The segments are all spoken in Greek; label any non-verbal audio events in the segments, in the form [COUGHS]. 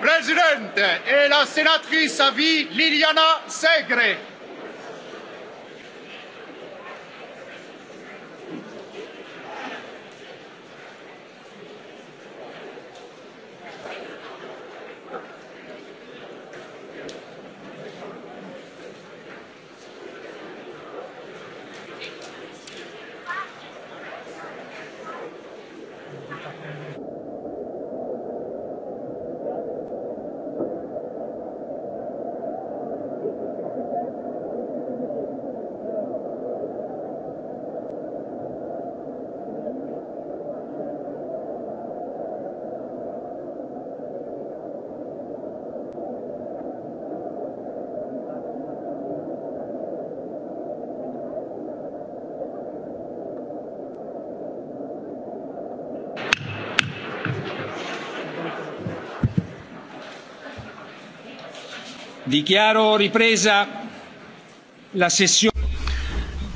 presidente e la senatrice a vie Liliana Segre.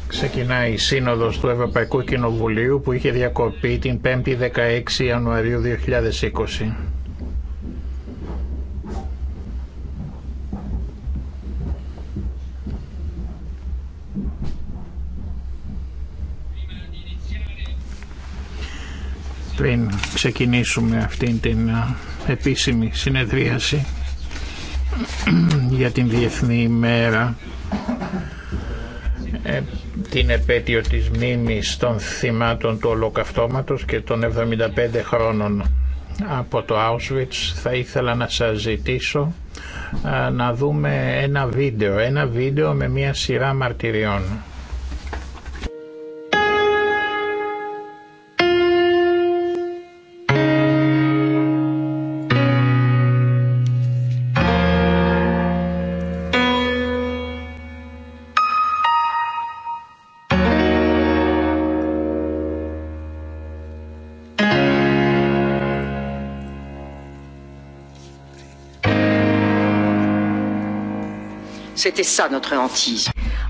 Ξεκινάει η σύνοδος του Ευρωπαϊκού Κοινοβουλίου που είχε διακοπεί την 5η 16 Ιανουαρίου 2020. Πριν ξεκινήσουμε αυτήν την επίσημη συνεδρίαση για την Διεθνή ημέρα ε, την επέτειο της μνήμης των θυμάτων του ολοκαυτώματος και των 75 χρόνων από το Auschwitz θα ήθελα να σας ζητήσω να δούμε ένα βίντεο, ένα βίντεο με μια σειρά μαρτυριών.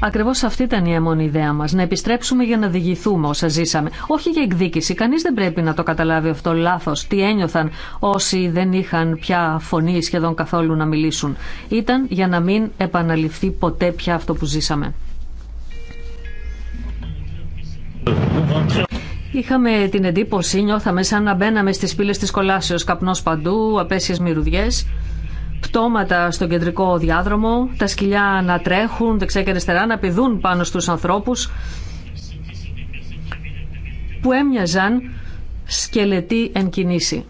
Ακριβώ αυτή ήταν η αιμόνη ιδέα μα. Να επιστρέψουμε για να διηγηθούμε όσα ζήσαμε. Όχι για εκδίκηση. Κανεί δεν πρέπει να το καταλάβει αυτό λάθο. Τι ένιωθαν όσοι δεν είχαν πια φωνή σχεδόν καθόλου να μιλήσουν. Ήταν για να μην επαναληφθεί ποτέ πια αυτό που ζήσαμε. Είχαμε την εντύπωση, νιώθαμε σαν να μπαίναμε στις πύλες της κολάσεω. καπνό παντού, απέσιες μυρουδιέ πτώματα στον κεντρικό διάδρομο, τα σκυλιά να τρέχουν δεξιά και αριστερά, να πηδούν πάνω στους ανθρώπους που έμοιαζαν σκελετοί εν κινήσει.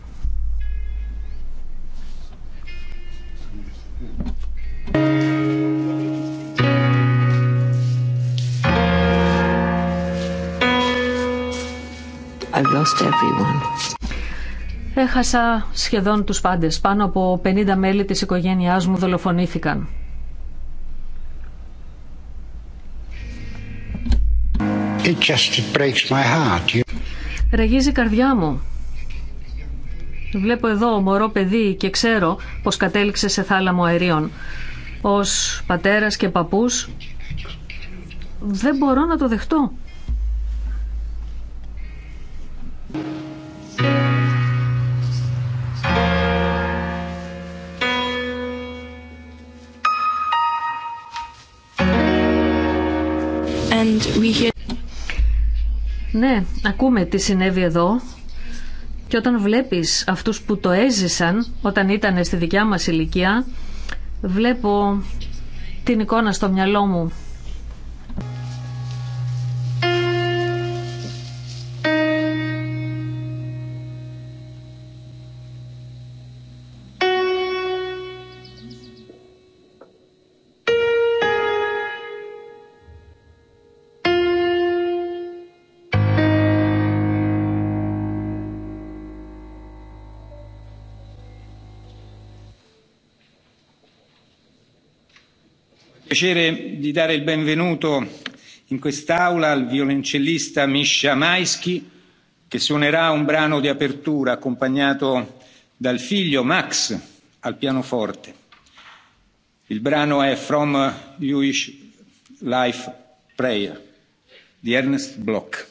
Έχασα σχεδόν τους πάντες. Πάνω από 50 μέλη της οικογένειάς μου δολοφονήθηκαν. It just breaks my heart. Ραγίζει η καρδιά μου. Βλέπω εδώ μωρό παιδί και ξέρω πως κατέληξε σε θάλαμο αερίων. Ως πατέρας και παππούς δεν μπορώ να το δεχτώ. Ναι, ακούμε τι συνέβη εδώ και όταν βλέπεις αυτούς που το έζησαν όταν ήταν στη δικιά μας ηλικία βλέπω την εικόνα στο μυαλό μου piacere di dare il benvenuto in quest'aula al violoncellista Misha Maisky che suonerà un brano di apertura accompagnato dal figlio Max al pianoforte. Il brano è From Jewish Life Prayer di Ernst Bloch.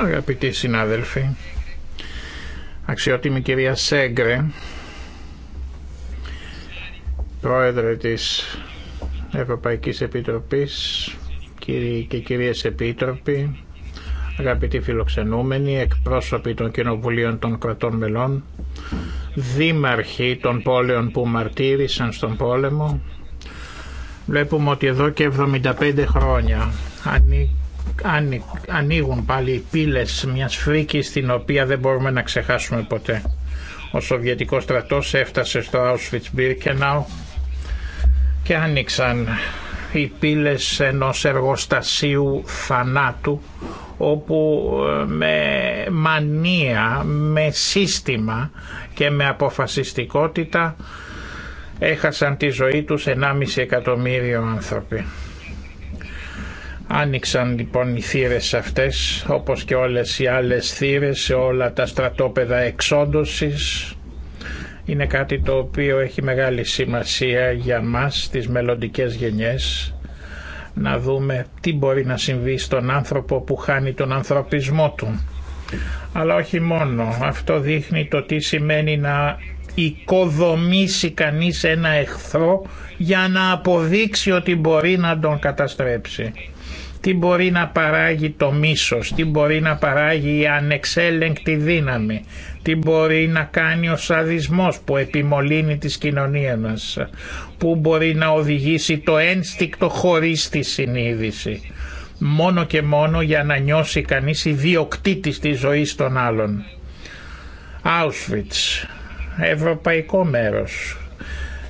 Αγαπητοί συνάδελφοι, αξιότιμη κυρία Σέγκρε, πρόεδρε της Ευρωπαϊκής Επιτροπής, κύριοι και κυρίες επίτροποι, αγαπητοί φιλοξενούμενοι, εκπρόσωποι των κοινοβουλίων των κρατών μελών, δήμαρχοι των πόλεων που μαρτύρησαν στον πόλεμο, βλέπουμε ότι εδώ και 75 χρόνια ανοίγουν πάλι οι πύλες μιας φρίκης την οποία δεν μπορούμε να ξεχάσουμε ποτέ. Ο Σοβιετικός στρατός έφτασε στο Auschwitz-Birkenau και άνοιξαν οι πύλες ενός εργοστασίου θανάτου όπου ε, με μανία, με σύστημα και με αποφασιστικότητα έχασαν τη ζωή τους 1,5 εκατομμύριο άνθρωποι. Άνοιξαν λοιπόν οι θύρες αυτές όπως και όλες οι άλλες θύρες σε όλα τα στρατόπεδα εξόντωσης. Είναι κάτι το οποίο έχει μεγάλη σημασία για μας, τις μελλοντικέ γενιές, να δούμε τι μπορεί να συμβεί στον άνθρωπο που χάνει τον ανθρωπισμό του. Αλλά όχι μόνο, αυτό δείχνει το τι σημαίνει να οικοδομήσει κανείς ένα εχθρό για να αποδείξει ότι μπορεί να τον καταστρέψει τι μπορεί να παράγει το μίσος, τι μπορεί να παράγει η ανεξέλεγκτη δύναμη, τι μπορεί να κάνει ο σαδισμός που επιμολύνει τις κοινωνία μας, που μπορεί να οδηγήσει το ένστικτο χωρίς τη συνείδηση, μόνο και μόνο για να νιώσει κανείς ιδιοκτήτης της ζωής των άλλων. Auschwitz, ευρωπαϊκό μέρος,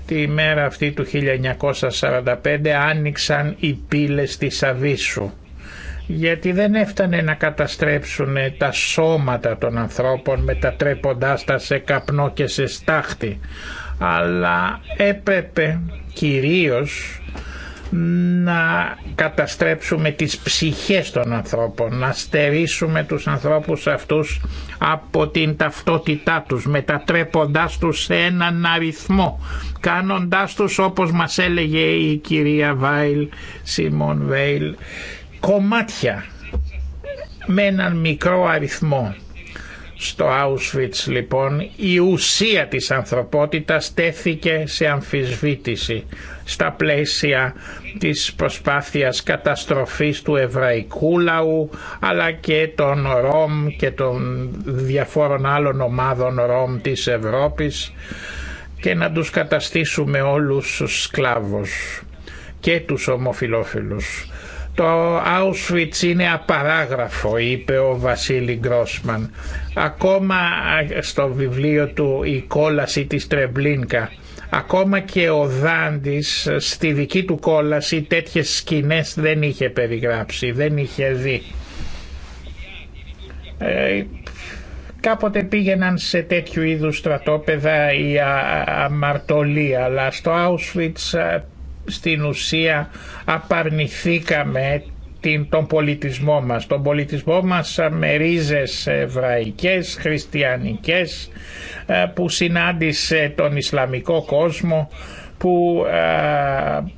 τη μέρα αυτή του 1945 άνοιξαν οι πύλες της Αβίσου γιατί δεν έφτανε να καταστρέψουν τα σώματα των ανθρώπων μετατρέποντάς τα σε καπνό και σε στάχτη αλλά έπρεπε κυρίως να καταστρέψουμε τις ψυχές των ανθρώπων, να στερήσουμε τους ανθρώπους αυτούς από την ταυτότητά τους, μετατρέποντάς τους σε έναν αριθμό, κάνοντάς τους όπως μας έλεγε η κυρία Βάιλ, Σιμών Βέιλ, κομμάτια με έναν μικρό αριθμό στο Auschwitz λοιπόν η ουσία της ανθρωπότητας τέθηκε σε αμφισβήτηση στα πλαίσια της προσπάθειας καταστροφής του εβραϊκού λαού αλλά και των Ρώμ και των διαφόρων άλλων ομάδων Ρώμ της Ευρώπης και να τους καταστήσουμε όλους σκλάβους και τους ομοφιλόφιλους. Το Auschwitz είναι απαράγραφο, είπε ο Βασίλη Γκρόσμαν. Ακόμα ε, στο βιβλίο του «Η κόλαση της Τρεμπλίνκα» ακόμα και ο Δάντης ε, στη δική του κόλαση τέτοιες σκηνές δεν είχε περιγράψει, δεν είχε δει. Ε, κάποτε πήγαιναν σε τέτοιου είδους στρατόπεδα οι αμαρτωλοί, αλλά στο Auschwitz ε, στην ουσία απαρνηθήκαμε την, τον πολιτισμό μας. Τον πολιτισμό μας με ρίζες εβραϊκές, χριστιανικές ε, που συνάντησε τον Ισλαμικό κόσμο που ε,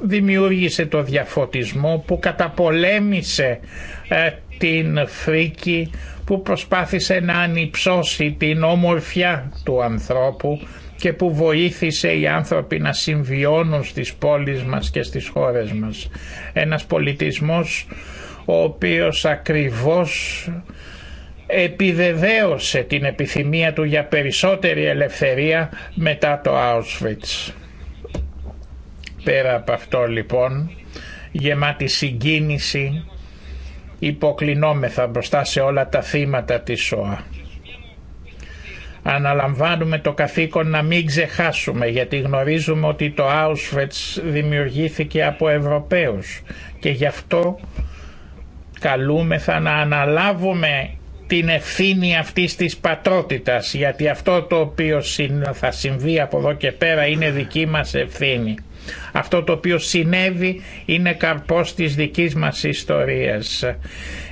δημιούργησε το διαφωτισμό, που καταπολέμησε ε, την φρίκη, που προσπάθησε να ανυψώσει την όμορφια του ανθρώπου και που βοήθησε οι άνθρωποι να συμβιώνουν στις πόλεις μας και στις χώρες μας. Ένας πολιτισμός ο οποίος ακριβώς επιβεβαίωσε την επιθυμία του για περισσότερη ελευθερία μετά το Auschwitz. Πέρα από αυτό λοιπόν, γεμάτη συγκίνηση, υποκλεινόμεθα μπροστά σε όλα τα θύματα της ΣΟΑ. Αναλαμβάνουμε το καθήκον να μην ξεχάσουμε γιατί γνωρίζουμε ότι το Auschwitz δημιουργήθηκε από Ευρωπαίους και γι' αυτό καλούμεθα να αναλάβουμε την ευθύνη αυτής της πατρότητας γιατί αυτό το οποίο θα συμβεί από εδώ και πέρα είναι δική μας ευθύνη. Αυτό το οποίο συνέβη είναι καρπός της δικής μας ιστορίας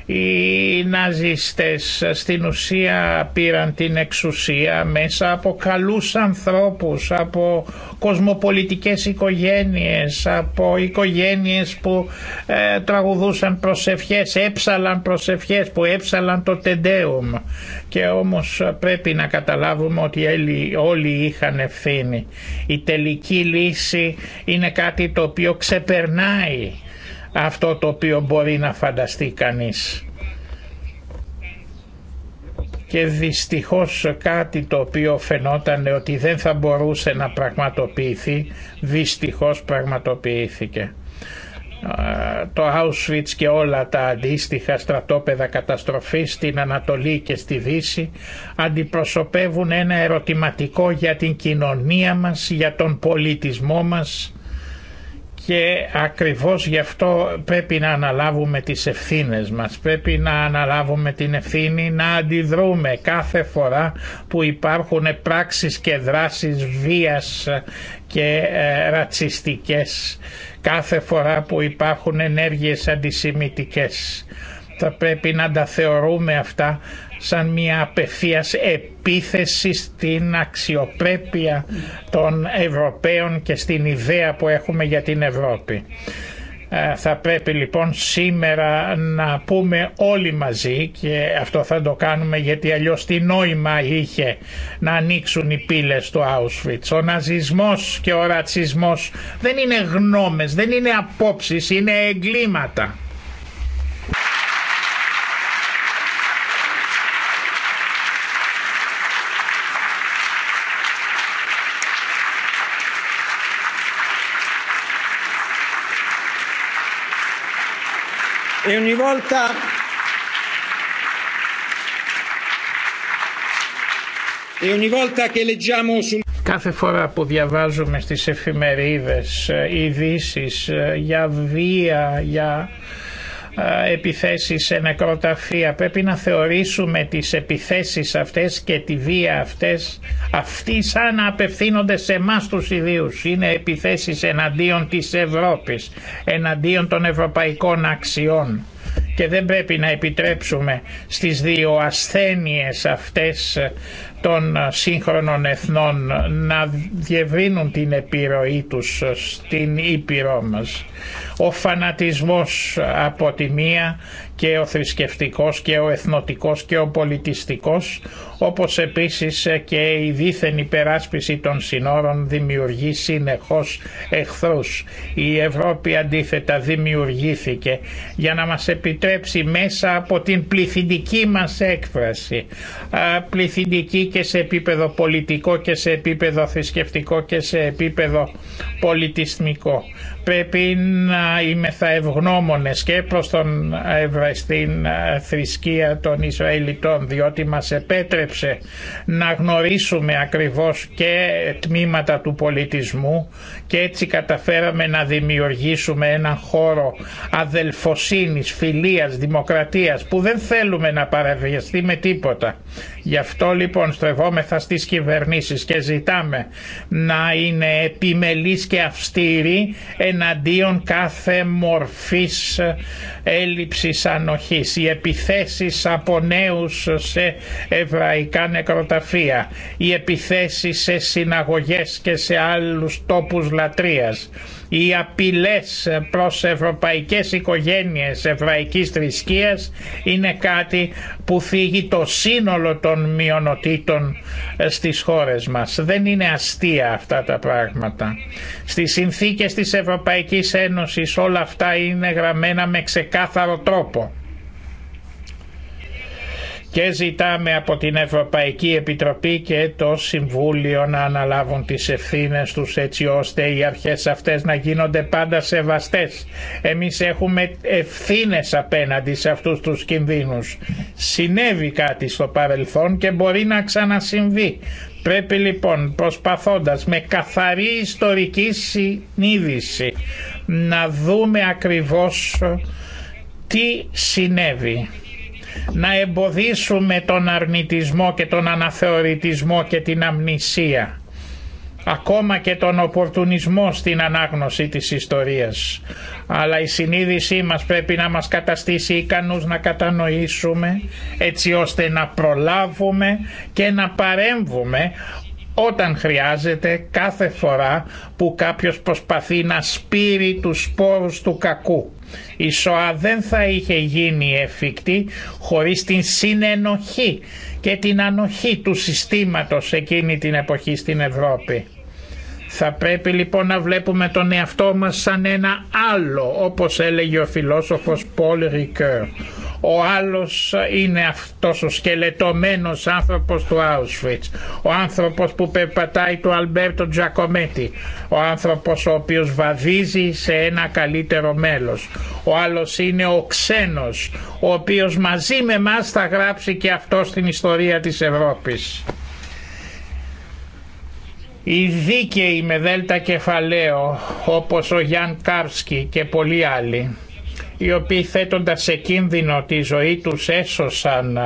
οι ναζιστές στην ουσία πήραν την εξουσία μέσα από καλούς ανθρώπους, από κοσμοπολιτικές οικογένειες, από οικογένειες που ε, τραγουδούσαν προσευχές, έψαλαν προσευχές που έψαλαν το τεντέουμ και όμως πρέπει να καταλάβουμε ότι όλοι είχαν ευθύνη. Η τελική λύση είναι κάτι το οποίο ξεπερνάει αυτό το οποίο μπορεί να φανταστεί κανείς. Και δυστυχώς κάτι το οποίο φαινόταν ότι δεν θα μπορούσε να πραγματοποιηθεί, δυστυχώς πραγματοποιήθηκε. Το Auschwitz και όλα τα αντίστοιχα στρατόπεδα καταστροφής στην Ανατολή και στη Δύση αντιπροσωπεύουν ένα ερωτηματικό για την κοινωνία μας, για τον πολιτισμό μας και ακριβώς γι' αυτό πρέπει να αναλάβουμε τις ευθύνες μας, πρέπει να αναλάβουμε την ευθύνη να αντιδρούμε κάθε φορά που υπάρχουν πράξεις και δράσεις βίας και ε, ρατσιστικές, κάθε φορά που υπάρχουν ενέργειες αντισημιτικές. Θα πρέπει να τα θεωρούμε αυτά σαν μια απευθείας επίθεση στην αξιοπρέπεια των Ευρωπαίων και στην ιδέα που έχουμε για την Ευρώπη. Ε, θα πρέπει λοιπόν σήμερα να πούμε όλοι μαζί και αυτό θα το κάνουμε γιατί αλλιώς τι νόημα είχε να ανοίξουν οι πύλες του Auschwitz. Ο ναζισμός και ο ρατσισμός δεν είναι γνώμες, δεν είναι απόψεις, είναι εγκλήματα. E e Κάθε φορά που διαβάζουμε στις εφημερίδες ε, ειδήσει ε, για βία, για επιθέσεις σε νεκροταφεία. Πρέπει να θεωρήσουμε τις επιθέσεις αυτές και τη βία αυτές αυτοί σαν να απευθύνονται σε εμά τους ιδίους. Είναι επιθέσεις εναντίον της Ευρώπης, εναντίον των ευρωπαϊκών αξιών και δεν πρέπει να επιτρέψουμε στις δύο ασθένειες αυτές των σύγχρονων εθνών να διευρύνουν την επιρροή τους στην Ήπειρό μας ο φανατισμός από τη μία και ο θρησκευτικός και ο εθνοτικός και ο πολιτιστικός όπως επίσης και η δίθεν υπεράσπιση των συνόρων δημιουργεί συνεχώς εχθρούς. Η Ευρώπη αντίθετα δημιουργήθηκε για να μας επιτρέψει μέσα από την πληθυντική μας έκφραση πληθυντική και σε επίπεδο πολιτικό και σε επίπεδο θρησκευτικό και σε επίπεδο πολιτισμικό πρέπει να είμαι θα ευγνώμονες και προς τον Ευρεστήν ε, θρησκεία των Ισραηλιτών διότι μας επέτρεψε να γνωρίσουμε ακριβώς και τμήματα του πολιτισμού και έτσι καταφέραμε να δημιουργήσουμε έναν χώρο αδελφοσύνης, φιλίας, δημοκρατίας που δεν θέλουμε να παραβιαστεί με τίποτα. Γι' αυτό λοιπόν στρεβόμεθα στις κυβερνήσεις και ζητάμε να είναι επιμελής και αυστηρή εναντίον κάθε μορφής ε, έλλειψης ανοχής. Οι επιθέσεις από νέους σε εβραϊκά νεκροταφεία, οι επιθέσεις σε συναγωγές και σε άλλους τόπους λατρείας οι απειλές προς ευρωπαϊκές οικογένειες εβραϊκής θρησκείας είναι κάτι που θίγει το σύνολο των μειονοτήτων ε, στις χώρες μας. Δεν είναι αστεία αυτά τα πράγματα. Στις συνθήκες της Ευρωπαϊκής Ένωσης όλα αυτά είναι γραμμένα με ξεκάθαρο τρόπο και ζητάμε από την Ευρωπαϊκή Επιτροπή και το Συμβούλιο να αναλάβουν τις ευθύνες τους έτσι ώστε οι αρχές αυτές να γίνονται πάντα σεβαστές. Εμείς έχουμε ευθύνες απέναντι σε αυτούς τους κινδύνους. Συνέβη κάτι στο παρελθόν και μπορεί να ξανασυμβεί. Πρέπει λοιπόν προσπαθώντας με καθαρή ιστορική συνείδηση να δούμε ακριβώς τι συνέβη να εμποδίσουμε τον αρνητισμό και τον αναθεωρητισμό και την αμνησία ακόμα και τον οπορτουνισμό στην ανάγνωση της ιστορίας. Αλλά η συνείδησή μας πρέπει να μας καταστήσει ικανούς να κατανοήσουμε έτσι ώστε να προλάβουμε και να παρέμβουμε όταν χρειάζεται κάθε φορά που κάποιος προσπαθεί να σπείρει τους σπόρους του κακού. Η ΣΟΑ δεν θα είχε γίνει εφικτή χωρίς την συνενοχή και την ανοχή του συστήματος εκείνη την εποχή στην Ευρώπη. Θα πρέπει λοιπόν να βλέπουμε τον εαυτό μας σαν ένα άλλο, όπως έλεγε ο φιλόσοφος Πολ Ρικέρ ο άλλος είναι αυτός ο σκελετωμένος άνθρωπος του Auschwitz, ο άνθρωπος που περπατάει του Αλμπέρτο Τζακομέτη, ο άνθρωπος ο οποίος βαδίζει σε ένα καλύτερο μέλος, ο άλλος είναι ο ξένος, ο οποίος μαζί με μας θα γράψει και αυτό στην ιστορία της Ευρώπης. Οι δίκαιοι με δέλτα κεφαλαίο όπως ο Γιάν Κάρσκι και πολλοί άλλοι οι οποίοι θέτοντας σε κίνδυνο τη ζωή τους έσωσαν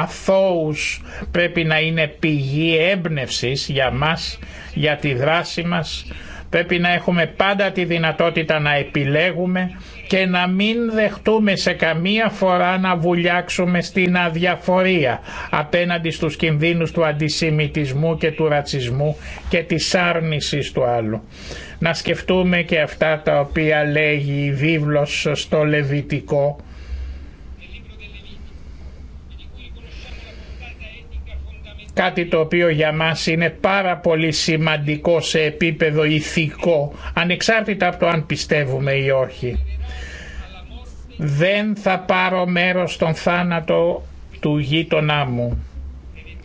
αθώους πρέπει να είναι πηγή έμπνευσης για μας, για τη δράση μας. Πρέπει να έχουμε πάντα τη δυνατότητα να επιλέγουμε και να μην δεχτούμε σε καμία φορά να βουλιάξουμε στην αδιαφορία απέναντι στους κινδύνους του αντισημιτισμού και του ρατσισμού και της άρνησης του άλλου. Να σκεφτούμε και αυτά τα οποία λέγει η βίβλος στο Λεβιτικό κάτι το οποίο για μας είναι πάρα πολύ σημαντικό σε επίπεδο ηθικό, ανεξάρτητα από το αν πιστεύουμε ή όχι δεν θα πάρω μέρος στον θάνατο του γείτονά μου,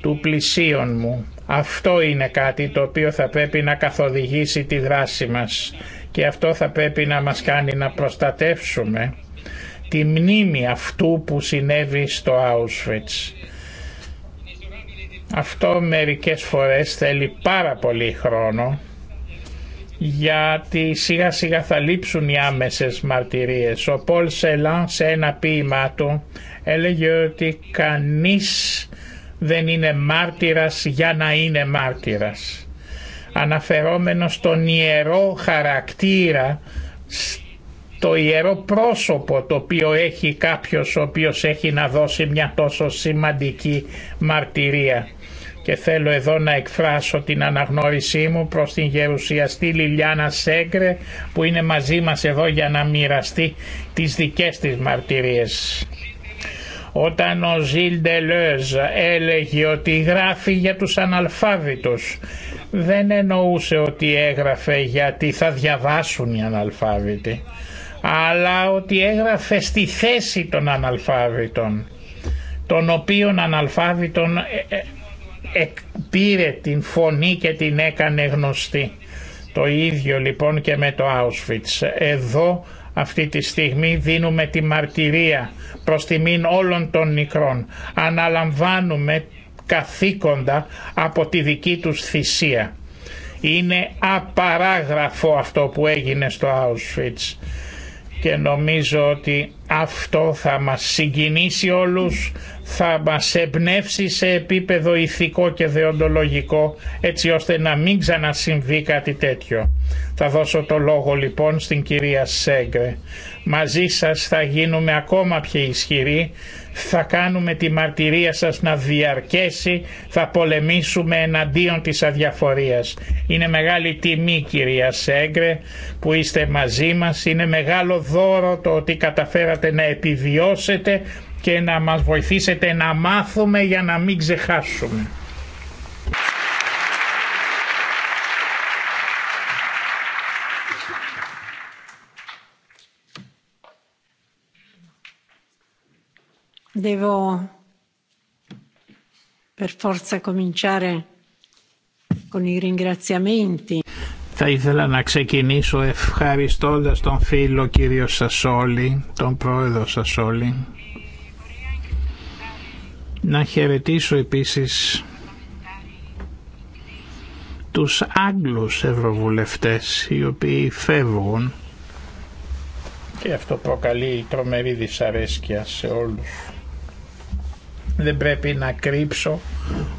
του πλησίον μου. Αυτό είναι κάτι το οποίο θα πρέπει να καθοδηγήσει τη δράση μας και αυτό θα πρέπει να μας κάνει να προστατεύσουμε τη μνήμη αυτού που συνέβη στο Auschwitz. Αυτό μερικές φορές θέλει πάρα πολύ χρόνο γιατί σιγά σιγά θα λείψουν οι άμεσες μαρτυρίες. Ο Πολ Σελάν σε ένα ποίημά του έλεγε ότι κανείς δεν είναι μάρτυρας για να είναι μάρτυρας. Αναφερόμενο στον ιερό χαρακτήρα, το ιερό πρόσωπο το οποίο έχει κάποιος ο οποίος έχει να δώσει μια τόσο σημαντική μαρτυρία και θέλω εδώ να εκφράσω την αναγνώρισή μου προς την γερουσιαστή Λιλιάνα Σέγκρε που είναι μαζί μας εδώ για να μοιραστεί τις δικές της μαρτυρίες. Όταν ο Ζιλ Ντελέζ έλεγε ότι γράφει για τους αναλφάβητους δεν εννοούσε ότι έγραφε γιατί θα διαβάσουν οι αναλφάβητοι αλλά ότι έγραφε στη θέση των αναλφάβητων των οποίων αναλφάβητων ε, ε, πήρε την φωνή και την έκανε γνωστή. Το ίδιο λοιπόν και με το Auschwitz. Εδώ αυτή τη στιγμή δίνουμε τη μαρτυρία προς τιμήν όλων των νικρών. Αναλαμβάνουμε καθήκοντα από τη δική τους θυσία. Είναι απαράγραφο αυτό που έγινε στο Auschwitz και νομίζω ότι αυτό θα μας συγκινήσει όλους θα μας εμπνεύσει σε επίπεδο ηθικό και δεοντολογικό έτσι ώστε να μην ξανασυμβεί κάτι τέτοιο. Θα δώσω το λόγο λοιπόν στην κυρία Σέγκρε. Μαζί σας θα γίνουμε ακόμα πιο ισχυροί, θα κάνουμε τη μαρτυρία σας να διαρκέσει, θα πολεμήσουμε εναντίον της αδιαφορίας. Είναι μεγάλη τιμή κυρία Σέγκρε που είστε μαζί μας, είναι μεγάλο δώρο το ότι καταφέρατε να επιβιώσετε και να μας βοηθήσετε να μάθουμε για να μην ξεχάσουμε. Devo per forza cominciare con i ringraziamenti. Θα ήθελα να ξεκινήσω ευχαριστώντας τον φίλο κύριο Σασόλη, τον πρόεδρο Σασόλη, να χαιρετήσω επίσης τους Άγγλους Ευρωβουλευτές οι οποίοι φεύγουν και αυτό προκαλεί τρομερή δυσαρέσκεια σε όλους. Δεν πρέπει να κρύψω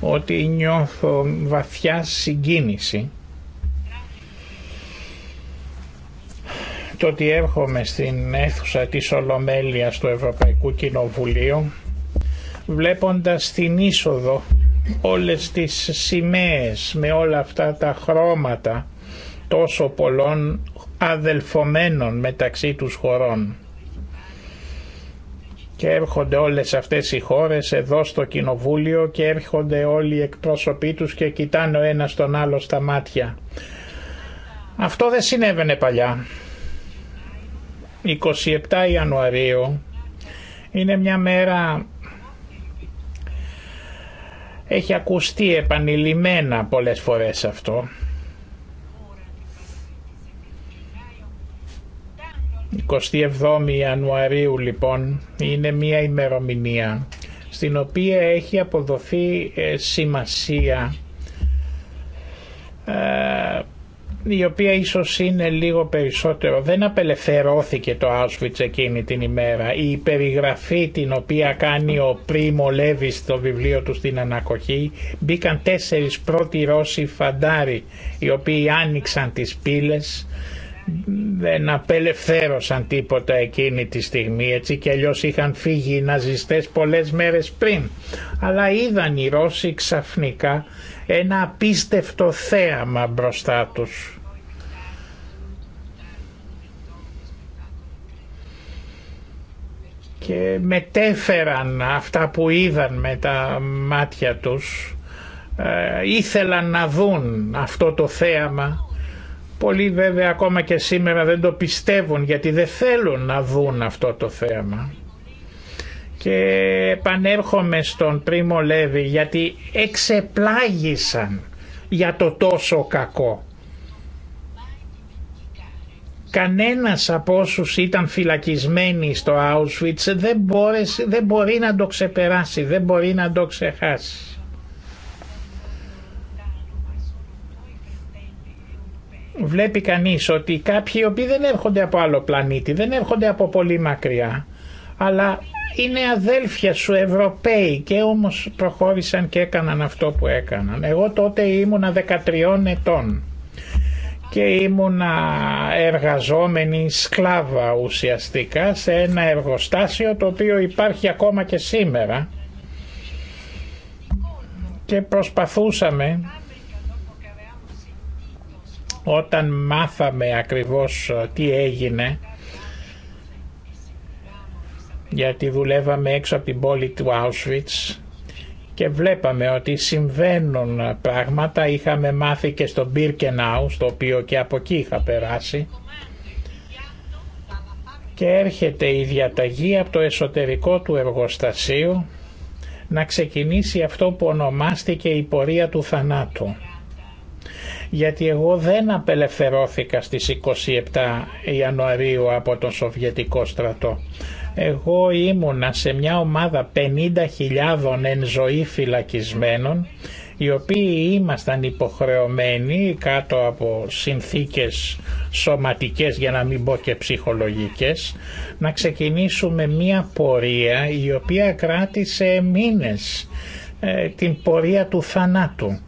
ότι νιώθω βαθιά συγκίνηση το ότι έρχομαι στην αίθουσα της Ολομέλειας του Ευρωπαϊκού Κοινοβουλίου βλέποντας την είσοδο όλες τις σημαίες με όλα αυτά τα χρώματα τόσο πολλών αδελφωμένων μεταξύ τους χωρών. Και έρχονται όλες αυτές οι χώρες εδώ στο κοινοβούλιο και έρχονται όλοι οι εκπρόσωποι τους και κοιτάνε ο ένας τον άλλο στα μάτια. Αυτό δεν συνέβαινε παλιά. 27 Ιανουαρίου είναι μια μέρα έχει ακουστεί επανειλημμένα πολλές φορές αυτό. 27 Ιανουαρίου λοιπόν είναι μια ημερομηνία στην οποία έχει αποδοθεί ε, σημασία ε, η οποία ίσως είναι λίγο περισσότερο. Δεν απελευθερώθηκε το Auschwitz εκείνη την ημέρα. Η περιγραφή την οποία κάνει ο Πρίμο Λέβη στο βιβλίο του στην ανακοχή μπήκαν τέσσερις πρώτοι Ρώσοι φαντάροι οι οποίοι άνοιξαν τις πύλες δεν απελευθέρωσαν τίποτα εκείνη τη στιγμή έτσι και αλλιώς είχαν φύγει οι ναζιστές πολλές μέρες πριν αλλά είδαν οι Ρώσοι ξαφνικά ένα απίστευτο θέαμα μπροστά τους. και μετέφεραν αυτά που είδαν με τα μάτια τους ε, ήθελαν να δουν αυτό το θέαμα Πολλοί βέβαια ακόμα και σήμερα δεν το πιστεύουν γιατί δεν θέλουν να δουν αυτό το θέμα. Και επανέρχομαι στον Πρίμο Λέβη γιατί εξεπλάγησαν για το τόσο κακό. Κανένας από όσου ήταν φυλακισμένοι στο Auschwitz δεν, μπόρεσε, δεν μπορεί να το ξεπεράσει, δεν μπορεί να το ξεχάσει. βλέπει κανείς ότι κάποιοι οι οποίοι δεν έρχονται από άλλο πλανήτη, δεν έρχονται από πολύ μακριά, αλλά είναι αδέλφια σου Ευρωπαίοι και όμως προχώρησαν και έκαναν αυτό που έκαναν. Εγώ τότε ήμουνα 13 ετών και ήμουνα εργαζόμενη σκλάβα ουσιαστικά σε ένα εργοστάσιο το οποίο υπάρχει ακόμα και σήμερα και προσπαθούσαμε όταν μάθαμε ακριβώς ε, τι έγινε γιατί δουλεύαμε έξω από την πόλη του Auschwitz και βλέπαμε ότι συμβαίνουν ε, πράγματα είχαμε μάθει και στο Birkenau στο οποίο και από εκεί είχα περάσει και έρχεται η διαταγή από το εσωτερικό του εργοστασίου να ξεκινήσει αυτό που ονομάστηκε η πορεία του θανάτου γιατί εγώ δεν απελευθερώθηκα στις 27 Ιανουαρίου από τον Σοβιετικό στρατό. Εγώ ήμουνα σε μια ομάδα 50.000 εν ζωή φυλακισμένων οι οποίοι ήμασταν υποχρεωμένοι κάτω από συνθήκες σωματικές για να μην πω και ψυχολογικές να ξεκινήσουμε μια πορεία η οποία κράτησε μήνες ε, την πορεία του θανάτου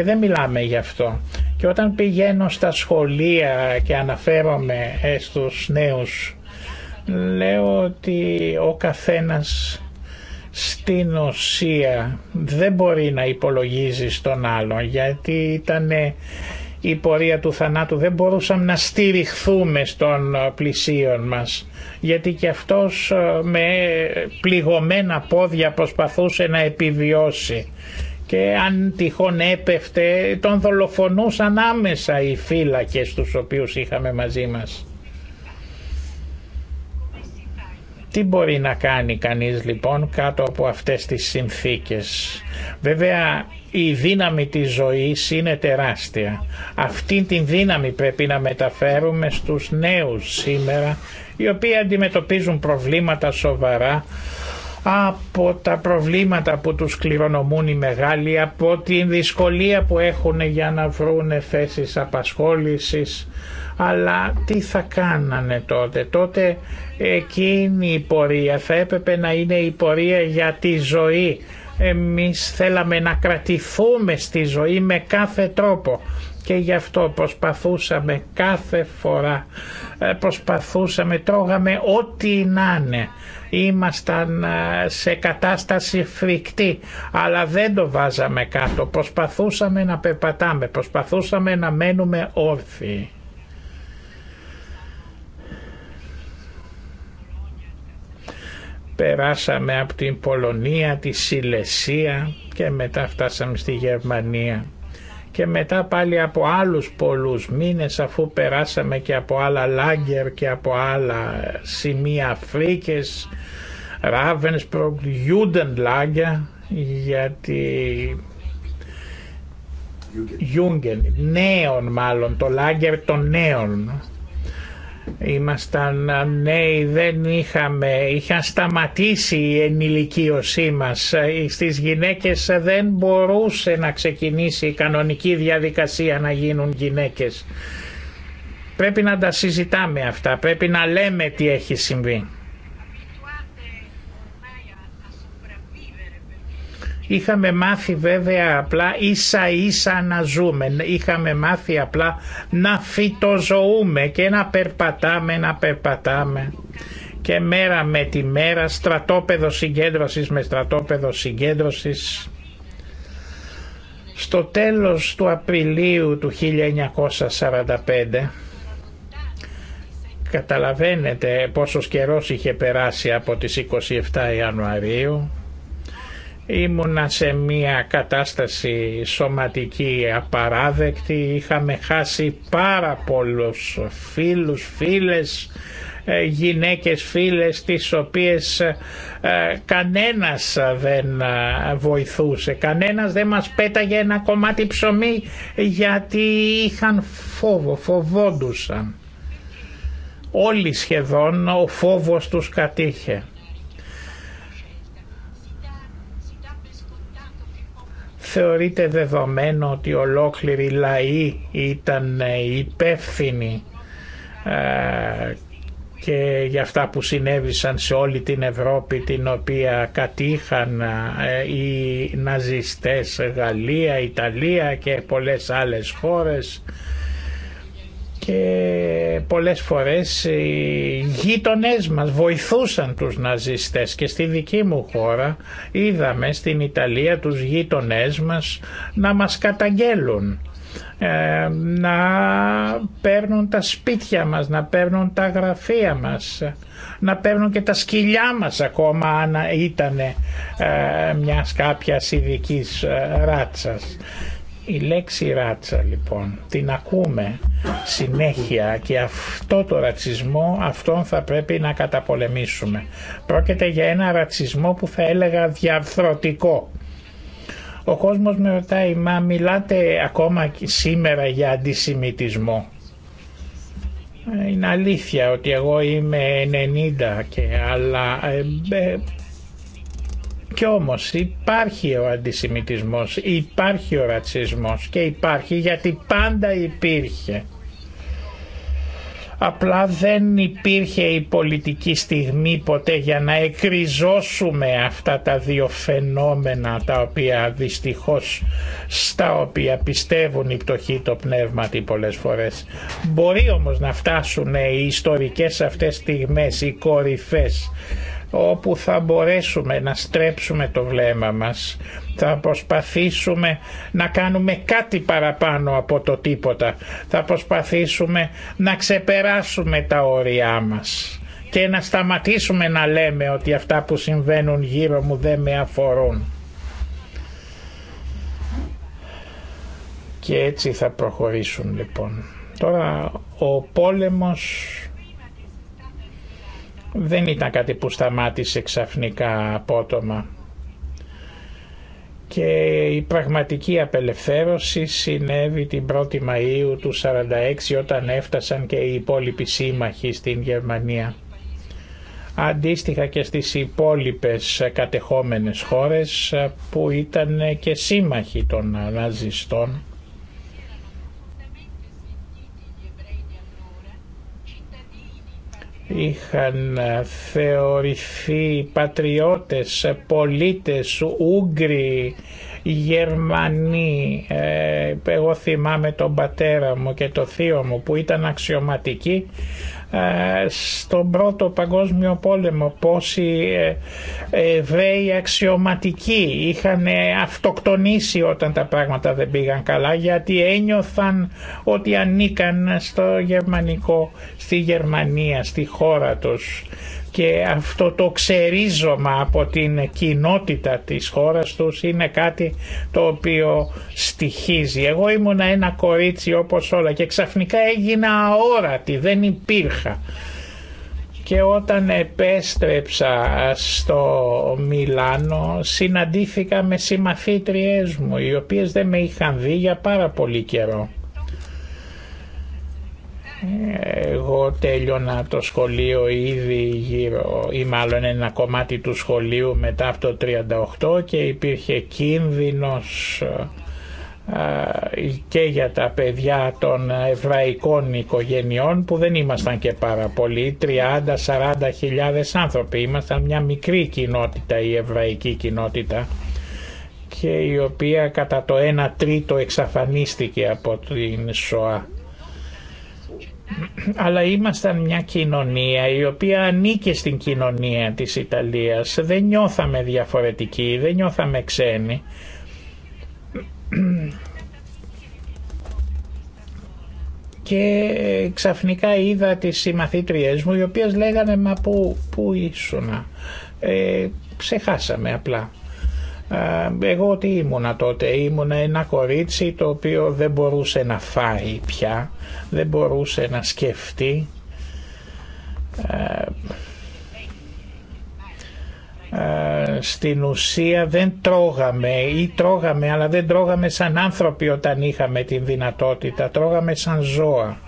και δεν μιλάμε γι' αυτό. Και όταν πηγαίνω στα σχολεία και αναφέρομαι ε, στους νέους, λέω ότι ο καθένας στην ουσία δεν μπορεί να υπολογίζει στον άλλον γιατί ήταν η πορεία του θανάτου δεν μπορούσαμε να στηριχθούμε στον ε, πλησίον μας γιατί και αυτός ε, με πληγωμένα πόδια προσπαθούσε να επιβιώσει και αν τυχόν έπεφτε τον δολοφονούσαν άμεσα οι φύλακες τους οποίους είχαμε μαζί μας. Τι μπορεί να κάνει κανείς λοιπόν κάτω από αυτές τις συνθήκες. Βέβαια η δύναμη της ζωής είναι τεράστια. Αυτή τη δύναμη πρέπει να μεταφέρουμε στους νέους σήμερα οι οποίοι αντιμετωπίζουν προβλήματα σοβαρά από τα προβλήματα που τους κληρονομούν οι μεγάλοι, από την δυσκολία που έχουν για να βρουν θέσεις απασχόλησης, αλλά τι θα κάνανε τότε. Τότε εκείνη η πορεία θα έπρεπε να είναι η πορεία για τη ζωή. Εμείς θέλαμε να κρατηθούμε στη ζωή με κάθε τρόπο και γι' αυτό προσπαθούσαμε κάθε φορά, ε, προσπαθούσαμε, τρώγαμε ό,τι να είναι ήμασταν ε, σε κατάσταση φρικτή αλλά δεν το βάζαμε κάτω προσπαθούσαμε να πεπατάμε προσπαθούσαμε να μένουμε όρθιοι περάσαμε από την Πολωνία, τη Σιλεσία και μετά φτάσαμε στη Γερμανία και μετά πάλι από άλλους πολλούς μήνες αφού περάσαμε και από άλλα Λάγκερ και από άλλα ε, σημεία Φρίκες, Ravensburg, Judenlager γιατί Jungen, νέων μάλλον, το Λάγκερ των νέων ήμασταν νέοι δεν είχαμε, είχαν σταματήσει η ενηλικίωσή μας. Ε, στις γυναίκες δεν μπορούσε να ξεκινήσει η κανονική διαδικασία να γίνουν γυναίκες. Πρέπει να τα συζητάμε αυτά, πρέπει να λέμε τι έχει συμβεί. Είχαμε μάθει βέβαια απλά ίσα ίσα να ζούμε, είχαμε μάθει απλά να φυτοζωούμε και να περπατάμε, να περπατάμε και μέρα με τη μέρα, στρατόπεδο συγκέντρωσης με στρατόπεδο συγκέντρωσης. Στο τέλος του Απριλίου του 1945, καταλαβαίνετε πόσος καιρός είχε περάσει από τις 27 Ιανουαρίου, Ήμουνα σε μια κατάσταση σωματική απαράδεκτη, είχαμε χάσει πάρα πολλούς φίλους, φίλες, ε, γυναίκες φίλες τις οποίες ε, κανένας δεν ε, βοηθούσε, κανένας δεν μας πέταγε ένα κομμάτι ψωμί γιατί είχαν φόβο, φοβόντουσαν. Όλοι σχεδόν ο φόβος τους κατήχε. θεωρείται δεδομένο ότι ολόκληροι λαοί ήταν υπεύθυνοι ε, και για αυτά που συνέβησαν σε όλη την Ευρώπη την οποία κατήχαν ε, οι ναζιστές Γαλλία, Ιταλία και πολλές άλλες χώρες και πολλές φορές οι γείτονές μας βοηθούσαν τους ναζιστές και στη δική μου χώρα είδαμε στην Ιταλία τους γείτονές μας να μας καταγγέλουν ε, να παίρνουν τα σπίτια μας, να παίρνουν τα γραφεία μας, να παίρνουν και τα σκυλιά μας ακόμα αν ήταν μια ε, μιας κάποιας ειδικής ε, ράτσας. Η λέξη ράτσα λοιπόν την ακούμε συνέχεια και αυτό το ρατσισμό αυτόν θα πρέπει να καταπολεμήσουμε. Πρόκειται για ένα ρατσισμό που θα έλεγα διαρθρωτικό. Ο κόσμος με ρωτάει μα μιλάτε ακόμα σήμερα για αντισημιτισμό. Ε, είναι αλήθεια ότι εγώ είμαι 90 και αλλά ε, ε, κι όμως υπάρχει ο αντισημιτισμός, υπάρχει ο ρατσισμός και υπάρχει γιατί πάντα υπήρχε. Απλά δεν υπήρχε η πολιτική στιγμή ποτέ για να εκριζώσουμε αυτά τα δύο φαινόμενα τα οποία δυστυχώς στα οποία πιστεύουν οι πτωχοί το πνεύματι πολλές φορές. Μπορεί όμως να φτάσουν οι ιστορικές αυτές στιγμές, οι κορυφές όπου θα μπορέσουμε να στρέψουμε το βλέμμα μας. Θα προσπαθήσουμε να κάνουμε κάτι παραπάνω από το τίποτα. Θα προσπαθήσουμε να ξεπεράσουμε τα όρια μας και να σταματήσουμε να λέμε ότι αυτά που συμβαίνουν γύρω μου δεν με αφορούν. Και έτσι θα προχωρήσουν λοιπόν. Τώρα ο πόλεμος δεν ήταν κάτι που σταμάτησε ξαφνικά απότομα και η πραγματική απελευθέρωση συνέβη την 1η Μαΐου του 46 όταν έφτασαν και οι υπόλοιποι σύμμαχοι στην Γερμανία. Αντίστοιχα και στις υπόλοιπες κατεχόμενες χώρες που ήταν και σύμμαχοι των ναζιστών είχαν ε, θεωρηθεί πατριώτες, ε, πολίτες, Ούγγροι, Γερμανοί, ε, εγώ θυμάμαι τον πατέρα μου και το θείο μου που ήταν αξιωματικοί ε, στον πρώτο παγκόσμιο πόλεμο πόσοι ε, Εβραίοι αξιωματικοί είχαν ε, αυτοκτονήσει όταν τα πράγματα δεν πήγαν καλά γιατί ένιωθαν ότι ανήκαν στο γερμανικό, στη Γερμανία, στη χώρα τους και αυτό το ξερίζωμα από την κοινότητα της χώρας τους είναι κάτι το οποίο στοιχίζει. Εγώ ήμουνα ένα κορίτσι όπως όλα και ξαφνικά έγινα αόρατη, δεν υπήρχα. Και όταν επέστρεψα στο Μιλάνο συναντήθηκα με συμμαθήτριές μου οι οποίες δεν με είχαν δει για πάρα πολύ καιρό εγώ τέλειωνα το σχολείο ήδη γύρω ή μάλλον ένα κομμάτι του σχολείου μετά από το 38 και υπήρχε κίνδυνος ε, και για τα παιδιά των εβραϊκών οικογενειών που δεν ήμασταν και πάρα πολλοί 30-40 χιλιάδες άνθρωποι ήμασταν μια μικρή κοινότητα η εβραϊκή κοινότητα και η οποία κατά το 1 τρίτο εξαφανίστηκε από την ΣΟΑ αλλά ήμασταν μια κοινωνία η οποία ανήκε στην κοινωνία της Ιταλίας. Δεν νιώθαμε διαφορετικοί, δεν νιώθαμε ξένοι. Και ξαφνικά είδα τις συμμαθήτριές μου οι οποίες λέγανε «Μα πού, πού ήσουνα». Ε, ξεχάσαμε απλά. Ε, εγώ τι ήμουνα τότε, ήμουνα ένα κορίτσι το οποίο δεν μπορούσε να φάει πια, δεν μπορούσε να σκεφτεί. Ε, ε, στην ουσία δεν τρώγαμε ή τρώγαμε αλλά δεν τρώγαμε σαν άνθρωποι όταν είχαμε την δυνατότητα, τρώγαμε σαν ζώα.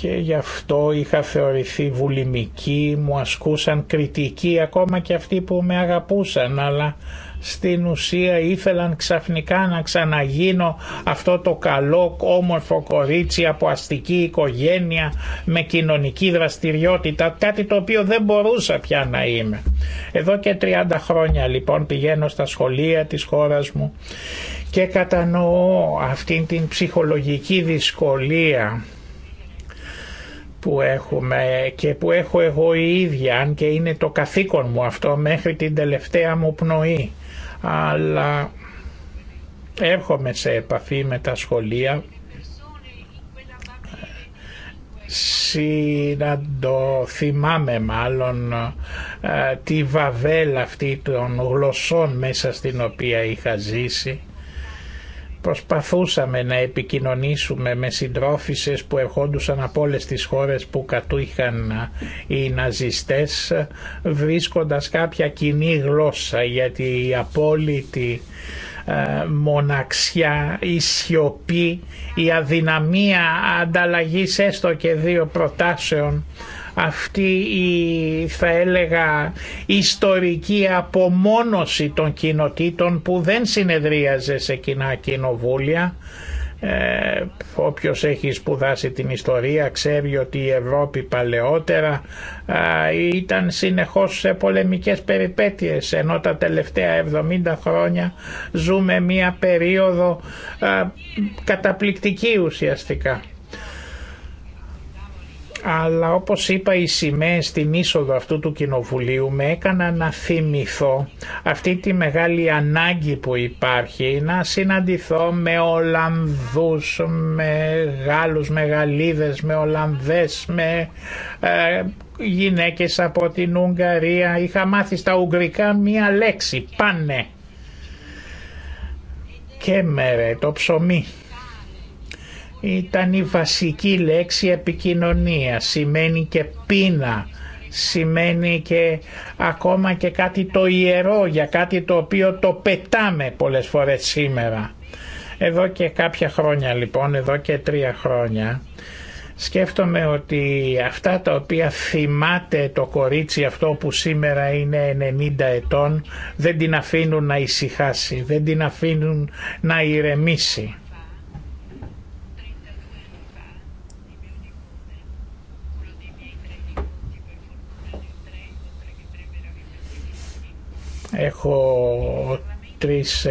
και γι' αυτό είχα θεωρηθεί βουλημική, μου ασκούσαν κριτική ακόμα και αυτοί που με αγαπούσαν αλλά στην ουσία ήθελαν ξαφνικά να ξαναγίνω αυτό το καλό όμορφο κορίτσι από αστική οικογένεια με κοινωνική δραστηριότητα κάτι το οποίο δεν μπορούσα πια να είμαι. Εδώ και 30 χρόνια λοιπόν πηγαίνω στα σχολεία της χώρας μου και κατανοώ αυτήν την ψυχολογική δυσκολία που έχουμε και που έχω εγώ η ίδια αν και είναι το καθήκον μου αυτό μέχρι την τελευταία μου πνοή αλλά έρχομαι σε επαφή με τα σχολεία συναντώ, θυμάμαι μάλλον ε, τη βαβέλα αυτή των γλωσσών μέσα στην οποία είχα ζήσει Προσπαθούσαμε να επικοινωνήσουμε με συντρόφισσες που ερχόντουσαν από όλες τις χώρες που κατούχαν ε, οι ναζιστές βρίσκοντας κάποια κοινή γλώσσα γιατί η απόλυτη ε, μοναξιά, η σιωπή, η αδυναμία ανταλλαγής έστω και δύο προτάσεων αυτή η θα έλεγα ιστορική απομόνωση των κοινοτήτων που δεν συνεδρίαζε σε κοινά κοινοβούλια ε, όποιος έχει σπουδάσει την ιστορία ξέρει ότι η Ευρώπη παλαιότερα ήταν συνεχώς σε πολεμικές περιπέτειες ενώ τα τελευταία 70 χρόνια ζούμε μία περίοδο καταπληκτική ουσιαστικά αλλά όπως είπα οι σημαίες στην είσοδο αυτού του κοινοβουλίου με έκανα να θυμηθώ αυτή τη μεγάλη ανάγκη που υπάρχει να συναντηθώ με Ολλανδούς, με Γάλλους, με Γαλλίδες, με Ολλανδές, με ε, γυναίκες από την Ουγγαρία. Είχα μάθει στα Ουγγρικά μία λέξη, πάνε και μερε το ψωμί ήταν η βασική λέξη επικοινωνία, σημαίνει και πείνα, σημαίνει και ακόμα και κάτι το ιερό για κάτι το οποίο το πετάμε πολλές φορές σήμερα. Εδώ και κάποια χρόνια λοιπόν, εδώ και τρία χρόνια, σκέφτομαι ότι αυτά τα οποία θυμάται το κορίτσι αυτό που σήμερα είναι 90 ετών δεν την αφήνουν να ησυχάσει, δεν την αφήνουν να ηρεμήσει. Έχω τρεις,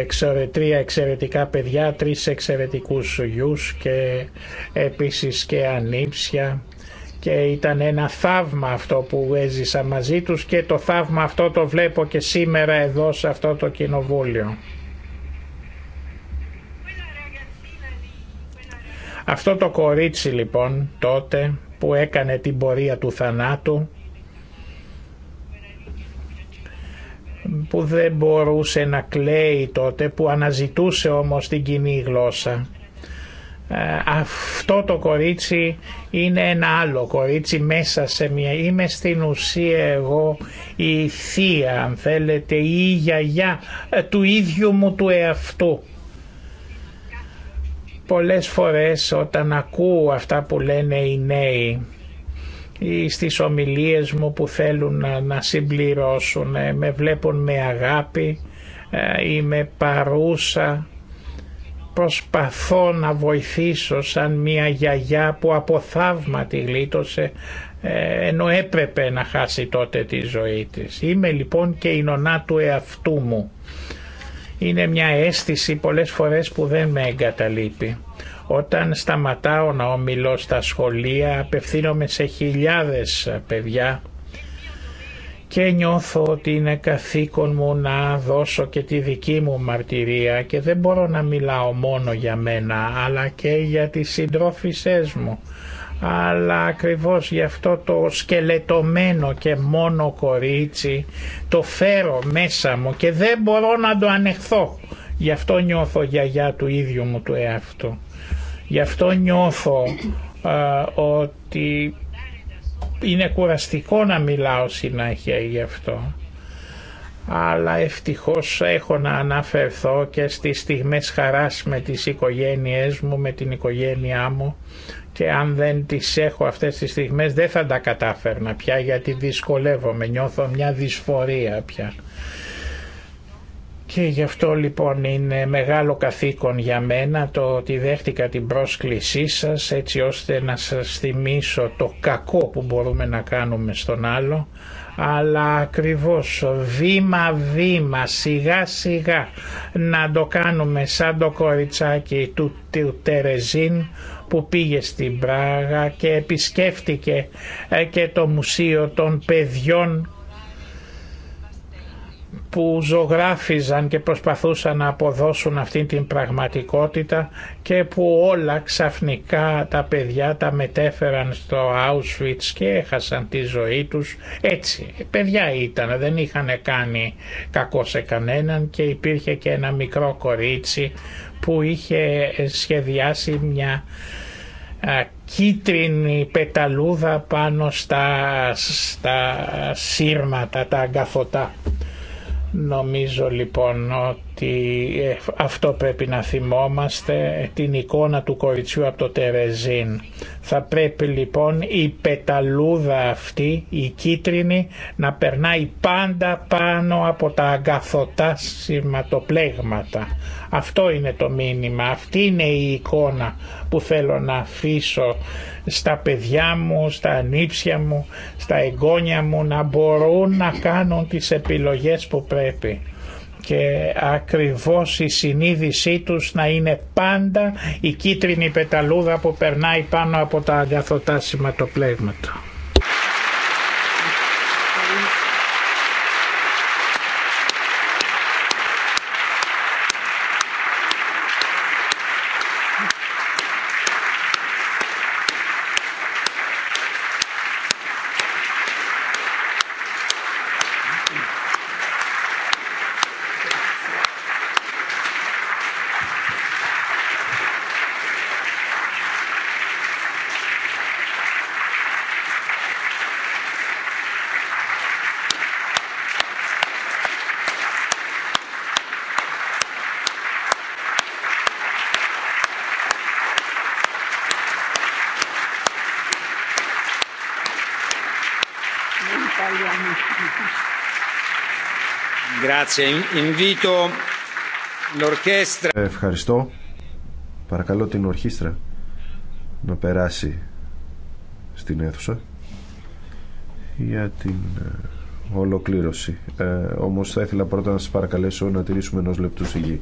τρία εξαιρετικά παιδιά, τρεις εξαιρετικούς γιους και επίσης και ανήψια και ήταν ένα θαύμα αυτό που έζησα μαζί τους και το θαύμα αυτό το βλέπω και σήμερα εδώ σε αυτό το κοινοβούλιο. Αυτό το κορίτσι λοιπόν τότε που έκανε την πορεία του θανάτου που δεν μπορούσε να κλαίει τότε, που αναζητούσε όμως την κοινή γλώσσα. Ε, αυτό το κορίτσι είναι ένα άλλο κορίτσι μέσα σε μια... Είμαι στην ουσία εγώ η θεία αν θέλετε ή η γιαγιά ε, του ίδιου μου του εαυτού. Πολλές φορές όταν ακούω αυτά που λένε οι νέοι ή στις ομιλίες μου που θέλουν να συμπληρώσουν, ε, με βλέπουν με αγάπη, ε, είμαι παρούσα, προσπαθώ να βοηθήσω σαν μια γιαγιά που από θαύμα τη γλίτωσε ε, ενώ έπρεπε να χάσει τότε τη ζωή της. Είμαι λοιπόν και η νονά του εαυτού μου. Είναι μια αίσθηση πολλές φορές που δεν με εγκαταλείπει. Όταν σταματάω να ομιλώ στα σχολεία απευθύνομαι σε χιλιάδες παιδιά και νιώθω ότι είναι καθήκον μου να δώσω και τη δική μου μαρτυρία και δεν μπορώ να μιλάω μόνο για μένα αλλά και για τις συντρόφισσές μου αλλά ακριβώς γι' αυτό το σκελετωμένο και μόνο κορίτσι το φέρω μέσα μου και δεν μπορώ να το ανεχθώ γι' αυτό νιώθω γιαγιά του ίδιου μου του εαυτού. Γι' αυτό νιώθω ότι είναι κουραστικό να μιλάω συνέχεια γι' αυτό. Αλλά ευτυχώς έχω να αναφερθώ και στις στιγμές χαράς με τις οικογένειές μου, με την οικογένειά μου και αν δεν τις έχω αυτές τις στιγμές δεν θα τα κατάφερνα πια γιατί δυσκολεύομαι, νιώθω μια δυσφορία πια. Και γι' αυτό λοιπόν είναι μεγάλο καθήκον για μένα το ότι δέχτηκα την πρόσκλησή σας έτσι ώστε να σας θυμίσω το κακό που μπορούμε να κάνουμε στον άλλο αλλά ακριβώς βήμα βήμα σιγά σιγά να το κάνουμε σαν το κοριτσάκι του, του Τερεζίν που πήγε στην Πράγα και επισκέφτηκε ε, και το Μουσείο των Παιδιών που ζωγράφιζαν και προσπαθούσαν να αποδώσουν αυτή την πραγματικότητα και που όλα ξαφνικά τα παιδιά τα μετέφεραν στο Auschwitz και έχασαν τη ζωή τους έτσι. Παιδιά ήταν, δεν είχαν κάνει κακό σε κανέναν και υπήρχε και ένα μικρό κορίτσι που είχε σχεδιάσει μια κίτρινη πεταλούδα πάνω στα, στα σύρματα, τα αγκαθωτά. Νομίζω λοιπόν ότι ε, αυτό πρέπει να θυμόμαστε την εικόνα του κοριτσιού από το Τερεζίν. Θα πρέπει λοιπόν η πεταλούδα αυτή, η κίτρινη, να περνάει πάντα πάνω από τα αγκαθωτά σηματοπλέγματα. Αυτό είναι το μήνυμα, αυτή είναι η εικόνα που θέλω να αφήσω στα παιδιά μου, στα ανήψια μου, στα εγγόνια μου να μπορούν να κάνουν τις επιλογές που πρέπει και ακριβώς η συνείδησή τους να είναι πάντα η κίτρινη πεταλούδα που περνάει πάνω από τα το σηματοπλέγματα. Ευχαριστώ. Παρακαλώ την ορχήστρα να περάσει στην αίθουσα για την ε, ολοκλήρωση. Ε, όμως θα ήθελα πρώτα να σας παρακαλέσω να τηρήσουμε ενός λεπτού σιγή.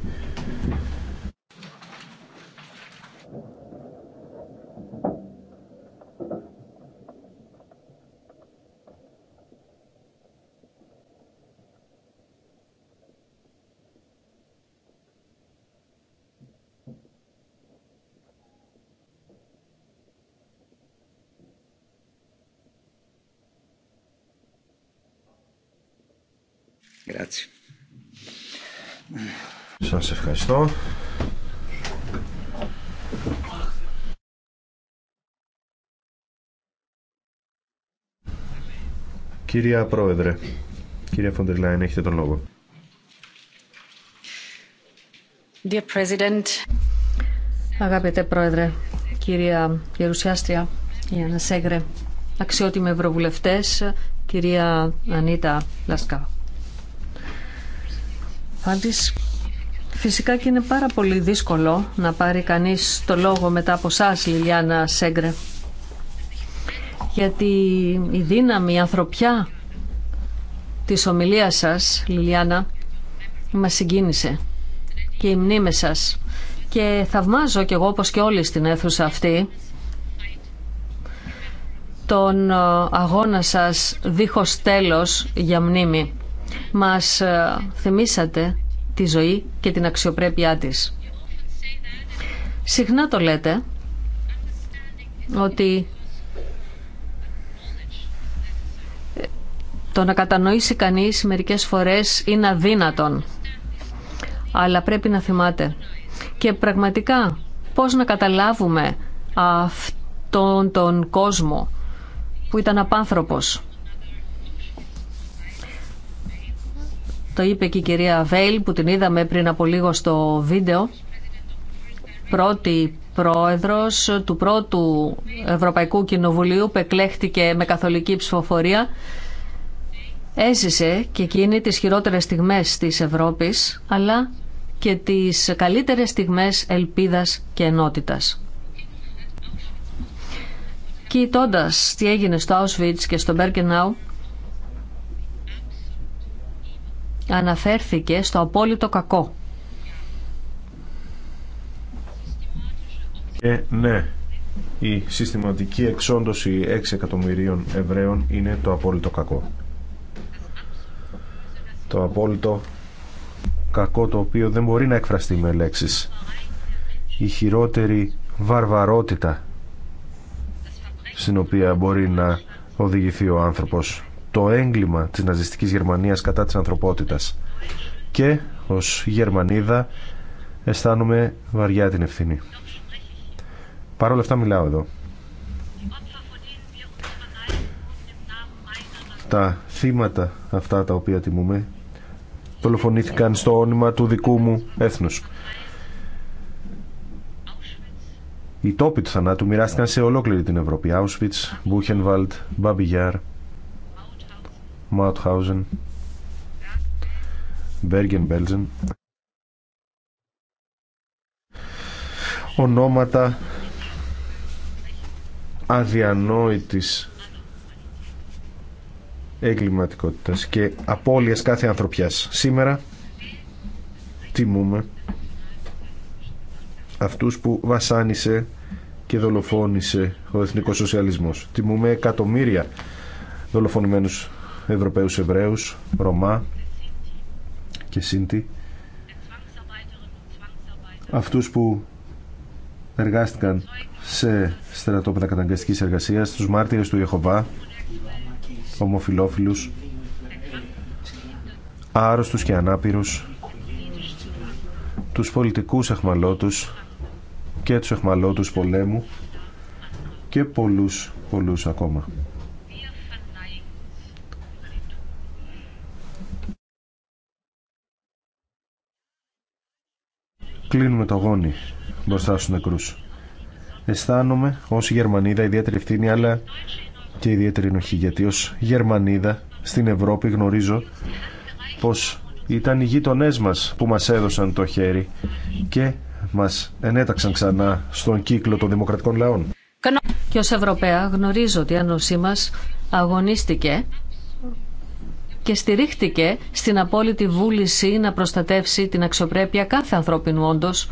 Grazie. Σας ευχαριστώ. Κυρία Πρόεδρε, κυρία Φοντερλάιν έχετε τον λόγο. Dear President. Αγαπητέ Πρόεδρε, κυρία Γερουσιάστρια, η Ανασέγρε αξιότιμοι ευρωβουλευτές, κυρία Ανίτα Λασκά Φυσικά και είναι πάρα πολύ δύσκολο να πάρει κανείς το λόγο μετά από σας Λιλιάνα Σέγκρε. Γιατί η δύναμη, η ανθρωπιά της ομιλίας σας, Λιλιάνα, μας συγκίνησε. Και οι μνήμες σας. Και θαυμάζω κι εγώ, όπως και όλοι στην αίθουσα αυτή, τον ε, αγώνα σας δίχως τέλος για μνήμη. Μας ε, θυμήσατε τη ζωή και την αξιοπρέπειά της. Συχνά το λέτε ότι το να κατανοήσει κανείς μερικές φορές είναι αδύνατον. Αλλά πρέπει να θυμάται. Και πραγματικά πώς να καταλάβουμε αυτόν τον κόσμο που ήταν απάνθρωπος. Το είπε και η κυρία Βέιλ που την είδαμε πριν από λίγο στο βίντεο. Πρώτη πρόεδρος του πρώτου Ευρωπαϊκού Κοινοβουλίου που εκλέχτηκε με καθολική ψηφοφορία. Έζησε και εκείνη τις χειρότερες στιγμές της Ευρώπης, αλλά και τις καλύτερες στιγμές ελπίδας και ενότητας. Κοιτώντα τι έγινε στο Auschwitz και στο Μπέρκενάου, αναφέρθηκε στο απόλυτο κακό. Ε, ναι, η συστηματική εξόντωση 6 εκατομμυρίων Εβραίων είναι το απόλυτο κακό. Το απόλυτο κακό το οποίο δεν μπορεί να εκφραστεί με λέξεις. Η χειρότερη βαρβαρότητα στην οποία μπορεί να οδηγηθεί ο άνθρωπος το έγκλημα της ναζιστικής Γερμανίας κατά της ανθρωπότητας. Και ως Γερμανίδα αισθάνομαι βαριά την ευθύνη. Παρ' όλα αυτά μιλάω εδώ. Τα θύματα αυτά τα οποία τιμούμε δολοφονήθηκαν στο όνομα του δικού μου έθνους. Οι τόποι του θανάτου μοιράστηκαν σε ολόκληρη την Ευρώπη. Auschwitz, Buchenwald, Babi Yar, Χάουζεν Μπέργεν Μπέλζεν. Ονόματα αδιανόητης εγκληματικότητας και απώλειας κάθε ανθρωπιάς. Σήμερα τιμούμε αυτούς που βασάνισε και δολοφόνησε ο εθνικός σοσιαλισμός. Τιμούμε εκατομμύρια δολοφονημένους Ευρωπαίους Εβραίους, Ρωμά και σύντη αυτούς που εργάστηκαν σε στρατόπεδα καταγκαστικής εργασίας, τους μάρτυρες του Ιεχωβά, ομοφιλόφιλους, άρρωστους και ανάπηρους, τους πολιτικούς αχμαλώτους και τους αχμαλώτους πολέμου και πολλούς, πολλούς ακόμα. κλείνουμε το γόνι μπροστά στου νεκρού. Αισθάνομαι ω Γερμανίδα ιδιαίτερη ευθύνη αλλά και ιδιαίτερη ενοχή γιατί ως Γερμανίδα στην Ευρώπη γνωρίζω πως ήταν οι γείτονέ μα που μα έδωσαν το χέρι και μας ενέταξαν ξανά στον κύκλο των δημοκρατικών λαών. Και ως Ευρωπαία γνωρίζω ότι η Άνωσή μα αγωνίστηκε και στηρίχτηκε στην απόλυτη βούληση να προστατεύσει την αξιοπρέπεια κάθε ανθρώπινου όντως,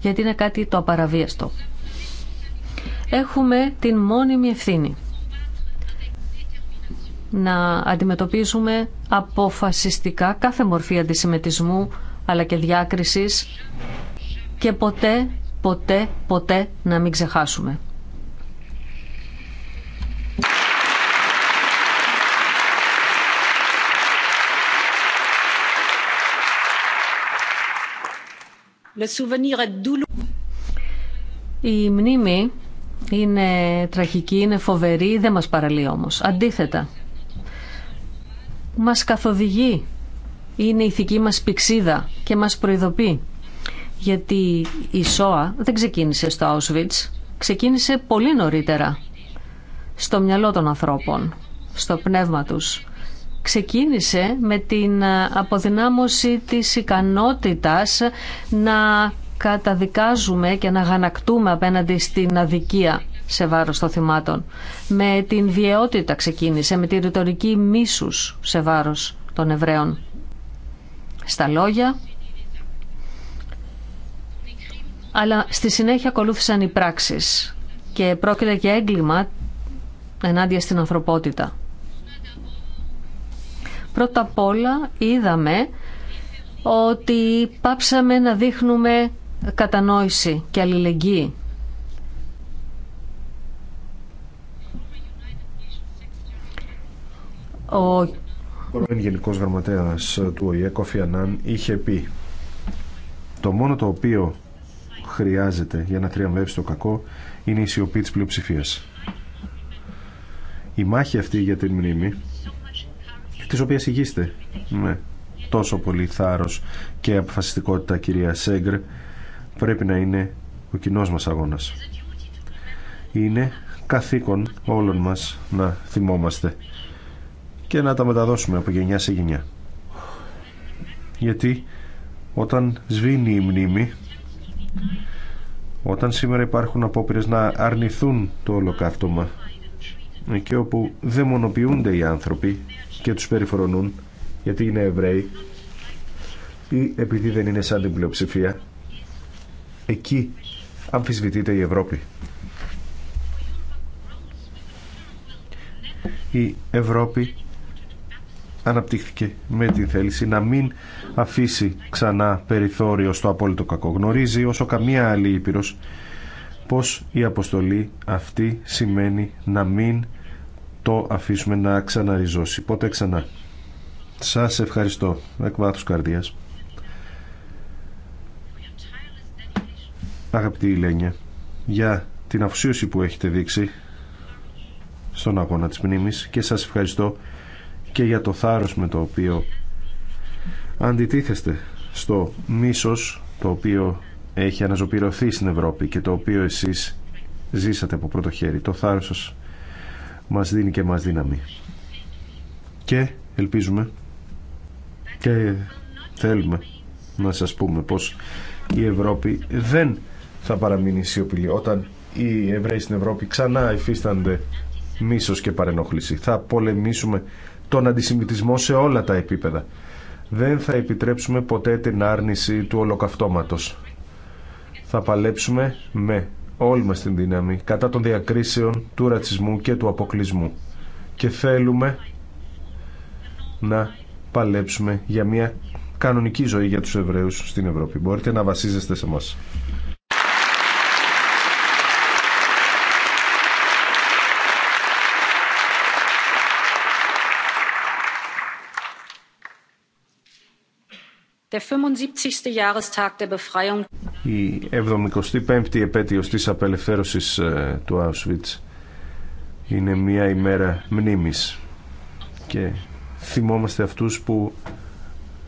γιατί είναι κάτι το απαραβίαστο. Έχουμε την μόνιμη ευθύνη να αντιμετωπίζουμε αποφασιστικά κάθε μορφή αντισημετισμού αλλά και διάκρισης και ποτέ, ποτέ, ποτέ να μην ξεχάσουμε. Η μνήμη είναι τραγική, είναι φοβερή, δεν μας παραλύει όμως. Αντίθετα, μας καθοδηγεί, είναι η ηθική μας πηξίδα και μας προειδοποιεί. Γιατί η ΣΟΑ δεν ξεκίνησε στο Auschwitz, ξεκίνησε πολύ νωρίτερα. Στο μυαλό των ανθρώπων, στο πνεύμα τους ξεκίνησε με την ε, αποδυνάμωση της ικανότητας να καταδικάζουμε και να γανακτούμε απέναντι στην αδικία σε βάρος των θυμάτων. Με την βιαιότητα ξεκίνησε, με τη ρητορική μίσους σε βάρος των Εβραίων. Στα λόγια, αλλά στη συνέχεια ακολούθησαν οι πράξεις και πρόκειται για έγκλημα ενάντια στην ανθρωπότητα. Πρώτα απ' όλα είδαμε ότι πάψαμε να δείχνουμε κατανόηση και αλληλεγγύη. Ο πρώην Γενικός Γραμματέας του ΟΗΕ Κοφιανάν είχε πει το μόνο το οποίο χρειάζεται για να τριαμβεύσει το κακό είναι η σιωπή της πλειοψηφίας. Η μάχη αυτή για την μνήμη της οποίας ηγείστε με τόσο πολύ θάρρος και αποφασιστικότητα κυρία Σέγκρ πρέπει να είναι ο κοινό μας αγώνας. Είναι καθήκον όλων μας να θυμόμαστε και να τα μεταδώσουμε από γενιά σε γενιά. Γιατί όταν σβήνει η μνήμη, όταν σήμερα υπάρχουν απόπειρες να αρνηθούν το ολοκαύτωμα, και όπου δαιμονοποιούνται οι άνθρωποι και τους περιφρονούν γιατί είναι Εβραίοι ή επειδή δεν είναι σαν την πλειοψηφία. Εκεί αμφισβητείται η Ευρώπη. Η Ευρώπη αναπτύχθηκε με την θέληση να μην αφήσει ξανά περιθώριο στο απόλυτο κακό. Γνωρίζει όσο καμία άλλη Ήπειρος πως η αποστολή αυτή σημαίνει να μην το αφήσουμε να ξαναριζώσει. Πότε ξανά. Σας ευχαριστώ. Εκ βάθους καρδίας. Αγαπητή Ηλένια, για την αφουσίωση που έχετε δείξει στον αγώνα της μνήμης και σας ευχαριστώ και για το θάρρος με το οποίο αντιτίθεστε στο μίσος το οποίο έχει αναζωπηρωθεί στην Ευρώπη και το οποίο εσείς ζήσατε από πρώτο χέρι. Το θάρρος σας μας δίνει και μας δύναμη. Και ελπίζουμε και θέλουμε να σας πούμε πως η Ευρώπη δεν θα παραμείνει σιωπηλή όταν οι Εβραίοι στην Ευρώπη ξανά υφίστανται μίσος και παρενόχληση. Θα πολεμήσουμε τον αντισημιτισμό σε όλα τα επίπεδα. Δεν θα επιτρέψουμε ποτέ την άρνηση του ολοκαυτώματος. Θα παλέψουμε με όλη μας την δύναμη κατά των διακρίσεων του ρατσισμού και του αποκλεισμού και θέλουμε να παλέψουμε για μια κανονική ζωή για τους Εβραίους στην Ευρώπη. Μπορείτε να βασίζεστε σε μας. Η 75η επέτειος της απελευθέρωσης ε, του Auschwitz είναι μια ημέρα μνήμης και θυμόμαστε αυτούς που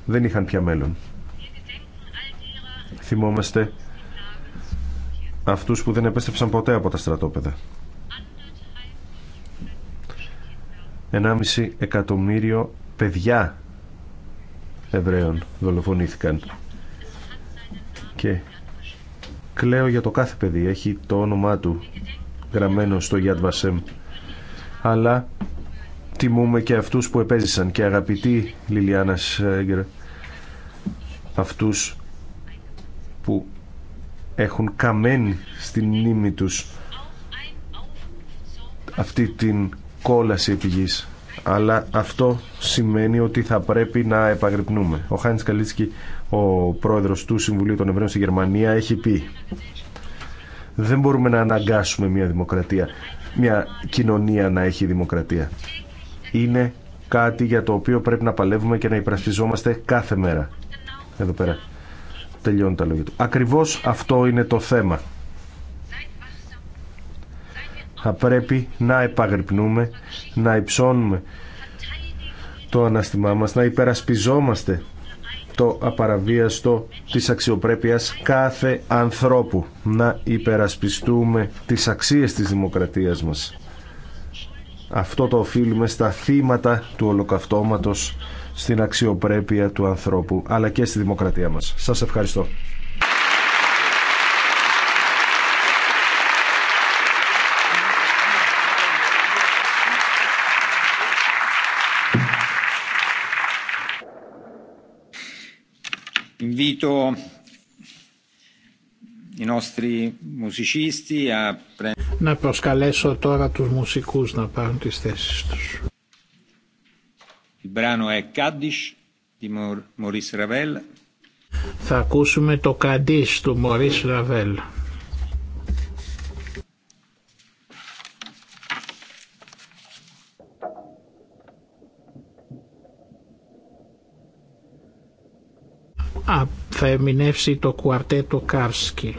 δεν είχαν πια μέλλον. Θυμόμαστε αυτούς που δεν επέστρεψαν ποτέ από τα στρατόπεδα. 1,5 εκατομμύριο παιδιά Εβραίων δολοφονήθηκαν. Και κλαίω για το κάθε παιδί. Έχει το όνομά του γραμμένο στο Yad Βασέμ. Αλλά τιμούμε και αυτούς που επέζησαν και αγαπητή Λιλιάνα Σέγκερ αυτούς που έχουν καμένη στην μνήμη τους αυτή την κόλαση επιγής αλλά αυτό σημαίνει ότι θα πρέπει να επαγρυπνούμε. Ο Χάνης Καλίτσκι, ο πρόεδρος του Συμβουλίου των Εβραίων στη Γερμανία, έχει πει δεν μπορούμε να αναγκάσουμε μια δημοκρατία, μια κοινωνία να έχει δημοκρατία. Είναι κάτι για το οποίο πρέπει να παλεύουμε και να υπρασπιζόμαστε κάθε μέρα. Εδώ πέρα τελειώνουν τα λόγια του. Ακριβώς αυτό είναι το θέμα. Θα πρέπει να επαγρυπνούμε, να υψώνουμε το αναστημά μας, να υπερασπιζόμαστε το απαραβίαστο της αξιοπρέπειας κάθε ανθρώπου, να υπερασπιστούμε τις αξίες της δημοκρατίας μας. Αυτό το οφείλουμε στα θύματα του ολοκαυτώματος, στην αξιοπρέπεια του ανθρώπου, αλλά και στη δημοκρατία μας. Σας ευχαριστώ. Να προσκαλέσω τώρα τους μουσικούς να πάρουν τις θέσεις τους. Το Θα ακούσουμε το Καντίς του Μωρίς Ραβέλ. θα εμεινεύσει το κουαρτέτο Κάρσκι.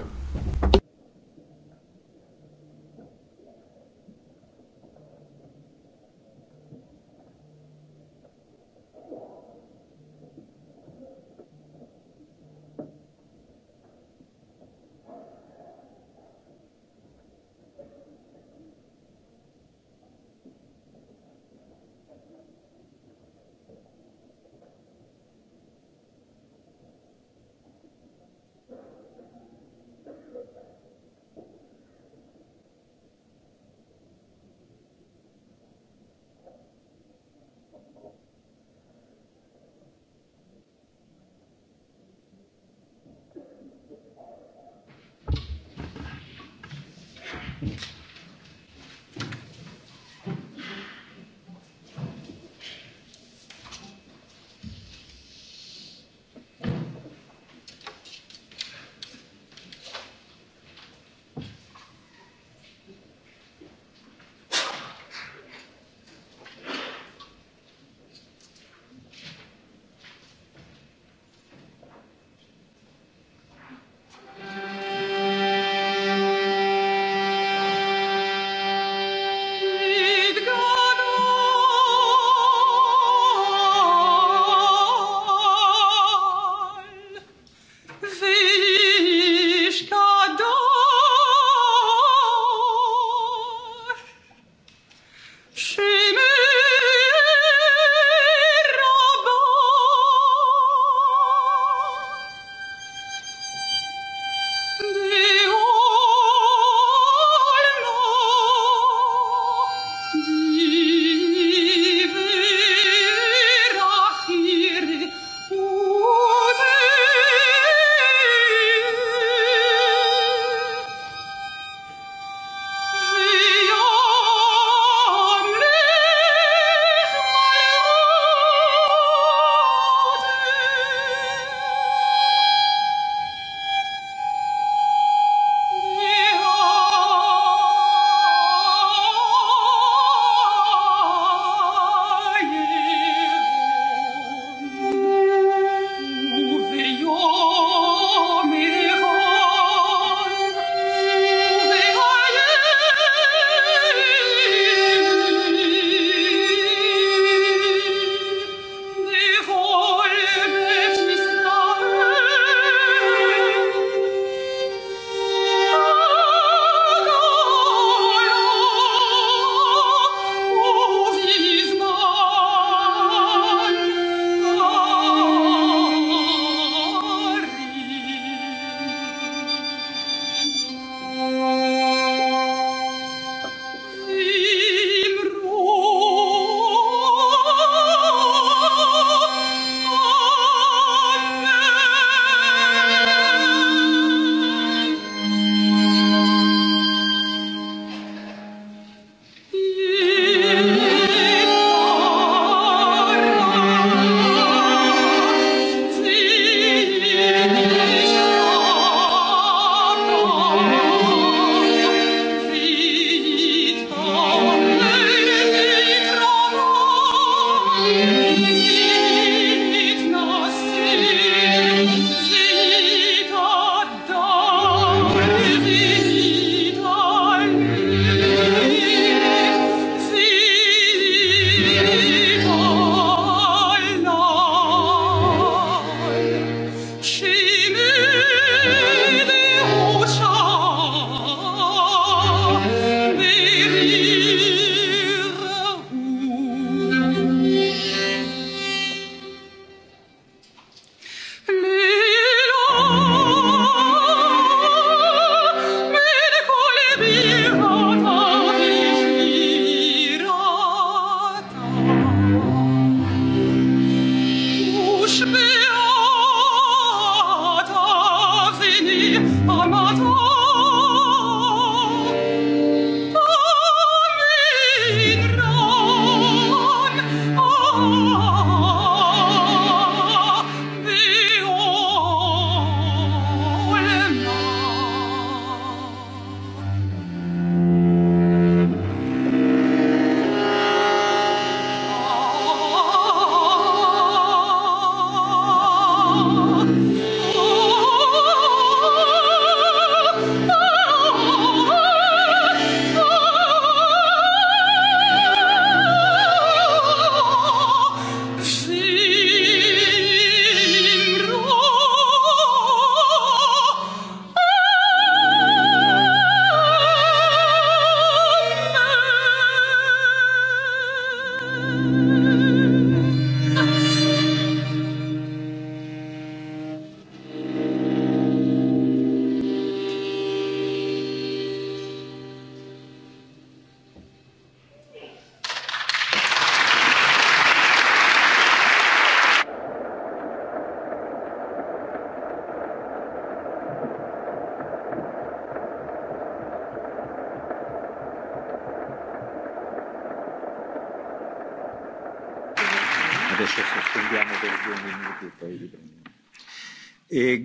Ε,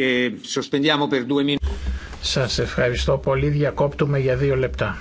ε, Σας ευχαριστώ πολύ. Διακόπτουμε για δύο λεπτά.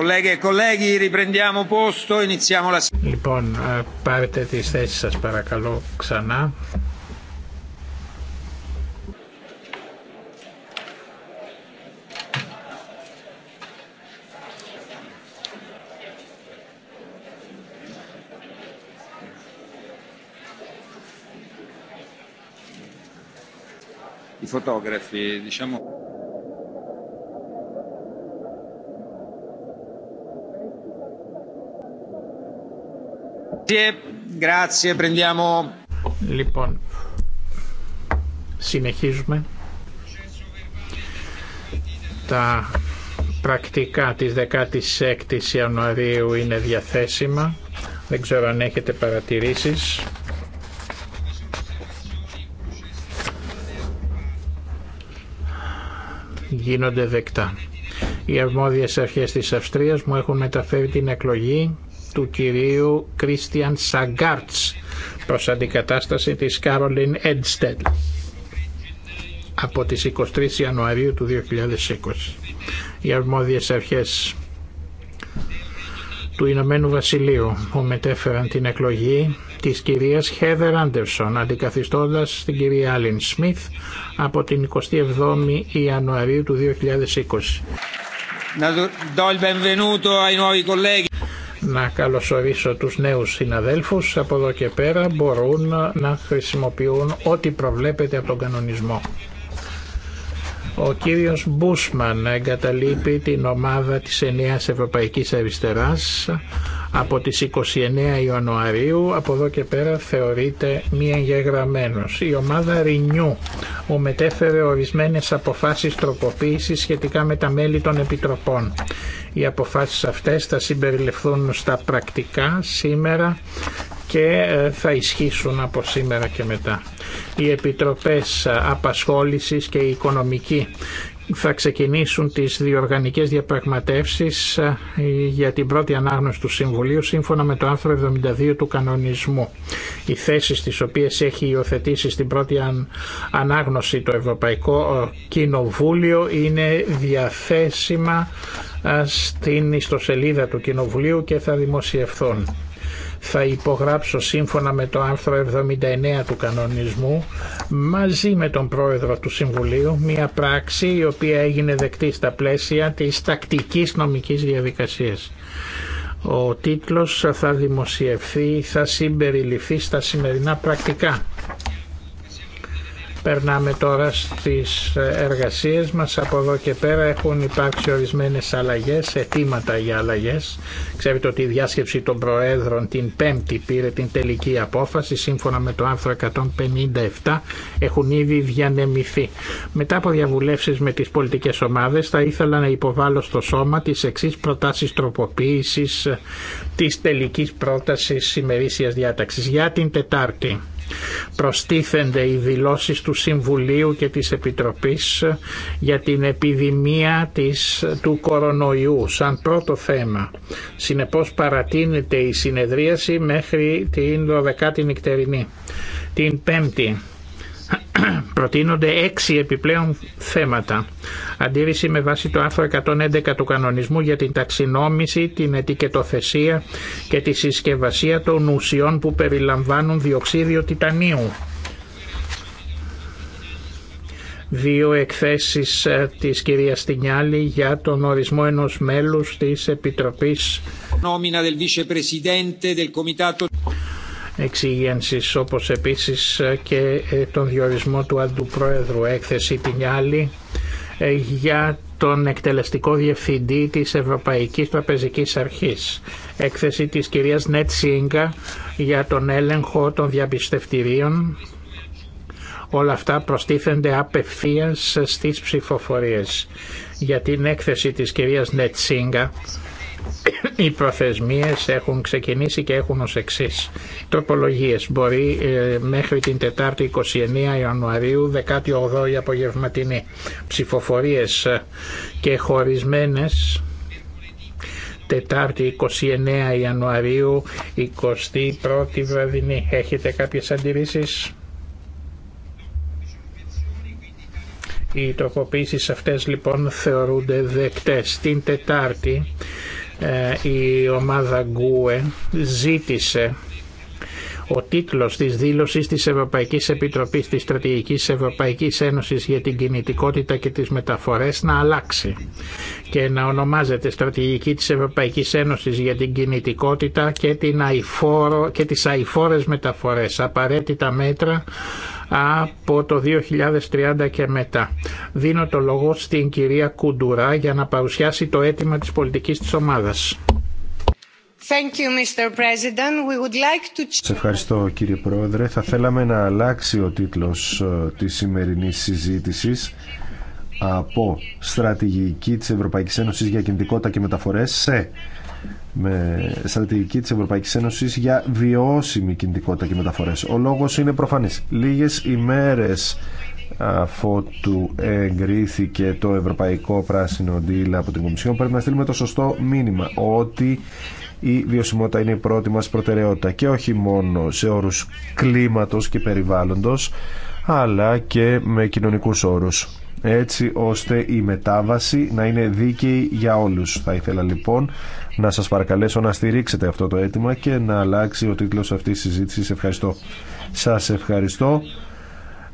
E λοιπόν, ε, πάρετε τις θέσεις σας παρακαλώ ξανά. Λοιπόν, συνεχίζουμε τα πρακτικά της 16ης Ιανουαρίου είναι διαθέσιμα. Δεν ξέρω αν έχετε παρατηρήσεις. Γίνονται δεκτά. Οι αρμόδιες αρχές της Αυστρίας μου έχουν μεταφέρει την εκλογή του κυρίου Κρίστιαν Σαγκάρτς προς αντικατάσταση της Κάρολιν Έντστελ από τις 23 Ιανουαρίου του 2020. Οι αρμόδιες αρχές του Ηνωμένου Βασιλείου που μετέφεραν την εκλογή της κυρίας Χέδερ Άντερσον αντικαθιστώντας την κυρία Άλιν Σμιθ από την 27η Ιανουαρίου του 2020. Να δω το benvenuto ai να καλωσορίσω τους νέους συναδέλφους. Από εδώ και πέρα μπορούν να χρησιμοποιούν ό,τι προβλέπεται από τον κανονισμό. Ο κύριος Μπούσμαν εγκαταλείπει την ομάδα της Ενιαίας Ευρωπαϊκής Αριστεράς από τις 29 Ιανουαρίου. Από εδώ και πέρα θεωρείται μη εγγεγραμμένος. Η ομάδα Ρινιού μου μετέφερε ορισμένες αποφάσεις τροποποίησης σχετικά με τα μέλη των επιτροπών. Οι αποφάσεις αυτές θα συμπεριληφθούν στα πρακτικά σήμερα και ε, θα ισχύσουν από σήμερα και μετά. Οι Επιτροπές ε, Απασχόλησης και Οικονομική θα ξεκινήσουν τις διοργανικές διαπραγματεύσεις ε, για την πρώτη ανάγνωση του Συμβουλίου σύμφωνα με το άρθρο 72 του κανονισμού. Οι θέσει τις οποίες έχει υιοθετήσει στην πρώτη ανάγνωση το Ευρωπαϊκό Κοινοβούλιο είναι διαθέσιμα στην ιστοσελίδα του Κοινοβουλίου και θα δημοσιευθούν θα υπογράψω σύμφωνα με το άρθρο 79 του κανονισμού μαζί με τον πρόεδρο του Συμβουλίου μια πράξη η οποία έγινε δεκτή στα πλαίσια της τακτικής νομικής διαδικασίας. Ο τίτλος θα δημοσιευθεί, θα συμπεριληφθεί στα σημερινά πρακτικά. Περνάμε τώρα στις εργασίες μας. Από εδώ και πέρα έχουν υπάρξει ορισμένες αλλαγές, αιτήματα για αλλαγές. Ξέρετε ότι η διάσκεψη των Προέδρων την Πέμπτη πήρε την τελική απόφαση. Σύμφωνα με το άρθρο 157 έχουν ήδη διανεμηθεί. Μετά από διαβουλεύσεις με τις πολιτικές ομάδες θα ήθελα να υποβάλω στο σώμα τις εξή προτάσεις τροποποίησης της τελικής πρότασης ημερήσιας διάταξης για την Τετάρτη Προστίθενται οι δηλώσεις του Συμβουλίου και της Επιτροπής για την επιδημία της, του κορονοϊού σαν πρώτο θέμα. Συνεπώς παρατείνεται η συνεδρίαση μέχρι την 12η νυχτερινή. Την 5η προτείνονται έξι επιπλέον θέματα. Αντίρρηση με βάση το άρθρο 111 του κανονισμού για την ταξινόμηση, την ετικετοθεσία και τη συσκευασία των ουσιών που περιλαμβάνουν διοξίδιο τιτανίου. Δύο εκθέσεις ε, της κυρίας Τινιάλη για τον ορισμό ενός μέλους της Επιτροπής. Νόμινα del Vice εξηγένσεις όπως επίσης ε, και ε, τον διορισμό του Αντουπρόεδρου έκθεση την άλλη ε, για τον εκτελεστικό διευθυντή της Ευρωπαϊκής Τραπεζικής Αρχής. Έκθεση της κυρίας Νέτ για τον έλεγχο των διαπιστευτηρίων. Όλα αυτά προστίθενται απευθείας στις ψηφοφορίες. Για την έκθεση της κυρίας Νέτ οι προθεσμίες έχουν ξεκινήσει και έχουν ως εξής. Τροπολογίες μπορεί ε, μέχρι την Τετάρτη 29 Ιανουαρίου 18η απογευματινή. Ψηφοφορίες ε, και χωρισμένες Τετάρτη 29 Ιανουαρίου 21η βραδινή. Έχετε κάποιες αντιρρήσεις? Οι τροποποίησεις αυτές λοιπόν θεωρούνται δεκτές. Την Τετάρτη ε, η ομάδα Γκούε ζήτησε ο τίτλος της δήλωσης της Ευρωπαϊκής Επιτροπής της Στρατηγικής Ευρωπαϊκής Ένωσης για την κινητικότητα και τις μεταφορές να αλλάξει και να ονομάζεται Στρατηγική της Ευρωπαϊκής Ένωσης για την κινητικότητα και, την αηφόρο, και τις αηφόρες μεταφορές, απαραίτητα μέτρα από το 2030 και μετά. Δίνω το λόγο στην κυρία Κουντουρά για να παρουσιάσει το αίτημα της πολιτικής της ομάδας. Thank you, Mr. President. We would like to... Σε ευχαριστώ κύριε Πρόεδρε. Θα θέλαμε να αλλάξει ο τίτλος ε, της σημερινής συζήτησης από στρατηγική της Ευρωπαϊκής Ένωσης για κινητικότητα και μεταφορές σε με στρατηγική τη Ευρωπαϊκή Ένωση για βιώσιμη κινητικότητα και μεταφορές. Ο λόγο είναι προφανής. Λίγες ημέρε αφότου εγκρίθηκε το Ευρωπαϊκό Πράσινο Deal από την Κομισιόν πρέπει να στείλουμε το σωστό μήνυμα ότι η βιωσιμότητα είναι η πρώτη μας προτεραιότητα και όχι μόνο σε όρους κλίματος και περιβάλλοντος αλλά και με κοινωνικούς όρους έτσι ώστε η μετάβαση να είναι δίκαιη για όλους. Θα ήθελα λοιπόν να σας παρακαλέσω να στηρίξετε αυτό το αίτημα και να αλλάξει ο τίτλος αυτής της συζήτησης. Ευχαριστώ. Σας ευχαριστώ.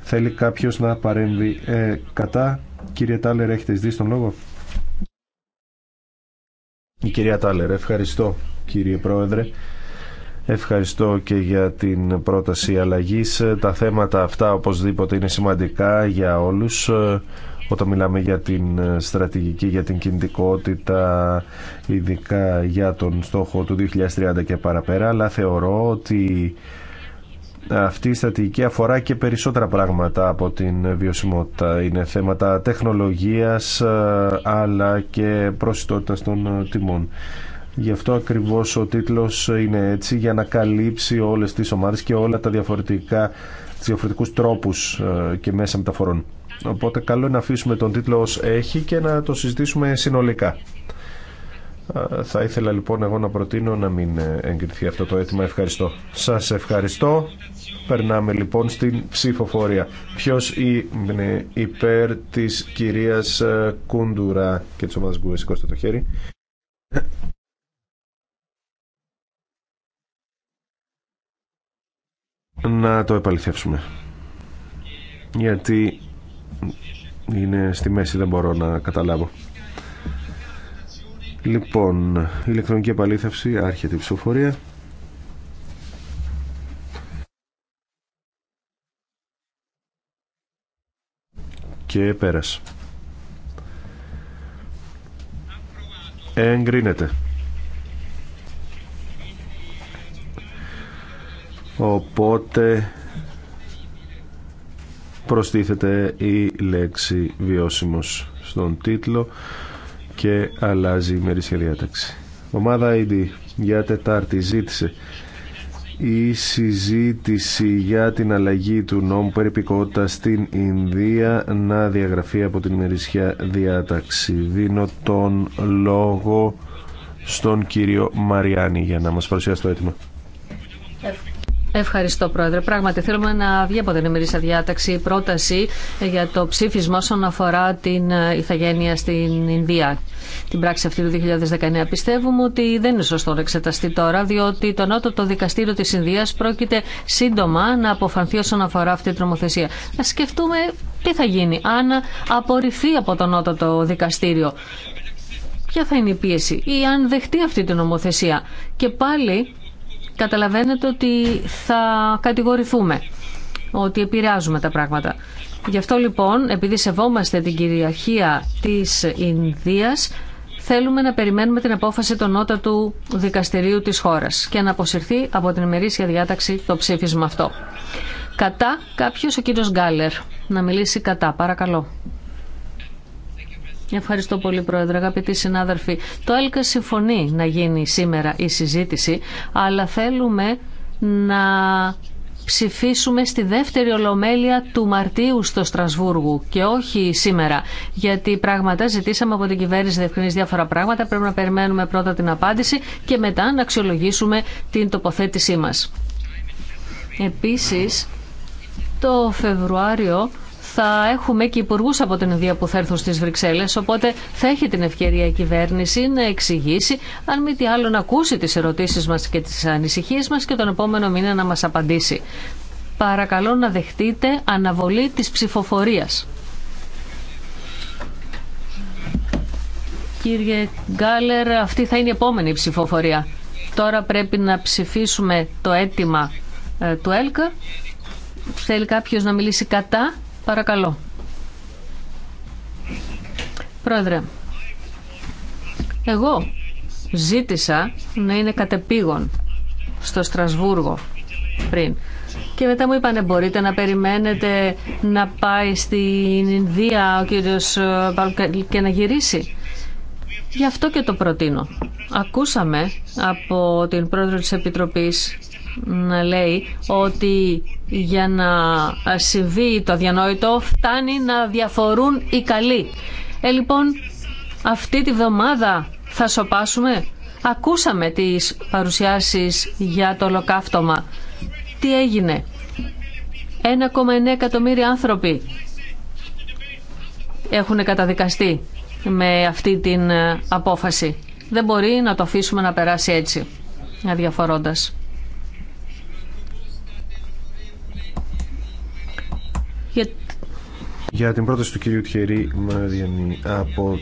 Θέλει κάποιος να παρέμβει ε, κατά. Κύριε Τάλερ, έχετε δει τον λόγο. Η κυρία Τάλερ, ευχαριστώ κύριε Πρόεδρε. Ευχαριστώ και για την πρόταση αλλαγής. Τα θέματα αυτά οπωσδήποτε είναι σημαντικά για όλους όταν μιλάμε για την ε, στρατηγική, για την κινητικότητα, ειδικά για τον στόχο του 2030 και παραπέρα, αλλά θεωρώ ότι αυτή η στρατηγική αφορά και περισσότερα πράγματα από την βιωσιμότητα. Είναι θέματα τεχνολογίας ε, αλλά και προσιτότητας των ε, τιμών. Γι' αυτό ακριβώς ο τίτλος είναι έτσι για να καλύψει όλες τις ομάδες και όλα τα διαφορετικά, τις διαφορετικούς τρόπους και μέσα μεταφορών. Οπότε καλό είναι να αφήσουμε τον τίτλο ως έχει και να το συζητήσουμε συνολικά. Θα ήθελα λοιπόν εγώ να προτείνω να μην ε, εγκριθεί αυτό το αίτημα. Ευχαριστώ. Σας ευχαριστώ. Περνάμε λοιπόν στην ψηφοφορία. Ποιος είναι υπέρ της κυρίας ε, Κούντουρα και της ομάδας Γκουέ. Σηκώστε το χέρι. Να το επαληθεύσουμε. Γιατί είναι στη μέση, δεν μπορώ να καταλάβω. Λοιπόν, ηλεκτρονική επαλήθευση, άρχεται η ψηφοφορία. Και πέρασε. Εγκρίνεται. Οπότε προστίθεται η λέξη βιώσιμος στον τίτλο και αλλάζει η μερίσια διάταξη. Ομάδα ID για Τετάρτη ζήτησε η συζήτηση για την αλλαγή του νόμου περιπικότητα στην Ινδία να διαγραφεί από την ημερησιά διάταξη. Δίνω τον λόγο στον κύριο Μαριάννη για να μας παρουσιάσει το αίτημα. Ευχαριστώ, Πρόεδρε. Πράγματι, θέλουμε να βγει από την ημερήσια διάταξη η πρόταση για το ψήφισμα όσον αφορά την ηθαγένεια στην Ινδία. Την πράξη αυτή του 2019 πιστεύουμε ότι δεν είναι σωστό να εξεταστεί τώρα, διότι το νότο δικαστήριο τη Ινδία πρόκειται σύντομα να αποφανθεί όσον αφορά αυτή την νομοθεσία. Να σκεφτούμε τι θα γίνει αν απορριφθεί από το νότο δικαστήριο. Ποια θα είναι η πίεση ή αν δεχτεί αυτή την νομοθεσία. Και πάλι καταλαβαίνετε ότι θα κατηγορηθούμε, ότι επηρεάζουμε τα πράγματα. Γι' αυτό λοιπόν, επειδή σεβόμαστε την κυριαρχία της Ινδίας, θέλουμε να περιμένουμε την απόφαση των νότα του δικαστηρίου της χώρας και να αποσυρθεί από την ημερήσια διάταξη το ψήφισμα αυτό. Κατά κάποιος ο κύριος Γκάλερ. Να μιλήσει κατά, παρακαλώ. Ευχαριστώ πολύ, Πρόεδρε. Αγαπητοί συνάδελφοι, το ΕΛΚΑ συμφωνεί να γίνει σήμερα η συζήτηση, αλλά θέλουμε να ψηφίσουμε στη δεύτερη ολομέλεια του Μαρτίου στο Στρασβούργο και όχι σήμερα. Γιατί πράγματα ζητήσαμε από την κυβέρνηση διευκρινή διάφορα πράγματα. Πρέπει να περιμένουμε πρώτα την απάντηση και μετά να αξιολογήσουμε την τοποθέτησή μα. Επίση, το Φεβρουάριο θα έχουμε και υπουργού από την Ινδία που θα έρθουν στις Βρυξέλλες, οπότε θα έχει την ευκαιρία η κυβέρνηση να εξηγήσει, αν μη τι άλλο να ακούσει τι ερωτήσει μα και τι ανησυχίε μα και τον επόμενο μήνα να μα απαντήσει. Παρακαλώ να δεχτείτε αναβολή τη ψηφοφορία. Κύριε Γκάλερ, αυτή θα είναι η επόμενη ψηφοφορία. Τώρα πρέπει να ψηφίσουμε το αίτημα ε, του ΕΛΚΑ. Θέλει κάποιος να μιλήσει κατά. Παρακαλώ. Πρόεδρε, εγώ ζήτησα να είναι κατεπήγον στο Στρασβούργο πριν. Και μετά μου είπανε μπορείτε να περιμένετε να πάει στην Ινδία ο κύριος ε, και να γυρίσει. Γι' αυτό και το προτείνω. Ακούσαμε από την πρόεδρο της Επιτροπής να λέει ότι για να συμβεί το διανόητο φτάνει να διαφορούν οι καλοί. Ε, λοιπόν, αυτή τη βδομάδα θα σοπάσουμε. Ακούσαμε τις παρουσιάσεις για το ολοκαύτωμα. Τι έγινε. 1,9 εκατομμύρια άνθρωποι έχουν καταδικαστεί με αυτή την ε, απόφαση. Δεν μπορεί να το αφήσουμε να περάσει έτσι, αδιαφορώντας. Για... την πρόταση του κυρίου Τιερή Μαριανή από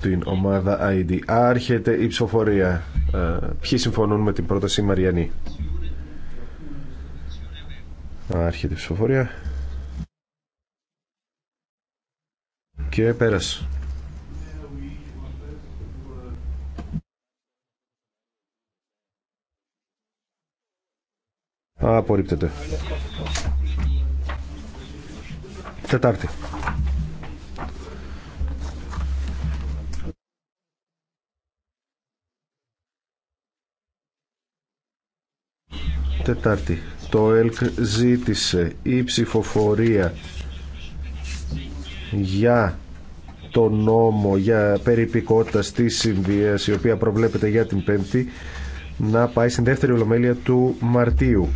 την ομάδα ID. Άρχεται η ψηφοφορία. Ε, ποιοι συμφωνούν με την πρόταση Μαριανή. Άρχεται η ψηφοφορία. Και πέρασε. Απορρίπτεται. Τετάρτη. Τετάρτη. Το ΕΛΚ ζήτησε η ψηφοφορία για το νόμο για περιπικότητα τη Ινδία, η οποία προβλέπεται για την Πέμπτη, να πάει στην δεύτερη ολομέλεια του Μαρτίου.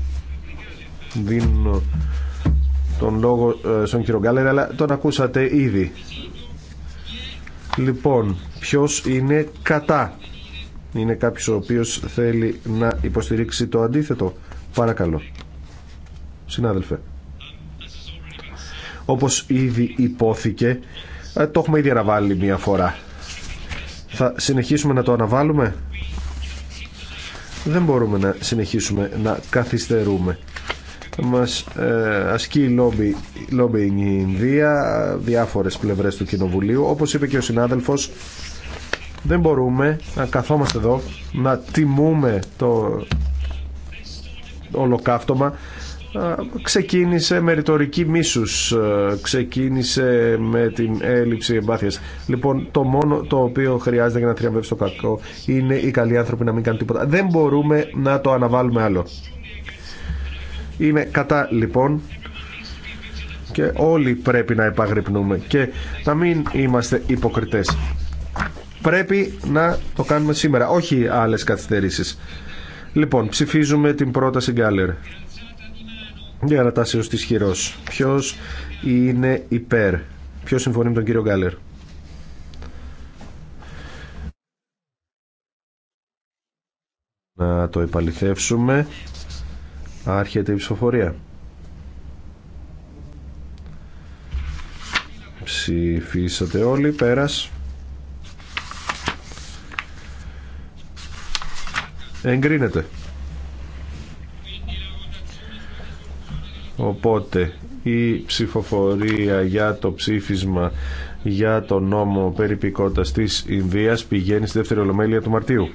Δίνω τον λόγο ε, στον κύριο Γκάλερ, αλλά τον ακούσατε ήδη. Λοιπόν, ποιος είναι κατά. Είναι κάποιος ο οποίος θέλει να υποστηρίξει το αντίθετο. Παρακαλώ. Συνάδελφε. Όπως ήδη υπόθηκε, ε, το έχουμε ήδη αναβάλει μία φορά. Θα συνεχίσουμε να το αναβάλουμε. Δεν μπορούμε να συνεχίσουμε να καθυστερούμε μας ε, ασκεί η λόμπινγκ η Ινδία διάφορες πλευρές του Κοινοβουλίου όπως είπε και ο συνάδελφος δεν μπορούμε να καθόμαστε εδώ να τιμούμε το ολοκαύτωμα ξεκίνησε με ρητορική μίσους ξεκίνησε με την έλλειψη εμπάθειας λοιπόν το μόνο το οποίο χρειάζεται για να θριαμβεύσει το κακό είναι οι καλοί άνθρωποι να μην κάνουν τίποτα δεν μπορούμε να το αναβάλουμε άλλο είναι κατά λοιπόν και όλοι πρέπει να επαγρυπνούμε και να μην είμαστε υποκριτές. Πρέπει να το κάνουμε σήμερα, όχι άλλες καθυστερήσεις. Λοιπόν, ψηφίζουμε την πρόταση Γκάλερ. Για να τάσει ως της Ποιος είναι υπέρ. Ποιος συμφωνεί με τον κύριο Γκάλερ. Να το επαληθεύσουμε. Άρχεται η ψηφοφορία. Ψηφίσατε όλοι, πέρας. Εγκρίνεται. Οπότε η ψηφοφορία για το ψήφισμα για το νόμο περί της Ινδίας πηγαίνει στη δεύτερη ολομέλεια του Μαρτίου.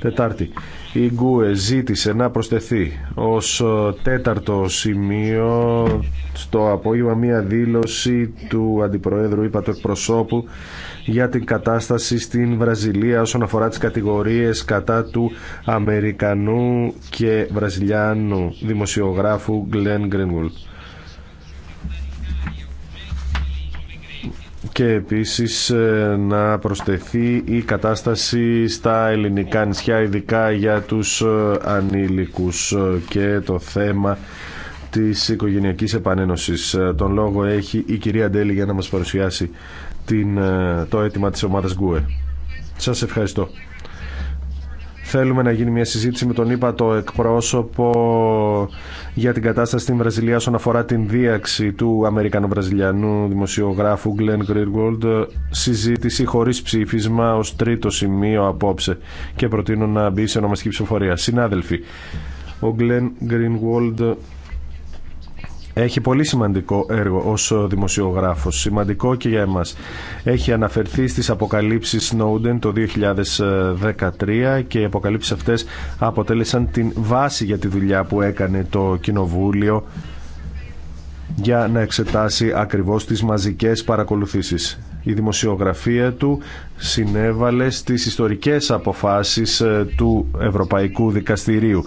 Τετάρτη. Η Γκουε ζήτησε να προσθεθεί ως ε, τέταρτο σημείο στο απόγευμα μία δήλωση του Αντιπροέδρου είπα του για την κατάσταση στην Βραζιλία όσον αφορά τις κατηγορίες κατά του Αμερικανού και Βραζιλιάνου δημοσιογράφου Γκλέν Γκρινγουλτ. και επίσης ε, να προσθεθεί η κατάσταση στα ελληνικά νησιά ειδικά για τους ε, ανήλικους ε, και το θέμα της οικογενειακής επανένωσης. Τον λόγο έχει η κυρία Ντέλη για να μας παρουσιάσει την, το αίτημα της ομάδας Γκουε. Σας ευχαριστώ. Θέλουμε να γίνει μια συζήτηση με τον ύπατο εκπρόσωπο για την κατάσταση στην Βραζιλία όσον αφορά την δίαξη του Αμερικανο-Βραζιλιανού δημοσιογράφου Γκλέν Greenwald. Συζήτηση χωρίς ψήφισμα ως τρίτο σημείο απόψε και προτείνω να μπει σε ονομαστική ψηφοφορία. Συνάδελφοι, ο Γκλέν Greenwald έχει πολύ σημαντικό έργο ως δημοσιογράφος, σημαντικό και για εμάς. Έχει αναφερθεί στις αποκαλύψεις Snowden το 2013 και οι αποκαλύψεις αυτές αποτέλεσαν την βάση για τη δουλειά που έκανε το Κοινοβούλιο για να εξετάσει ακριβώς τις μαζικές παρακολουθήσεις. Η δημοσιογραφία του συνέβαλε στις ιστορικές αποφάσεις ε, του Ευρωπαϊκού Δικαστηρίου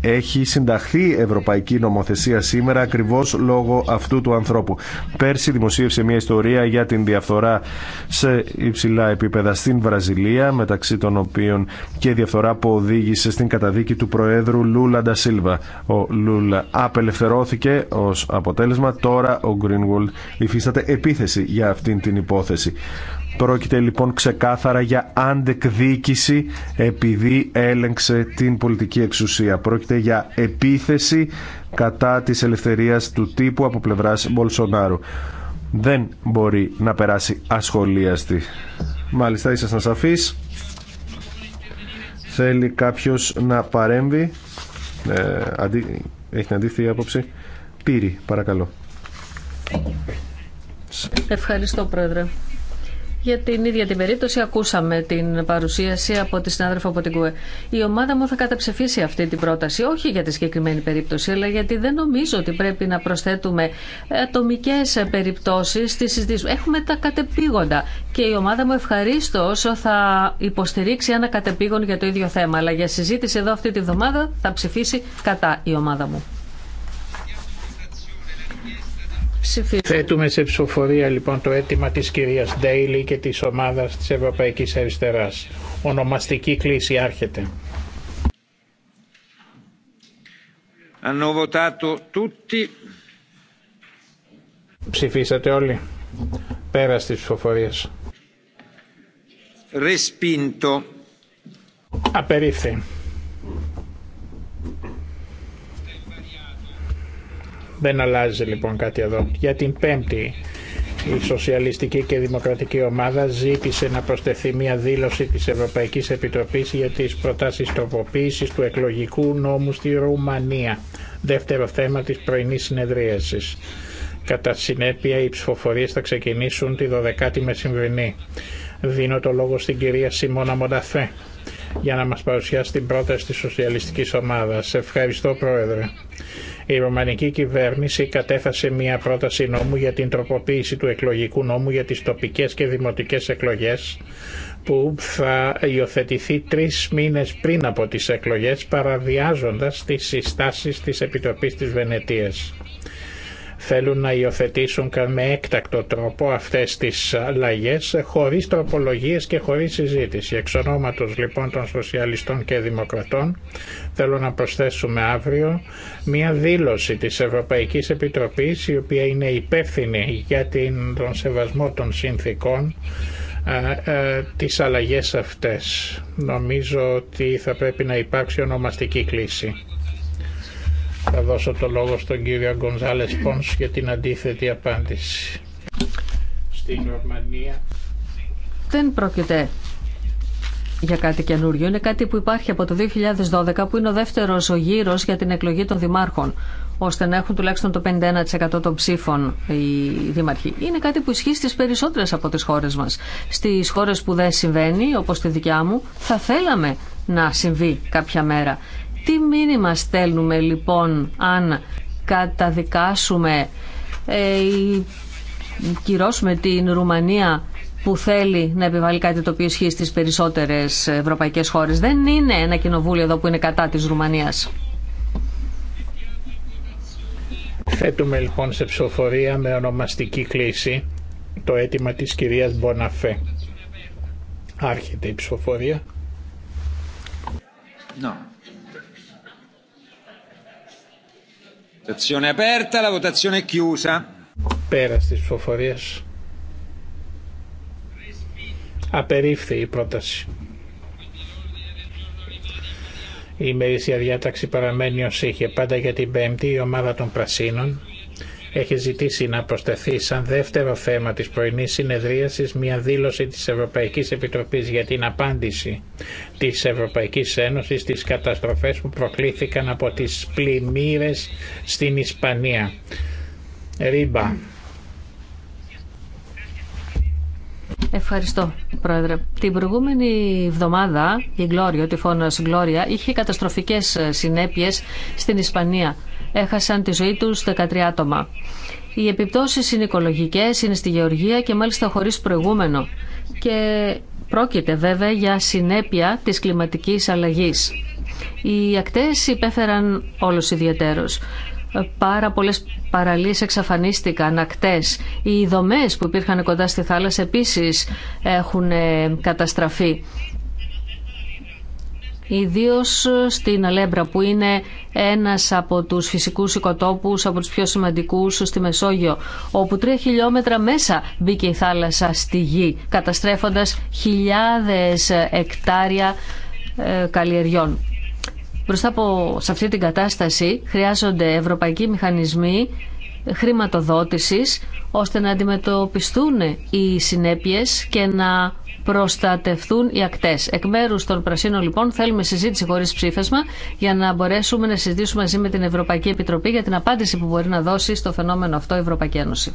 έχει συνταχθεί ευρωπαϊκή νομοθεσία σήμερα ακριβώς λόγω αυτού του ανθρώπου. Πέρσι δημοσίευσε μια ιστορία για την διαφθορά σε υψηλά επίπεδα στην Βραζιλία, μεταξύ των οποίων και διαφθορά που οδήγησε στην καταδίκη του Προέδρου Λούλα Ντασίλβα. Ο Λούλα απελευθερώθηκε ως αποτέλεσμα. Τώρα ο Γκρίνγουλ υφίσταται επίθεση για αυτήν την υπόθεση. Πρόκειται λοιπόν ξεκάθαρα για αντεκδίκηση επειδή έλεγξε την πολιτική εξουσία. Πρόκειται για επίθεση κατά της ελευθερίας του τύπου από πλευράς Μπολσονάρου. Δεν μπορεί να περάσει ασχολίαστη. Μάλιστα ήσασταν σαφείς. Θέλει κάποιος να παρέμβει. Ε, αντί... Έχει την αντίθετη άποψη. Πύρη, παρακαλώ. Ευχαριστώ, Πρόεδρε. Για την ίδια την περίπτωση ακούσαμε την παρουσίαση από τη συνάδελφο από την ΚΟΕ. Η ομάδα μου θα καταψηφίσει αυτή την πρόταση, όχι για τη συγκεκριμένη περίπτωση, αλλά γιατί δεν νομίζω ότι πρέπει να προσθέτουμε ατομικέ περιπτώσει στη συζήτηση. Έχουμε τα κατεπήγοντα και η ομάδα μου ευχαρίστω θα υποστηρίξει ένα κατεπήγον για το ίδιο θέμα. Αλλά για συζήτηση εδώ αυτή τη βδομάδα θα ψηφίσει κατά η ομάδα μου. Ψηφίζουμε. Θέτουμε σε ψηφοφορία λοιπόν το αίτημα της κυρίας Ντέιλι και της ομάδας της Ευρωπαϊκής Αριστεράς. Ονομαστική κλίση άρχεται. Hanno votato Ψηφίσατε όλοι. Πέρα στις ψηφοφορίες. Respinto. Απερίφθη. Δεν αλλάζει λοιπόν κάτι εδώ. Για την πέμπτη η Σοσιαλιστική και Δημοκρατική Ομάδα ζήτησε να προσθεθεί μια δήλωση της Ευρωπαϊκής Επιτροπής για τις προτάσεις τροποποίησης του εκλογικού νόμου στη Ρουμανία. Δεύτερο θέμα της πρωινής συνεδρίασης. Κατά συνέπεια οι ψηφοφορίες θα ξεκινήσουν τη 12η μεσημβρινή. Δίνω το λόγο στην κυρία Σιμώνα Μονταφέ για να μας παρουσιάσει την πρόταση της Σοσιαλιστικής Ομάδας. Ευχαριστώ Πρόεδρε. Η Ρωμανική κυβέρνηση κατέθεσε μια πρόταση νόμου για την τροποποίηση του εκλογικού νόμου για τις τοπικές και δημοτικές εκλογές που θα υιοθετηθεί τρεις μήνες πριν από τις εκλογές παραβιάζοντας τις συστάσεις της Επιτροπής της Βενετίας θέλουν να υιοθετήσουν με έκτακτο τρόπο αυτές τις αλλαγές χωρίς τροπολογίες και χωρίς συζήτηση. Εξ ονόματος λοιπόν των Σοσιαλιστών και Δημοκρατών θέλω να προσθέσουμε αύριο μια δήλωση της Ευρωπαϊκής Επιτροπής η οποία είναι υπεύθυνη για την, τον σεβασμό των συνθήκων τις αλλαγές αυτές. Νομίζω ότι θα πρέπει να υπάρξει ονομαστική κλίση. Θα δώσω το λόγο στον κύριο Γκονζάλες Πόνς για την αντίθετη απάντηση. Στην Ορμανία. Δεν πρόκειται για κάτι καινούριο. Είναι κάτι που υπάρχει από το 2012 που είναι ο δεύτερος ο γύρος για την εκλογή των δημάρχων ώστε να έχουν τουλάχιστον το 51% των ψήφων οι δήμαρχοι. Είναι κάτι που ισχύει στις περισσότερες από τις χώρες μας. Στις χώρες που δεν συμβαίνει, όπως τη δικιά μου, θα θέλαμε να συμβεί κάποια μέρα. Τι μήνυμα στέλνουμε λοιπόν αν καταδικάσουμε ε, ή κυρώσουμε την Ρουμανία που θέλει να επιβάλλει κάτι το οποίο ισχύει στις περισσότερες ευρωπαϊκές χώρες. Δεν είναι ένα κοινοβούλιο εδώ που είναι κατά της Ρουμανίας. Θέτουμε λοιπόν σε ψηφοφορία με ονομαστική κλίση το αίτημα της κυρίας Μποναφέ. Άρχεται η ψηφοφορία. Votazione aperta, la votazione Πέρα στις Απερίφθη η πρόταση. Η ημερήσια διάταξη παραμένει ως είχε πάντα για την Πέμπτη η ομάδα των Πρασίνων έχει ζητήσει να προσθεθεί σαν δεύτερο θέμα της πρωινή συνεδρίασης μια δήλωση της Ευρωπαϊκής Επιτροπής για την απάντηση της Ευρωπαϊκής Ένωσης στις καταστροφές που προκλήθηκαν από τις πλημμύρες στην Ισπανία. Ρίμπα. Ευχαριστώ, Πρόεδρε. Την προηγούμενη εβδομάδα η Γκλώρια, ο φώνας Γκλώρια, είχε καταστροφικές συνέπειες στην Ισπανία έχασαν τη ζωή τους 13 άτομα. Οι επιπτώσεις είναι οικολογικές, είναι στη γεωργία και μάλιστα χωρίς προηγούμενο. Και πρόκειται βέβαια για συνέπεια της κλιματικής αλλαγής. Οι ακτές υπέφεραν όλους ιδιαίτερος. Πάρα πολλέ παραλίες εξαφανίστηκαν, ακτές. Οι δομές που υπήρχαν κοντά στη θάλασσα επίσης έχουν καταστραφεί ιδίως στην Αλέμπρα που είναι ένας από τους φυσικούς οικοτόπους, από τους πιο σημαντικούς στη Μεσόγειο, όπου τρία χιλιόμετρα μέσα μπήκε η θάλασσα στη γη, καταστρέφοντας χιλιάδες εκτάρια ε, καλλιεργιών. Μπροστά από σε αυτή την κατάσταση χρειάζονται ευρωπαϊκοί μηχανισμοί χρηματοδότησης ώστε να αντιμετωπιστούν οι συνέπειες και να προστατευτούν οι ακτέ. Εκ μέρου των Πρασίνων, λοιπόν, θέλουμε συζήτηση χωρί ψήφισμα για να μπορέσουμε να συζητήσουμε μαζί με την Ευρωπαϊκή Επιτροπή για την απάντηση που μπορεί να δώσει στο φαινόμενο αυτό η Ευρωπαϊκή Ένωση.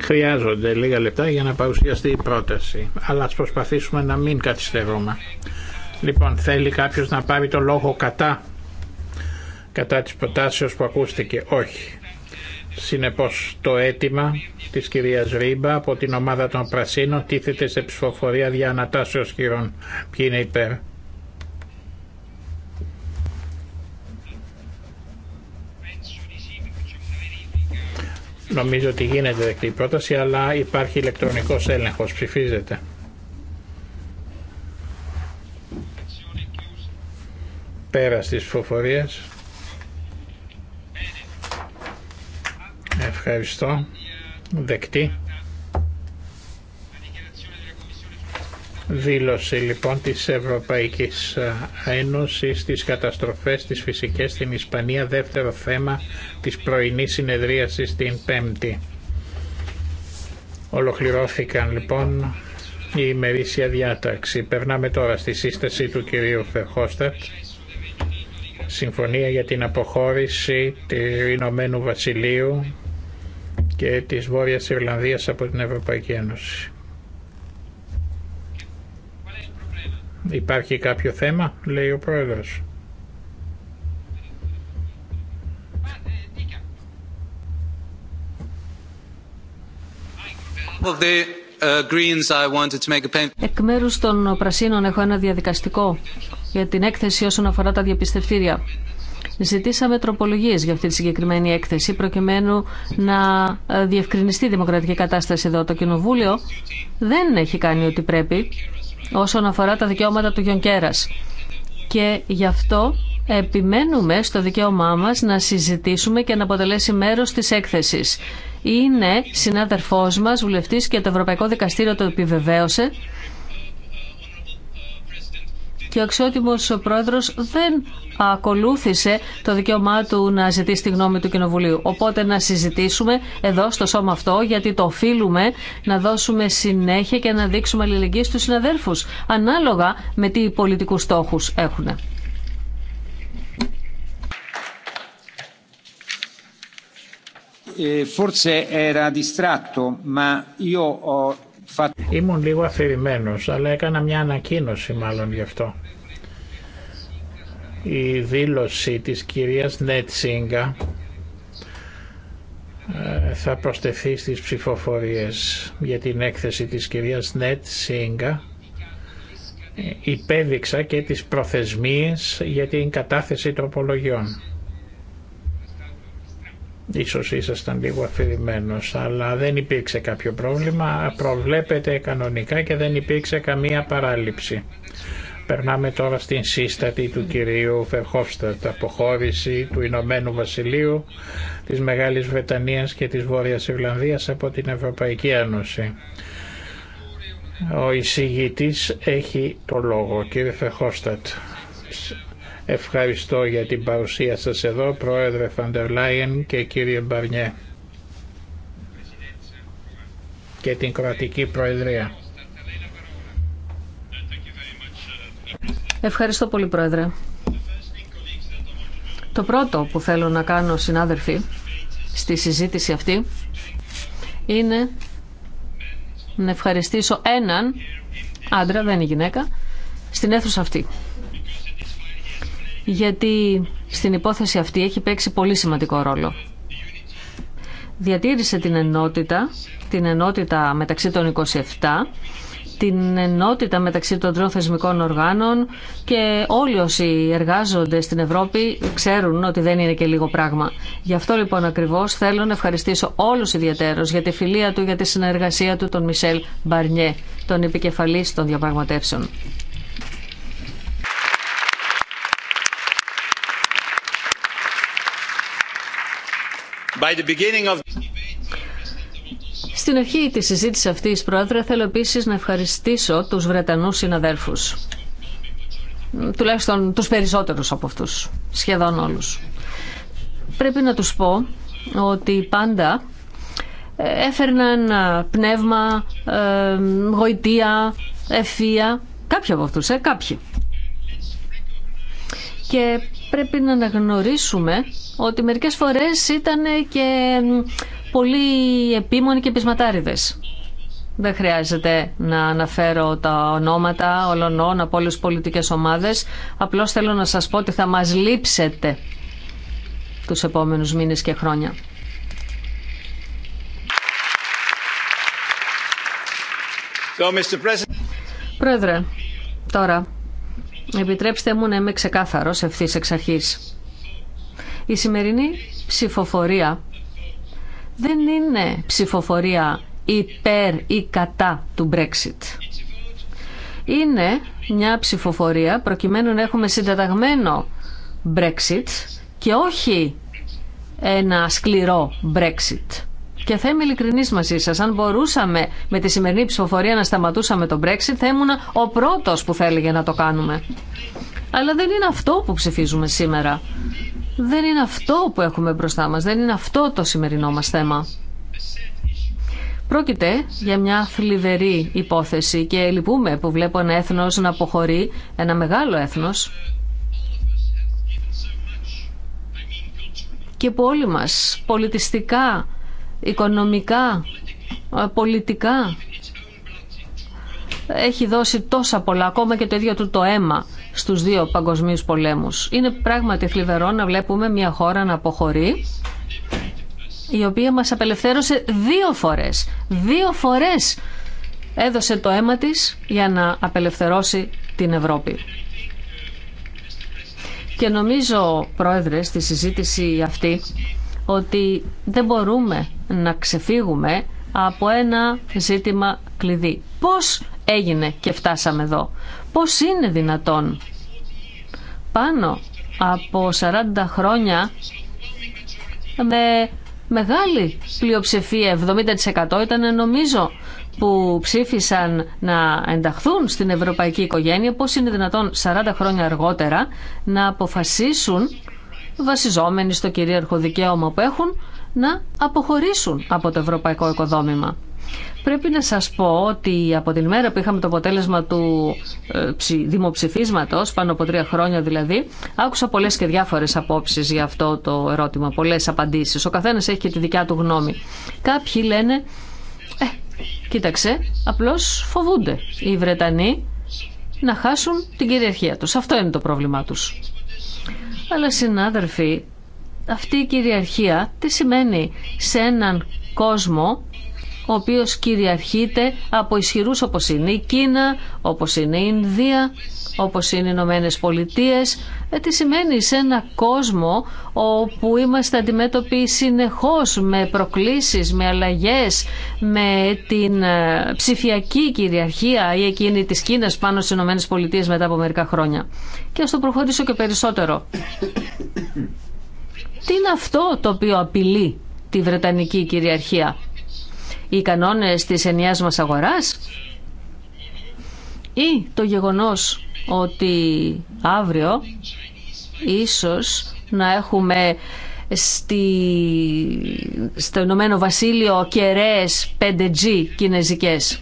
Χρειάζονται λίγα λεπτά για να παρουσιαστεί η πρόταση, αλλά ας προσπαθήσουμε να μην καθυστερούμε. Λοιπόν, θέλει κάποιος να πάρει το λόγο κατά, κατά της προτάσεως που ακούστηκε. Όχι. Συνεπώς το αίτημα της κυρίας Ρίμπα από την ομάδα των Πρασίνων τίθεται σε ψηφοφορία δια ανατάσσεως χειρών. Ποιοι είναι υπέρ. Νομίζω ότι γίνεται δεκτή η πρόταση, αλλά υπάρχει ηλεκτρονικός έλεγχος, ψηφίζεται. Πέρα στις ψηφοφορίες. Ευχαριστώ. Δεκτή. Δήλωση λοιπόν της Ευρωπαϊκής ε, Ένωσης στις καταστροφές της φυσικές στην Ισπανία, δεύτερο θέμα της πρωινής συνεδρίασης την Πέμπτη. Ολοκληρώθηκαν λοιπόν η ημερήσια διάταξη. Περνάμε τώρα στη σύσταση του κυρίου Φερχώστατ. Συμφωνία για την αποχώρηση του Ηνωμένου Βασιλείου και της Βόρειας Ιρλανδίας από την Ευρωπαϊκή Ένωση. Υπάρχει κάποιο θέμα, λέει ο Πρόεδρος. Uh, Εκ μέρους των Πρασίνων έχω ένα διαδικαστικό για την έκθεση όσον αφορά τα διαπιστευτήρια. Ζητήσαμε τροπολογίε για αυτή τη συγκεκριμένη έκθεση προκειμένου να ε, διευκρινιστεί η δημοκρατική κατάσταση εδώ. Το Κοινοβούλιο δεν έχει κάνει ό,τι πρέπει όσον αφορά τα δικαιώματα του Γιονκέρα. Και γι' αυτό επιμένουμε στο δικαίωμά μας να συζητήσουμε και να αποτελέσει μέρος της έκθεση. Είναι συνάδελφό μα βουλευτής και το Ευρωπαϊκό Δικαστήριο το επιβεβαίωσε και ο αξιότιμος πρόεδρος δεν ακολούθησε το δικαίωμά του να ζητήσει τη γνώμη του Κοινοβουλίου. Οπότε να συζητήσουμε εδώ στο σώμα αυτό γιατί το οφείλουμε να δώσουμε συνέχεια και να δείξουμε αλληλεγγύη στους συναδέρφους ανάλογα με τι πολιτικούς στόχους έχουν. forse ε, Ήμουν λίγο αφηρημένος, αλλά έκανα μια ανακοίνωση μάλλον γι' αυτό. Η δήλωση της κυρίας Νέτσίγκα ε, θα προσθεθεί στις ψηφοφορίες για την έκθεση της κυρίας Νέτσίγκα ε, υπέδειξα και τις προθεσμίες για την κατάθεση τροπολογιών. Ίσως ήσασταν λίγο αφηρημένος, αλλά δεν υπήρξε κάποιο πρόβλημα, προβλέπεται κανονικά και δεν υπήρξε καμία παράληψη. Περνάμε τώρα στην σύστατη του κυρίου Φερχόφστατ, αποχώρηση του Ηνωμένου Βασιλείου, της Μεγάλης Βρετανίας και της Βόρειας Ιρλανδίας από την Ευρωπαϊκή Ένωση. Ο εισηγητής έχει το λόγο, κύριε Φερχόφστατ. Ευχαριστώ για την παρουσία σας εδώ, Πρόεδρε Φαντερ και κύριε Μπαρνιέ και την κρατική Προεδρία. Ευχαριστώ πολύ, Πρόεδρε. Το πρώτο που θέλω να κάνω, συνάδελφοι, στη συζήτηση αυτή, είναι να ευχαριστήσω έναν άντρα, δεν είναι γυναίκα, στην αίθουσα αυτή γιατί στην υπόθεση αυτή έχει παίξει πολύ σημαντικό ρόλο. Διατήρησε την ενότητα, την ενότητα μεταξύ των 27, την ενότητα μεταξύ των τριών θεσμικών οργάνων και όλοι όσοι εργάζονται στην Ευρώπη ξέρουν ότι δεν είναι και λίγο πράγμα. Γι' αυτό λοιπόν ακριβώς θέλω να ευχαριστήσω όλους ιδιαίτερως για τη φιλία του, για τη συνεργασία του τον Μισελ Μπαρνιέ, τον επικεφαλής των διαπραγματεύσεων. Στην αρχή της συζήτησης αυτής, Πρόεδρε, θέλω επίσης να ευχαριστήσω τους Βρετανούς συναδέλφους. Τουλάχιστον τους περισσότερους από αυτούς, σχεδόν όλους. Πρέπει να τους πω ότι πάντα ε, έφερναν ε, πνεύμα, ε, γοητεία, ευφία, κάποιοι από αυτούς, κάποιοι. Και πρέπει να αναγνωρίσουμε ότι μερικές φορές ήταν και πολύ επίμονοι και πεισματάριδες. Δεν χρειάζεται να αναφέρω τα ονόματα όλων από όλες τις πολιτικές ομάδες. Απλώς θέλω να σας πω ότι θα μας λείψετε τους επόμενους μήνες και χρόνια. Πρόεδρε, τώρα Επιτρέψτε μου να είμαι ξεκάθαρο ευθύ εξ αρχή. Η σημερινή ψηφοφορία δεν είναι ψηφοφορία υπέρ ή κατά του Brexit. Είναι μια ψηφοφορία προκειμένου να έχουμε συνταγμένο Brexit και όχι ένα σκληρό Brexit. Και θα είμαι ειλικρινή μαζί σα. Αν μπορούσαμε με τη σημερινή ψηφοφορία να σταματούσαμε τον Brexit, θα ήμουν ο πρώτο που θα έλεγε να το κάνουμε. Αλλά δεν είναι αυτό που ψηφίζουμε σήμερα. Δεν είναι αυτό που έχουμε μπροστά μας. Δεν είναι αυτό το σημερινό μας θέμα. Πρόκειται για μια θλιβερή υπόθεση και λυπούμε που βλέπω ένα έθνος να αποχωρεί, ένα μεγάλο έθνος. Και που όλοι μας πολιτιστικά οικονομικά, ε, πολιτικά. Έχει δώσει τόσα πολλά, ακόμα και το ίδιο του το αίμα στους δύο παγκοσμίους πολέμους. Είναι πράγματι θλιβερό να βλέπουμε μια χώρα να αποχωρεί η οποία μας απελευθέρωσε δύο φορές. Δύο φορές έδωσε το αίμα της για να απελευθερώσει την Ευρώπη. Και νομίζω, Πρόεδρε, στη συζήτηση αυτή ότι δεν μπορούμε να ξεφύγουμε από ένα ζήτημα κλειδί. Πώς έγινε και φτάσαμε εδώ. Πώς είναι δυνατόν πάνω από 40 χρόνια με μεγάλη πλειοψηφία, 70% ήταν νομίζω, που ψήφισαν να ενταχθούν στην ευρωπαϊκή οικογένεια, πώς είναι δυνατόν 40 χρόνια αργότερα να αποφασίσουν, βασιζόμενοι στο κυρίαρχο δικαίωμα που έχουν, να αποχωρήσουν από το ευρωπαϊκό οικοδόμημα. Πρέπει να σας πω ότι από την μέρα που είχαμε το αποτέλεσμα του ε, δημοψηφίσματος, πάνω από τρία χρόνια δηλαδή, άκουσα πολλές και διάφορες απόψεις για αυτό το ερώτημα, πολλές απαντήσεις. Ο καθένας έχει και τη δικιά του γνώμη. Κάποιοι λένε, ε, κοίταξε, απλώς φοβούνται οι Βρετανοί να χάσουν την κυριαρχία τους. Αυτό είναι το πρόβλημά τους. Αλλά συνάδελφοι, αυτή η κυριαρχία τι σημαίνει σε έναν κόσμο ο οποίος κυριαρχείται από ισχυρούς όπως είναι η Κίνα, όπως είναι η Ινδία, όπως είναι οι Ηνωμένε Πολιτείε. Ε, τι σημαίνει σε ένα κόσμο όπου είμαστε αντιμέτωποι συνεχώς με προκλήσεις, με αλλαγές, με την ε, ψηφιακή κυριαρχία ή εκείνη της Κίνας πάνω στις Ηνωμένε Πολιτείε μετά από μερικά χρόνια. Και ας το προχωρήσω και περισσότερο. Τι είναι αυτό το οποίο απειλεί τη Βρετανική κυριαρχία. Οι κανόνες της ενιαίας μας αγοράς ή το γεγονός ότι αύριο ίσως να έχουμε στη, στο Ηνωμένο Βασίλειο κεραίες 5G κινέζικες.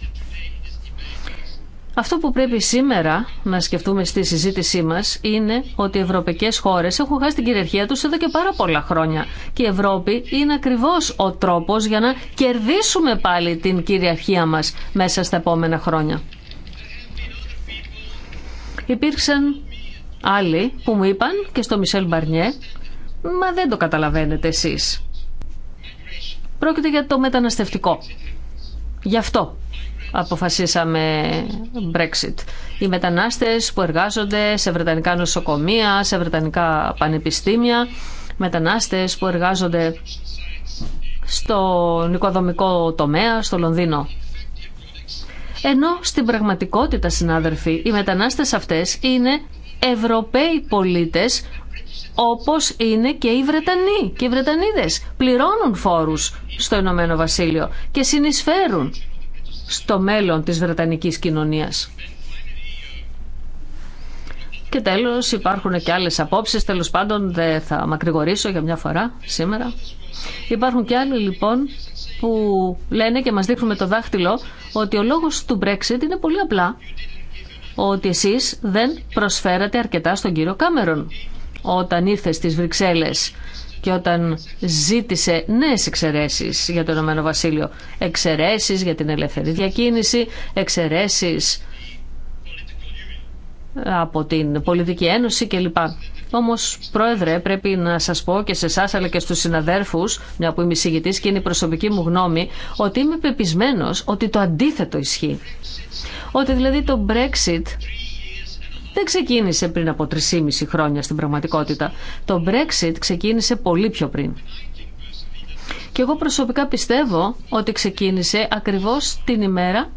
Αυτό που πρέπει σήμερα να σκεφτούμε στη συζήτησή μας είναι ότι οι ευρωπαϊκές χώρες έχουν χάσει την κυριαρχία τους εδώ και πάρα πολλά χρόνια. Και η Ευρώπη είναι ακριβώς ο τρόπος για να κερδίσουμε πάλι την κυριαρχία μας μέσα στα επόμενα χρόνια. Υπήρξαν άλλοι που μου είπαν και στο Μισελ Μπαρνιέ, μα δεν το καταλαβαίνετε εσείς. Πρόκειται για το μεταναστευτικό. Γι' αυτό αποφασίσαμε Brexit. Οι μετανάστες που εργάζονται σε βρετανικά νοσοκομεία, σε βρετανικά πανεπιστήμια, μετανάστες που εργάζονται στο νοικοδομικό τομέα, στο Λονδίνο. Ενώ στην πραγματικότητα, συνάδελφοι, οι μετανάστες αυτές είναι Ευρωπαίοι πολίτες όπως είναι και οι Βρετανοί και οι Βρετανίδες. Πληρώνουν φόρους στο Ηνωμένο Βασίλειο και συνεισφέρουν στο μέλλον της Βρετανικής κοινωνίας. Και τέλος υπάρχουν και άλλες απόψεις, τέλος πάντων δεν θα μακρηγορήσω για μια φορά σήμερα. Υπάρχουν και άλλοι λοιπόν που λένε και μας δείχνουν με το δάχτυλο ότι ο λόγος του Brexit είναι πολύ απλά ότι εσείς δεν προσφέρατε αρκετά στον κύριο Κάμερον όταν ήρθε στις Βρυξέλλες και όταν ζήτησε νέε εξαιρέσει για το Ηνωμένο Βασίλειο. Εξαιρέσει για την ελεύθερη διακίνηση, εξαιρέσει από την Πολιτική Ένωση κλπ. Όμω, Πρόεδρε, πρέπει να σα πω και σε εσά αλλά και στου συναδέρφου, μια που είμαι εισηγητή και είναι η προσωπική μου γνώμη, ότι είμαι πεπισμένο ότι το αντίθετο ισχύει. Ότι δηλαδή το Brexit δεν ξεκίνησε πριν από 3,5 χρόνια στην πραγματικότητα. Το Brexit ξεκίνησε πολύ πιο πριν. Και εγώ προσωπικά πιστεύω ότι ξεκίνησε ακριβώς την ημέρα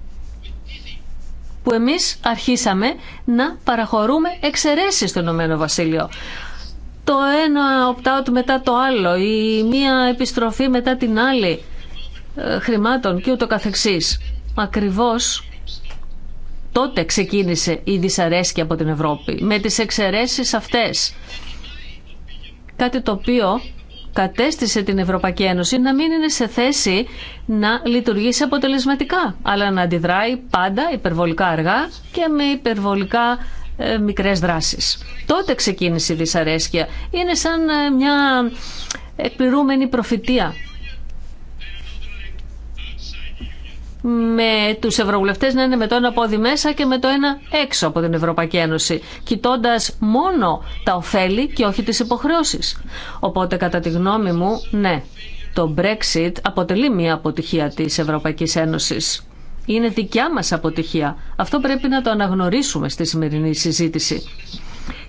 που εμείς αρχίσαμε να παραχωρούμε εξαιρέσεις στο Ηνωμένο Βασίλειο. Το ένα opt-out μετά το άλλο ή μία επιστροφή μετά την άλλη ε, χρημάτων και ούτω καθεξής. Ακριβώς Τότε ξεκίνησε η δυσαρέσκεια από την Ευρώπη, με τις εξαιρέσεις αυτές. Κάτι το οποίο κατέστησε την Ευρωπαϊκή Ένωση να μην είναι σε θέση να λειτουργήσει αποτελεσματικά, αλλά να αντιδράει πάντα υπερβολικά αργά και με υπερβολικά ε, μικρές δράσεις. Τότε ξεκίνησε η δυσαρέσκεια. Είναι σαν ε, μια εκπληρούμενη προφητεία με τους ευρωβουλευτές να είναι με το ένα πόδι μέσα και με το ένα έξω από την Ευρωπαϊκή Ένωση, κοιτώντας μόνο τα ωφέλη και όχι τις υποχρεώσεις. Οπότε κατά τη γνώμη μου, ναι, το Brexit αποτελεί μια αποτυχία της Ευρωπαϊκής Ένωσης. Είναι δικιά μας αποτυχία. Αυτό πρέπει να το αναγνωρίσουμε στη σημερινή συζήτηση.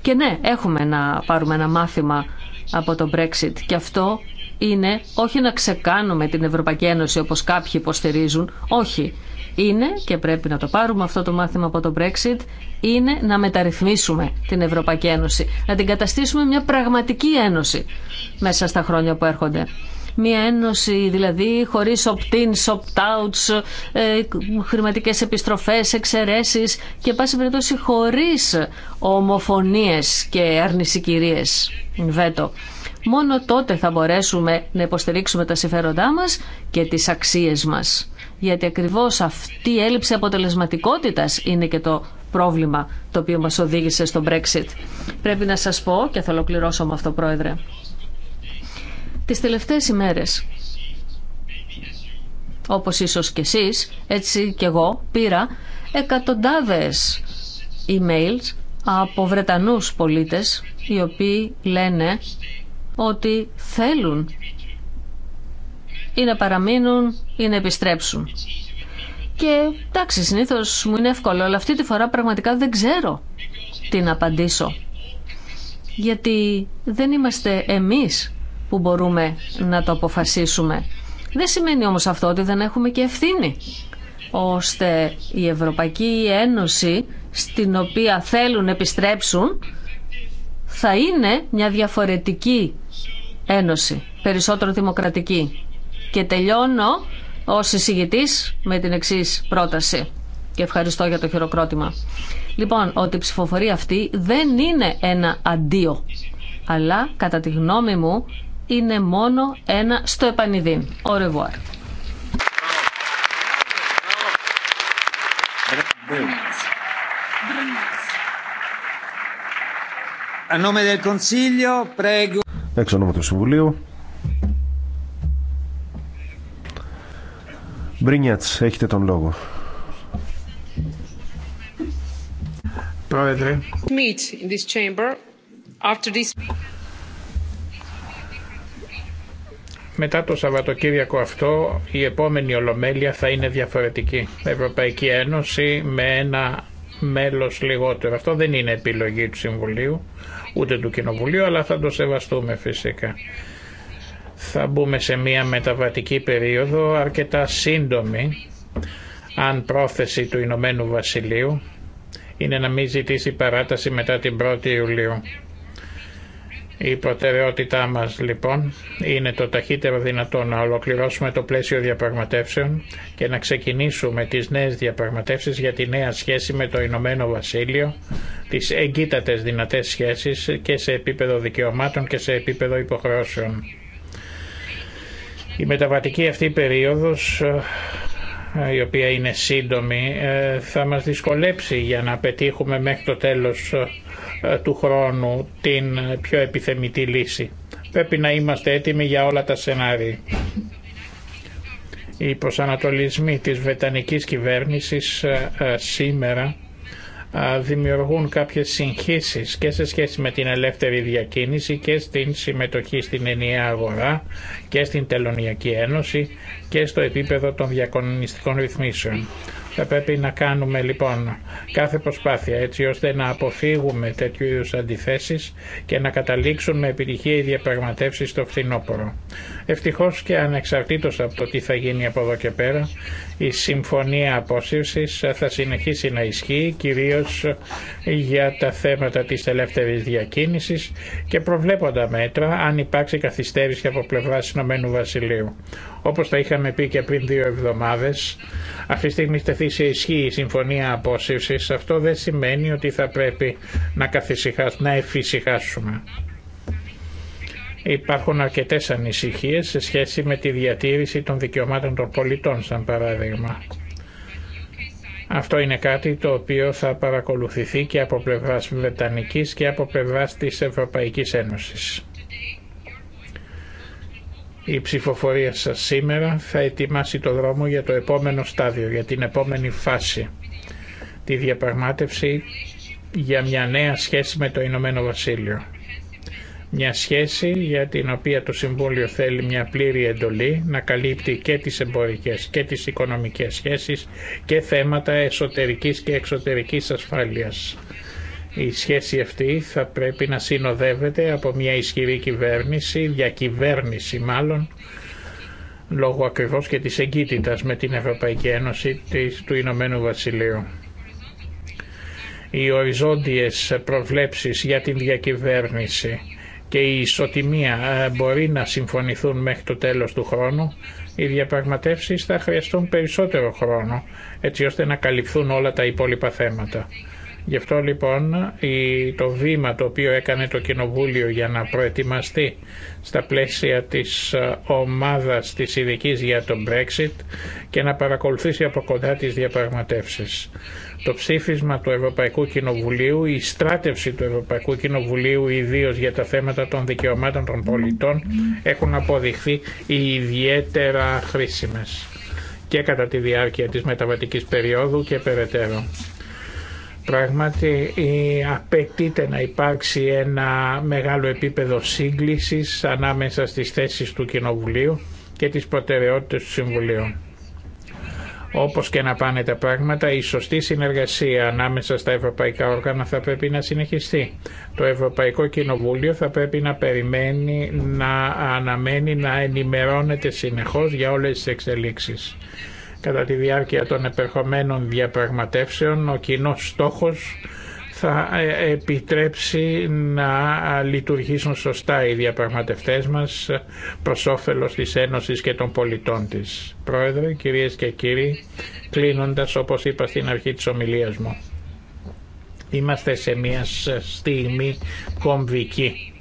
Και ναι, έχουμε να πάρουμε ένα μάθημα από το Brexit και αυτό είναι όχι να ξεκάνουμε την Ευρωπαϊκή Ένωση όπως κάποιοι υποστηρίζουν, όχι. Είναι, και πρέπει να το πάρουμε αυτό το μάθημα από το Brexit, είναι να μεταρρυθμίσουμε την Ευρωπαϊκή Ένωση. Να την καταστήσουμε μια πραγματική ένωση μέσα στα χρόνια που έρχονται. Μια ένωση δηλαδή χωρίς opt-ins, opt-outs, ε, χρηματικές επιστροφές, εξαιρέσεις και πάση περιπτώσει χωρίς ομοφωνίες και αρνησικυρίες. Βέτο. Μόνο τότε θα μπορέσουμε να υποστηρίξουμε τα συμφέροντά μας και τις αξίες μας. Γιατί ακριβώς αυτή η έλλειψη αποτελεσματικότητας είναι και το πρόβλημα το οποίο μας οδήγησε στο Brexit. Πρέπει να σας πω, και θα ολοκληρώσω με αυτό πρόεδρε, τις τελευταίες ημέρες όπως ίσως και εσείς, έτσι και εγώ πήρα εκατοντάδες emails από Βρετανούς πολίτες οι οποίοι λένε ότι θέλουν ή να παραμείνουν ή να επιστρέψουν. Και εντάξει, συνήθω μου είναι εύκολο, αλλά αυτή τη φορά πραγματικά δεν ξέρω τι να απαντήσω. Γιατί δεν είμαστε εμείς που μπορούμε να το αποφασίσουμε. Δεν σημαίνει όμως αυτό ότι δεν έχουμε και ευθύνη ώστε η Ευρωπαϊκή Ένωση στην οποία θέλουν επιστρέψουν θα είναι μια διαφορετική ένωση, περισσότερο δημοκρατική. Και τελειώνω ως εισηγητής με την εξή πρόταση και ευχαριστώ για το χειροκρότημα. Λοιπόν, ότι η ψηφοφορία αυτή δεν είναι ένα αντίο, αλλά κατά τη γνώμη μου είναι μόνο ένα στο επανειδήν. Au Εξ ονόμα του Συμβουλίου. Μπρίνιατς, έχετε τον λόγο. Πρόεδρε. Μετά το Σαββατοκύριακο αυτό η επόμενη Ολομέλεια θα είναι διαφορετική. Ευρωπαϊκή Ένωση με ένα μέλος λιγότερο. Αυτό δεν είναι επιλογή του Συμβουλίου, ούτε του Κοινοβουλίου, αλλά θα το σεβαστούμε φυσικά. Θα μπούμε σε μια μεταβατική περίοδο αρκετά σύντομη, αν πρόθεση του Ηνωμένου Βασιλείου είναι να μην ζητήσει παράταση μετά την 1η Ιουλίου. Η προτεραιότητά μας λοιπόν είναι το ταχύτερο δυνατό να ολοκληρώσουμε το πλαίσιο διαπραγματεύσεων και να ξεκινήσουμε τις νέες διαπραγματεύσεις για τη νέα σχέση με το Ηνωμένο Βασίλειο, τις εγκύτατες δυνατές σχέσεις και σε επίπεδο δικαιωμάτων και σε επίπεδο υποχρεώσεων. Η μεταβατική αυτή περίοδος η οποία είναι σύντομη ε, θα μας δυσκολέψει για να πετύχουμε μέχρι το τέλος ε, ε, του χρόνου την ε, πιο επιθεμητή λύση. Πρέπει να είμαστε έτοιμοι για όλα τα σενάρια. Οι προσανατολισμοί της Βετανικής κυβέρνησης ε, σήμερα δημιουργούν κάποιες συγχύσεις και σε σχέση με την ελεύθερη διακίνηση και στην συμμετοχή στην ενιαία αγορά και στην τελωνιακή ένωση και στο επίπεδο των διακονιστικών ρυθμίσεων. Θα πρέπει να κάνουμε λοιπόν κάθε προσπάθεια έτσι ώστε να αποφύγουμε τέτοιου είδους αντιθέσεις και να καταλήξουν με επιτυχία οι διαπραγματεύσεις στο φθινόπωρο. Ευτυχώς και ανεξαρτήτως από το τι θα γίνει από εδώ και πέρα, η συμφωνία απόσυρσης θα συνεχίσει να ισχύει κυρίως για τα θέματα της ελεύθερης διακίνησης και προβλέποντα μέτρα αν υπάρξει καθυστέρηση από πλευρά Ηνωμένου Βασιλείου. Όπως τα είχαμε πει και πριν δύο εβδομάδες, αυτή τη στιγμή στεθεί σε ισχύ η συμφωνία απόσυρσης. Αυτό δεν σημαίνει ότι θα πρέπει να, να εφησυχάσουμε. Υπάρχουν αρκετέ ανησυχίε σε σχέση με τη διατήρηση των δικαιωμάτων των πολιτών, σαν παράδειγμα. Αυτό είναι κάτι το οποίο θα παρακολουθηθεί και από πλευρά βρετανική και από πλευρά τη Ευρωπαϊκή Ένωση. Η ψηφοφορία σας σήμερα θα ετοιμάσει το δρόμο για το επόμενο στάδιο, για την επόμενη φάση, τη διαπραγμάτευση για μια νέα σχέση με το Ηνωμένο Βασίλειο μια σχέση για την οποία το Συμβούλιο θέλει μια πλήρη εντολή να καλύπτει και τις εμπορικές και τις οικονομικές σχέσεις και θέματα εσωτερικής και εξωτερικής ασφάλειας. Η σχέση αυτή θα πρέπει να συνοδεύεται από μια ισχυρή κυβέρνηση, διακυβέρνηση μάλλον, λόγω ακριβώς και της εγκύτητας με την Ευρωπαϊκή Ένωση της, του Ηνωμένου Βασιλείου. Οι οριζόντιες προβλέψεις για την διακυβέρνηση και η ισοτιμία ε, μπορεί να συμφωνηθούν μέχρι το τέλος του χρόνου, οι διαπραγματεύσεις θα χρειαστούν περισσότερο χρόνο έτσι ώστε να καλυφθούν όλα τα υπόλοιπα θέματα. Γι' αυτό λοιπόν το βήμα το οποίο έκανε το Κοινοβούλιο για να προετοιμαστεί στα πλαίσια της ε, ομάδας της ειδική για τον Brexit και να παρακολουθήσει από κοντά τις διαπραγματεύσεις. Το ψήφισμα του Ευρωπαϊκού Κοινοβουλίου, η στράτευση του Ευρωπαϊκού Κοινοβουλίου ιδίω για τα θέματα των δικαιωμάτων των πολιτών έχουν αποδειχθεί ιδιαίτερα χρήσιμες και κατά τη διάρκεια της μεταβατικής περίοδου και περαιτέρω. Πράγματι απαιτείται να υπάρξει ένα μεγάλο επίπεδο σύγκλησης ανάμεσα στις θέσεις του Κοινοβουλίου και τις προτεραιότητες του Συμβουλίου. Όπως και να πάνε τα πράγματα, η σωστή συνεργασία ανάμεσα στα ευρωπαϊκά όργανα θα πρέπει να συνεχιστεί. Το Ευρωπαϊκό Κοινοβούλιο θα πρέπει να περιμένει, να αναμένει, να ενημερώνεται συνεχώς για όλες τις εξελίξεις. Κατά τη διάρκεια των επερχομένων διαπραγματεύσεων ο κοινό στόχος θα ε, επιτρέψει να λειτουργήσουν σωστά οι διαπραγματευτές μας ε, προς όφελος της Ένωσης και των πολιτών της. Πρόεδρε, κυρίες και κύριοι, κλείνοντας όπως είπα στην αρχή της ομιλίας μου, είμαστε σε μια στιγμή κομβική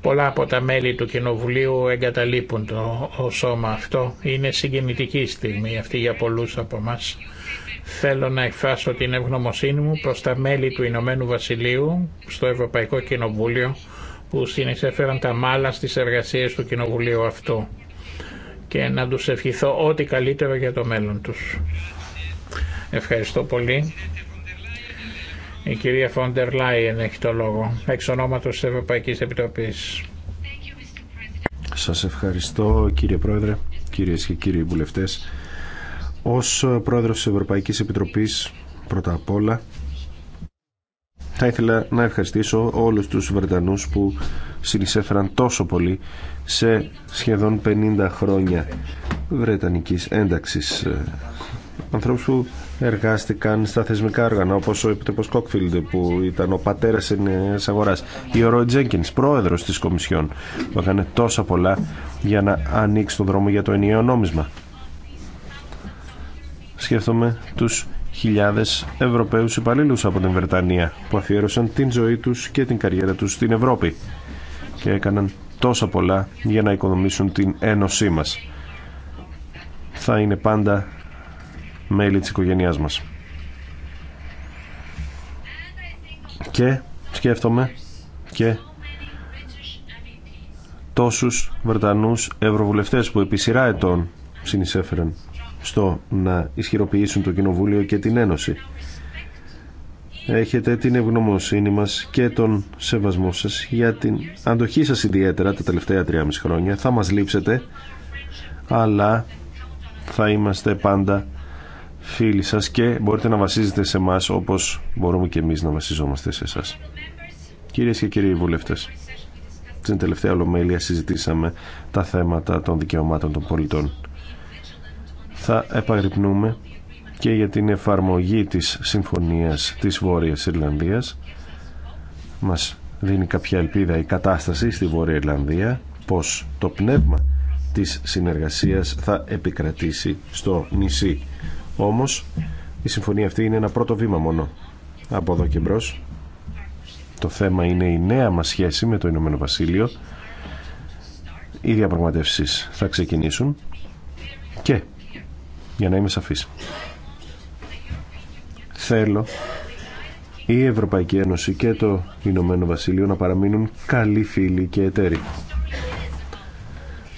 Πολλά από τα μέλη του Κοινοβουλίου εγκαταλείπουν το σώμα αυτό. Είναι συγκινητική στιγμή αυτή για πολλούς από εμά. Θέλω να εκφράσω την ευγνωμοσύνη μου προς τα μέλη του Ηνωμένου Βασιλείου στο Ευρωπαϊκό Κοινοβούλιο που συνεισέφεραν τα μάλα στις εργασίες του Κοινοβουλίου αυτού και να τους ευχηθώ ό,τι καλύτερο για το μέλλον τους. Ευχαριστώ πολύ. Η κυρία Φόντερ Λάιεν έχει το λόγο, εξ ονόματος της Ευρωπαϊκής Επιτροπής. Σας ευχαριστώ κύριε Πρόεδρε, κυρίες και κύριοι βουλευτές. Ως Πρόεδρος της Ευρωπαϊκής Επιτροπής, πρώτα απ' όλα, θα ήθελα να ευχαριστήσω όλους τους Βρετανούς που συνεισέφεραν τόσο πολύ σε σχεδόν 50 χρόνια Βρετανικής ένταξης. ανθρώπου που εργάστηκαν στα θεσμικά όργανα, όπω ο Επιτροπό Κόκφιλντ που ήταν ο πατέρα τη αγορά, ή ο Ρόι Τζέγκιν, πρόεδρο τη Κομισιόν, που έκανε τόσα πολλά για να ανοίξει τον δρόμο για το ενιαίο νόμισμα. Σκέφτομαι του χιλιάδε Ευρωπαίου υπαλλήλου από την Βρετανία που αφιέρωσαν την ζωή του και την καριέρα του στην Ευρώπη και έκαναν τόσα πολλά για να οικοδομήσουν την ένωσή μας. Θα είναι πάντα μέλη της οικογένειάς μας. Και σκέφτομαι και τόσους Βρετανούς ευρωβουλευτές που επί σειρά ετών συνεισέφεραν στο να ισχυροποιήσουν το Κοινοβούλιο και την Ένωση. Έχετε την ευγνωμοσύνη μας και τον σεβασμό σας για την αντοχή σας ιδιαίτερα τα τελευταία 3,5 χρόνια. Θα μας λείψετε, αλλά θα είμαστε πάντα φίλοι σας και μπορείτε να βασίζετε σε εμά όπως μπορούμε και εμείς να βασιζόμαστε σε εσά. Κυρίες και κύριοι βουλευτές, στην τελευταία ολομέλεια συζητήσαμε τα θέματα των δικαιωμάτων των πολιτών. Θα επαγρυπνούμε και για την εφαρμογή της Συμφωνίας της Βόρειας Ιρλανδίας. Μας δίνει κάποια ελπίδα η κατάσταση στη Βόρεια Ιρλανδία, πως το πνεύμα της συνεργασίας θα επικρατήσει στο νησί. Όμως η συμφωνία αυτή είναι ένα πρώτο βήμα μόνο. Από εδώ και μπρο. το θέμα είναι η νέα μα σχέση με το Ηνωμένο Βασίλειο. Οι διαπραγματεύσει θα ξεκινήσουν και για να είμαι σαφής. Θέλω η Ευρωπαϊκή Ένωση και το Ηνωμένο Βασίλειο να παραμείνουν καλοί φίλοι και εταίροι.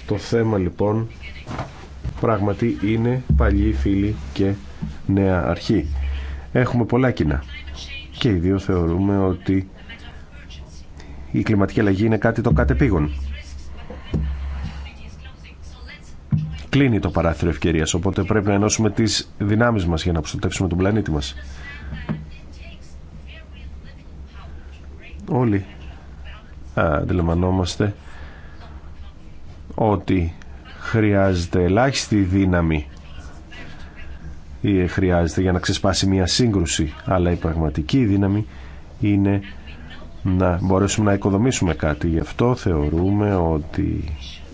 Το θέμα λοιπόν πράγματι είναι παλιοί φίλοι και νέα αρχή. Έχουμε πολλά κοινά και οι δύο θεωρούμε ότι η κλιματική αλλαγή είναι κάτι το κατεπήγον. Κλείνει το παράθυρο ευκαιρία, οπότε πρέπει να ενώσουμε τι δυνάμει μα για να προστατεύσουμε τον πλανήτη μα. Όλοι αντιλαμβανόμαστε ότι χρειάζεται ελάχιστη δύναμη ή χρειάζεται για να ξεσπάσει μια σύγκρουση αλλά η πραγματική δύναμη είναι να μπορέσουμε να οικοδομήσουμε κάτι γι' αυτό θεωρούμε ότι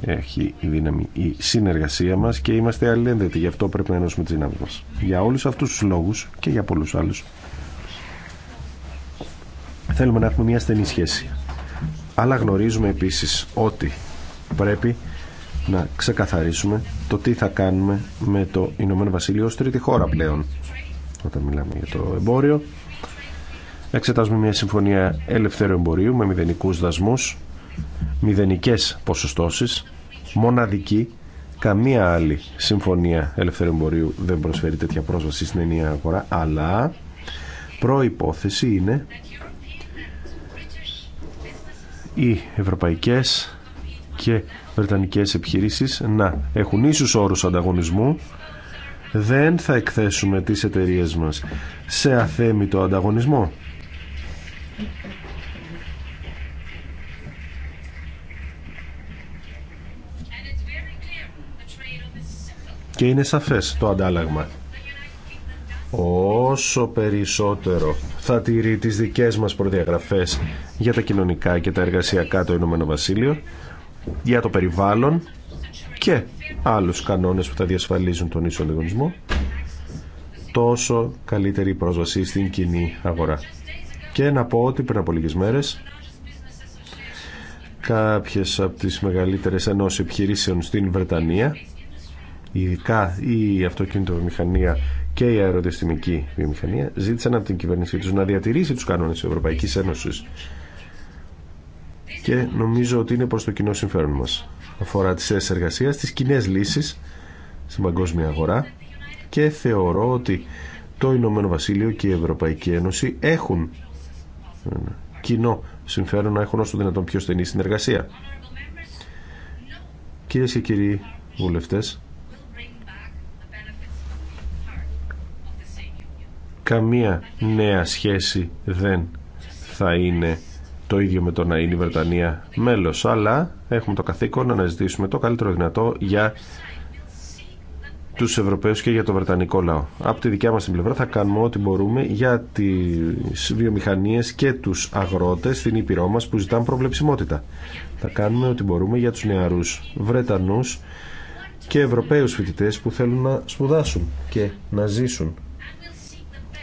έχει δύναμη η συνεργασία μας και είμαστε αλληλένδετοι γι' αυτό πρέπει να ενώσουμε τις δυνάμεις μας για όλους αυτούς τους λόγους και για πολλούς άλλους θέλουμε να έχουμε μια στενή σχέση αλλά γνωρίζουμε επίσης ότι πρέπει να ξεκαθαρίσουμε το τι θα κάνουμε με το Ηνωμένο Βασίλειο ως τρίτη χώρα πλέον όταν μιλάμε για το εμπόριο. Εξετάζουμε μια συμφωνία ελευθέρου εμπορίου με μηδενικούς δασμούς, μηδενικές ποσοστώσεις, μοναδική. Καμία άλλη συμφωνία ελευθερού εμπορίου δεν προσφέρει τέτοια πρόσβαση στην ενιαία αγορά, αλλά προϋπόθεση είναι οι ευρωπαϊκές και Βρετανικέ επιχειρήσεις να έχουν ίσους όρους ανταγωνισμού δεν θα εκθέσουμε τις εταιρείε μας σε αθέμητο ανταγωνισμό. Και είναι σαφές το αντάλλαγμα. Όσο περισσότερο θα τηρεί τις δικές μας προδιαγραφές για τα κοινωνικά και τα εργασιακά το Ηνωμένο Βασίλειο, για το περιβάλλον και άλλους κανόνες που θα διασφαλίζουν τον ίσο τόσο καλύτερη η πρόσβαση στην κοινή αγορά. Και να πω ότι πριν από λίγες μέρες κάποιες από τις μεγαλύτερες ενώσεις επιχειρήσεων στην Βρετανία ειδικά η αυτοκινητοβιομηχανία και η αεροδιαστημική βιομηχανία ζήτησαν από την κυβέρνησή τους να διατηρήσει τους κανόνες της Ευρωπαϊκής Ένωσης και νομίζω ότι είναι προς το κοινό συμφέρον μας. Αφορά τις θέσεις εργασίας, τις κοινέ λύσεις στην παγκόσμια αγορά και θεωρώ ότι το Ηνωμένο Βασίλειο και η Ευρωπαϊκή Ένωση έχουν ε, κοινό συμφέρον να έχουν όσο δυνατόν πιο στενή συνεργασία. Κυρίες και κύριοι βουλευτές, καμία νέα σχέση δεν θα είναι το ίδιο με το να είναι η Βρετανία μέλος, αλλά έχουμε το καθήκον να αναζητήσουμε το καλύτερο δυνατό για τους Ευρωπαίους και για το Βρετανικό λαό. Από τη δικιά μας την πλευρά θα κάνουμε ό,τι μπορούμε για τις βιομηχανίε και τους αγρότες στην Ήπειρό μα που ζητάν προβλεψιμότητα. Θα κάνουμε ό,τι μπορούμε για τους νεαρούς βρετανού και Ευρωπαίους φοιτητέ που θέλουν να σπουδάσουν και να ζήσουν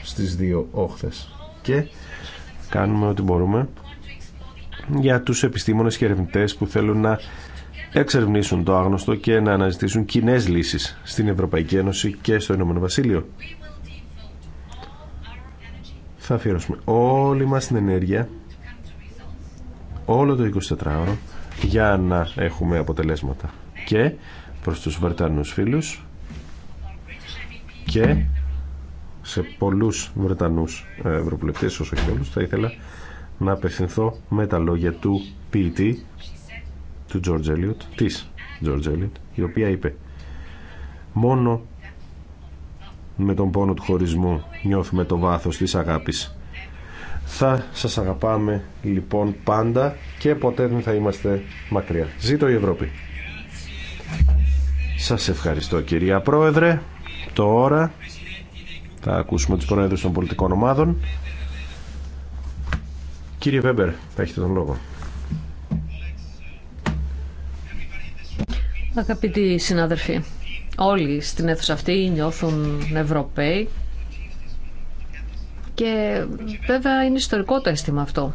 στις δύο όχθες. Και κάνουμε ό,τι μπορούμε για τους επιστήμονες και ερευνητές που θέλουν να εξερευνήσουν το άγνωστο και να αναζητήσουν κοινέ λύσεις στην Ευρωπαϊκή Ένωση και στο Ηνωμένο Βασίλειο. Θα αφιερώσουμε όλη μας την ενέργεια, όλο το 24ωρο, για να έχουμε αποτελέσματα. Και προς τους Βρετανούς φίλους και σε πολλούς Βρετανούς ε, ευρωβουλευτές, όσο και όλους, θα ήθελα να απευθυνθώ με τα λόγια του ποιητή του George Eliot, της George η οποία είπε «Μόνο με τον πόνο του χωρισμού νιώθουμε το βάθος της αγάπης». Θα σας αγαπάμε λοιπόν πάντα και ποτέ δεν θα είμαστε μακριά. Ζήτω η Ευρώπη. Σας ευχαριστώ κυρία Πρόεδρε. Τώρα θα ακούσουμε τους Πρόεδρους των πολιτικών ομάδων. Κύριε Βέμπερ, θα έχετε τον λόγο. Αγαπητοί συνάδελφοι, όλοι στην αίθουσα αυτή νιώθουν Ευρωπαίοι και βέβαια είναι ιστορικό το αίσθημα αυτό.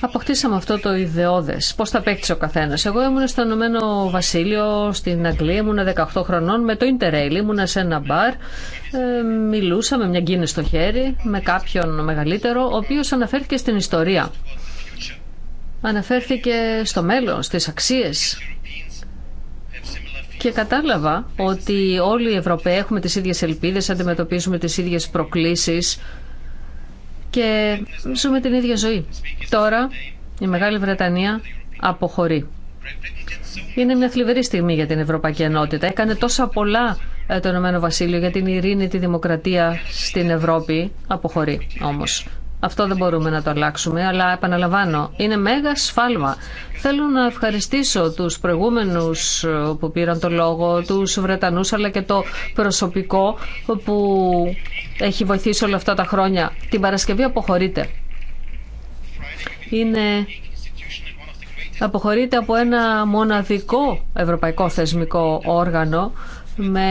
αποκτήσαμε αυτό το ιδεώδες. Πώς θα παίξει ο καθένα. Εγώ ήμουν στο Ηνωμένο Βασίλειο, στην Αγγλία, ήμουν 18 χρονών με το Ιντερέιλ. Ήμουνα σε ένα μπαρ, ε, μιλούσα με μια γκίνη στο χέρι, με κάποιον μεγαλύτερο, ο οποίο αναφέρθηκε στην ιστορία. Αναφέρθηκε στο μέλλον, στις αξίες, και κατάλαβα ότι όλοι οι Ευρωπαίοι έχουμε τις ίδιες ελπίδες, αντιμετωπίζουμε τις ίδιες προκλήσεις και ζούμε την ίδια ζωή. Τώρα η Μεγάλη Βρετανία αποχωρεί. Είναι μια θλιβερή στιγμή για την Ευρωπαϊκή Ενότητα. Έκανε τόσα πολλά ε, το Ηνωμένο Βασίλειο για την ειρήνη, τη δημοκρατία στην Ευρώπη. Αποχωρεί όμως. Αυτό δεν μπορούμε να το αλλάξουμε, αλλά επαναλαμβάνω, είναι μέγα σφάλμα. Θέλω να ευχαριστήσω τους προηγούμενους ε, που πήραν το λόγο, τους Βρετανούς, αλλά και το προσωπικό που έχει βοηθήσει όλα αυτά τα χρόνια. Την Παρασκευή αποχωρείται. Είναι αποχωρείται από ένα μοναδικό ευρωπαϊκό θεσμικό όργανο με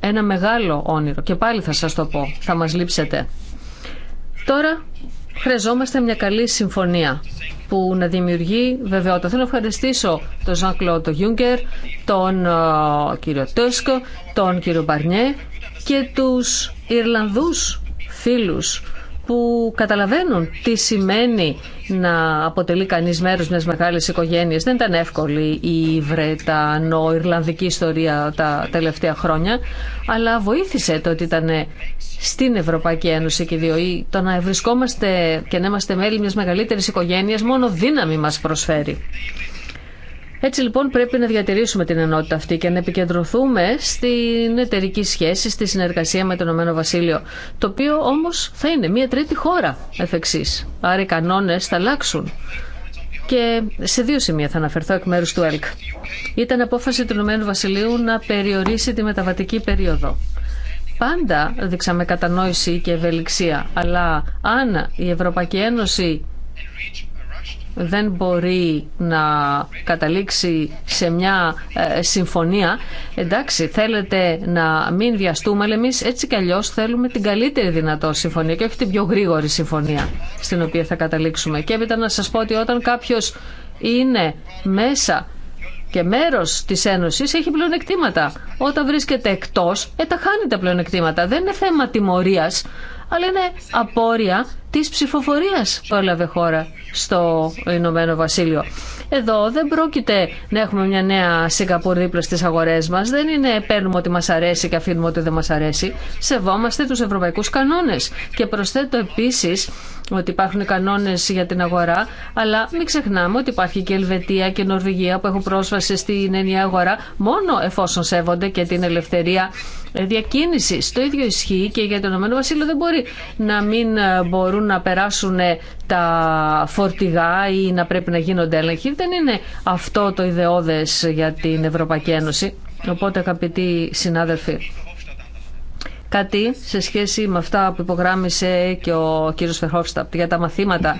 ένα μεγάλο όνειρο. Και πάλι θα σας το πω, θα μας λείψετε. Τώρα χρειαζόμαστε μια καλή συμφωνία που να δημιουργεί βεβαιότητα. Θέλω να ευχαριστήσω τον Ζαν Κλώτο Γιούγκερ, τον κύριο Τόσκο, τον κύριο Μπαρνιέ και τους Ιρλανδούς φίλους που καταλαβαίνουν τι σημαίνει να αποτελεί κανείς μέρος μιας μεγάλης οικογένειας. Δεν ήταν εύκολη η Βρετανο-Ιρλανδική ιστορία τα τελευταία χρόνια, αλλά βοήθησε το ότι ήταν στην Ευρωπαϊκή Ένωση και δύο. Το να βρισκόμαστε και να είμαστε μέλη μιας μεγαλύτερης οικογένειας μόνο δύναμη μας προσφέρει. Έτσι λοιπόν πρέπει να διατηρήσουμε την ενότητα αυτή και να επικεντρωθούμε στην εταιρική σχέση, στη συνεργασία με το Ηνωμένο Βασίλειο, το οποίο όμως θα είναι μια τρίτη χώρα εφ' εξής. Άρα οι κανόνες θα αλλάξουν. Και σε δύο σημεία θα αναφερθώ εκ μέρους του ΕΛΚ. Ήταν απόφαση του Ηνωμένου Βασιλείου να περιορίσει τη μεταβατική περίοδο. Πάντα δείξαμε κατανόηση και ευελιξία, αλλά αν η Ευρωπαϊκή Ένωση δεν μπορεί να καταλήξει σε μια ε, συμφωνία. Εντάξει, θέλετε να μην βιαστούμε, αλλά εμεί έτσι κι αλλιώ θέλουμε την καλύτερη δυνατό συμφωνία και όχι την πιο γρήγορη συμφωνία στην οποία θα καταλήξουμε. Και έπειτα να σα πω ότι όταν κάποιο είναι μέσα και μέρο τη Ένωση έχει πλεονεκτήματα. Όταν βρίσκεται εκτό, ε, τα χάνει τα πλεονεκτήματα. Δεν είναι θέμα τιμωρία αλλά είναι απόρρια της ψηφοφορίας που έλαβε χώρα στο Ηνωμένο Βασίλειο. Εδώ δεν πρόκειται να έχουμε μια νέα Σιγκαπούρ δίπλα στις αγορές μας. Δεν είναι παίρνουμε ότι μας αρέσει και αφήνουμε ότι δεν μας αρέσει. Σεβόμαστε τους ευρωπαϊκούς κανόνες. Και προσθέτω επίσης ότι υπάρχουν κανόνες για την αγορά, αλλά μην ξεχνάμε ότι υπάρχει και Ελβετία και Νορβηγία που έχουν πρόσβαση στην ενιαία αγορά μόνο εφόσον σέβονται και την ελευθερία Διακίνηση Το ίδιο ισχύει και για το Ηνωμένο Βασίλειο δεν μπορεί να μην ε, μπορούν να περάσουν ε, τα φορτηγά ή να πρέπει να γίνονται έλεγχοι. Δεν είναι αυτό το ιδεώδες για την Ευρωπαϊκή Ένωση. Οπότε αγαπητοί συνάδελφοι, κάτι σε σχέση με αυτά που υπογράμμισε και ο κύριος Φερχόφσταπ για τα μαθήματα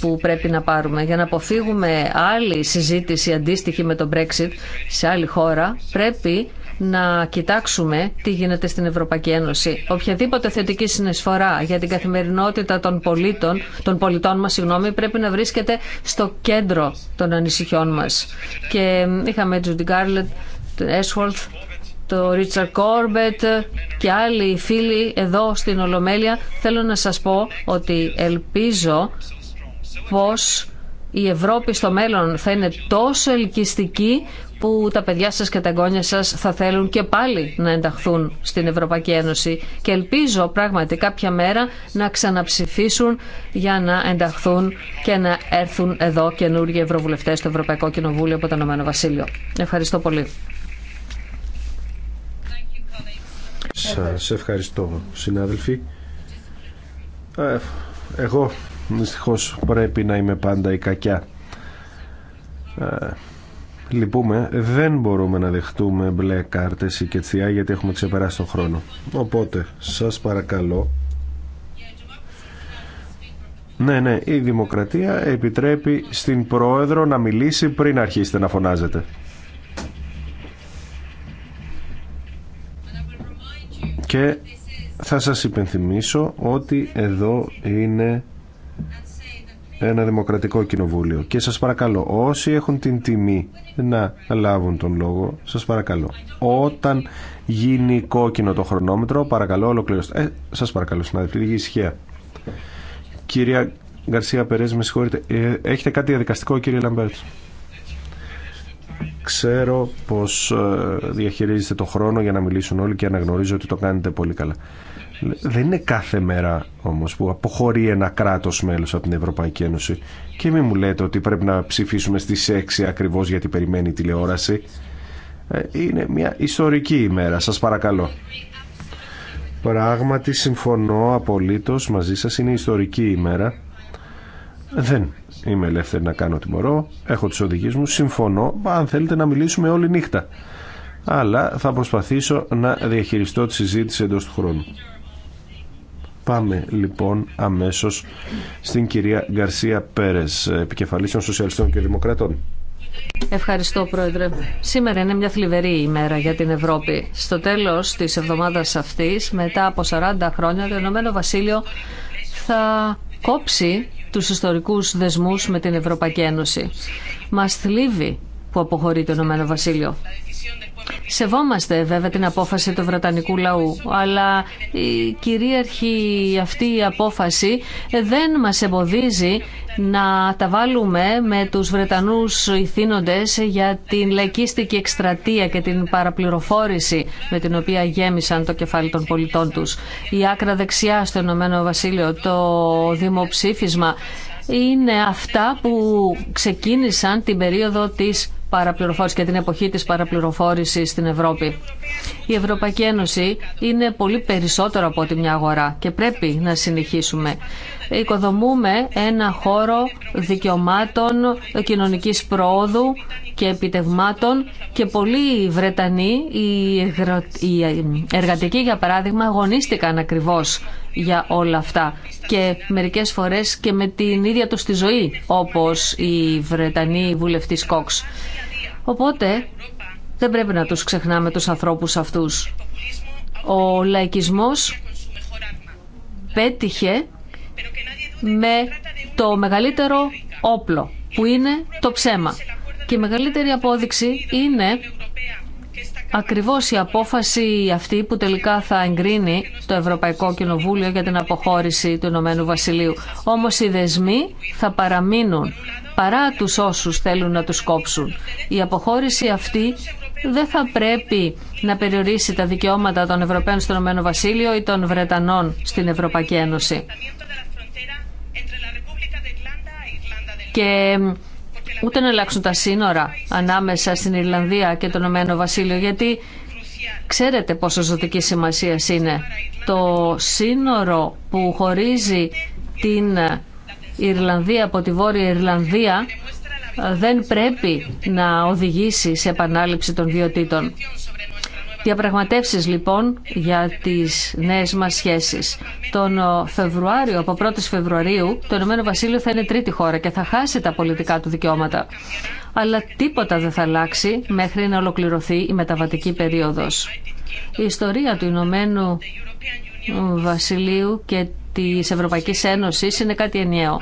που πρέπει να πάρουμε. Για να αποφύγουμε άλλη συζήτηση αντίστοιχη με το Brexit σε άλλη χώρα, πρέπει να κοιτάξουμε τι γίνεται στην Ευρωπαϊκή Ένωση. Οποιαδήποτε θετική συνεισφορά για την καθημερινότητα των, πολίτων, των πολιτών μας συγγνώμη, πρέπει να βρίσκεται στο κέντρο των ανησυχιών μας. Και είχαμε Τζουντι Γκάρλετ, Έσχολθ, το Ρίτσαρ Κόρμπετ και άλλοι φίλοι εδώ στην Ολομέλεια. Θέλω να σας πω ότι ελπίζω πως η Ευρώπη στο μέλλον θα είναι τόσο ελκυστική που τα παιδιά σας και τα εγγόνια σας θα θέλουν και πάλι να ενταχθούν στην Ευρωπαϊκή Ένωση και ελπίζω πράγματι κάποια μέρα να ξαναψηφίσουν για να ενταχθούν και να έρθουν εδώ καινούργιοι ευρωβουλευτές στο Ευρωπαϊκό Κοινοβούλιο από το Ηνωμένο Βασίλειο. Ευχαριστώ πολύ. Σας ευχαριστώ συνάδελφοι. Ε, εγώ δυστυχώ, πρέπει να είμαι πάντα η κακιά. Ε, Λυπούμε, δεν μπορούμε να δεχτούμε μπλε κάρτε ή κετσιά γιατί έχουμε ξεπεράσει τον χρόνο. Οπότε, σας παρακαλώ. Ναι, ναι, η δημοκρατία επιτρέπει στην πρόεδρο να μιλήσει πριν αρχίσετε να φωνάζετε. Και θα σας υπενθυμίσω ότι εδώ είναι ένα δημοκρατικό κοινοβούλιο. Και σας παρακαλώ, όσοι έχουν την τιμή να λάβουν τον λόγο, σας παρακαλώ. Όταν γίνει κόκκινο το χρονόμετρο, παρακαλώ ολοκληρώστε. Ε, σας παρακαλώ, συνάδελφοι, λίγη ησυχία. Κυρία Γκαρσία Περέζ, με συγχωρείτε. Ε, έχετε κάτι διαδικαστικό, κύριε Λαμπέρτ. Ξέρω πως ε, διαχειρίζετε το χρόνο για να μιλήσουν όλοι και αναγνωρίζω ότι το κάνετε πολύ καλά. Δεν είναι κάθε μέρα όμως που αποχωρεί ένα κράτος μέλος από την Ευρωπαϊκή Ένωση. Και μην μου λέτε ότι πρέπει να ψηφίσουμε στις 6 ακριβώς γιατί περιμένει η τηλεόραση. Ε, είναι μια ιστορική ημέρα, σας παρακαλώ. Πράγματι συμφωνώ απολύτως μαζί σας, είναι ιστορική ημέρα. Δεν είμαι ελεύθερη να κάνω ό,τι μπορώ, έχω τις οδηγίες μου, συμφωνώ, αν θέλετε να μιλήσουμε όλη νύχτα. Αλλά θα προσπαθήσω να διαχειριστώ τη συζήτηση εντός του χρόνου. Πάμε λοιπόν αμέσως στην κυρία Γκαρσία Πέρες, επικεφαλής των Σοσιαλιστών και Δημοκρατών. Ευχαριστώ Πρόεδρε. Σήμερα είναι μια θλιβερή ημέρα για την Ευρώπη. Στο τέλος της εβδομάδας αυτής, μετά από 40 χρόνια, το Ηνωμένο Βασίλειο θα κόψει τους ιστορικούς δεσμούς με την Ευρωπαϊκή Ένωση. Μας θλίβει που αποχωρεί το Ηνωμένο Βασίλειο. Σεβόμαστε βέβαια την απόφαση του Βρετανικού λαού, αλλά η κυρίαρχη αυτή η απόφαση δεν μας εμποδίζει να τα βάλουμε με τους Βρετανούς ηθήνοντες για την λαϊκίστικη εκστρατεία και την παραπληροφόρηση με την οποία γέμισαν το κεφάλι των πολιτών τους. Η άκρα δεξιά στο Ηνωμένο Βασίλειο, το δημοψήφισμα, είναι αυτά που ξεκίνησαν την περίοδο της παραπληροφόρηση και την εποχή της παραπληροφόρησης στην Ευρώπη. Η Ευρωπαϊκή Ένωση είναι πολύ περισσότερο από ότι μια αγορά και πρέπει να συνεχίσουμε οικοδομούμε ένα χώρο δικαιωμάτων, κοινωνικής πρόοδου και επιτευμάτων και πολλοί Βρετανοί, οι εργατικοί για παράδειγμα, αγωνίστηκαν ακριβώς για όλα αυτά και μερικές φορές και με την ίδια τους τη ζωή, όπως η Βρετανή βουλευτής Κόξ. Οπότε δεν πρέπει να τους ξεχνάμε τους ανθρώπους αυτούς. Ο λαϊκισμός πέτυχε με το μεγαλύτερο όπλο που είναι το ψέμα. Και η μεγαλύτερη απόδειξη είναι ακριβώς η απόφαση αυτή που τελικά θα εγκρίνει το Ευρωπαϊκό Κοινοβούλιο για την αποχώρηση του Ηνωμένου Βασιλείου. Όμως οι δεσμοί θα παραμείνουν παρά τους όσους θέλουν να τους κόψουν. Η αποχώρηση αυτή δεν θα πρέπει να περιορίσει τα δικαιώματα των Ευρωπαίων στο Ηνωμένο Βασίλειο ή των Βρετανών στην Ευρωπαϊκή Ένωση. και ούτε να αλλάξουν τα σύνορα ανάμεσα στην Ιρλανδία και το Ηνωμένο Βασίλειο γιατί ξέρετε πόσο ζωτική σημασία είναι το σύνορο που χωρίζει την Ιρλανδία από τη Βόρεια Ιρλανδία ε, δεν πρέπει να οδηγήσει σε επανάληψη των βιωτήτων. Διαπραγματεύσεις λοιπόν για τις νέες μας σχέσεις. Τον ε, Φεβρουάριο, από 1η Φεβρουαρίου, το Ηνωμένο Βασίλειο θα είναι τρίτη χώρα και θα χάσει τα πολιτικά του δικαιώματα. Αλλά τίποτα δεν θα αλλάξει μέχρι να ολοκληρωθεί η μεταβατική περίοδος. Η ιστορία του Ηνωμένου Βασιλείου και της Ευρωπαϊκής Ένωσης είναι κάτι ενιαίο.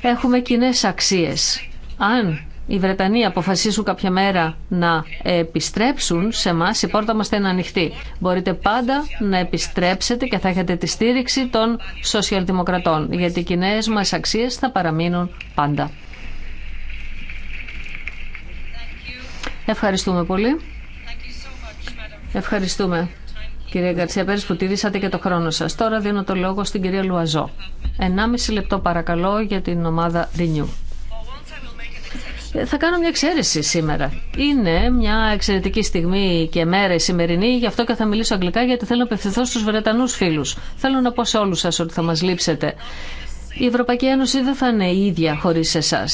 Έχουμε κοινέ αξίες. Αν οι Βρετανοί αποφασίσουν κάποια μέρα να επιστρέψουν σε εμά, η πόρτα μα θα είναι ανοιχτή. Μπορείτε πάντα να επιστρέψετε και θα έχετε τη στήριξη των σοσιαλδημοκρατών, γιατί οι κοινέ μα αξίες θα παραμείνουν πάντα. Ευχαριστούμε πολύ. Ευχαριστούμε. Κυρία Γκαρσία Πέρες που τηρήσατε και το χρόνο σας. Τώρα δίνω το λόγο στην κυρία Λουαζό. 1,5 λεπτό παρακαλώ για την ομάδα Renew. Ε, θα κάνω μια εξαίρεση σήμερα. Είναι μια εξαιρετική στιγμή και μέρα η σημερινή, γι' αυτό και θα μιλήσω αγγλικά, γιατί θέλω να απευθυνθώ στου Βρετανού φίλου. Θέλω να πω σε όλου σα ότι θα μα λείψετε. Η Ευρωπαϊκή Ένωση δεν θα είναι η ίδια χωρί εσά.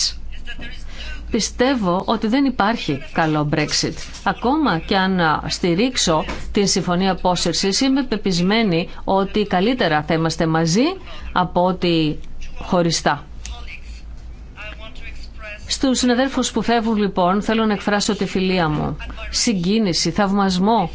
Πιστεύω ότι δεν υπάρχει καλό Brexit. Ακόμα και αν στηρίξω την συμφωνία απόσυρση, είμαι πεπισμένη ότι καλύτερα θα είμαστε μαζί από ότι χωριστά. Στους συναδέλφους που φεύγουν λοιπόν θέλω να εκφράσω τη φιλία μου. Συγκίνηση, θαυμασμό.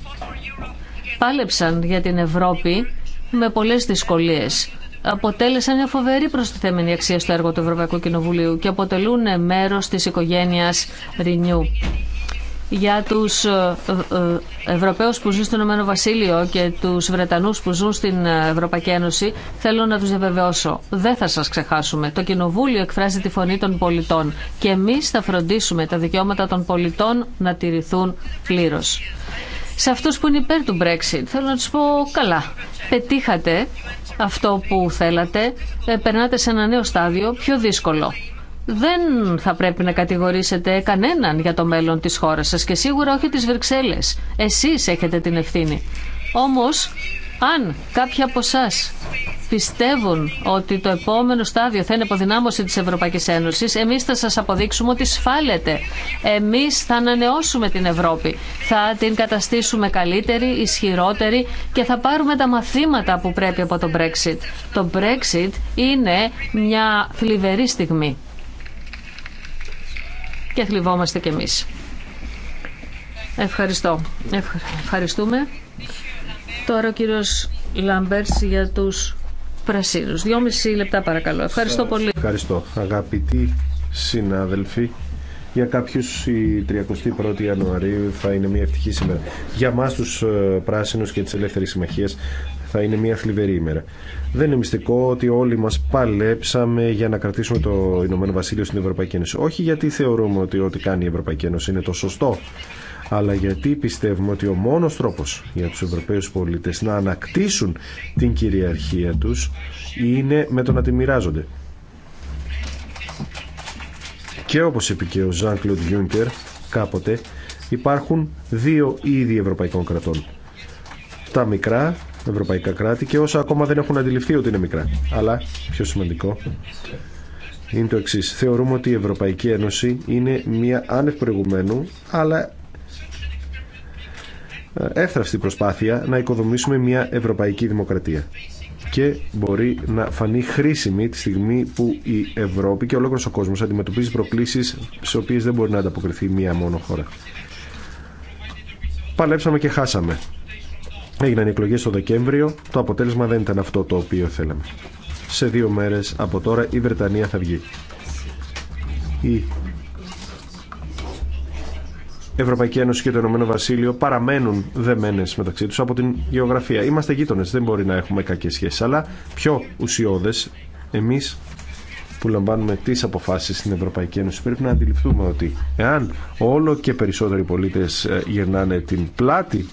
Πάλεψαν για την Ευρώπη με πολλές δυσκολίες. Αποτέλεσαν μια φοβερή προστιθέμενη αξία στο έργο του Ευρωπαϊκού Κοινοβουλίου και αποτελούν μέρος της οικογένειας Renew για τους ε, ε, Ευρωπαίους που ζουν στο Ηνωμένο Βασίλειο και τους Βρετανούς που ζουν στην Ευρωπαϊκή Ένωση θέλω να τους διαβεβαιώσω. Δεν θα σας ξεχάσουμε. Το Κοινοβούλιο εκφράζει τη φωνή των πολιτών και εμείς θα φροντίσουμε τα δικαιώματα των πολιτών να τηρηθούν πλήρως. Σε αυτούς που είναι υπέρ του Brexit θέλω να τους πω καλά. Πετύχατε αυτό που θέλατε, ε, περνάτε σε ένα νέο στάδιο πιο δύσκολο δεν θα πρέπει να κατηγορήσετε κανέναν για το μέλλον της χώρας σας και σίγουρα όχι τις Βρυξέλλες. Εσείς έχετε την ευθύνη. Όμως, αν κάποιοι από εσά πιστεύουν ότι το επόμενο στάδιο θα είναι αποδυνάμωση της Ευρωπαϊκής Ένωσης, εμείς θα σας αποδείξουμε ότι σφάλετε. Εμείς θα ανανεώσουμε την Ευρώπη, θα την καταστήσουμε καλύτερη, ισχυρότερη και θα πάρουμε τα μαθήματα που πρέπει από το Brexit. Το Brexit είναι μια θλιβερή στιγμή και θλιβόμαστε κι εμείς. Ευχαριστώ. Ευχαριστούμε. Τώρα ο κύριος Λαμπέρς για τους πρασίνους. Δυόμιση λεπτά παρακαλώ. Ευχαριστώ πολύ. Ευχαριστώ. Αγαπητοί συνάδελφοι, για κάποιους η 31η Ιανουαρίου θα είναι μια ευτυχή σήμερα. Για μας τους ε, πράσινους και τις ελεύθερες συμμαχίες θα είναι μια θλιβερή ημέρα. Δεν είναι μυστικό ότι όλοι μας παλέψαμε για να κρατήσουμε το Ηνωμένο Βασίλειο στην Ευρωπαϊκή Ένωση. Όχι γιατί θεωρούμε ότι ό,τι κάνει η Ευρωπαϊκή Ένωση είναι το σωστό, αλλά γιατί πιστεύουμε ότι ο μόνος τρόπος για τους Ευρωπαίου πολίτες να ανακτήσουν την κυριαρχία τους είναι με το να τη μοιράζονται. Και όπως είπε και ο Ζαν Κλοντ Γιούνκερ κάποτε, υπάρχουν δύο είδη ευρωπαϊκών κρατών. Τα μικρά ευρωπαϊκά κράτη και όσα ακόμα δεν έχουν αντιληφθεί ότι είναι μικρά. Αλλά, πιο σημαντικό, είναι το εξή. Θεωρούμε ότι η Ευρωπαϊκή Ένωση είναι μια άνευ προηγουμένου, αλλά ε, εύθραυστη προσπάθεια να οικοδομήσουμε μια ευρωπαϊκή δημοκρατία και μπορεί να φανεί χρήσιμη τη στιγμή που η Ευρώπη και ολόκληρο ο κόσμος αντιμετωπίζει προκλήσεις σε οποίες δεν μπορεί να ανταποκριθεί μία μόνο χώρα. Παλέψαμε και χάσαμε. Έγιναν οι εκλογές το Δεκέμβριο, το αποτέλεσμα δεν ήταν αυτό το οποίο θέλαμε. Σε δύο μέρες από τώρα η Βρετανία θα βγει. Η Ευρωπαϊκή Ένωση και το Ηνωμένο Βασίλειο παραμένουν δεμένε μεταξύ του από την γεωγραφία. Είμαστε γείτονε, δεν μπορεί να έχουμε κακέ σχέσει. Αλλά πιο ουσιώδε, εμεί που λαμβάνουμε τι αποφάσει στην Ευρωπαϊκή Ένωση, πρέπει να αντιληφθούμε ότι εάν όλο και περισσότεροι πολίτε ε, γυρνάνε την πλάτη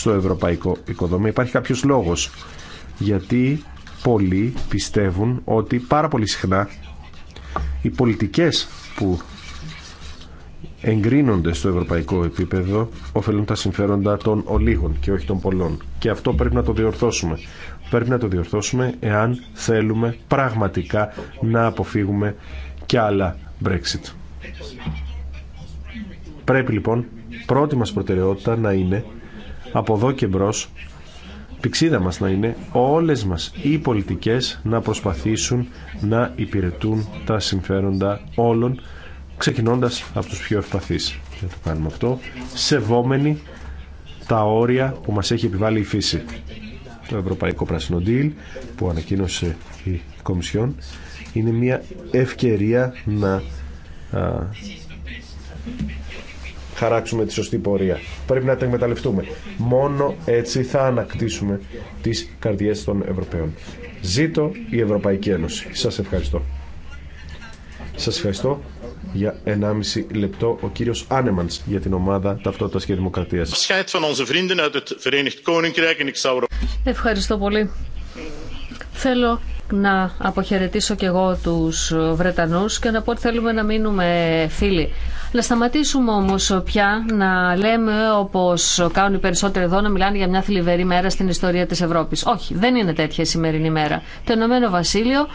στο ευρωπαϊκό οικοδόμημα. Υπάρχει κάποιο λόγος γιατί πολλοί πιστεύουν ότι πάρα πολύ συχνά οι πολιτικές που εγκρίνονται στο ευρωπαϊκό επίπεδο ωφελούν τα συμφέροντα των ολίγων και όχι των πολλών. Και αυτό πρέπει να το διορθώσουμε. Πρέπει να το διορθώσουμε εάν θέλουμε πραγματικά να αποφύγουμε και άλλα Brexit. Πρέπει λοιπόν πρώτη μας προτεραιότητα να είναι από εδώ και μπρος πηξίδα μας να είναι όλες μας οι πολιτικές να προσπαθήσουν να υπηρετούν τα συμφέροντα όλων ξεκινώντας από τους πιο ευπαθείς. να το κάνουμε αυτό σεβόμενοι τα όρια που μας έχει επιβάλει η φύση. Το Ευρωπαϊκό Πράσινο Deal που ανακοίνωσε η Κομισιόν είναι μια ευκαιρία να χαράξουμε τη σωστή πορεία. Πρέπει να τα εκμεταλλευτούμε. Μόνο έτσι θα ανακτήσουμε τις καρδιές των Ευρωπαίων. Ζήτω η Ευρωπαϊκή Ένωση. Σας ευχαριστώ. Σας ευχαριστώ για 1,5 λεπτό ο κύριος Άνεμανς για την ομάδα Ταυτότητας και Δημοκρατίας. Ευχαριστώ πολύ. Θέλω να αποχαιρετήσω και εγώ τους Βρετανούς και να πω ότι θέλουμε να μείνουμε φίλοι. Να σταματήσουμε όμως πια να λέμε όπως κάνουν οι περισσότεροι εδώ να μιλάνε για μια θλιβερή μέρα στην ιστορία της Ευρώπης. Όχι, δεν είναι τέτοια η σημερινή μέρα. Το Ηνωμένο Βασίλειο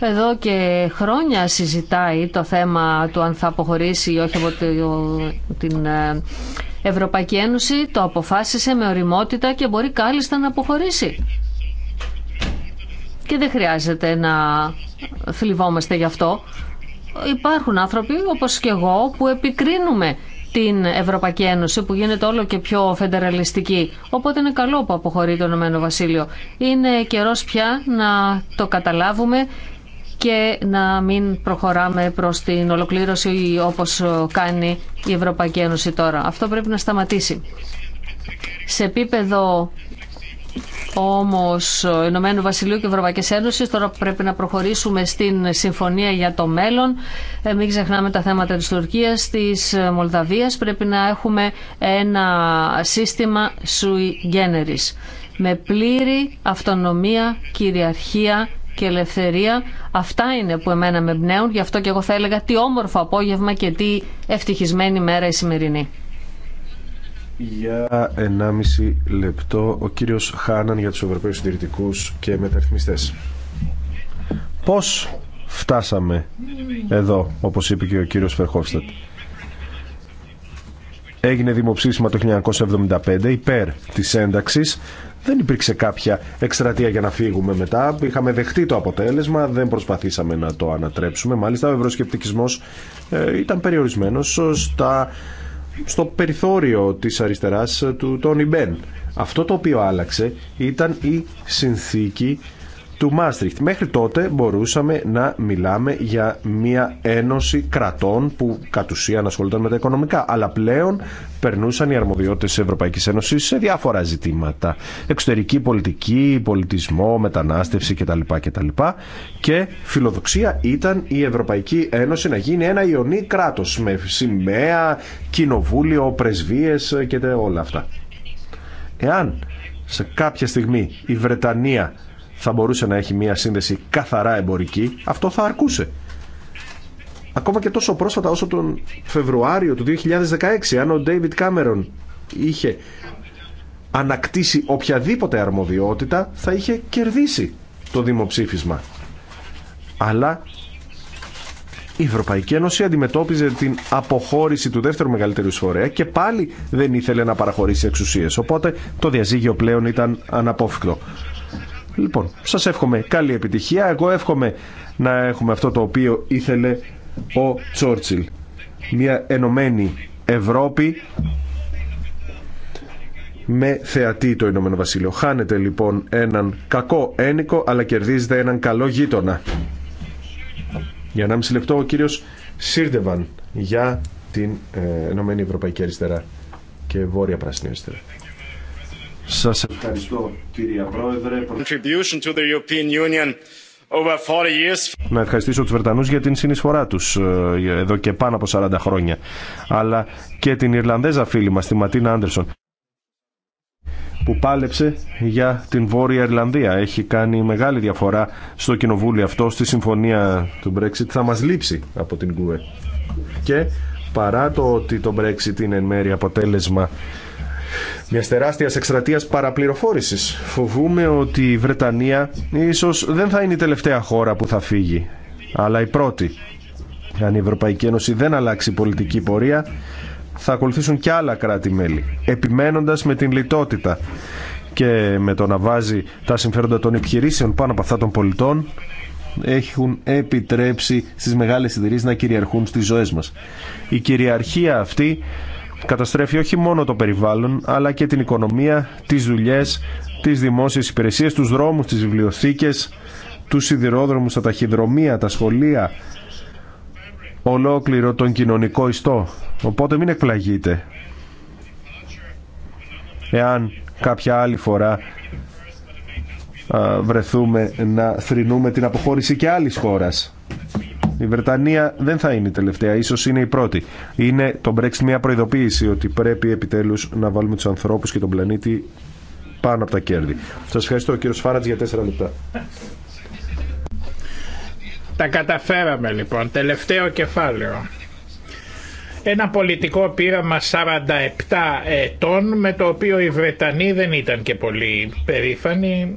εδώ και χρόνια συζητάει το θέμα του αν θα αποχωρήσει ή όχι από την ε, Ευρωπαϊκή Ένωση. Το αποφάσισε με οριμότητα και μπορεί κάλλιστα να αποχωρήσει και δεν χρειάζεται να θλιβόμαστε γι' αυτό. Υπάρχουν άνθρωποι όπως και εγώ που επικρίνουμε την Ευρωπαϊκή Ένωση που γίνεται όλο και πιο φεντεραλιστική. Οπότε είναι καλό που αποχωρεί το Ηνωμένο Βασίλειο. Είναι καιρός πια να το καταλάβουμε και να μην προχωράμε προς την ολοκλήρωση όπως κάνει η Ευρωπαϊκή Ένωση τώρα. Αυτό πρέπει να σταματήσει. Σε επίπεδο όμως Ηνωμένου Βασιλείου και Ευρωπαϊκής Ένωσης. Τώρα πρέπει να προχωρήσουμε στην συμφωνία για το μέλλον. Ε, μην ξεχνάμε τα θέματα της Τουρκίας, της ε, Μολδαβίας. Πρέπει να έχουμε ένα σύστημα sui generis με πλήρη αυτονομία, κυριαρχία και ελευθερία. Αυτά είναι που εμένα με εμπνέουν. Γι' αυτό και εγώ θα έλεγα τι όμορφο απόγευμα και τι ευτυχισμένη μέρα η σημερινή για 1,5 λεπτό ο κύριος Χάναν για τους Ευρωπαίους Συντηρητικούς και Μεταρρυθμιστές. Πώς φτάσαμε εδώ, όπως είπε και ο κύριος Φερχόφστατ. Έγινε δημοψήφισμα το 1975 υπέρ της ένταξης. Δεν υπήρξε κάποια εκστρατεία για να φύγουμε μετά. Είχαμε δεχτεί το αποτέλεσμα, δεν προσπαθήσαμε να το ανατρέψουμε. Μάλιστα, ο ευρωσκεπτικισμός ε, ήταν περιορισμένος στα στο περιθώριο της αριστεράς του Τόνι Μπεν. Αυτό το οποίο άλλαξε ήταν η συνθήκη του Μάστριχτ. Μέχρι τότε μπορούσαμε να μιλάμε για μια ένωση κρατών που κατ' ουσίαν ασχολούνταν με τα οικονομικά, αλλά πλέον περνούσαν οι αρμοδιότητες της Ευρωπαϊκής Ένωσης σε διάφορα ζητήματα. Εξωτερική πολιτική, πολιτισμό, μετανάστευση κτλ. κτλ. Και φιλοδοξία ήταν η Ευρωπαϊκή Ένωση να γίνει ένα ιονή κράτο με σημαία, κοινοβούλιο, πρεσβείε και όλα αυτά. Εάν σε κάποια στιγμή η Βρετανία θα μπορούσε να έχει μια σύνδεση καθαρά εμπορική, αυτό θα αρκούσε. Ακόμα και τόσο πρόσφατα όσο τον Φεβρουάριο του 2016, αν ο Ντέιβιτ Κάμερον είχε ανακτήσει οποιαδήποτε αρμοδιότητα, θα είχε κερδίσει το δημοψήφισμα. Αλλά η Ευρωπαϊκή Ένωση αντιμετώπιζε την αποχώρηση του δεύτερου μεγαλύτερου φορέα και πάλι δεν ήθελε να παραχωρήσει εξουσίες. Οπότε το διαζύγιο πλέον ήταν αναπόφυκτο. Λοιπόν, σα εύχομαι καλή επιτυχία. Εγώ εύχομαι να έχουμε αυτό το οποίο ήθελε ο Τσόρτσιλ. Μια ενωμένη Ευρώπη με θεατή το Ηνωμένο Βασίλειο. Χάνετε λοιπόν έναν κακό ένικο αλλά κερδίζετε έναν καλό γείτονα. Για να μισή λεπτό ο κύριος Σίρντεβαν για την ε, Ενωμένη Ευρωπαϊκή Αριστερά και Βόρεια Πράσινη Αριστερά. Σας ευχαριστώ κυρία Πρόεδρε. To the European Union over 40 years. Να ευχαριστήσω τους Βρετανούς για την συνεισφορά τους ε, εδώ και πάνω από 40 χρόνια. Αλλά και την Ιρλανδέζα φίλη μας, τη Ματίνα Άντερσον που πάλεψε για την Βόρεια Ιρλανδία. Έχει κάνει μεγάλη διαφορά στο κοινοβούλιο αυτό, στη συμφωνία του Brexit. Θα μας λείψει από την ΚΟΕ. Και παρά το ότι το Brexit είναι εν μέρει αποτέλεσμα μια τεράστια εκστρατεία παραπληροφόρηση. Φοβούμε ότι η Βρετανία ίσω δεν θα είναι η τελευταία χώρα που θα φύγει, αλλά η πρώτη. Αν η Ευρωπαϊκή Ένωση δεν αλλάξει πολιτική πορεία, θα ακολουθήσουν και άλλα κράτη-μέλη, επιμένοντας με την λιτότητα και με το να βάζει τα συμφέροντα των επιχειρήσεων πάνω από αυτά των πολιτών, έχουν επιτρέψει στις μεγάλες εταιρείε να κυριαρχούν στις ζωές μας. Η κυριαρχία αυτή καταστρέφει όχι μόνο το περιβάλλον, αλλά και την οικονομία, τις δουλειέ, τις δημόσιες υπηρεσίες, του δρόμου, τις βιβλιοθήκε, του σιδηρόδρομου, τα ταχυδρομεία, τα σχολεία, ολόκληρο τον κοινωνικό ιστό. Οπότε μην εκπλαγείτε. Εάν κάποια άλλη φορά βρεθούμε να θρηνούμε την αποχώρηση και άλλης χώρας. Η Βρετανία δεν θα είναι η τελευταία, ίσως είναι η πρώτη. Είναι το Brexit μια προειδοποίηση ότι πρέπει επιτέλους να βάλουμε τους ανθρώπους και τον πλανήτη πάνω από τα κέρδη. Σα ευχαριστώ κύριο Σφάρατ, για τέσσερα λεπτά. Τα καταφέραμε λοιπόν. Τελευταίο κεφάλαιο. Ένα πολιτικό πείραμα 47 ετών με το οποίο οι Βρετανοί δεν ήταν και πολύ περήφανοι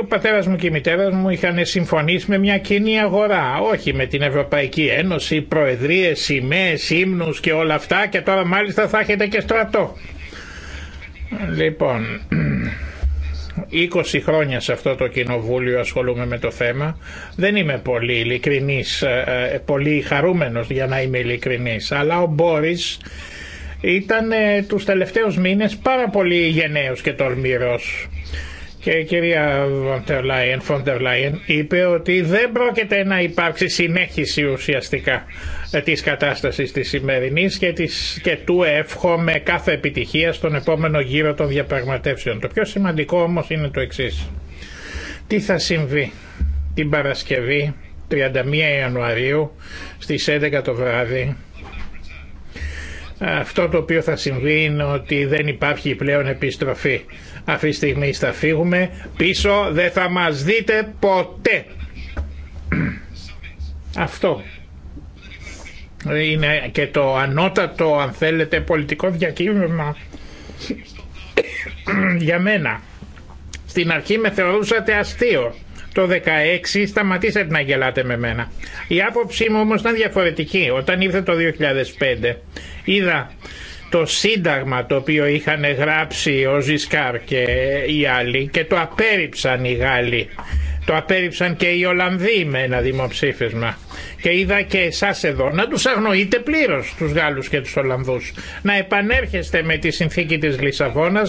ο πατέρας μου και η μητέρα μου είχαν συμφωνήσει με μια κοινή αγορά, όχι με την Ευρωπαϊκή Ένωση, προεδρίες, σημαίες, ύμνους και όλα αυτά και τώρα μάλιστα θα έχετε και στρατό. Λοιπόν, 20 χρόνια σε αυτό το κοινοβούλιο ασχολούμαι με το θέμα. Δεν είμαι πολύ ειλικρινής, ε, ε, πολύ χαρούμενος για να είμαι ειλικρινής, αλλά ο Μπόρις ήταν ε, τους τελευταίους μήνες πάρα πολύ γενναίος και τολμηρός. Και η κυρία Φοντερ Λάιεν είπε ότι δεν πρόκειται να υπάρξει συνέχιση ουσιαστικά ε, της κατάστασης της σημερινής και, και του εύχομαι κάθε επιτυχία στον επόμενο γύρο των διαπραγματεύσεων. Το πιο σημαντικό όμως είναι το εξής. Τι θα συμβεί την Παρασκευή 31 Ιανουαρίου στις 11 το βράδυ αυτό το οποίο θα συμβεί είναι ότι δεν υπάρχει πλέον επιστροφή. Αυτή τη στιγμή θα φύγουμε πίσω, δεν θα μας δείτε ποτέ. Αυτό είναι και το ανώτατο αν θέλετε πολιτικό διακύβευμα για μένα. Στην αρχή με θεωρούσατε αστείο το 2016 σταματήσατε να γελάτε με μένα. Η άποψή μου όμως ήταν διαφορετική. Όταν ήρθε το 2005 είδα το σύνταγμα το οποίο είχαν γράψει ο Ζισκάρ και οι άλλοι και το απέρριψαν οι Γάλλοι το απέρριψαν και οι Ολλανδοί με ένα δημοψήφισμα. Και είδα και εσά εδώ να του αγνοείτε πλήρω του Γάλλου και του Ολλανδού. Να επανέρχεστε με τη συνθήκη τη Λισαβόνα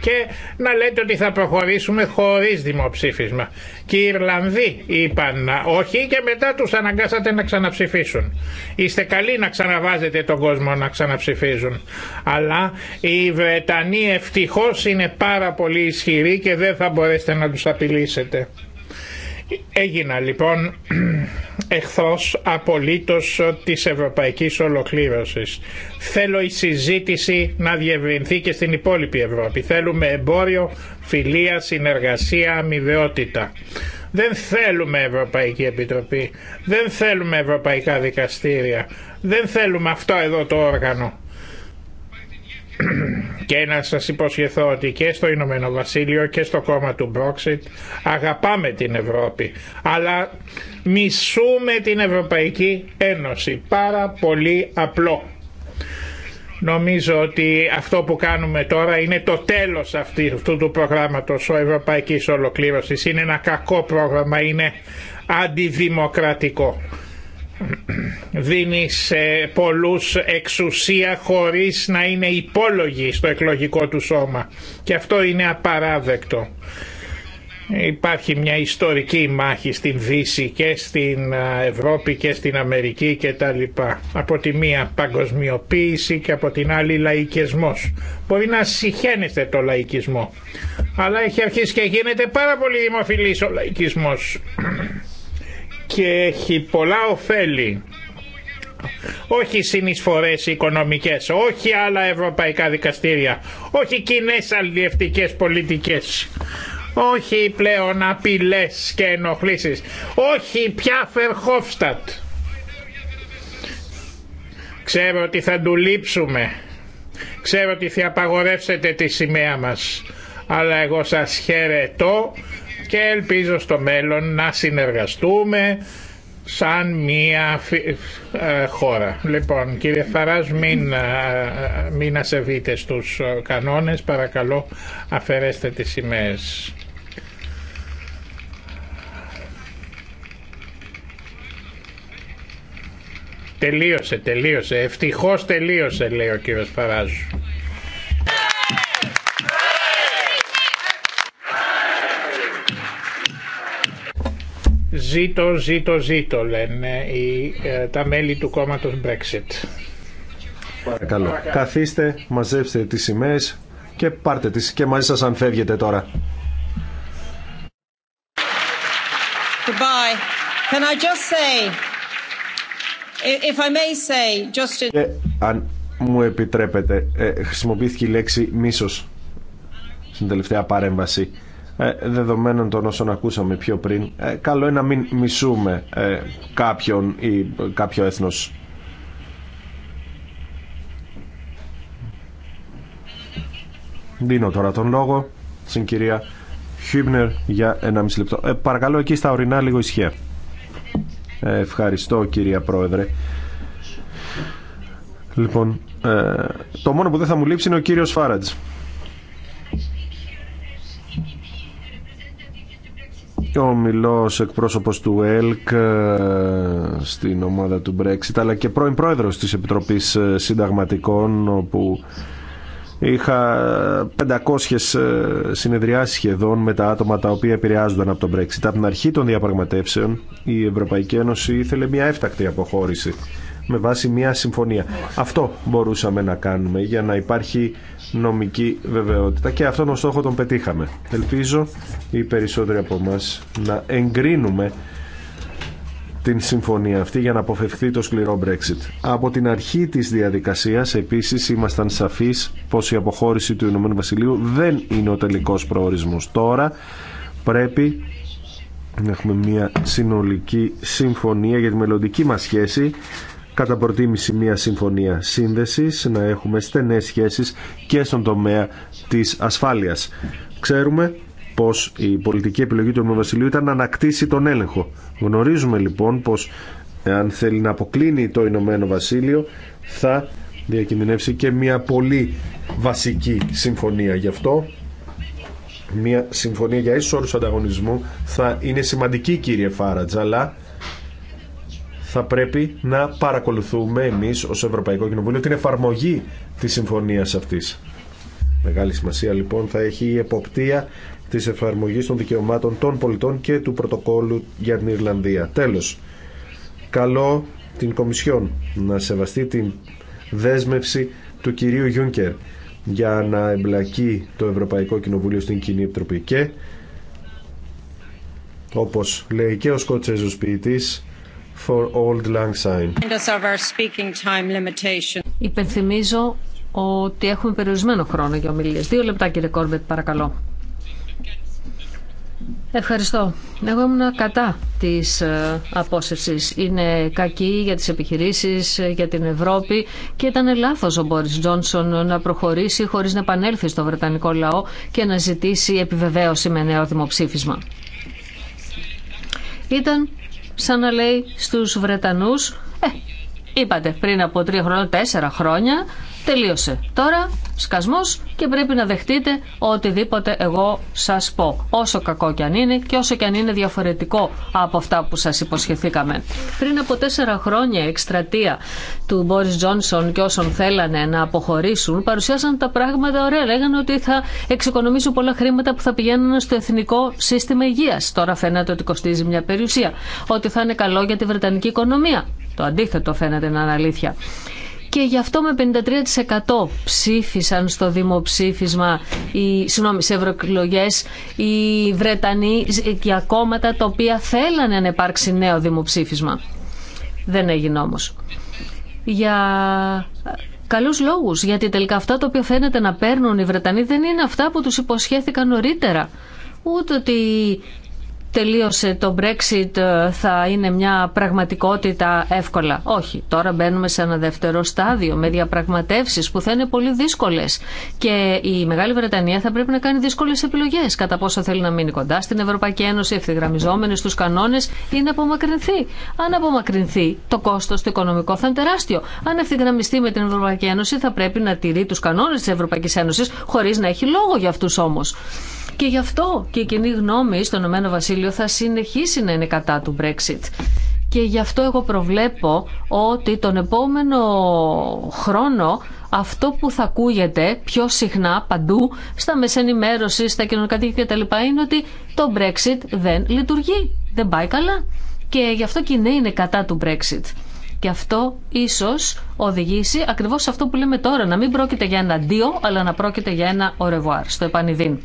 και να λέτε ότι θα προχωρήσουμε χωρί δημοψήφισμα. Και οι Ιρλανδοί είπαν όχι και μετά του αναγκάσατε να ξαναψηφίσουν. Είστε καλοί να ξαναβάζετε τον κόσμο να ξαναψηφίζουν. Αλλά οι Βρετανοί ευτυχώ είναι πάρα πολύ ισχυροί και δεν θα μπορέσετε να του απειλήσετε. Έγινα λοιπόν [CLEARS THROAT] εχθρός απολύτως της ευρωπαϊκής ολοκλήρωσης. Θέλω η συζήτηση να διευρυνθεί και στην υπόλοιπη Ευρώπη. Θέλουμε εμπόριο, φιλία, συνεργασία, αμοιβαιότητα. Δεν θέλουμε Ευρωπαϊκή Επιτροπή. Δεν θέλουμε Ευρωπαϊκά Δικαστήρια. Δεν θέλουμε αυτό εδώ το όργανο και να σας υποσχεθώ ότι και στο Ηνωμένο Βασίλειο και στο κόμμα του Brexit αγαπάμε την Ευρώπη αλλά μισούμε την Ευρωπαϊκή Ένωση πάρα πολύ απλό Νομίζω ότι αυτό που κάνουμε τώρα είναι το τέλος αυτού του προγράμματος ο Ευρωπαϊκής Ολοκλήρωσης. Είναι ένα κακό πρόγραμμα, είναι αντιδημοκρατικό δίνει σε πολλούς εξουσία χωρίς να είναι υπόλογοι στο εκλογικό του σώμα και αυτό είναι απαράδεκτο. Υπάρχει μια ιστορική μάχη στην Δύση και στην Ευρώπη και στην Αμερική και τα λοιπά. Από τη μία παγκοσμιοποίηση και από την άλλη λαϊκισμός. Μπορεί να συχαίνεστε το λαϊκισμό, αλλά έχει αρχίσει και γίνεται πάρα πολύ δημοφιλής ο λαϊκισμός και έχει πολλά ωφέλη. Όχι συνεισφορές οικονομικές, όχι άλλα ευρωπαϊκά δικαστήρια, όχι κοινέ αλληλευτικές πολιτικές, όχι πλέον απειλές και ενοχλήσεις, όχι πια Φερχόφστατ. Ξέρω ότι θα του λείψουμε. Ξέρω ότι θα απαγορεύσετε τη σημαία μας. Αλλά εγώ σας χαιρετώ και ελπίζω στο μέλλον να συνεργαστούμε σαν μία ε, χώρα. Λοιπόν, κύριε Φαράς, μην, ε, ε, μην ασεβείτε στους κανόνες, παρακαλώ αφαιρέστε τις σημαίες. Τελείωσε, τελείωσε. Ευτυχώς τελείωσε, λέει ο κύριος Φαράζου. Ζήτω, ζήτω, ζήτω λένε οι, ε, τα μέλη του κόμματο Brexit. Παρακαλώ. Καθίστε, μαζέψτε τις σημαίες και πάρτε τις και μαζί σας αν φεύγετε τώρα. Goodbye. Can I just say, if I may say, just αν μου επιτρέπετε, ε, χρησιμοποιήθηκε η λέξη μίσος στην τελευταία παρέμβαση ε, δεδομένων των όσων ακούσαμε πιο πριν, ε, καλό είναι να μην μισούμε ε, κάποιον ή κάποιο έθνος. Δίνω τώρα τον λόγο στην κυρία Χίμπνερ για μισή λεπτό. Ε, παρακαλώ εκεί στα ορεινά λίγο ισχύα. Ε, ευχαριστώ κυρία Πρόεδρε. Λοιπόν, ε, το μόνο που δεν θα μου λείψει είναι ο κύριος Φάραντς. Ο μιλό εκπρόσωπος του ΕΛΚ ε, στην ομάδα του Brexit αλλά και πρώην πρόεδρος της Επιτροπής ε, Συνταγματικών όπου είχα 500 ε, συνεδριάσεις σχεδόν με τα άτομα τα οποία επηρεάζονταν από τον Brexit. Από την αρχή των διαπραγματεύσεων η Ευρωπαϊκή Ένωση ήθελε μια έφτακτη αποχώρηση με βάση μια συμφωνία. Αυτό μπορούσαμε να κάνουμε για να υπάρχει νομική βεβαιότητα και αυτόν τον στόχο τον πετύχαμε. Ελπίζω οι περισσότεροι από εμά να εγκρίνουμε την συμφωνία αυτή για να αποφευχθεί το σκληρό Brexit. Από την αρχή της διαδικασίας επίσης ήμασταν σαφείς πως η αποχώρηση του Ηνωμένου Βασιλείου δεν είναι ο τελικός προορισμός. Τώρα πρέπει να έχουμε μια συνολική συμφωνία για τη μελλοντική μας σχέση κατά προτίμηση μια συμφωνία σύνδεσης, να έχουμε στενές σχέσεις και στον τομέα της ασφάλειας. Ξέρουμε πως η πολιτική επιλογή του Βασιλείου ήταν να ανακτήσει τον έλεγχο. Γνωρίζουμε λοιπόν πως αν θέλει να αποκλίνει το Ηνωμένο Βασίλειο θα διακινδυνεύσει και μια πολύ βασική συμφωνία. Γι' αυτό μια συμφωνία για ίσους όρους ανταγωνισμού θα είναι σημαντική κύριε Φάρατζ, θα πρέπει να παρακολουθούμε εμείς ως Ευρωπαϊκό Κοινοβούλιο την εφαρμογή της συμφωνίας αυτής. Μεγάλη σημασία λοιπόν θα έχει η εποπτεία της εφαρμογής των δικαιωμάτων των πολιτών και του πρωτοκόλου για την Ιρλανδία. Τέλος, καλό την Κομισιόν να σεβαστεί την δέσμευση του κυρίου Γιούνκερ για να εμπλακεί το Ευρωπαϊκό Κοινοβούλιο στην Κοινή Επιτροπή και όπως λέει και ο Σκοτσέζος ποιητής Υπενθυμίζω ότι έχουμε περιορισμένο χρόνο για ομιλίες. Δύο λεπτά κύριε Κόρμπετ παρακαλώ. Ευχαριστώ. Εγώ ήμουν κατά της ε, απόσυρσης. Είναι κακή για τις επιχειρήσεις, ε, για την Ευρώπη και ήταν λάθος ο Μπόρις Τζόνσον να προχωρήσει χωρίς να επανέλθει στο Βρετανικό λαό και να ζητήσει επιβεβαίωση με νέο δημοψήφισμα. Ήταν σαν να λέει στους Βρετανούς «Ε, είπατε πριν από τρία χρόνια, τέσσερα χρόνια τελείωσε. Τώρα σκασμός και πρέπει να δεχτείτε οτιδήποτε εγώ σας πω. Όσο κακό κι αν είναι και όσο κι αν είναι διαφορετικό από αυτά που σας υποσχεθήκαμε. Πριν από τέσσερα χρόνια εκστρατεία του Μπόρις Τζόνσον και όσων θέλανε να αποχωρήσουν παρουσιάσαν τα πράγματα ωραία. Λέγανε ότι θα εξοικονομήσουν πολλά χρήματα που θα πηγαίνουν στο Εθνικό Σύστημα Υγείας. Τώρα φαίνεται ότι κοστίζει μια περιουσία. Ότι θα είναι καλό για τη Βρετανική οικονομία. Το αντίθετο φαίνεται να είναι αλήθεια και γι' αυτό με 53% ψήφισαν στο δημοψήφισμα, οι, συγγνώμη, σε ευρωεκλογέ οι Βρετανοί για κόμματα τα οποία θέλανε να υπάρξει νέο δημοψήφισμα. Δεν έγινε όμω. Για καλούς λόγους, γιατί τελικά αυτά τα οποία φαίνεται να παίρνουν οι Βρετανοί δεν είναι αυτά που τους υποσχέθηκαν νωρίτερα. Ούτε ότι τελείωσε το Brexit ε, θα είναι μια πραγματικότητα εύκολα. Όχι, τώρα μπαίνουμε σε ένα δεύτερο στάδιο με διαπραγματεύσεις που θα είναι πολύ δύσκολες και η Μεγάλη Βρετανία θα πρέπει να κάνει δύσκολες επιλογές κατά πόσο θέλει να μείνει κοντά στην Ευρωπαϊκή Ένωση ευθυγραμμιζόμενη στους κανόνες ή να απομακρυνθεί. Αν απομακρυνθεί το κόστος το οικονομικό θα είναι τεράστιο. Αν ευθυγραμμιστεί με την Ευρωπαϊκή Ένωση θα πρέπει να τηρεί τους κανόνες της Ευρωπαϊκής Ένωσης χωρίς να έχει λόγο για αυτούς όμως. Και γι' αυτό και η κοινή γνώμη στον Ηνωμένο Βασίλειο θα συνεχίσει να είναι κατά του Brexit. Και γι' αυτό εγώ προβλέπω ότι τον επόμενο χρόνο αυτό που θα ακούγεται πιο συχνά παντού στα μεσενημέρωση, στα κοινωνικά τα λοιπά είναι ότι το Brexit δεν λειτουργεί, δεν πάει καλά. Και γι' αυτό και οι νέοι είναι κατά του Brexit. Και αυτό ίσω οδηγήσει ακριβώ αυτό που λέμε τώρα, να μην πρόκειται για ένα αντίο, αλλά να πρόκειται για ένα ορεβουάρ στο επανειδήν.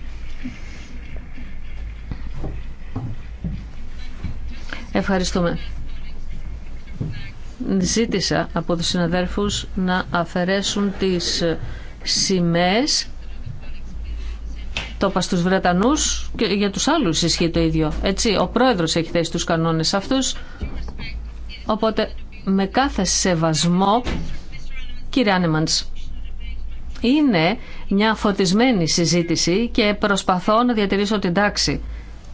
Ευχαριστούμε. Ζήτησα από τους συναδέρφους να αφαιρέσουν τις σημαίες το είπα στους Βρετανούς και για τους άλλους ισχύει το ίδιο. Έτσι, ο πρόεδρος έχει θέσει τους κανόνες αυτούς, οπότε με κάθε σεβασμό, κύριε Άνεμαντς, είναι μια φωτισμένη συζήτηση και προσπαθώ να διατηρήσω την τάξη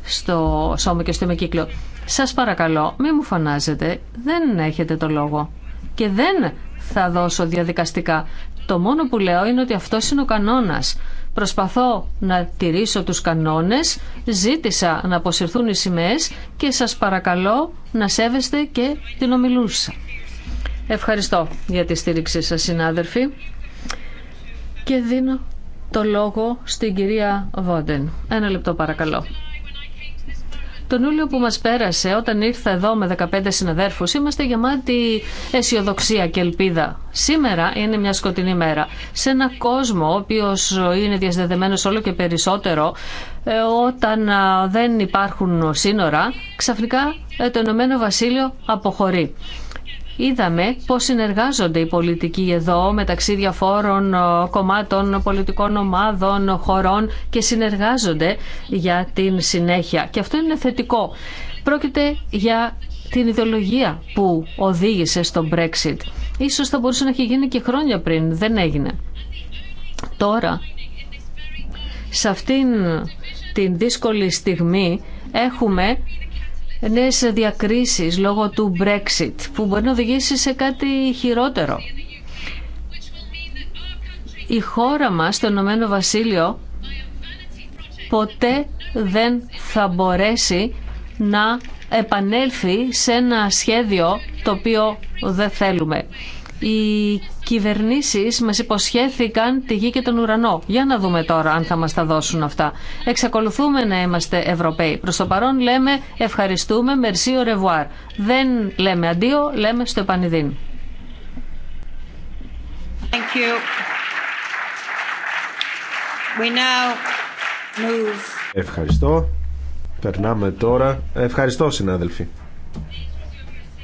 στο σώμα και στο κύκλο. Σας παρακαλώ, μη μου φωνάζετε, δεν έχετε το λόγο. Και δεν θα δώσω διαδικαστικά. Το μόνο που λέω είναι ότι αυτό είναι ο κανόνας. Προσπαθώ να τηρήσω τους κανόνες, ζήτησα να αποσυρθούν οι σημαίες και σας παρακαλώ να σέβεστε και την ομιλούσα. Ευχαριστώ για τη στήριξή σας συνάδελφοι και δίνω το λόγο στην κυρία Βόντεν. Ένα λεπτό παρακαλώ. Τον Ιούλιο που μας πέρασε, όταν ήρθα εδώ με 15 συναδέρφους, είμαστε γεμάτοι αισιοδοξία και ελπίδα. Σήμερα είναι μια σκοτεινή μέρα. Σε ένα κόσμο, ο οποίος είναι διασδεδεμένος όλο και περισσότερο, ε, όταν δεν υπάρχουν σύνορα, ξαφνικά ε, το Ηνωμένο Βασίλειο αποχωρεί είδαμε πώς συνεργάζονται οι πολιτικοί εδώ μεταξύ διαφόρων ε, κομμάτων, πολιτικών ομάδων, χωρών και συνεργάζονται για την συνέχεια. Και αυτό είναι θετικό. Πρόκειται για την ιδεολογία που οδήγησε στο Brexit. Ίσως θα μπορούσε να έχει γίνει και χρόνια πριν, δεν έγινε. Τώρα, σε αυτήν την δύσκολη στιγμή έχουμε νέες διακρίσεις λόγω του Brexit που μπορεί να οδηγήσει σε κάτι χειρότερο. Η χώρα μας, το Ηνωμένο Βασίλειο, ποτέ δεν θα μπορέσει να επανέλθει σε ένα σχέδιο το οποίο δεν θέλουμε οι κυβερνήσεις μας υποσχέθηκαν τη γη και τον ουρανό. Για να δούμε τώρα αν θα μας τα δώσουν αυτά. Εξακολουθούμε να είμαστε Ευρωπαίοι. Προς το παρόν λέμε ευχαριστούμε, μερσίο revoir. Δεν λέμε αντίο, λέμε στο επανειδήν. Ευχαριστώ. Περνάμε τώρα. Ευχαριστώ συνάδελφοι.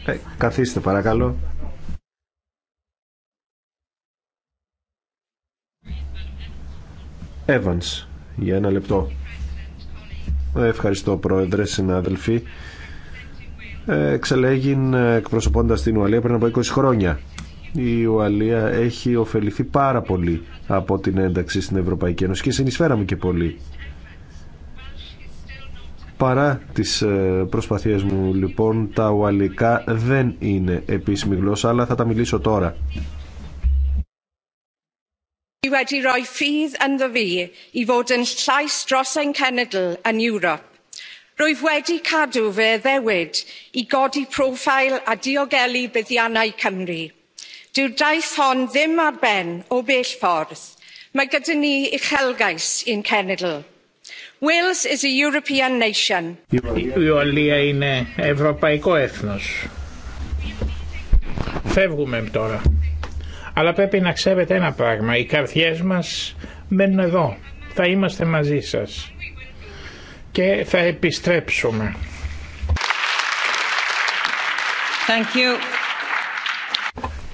Ε, καθίστε παρακαλώ. Evans για ένα λεπτό. Ευχαριστώ πρόεδρε, συνάδελφοι. Εξελέγην εκπροσωπώντας την Ουαλία πριν από 20 χρόνια. Η Ουαλία έχει ωφεληθεί πάρα πολύ από την ένταξη στην Ευρωπαϊκή Ένωση και συνεισφέραμε και πολύ. Παρά τις ε, προσπαθίες μου λοιπόν τα ουαλικά δεν είναι επίσημη γλώσσα αλλά θα τα μιλήσω τώρα wedi rhoi ffydd ynddo fi i fod yn llais dros ein cenedl yn ewrop. rwyf wedi cadw fy addewid i godi proffeil a diogelu buddiannau cymru. dyw'r daith hon ddim ar ben o bell ffordd. mae gyda ni uchelgais i'n cenedl. Wales is a European nation. Η αλλά πρέπει να ξέρετε ένα πράγμα, οι καρδιές μας μένουν εδώ. Θα είμαστε μαζί σας και θα επιστρέψουμε. Thank you.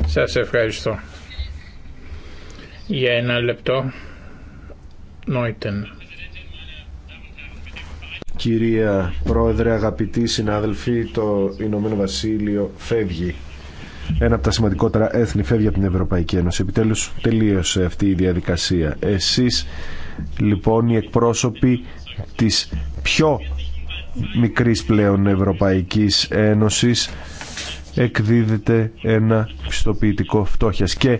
Σας ευχαριστώ. Για ένα λεπτό. Νόητεν. Κυρία Πρόεδρε, αγαπητοί συνάδελφοι, το Ηνωμένο Βασίλειο φεύγει ένα από τα σημαντικότερα έθνη φεύγει από την Ευρωπαϊκή Ένωση. Επιτέλους τελείωσε αυτή η διαδικασία. Εσείς λοιπόν οι εκπρόσωποι της πιο μικρής πλέον Ευρωπαϊκής Ένωσης εκδίδεται ένα πιστοποιητικό φτώχειας και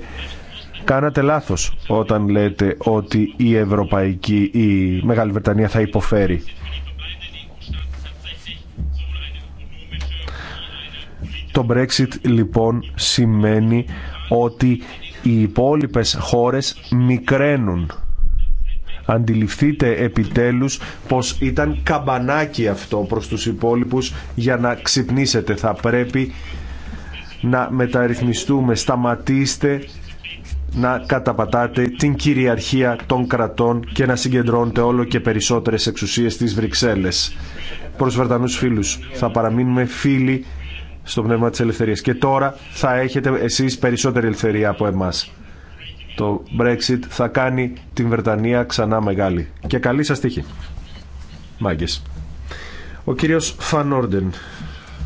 κάνατε λάθος όταν λέτε ότι η Ευρωπαϊκή η Μεγάλη Βρετανία θα υποφέρει Το Brexit λοιπόν σημαίνει ότι οι υπόλοιπες χώρες μικραίνουν. Αντιληφθείτε επιτέλους πως ήταν καμπανάκι αυτό προς τους υπόλοιπους για να ξυπνήσετε. Θα πρέπει να μεταρρυθμιστούμε. Σταματήστε να καταπατάτε την κυριαρχία των κρατών και να συγκεντρώνετε όλο και περισσότερες εξουσίες στις Βρυξέλλες. Προς Βρετανούς φίλους, θα παραμείνουμε φίλοι στο πνεύμα της ελευθερίας. Και τώρα θα έχετε εσείς περισσότερη ελευθερία από εμάς. Το Brexit θα κάνει την Βρετανία ξανά μεγάλη. Και καλή σας τύχη. Μάγκες. Ο κύριος Φανόρντεν.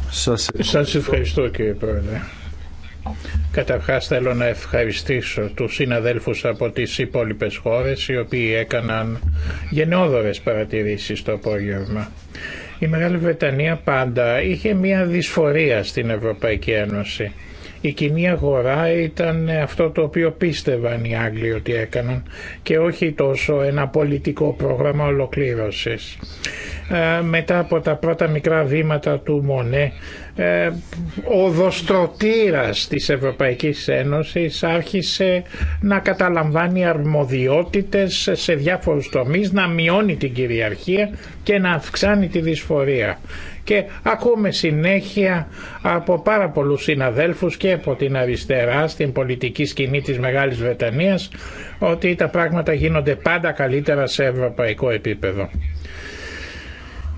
Σας ευχαριστώ. Σας ευχαριστώ κύριε Πρόεδρε. Καταρχάς θέλω να ευχαριστήσω τους συναδέλφους από τις υπόλοιπες χώρες οι οποίοι έκαναν γενναιόδορες παρατηρήσεις το απόγευμα. Η Μεγάλη Βρετανία πάντα είχε μία δυσφορία στην Ευρωπαϊκή Ένωση. Η κοινή αγορά ήταν αυτό το οποίο πίστευαν οι Άγγλοι ότι έκαναν και όχι τόσο ένα πολιτικό πρόγραμμα ολοκλήρωσης. Ε, μετά από τα πρώτα μικρά βήματα του Μονέ ε, ο οδοστρωτήρας της Ευρωπαϊκής Ένωσης άρχισε να καταλαμβάνει αρμοδιότητες σε διάφορους τομείς, να μειώνει την κυριαρχία και να αυξάνει τη δυσφορία. Και ακούμε συνέχεια από πάρα πολλούς συναδέλφους και από την αριστερά στην πολιτική σκηνή της Μεγάλης Βρετανίας ότι τα πράγματα γίνονται πάντα καλύτερα σε ευρωπαϊκό επίπεδο.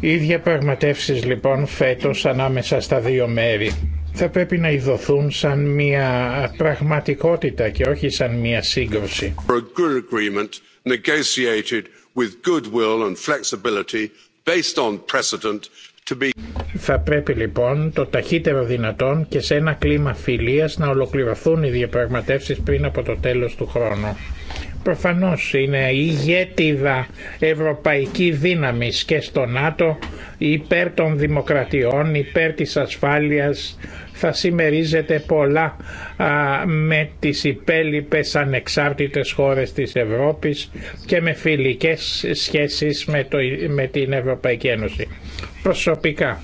Οι διαπραγματεύσει λοιπόν φέτος ανάμεσα στα δύο μέρη θα πρέπει να ειδωθούν σαν μια πραγματικότητα και όχι σαν μια σύγκρουση. Θα πρέπει λοιπόν το ταχύτερο δυνατόν και σε ένα κλίμα φιλίας να ολοκληρωθούν οι διαπραγματεύσεις πριν από το τέλος του χρόνου. Προφανώς είναι η ηγέτιδα ευρωπαϊκή δύναμη και στο ΝΑΤΟ υπέρ των δημοκρατιών, υπέρ της ασφάλειας, θα συμμερίζεται πολλά με τις υπέλοιπες ανεξάρτητες χώρες της Ευρώπης και με φιλικές σχέσεις με, το, με την Ευρωπαϊκή Ένωση. Προσωπικά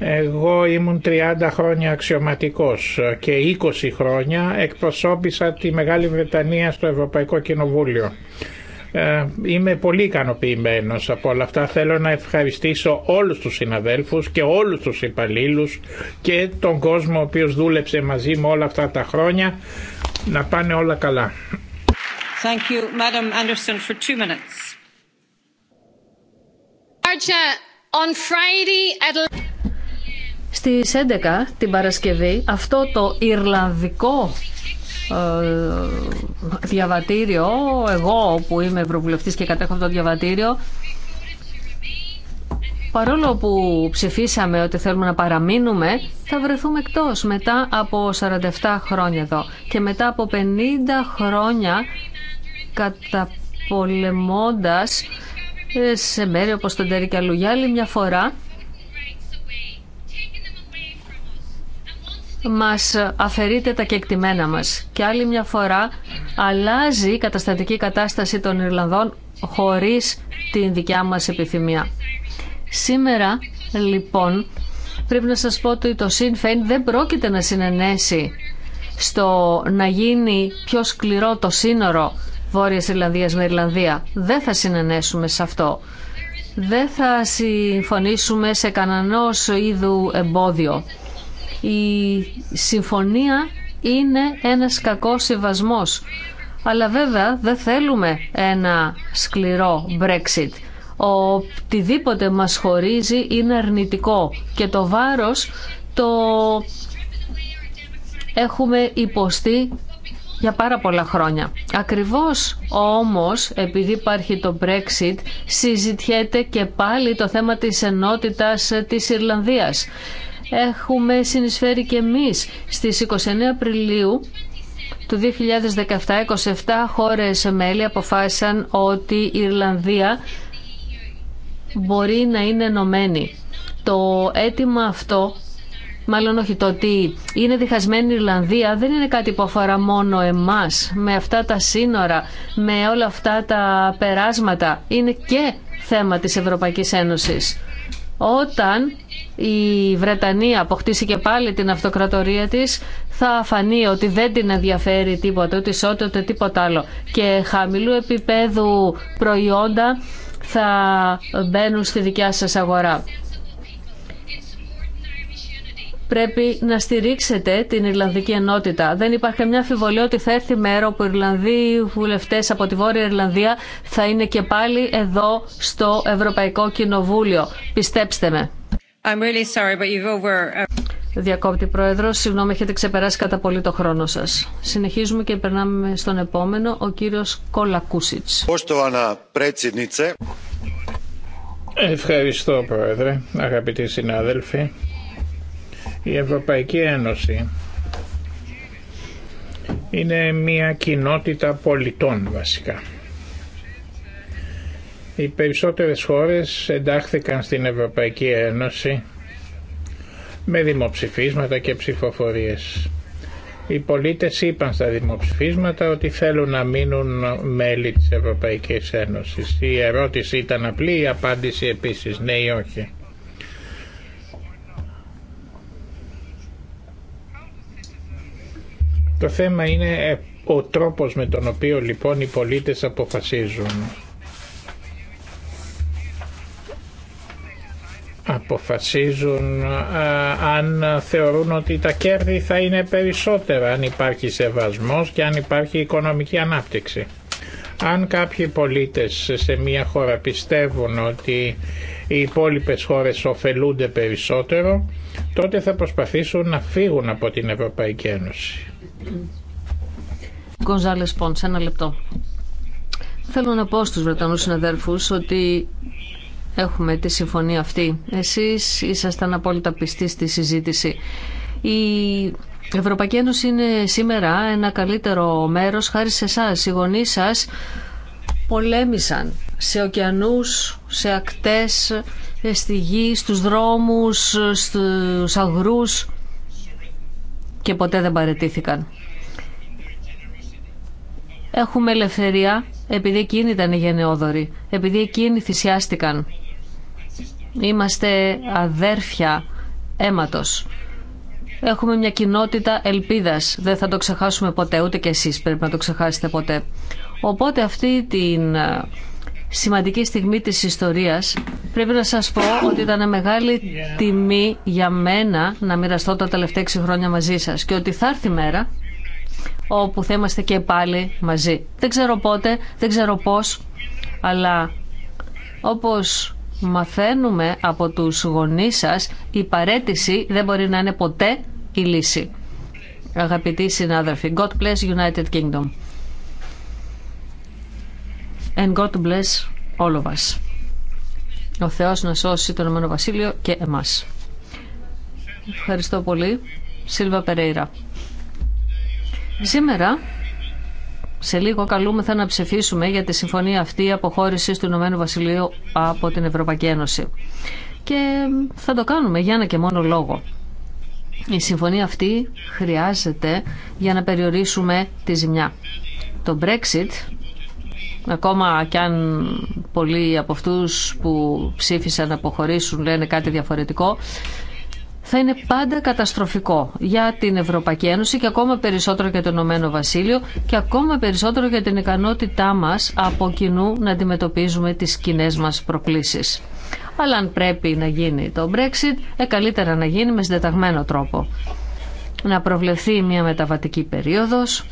εγώ ήμουν 30 χρόνια αξιωματικός και 20 χρόνια εκπροσώπησα τη Μεγάλη Βρετανία στο Ευρωπαϊκό Κοινοβούλιο. Ε, είμαι πολύ ικανοποιημένο από όλα αυτά. Θέλω να ευχαριστήσω όλους τους συναδέλφους και όλους τους υπαλλήλους και τον κόσμο ο οποίος δούλεψε μαζί μου όλα αυτά τα χρόνια. Να πάνε όλα καλά. Friday στις 11 την Παρασκευή αυτό το Ιρλανδικό ε, διαβατήριο, εγώ που είμαι ευρωβουλευτής και κατέχω αυτό το διαβατήριο, παρόλο που ψηφίσαμε ότι θέλουμε να παραμείνουμε, θα βρεθούμε εκτός μετά από 47 χρόνια εδώ και μετά από 50 χρόνια καταπολεμώντας ε, σε μέρη όπως τον Τέρι Καλουγιάλη μια φορά μας αφαιρείται τα κεκτημένα μας. Και άλλη μια φορά αλλάζει η καταστατική κατάσταση των Ιρλανδών χωρίς την δικιά μας επιθυμία. Σήμερα, λοιπόν, πρέπει να σας πω ότι το Sinn Féin δεν πρόκειται να συνενέσει στο να γίνει πιο σκληρό το σύνορο Βόρειας Ιρλανδίας με Ιρλανδία. Δεν θα συνενέσουμε σε αυτό. Δεν θα συμφωνήσουμε σε κανένα είδου εμπόδιο. Η συμφωνία είναι ένας κακός συμβασμός. Αλλά βέβαια δεν θέλουμε ένα σκληρό Brexit. Οτιδήποτε μας χωρίζει είναι αρνητικό και το βάρος το έχουμε υποστεί για πάρα πολλά χρόνια. Ακριβώς όμως επειδή υπάρχει το Brexit συζητιέται και πάλι το θέμα της ενότητας της Ιρλανδίας έχουμε συνεισφέρει και εμείς στις 29 Απριλίου του 2017 27 χώρες μέλη αποφάσισαν ότι η Ιρλανδία μπορεί να είναι ενωμένη. Το αίτημα αυτό, μάλλον όχι το ότι είναι διχασμένη η Ιρλανδία, δεν είναι κάτι που αφορά μόνο εμάς. Με αυτά τα σύνορα, με όλα αυτά τα περάσματα, είναι και θέμα της Ευρωπαϊκής Ένωσης. Όταν η Βρετανία αποκτήσει και πάλι την αυτοκρατορία της, θα φανεί ότι δεν την ενδιαφέρει τίποτα, ούτε ισότητα, τίποτα άλλο. Και χαμηλού επίπεδου προϊόντα θα μπαίνουν στη δικιά σας αγορά πρέπει να στηρίξετε την Ιρλανδική ενότητα. Δεν υπάρχει καμιά αμφιβολία ότι θα έρθει η μέρα όπου οι Ιρλανδοί βουλευτέ από τη Βόρεια Ιρλανδία θα είναι και πάλι εδώ στο Ευρωπαϊκό Κοινοβούλιο. Πιστέψτε με. I'm really sorry, but you've over... Διακόπτη Πρόεδρο, συγγνώμη, έχετε ξεπεράσει κατά πολύ το χρόνο σα. Συνεχίζουμε και περνάμε στον επόμενο, ο κύριο Κολακούσιτ. Ευχαριστώ, Πρόεδρε, αγαπητοί συνάδελφοι. Η Ευρωπαϊκή Ένωση είναι μια κοινότητα πολιτών βασικά. Οι περισσότερες χώρες εντάχθηκαν στην Ευρωπαϊκή Ένωση με δημοψηφίσματα και ψηφοφορίες. Οι πολίτες είπαν στα δημοψηφίσματα ότι θέλουν να μείνουν μέλη της Ευρωπαϊκής Ένωσης. Η ερώτηση ήταν απλή, η απάντηση επίσης ναι ή όχι. Το θέμα είναι ε, ο τρόπος με τον οποίο λοιπόν οι πολίτες αποφασίζουν. αποφασίζουν ε, αν θεωρούν ότι τα κέρδη θα είναι περισσότερα αν υπάρχει σεβασμός και αν υπάρχει οικονομική ανάπτυξη. Αν κάποιοι πολίτες σε μια χώρα πιστεύουν ότι οι υπόλοιπε χώρες ωφελούνται περισσότερο, τότε θα προσπαθήσουν να φύγουν από την Ευρωπαϊκή Ένωση. Γκονζάλε Πόν, σε ένα λεπτό. Θέλω να πω στους Βρετανούς συναδέλφους ότι έχουμε τη συμφωνία αυτή. Εσείς ήσασταν απόλυτα πιστοί στη συζήτηση. Η Ευρωπαϊκή Ένωση είναι σήμερα ένα καλύτερο μέρος χάρη σε εσά. Οι γονείς σας πολέμησαν σε ωκεανούς, σε ακτές, στη γη, στους δρόμους, στους αγρούς και ποτέ δεν παρετήθηκαν. Έχουμε ελευθερία επειδή εκείνοι ήταν οι γενναιόδοροι, επειδή εκείνοι θυσιάστηκαν. Είμαστε αδέρφια αίματος. Έχουμε μια κοινότητα ελπίδας. Δεν θα το ξεχάσουμε ποτέ, ούτε κι εσείς πρέπει να το ξεχάσετε ποτέ. Οπότε αυτή την σημαντική στιγμή της ιστορίας. Πρέπει να σας πω ότι ήταν μεγάλη τιμή για μένα να μοιραστώ τα τελευταία 6 χρόνια μαζί σας και ότι θα έρθει η μέρα όπου θα είμαστε και πάλι μαζί. Δεν ξέρω πότε, δεν ξέρω πώς, αλλά όπως μαθαίνουμε από τους γονείς σας, η παρέτηση δεν μπορεί να είναι ποτέ η λύση. Αγαπητοί συνάδελφοι, God bless United Kingdom. And God bless all of us. Ο Θεός να σώσει τον Ηνωμένο Βασίλειο και εμάς. Ευχαριστώ πολύ. Σίλβα Περέιρα. Σήμερα, σε λίγο καλούμεθα να ψηφίσουμε για τη συμφωνία αυτή αποχώρηση του Ηνωμένου Βασιλείου από την Ευρωπαϊκή Ένωση. Και θα το κάνουμε για ένα και μόνο λόγο. Η συμφωνία αυτή χρειάζεται για να περιορίσουμε τη ζημιά. Το Brexit Ακόμα κι αν πολλοί από αυτούς που ψήφισαν να αποχωρήσουν λένε κάτι διαφορετικό, θα είναι πάντα καταστροφικό για την Ευρωπαϊκή Ένωση και ακόμα περισσότερο για το Ηνωμένο Βασίλειο και ακόμα περισσότερο για την ικανότητά μας από κοινού να αντιμετωπίζουμε τις κοινέ μας προκλήσεις. Αλλά αν πρέπει να γίνει το Brexit, ε, καλύτερα να γίνει με συντεταγμένο τρόπο. Να προβλεφθεί μια μεταβατική περίοδος,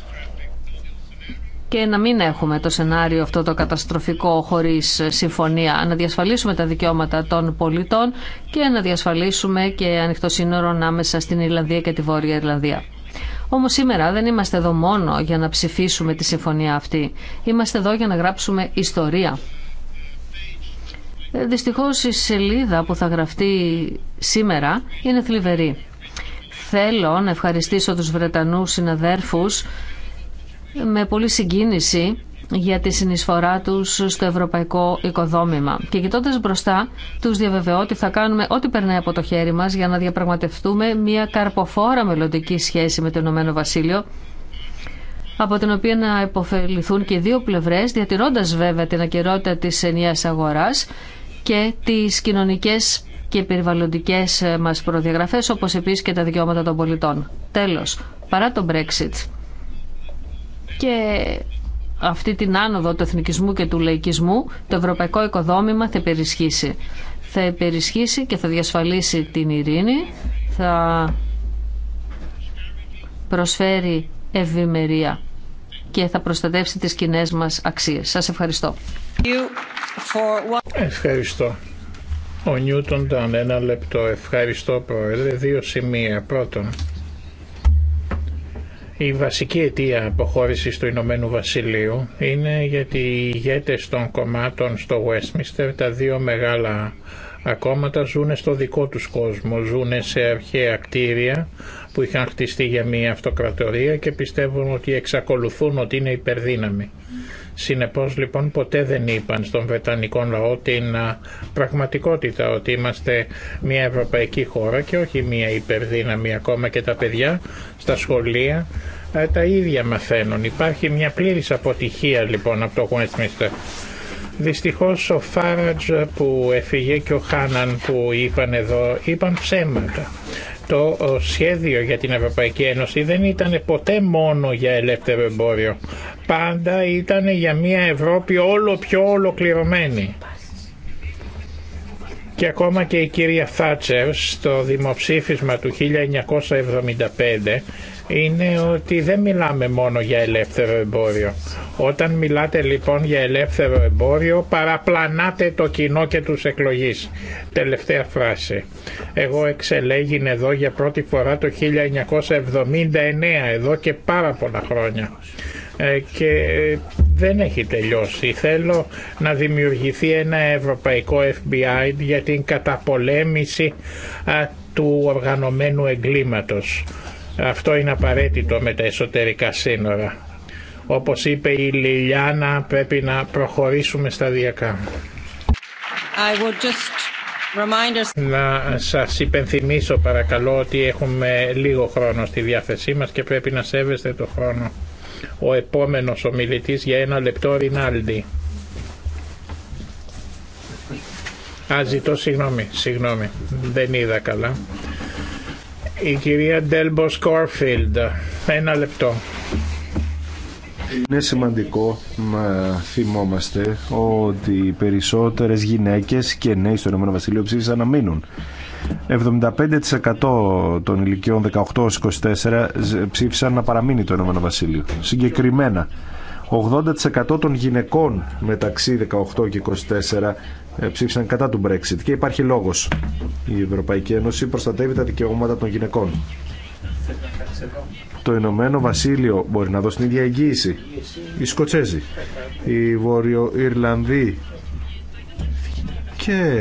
και να μην έχουμε το σενάριο αυτό το καταστροφικό χωρίς συμφωνία, να διασφαλίσουμε τα δικαιώματα των πολιτών και να διασφαλίσουμε και ανοιχτό σύνορο ανάμεσα στην Ιρλανδία και τη Βόρεια Ιρλανδία. Όμως σήμερα δεν είμαστε εδώ μόνο για να ψηφίσουμε τη συμφωνία αυτή. Είμαστε εδώ για να γράψουμε ιστορία. Ε, δυστυχώς η σελίδα που θα γραφτεί σήμερα είναι θλιβερή. Θέλω να ευχαριστήσω τους Βρετανούς συναδέρφους με πολύ συγκίνηση για τη συνεισφορά τους στο ευρωπαϊκό οικοδόμημα. Και κοιτώντα μπροστά, τους διαβεβαιώ ότι θα κάνουμε ό,τι περνάει από το χέρι μας για να διαπραγματευτούμε μια καρποφόρα μελλοντική σχέση με το Ηνωμένο Βασίλειο, από την οποία να υποφεληθούν και οι δύο πλευρές, διατηρώντας βέβαια την ακαιρότητα της ενιαίας αγοράς και τις κοινωνικές και περιβαλλοντικές μας προδιαγραφές, όπως επίσης και τα δικαιώματα των πολιτών. Τέλος, παρά το Brexit, και αυτή την άνοδο του εθνικισμού και του λαϊκισμού το ευρωπαϊκό οικοδόμημα θα υπερισχύσει. Θα υπερισχύσει και θα διασφαλίσει την ειρήνη, θα προσφέρει ευημερία και θα προστατεύσει τις κοινέ μας αξίες. Σας ευχαριστώ. Ευχαριστώ. Ο Νιούτον ήταν ένα λεπτό. Ευχαριστώ πρόεδρε. Δύο σημεία. Πρώτον, η βασική αιτία αποχώρηση του Ηνωμένου Βασιλείου είναι γιατί οι ηγέτε των κομμάτων στο Westminster, τα δύο μεγάλα κόμματα ζουν στο δικό του κόσμο, ζουν σε αρχαία κτίρια που είχαν χτιστεί για μια αυτοκρατορία και πιστεύουν ότι εξακολουθούν ότι είναι υπερδύναμοι. Συνεπώς λοιπόν ποτέ δεν είπαν στον Βρετανικό λαό την πραγματικότητα ότι είμαστε μια ευρωπαϊκή χώρα και όχι μια υπερδύναμη ακόμα και τα παιδιά στα σχολεία τα ίδια μαθαίνουν. Υπάρχει μια πλήρης αποτυχία λοιπόν από το Westminster. Δυστυχώς ο Φάρατζ που έφυγε και ο Χάναν που είπαν εδώ είπαν ψέματα το σχέδιο για την Ευρωπαϊκή Ένωση δεν ήταν ποτέ μόνο για ελεύθερο εμπόριο. Πάντα ήταν για μια Ευρώπη όλο πιο ολοκληρωμένη. Και ακόμα και η κυρία Θάτσερ στο δημοψήφισμα του 1975 είναι ότι δεν μιλάμε μόνο για ελεύθερο εμπόριο. Όταν μιλάτε λοιπόν για ελεύθερο εμπόριο παραπλανάτε το κοινό και τους εκλογείς. Τελευταία φράση. Εγώ εξελέγην εδώ για πρώτη φορά το 1979, εδώ και πάρα πολλά χρόνια ε, και δεν έχει τελειώσει. Θέλω να δημιουργηθεί ένα ευρωπαϊκό FBI για την καταπολέμηση του οργανωμένου εγκλήματος. Αυτό είναι απαραίτητο με τα εσωτερικά σύνορα. Όπως είπε η Λιλιάνα πρέπει να προχωρήσουμε σταδιακά. I Να σας υπενθυμίσω παρακαλώ ότι έχουμε λίγο χρόνο στη διάθεσή μας και πρέπει να σέβεστε το χρόνο. Ο επόμενος ομιλητής για ένα λεπτό Ρινάλντι. Α, ζητώ συγγνώμη, συγγνώμη, δεν είδα καλά. Η κυρία Ντέλμπο Σκόρφιλντ. Ένα λεπτό. Είναι σημαντικό να θυμόμαστε ότι οι περισσότερες γυναίκες και νέοι στο ΕΒ Βασίλειο ψήφισαν να μείνουν. 75% των ηλικιών 18-24 ψήφισαν να παραμείνει το ΕΒ, Βασίλειο. Συγκεκριμένα, 80% των γυναικών μεταξύ 18 και 24 ε, ψήφισαν κατά του Brexit και υπάρχει λόγος. Η Ευρωπαϊκή Ένωση προστατεύει τα δικαιώματα των γυναικών. Το Ηνωμένο Βασίλειο μπορεί να δώσει την ίδια εγγύηση. Οι Σκοτσέζοι, οι Βόρειο-Ιρλανδοί και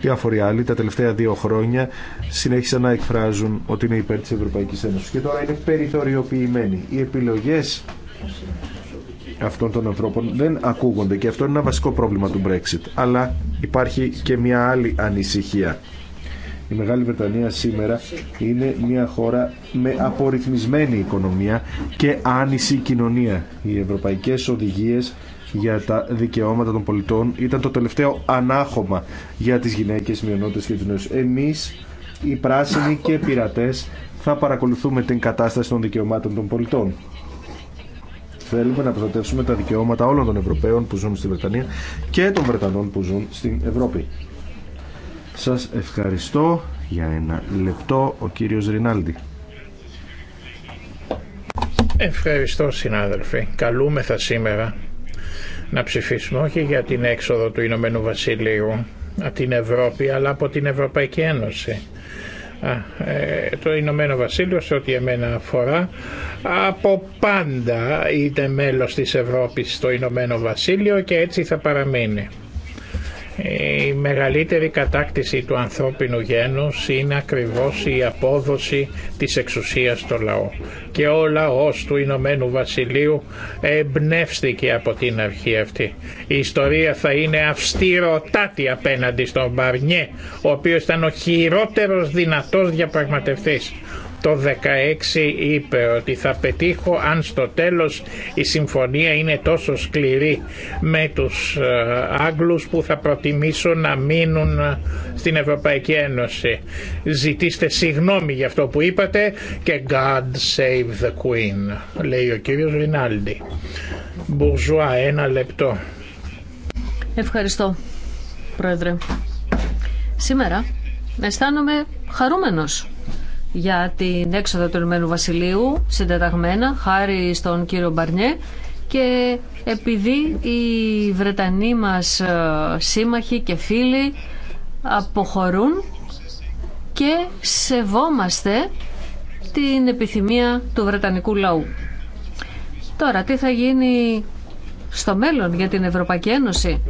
διάφοροι άλλοι τα τελευταία δύο χρόνια συνέχισαν να εκφράζουν ότι είναι υπέρ της Ευρωπαϊκής Ένωσης και τώρα είναι περιθωριοποιημένοι. Οι επιλογές αυτών των ανθρώπων δεν ακούγονται και αυτό είναι ένα βασικό πρόβλημα του Brexit. Αλλά υπάρχει και μια άλλη ανησυχία. Η Μεγάλη Βρετανία σήμερα είναι μια χώρα με απορριθμισμένη οικονομία και άνηση κοινωνία. Οι ευρωπαϊκές οδηγίες για τα δικαιώματα των πολιτών ήταν το τελευταίο ανάχωμα για τις γυναίκες, μειονότητες και τους Εμείς, οι πράσινοι και πειρατές, θα παρακολουθούμε την κατάσταση των δικαιωμάτων των πολιτών θέλουμε να προστατεύσουμε τα δικαιώματα όλων των Ευρωπαίων που ζουν στη Βρετανία και των Βρετανών που ζουν στην Ευρώπη. Σας ευχαριστώ για ένα λεπτό ο κύριος Ρινάλντι. Ευχαριστώ συνάδελφοι. Καλούμεθα σήμερα να ψηφίσουμε όχι για την έξοδο του Ηνωμένου Βασιλείου από την Ευρώπη αλλά από την Ευρωπαϊκή Ένωση ε, το Ηνωμένο Βασίλειο σε ό,τι εμένα αφορά από πάντα είτε μέλος της Ευρώπης το Ηνωμένο Βασίλειο και έτσι θα παραμείνει. Η μεγαλύτερη κατάκτηση του ανθρώπινου γένους είναι ακριβώς η απόδοση της εξουσίας στο λαό. Και ο λαός του Ηνωμένου Βασιλείου εμπνεύστηκε από την αρχή αυτή. Η ιστορία θα είναι αυστηροτάτη απέναντι στον Μπαρνιέ, ο οποίος ήταν ο χειρότερος δυνατός διαπραγματευτής το 16 είπε ότι θα πετύχω αν στο τέλος η συμφωνία είναι τόσο σκληρή με τους ε, Άγγλους που θα προτιμήσω να μείνουν ε, στην Ευρωπαϊκή Ένωση. Ζητήστε συγγνώμη για αυτό που είπατε και God save the Queen λέει ο κύριος Ρινάλντι. Μπουρζουά ένα λεπτό. Ευχαριστώ πρόεδρε. Σήμερα αισθάνομαι χαρούμενος για την έξοδο του Ηνωμένου Βασιλείου συντεταγμένα χάρη στον κύριο Μπαρνιέ και επειδή οι Βρετανοί μας ε, σύμμαχοι και φίλοι αποχωρούν και σεβόμαστε την επιθυμία του Βρετανικού λαού. Τώρα, τι θα γίνει στο μέλλον για την Ευρωπαϊκή Ένωση.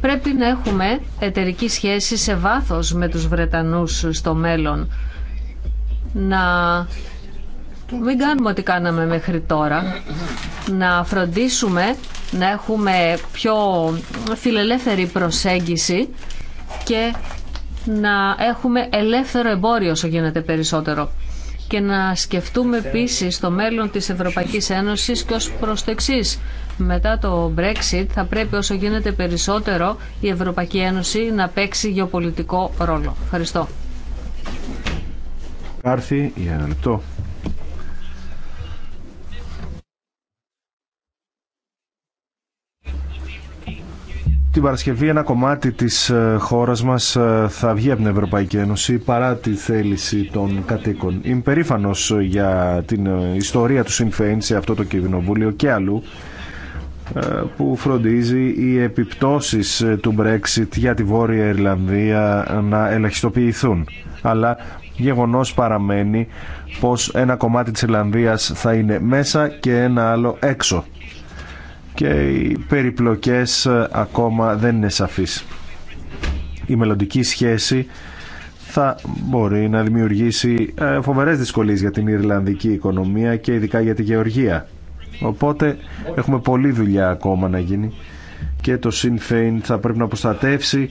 Πρέπει να έχουμε εταιρική σχέση σε βάθος με τους Βρετανούς στο μέλλον να μην κάνουμε ό,τι κάναμε μέχρι τώρα, να φροντίσουμε να έχουμε πιο φιλελεύθερη προσέγγιση και να έχουμε ελεύθερο εμπόριο όσο γίνεται περισσότερο και να σκεφτούμε επίση το μέλλον της Ευρωπαϊκής Ένωσης και ως προς το εξής. Μετά το Brexit θα πρέπει όσο γίνεται περισσότερο η Ευρωπαϊκή Ένωση να παίξει γεωπολιτικό ρόλο. Ευχαριστώ. Κάρθη για ένα λεπτό. Την Παρασκευή ένα κομμάτι της ε, χώρας μας ε, θα βγει από την Ευρωπαϊκή Ένωση παρά τη θέληση των κατοίκων. Είμαι περήφανος ε, για την ιστορία του Sinn σε αυτό το κοινοβούλιο και αλλού που φροντίζει οι επιπτώσεις ε, του Brexit για τη Βόρεια Ιρλανδία ε, να ελαχιστοποιηθούν. Αλλά γεγονός παραμένει πως ένα κομμάτι της Ιρλανδίας θα είναι μέσα και ένα άλλο έξω. Και οι περιπλοκές ε, ακόμα δεν είναι σαφείς. Η μελλοντική σχέση θα μπορεί να δημιουργήσει φοβερές δυσκολίες για την Ιρλανδική οικονομία και ειδικά για τη Γεωργία Οπότε έχουμε πολλή δουλειά ακόμα να γίνει και το Sinn Féin θα πρέπει να προστατεύσει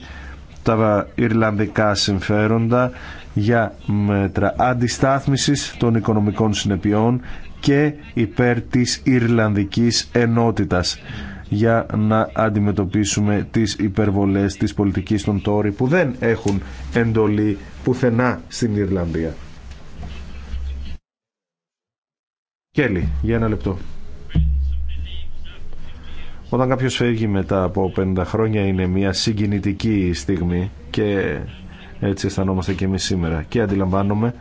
τα Ιρλανδικά συμφέροντα για μέτρα αντιστάθμισης των οικονομικών συνεπειών και υπέρ της Ιρλανδικής ενότητας για να αντιμετωπίσουμε τις υπερβολές της πολιτικής των Τόρι που δεν έχουν εντολή πουθενά στην Ιρλανδία. Κέλλη, για ένα λεπτό. Όταν κάποιος φεύγει μετά από 50 χρόνια είναι μια συγκινητική στιγμή και έτσι αισθανόμαστε και εμείς σήμερα. Και αντιλαμβάνομαι,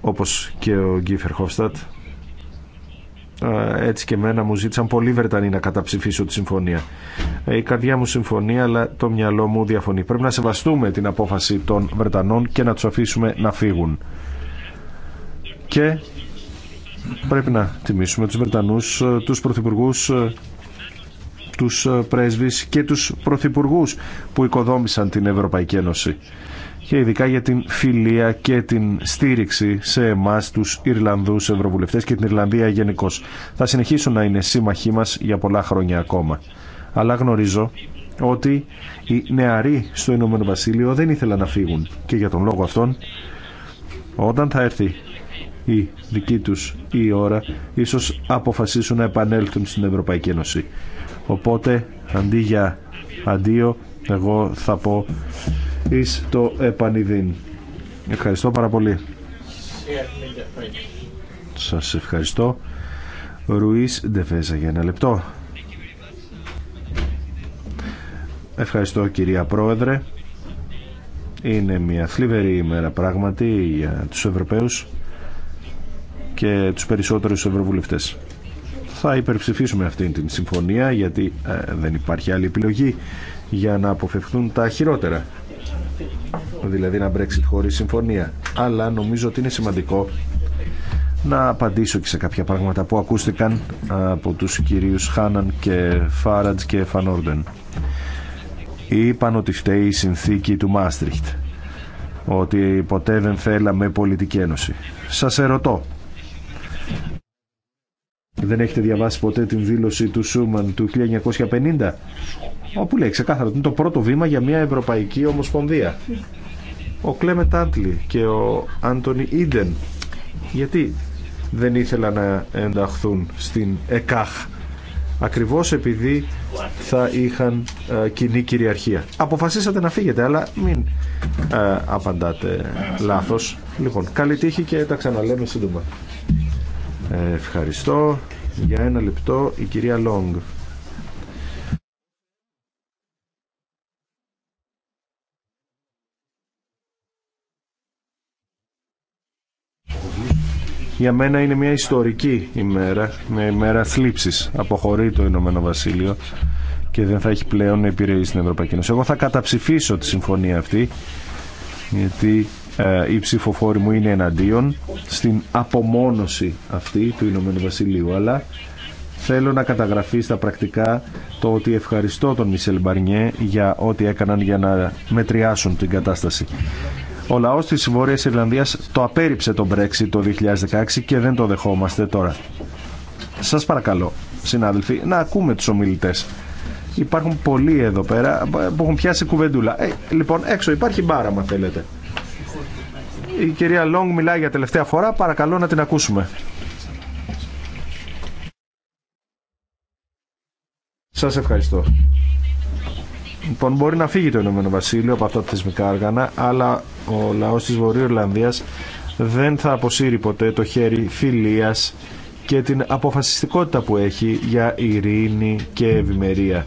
όπως και ο Γκίφερ Χόφστατ, έτσι και εμένα μου ζήτησαν πολλοί Βρετανοί να καταψηφίσω τη συμφωνία. Ε, η καρδιά μου συμφωνεί, αλλά το μυαλό μου διαφωνεί. Πρέπει να σεβαστούμε την απόφαση των Βρετανών και να του αφήσουμε να φύγουν. Και πρέπει να τιμήσουμε τους Βρετανούς, ε, τους Πρωθυπουργού. Ε, τους ε, πρέσβεις και τους πρωθυπουργούς που οικοδόμησαν την Ευρωπαϊκή Ένωση και ειδικά για την φιλία και την στήριξη σε εμά τους Ιρλανδούς Ευρωβουλευτές και την Ιρλανδία γενικώ. Θα συνεχίσουν να είναι σύμμαχοί μας για πολλά χρόνια ακόμα. Αλλά γνωρίζω ότι οι νεαροί στο Ηνωμένο Βασίλειο δεν ήθελαν να φύγουν και για τον λόγο αυτόν όταν θα έρθει η δική τους η ώρα ίσως αποφασίσουν να επανέλθουν στην Ευρωπαϊκή Ένωση. Οπότε αντί για αντίο εγώ θα πω εις το επανειδήν. Ευχαριστώ πάρα πολύ. Σας ευχαριστώ. Ρουίς Ντεφέζα για ένα λεπτό. Ευχαριστώ κυρία Πρόεδρε. Είναι μια θλιβερή ημέρα πράγματι για τους Ευρωπαίους και τους περισσότερους Ευρωβουλευτές θα υπερψηφίσουμε αυτήν την συμφωνία γιατί ε, δεν υπάρχει άλλη επιλογή για να αποφευχθούν τα χειρότερα δηλαδή να Brexit χωρίς συμφωνία αλλά νομίζω ότι είναι σημαντικό να απαντήσω και σε κάποια πράγματα που ακούστηκαν από τους κυρίους Χάναν και Φάραντς και Φανόρντεν είπαν ότι φταίει η συνθήκη του Μάστριχτ ότι ποτέ δεν θέλαμε πολιτική ένωση σας ερωτώ δεν έχετε διαβάσει ποτέ την δήλωση του Σούμαν του 1950 όπου λέει ξεκάθαρα ότι είναι το πρώτο βήμα για μια Ευρωπαϊκή Ομοσπονδία. Ο Κλέμετ Τάντλι και ο Άντωνι Ίντεν γιατί δεν ήθελαν να ενταχθούν στην ΕΚΑΧ ακριβώς επειδή θα είχαν ε, κοινή κυριαρχία. Αποφασίσατε να φύγετε, αλλά μην ε, απαντάτε λάθος. Λοιπόν, καλή τύχη και τα ξαναλέμε σύντομα. Ευχαριστώ. Για ένα λεπτό η κυρία Λόγκ. Για μένα είναι μια ιστορική ημέρα, μια ημέρα θλίψης. Αποχωρεί το Ηνωμένο Βασίλειο και δεν θα έχει πλέον επιρροή στην Ευρωπαϊκή Ένωση. Εγώ θα καταψηφίσω τη συμφωνία αυτή, γιατί ε, οι ψηφοφόροι μου είναι εναντίον στην απομόνωση αυτή του Ηνωμένου Βασιλείου αλλά θέλω να καταγραφεί στα πρακτικά το ότι ευχαριστώ τον Μισελ Μπαρνιέ για ό,τι έκαναν για να μετριάσουν την κατάσταση. Ο λαός της Βόρειας Ιρλανδίας το απέρριψε τον Brexit το 2016 και δεν το δεχόμαστε τώρα. Σας παρακαλώ, συνάδελφοι, να ακούμε τους ομιλητές. Υπάρχουν πολλοί εδώ πέρα που έχουν πιάσει κουβεντούλα. Ε, λοιπόν, έξω υπάρχει μπάρα, θέλετε. Η κυρία Λόγκ μιλάει για τελευταία φορά. Παρακαλώ να την ακούσουμε. Σας ευχαριστώ. Λοιπόν, μπορεί να φύγει το Ηνωμένο Βασίλειο από αυτά τα θεσμικά όργανα, αλλά ο λαός της Βορειοϊρλανδίας δεν θα αποσύρει ποτέ το χέρι φιλίας και την αποφασιστικότητα που έχει για ειρήνη και ευημερία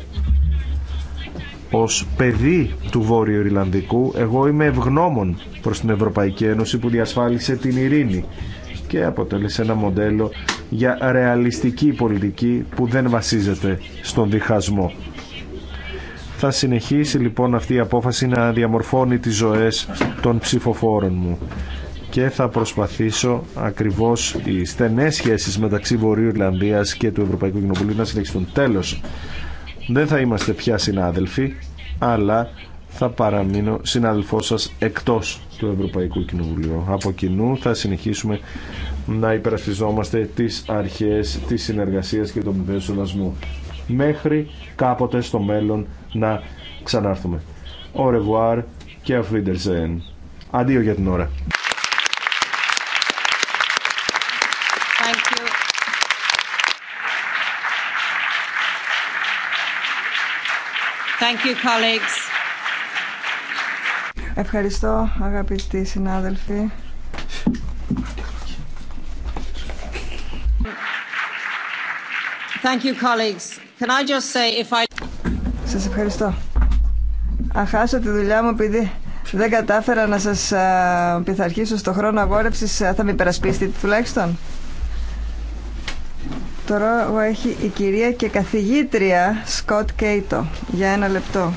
ως παιδί του Βόρειο Ιρλανδικού εγώ είμαι ευγνώμων προς την Ευρωπαϊκή Ένωση που διασφάλισε την ειρήνη και αποτέλεσε ένα μοντέλο για ρεαλιστική πολιτική που δεν βασίζεται στον διχασμό. Θα συνεχίσει λοιπόν αυτή η απόφαση να διαμορφώνει τις ζωές των ψηφοφόρων μου και θα προσπαθήσω ακριβώς οι στενές σχέσεις μεταξύ Βορείου Ιρλανδίας και του Ευρωπαϊκού Κοινοβουλίου να συνεχιστούν. Τέλος, δεν θα είμαστε πια συνάδελφοι, αλλά θα παραμείνω συνάδελφός σας εκτός του Ευρωπαϊκού Κοινοβουλίου. Από κοινού θα συνεχίσουμε να υπερασπιζόμαστε τις αρχές της συνεργασίας και των μηδέου Μέχρι κάποτε στο μέλλον να ξανάρθουμε. Au revoir και auf Wiedersehen. Αντίο για την ώρα. Ευχαριστώ αγαπητοί συνάδελφοι. Thank you, colleagues. Can I just say if I... Σας ευχαριστώ. Αν χάσω τη δουλειά μου επειδή δεν κατάφερα να σας πειθαρχήσω στο χρόνο αγόρευσης, θα με υπερασπίσετε τουλάχιστον τώρα έχει η κυρία και καθηγήτρια Σκοτ Κέιτο. Για ένα λεπτό.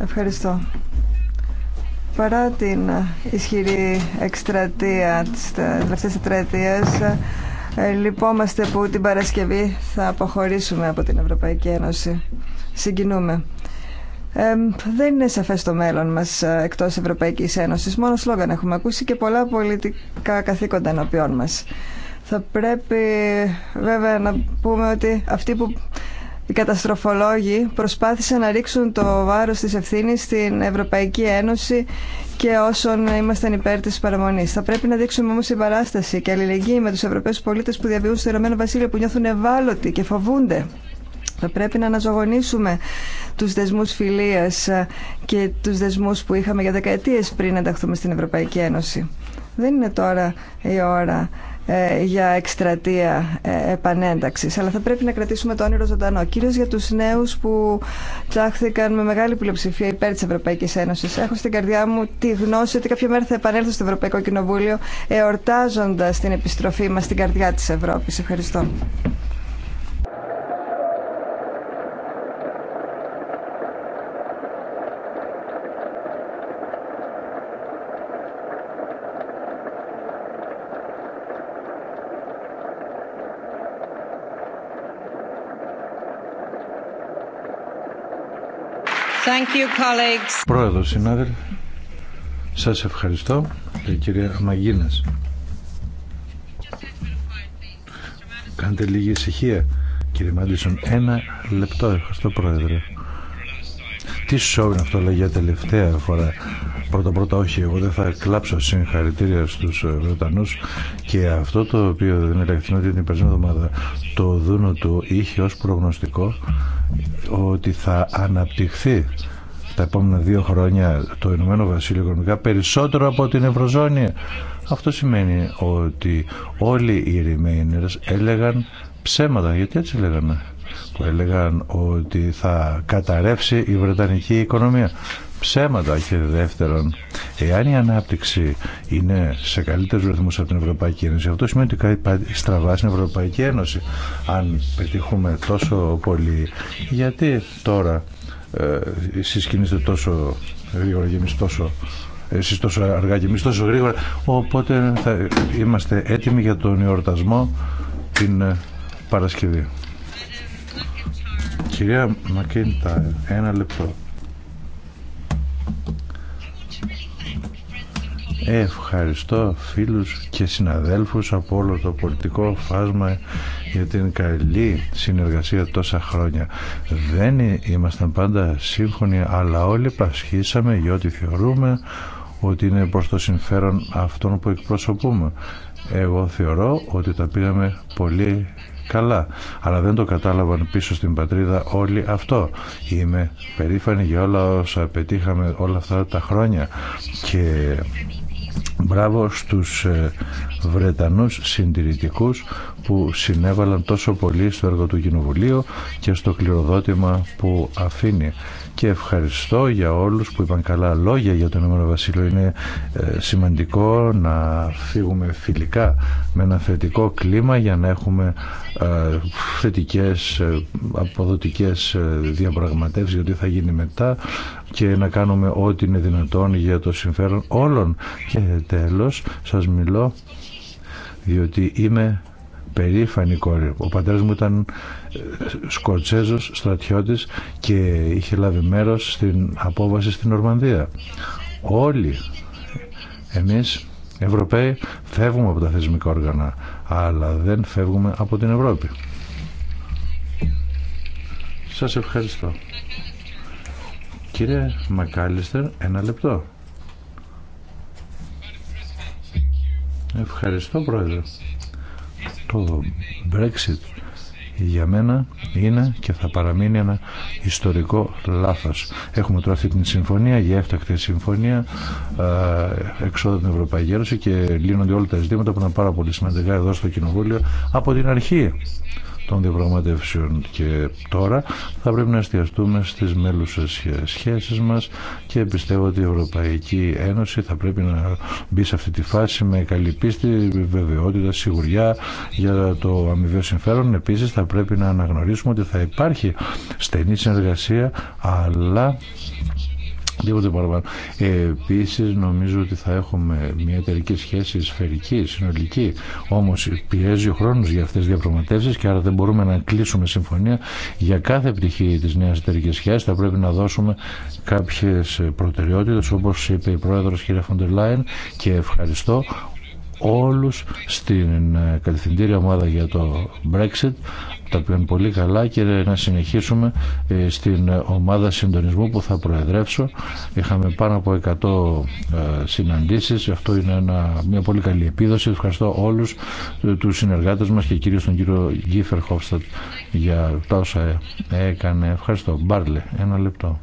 Ευχαριστώ. Παρά την ισχυρή εκστρατεία της τελευταίας τετραετίας, ε, λυπόμαστε που την Παρασκευή θα αποχωρήσουμε από την Ευρωπαϊκή Ένωση. Συγκινούμε ε, δεν είναι σαφέ το μέλλον μα ε, εκτό Ευρωπαϊκή Ένωση. Μόνο σλόγγαν έχουμε ακούσει και πολλά πολιτικά καθήκοντα ενώπιόν μα. Θα πρέπει βέβαια να πούμε ότι αυτοί που οι καταστροφολόγοι προσπάθησαν να ρίξουν το βάρος της ευθύνης στην Ευρωπαϊκή Ένωση και όσων ήμασταν υπέρ τη παραμονής Θα πρέπει να δείξουμε όμω παράσταση και αλληλεγγύη με τους Ευρωπαίους πολίτες που διαβιούν στο Ηνωμένο Βασίλειο που νιώθουν ευάλωτοι και φοβούνται. Θα πρέπει να αναζωογονήσουμε τους δεσμούς φιλίας ε, και τους δεσμούς που είχαμε για δεκαετίες πριν ενταχθούμε στην Ευρωπαϊκή Ένωση. Δεν είναι τώρα η ώρα ε, για εκστρατεία ε, επανένταξης, αλλά θα πρέπει να κρατήσουμε το όνειρο ζωντανό, κυρίως για τους νέους που τσάχθηκαν με μεγάλη πλειοψηφία υπέρ της Ευρωπαϊκής Ένωσης. Έχω στην καρδιά μου τη γνώση ότι κάποια μέρα θα επανέλθω στο Ευρωπαϊκό Κοινοβούλιο εορτάζοντας την επιστροφή μας στην καρδιά της Ευρώπης. Ευχαριστώ. Thank Πρόεδρος, συνάδελφοι, σας ευχαριστώ και κυρία Μαγίνας. Κάντε λίγη ησυχία, κύριε Μάντισον. Ένα λεπτό, ευχαριστώ πρόεδρε. Τι σοου είναι αυτό, λέει, για τελευταία φορά. Πρώτα-πρώτα όχι, εγώ δεν θα κλάψω συγχαρητήρια στους ε, Βρετανούς και αυτό το οποίο δεν ελεγχθεί ότι την περσμένη εβδομάδα το Δούνο του είχε ως προγνωστικό ότι θα αναπτυχθεί τα επόμενα δύο χρόνια το Ηνωμένο Βασίλειο οικονομικά περισσότερο από την Ευρωζώνη. Αυτό σημαίνει ότι όλοι οι Remainers έλεγαν ψέματα, γιατί έτσι λέγανε, που έλεγαν ότι θα καταρρεύσει η Βρετανική οικονομία. Ψέματα και δεύτερον, εάν η ανάπτυξη είναι σε καλύτερου ρυθμού από την Ευρωπαϊκή Ένωση, αυτό σημαίνει ότι κάτι στραβά στην Ευρωπαϊκή Ένωση. Αν πετύχουμε τόσο πολύ, γιατί τώρα ε, εσείς τόσο γρήγορα και τόσο εσείς τόσο αργά και εμείς τόσο γρήγορα οπότε θα είμαστε έτοιμοι για τον εορτασμό την ε, Παρασκευή Κυρία Μακίντα, ένα λεπτό. Ευχαριστώ φίλους και συναδέλφους από όλο το πολιτικό φάσμα για την καλή συνεργασία τόσα χρόνια. Δεν ήμασταν πάντα σύμφωνοι, αλλά όλοι πασχίσαμε για ό,τι θεωρούμε ότι είναι προς το συμφέρον αυτών που εκπροσωπούμε. Εγώ θεωρώ ότι τα πήγαμε πολύ καλά, αλλά δεν το κατάλαβαν πίσω στην πατρίδα όλοι αυτό. Είμαι περήφανη για όλα όσα πετύχαμε όλα αυτά τα χρόνια και Μπράβο στους ε, Βρετανούς συντηρητικούς που συνέβαλαν τόσο πολύ στο έργο του Κοινοβουλίου και στο κληροδότημα που αφήνει και ευχαριστώ για όλους που είπαν καλά λόγια για τον Ηνωμένο Βασίλειο. Είναι ε, σημαντικό να φύγουμε φιλικά με ένα θετικό κλίμα για να έχουμε ε, θετικές ε, αποδοτικές διαπραγματεύσεις γιατί θα γίνει μετά και να κάνουμε ό,τι είναι δυνατόν για το συμφέρον όλων. Και τέλος σας μιλώ διότι είμαι περήφανη κόρη. Ο πατέρα μου ήταν ε, Σκοτσέζος στρατιώτης και είχε λάβει μέρο στην απόβαση στην Ορμανδία. Όλοι εμείς Ευρωπαίοι φεύγουμε από τα θεσμικά όργανα αλλά δεν φεύγουμε από την Ευρώπη. Σας ευχαριστώ. Κύριε Μακάλιστερ, ένα λεπτό. Ευχαριστώ, Πρόεδρε. Το Brexit για μένα είναι και θα παραμείνει ένα ιστορικό λάθος. Έχουμε τώρα αυτή την συμφωνία, για έφτακτη συμφωνία εξόδου την Ευρωπαϊκή Ένωση και λύνονται όλα τα ζητήματα που ήταν πάρα πολύ σημαντικά εδώ στο Κοινοβούλιο από την αρχή των διαπραγματεύσεων και τώρα θα πρέπει να εστιαστούμε στις μέλουσες σχέσεις μας και πιστεύω ότι η Ευρωπαϊκή Ένωση θα πρέπει να μπει σε αυτή τη φάση με καλή πίστη, βεβαιότητα, σιγουριά για το αμοιβαίο συμφέρον. Επίσης θα πρέπει να αναγνωρίσουμε ότι θα υπάρχει στενή συνεργασία αλλά Τίποτε παραπάνω. Ε, Επίση, νομίζω ότι θα έχουμε μια εταιρική σχέση σφαιρική, συνολική. Όμω, πιέζει ο χρόνο για αυτέ τι διαπραγματεύσει και άρα δεν μπορούμε να κλείσουμε συμφωνία για κάθε πτυχή τη νέα εταιρική σχέση. Θα πρέπει να δώσουμε κάποιε προτεραιότητε, όπω είπε η πρόεδρο κ. Φοντερ και ευχαριστώ όλους στην ε, κατευθυντήρια ομάδα για το Brexit τα είναι πολύ καλά και να συνεχίσουμε ε, στην ε, ομάδα συντονισμού που θα προεδρεύσω. Είχαμε πάνω από 100 συναντήσεις, αυτό είναι ένα, μια πολύ καλή επίδοση. Ευχαριστώ όλους τους συνεργάτες μας και κυρίως τον κύριο Γκίφερ Χόφστατ για τα όσα έκανε. Ευχαριστώ. Μπάρλε, ένα λεπτό.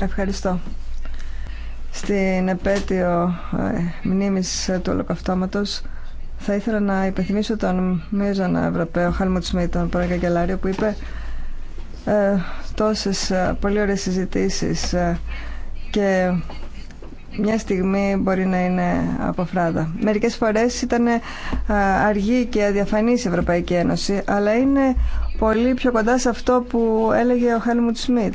Ευχαριστώ. Στην επέτειο ε, μνήμης του Ολοκαυτώματος θα ήθελα να υπενθυμίσω τον μείζωνα Ευρωπαίο Χάλμουτ Σμίτ, τον πρώην καγκελάριο, που είπε ε, τόσες ε, πολύ ωραίες συζητήσεις ε, και μια στιγμή μπορεί να είναι αποφράδα. Μερικές φορές ήταν αργή και αδιαφανής η Ευρωπαϊκή Ένωση, αλλά είναι πολύ πιο κοντά σε αυτό που έλεγε ο Χέλμουντ Σμιτ.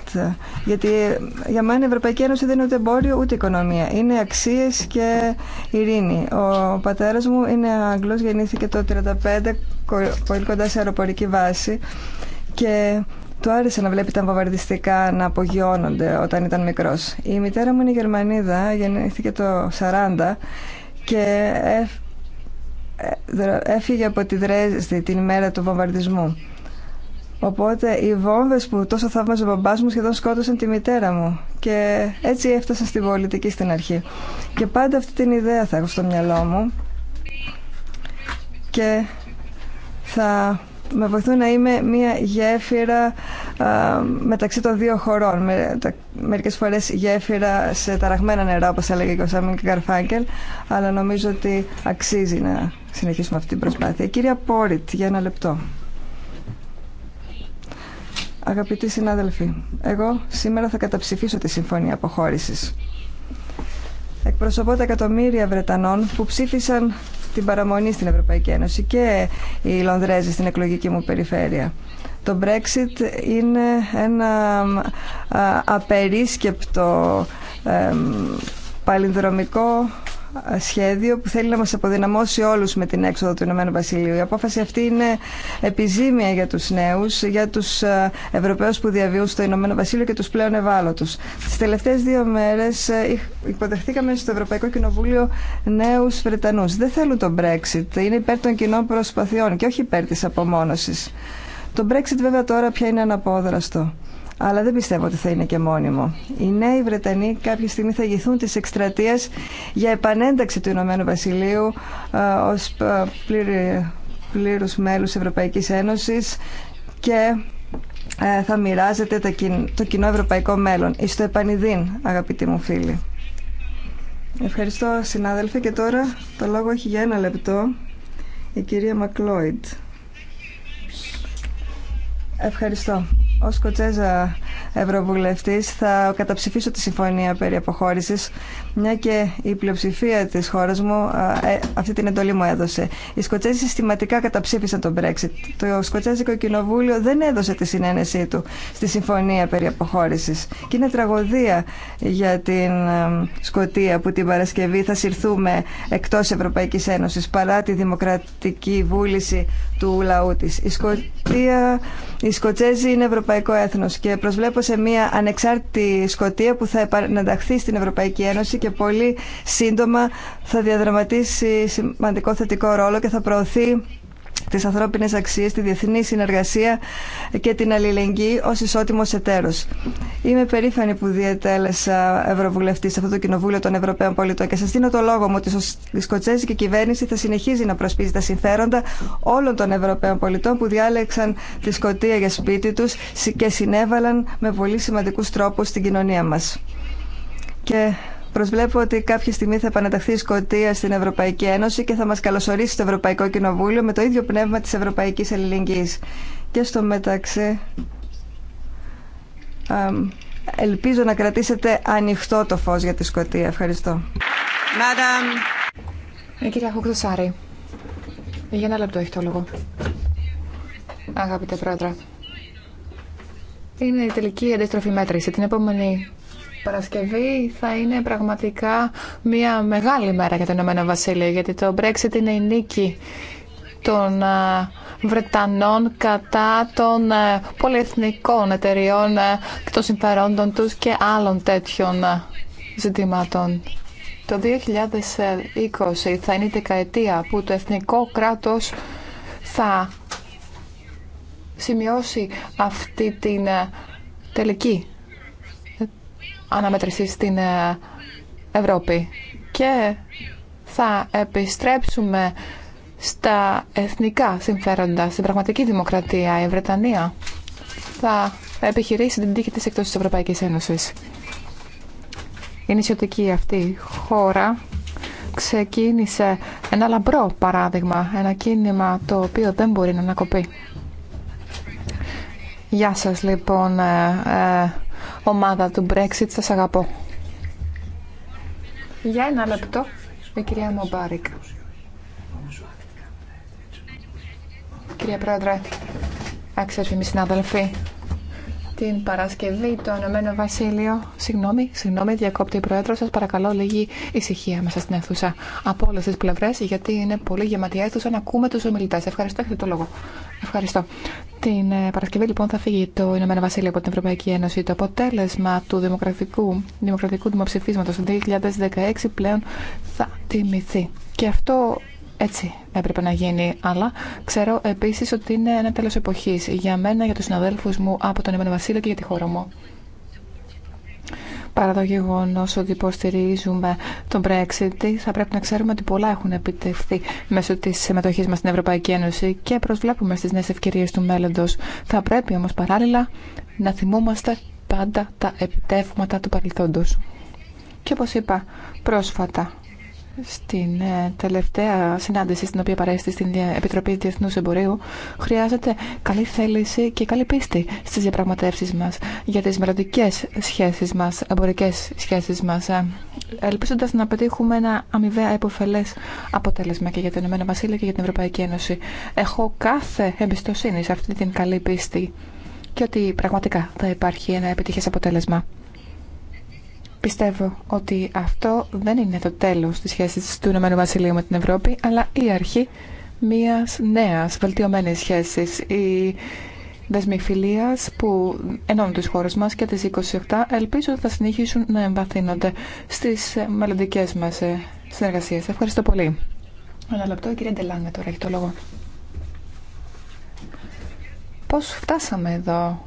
Γιατί ε, για μένα η Ευρωπαϊκή Ένωση δεν είναι ούτε εμπόριο ούτε οικονομία. Είναι αξίες και ειρήνη. Ο πατέρας μου είναι Άγγλος, γεννήθηκε το 1935 πολύ κοντά σε αεροπορική βάση και του άρεσε να βλέπει τα βαβαρδιστικά να απογειώνονται όταν ήταν μικρός. Η μητέρα μου είναι Γερμανίδα, γεννήθηκε το 40 και ε, έφυγε από τη Δρέσδη την ημέρα του βομβαρδισμού. Οπότε οι βόμβες που τόσο θαύμαζε ο μπαμπάς μου σχεδόν σκότωσαν τη μητέρα μου και έτσι έφτασα στην πολιτική στην αρχή. Και πάντα αυτή την ιδέα θα έχω στο μυαλό μου και θα με βοηθούν να είμαι μια γέφυρα μεταξύ των δύο χωρών. Με, τα, μερικές φορές γέφυρα σε ταραγμένα νερά, όπως έλεγε και ο Σάμιν Καρφάγκελ, αλλά νομίζω ότι αξίζει να συνεχίσουμε αυτή την προσπάθεια. Κυρία Πόριτ, για ένα λεπτό. Αγαπητοί συνάδελφοι, εγώ σήμερα θα καταψηφίσω τη Συμφωνία Αποχώρησης. Εκπροσωπώ τα εκατομμύρια Βρετανών που ψήφισαν την παραμονή στην Ευρωπαϊκή Ένωση και οι Λονδρέζοι στην εκλογική μου περιφέρεια. Το Brexit είναι ένα απερίσκεπτο παλινδρομικό σχέδιο που θέλει να μας αποδυναμώσει όλους με την έξοδο του Ηνωμένου Βασιλείου. Η απόφαση αυτή είναι επιζήμια για τους νέους, για τους ε, Ευρωπαίους που διαβίουν στο Ηνωμένο Βασίλειο και τους πλέον ευάλωτους. Τις τελευταίες δύο μέρες ε, υποδεχθήκαμε στο Ευρωπαϊκό Κοινοβούλιο νέους Βρετανούς. Δεν θέλουν το Brexit, είναι υπέρ των κοινών προσπαθειών και όχι υπέρ της απομόνωσης. Το Brexit βέβαια τώρα πια είναι αναπόδραστο αλλά δεν πιστεύω ότι θα είναι και μόνιμο. Οι νέοι Βρετανοί κάποια στιγμή θα ηγηθούν τη εκστρατεία για επανένταξη του Ηνωμένου Βασιλείου ε, ω ε, πλήρου μέλους Ευρωπαϊκή Ένωση και ε, θα μοιράζεται το κοινό ευρωπαϊκό μέλλον. Εις το επανειδήν, αγαπητοί μου φίλοι. Ευχαριστώ, συνάδελφε. Και τώρα το λόγο έχει για ένα λεπτό η κυρία Μακλόιντ. Ευχαριστώ. Ω Σκοτσέζα Ευρωβουλευτή, θα καταψηφίσω τη συμφωνία περί αποχώρησης μια και η πλειοψηφία τη χώρα μου ε, αυτή την εντολή μου έδωσε. Οι Σκοτσέζοι συστηματικά καταψήφισαν τον Brexit. Το Σκοτσέζικο Κοινοβούλιο δεν έδωσε τη συνένεσή του στη συμφωνία περί αποχώρησης. Και είναι τραγωδία για την Σκοτία που την Παρασκευή θα συρθούμε εκτό Ευρωπαϊκή Ένωση παρά τη δημοκρατική βούληση του λαού τη. Η Σκοτία, οι Σκοτσέζοι είναι ευρωπαϊκό έθνος και προσβλέπω σε μια ανεξάρτητη Σκοτία που θα επαναταχθεί στην Ευρωπαϊκή Ένωση και πολύ σύντομα θα διαδραματίσει σημαντικό θετικό ρόλο και θα προωθεί τις ανθρώπινες αξίες, τη διεθνή συνεργασία και την αλληλεγγύη ως ισότιμος εταίρος. Είμαι περήφανη που διετέλεσα Ευρωβουλευτή σε αυτό το Κοινοβούλιο των Ευρωπαίων Πολιτών και σας δίνω το λόγο μου ότι η Σκοτσέζικη κυβέρνηση θα συνεχίζει να προσπίζει τα συμφέροντα όλων των Ευρωπαίων Πολιτών που διάλεξαν τη Σκοτία για σπίτι τους και συνέβαλαν με πολύ σημαντικούς τρόπους στην κοινωνία μας. Και Προσβλέπω ότι κάποια στιγμή θα επαναταχθεί η Σκωτία στην Ευρωπαϊκή Ένωση και θα μα καλωσορίσει το Ευρωπαϊκό Κοινοβούλιο με το ίδιο πνεύμα τη Ευρωπαϊκή Ελληνική. Και στο μεταξύ. Ελπίζω να κρατήσετε ανοιχτό το φως για τη Σκωτία. Ευχαριστώ. Ε, κυρία Χουκδουσάρη, για ένα λεπτό έχει το λόγο. Αγαπητέ Πρόεδρε, είναι η τελική αντίστροφη μέτρηση. Την επόμενη Παρασκευή θα είναι πραγματικά μια μεγάλη μέρα για τον Ηνωμένο Βασίλειο, γιατί το Brexit είναι η νίκη των ε, Βρετανών κατά των ε, πολυεθνικών εταιριών ε, και των συμφερόντων τους και άλλων τέτοιων ζητημάτων. Το 2020 θα είναι η δεκαετία που το εθνικό κράτος θα σημειώσει αυτή την τελική αναμετρηθεί στην ε, Ευρώπη και θα επιστρέψουμε στα εθνικά συμφέροντα, στην πραγματική δημοκρατία. Η Βρετανία θα επιχειρήσει την τύχη της εκτός της Ευρωπαϊκής Ένωσης. Η νησιωτική αυτή χώρα ξεκίνησε ένα λαμπρό παράδειγμα, ένα κίνημα το οποίο δεν μπορεί να ανακοπεί. Γεια σας λοιπόν, ε, ε, ομάδα του Brexit. Σας αγαπώ. Για ένα λεπτό, η κυρία Μομπάρικ. Κυρία Πρόεδρε, αξιότιμοι συνάδελφοι, την Παρασκευή το Ενωμένο Βασίλειο. Συγγνώμη, συγγνώμη, διακόπτη η Πρόεδρο. Σα παρακαλώ λίγη ησυχία μέσα στην αίθουσα από όλε τι πλευρέ, γιατί είναι πολύ γεματιά αίθουσα να ακούμε του ομιλητέ. Ευχαριστώ, έχετε το λόγο. Ευχαριστώ. Την ε, Παρασκευή λοιπόν θα φύγει το Ηνωμένο Βασίλειο από την Ευρωπαϊκή Ένωση. Το αποτέλεσμα του δημοκρατικού, δημοκρατικού δημοψηφίσματο του 2016 πλέον θα τιμηθεί. Και αυτό έτσι έπρεπε να γίνει. Αλλά ξέρω επίση ότι είναι ένα τέλο εποχή για μένα, για του συναδέλφου μου από τον Ιωάννη Βασίλειο και για τη χώρα μου. Παρά το γεγονό ότι υποστηρίζουμε τον Brexit, θα πρέπει να ξέρουμε ότι πολλά έχουν επιτευχθεί μέσω τη συμμετοχή μα στην Ευρωπαϊκή Ένωση και προσβλέπουμε στι νέε ευκαιρίε του μέλλοντο. Θα πρέπει όμω παράλληλα να θυμόμαστε πάντα τα επιτεύγματα του παρελθόντος. Και όπως είπα πρόσφατα στην ε, τελευταία συνάντηση στην οποία παρέστη στην Επιτροπή Διεθνούς Εμπορίου χρειάζεται καλή θέληση και καλή πίστη στις διαπραγματεύσεις μας για τις μελλοντικέ σχέσεις μας, εμπορικές σχέσεις μας ε, ελπίζοντας να πετύχουμε ένα αμοιβαία υποφελές αποτέλεσμα και για το Ηνωμένο Βασίλειο και για την Ευρωπαϊκή Ένωση. Έχω κάθε εμπιστοσύνη σε αυτή την καλή πίστη και ότι πραγματικά θα υπάρχει ένα επιτυχές αποτέλεσμα. Πιστεύω ότι αυτό δεν είναι το τέλος της σχέσης του Ηνωμένου Βασιλείου με την Ευρώπη, αλλά η αρχή μιας νέας βελτιωμένης σχέσης. Η δεσμοί που ενώνουν τις χώρες μας και τις 27 ελπίζω ότι θα συνεχίσουν να εμβαθύνονται στις μελλοντικέ μας ε, συνεργασίες. Ευχαριστώ πολύ. Ένα λεπτό, το Πώς φτάσαμε εδώ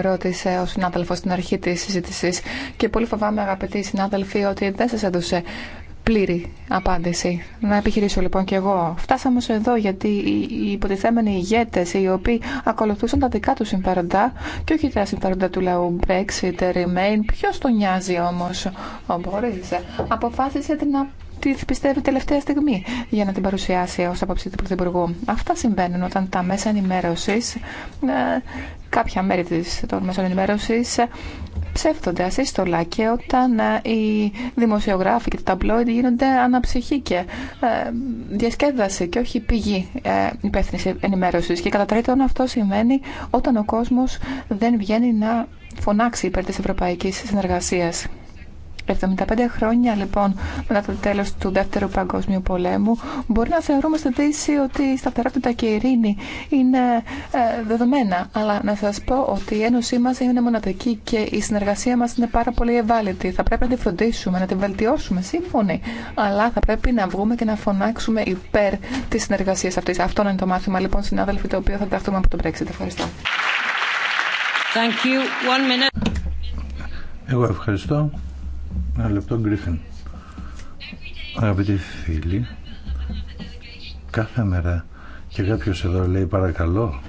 ρώτησε ο συνάδελφος στην αρχή της συζήτησης και πολύ φοβάμαι αγαπητοί συνάδελφοι ότι δεν σας έδωσε πλήρη απάντηση. Να επιχειρήσω λοιπόν και εγώ. Φτάσαμε σε εδώ γιατί οι υποτιθέμενοι ηγέτες οι οποίοι ακολουθούσαν τα δικά του συμφέροντα και όχι τα συμφέροντα του λαού Brexit, Remain, ποιος τον νοιάζει όμως ο Μπορείς, αποφάσισε την τι πιστεύει τελευταία στιγμή για να την παρουσιάσει ως άποψη του Πρωθυπουργού. Αυτά συμβαίνουν όταν τα μέσα ενημέρωσης, ε, κάποια μέρη των μέσων ενημέρωσης, ε, ψεύτονται ασύστολα και όταν ε, οι δημοσιογράφοι και τα ταμπλόιντ γίνονται αναψυχή και διασκέδαση και όχι πηγή υπεύθυνη ενημέρωσης. Και κατά τρίτον αυτό σημαίνει όταν ο κόσμος δεν βγαίνει να φωνάξει υπέρ της ευρωπαϊκής συνεργασίας. 75 χρόνια λοιπόν μετά το τέλος του Δεύτερου Παγκόσμιου Πολέμου μπορεί να θεωρούμε στη Δύση ότι η σταθερότητα και η ειρήνη είναι ε, δεδομένα. Αλλά να σας πω ότι η ένωσή μας είναι μοναδική και η συνεργασία μας είναι πάρα πολύ ευάλωτη. Θα πρέπει να τη φροντίσουμε, να την βελτιώσουμε, σύμφωνοι. Αλλά θα πρέπει να βγούμε και να φωνάξουμε υπέρ της συνεργασίας αυτής. Αυτό είναι το μάθημα λοιπόν συνάδελφοι το οποίο θα ταχθούμε από τον Brexit. Ευχαριστώ. Thank you. One minute. Εγώ ευχαριστώ. Ένα λεπτό Γκρίφιν. Αγαπητοί φίλοι, κάθε μέρα και κάποιος εδώ λέει παρακαλώ,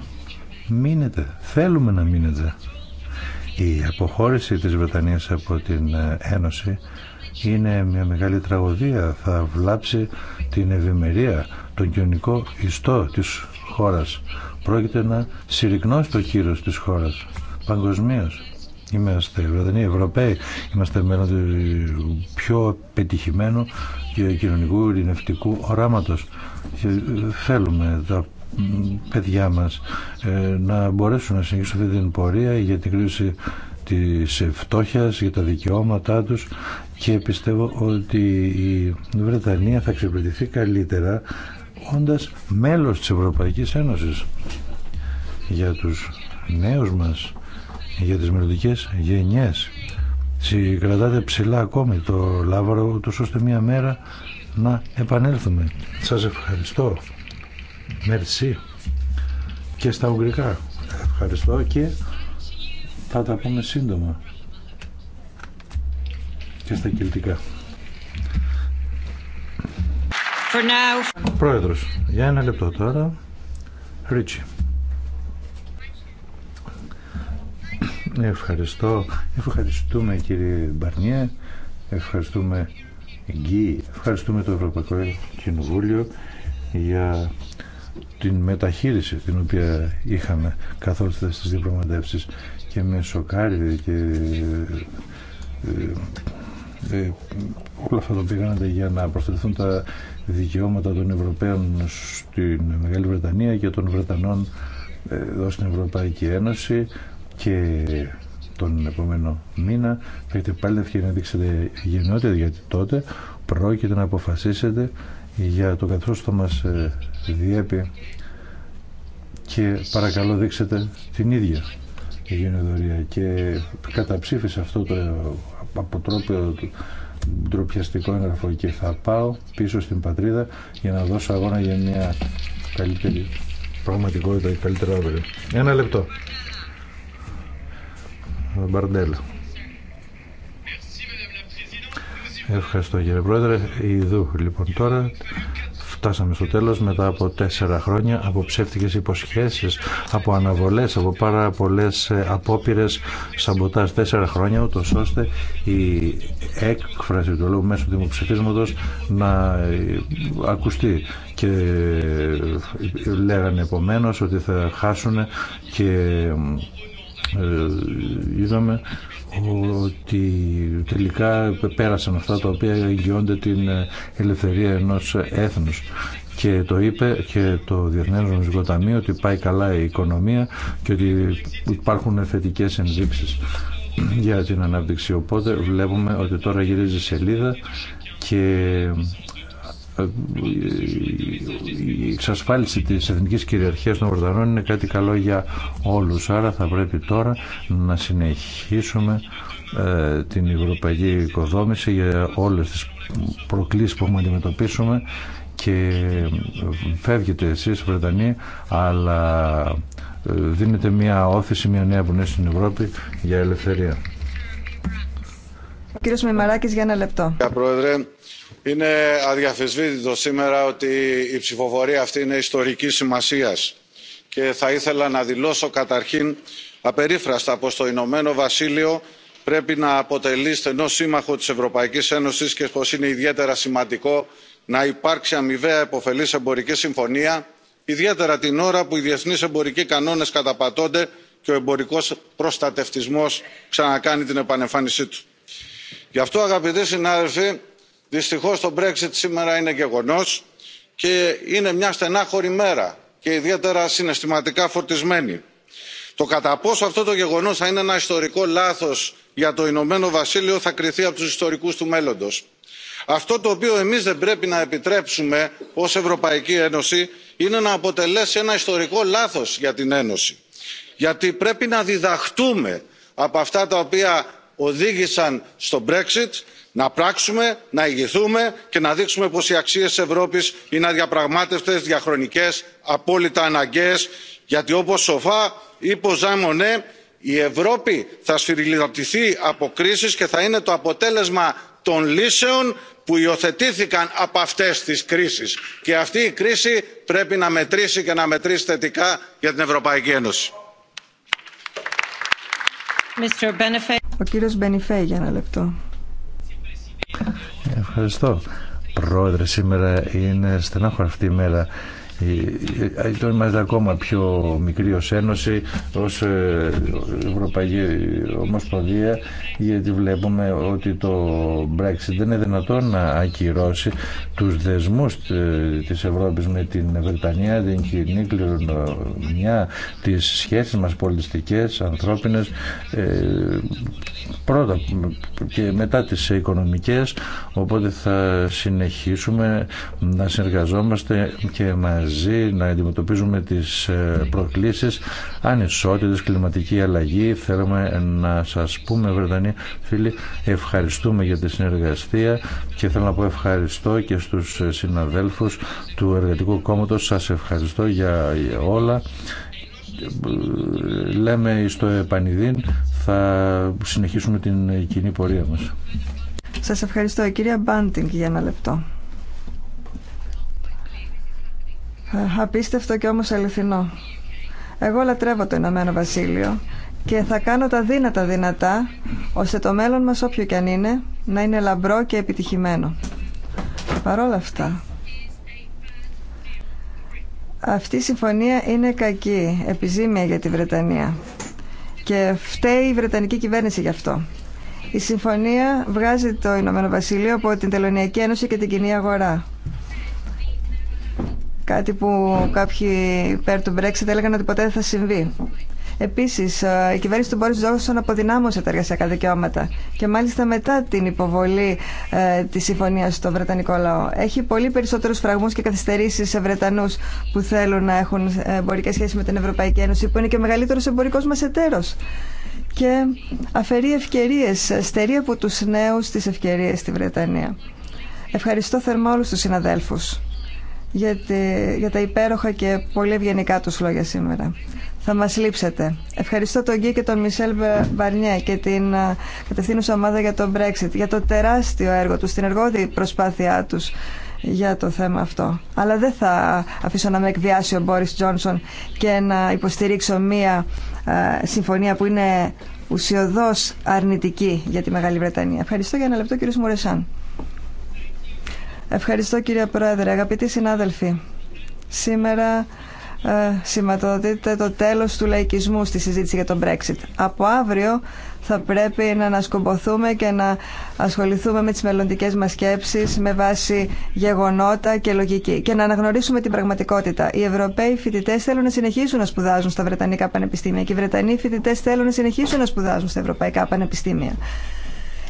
μείνετε, θέλουμε να μείνετε. Η αποχώρηση της Βρετανίας από την ε, Ένωση είναι μια μεγάλη τραγωδία. Θα βλάψει την ευημερία, τον κοινωνικό ιστό της χώρας. Πρόκειται να συρρυκνώσει το κύρος της χώρας παγκοσμίως. Είμαστε Βρετανοί, Ευρωπαίοι, είμαστε με του πιο πετυχημένου και κοινωνικού ειρηνευτικού οράματο. θέλουμε τα παιδιά μας ε, να μπορέσουν να συνεχίσουν αυτή την πορεία για την κρίση της φτώχειας, για τα δικαιώματά τους και πιστεύω ότι η Βρετανία θα εξυπηρετηθεί καλύτερα όντας μέλος της Ευρωπαϊκής Ένωσης για τους νέους μας για τις μελλοντικέ γενιές. Συγκρατάτε ψηλά ακόμη το λάβαρο του ώστε μια μέρα να επανέλθουμε. Σας ευχαριστώ. Μερσή. Και στα ουγγρικά. Ευχαριστώ και θα τα πούμε σύντομα. Και στα κυλτικά. For Πρόεδρος, για ένα λεπτό τώρα. Ρίτσι. Ευχαριστώ. Ευχαριστούμε κύριε Μπαρνιέ. Ευχαριστούμε Γκί. Ευχαριστούμε το Ευρωπαϊκό Κοινοβούλιο για την μεταχείριση την οποία είχαμε καθόλου στις διπλωματεύσεις και με σοκάρει και ε, ε, όλα αυτά το για να προσθεθούν τα δικαιώματα των Ευρωπαίων στην Μεγάλη Βρετανία και των Βρετανών ε, εδώ στην Ευρωπαϊκή Ένωση και τον επόμενο μήνα θα έχετε πάλι ευκαιρία να δείξετε γενναιότητα γιατί τότε πρόκειται να αποφασίσετε για το καθώς το μας ε, διέπει και παρακαλώ δείξετε την ίδια γενναιοδορία και καταψήφισα αυτό το αποτρόπιο ντροπιαστικό έγγραφο και θα πάω πίσω στην πατρίδα για να δώσω αγώνα για μια καλύτερη πραγματικότητα ή καλύτερο αύριο. Ένα λεπτό. Μπαρντέλ. Ευχαριστώ κύριε Πρόεδρε. Ιδού λοιπόν τώρα φτάσαμε στο τέλος μετά από τέσσερα χρόνια από ψεύτικες υποσχέσεις, από αναβολές, από πάρα πολλές ε, απόπειρες σαμποτάζ τέσσερα χρόνια ούτως ώστε η έκφραση του λόγου μέσω δημοψηφίσματος να ε, ακουστεί και ε, λέγανε επομένως ότι θα χάσουν και ε, είδαμε ότι τελικά πέρασαν αυτά τα οποία εγγυώνται την ε, ελευθερία ενός έθνους και το είπε και το Διεθνές Νομιστικό Ταμείο ότι πάει καλά η οικονομία και ότι υπάρχουν θετικές ενδείξεις για την ανάπτυξη. Οπότε βλέπουμε ότι τώρα γυρίζει σελίδα και ε, ε, η εξασφάλιση της εθνικής κυριαρχίας των Βρετανών είναι κάτι καλό για όλους. Άρα θα πρέπει τώρα να συνεχίσουμε ε, την ευρωπαϊκή οικοδόμηση για όλες τις προκλήσεις που έχουμε αντιμετωπίσουμε και φεύγετε εσείς Βρετανοί αλλά δίνετε μια όθηση, μια νέα βουνή στην Ευρώπη για ελευθερία. κύριος Μημαράκης για ένα λεπτό. Κύριε είναι αδιαφεσβήτητο σήμερα ότι η ψηφοφορία αυτή είναι ιστορική σημασίας και θα ήθελα να δηλώσω καταρχήν απερίφραστα πως το ηνωμένο βασίλειο πρέπει να αποτελεί στενό σύμμαχο της ευρωπαϊκής ένωσης και πως είναι ιδιαίτερα σημαντικό να υπάρξει αμοιβαία επωφελής εμπορική συμφωνία ιδιαίτερα την ώρα που οι διεθνείς εμπορικοί κανόνες καταπατώνται και ο εμπορικός προστατευτισμός ξανακάνει την επανεμφάνισή του. γι' αυτό αγαπητοί συνάδελφοι δυστυχώς το brexit σήμερα είναι γεγονός και είναι μια στενάχωρη μέρα και ιδιαίτερα συναισθηματικά φορτισμένη. το κατά πόσο αυτό το γεγονός θα είναι ένα ιστορικό λάθος για το ηνωμένο βασίλειο θα κριθεί από τους ιστορικούς του μέλλοντος. αυτό το οποίο εμείς δεν πρέπει να επιτρέψουμε ως ευρωπαϊκή ένωση είναι να αποτελέσει ένα ιστορικό λάθος για την ένωση γιατί πρέπει να διδαχτούμε από αυτά τα οποία οδήγησαν στο brexit να πράξουμε να ηγηθούμε και να δείξουμε πως οι αξίες της ευρώπης είναι αδιαπραγμάτευτες διαχρονικές απόλυτα αναγκαίες γιατί όπως σοφά είπε ο η ευρώπη θα σφυριλατηθεί από κρίσεις και θα είναι το αποτέλεσμα των λύσεων που υιοθετήθηκαν από αυτές τις κρίσεις και αυτή η κρίση πρέπει να μετρήσει και να μετρήσει θετικά για την ευρωπαϊκή ένωση. Ευχαριστώ. Πρόεδρε, σήμερα είναι στενάχωρα αυτή η μέρα Τώρα είμαστε ακόμα πιο μικρή ως Ένωση, ως ε, Ευρωπαϊκή Ομοσπονδία, γιατί βλέπουμε ότι το Brexit δεν είναι δυνατόν να ακυρώσει τους δεσμούς ε, της Ευρώπης με την Βρετανία, την κοινή κληρονομιά, τις σχέσεις μας πολιτιστικές, ανθρώπινες, ε, πρώτα και μετά τις οικονομικές, οπότε θα συνεχίσουμε να συνεργαζόμαστε και μαζί να αντιμετωπίζουμε τις ε, προκλήσεις, ανισότητες, κλιματική αλλαγή. Θέλουμε να σας πούμε, Βρετανοί φίλοι, ευχαριστούμε για τη συνεργασία και θέλω να πω ευχαριστώ και στους συναδέλφους του Εργατικού Κόμματος. Σας ευχαριστώ για όλα λέμε στο επανειδήν θα συνεχίσουμε την κοινή πορεία μας. Σας ευχαριστώ. Κυρία Μπάντινγκ για ένα λεπτό. Απίστευτο και όμως αληθινό. Εγώ λατρεύω το Ηνωμένο Βασίλειο και θα κάνω τα δύνατα δυνατά ώστε το μέλλον μας όποιο και αν είναι να είναι λαμπρό και επιτυχημένο. Παρ' όλα αυτά αυτή η συμφωνία είναι κακή, επιζήμια για τη Βρετανία και φταίει η Βρετανική κυβέρνηση γι' αυτό. Η συμφωνία βγάζει το Ηνωμένο Βασίλειο από την Τελωνιακή Ένωση και την Κοινή Αγορά Κάτι που κάποιοι υπέρ του Brexit έλεγαν ότι ποτέ δεν θα συμβεί. Επίση, ε, η κυβέρνηση του Μπόρι Τζόνσον αποδυνάμωσε τα εργασιακά δικαιώματα και μάλιστα μετά την υποβολή ε, τη συμφωνία στο Βρετανικό λαό. Έχει πολύ περισσότερου φραγμού και καθυστερήσει σε Βρετανού που θέλουν να έχουν εμπορικέ σχέσει με την Ευρωπαϊκή Ένωση, που είναι και ο μεγαλύτερο εμπορικό μα εταίρο. Και αφαιρεί ευκαιρίε, στερεί από του νέου τι ευκαιρίε στη Βρετανία. Ευχαριστώ θερμά όλου του συναδέλφου για, για τα υπέροχα και πολύ ευγενικά τους λόγια σήμερα. Θα μας λείψετε. Ευχαριστώ τον Γκί και τον Μισελ Μπαρνιέ και την κατευθύνουσα ομάδα για τον Brexit, για το τεράστιο έργο τους, την εργόδη προσπάθειά τους για το θέμα αυτό. Αλλά δεν θα αφήσω να με εκβιάσει ο Μπόρις Τζόνσον και να υποστηρίξω μία συμφωνία που είναι ουσιοδός αρνητική για τη Μεγάλη Βρετανία. Ευχαριστώ για ένα λεπτό κύριο Μουρεσάν. Ευχαριστώ κύριε Πρόεδρε. Αγαπητοί συνάδελφοι, σήμερα ε, σηματοδοτείται το τέλος του λαϊκισμού στη συζήτηση για τον Brexit. Από αύριο θα πρέπει να ανασκομποθούμε και να ασχοληθούμε με τις μελλοντικές μας σκέψεις με βάση γεγονότα και λογική και να αναγνωρίσουμε την πραγματικότητα. Οι Ευρωπαίοι φοιτητέ θέλουν να συνεχίσουν να σπουδάζουν στα Βρετανικά Πανεπιστήμια και οι Βρετανοί φοιτητέ θέλουν να συνεχίσουν να σπουδάζουν στα Ευρωπαϊκά Πανεπιστήμια.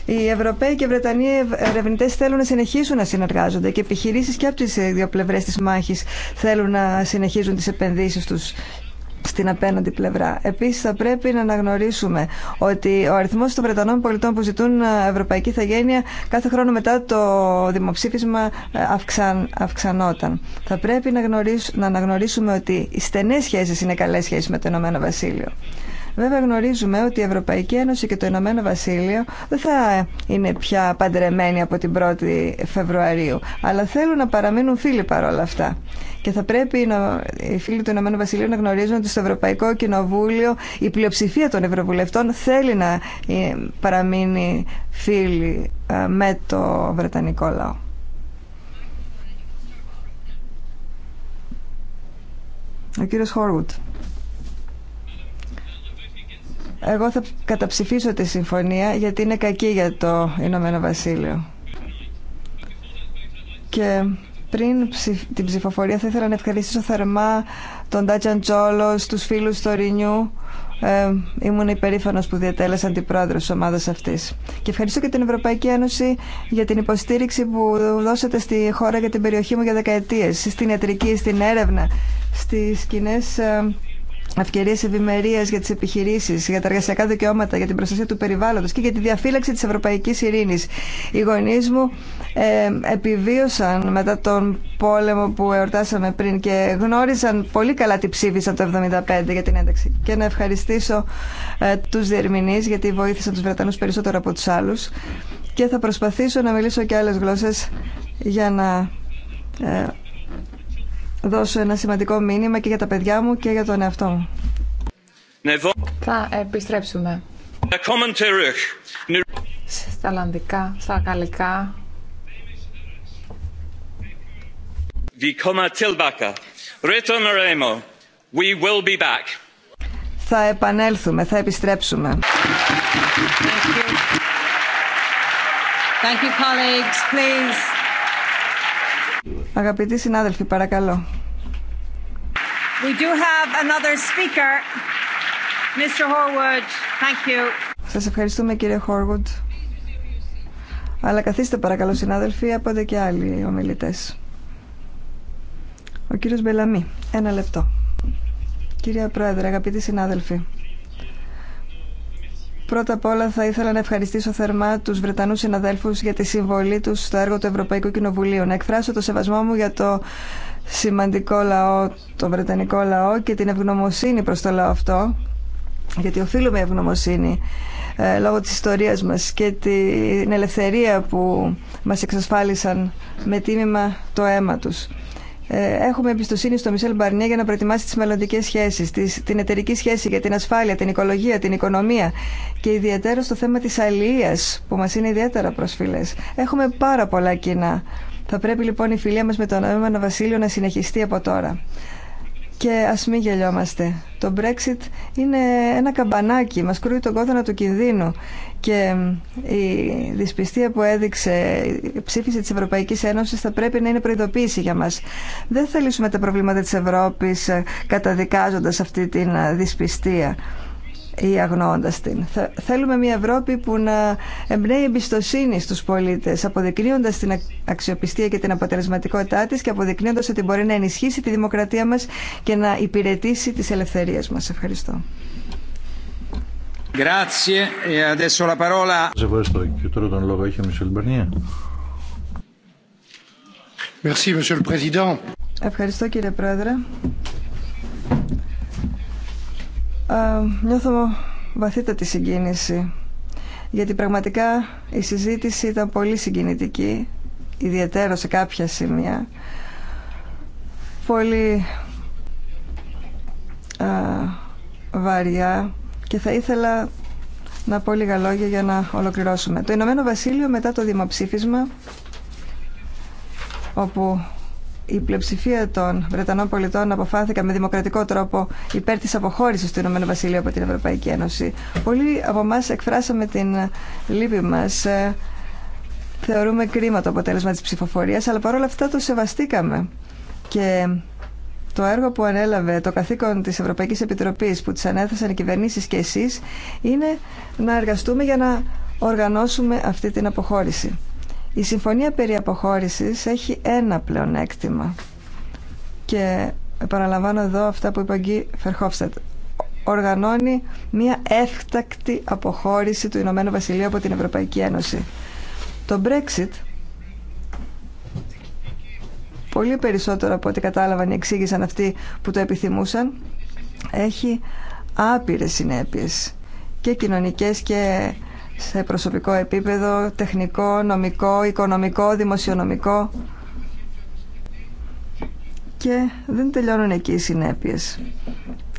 Οι Ευρωπαίοι και Βρετανοί ερευνητέ θέλουν να συνεχίσουν να συνεργάζονται και επιχειρήσει και από τι ε, δύο πλευρέ τη μάχη θέλουν να συνεχίζουν τι επενδύσει του στην απέναντι πλευρά. Επίση, θα πρέπει να αναγνωρίσουμε ότι ο αριθμό των Βρετανών πολιτών που ζητούν ε, ευρωπαϊκή θαγένεια κάθε χρόνο μετά το δημοψήφισμα ε, αυξαν, αυξανόταν. Θα πρέπει να, να αναγνωρίσουμε ότι οι στενέ σχέσει είναι καλέ σχέσει με το Ηνωμένο Βασίλειο. Βέβαια γνωρίζουμε ότι η Ευρωπαϊκή Ένωση και το Ηνωμένο Βασίλειο δεν θα είναι πια παντρεμένοι από την 1η Φεβρουαρίου, αλλά θέλουν να παραμείνουν φίλοι παρόλα αυτά. Και θα πρέπει οι φίλοι του Ηνωμένου Βασιλείου να γνωρίζουν ότι στο Ευρωπαϊκό Κοινοβούλιο η πλειοψηφία των Ευρωβουλευτών θέλει να ε, παραμείνει φίλοι ε, με το Βρετανικό λαό. Ο κύριος εγώ θα καταψηφίσω τη συμφωνία γιατί είναι κακή για το Ηνωμένο Βασίλειο. Και πριν την ψηφοφορία θα ήθελα να ευχαριστήσω θερμά τον Τάτσαν Τσόλο, τους φίλους του Ρινιού. Ε, ήμουν υπερήφανο που διατέλεσαν την πρόεδρο τη ομάδα αυτή. Και ευχαριστώ και την Ευρωπαϊκή Ένωση για την υποστήριξη που δώσατε στη χώρα για την περιοχή μου για δεκαετίε, στην ιατρική, στην έρευνα, στι κοινέ ευκαιρίε ευημερία για τι επιχειρήσει, για τα εργασιακά δικαιώματα, για την προστασία του περιβάλλοντο και για τη διαφύλαξη τη ευρωπαϊκή ειρήνη. Οι γονεί μου ε, επιβίωσαν μετά τον πόλεμο που εορτάσαμε πριν και γνώριζαν πολύ καλά τι ψήφισαν το 1975 για την ένταξη. Και να ευχαριστήσω ε, του διερμηνεί γιατί βοήθησαν του Βρετανού περισσότερο από του άλλου. Και θα προσπαθήσω να μιλήσω και άλλε γλώσσε για να. Ε, δώσω ένα σημαντικό μήνυμα και για τα παιδιά μου και για τον εαυτό μου. Ναι, θα επιστρέψουμε. Ναι. Στα Ολλανδικά, στα Γαλλικά. We will be back. Θα επανέλθουμε, θα επιστρέψουμε. Thank you, colleagues. Please. Αγαπητοί συνάδελφοι, παρακαλώ. We Σας ευχαριστούμε κύριε Χόρουτ. Αλλά καθίστε παρακαλώ συνάδελφοι, απόντε και άλλοι ομιλητές. Ο κύριος Μπελαμή, ένα λεπτό. Κύριε Πρόεδρε, αγαπητοί συνάδελφοι, Πρώτα απ' όλα θα ήθελα να ευχαριστήσω θερμά τους Βρετανούς συναδέλφους για τη συμβολή τους στο έργο του Ευρωπαϊκού Κοινοβουλίου. Να εκφράσω το σεβασμό μου για το σημαντικό λαό, το Βρετανικό λαό και την ευγνωμοσύνη προς το λαό αυτό, γιατί οφείλουμε ευγνωμοσύνη ε, λόγω της ιστορίας μας και την ελευθερία που μας εξασφάλισαν με τίμημα το αίμα τους. Ε, έχουμε εμπιστοσύνη στο Μισελ Μπαρνιέ για να προετοιμάσει τι μελλοντικέ σχέσει, την εταιρική σχέση για την ασφάλεια, την οικολογία, την οικονομία και ιδιαίτερα στο θέμα τη αλληλεία που μα είναι ιδιαίτερα προσφυλέ. Έχουμε πάρα πολλά κοινά. Θα πρέπει λοιπόν η φιλία μα με τον Ηνωμένο Βασίλειο να συνεχιστεί από τώρα. Και α μην γελιόμαστε. Το Brexit είναι ένα καμπανάκι, Μα κρούει τον κόδωνα του κινδύνου και η δυσπιστία που έδειξε η ψήφιση της Ευρωπαϊκής Ένωσης θα πρέπει να είναι προειδοποίηση για μας. Δεν θα λύσουμε τα προβλήματα της Ευρώπης ε, καταδικάζοντας αυτή την ε, δυσπιστία ή αγνώντας την. Θέλουμε μια Ευρώπη που να εμπνέει εμπιστοσύνη στους πολίτες, αποδεικνύοντας την αξιοπιστία και την αποτελεσματικότητά της και αποδεικνύοντας ότι μπορεί να ενισχύσει τη δημοκρατία μας και να υπηρετήσει τις ελευθερίες μας. Ευχαριστώ ευχαριστώ. κύριε Πρόεδρε. νιώθω βαθύτατη συγκίνηση γιατί πραγματικά η συζήτηση ήταν πολύ συγκινητική ιδιαίτερα σε κάποια σημεία πολύ βαριά και θα ήθελα να πω λίγα λόγια για να ολοκληρώσουμε. Το Ηνωμένο Βασίλειο μετά το δημοψήφισμα όπου η πλειοψηφία των Βρετανών πολιτών αποφάθηκα με δημοκρατικό τρόπο υπέρ της αποχώρησης του Ηνωμένου Βασιλείου από την Ευρωπαϊκή Ένωση. Πολλοί από εμά εκφράσαμε την λύπη μας. Ε, θεωρούμε κρίμα το αποτέλεσμα της ψηφοφορίας, αλλά παρόλα αυτά το σεβαστήκαμε. Και το έργο που ανέλαβε το καθήκον της Ευρωπαϊκής Επιτροπής που τις ανέθεσαν οι κυβερνήσεις και εσείς είναι να εργαστούμε για να οργανώσουμε αυτή την αποχώρηση. Η συμφωνία περί αποχώρησης έχει ένα πλεονέκτημα και παραλαμβάνω εδώ αυτά που είπε ο Φερχόφστατ οργανώνει μια έφτακτη αποχώρηση του Ηνωμένου Βασιλείου από την Ευρωπαϊκή Ένωση. Το Brexit πολύ περισσότερο από ό,τι κατάλαβαν ή εξήγησαν αυτοί που το επιθυμούσαν, έχει άπειρες συνέπειες και κοινωνικές και σε προσωπικό επίπεδο, τεχνικό, νομικό, οικονομικό, δημοσιονομικό και δεν τελειώνουν εκεί οι συνέπειες.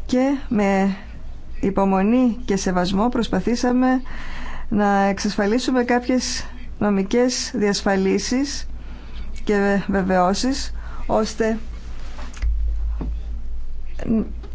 Και με υπομονή και σεβασμό προσπαθήσαμε να εξασφαλίσουμε κάποιες νομικές διασφαλίσεις και βεβαιώσεις ώστε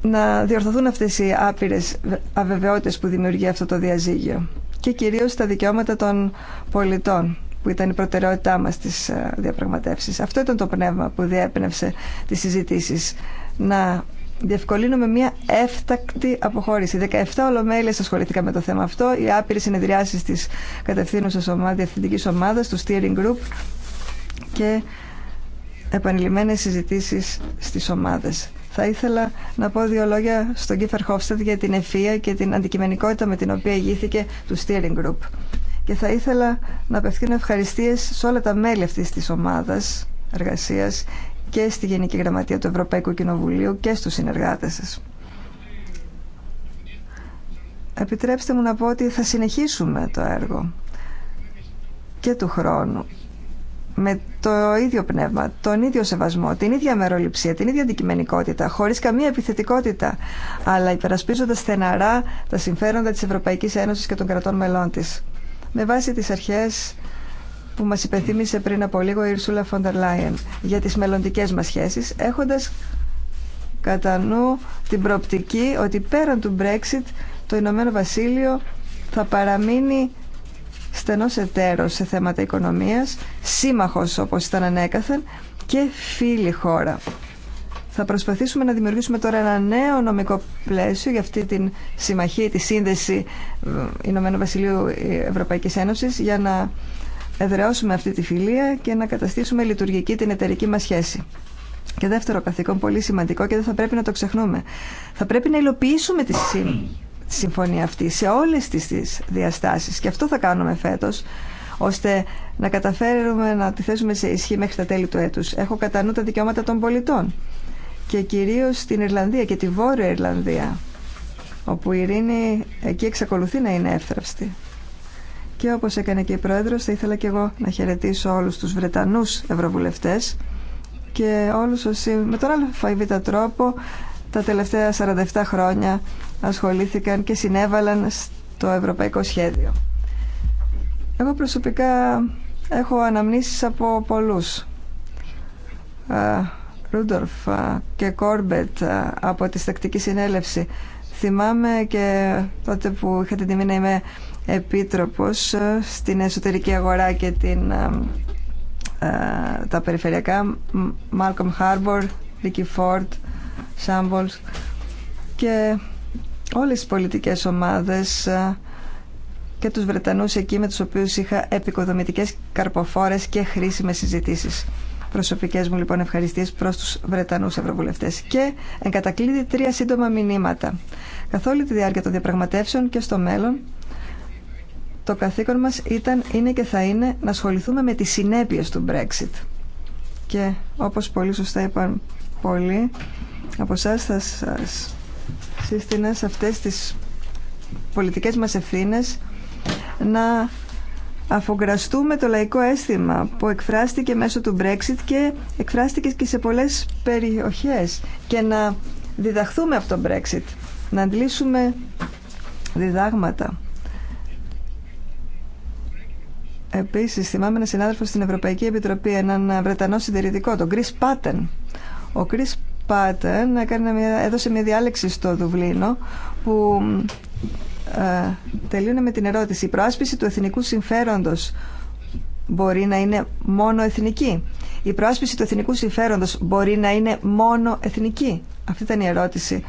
να διορθωθούν αυτές οι άπειρες αβεβαιότητες που δημιουργεί αυτό το διαζύγιο και κυρίως τα δικαιώματα των πολιτών που ήταν η προτεραιότητά μας στις ε, διαπραγματεύσεις. Αυτό ήταν το πνεύμα που διέπνευσε τις συζητήσεις. Να διευκολύνουμε μια έφτακτη αποχώρηση. 17 ολομέλειες ασχολήθηκαν με το θέμα αυτό. Οι άπειρες συνεδριάσεις της κατευθύνουσας ομάδα, διευθυντικής ομάδας, του steering group και επανειλημμένες συζητήσεις στις ομάδες. Θα ήθελα να πω δύο λόγια στον Κίφερ Χόφστατ για την ευφία και την αντικειμενικότητα με την οποία ηγήθηκε του Steering Group. Και θα ήθελα να απευθύνω ευχαριστίες σε όλα τα μέλη αυτής της ομάδας εργασίας και στη Γενική Γραμματεία του Ευρωπαϊκού Κοινοβουλίου και στους συνεργάτες σας. Επιτρέψτε μου να πω ότι θα συνεχίσουμε το έργο και του χρόνου με το ίδιο πνεύμα, τον ίδιο σεβασμό, την ίδια μεροληψία, την ίδια αντικειμενικότητα, χωρίς καμία επιθετικότητα, αλλά υπερασπίζοντας στεναρά τα συμφέροντα της Ευρωπαϊκής Ένωσης και των κρατών μελών της. Με βάση τις αρχές που μας υπενθύμησε πριν από λίγο η Ιρσούλα Φοντερ Λάιεν για τις μελλοντικέ μας σχέσεις, έχοντας κατά νου την προοπτική ότι πέραν του Brexit το Ηνωμένο Βασίλειο θα παραμείνει στενός εταίρος σε θέματα οικονομίας, σύμμαχος όπως ήταν ανέκαθεν και φίλη χώρα. Θα προσπαθήσουμε να δημιουργήσουμε τώρα ένα νέο νομικό πλαίσιο για αυτή τη συμμαχία, τη σύνδεση ε, Ηνωμένου Βασιλείου ε, Ευρωπαϊκής Ένωσης για να εδραιώσουμε αυτή τη φιλία και να καταστήσουμε λειτουργική την εταιρική μας σχέση. Και δεύτερο καθήκον, πολύ σημαντικό και δεν θα πρέπει να το ξεχνούμε. Θα πρέπει να υλοποιήσουμε τη, τη συμφωνία αυτή σε όλες τις, διαστάσει. διαστάσεις και αυτό θα κάνουμε φέτος ώστε να καταφέρουμε να τη θέσουμε σε ισχύ μέχρι τα τέλη του έτους. Έχω κατά νου τα δικαιώματα των πολιτών και κυρίως την Ιρλανδία και τη Βόρεια Ιρλανδία όπου η ειρήνη εκεί εξακολουθεί να είναι εύθραυστη. Και όπως έκανε και η Πρόεδρος θα ήθελα και εγώ να χαιρετήσω όλους τους Βρετανούς Ευρωβουλευτές και όλους όσοι με τον αλφαϊβήτα τρόπο τα τελευταία 47 χρόνια ασχολήθηκαν και συνέβαλαν στο ευρωπαϊκό σχέδιο. Εγώ προσωπικά έχω αναμνήσεις από πολλούς. Ρούντορφ και Κόρμπετ από τη Στακτική Συνέλευση. Θυμάμαι και τότε που είχα την τιμή να είμαι επίτροπος στην εσωτερική αγορά και την, τα περιφερειακά Μάλκομ Χάρμπορ, Ρίκι Φόρτ, Σάμπολς και όλες τις πολιτικές ομάδες ε, και τους Βρετανούς εκεί με τους οποίους είχα επικοδομητικές καρποφόρες και χρήσιμες συζητήσεις. Προσωπικές μου λοιπόν ευχαριστίες προς τους Βρετανούς Ευρωβουλευτές. Και εν τρία σύντομα μηνύματα. Καθ' όλη τη διάρκεια των διαπραγματεύσεων και στο μέλλον το καθήκον μας ήταν, είναι και θα είναι να ασχοληθούμε με τις συνέπειες του Brexit. Και όπως πολύ σωστά είπαν πολλοί, από εσά θα σας σύστηνα σε αυτές τις πολιτικές μας ευθύνες να αφογκραστούμε το λαϊκό αίσθημα που εκφράστηκε μέσω του Brexit και εκφράστηκε και σε πολλές περιοχές και να διδαχθούμε από το Brexit, να αντλήσουμε διδάγματα. Επίσης, θυμάμαι έναν συνάδελφο στην Ευρωπαϊκή Επιτροπή, έναν Βρετανό συντηρητικό, τον Chris Πάτεν. Ο Chris Πάτεν έκανε μια, έδωσε μια διάλεξη στο Δουβλίνο που ε, τελείωνε με την ερώτηση η προάσπιση του εθνικού συμφέροντος μπορεί να είναι μόνο εθνική. Η προάσπιση του εθνικού συμφέροντος μπορεί να είναι μόνο εθνική. Αυτή ήταν η ερώτηση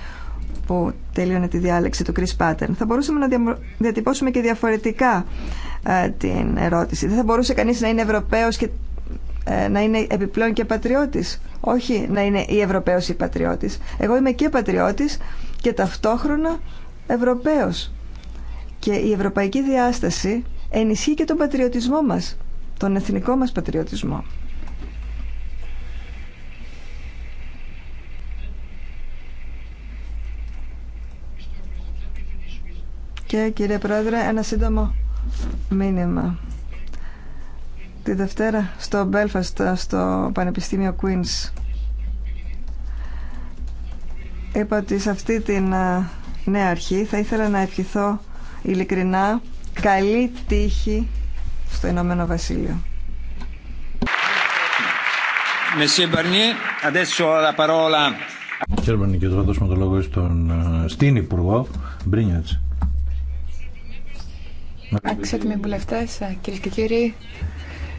που τελείωνε τη διάλεξη του Chris Pattern. Θα μπορούσαμε να διατυπώσουμε και διαφορετικά ε, την ερώτηση. Δεν θα μπορούσε κανείς να είναι Ευρωπαίος και ε, να είναι επιπλέον και πατριώτης. Όχι να είναι ή Ευρωπαίος ή πατριώτης. Εγώ είμαι και πατριώτης και ταυτόχρονα Ευρωπαίος. Και η ευρωπαϊκή διάσταση ενισχύει και τον πατριωτισμό μας, τον εθνικό μας πατριωτισμό. Και κύριε Πρόεδρε, ένα σύντομο μήνυμα τη Δευτέρα στο Belfast, στο Πανεπιστήμιο Queen's. Είπα ότι σε αυτή την νέα αρχή θα ήθελα να ευχηθώ ειλικρινά καλή τύχη στο Ηνωμένο Βασίλειο. Κύριε και τώρα δώσουμε το λόγο στον, στην Υπουργό Μπρίνιατς. Αξιότιμοι βουλευτέ, ε, κυρίε και κύριοι,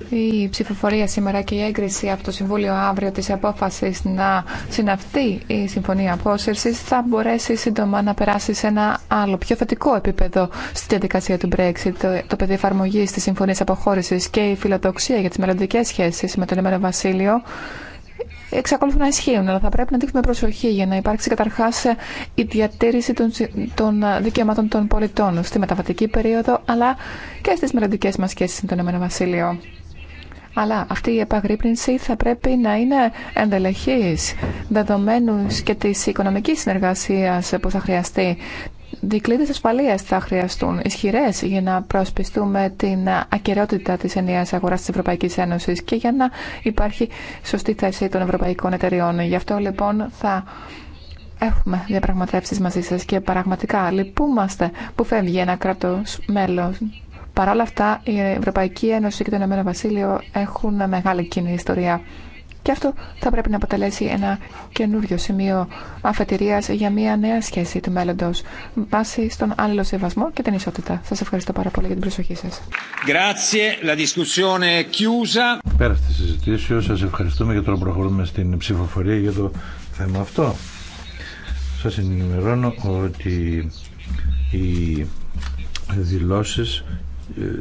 η ψηφοφορία σήμερα και η έγκριση από το Συμβούλιο αύριο της απόφασης να συναυθεί η Συμφωνία Απόσυρσης θα μπορέσει σύντομα να περάσει σε ένα άλλο πιο θετικό επίπεδο στη διαδικασία του Brexit. Το, το πεδίο εφαρμογή της Συμφωνίας Αποχώρησης και η φιλοδοξία για τις μελλοντικέ σχέσεις με το Ηνωμένο Βασίλειο εξακολουθούν να ισχύουν, αλλά θα πρέπει να δείχνουμε προσοχή για να υπάρξει καταρχά η διατήρηση των, των δικαιωμάτων των πολιτών στη μεταβατική περίοδο, αλλά και στι μελλοντικέ μα σχέσει με το Ηνωμένο Βασίλειο. Αλλά αυτή η επαγρύπνηση θα πρέπει να είναι ενδελεχής, δεδομένου και της οικονομικής συνεργασίας που θα χρειαστεί. Δικλείδες ασφαλείας θα χρειαστούν ισχυρές για να προσπιστούμε την ακαιρεότητα της ενιαίας αγοράς της Ευρωπαϊκής Ένωσης και για να υπάρχει σωστή θέση των ευρωπαϊκών εταιριών. Γι' αυτό λοιπόν θα έχουμε διαπραγματεύσεις μαζί σας και πραγματικά λυπούμαστε που φεύγει ένα κράτος μέλος Παρ' όλα αυτά, η Ευρωπαϊκή Ένωση και το Ηνωμένο Βασίλειο έχουν μεγάλη κοινή ιστορία. Και αυτό θα πρέπει να αποτελέσει ένα καινούριο σημείο αφετηρίας για μια νέα σχέση του μέλλοντό, βάσει στον άλλο σεβασμό και την ισότητα. Σας ευχαριστώ πάρα πολύ για την προσοχή σας. Πέρα στη συζητήση, Σα ευχαριστούμε για να προχωρούμε στην ψηφοφορία για το θέμα αυτό. Σα ενημερώνω ότι οι δηλώσει. Ε,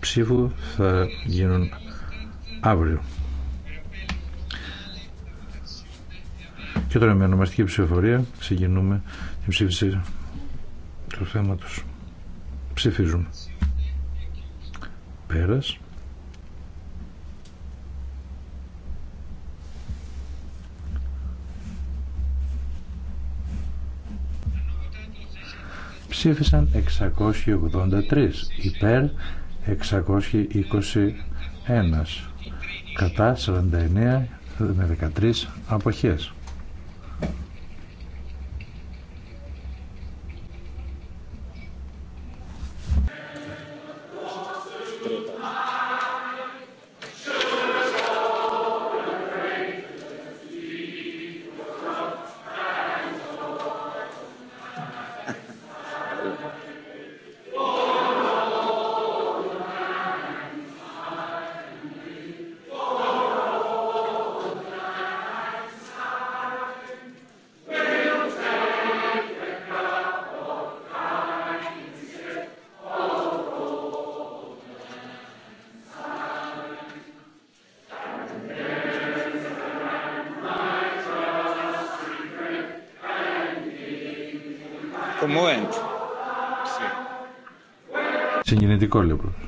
ψήφου θα γίνουν αύριο. Και τώρα με ονομαστική ψηφοφορία ξεκινούμε την ψήφιση του θέματος. Ψηφίζουμε. Πέρας. ψήφισαν 683 υπέρ 621 κατά 49 με 13 αποχές. δυσκόλεπτος.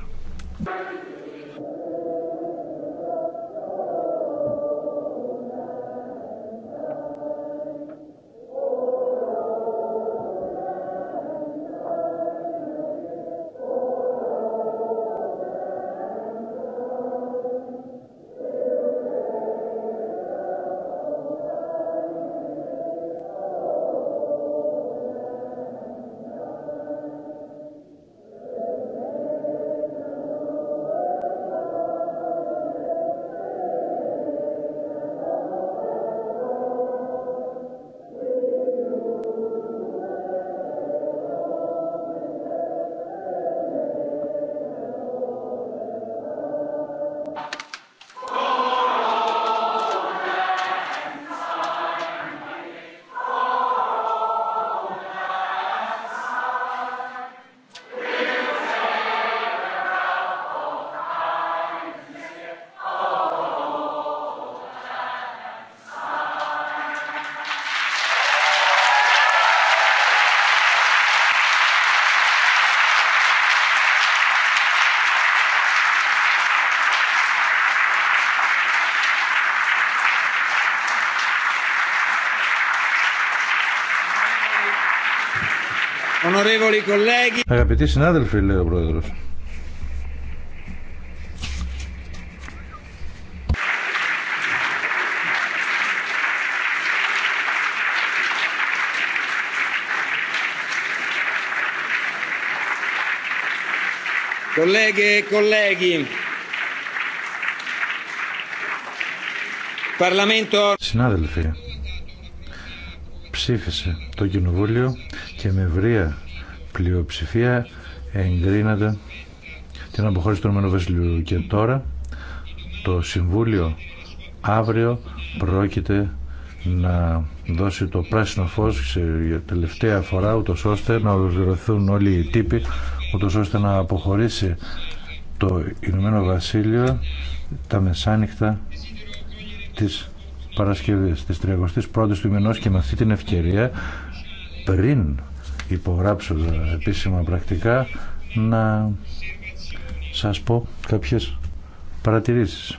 Αγαπητοί συνάδελφοι, λέει ο Πρόεδρος. Κολέγε, κολέγοι. Παρλαμέντο. Συνάδελφοι, ψήφισε το Κοινοβούλιο και με ευρεία πλειοψηφία εγκρίνεται την αποχώρηση του Ηνωμένου Βασιλείου και τώρα το Συμβούλιο αύριο πρόκειται να δώσει το πράσινο φως σε τελευταία φορά ούτω ώστε να ολοκληρωθούν όλοι οι τύποι ούτω ώστε να αποχωρήσει το Ηνωμένο Βασίλειο τα μεσάνυχτα της Παρασκευής της 31ης του μηνός και με αυτή την ευκαιρία πριν υπογράψω τα επίσημα πρακτικά να σας πω κάποιες παρατηρήσεις.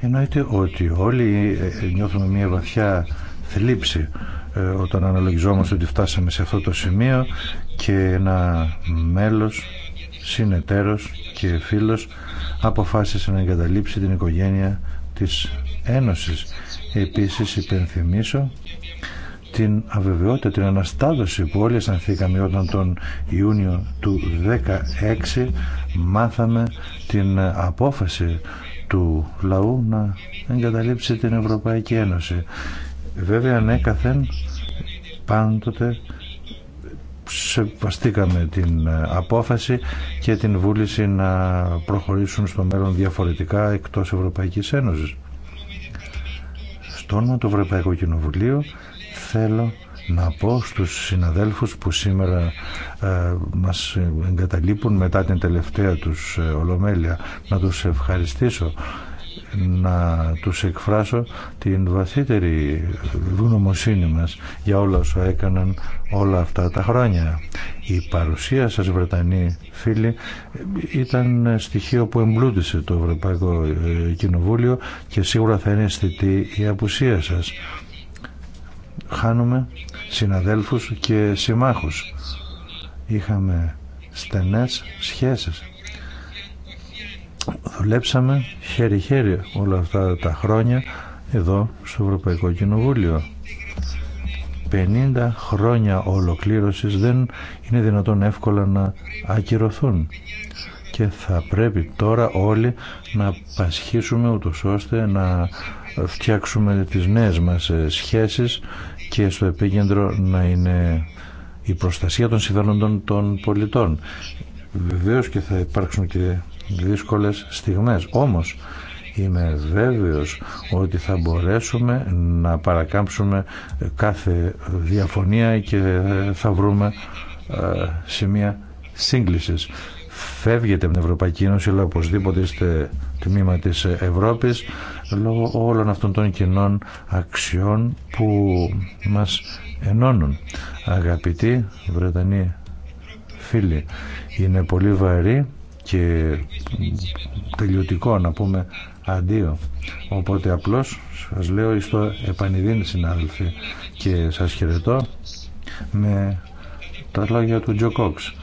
Εννοείται ότι όλοι ε, νιώθουμε μια βαθιά θλίψη ε, όταν αναλογιζόμαστε ότι φτάσαμε σε αυτό το σημείο και ένα μέλος, συνεταίρος και φίλος αποφάσισε να εγκαταλείψει την οικογένεια της Ένωσης Επίσης υπενθυμίσω την αβεβαιότητα, την αναστάδωση που όλοι αισθανθήκαμε όταν τον Ιούνιο του 2016 μάθαμε την απόφαση του λαού να εγκαταλείψει την Ευρωπαϊκή Ένωση. Βέβαια ανέκαθεν ναι, πάντοτε σεβαστήκαμε την απόφαση και την βούληση να προχωρήσουν στο μέλλον διαφορετικά εκτός Ευρωπαϊκής Ένωσης το το Ευρωπαϊκό Ευρωπαϊκού θέλω να πω στους συναδέλφους που σήμερα ε, μας εγκαταλείπουν μετά την τελευταία τους ε, ολομέλεια να τους ευχαριστήσω να τους εκφράσω την βαθύτερη γνωμοσύνη μας για όλα όσα έκαναν όλα αυτά τα χρόνια. Η παρουσία σας Βρετανοί φίλοι ήταν στοιχείο που εμπλούτησε το Ευρωπαϊκό ε, Κοινοβούλιο και σίγουρα θα είναι αισθητή η απουσία σας. Χάνουμε συναδέλφους και συμμάχους. Είχαμε στενές σχέσεις δουλέψαμε χέρι-χέρι όλα αυτά τα χρόνια εδώ στο Ευρωπαϊκό Κοινοβούλιο. 50 χρόνια ολοκλήρωσης δεν είναι δυνατόν εύκολα να ακυρωθούν και θα πρέπει τώρα όλοι να πασχίσουμε ούτως ώστε να φτιάξουμε τις νέες μας σχέσεις και στο επίκεντρο να είναι η προστασία των συμφέροντων των πολιτών. Βεβαίως και θα υπάρξουν και δύσκολες στιγμές. Όμως είμαι βέβαιος ότι θα μπορέσουμε να παρακάμψουμε κάθε διαφωνία και θα βρούμε ε, σημεία σύγκλησης. Φεύγετε από την Ευρωπαϊκή Ένωση, αλλά οπωσδήποτε είστε τμήμα της Ευρώπης λόγω όλων αυτών των κοινών αξιών που μας ενώνουν. Αγαπητοί Βρετανοί φίλοι, είναι πολύ βαρύ και τελειωτικό να πούμε αντίο. Οπότε απλώς σας λέω το επανειδήν συνάδελφοι και σας χαιρετώ με τα λόγια του Τζο Κόξ.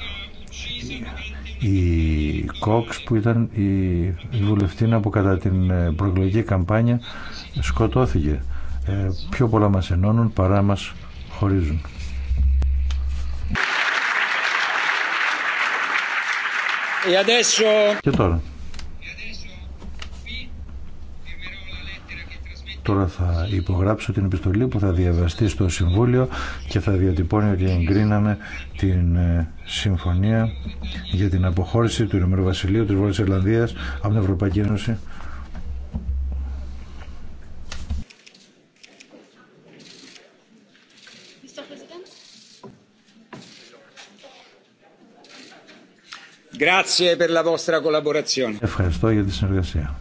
Η Κόξ που ήταν η βουλευτήνα που κατά την ε, προεκλογική καμπάνια σκοτώθηκε. Ε, πιο πολλά μας ενώνουν παρά μας χωρίζουν. Ε, και τώρα. Τώρα θα υπογράψω την επιστολή που θα διαβαστεί στο Συμβούλιο και θα διατυπώνει ότι εγκρίναμε την ε, συμφωνία για την αποχώρηση του Ηνωμένου Βασιλείου της Βόρειας Ιρλανδίας από την Ευρωπαϊκή Ένωση Grazie per la vostra collaborazione. Ευχαριστώ για τη συνεργασία.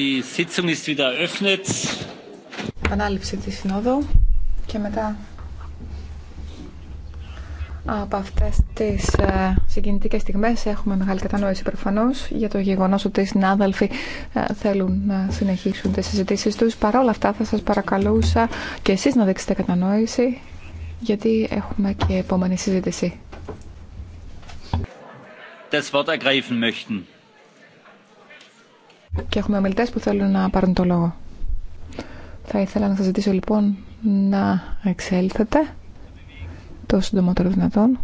Die Sitzung ist Επανάληψη της Συνόδου και μετά από αυτές τις ε, συγκινητικές στιγμές έχουμε μεγάλη κατανόηση προφανώς για το γεγονός ότι οι συνάδελφοι ε, θέλουν να συνεχίσουν τις συζητήσεις τους. Παρ' όλα αυτά θα σας παρακαλούσα και εσείς να δείξετε κατανόηση γιατί έχουμε και επόμενη συζήτηση. Das Wort ergreifen möchten και έχουμε ομιλητέ που θέλουν να πάρουν το λόγο. Θα ήθελα να σα ζητήσω λοιπόν να εξέλθετε το συντομότερο δυνατόν.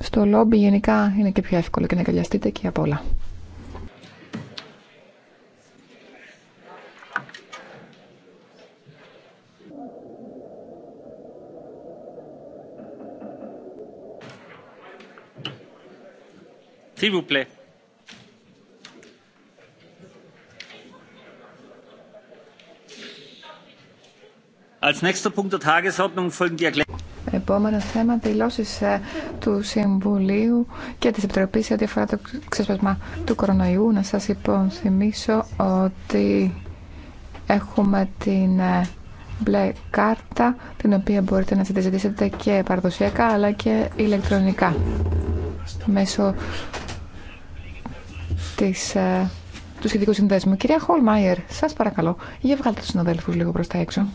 Στο λόμπι γενικά είναι και πιο εύκολο και να καλιαστείτε και απ' όλα. Επόμενο θέμα, δηλώσει ε, του Συμβουλίου και τη Επιτροπή σε ό,τι αφορά το ξέσπασμα του κορονοϊού. Να σα υπενθυμίσω ότι έχουμε την ε, μπλε κάρτα, την οποία μπορείτε να τη και παραδοσιακά αλλά και ηλεκτρονικά μέσω ε, του σχετικού συνδέσμου. Κυρία Χολμάιερ, σας παρακαλώ, για βγάλτε τους συναδέλφους λίγο προς τα έξω.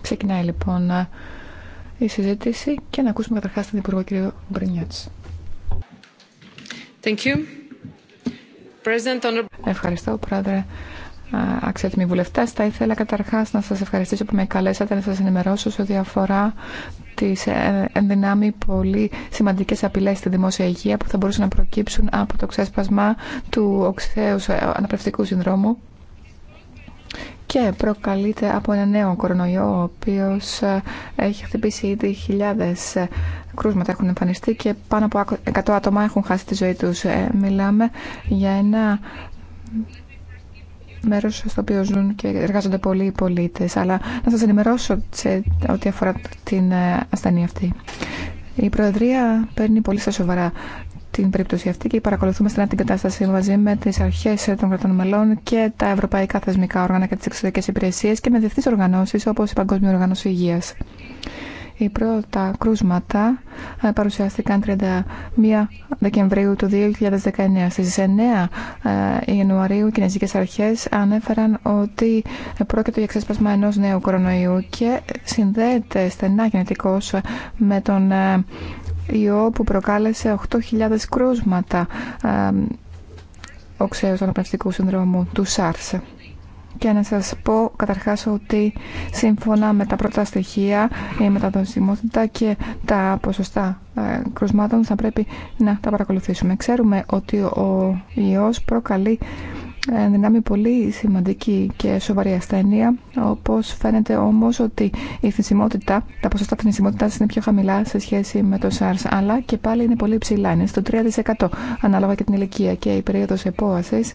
Ξεκινάει λοιπόν ε, η συζήτηση και να ακούσουμε καταρχά τον Υπουργό κ. Μπρινιάτς. Ευχαριστώ, Πρόεδρε αξιότιμοι βουλευτέ. Θα ήθελα καταρχά να σα ευχαριστήσω που με καλέσατε να σα ενημερώσω σε ό,τι αφορά τι ε, ενδυνάμει πολύ σημαντικέ απειλέ στη δημόσια υγεία που θα μπορούσαν να προκύψουν από το ξέσπασμα του οξέου ε, αναπνευστικού συνδρόμου και προκαλείται από ένα νέο κορονοϊό ο οποίος ε, έχει χτυπήσει ήδη χιλιάδες κρούσματα έχουν εμφανιστεί και πάνω από 100 άτομα έχουν χάσει τη ζωή τους. Μιλάμε για ένα μέρο στο οποίο ζουν και εργάζονται πολλοί πολίτε. Αλλά να σα ενημερώσω σε ό,τι αφορά την ε, ασθενή αυτή. Η Προεδρία παίρνει πολύ στα σοβαρά την περίπτωση αυτή και παρακολουθούμε στενά την κατάσταση μαζί με τι αρχέ των κρατών μελών και τα ευρωπαϊκά θεσμικά όργανα και τι εξωτερικέ υπηρεσίε και με διεθνεί οργανώσει όπω η Παγκόσμια Οργάνωση Υγεία. Οι πρώτα κρούσματα ε, παρουσιάστηκαν 31 Δεκεμβρίου του 2019. Στις 9 ε, Ιανουαρίου οι Κινέζικες Αρχές ανέφεραν ότι πρόκειται για ξέσπασμα ενός νέου κορονοϊού και συνδέεται στενά γενετικώς με τον ε, ιό που προκάλεσε 8.000 κρούσματα οξέως αναπνευστικού συνδρόμου του SARS και να σας πω καταρχάς ότι σύμφωνα με τα πρώτα στοιχεία η μεταδοσιμότητα και τα ποσοστά ε, κρουσμάτων θα πρέπει να τα παρακολουθήσουμε. Ξέρουμε ότι ο ιός προκαλεί ε, δυνάμει πολύ σημαντική και σοβαρή ασθένεια όπως φαίνεται όμως ότι η θνησιμότητα, τα ποσοστά θνησιμότητας είναι πιο χαμηλά σε σχέση με το SARS αλλά και πάλι είναι πολύ ψηλά, είναι στο 3% ανάλογα και την ηλικία και η περίοδος επόασης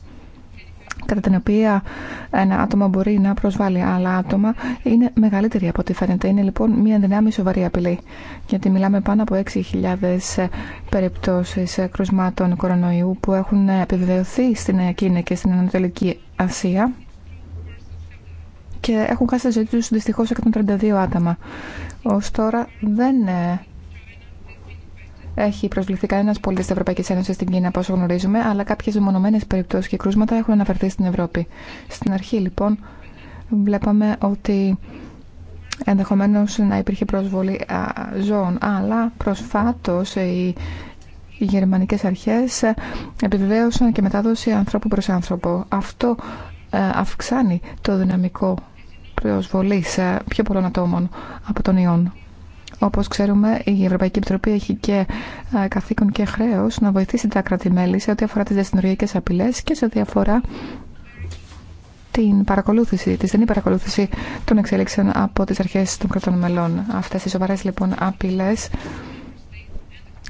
κατά την οποία ένα άτομο μπορεί να προσβάλλει άλλα άτομα είναι μεγαλύτερη από ό,τι φαίνεται. Είναι λοιπόν μια δυνάμει σοβαρή απειλή. Γιατί μιλάμε πάνω από 6.000 περιπτώσεις κρουσμάτων κορονοϊού που έχουν επιβεβαιωθεί στην Κίνα και στην Ανατολική Ασία και έχουν χάσει τη ζωή του δυστυχώ 132 άτομα. Ω τώρα δεν ε, έχει προσβληθεί κανένα πολίτη τη Ευρωπαϊκή Ένωση στην Κίνα, όπω γνωρίζουμε, αλλά κάποιε μονομένε περιπτώσει και κρούσματα έχουν αναφερθεί στην Ευρώπη. Στην αρχή, λοιπόν, βλέπαμε ότι ενδεχομένω να υπήρχε πρόσβολη ζώων, αλλά προσφάτω οι οι γερμανικές αρχές επιβεβαίωσαν και μετάδοση ανθρώπου προς άνθρωπο. Αυτό ε, αυξάνει το δυναμικό προσβολής ε, πιο πολλών ατόμων από τον ιόν. Όπως ξέρουμε, η Ευρωπαϊκή Επιτροπή έχει και καθήκον και χρέος να βοηθήσει τα κράτη-μέλη σε ό,τι αφορά τις διασυνοριακές απειλές και σε ό,τι αφορά την παρακολούθηση, τη στενή παρακολούθηση των εξέλιξεων από τις αρχές των κρατών μελών. Αυτές οι σοβαρές λοιπόν απειλές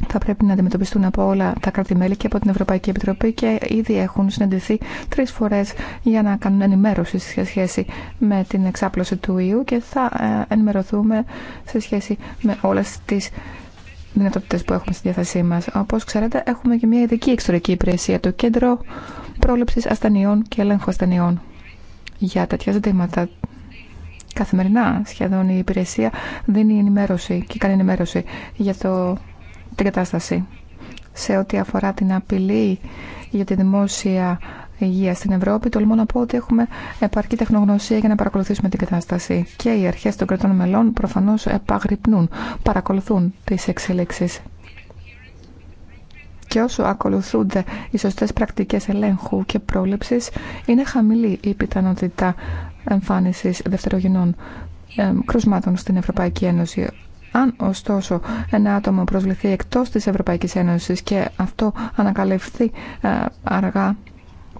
θα πρέπει να αντιμετωπιστούν από όλα τα κράτη-μέλη και από την Ευρωπαϊκή Επιτροπή και ήδη έχουν συναντηθεί τρει φορέ για να κάνουν ενημέρωση σε σχέση με την εξάπλωση του ιού και θα ε, ενημερωθούμε σε σχέση με όλε τι δυνατότητε που έχουμε στη διάθεσή μα. Όπω ξέρετε, έχουμε και μια ειδική εξωτερική υπηρεσία, το Κέντρο Πρόληψη Ασθενειών και Ελέγχου Ασθενειών. Για τέτοια ζητήματα καθημερινά σχεδόν η υπηρεσία δίνει ενημέρωση και κάνει ενημέρωση για το την κατάσταση σε ό,τι αφορά την απειλή για τη δημόσια υγεία στην Ευρώπη. Τολμώ να πω ότι έχουμε επαρκή τεχνογνωσία για να παρακολουθήσουμε την κατάσταση. Και οι αρχές των κρατών μελών προφανώς επαγρυπνούν, παρακολουθούν τις εξελίξεις. Και όσο ακολουθούνται οι σωστές πρακτικές ελέγχου και πρόληψης, είναι χαμηλή η πιθανότητα εμφάνισης δευτερογενών κρουσμάτων στην Ευρωπαϊκή Ένωση. Αν ωστόσο ένα άτομο προσβληθεί εκτός της Ευρωπαϊκής Ένωσης και αυτό ανακαλυφθεί ε, αργά,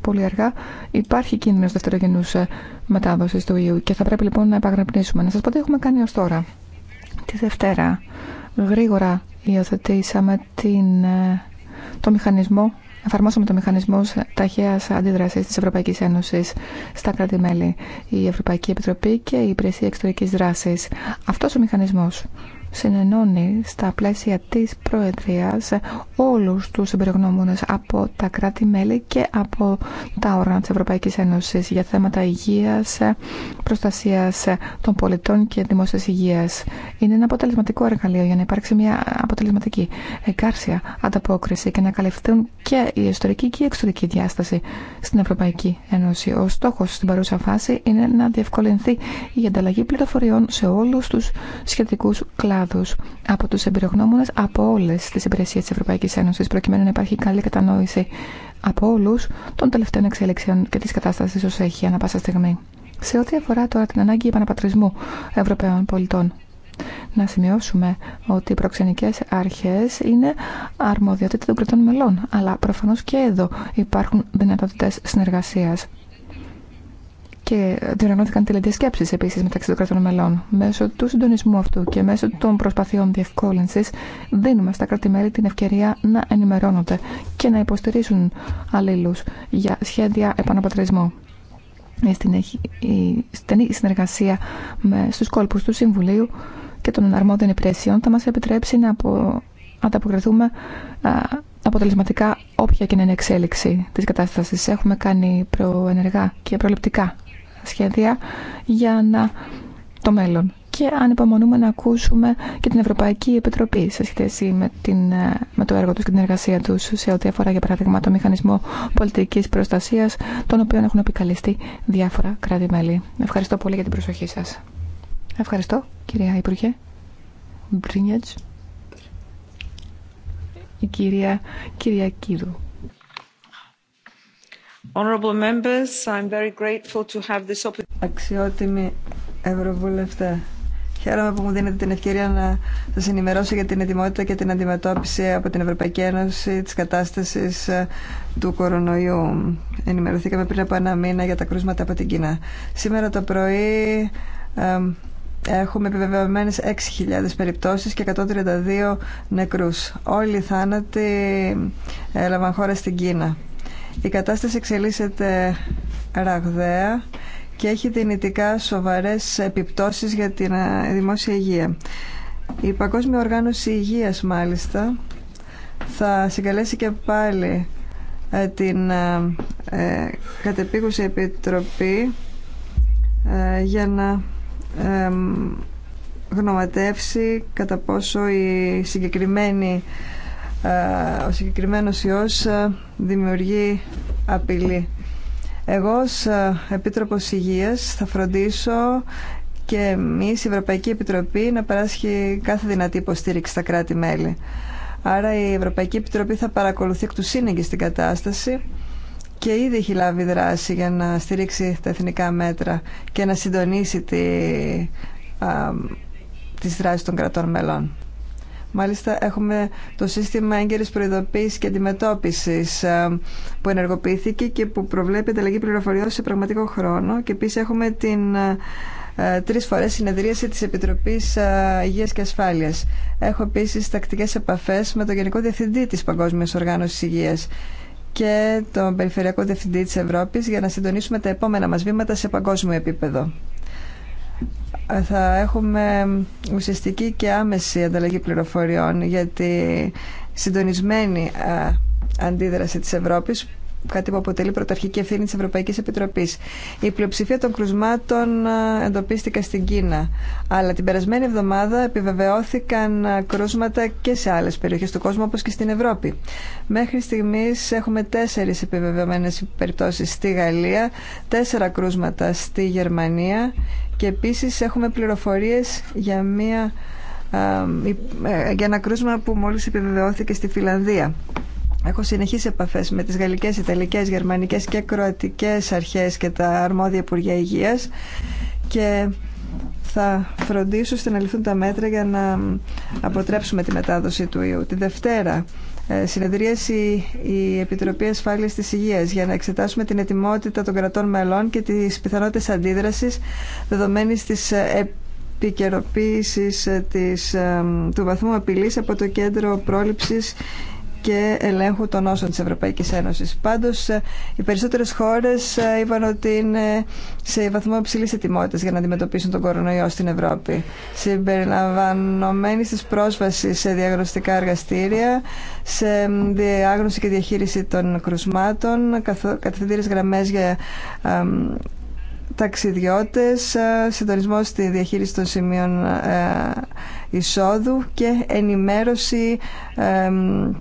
πολύ αργά, υπάρχει κίνδυνος δευτερογενούς ε, μετάδοσης του ιού και θα πρέπει λοιπόν να επαγρυπνήσουμε. Να σας πω τι έχουμε κάνει ως τώρα. Τη Δευτέρα γρήγορα υιοθετήσαμε την, ε, το μηχανισμό Εφαρμόσαμε το μηχανισμό ταχαία αντίδραση τη Ευρωπαϊκή Ένωση στα κράτη-μέλη, η Ευρωπαϊκή Επιτροπή και η Υπηρεσία Εξωτερική Δράση. Αυτό ο μηχανισμό συνενώνει στα πλαίσια της Προεδρίας όλους τους συμπεριγνώμονες από τα κράτη-μέλη και από τα όργανα της Ευρωπαϊκής Ένωσης για θέματα υγείας, προστασίας των πολιτών και δημόσιας υγείας. Είναι ένα αποτελεσματικό εργαλείο για να υπάρξει μια αποτελεσματική εγκάρσια ανταπόκριση και να καλυφθούν και η ιστορική και η εξωτερική διάσταση στην Ευρωπαϊκή Ένωση. Ο στόχος στην παρούσα φάση είναι να διευκολυνθεί η ανταλλαγή πληροφοριών σε όλους τους σχετικούς κλάδους από τους εμπειρογνώμονες, από όλες τις υπηρεσίε της Ευρωπαϊκής Ένωσης, προκειμένου να υπάρχει καλή κατανόηση από όλους των τελευταίων εξέλιξεων και της κατάστασης όσο έχει ανά πάσα στιγμή. Σε ό,τι αφορά τώρα την ανάγκη επαναπατρισμού Ευρωπαίων πολιτών, να σημειώσουμε ότι οι προξενικές αρχές είναι αρμοδιότητα των κρατών μελών, αλλά προφανώς και εδώ υπάρχουν δυνατότητέ συνεργασία και διοργανώθηκαν τηλεδιασκέψει επίση μεταξύ των κρατών μελών. Μέσω του συντονισμού αυτού και μέσω των προσπαθειών διευκόλυνση, δίνουμε στα κράτη-μέλη την ευκαιρία να ενημερώνονται και να υποστηρίσουν αλλήλου για σχέδια επαναπατρισμού. Η στενή συνεργασία με, στους κόλπους του Συμβουλίου και των αρμόδιων υπηρεσιών θα μας επιτρέψει να απο... ανταποκριθούμε αποτελεσματικά όποια και να είναι εξέλιξη της κατάστασης. Έχουμε κάνει προενεργά και προληπτικά σχέδια για να... το μέλλον. Και αν υπομονούμε να ακούσουμε και την Ευρωπαϊκή Επιτροπή σε σχέση με, την, με το έργο τους και την εργασία τους σε ό,τι αφορά για παράδειγμα το μηχανισμό πολιτικής προστασίας τον οποίο έχουν επικαλεστεί διάφορα κράτη-μέλη. Ευχαριστώ πολύ για την προσοχή σας. Ευχαριστώ κυρία Υπουργέ. Η κυρία Κυριακίδου. Αξιότιμοι Ευρωβουλευτέ, χαίρομαι που μου δίνετε την ευκαιρία να σα ενημερώσω για την ετοιμότητα και την αντιμετώπιση από την Ευρωπαϊκή Ένωση τη κατάσταση ε, του κορονοϊού. Ενημερωθήκαμε πριν από ένα μήνα για τα κρούσματα από την Κίνα. Σήμερα το πρωί έχουμε επιβεβαιωμένες 6.000 περιπτώσεις και 132 νεκρούς. Όλοι οι θάνατοι ε, έλαβαν χώρα στην Κίνα. Η κατάσταση εξελίσσεται ραγδαία και έχει δυνητικά σοβαρές επιπτώσεις για την ε, δημόσια υγεία. Η Παγκόσμια Οργάνωση Υγείας μάλιστα θα συγκαλέσει και πάλι ε, την ε, ε, κατεπίγουσα επιτροπή για να ε, γνωματεύσει κατά πόσο η συγκεκριμένη ε, ο συγκεκριμένος ιός ε, δημιουργεί απειλή. Εγώ ως ε, Επίτροπος Υγείας θα φροντίσω και εμείς η Ευρωπαϊκή Επιτροπή να παράσχει κάθε δυνατή υποστήριξη στα κράτη-μέλη. Άρα η Ευρωπαϊκή Επιτροπή θα παρακολουθεί εκ του σύνεγγυ στην κατάσταση και ήδη έχει λάβει δράση για να στηρίξει τα εθνικά μέτρα και να συντονίσει τη, α, τις δράσεις των κρατών μελών. Μάλιστα έχουμε το σύστημα έγκαιρη προειδοποίηση και αντιμετώπισης ε, που ενεργοποιήθηκε και που προβλέπει ανταλλαγή πληροφοριών σε πραγματικό χρόνο και επίση έχουμε την ε, τρεις φορές συνεδρίαση της Επιτροπής ε, Υγείας και Ασφάλειας. Έχω επίσης τακτικές επαφές με τον Γενικό Διευθυντή τη Παγκόσμια Οργάνωση Υγεία και τον Περιφερειακό Διευθυντή της Ευρώπης για να συντονίσουμε τα επόμενα μας βήματα σε παγκόσμιο επίπεδο θα έχουμε ουσιαστική και άμεση ανταλλαγή πληροφοριών για τη συντονισμένη ε, αντίδραση της Ευρώπης κάτι που αποτελεί πρωταρχική ευθύνη τη Ευρωπαϊκή Επιτροπή. Η πλειοψηφία των κρουσμάτων ε, εντοπίστηκαν στην Κίνα, αλλά την περασμένη εβδομάδα επιβεβαιώθηκαν ε, κρούσματα και σε άλλε περιοχέ του κόσμου, όπω και στην Ευρώπη. Μέχρι στιγμή έχουμε τέσσερι επιβεβαιωμένε περιπτώσει στη Γαλλία, τέσσερα κρούσματα στη Γερμανία και επίση έχουμε πληροφορίε για μία ε, για ένα κρούσμα που μόλις επιβεβαιώθηκε στη Φιλανδία. Έχω συνεχείς επαφές με τις γαλλικές, ιταλικές, γερμανικές και κροατικές αρχές και τα αρμόδια Υπουργεία Υγείας και θα φροντίσω στην να τα μέτρα για να αποτρέψουμε τη μετάδοση του ιού. Τη Δευτέρα ε, συνεδρίαση η Επιτροπή Ασφάλειας της Υγείας για να εξετάσουμε την ετοιμότητα των κρατών μελών και τις πιθανότητες αντίδρασης δεδομένης της ε, επικαιροποίησης ε, του βαθμού απειλής από το Κέντρο Πρόληψης και ελέγχου των όσων της Ευρωπαϊκής Ένωσης. Πάντως, ε, οι περισσότερες χώρες ε, είπαν ότι είναι σε βαθμό υψηλή ετοιμότητα για να αντιμετωπίσουν τον κορονοϊό στην Ευρώπη. Συμπεριλαμβανομένη τη πρόσβαση σε διαγνωστικά εργαστήρια, σε διάγνωση και διαχείριση των κρουσμάτων, καθ, γραμμέ γραμμές για ε, ταξιδιώτες, ε, συντονισμό στη διαχείριση των σημείων ε, εισόδου και ενημέρωση ε,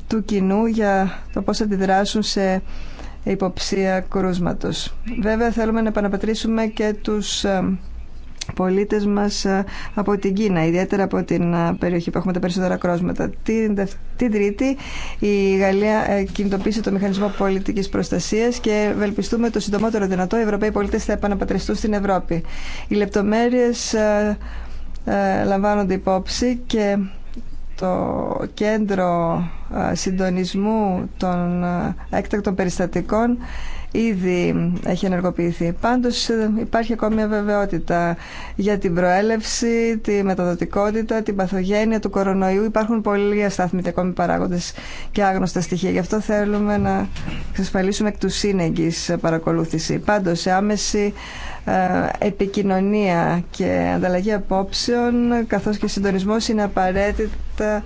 του κοινού για το πώς αντιδράσουν σε υποψία κρούσματος. Βέβαια θέλουμε να επαναπατρίσουμε και τους πολίτες μας ε, από την Κίνα, ιδιαίτερα από την ε, περιοχή που έχουμε τα περισσότερα κρόσματα. Την, την Τρίτη η Γαλλία ε, κινητοποίησε το μηχανισμό πολιτικής προστασίας και ευελπιστούμε το συντομότερο δυνατό οι Ευρωπαίοι πολίτες θα επαναπατριστούν στην Ευρώπη. Οι λεπτομέρειες λαμβάνονται υπόψη και το κέντρο συντονισμού των έκτακτων περιστατικών ήδη έχει ενεργοποιηθεί. Πάντως ε, υπάρχει ακόμη μια βεβαιότητα για την προέλευση, τη μεταδοτικότητα, την παθογένεια του κορονοϊού. Υπάρχουν πολλοί και ακόμη παράγοντες και άγνωστα στοιχεία. Γι' αυτό θέλουμε να εξασφαλίσουμε εκ του σύνεγγης παρακολούθηση. Πάντως σε άμεση ε, επικοινωνία και ανταλλαγή απόψεων καθώς και συντονισμός είναι απαραίτητα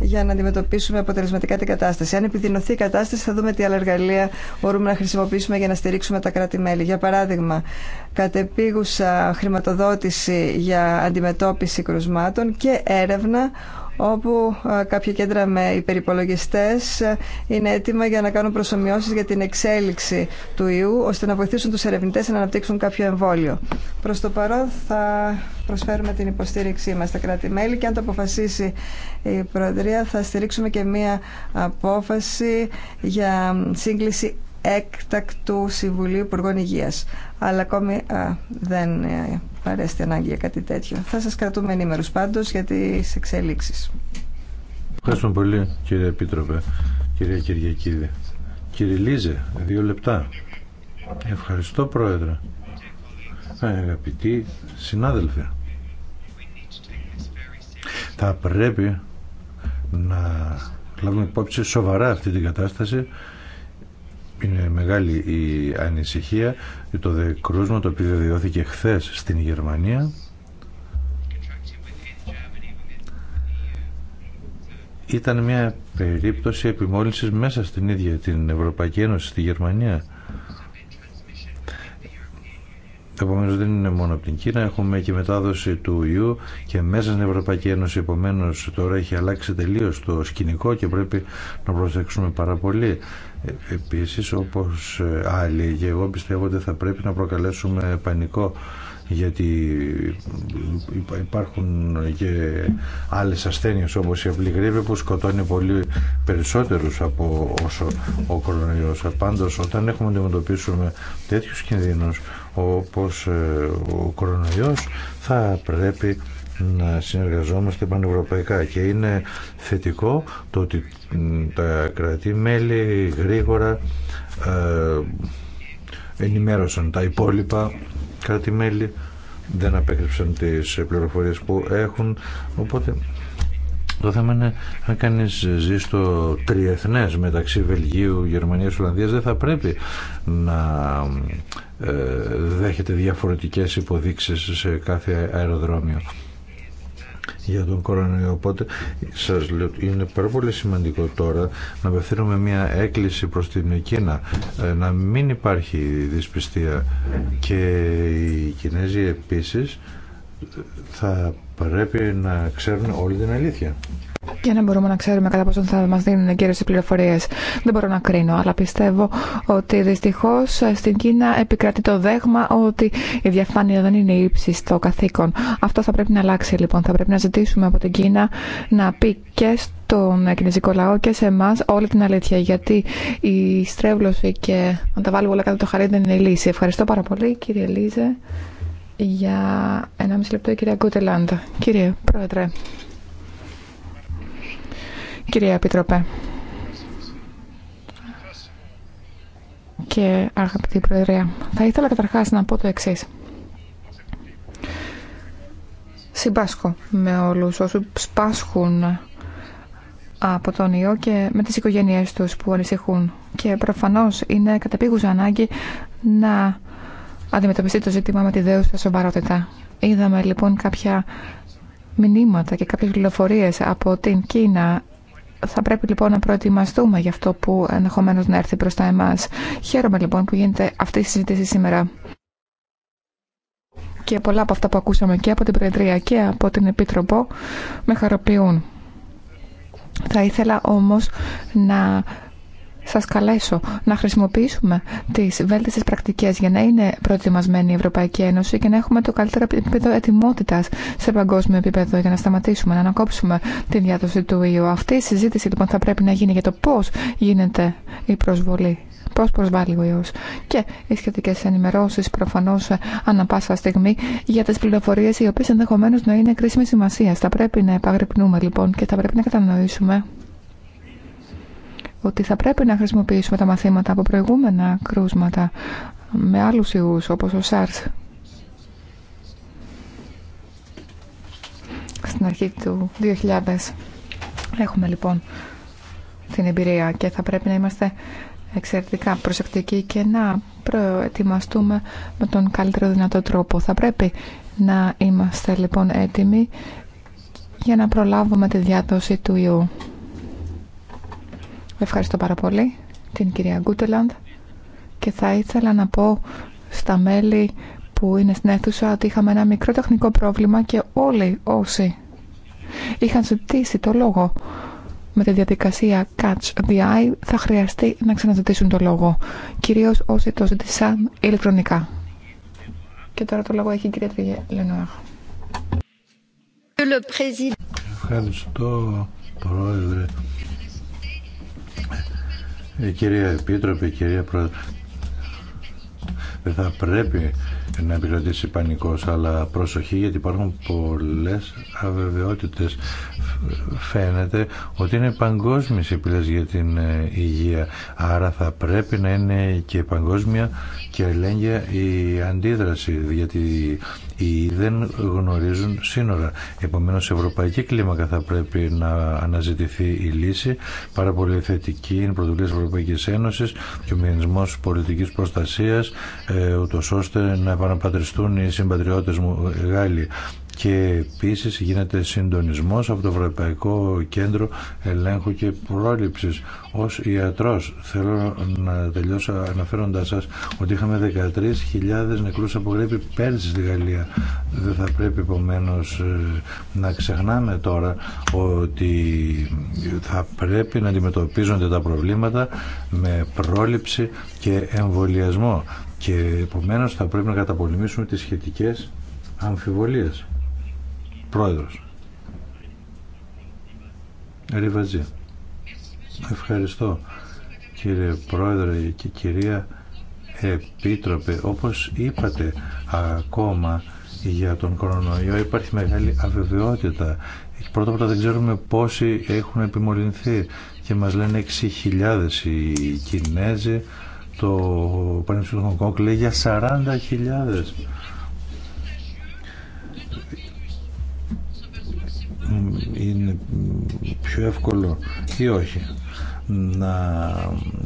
για να αντιμετωπίσουμε αποτελεσματικά την κατάσταση. Αν επιδεινωθεί η κατάσταση, θα δούμε τι άλλα εργαλεία μπορούμε να χρησιμοποιήσουμε για να στηρίξουμε τα κράτη-μέλη. Για παράδειγμα, κατεπίγουσα χρηματοδότηση για αντιμετώπιση κρουσμάτων και έρευνα όπου κάποια κέντρα με υπερυπολογιστέ είναι έτοιμα για να κάνουν προσωμιώσει για την εξέλιξη του ιού, ώστε να βοηθήσουν τους Ερευνητέ να αναπτύξουν κάποιο εμβόλιο. Προ το παρόν θα προσφέρουμε την υποστήριξή μα στα κράτη-μέλη και αν το αποφασίσει η Προεδρία θα στηρίξουμε και μία απόφαση για σύγκληση έκτακτου Συμβουλίου Υπουργών Υγεία. Αλλά ακόμη δεν ε, παρέστη ανάγκη για κάτι τέτοιο. Θα σας κρατούμε ενήμερους πάντως για τις εξελίξεις. Ευχαριστούμε πολύ κύριε Επίτροπε, κύριε Κυριακίδη. Κύριε Λίζε, δύο λεπτά. Ευχαριστώ Πρόεδρε. Ε, αγαπητοί συνάδελφοι, θα πρέπει να λάβουμε υπόψη σοβαρά αυτή την κατάσταση είναι μεγάλη η ανησυχία για το δε το οποίο διώθηκε χθε στην Γερμανία. Ήταν μια περίπτωση επιμόλυνσης μέσα στην ίδια την Ευρωπαϊκή Ένωση, στη Γερμανία. Επομένω, δεν είναι μόνο από την Κίνα, έχουμε και μετάδοση του ιού και μέσα στην Ευρωπαϊκή Ένωση. Επομένω, τώρα έχει αλλάξει τελείω το σκηνικό και πρέπει να προσέξουμε πάρα πολύ. Ε, επίσης όπως ε, άλλοι και εγώ πιστεύω ότι θα πρέπει να προκαλέσουμε πανικό γιατί υπάρχουν και άλλες ασθένειες όπως η απλή γρήπη που σκοτώνει πολύ περισσότερους από όσο ο κορονοϊός. Ε, πάντως όταν έχουμε να αντιμετωπίσουμε τέτοιους κινδύνους όπως ο κορονοϊός θα πρέπει να συνεργαζόμαστε πανευρωπαϊκά και είναι θετικό το ότι τα κρατή-μέλη γρήγορα ε, ενημέρωσαν τα υπόλοιπα κράτη-μέλη δεν απέκρυψαν τις πληροφορίες που έχουν οπότε το θέμα είναι αν κανείς ζει στο τριεθνές μεταξύ Βελγίου, Γερμανίας, Ολλανδίας δεν θα πρέπει να ε, δέχεται διαφορετικές υποδείξεις σε κάθε αεροδρόμιο για τον κορονοϊό. Οπότε σα λέω είναι πάρα πολύ σημαντικό τώρα να απευθύνουμε μια έκκληση προ την Κίνα ε, να μην υπάρχει δυσπιστία και οι Κινέζοι επίσης θα πρέπει να ξέρουν όλη την αλήθεια. Για να μπορούμε να ξέρουμε κατά πόσο θα μα δίνουν κύριες οι πληροφορίε. Δεν μπορώ να κρίνω, αλλά πιστεύω ότι δυστυχώ στην Κίνα επικρατεί το δέγμα ότι η διαφάνεια δεν είναι ύψη στο καθήκον. Αυτό θα πρέπει να αλλάξει λοιπόν. Θα πρέπει να ζητήσουμε από την Κίνα να πει και στον κινέζικο λαό και σε εμά όλη την αλήθεια. Γιατί η στρέβλωση και να τα βάλουμε όλα κάτω το χαρί δεν είναι η λύση. Ευχαριστώ πάρα πολύ κύριε Λίζε. Για 1,5 λεπτό η κυρία Κούτελαντα. Κύριε Πρόεδρε. Κυρία Επιτροπέ. Και αγαπητή Προεδρία, θα ήθελα καταρχάς να πω το εξή. Συμπάσχω με όλους όσους σπάσχουν από τον ιό και με τις οικογένειές τους που ανησυχούν. Και προφανώς είναι καταπήγουσα ανάγκη να αντιμετωπιστεί το ζήτημα με τη δέουσα σοβαρότητα. Είδαμε λοιπόν κάποια μηνύματα και κάποιες πληροφορίες από την Κίνα θα πρέπει λοιπόν να προετοιμαστούμε για αυτό που ενδεχομένω να έρθει μπροστά εμά. Χαίρομαι λοιπόν που γίνεται αυτή η συζήτηση σήμερα. Και πολλά από αυτά που ακούσαμε και από την Προεδρία και από την Επίτροπο με χαροποιούν. Θα ήθελα όμως να Σα καλέσω να χρησιμοποιήσουμε τι βέλτιστες πρακτικέ για να είναι προετοιμασμένη η Ευρωπαϊκή Ένωση και να έχουμε το καλύτερο επίπεδο ετοιμότητα σε παγκόσμιο επίπεδο για να σταματήσουμε, να ανακόψουμε τη διάδοση του ιού. Αυτή η συζήτηση λοιπόν θα πρέπει να γίνει για το πώ γίνεται η προσβολή. Πώ προσβάλλει ο ιό. Και οι σχετικέ ενημερώσει προφανώ ανά πάσα στιγμή για τι πληροφορίε οι οποίε ενδεχομένω να είναι κρίσιμη σημασία. Θα πρέπει να επαγρυπνούμε λοιπόν και θα πρέπει να κατανοήσουμε ότι θα πρέπει να χρησιμοποιήσουμε τα μαθήματα από προηγούμενα κρούσματα με άλλους ιούς όπως ο SARS. Στην αρχή του 2000 έχουμε λοιπόν την εμπειρία και θα πρέπει να είμαστε εξαιρετικά προσεκτικοί και να προετοιμαστούμε με τον καλύτερο δυνατό τρόπο. Θα πρέπει να είμαστε λοιπόν έτοιμοι για να προλάβουμε τη διάδοση του ιού. Ευχαριστώ πάρα πολύ την κυρία Γκούτελαντ και θα ήθελα να πω στα μέλη που είναι στην αίθουσα ότι είχαμε ένα μικρό τεχνικό πρόβλημα και όλοι όσοι είχαν ζητήσει το λόγο με τη διαδικασία Catch the Eye θα χρειαστεί να ξαναζητήσουν το λόγο, κυρίως όσοι το ζήτησαν ηλεκτρονικά. Και τώρα το λόγο έχει η κυρία Τριγέ Ευχαριστώ, Πρόεδρε. Ε, κυρία Επίτροπε, κυρία Πρόεδρε, δεν θα πρέπει να επικρατήσει πανικός, αλλά προσοχή γιατί υπάρχουν πολλές αβεβαιότητες φαίνεται ότι είναι παγκόσμιες επιλές για την ε, υγεία. Άρα θα πρέπει να είναι και παγκόσμια και ελέγγυα η αντίδραση, γιατί οι δεν γνωρίζουν σύνορα. Επομένως, σε ευρωπαϊκή κλίμακα θα πρέπει να αναζητηθεί η λύση. Πάρα πολύ θετική είναι η πρωτοβουλία της Ευρωπαϊκής Ένωσης και ο μηχανισμό πολιτικής προστασίας, ε, ούτως ώστε να επαναπατριστούν οι συμπατριώτες μου ε, Γάλλοι και επίση γίνεται συντονισμό από το Ευρωπαϊκό Κέντρο Ελέγχου και πρόληψη ω ιατρό. θέλω να τελειώσω αναφέροντα σας ότι είχαμε 13.000 νεκρού από γρήπη πέρσι στη Γαλλία. Δεν θα πρέπει επομένω ε, να ξεχνάμε τώρα ότι θα πρέπει να αντιμετωπίζονται τα προβλήματα με πρόληψη και εμβολιασμό και επομένως θα πρέπει να καταπολεμήσουμε τις σχετικές αμφιβολίες. Πρόεδρος. Ριβαζή. Ευχαριστώ κύριε Πρόεδρε και κυρία Επίτροπε. Όπως είπατε ακόμα για τον κορονοϊό υπάρχει μεγάλη αβεβαιότητα. Πρώτα απ' όλα δεν ξέρουμε πόσοι έχουν επιμολυνθεί και μας λένε 6.000 οι Κινέζοι. Το Πανεπιστήμιο Χονγκ λέει για 40.000 είναι πιο εύκολο ή όχι να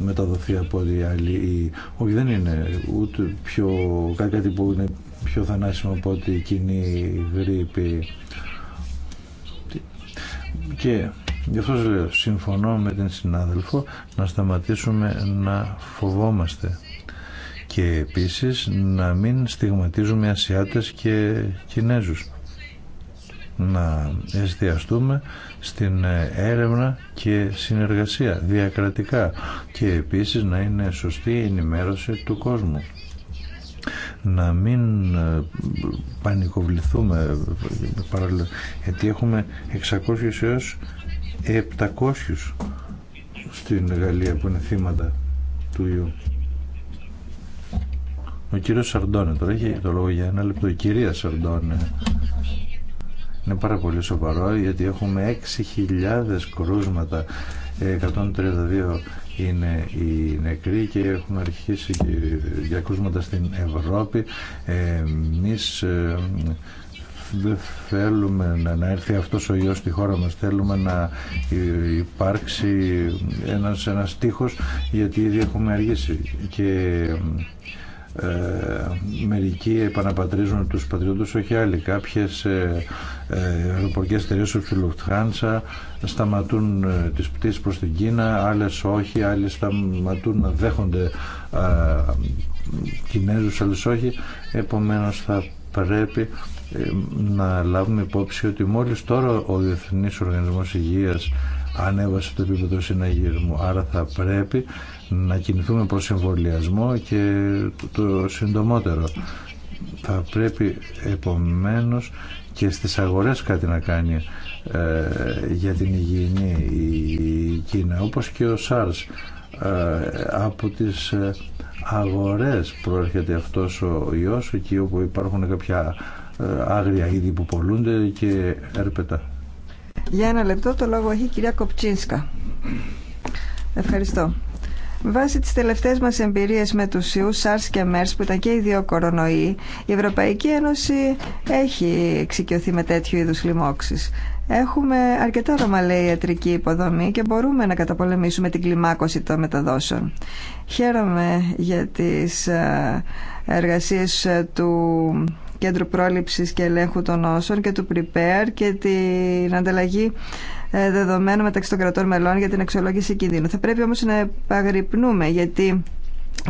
μεταδοθεί από ό,τι άλλη. Όχι δεν είναι ούτε πιο, κάτι που είναι πιο θανάσιμο από ό,τι η κοινή γρήπη. Και γι' αυτό λέω, συμφωνώ με την συνάδελφο να σταματήσουμε να φοβόμαστε και επίσης να μην στιγματίζουμε Ασιάτες και Κινέζους να εστιαστούμε στην έρευνα και συνεργασία διακρατικά και επίσης να είναι σωστή η ενημέρωση του κόσμου να μην ε, πανικοβληθούμε γιατί έχουμε 600 έως 700 στην Γαλλία που είναι θύματα του ιού. Ο κύριος Σαρντόνε τώρα έχει το λόγο για ένα λεπτό. Η κυρία Σαρντόνε είναι πάρα πολύ σοβαρό γιατί έχουμε 6.000 κρούσματα, 132 ε, είναι οι νεκροί και έχουμε αρχίσει για κρούσματα στην Ευρώπη. Εμεί ε, δεν θέλουμε να έρθει αυτός ο ιός στη χώρα μας, θέλουμε να υπάρξει ένας, ένας γιατί ήδη έχουμε αργήσει και ε, μερικοί επαναπατρίζουν τους πατριώτες όχι άλλοι κάποιες ε, ε, αεροπορικές εταιρείες η σταματούν ε, τις πτήσεις προς την Κίνα άλλες όχι, άλλες σταματούν να δέχονται ε, Κινέζους άλλες όχι επομένως θα πρέπει ε, να λάβουμε υπόψη ότι μόλις τώρα ο Διεθνής Οργανισμός Υγείας ανέβασε το επίπεδο συναγερμού άρα θα πρέπει να κινηθούμε προς εμβολιασμό και το συντομότερο. Θα πρέπει επομένως και στις αγορές κάτι να κάνει ε, για την υγιεινή η Κίνα, όπως και ο ΣΑΡΣ. Ε, από τις ε, αγορές προέρχεται αυτός ο ιός, εκεί όπου υπάρχουν κάποια άγρια είδη που πολλούνται και έρπετα. Για ένα λεπτό το λόγο έχει η κυρία Κοπτσίνσκα. Ευχαριστώ. Βάσει τις τελευταίες μας εμπειρίες με τους ιού SARS και MERS που ήταν και οι δύο κορονοϊοί, η Ευρωπαϊκή Ένωση έχει εξοικειωθεί με τέτοιου είδους λοιμώξει. Έχουμε αρκετά ρωμαλαία ιατρική υποδομή και μπορούμε να καταπολεμήσουμε την κλιμάκωση των μεταδόσεων. Χαίρομαι για τις ε, εργασίες ε, του Κέντρου Πρόληψης και Ελέγχου των Όσων και του Prepare και την ανταλλαγή ε, Δεδομένου μεταξύ των κρατών μελών για την αξιολόγηση κινδύνου. Θα πρέπει όμως να επαγρυπνούμε γιατί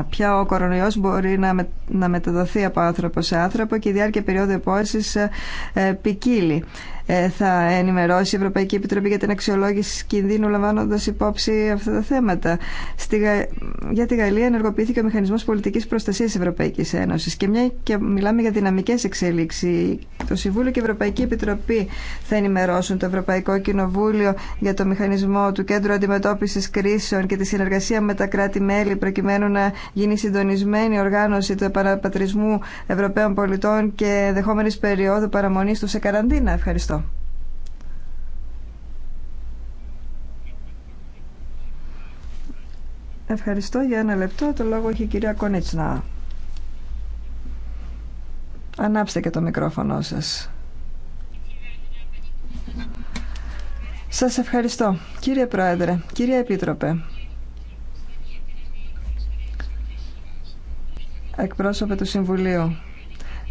πια ο κορονοϊός μπορεί να, να μεταδοθεί από άνθρωπο σε άνθρωπο και η διάρκεια περίοδου ε, ε, ποικίλει. Ε, θα ενημερώσει η Ευρωπαϊκή Επιτροπή για την αξιολόγηση κινδύνου λαμβάνοντα υπόψη αυτά τα θέματα. Στη, για τη Γαλλία ενεργοποιήθηκε ο Μηχανισμό Πολιτική Προστασία Ευρωπαϊκή Ένωση και μια και μιλάμε για δυναμικέ εξέλιξει. Το Συμβούλιο και η Ευρωπαϊκή Επιτροπή θα ενημερώσουν το Ευρωπαϊκό Κοινοβούλιο για το μηχανισμό του Κέντρου Αντιμετώπιση Κρίσεων και τη συνεργασία με τα κράτη-μέλη προκειμένου να γίνει συντονισμένη οργάνωση του επαναπατρισμού Ευρωπαίων πολιτών και δεχόμενη περίοδου παραμονή του σε καραντίνα. Ευχαριστώ. Ευχαριστώ για ένα λεπτό. Το λόγο έχει η κυρία Κονίτσνα. Ανάψτε και το μικρόφωνο σας. Σας ευχαριστώ. Κύριε Πρόεδρε, κύριε Επίτροπε, εκπρόσωπε του Συμβουλίου,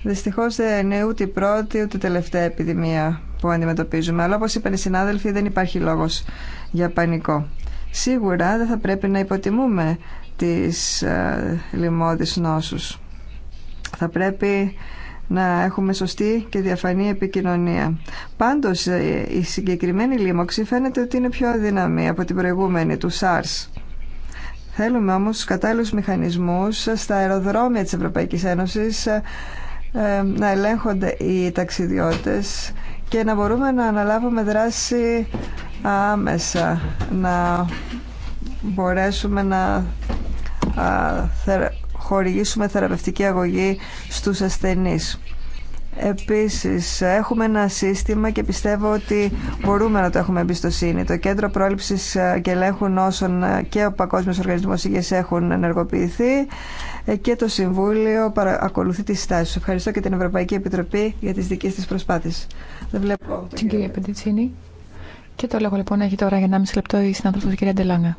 δυστυχώς δεν είναι ούτε η πρώτη ούτε η τελευταία επιδημία που αντιμετωπίζουμε, αλλά όπως είπαν οι συνάδελφοι δεν υπάρχει λόγος για πανικό. Σίγουρα δεν θα πρέπει να υποτιμούμε τις ε, λοιμώδεις νόσους. Θα πρέπει να έχουμε σωστή και διαφανή επικοινωνία. Πάντως, ε, η συγκεκριμένη λίμωξη φαίνεται ότι είναι πιο αδύναμη από την προηγούμενη, του SARS. Θέλουμε όμως τους κατάλληλους μηχανισμούς στα αεροδρόμια της Ευρωπαϊκής Ένωσης ε, να ελέγχονται οι ταξιδιώτες και να μπορούμε να αναλάβουμε δράση άμεσα, να μπορέσουμε να χορηγήσουμε θεραπευτική αγωγή στους ασθενείς. Επίσης, έχουμε ένα σύστημα και πιστεύω ότι μπορούμε να το έχουμε εμπιστοσύνη. Το Κέντρο Πρόληψης και Ελέγχου Νόσων και ο Παγκόσμιος Οργανισμός Υγείας έχουν ενεργοποιηθεί και το Συμβούλιο παρακολουθεί τις στάσεις. Ευχαριστώ και την Ευρωπαϊκή Επιτροπή για τις δικές της προσπάθειες. Δεν βλέπω... Την κυρία Και το λόγο λοιπόν έχει τώρα για 1,5 λεπτό η συνάδελφος κυρία Ντελάγκα.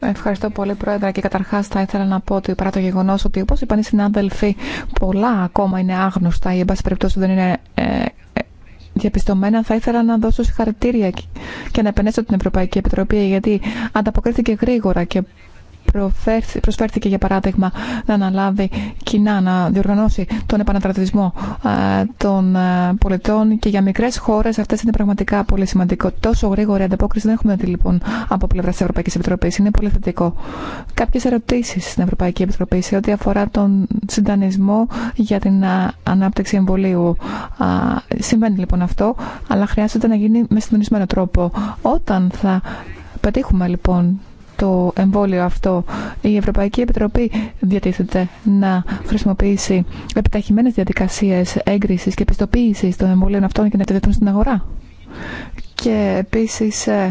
Ευχαριστώ πολύ, Πρόεδρε. Και καταρχά, θα ήθελα να πω ότι παρά το γεγονό ότι, όπω είπαν οι συνάδελφοι, πολλά ακόμα είναι άγνωστα ή, εν πάση περιπτώσει, δεν είναι ε, ε, διαπιστωμένα, θα ήθελα να δώσω συγχαρητήρια και να επενέσω την Ευρωπαϊκή Επιτροπή, γιατί ανταποκρίθηκε γρήγορα και προσφέρθηκε για παράδειγμα να αναλάβει κοινά, να διοργανώσει τον επανατρατισμό ε, των ε, πολιτών και για μικρέ χώρε, αυτέ είναι πραγματικά πολύ σημαντικό. Τόσο γρήγορη ανταπόκριση δεν έχουμε δει λοιπόν από πλευρά τη Ευρωπαϊκή Επιτροπή. Είναι πολύ θετικό. Κάποιε ερωτήσει στην Ευρωπαϊκή Επιτροπή σε ό,τι αφορά τον συντανισμό για την ε, ανάπτυξη εμβολίου. Συμβαίνει λοιπόν αυτό, αλλά χρειάζεται να γίνει με συντονισμένο τρόπο. Όταν θα πετύχουμε λοιπόν το εμβόλιο αυτό. Η Ευρωπαϊκή Επιτροπή διατίθεται να χρησιμοποιήσει επιταχυμένε διαδικασίε έγκριση και επιστοποίηση των εμβολίων αυτών και να επιδεθούν στην αγορά. Και επίση ε,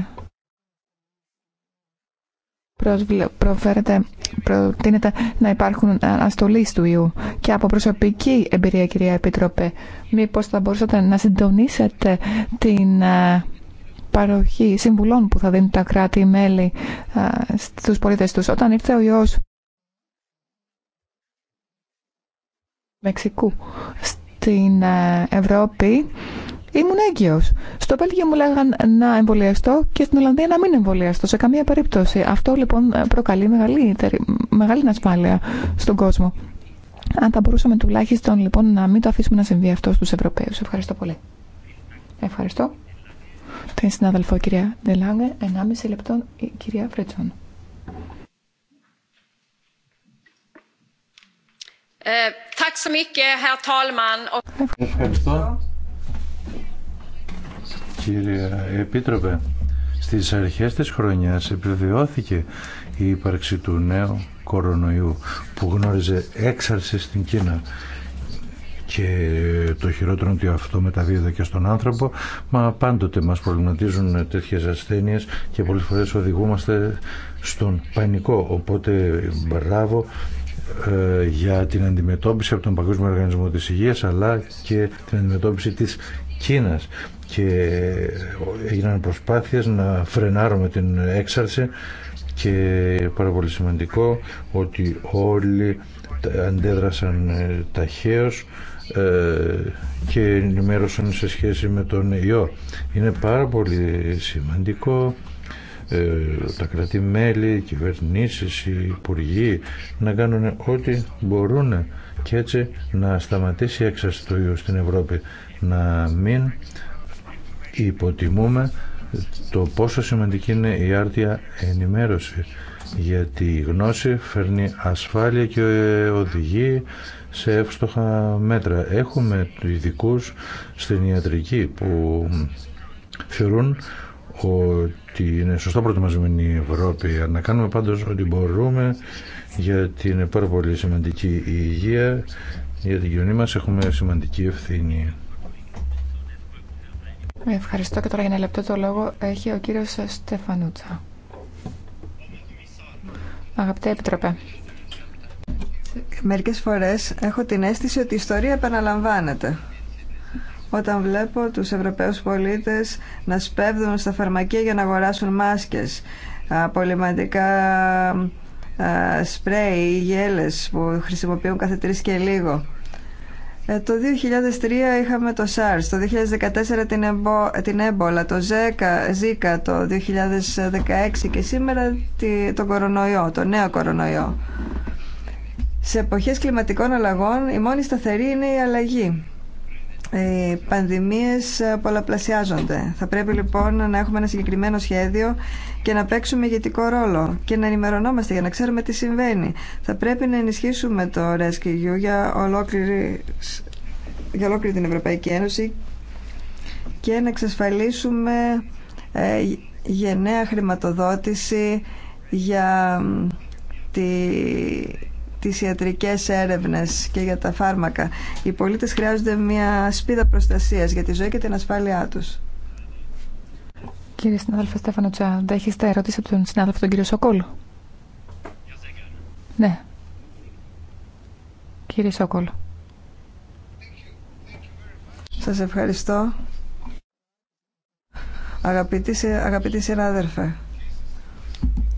προφέρεται, προτείνεται να υπάρχουν αναστολή ε, του ιού. Και από προσωπική εμπειρία, κυρία Επίτροπε, μήπως θα μπορούσατε να συντονίσετε την ε, παροχή συμβουλών που θα δίνουν τα κράτη-μέλη στους πολίτες τους. Όταν ήρθε ο ιός Μεξικού στην Ευρώπη, ήμουν έγκυος. Στο Πέλγιο μου λέγαν να εμβολιαστώ και στην Ολλανδία να μην εμβολιαστώ σε καμία περίπτωση. Αυτό λοιπόν προκαλεί μεγάλη, μεγάλη ασφάλεια στον κόσμο. Αν θα μπορούσαμε τουλάχιστον λοιπόν να μην το αφήσουμε να συμβεί αυτό στους Ευρωπαίους. Ευχαριστώ πολύ. Ευχαριστώ την συνάδελφο κυρία Ντελάνε, 1,5 λεπτό η κυρία Φρέτσον. Ε, Ευχαριστώ. Κύριε Επίτροπε, στις αρχές της χρονιάς επιβεβαιώθηκε η ύπαρξη του νέου κορονοϊού που γνώριζε έξαρση στην Κίνα και το χειρότερο ότι αυτό μεταδίδεται και στον άνθρωπο μα πάντοτε μας προβληματίζουν τέτοιες ασθένειες και πολλές φορές οδηγούμαστε στον πανικό οπότε μπράβο ε, για την αντιμετώπιση από τον Παγκόσμιο Οργανισμό της Υγείας αλλά και την αντιμετώπιση της Κίνας και έγιναν προσπάθειες να φρενάρουμε την έξαρση και πάρα πολύ σημαντικό ότι όλοι αντέδρασαν ε, ταχαίως ε, και ενημέρωσαν σε σχέση με τον ιό. Είναι πάρα πολύ σημαντικό ε, τα κρατημέλη, οι κυβερνήσεις, οι υπουργοί να κάνουν ό,τι μπορούν και έτσι να σταματήσει η έξαρση του ιού στην Ευρώπη. Να μην υποτιμούμε το πόσο σημαντική είναι η άρτια ενημέρωση γιατί η γνώση φέρνει ασφάλεια και οδηγεί σε εύστοχα μέτρα. Έχουμε ειδικού στην ιατρική που θεωρούν ότι είναι σωστά προετοιμασμένη η Ευρώπη. Να κάνουμε πάντως ό,τι μπορούμε γιατί είναι πάρα πολύ σημαντική η υγεία για την κοινωνία μας έχουμε σημαντική ευθύνη. Ευχαριστώ και τώρα για ένα λεπτό το λόγο έχει ο κύριος Στεφανούτσα. Αγαπητέ Επιτροπέ, Μερικές φορές έχω την αίσθηση ότι η ιστορία επαναλαμβάνεται. Όταν βλέπω τους Ευρωπαίους πολίτες να σπέβδουν στα φαρμακεία για να αγοράσουν μάσκες, απολυματικά σπρέι ή γέλες που χρησιμοποιούν κάθε τρεις και λίγο. Ε, το 2003 είχαμε το SARS, το 2014 την, εμπο, την έμπολα, το ZIKA, το 2016 και σήμερα το κορονοϊό, το νέο κορονοϊό. Σε εποχές κλιματικών αλλαγών η μόνη σταθερή είναι η αλλαγή. Οι ε, πανδημίες ε, πολλαπλασιάζονται. Θα πρέπει λοιπόν να έχουμε ένα συγκεκριμένο σχέδιο και να παίξουμε ηγετικό ρόλο και να ενημερωνόμαστε για να ξέρουμε τι συμβαίνει. Θα πρέπει να ενισχύσουμε το Rescue για ολόκληρη, για ολόκληρη την Ευρωπαϊκή Ένωση και να εξασφαλίσουμε ε, γενναία χρηματοδότηση για τη τις ιατρικές έρευνες και για τα φάρμακα. Οι πολίτες χρειάζονται μια σπίδα προστασίας για τη ζωή και την ασφάλειά τους. Κύριε συνάδελφε Στέφανο Τσάντα, έχετε ερώτηση από τον συνάδελφο τον κύριο Σοκόλου. Ναι. Κύριε Σόκολο. Σας ευχαριστώ. Αγαπητοί, αγαπητοί συνάδελφε,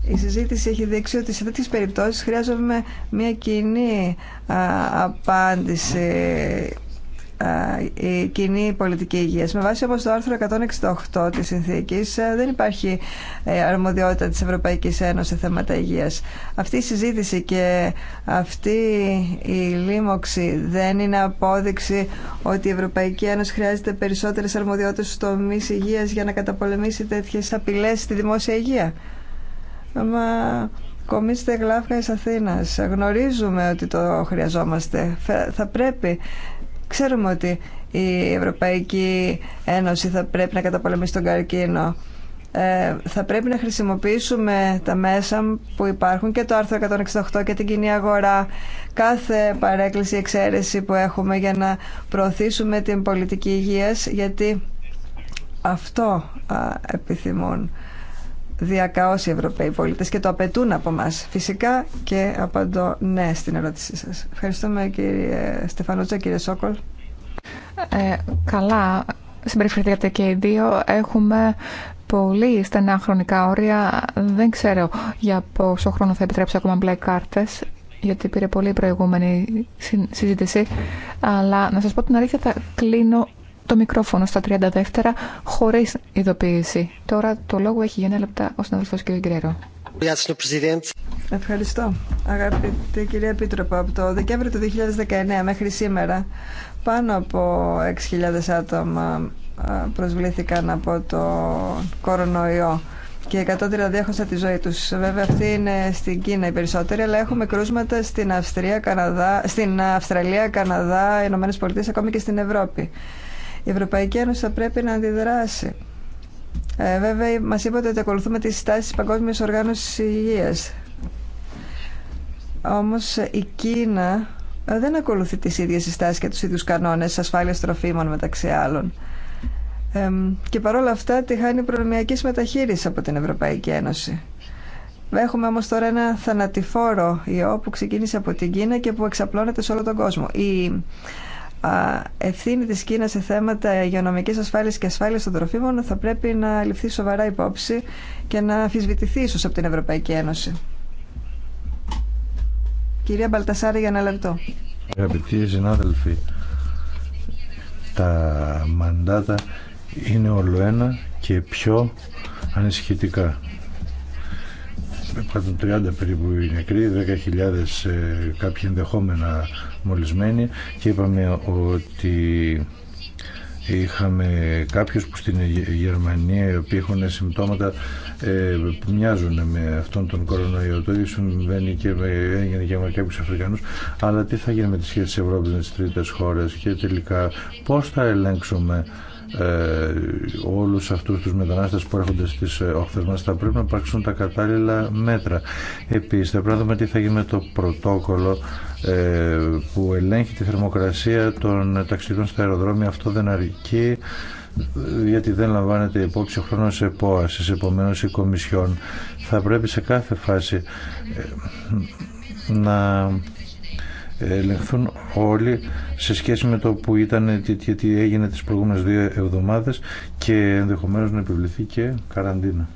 η συζήτηση έχει δείξει ότι σε τέτοιες περιπτώσεις χρειάζομαι μια κοινή απάντηση η κοινή πολιτική υγείας. Με βάση όπως το άρθρο 168 της συνθήκης δεν υπάρχει ε, αρμοδιότητα της Ευρωπαϊκής Ένωσης σε θέματα υγείας. Αυτή η συζήτηση και αυτή η λίμωξη δεν είναι απόδειξη ότι η Ευρωπαϊκή Ένωση χρειάζεται περισσότερες αρμοδιότητες στο υγείας για να καταπολεμήσει τέτοιες απειλές στη δημόσια υγεία. Μα κομίστε γλάφκα εις Αθήνας. Γνωρίζουμε ότι το χρειαζόμαστε. Θα πρέπει. Ξέρουμε ότι η Ευρωπαϊκή Ένωση θα πρέπει να καταπολεμήσει τον καρκίνο. Ε, θα πρέπει να χρησιμοποιήσουμε τα μέσα που υπάρχουν και το άρθρο 168 και την κοινή αγορά, κάθε παρέκκληση, εξαίρεση που έχουμε για να προωθήσουμε την πολιτική υγείας, γιατί αυτό α, επιθυμούν διακαώς οι Ευρωπαίοι πολίτες και το απαιτούν από μας. Φυσικά και απαντώ ναι στην ερώτησή σας. Ευχαριστούμε κύριε Στεφανούτσα, κύριε Σόκολ. Ε, καλά, συμπεριφερθήκατε και οι δύο. Έχουμε πολύ στενά χρονικά όρια. Δεν ξέρω για πόσο χρόνο θα επιτρέψω ακόμα μπλε κάρτες γιατί πήρε πολύ προηγούμενη συζήτηση αλλά να σας πω την αλήθεια θα κλείνω το μικρόφωνο στα 30 δεύτερα χωρίς ειδοποίηση. Τώρα το λόγο έχει για ένα λεπτά ο συναδελφός κ. Γκρέρο. Ευχαριστώ. Αγαπητή κυρία Επίτροπα, από το Δεκέμβριο του 2019 μέχρι σήμερα πάνω από 6.000 άτομα προσβλήθηκαν από το κορονοϊό και 132 διέχωσα τη ζωή τους. Βέβαια αυτή είναι στην Κίνα οι περισσότεροι, αλλά έχουμε κρούσματα στην, Αυστρία, Καναδά, στην Αυστραλία, Καναδά, Ηνωμένες Πολιτείες, ακόμη και στην Ευρώπη. Η Ευρωπαϊκή Ένωση θα πρέπει να αντιδράσει. Ε, βέβαια, μας είπατε ότι ακολουθούμε τις στάσεις της Παγκόσμιας Οργάνωσης Υγείας. Όμως η Κίνα ε, δεν ακολουθεί τις ίδιες συστάσεις και τους ίδιους κανόνες ασφάλειας τροφίμων μεταξύ άλλων. Ε, και παρόλα αυτά τη χάνει προνομιακής μεταχείρισης από την Ευρωπαϊκή Ένωση. Έχουμε όμως τώρα ένα θανατηφόρο ιό που ξεκίνησε από την Κίνα και που εξαπλώνεται σε όλο τον κόσμο. Η ευθύνη της Κίνας σε θέματα υγειονομικής ασφάλειας και ασφάλειας των τροφίμων θα πρέπει να ληφθεί σοβαρά υπόψη και να αφισβητηθεί ίσως από την Ευρωπαϊκή Ένωση. Κυρία Μπαλτασάρη για ένα λεπτό. Αγαπητοί συνάδελφοι, τα μαντάτα είναι όλο ένα και πιο ανησυχητικά. 30 περίπου οι νεκροί, 10.000 ε, κάποιοι ενδεχόμενα μολυσμένοι και είπαμε ότι είχαμε κάποιους που στην Γερμανία οι οποίοι έχουν συμπτώματα ε, που μοιάζουν με αυτόν τον κορονοϊό. Το ίδιο συμβαίνει και με, έγινε και με κάποιους Αφρικανούς. Αλλά τι θα γίνει με τις σχέσεις της Ευρώπης με τις τρίτες χώρες και τελικά πώς θα ελέγξουμε ε, όλους αυτούς τους μετανάστες που έρχονται στις ε, όχθες μας θα πρέπει να υπάρξουν τα κατάλληλα μέτρα. Επίσης θα πρέπει να δούμε τι θα γίνει με το πρωτόκολλο ε, που ελέγχει τη θερμοκρασία των ταξιδιών στα αεροδρόμια. Αυτό δεν αρκεί γιατί δεν λαμβάνεται υπόψη ο χρόνος επόασης, επομένως η Κομισιόν θα πρέπει σε κάθε φάση ε, να ελεγχθούν όλοι σε σχέση με το που ήταν, τι, τι έγινε τις προηγούμενες δύο εβδομάδες και ενδεχομένως να επιβληθεί και καραντίνα.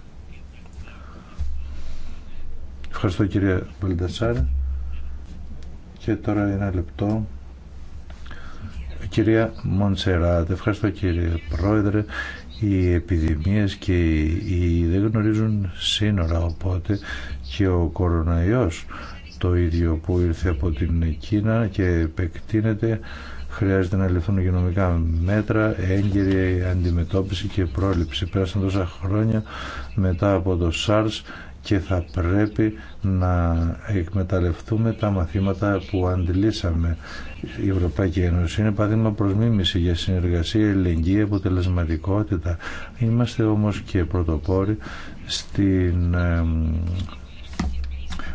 Ευχαριστώ κυρία Βαλντασάρη. Και τώρα ένα λεπτό. Κυρία Μοντσεράτ, ευχαριστώ κύριε Πρόεδρε. Οι επιδημίες και οι, οι δεν γνωρίζουν σύνορα οπότε και ο κοροναϊός το ίδιο που ήρθε από την Κίνα και επεκτείνεται. Χρειάζεται να ληφθούν υγειονομικά μέτρα, έγκυρη αντιμετώπιση και πρόληψη. Πέρασαν τόσα χρόνια μετά από το SARS και θα πρέπει να εκμεταλλευτούμε τα μαθήματα που αντιλήσαμε. Η Ευρωπαϊκή Ένωση είναι παράδειγμα προς για συνεργασία, ελεγγύη, αποτελεσματικότητα. Είμαστε όμως και πρωτοπόροι στην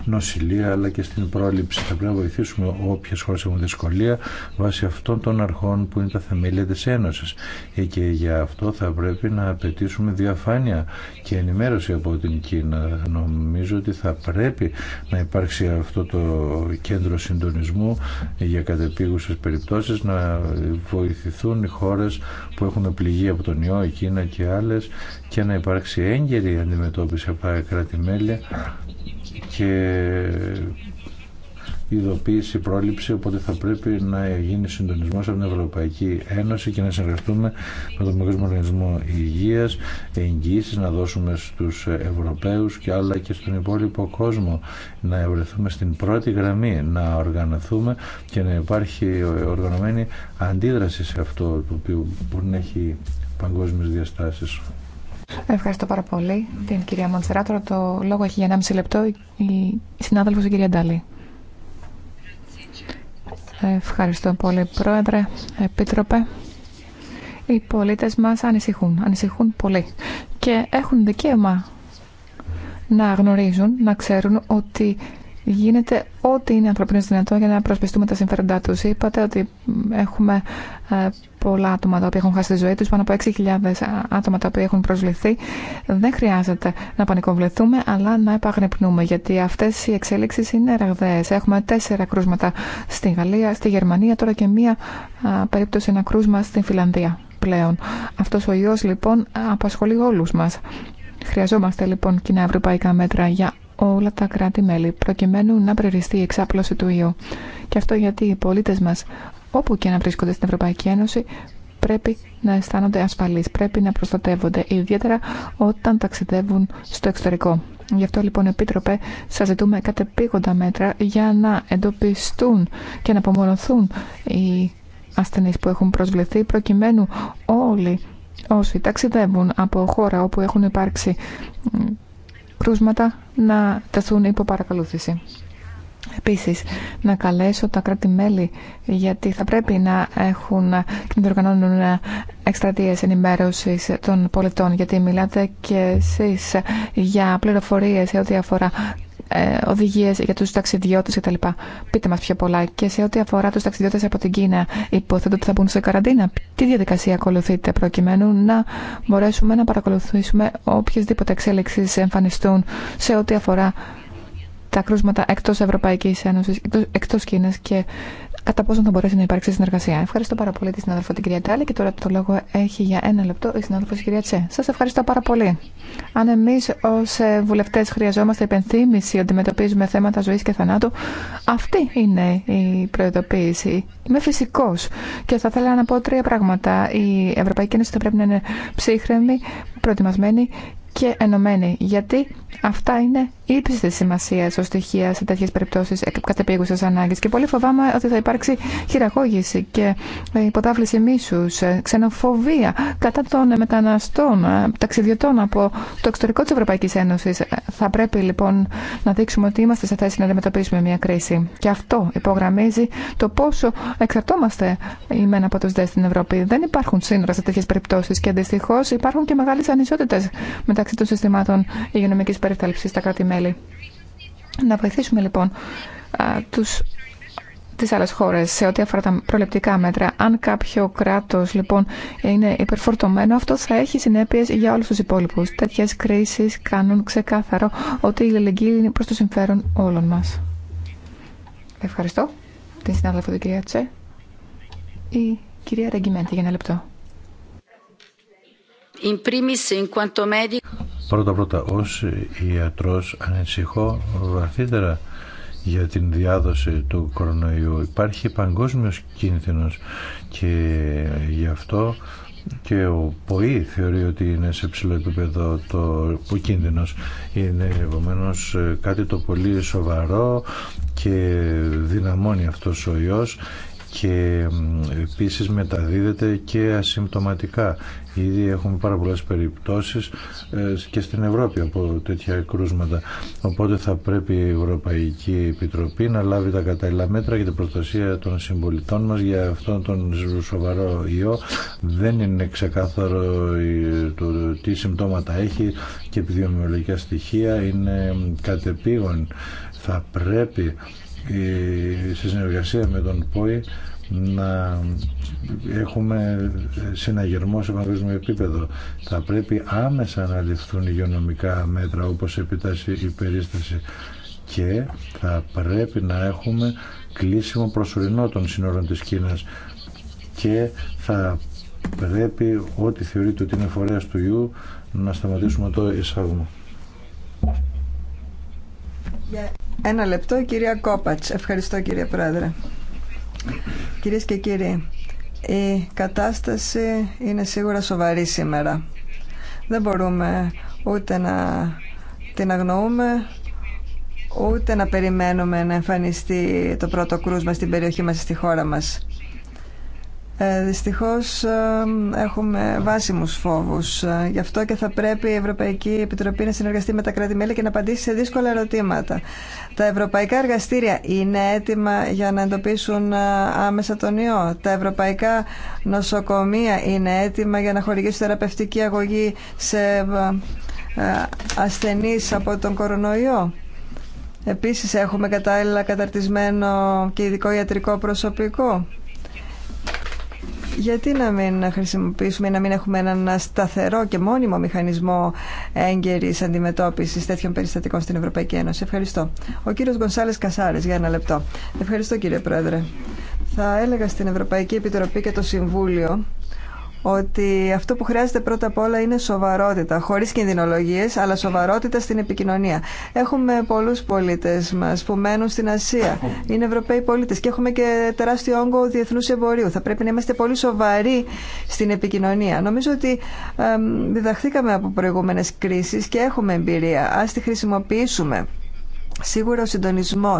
νοσηλεία αλλά και στην πρόληψη. Θα πρέπει να βοηθήσουμε όποιε χώρε έχουν δυσκολία βάσει αυτών των αρχών που είναι τα θεμέλια τη Ένωση. Ε, και για αυτό θα πρέπει να απαιτήσουμε διαφάνεια και ενημέρωση από την Κίνα. Νομίζω ότι θα πρέπει να υπάρξει αυτό το κέντρο συντονισμού για κατεπίγουσε περιπτώσει, να βοηθηθούν οι χώρε που έχουν πληγεί από τον ιό, η Κίνα και άλλε, και να υπάρξει έγκαιρη αντιμετώπιση από τα κράτη-μέλη και ειδοποίηση, πρόληψη, οπότε θα πρέπει να γίνει συντονισμό από την Ευρωπαϊκή Ένωση και να συνεργαστούμε με τον μεγάλο Οργανισμό Υγεία, εγγυήσει να δώσουμε στου Ευρωπαίους και άλλα και στον υπόλοιπο κόσμο να ευρεθούμε στην πρώτη γραμμή, να οργανωθούμε και να υπάρχει οργανωμένη αντίδραση σε αυτό το οποίο μπορεί να έχει παγκόσμιες διαστάσεις. Ευχαριστώ πάρα πολύ την κυρία Μοντσερά. το λόγο έχει για 1,5 λεπτό η συνάδελφος η κυρία Ντάλη. Ευχαριστώ πολύ, Πρόεδρε, Επίτροπε. Οι πολίτες μας ανησυχούν, ανησυχούν πολύ και έχουν δικαίωμα να γνωρίζουν, να ξέρουν ότι γίνεται ό,τι είναι ανθρωπινό δυνατό για να προσπιστούμε τα συμφέροντά του. Είπατε ότι έχουμε ε, πολλά άτομα τα οποία έχουν χάσει τη ζωή του, πάνω από 6.000 ε, άτομα τα οποία έχουν προσβληθεί. Δεν χρειάζεται να πανικοβλεθούμε, αλλά να επαγρυπνούμε, γιατί αυτέ οι εξέλιξει είναι ραγδαίε. Έχουμε τέσσερα κρούσματα στη Γαλλία, στη Γερμανία, τώρα και μία ε, περίπτωση ένα κρούσμα στην Φιλανδία πλέον. Αυτό ο ιό λοιπόν απασχολεί όλου μα. Χρειαζόμαστε λοιπόν κοινά ευρωπαϊκά μέτρα για όλα τα κράτη-μέλη προκειμένου να προεριστεί η εξάπλωση του ιού. Και αυτό γιατί οι πολίτες μας όπου και να βρίσκονται στην Ευρωπαϊκή Ένωση πρέπει να αισθάνονται ασφαλείς, πρέπει να προστατεύονται, ιδιαίτερα όταν ταξιδεύουν στο εξωτερικό. Γι' αυτό λοιπόν, Επίτροπε, σα ζητούμε κατεπήγοντα μέτρα για να εντοπιστούν και να απομονωθούν οι ασθενεί που έχουν προσβληθεί, προκειμένου όλοι όσοι ταξιδεύουν από χώρα όπου έχουν υπάρξει κρούσματα να τεθούν υπό παρακολούθηση. Επίσης, να καλέσω τα κράτη-μέλη, γιατί θα πρέπει να έχουν και να διοργανώνουν ε, εκστρατείες ενημέρωσης των πολιτών, γιατί μιλάτε και εσείς για πληροφορίες σε ό,τι αφορά ε, οδηγίες για τους ταξιδιώτε κτλ. Πείτε μας πιο πολλά. Και σε ό,τι αφορά τους ταξιδιώτες από την Κίνα, υποθέτω ότι θα μπουν σε καραντίνα. Τι διαδικασία ακολουθείτε προκειμένου να μπορέσουμε να παρακολουθήσουμε οποιασδήποτε εξέλιξει εμφανιστούν σε ό,τι αφορά τα κρούσματα εκτός Ευρωπαϊκής Ένωσης, εκτό Κίνα και κατά πόσο θα μπορέσει να υπάρξει συνεργασία. Ευχαριστώ πάρα πολύ τη συνάδελφο την κυρία Τάλη και τώρα το λόγο έχει για ένα λεπτό η συνάδελφος η κυρία Τσέ. Σα ευχαριστώ πάρα πολύ. Αν εμεί ω ε, βουλευτέ χρειαζόμαστε υπενθύμηση ότι αντιμετωπίζουμε θέματα ζωή και θανάτου, αυτή είναι η προειδοποίηση. Είμαι φυσικό. και θα ήθελα να πω τρία πράγματα. Η Ευρωπαϊκή Ένωση θα πρέπει να είναι ψύχρεμη, προετοιμασμένη και ενωμένη, γιατί αυτά είναι ύψιστη σημασία ω στοιχεία σε τέτοιε περιπτώσει κατεπίγουσα ανάγκη. Και πολύ φοβάμαι ότι θα υπάρξει χειραγώγηση και υποτάφληση μίσου, ε, ξενοφοβία κατά των μεταναστών, ε, ταξιδιωτών από το εξωτερικό τη Ευρωπαϊκή Ένωση. Ε, θα πρέπει λοιπόν να δείξουμε ότι είμαστε σε θέση να αντιμετωπίσουμε μια κρίση. Και αυτό υπογραμμίζει το πόσο εξαρτόμαστε οι μένα από του ΔΕ στην Ευρώπη. Δεν υπάρχουν σύνορα σε τέτοιε περιπτώσει και αντιστοιχώ υπάρχουν και μεγάλε ανισότητε μεταξύ των συστημάτων υγειονομική περιθάλψη στα κρατημένα. Να βοηθήσουμε λοιπόν τους τις άλλες χώρες σε ό,τι αφορά τα προληπτικά μέτρα. Αν κάποιο κράτος λοιπόν είναι υπερφορτωμένο, αυτό θα έχει συνέπειες για όλους τους υπόλοιπους. Τέτοιες κρίσεις κάνουν ξεκάθαρο ότι η αλληλεγγύη είναι προς το συμφέρον όλων μας. Ευχαριστώ την συνάδελφο την κυρία Τσε. Η κυρία Ρεγκιμέντη για ένα λεπτό. In primis, in quanto medico... Πρώτα πρώτα ως ιατρός ανησυχώ βαθύτερα για την διάδοση του κορονοϊού. Υπάρχει παγκόσμιος κίνδυνος και γι' αυτό και ο ΠΟΗ θεωρεί ότι είναι σε ψηλό επίπεδο το που κίνδυνος είναι επομένω κάτι το πολύ σοβαρό και δυναμώνει αυτός ο ιός και επίσης μεταδίδεται και ασυμπτωματικά Ήδη έχουμε πάρα πολλές περιπτώσεις ε, και στην Ευρώπη από τέτοια κρούσματα. Οπότε θα πρέπει η Ευρωπαϊκή Επιτροπή να λάβει τα κατάλληλα μέτρα για την προστασία των συμπολιτών μας για αυτόν τον σοβαρό ιό. Δεν είναι ξεκάθαρο ε, το τι συμπτώματα έχει και επιδημιολογικά στοιχεία είναι κατεπήγον. Θα πρέπει ε, σε συνεργασία με τον ΠΟΗ να έχουμε συναγερμό σε παγκόσμιο επίπεδο. Θα πρέπει άμεσα να ληφθούν υγειονομικά μέτρα όπως επιτάσσει η περίσταση και θα πρέπει να έχουμε κλείσιμο προσωρινό των σύνορων της Κίνας και θα πρέπει ό,τι θεωρείται ότι είναι φορέας του ιού να σταματήσουμε το εισάγμα. Ένα λεπτό, κυρία Κόπατς. Ευχαριστώ, κύριε Πρόεδρε. Κυρίες και κύριοι, η κατάσταση είναι σίγουρα σοβαρή σήμερα. Δεν μπορούμε ούτε να την αγνοούμε, ούτε να περιμένουμε να εμφανιστεί το πρώτο κρούσμα στην περιοχή μας, στη χώρα μας. Ε, δυστυχώς έχουμε βάσιμους φόβους. Ε, γι' αυτό και θα πρέπει η Ευρωπαϊκή Επιτροπή να συνεργαστεί με τα κράτη-μέλη και να απαντήσει σε δύσκολα ερωτήματα. Τα ευρωπαϊκά εργαστήρια είναι έτοιμα για να εντοπίσουν ε, άμεσα τον ιό. Τα ευρωπαϊκά νοσοκομεία είναι έτοιμα για να χορηγήσουν θεραπευτική αγωγή σε ασθενείς από τον κορονοϊό. Επίσης έχουμε κατάλληλα καταρτισμένο και ειδικό ιατρικό προσωπικό γιατί να μην χρησιμοποιήσουμε ή να μην έχουμε έναν σταθερό και μόνιμο μηχανισμό έγκαιρη αντιμετώπιση τέτοιων περιστατικών στην Ευρωπαϊκή Ένωση. Ευχαριστώ. Ο κύριο Γκονσάλε Κασάρε, για ένα λεπτό. Ευχαριστώ, κύριε Πρόεδρε. Θα έλεγα στην Ευρωπαϊκή Επιτροπή και το Συμβούλιο ότι αυτό που χρειάζεται πρώτα απ' όλα είναι σοβαρότητα, χωρίς κινδυνολογίες, αλλά σοβαρότητα στην επικοινωνία. Έχουμε πολλούς πολίτες μας που μένουν στην Ασία, είναι Ευρωπαίοι πολίτες και έχουμε και τεράστιο όγκο διεθνούς εμπορίου. Θα πρέπει να είμαστε πολύ σοβαροί στην επικοινωνία. Νομίζω ότι διδαχθήκαμε από προηγούμενες κρίσεις και έχουμε εμπειρία. Ας τη χρησιμοποιήσουμε. Σίγουρα ο συντονισμό.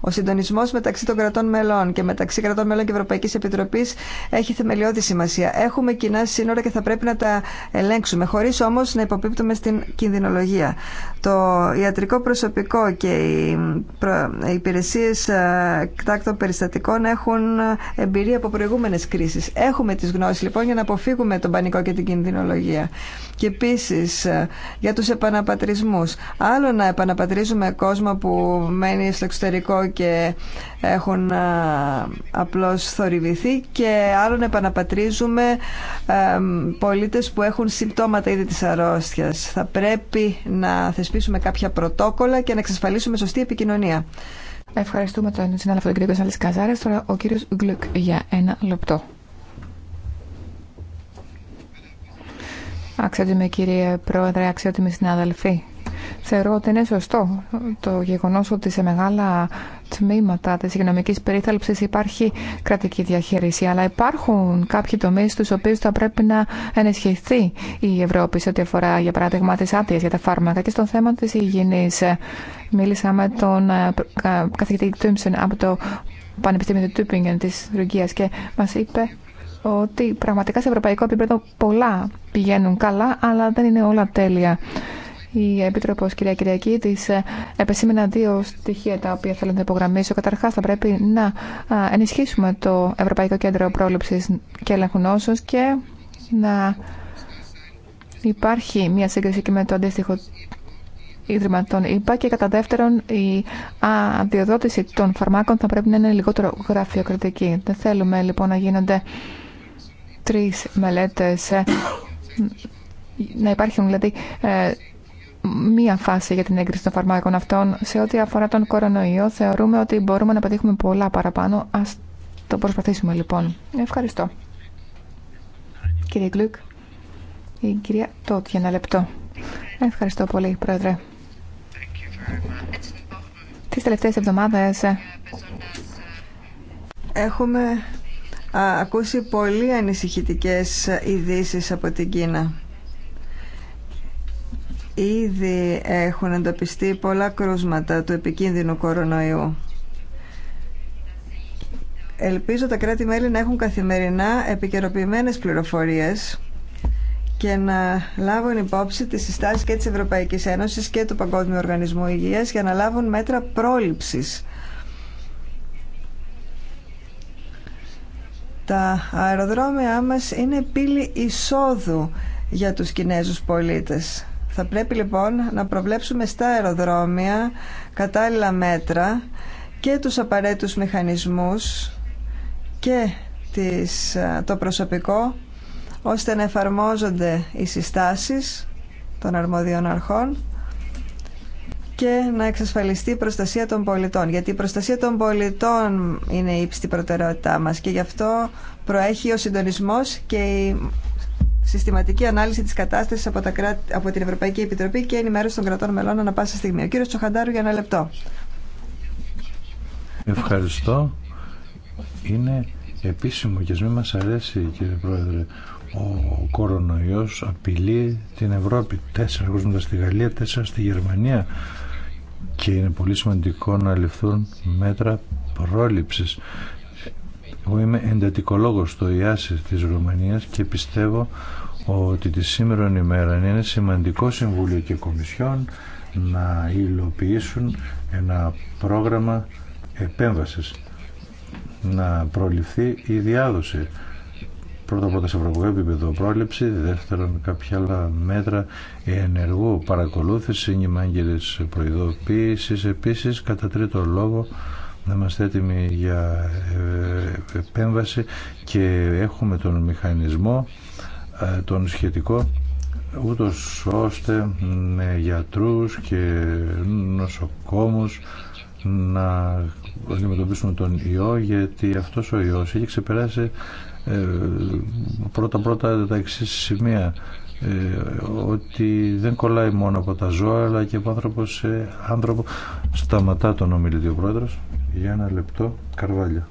Ο συντονισμό μεταξύ των κρατών μελών και μεταξύ κρατών μελών και Ευρωπαϊκή Επιτροπή έχει θεμελιώδη σημασία. Έχουμε κοινά σύνορα και θα πρέπει να τα ελέγξουμε, χωρί όμω να υποπίπτουμε στην κινδυνολογία το ιατρικό προσωπικό και οι υπηρεσίες ε, εκτάκτων περιστατικών έχουν ε, εμπειρία από προηγούμενες κρίσεις. Έχουμε τις γνώσεις λοιπόν για να αποφύγουμε τον πανικό και την κινδυνολογία. Και επίση ε, για τους επαναπατρισμούς. Άλλο να επαναπατρίζουμε κόσμο που μένει στο εξωτερικό και έχουν απλώς θορυβηθεί και άλλων επαναπατρίζουμε πολίτες που έχουν συμπτώματα ήδη της αρρώστιας. Θα πρέπει να θεσπίσουμε κάποια πρωτόκολλα και να εξασφαλίσουμε σωστή επικοινωνία. Ευχαριστούμε τον συνάδελφο τον κύριο Κωνσταντίνη Καζάρα. Τώρα ο κύριο Γκλουκ για ένα λεπτό. Αξιότιμη κύριε Πρόεδρε, αξιότιμη συνάδελφοι. Θεωρώ ότι είναι σωστό το γεγονός ότι σε μεγάλα τμήματα της οικονομικής περίθαλψης υπάρχει κρατική διαχείριση, αλλά υπάρχουν κάποιοι τομείς στους οποίους θα πρέπει να ενισχυθεί η Ευρώπη σε ό,τι αφορά, για παράδειγμα, τις άδειε για τα φάρμακα και στο θέμα της υγιεινής. Μίλησα με τον ε, καθηγητή Τούμψεν από το Πανεπιστήμιο του Τούπινγκεν της Ρουγγίας και μας είπε ότι πραγματικά σε ευρωπαϊκό επίπεδο πολλά πηγαίνουν καλά, αλλά δεν είναι όλα τέλεια η Επίτροπο κυρία Κυριακή τη ε, επεσήμενα δύο στοιχεία τα οποία θέλω να υπογραμμίσω. Καταρχά, θα πρέπει να ενισχύσουμε το Ευρωπαϊκό Κέντρο Πρόληψη και Ελέγχου Νόσου και να υπάρχει μια σύγκριση και με το αντίστοιχο Ίδρυμα των ΙΠΑ και κατά δεύτερον η αδειοδότηση των φαρμάκων θα πρέπει να είναι λιγότερο γραφειοκρατική. Δεν θέλουμε λοιπόν να γίνονται τρεις μελέτε, ε, να υπάρχουν δηλαδή ε, μία φάση για την έγκριση των φαρμάκων αυτών. Σε ό,τι αφορά τον κορονοϊό, θεωρούμε ότι μπορούμε να πετύχουμε πολλά παραπάνω. Ας το προσπαθήσουμε λοιπόν. Ευχαριστώ. Κύριε Γκλουκ, η κυρία Τότ για ένα λεπτό. Ευχαριστώ πολύ, Πρόεδρε. Τι τελευταίε εβδομάδες ε, έχουμε ακούσει πολύ ανησυχητικές ειδήσει από την Κίνα. Ήδη έχουν εντοπιστεί πολλά κρούσματα του επικίνδυνου κορονοϊού. Ελπίζω τα κράτη-μέλη να έχουν καθημερινά επικαιροποιημένες πληροφορίες και να λάβουν υπόψη τις συστάσεις και της Ευρωπαϊκής Ένωσης και του Παγκόσμιου Οργανισμού Υγείας για να λάβουν μέτρα πρόληψης. Τα αεροδρόμια μας είναι πύλη εισόδου για τους Κινέζους πολίτες. Θα πρέπει λοιπόν να προβλέψουμε στα αεροδρόμια κατάλληλα μέτρα και τους απαραίτητους μηχανισμούς και τις, το προσωπικό ώστε να εφαρμόζονται οι συστάσεις των αρμοδίων αρχών και να εξασφαλιστεί η προστασία των πολιτών. Γιατί η προστασία των πολιτών είναι η ύψη προτεραιότητά μας και γι' αυτό προέχει ο συντονισμός και η συστηματική ανάλυση της κατάστασης από, την Ευρωπαϊκή Επιτροπή και ενημέρωση των κρατών μελών ανα πάσα στιγμή. Ο κύριος Τσοχαντάρου για ένα λεπτό. Ευχαριστώ. Είναι επίσημο και μη μας αρέσει κύριε Πρόεδρε ο κορονοϊός απειλεί την Ευρώπη. Τέσσερα κόσμοντα στη Γαλλία, τέσσερα στη Γερμανία και είναι πολύ σημαντικό να ληφθούν μέτρα πρόληψης εγώ είμαι εντατικολόγος στο ΙΑΣΙΣ της Ρουμανίας και πιστεύω ότι τη σήμερα ημέρα είναι σημαντικό Συμβούλιο και Κομισιόν να υλοποιήσουν ένα πρόγραμμα επέμβασης να προληφθεί η διάδοση πρώτα όλα σε ευρωπαϊκό επίπεδο πρόληψη, δεύτερον κάποια άλλα μέτρα ενεργού παρακολούθηση, νημάγγελες προειδοποίησης, επίσης κατά τρίτο λόγο να είμαστε έτοιμοι για ε, επέμβαση και έχουμε τον μηχανισμό ε, τον σχετικό ούτως ώστε με γιατρούς και νοσοκόμους να αντιμετωπίσουμε τον ιό γιατί αυτός ο ιός έχει ξεπεράσει πρώτα-πρώτα ε, τα εξή σημεία ότι δεν κολλάει μόνο από τα ζώα αλλά και από άνθρωπο σε άνθρωπο σταματά τον ομιλητή ο πρόεδρος για ένα λεπτό, Καρβάλιο.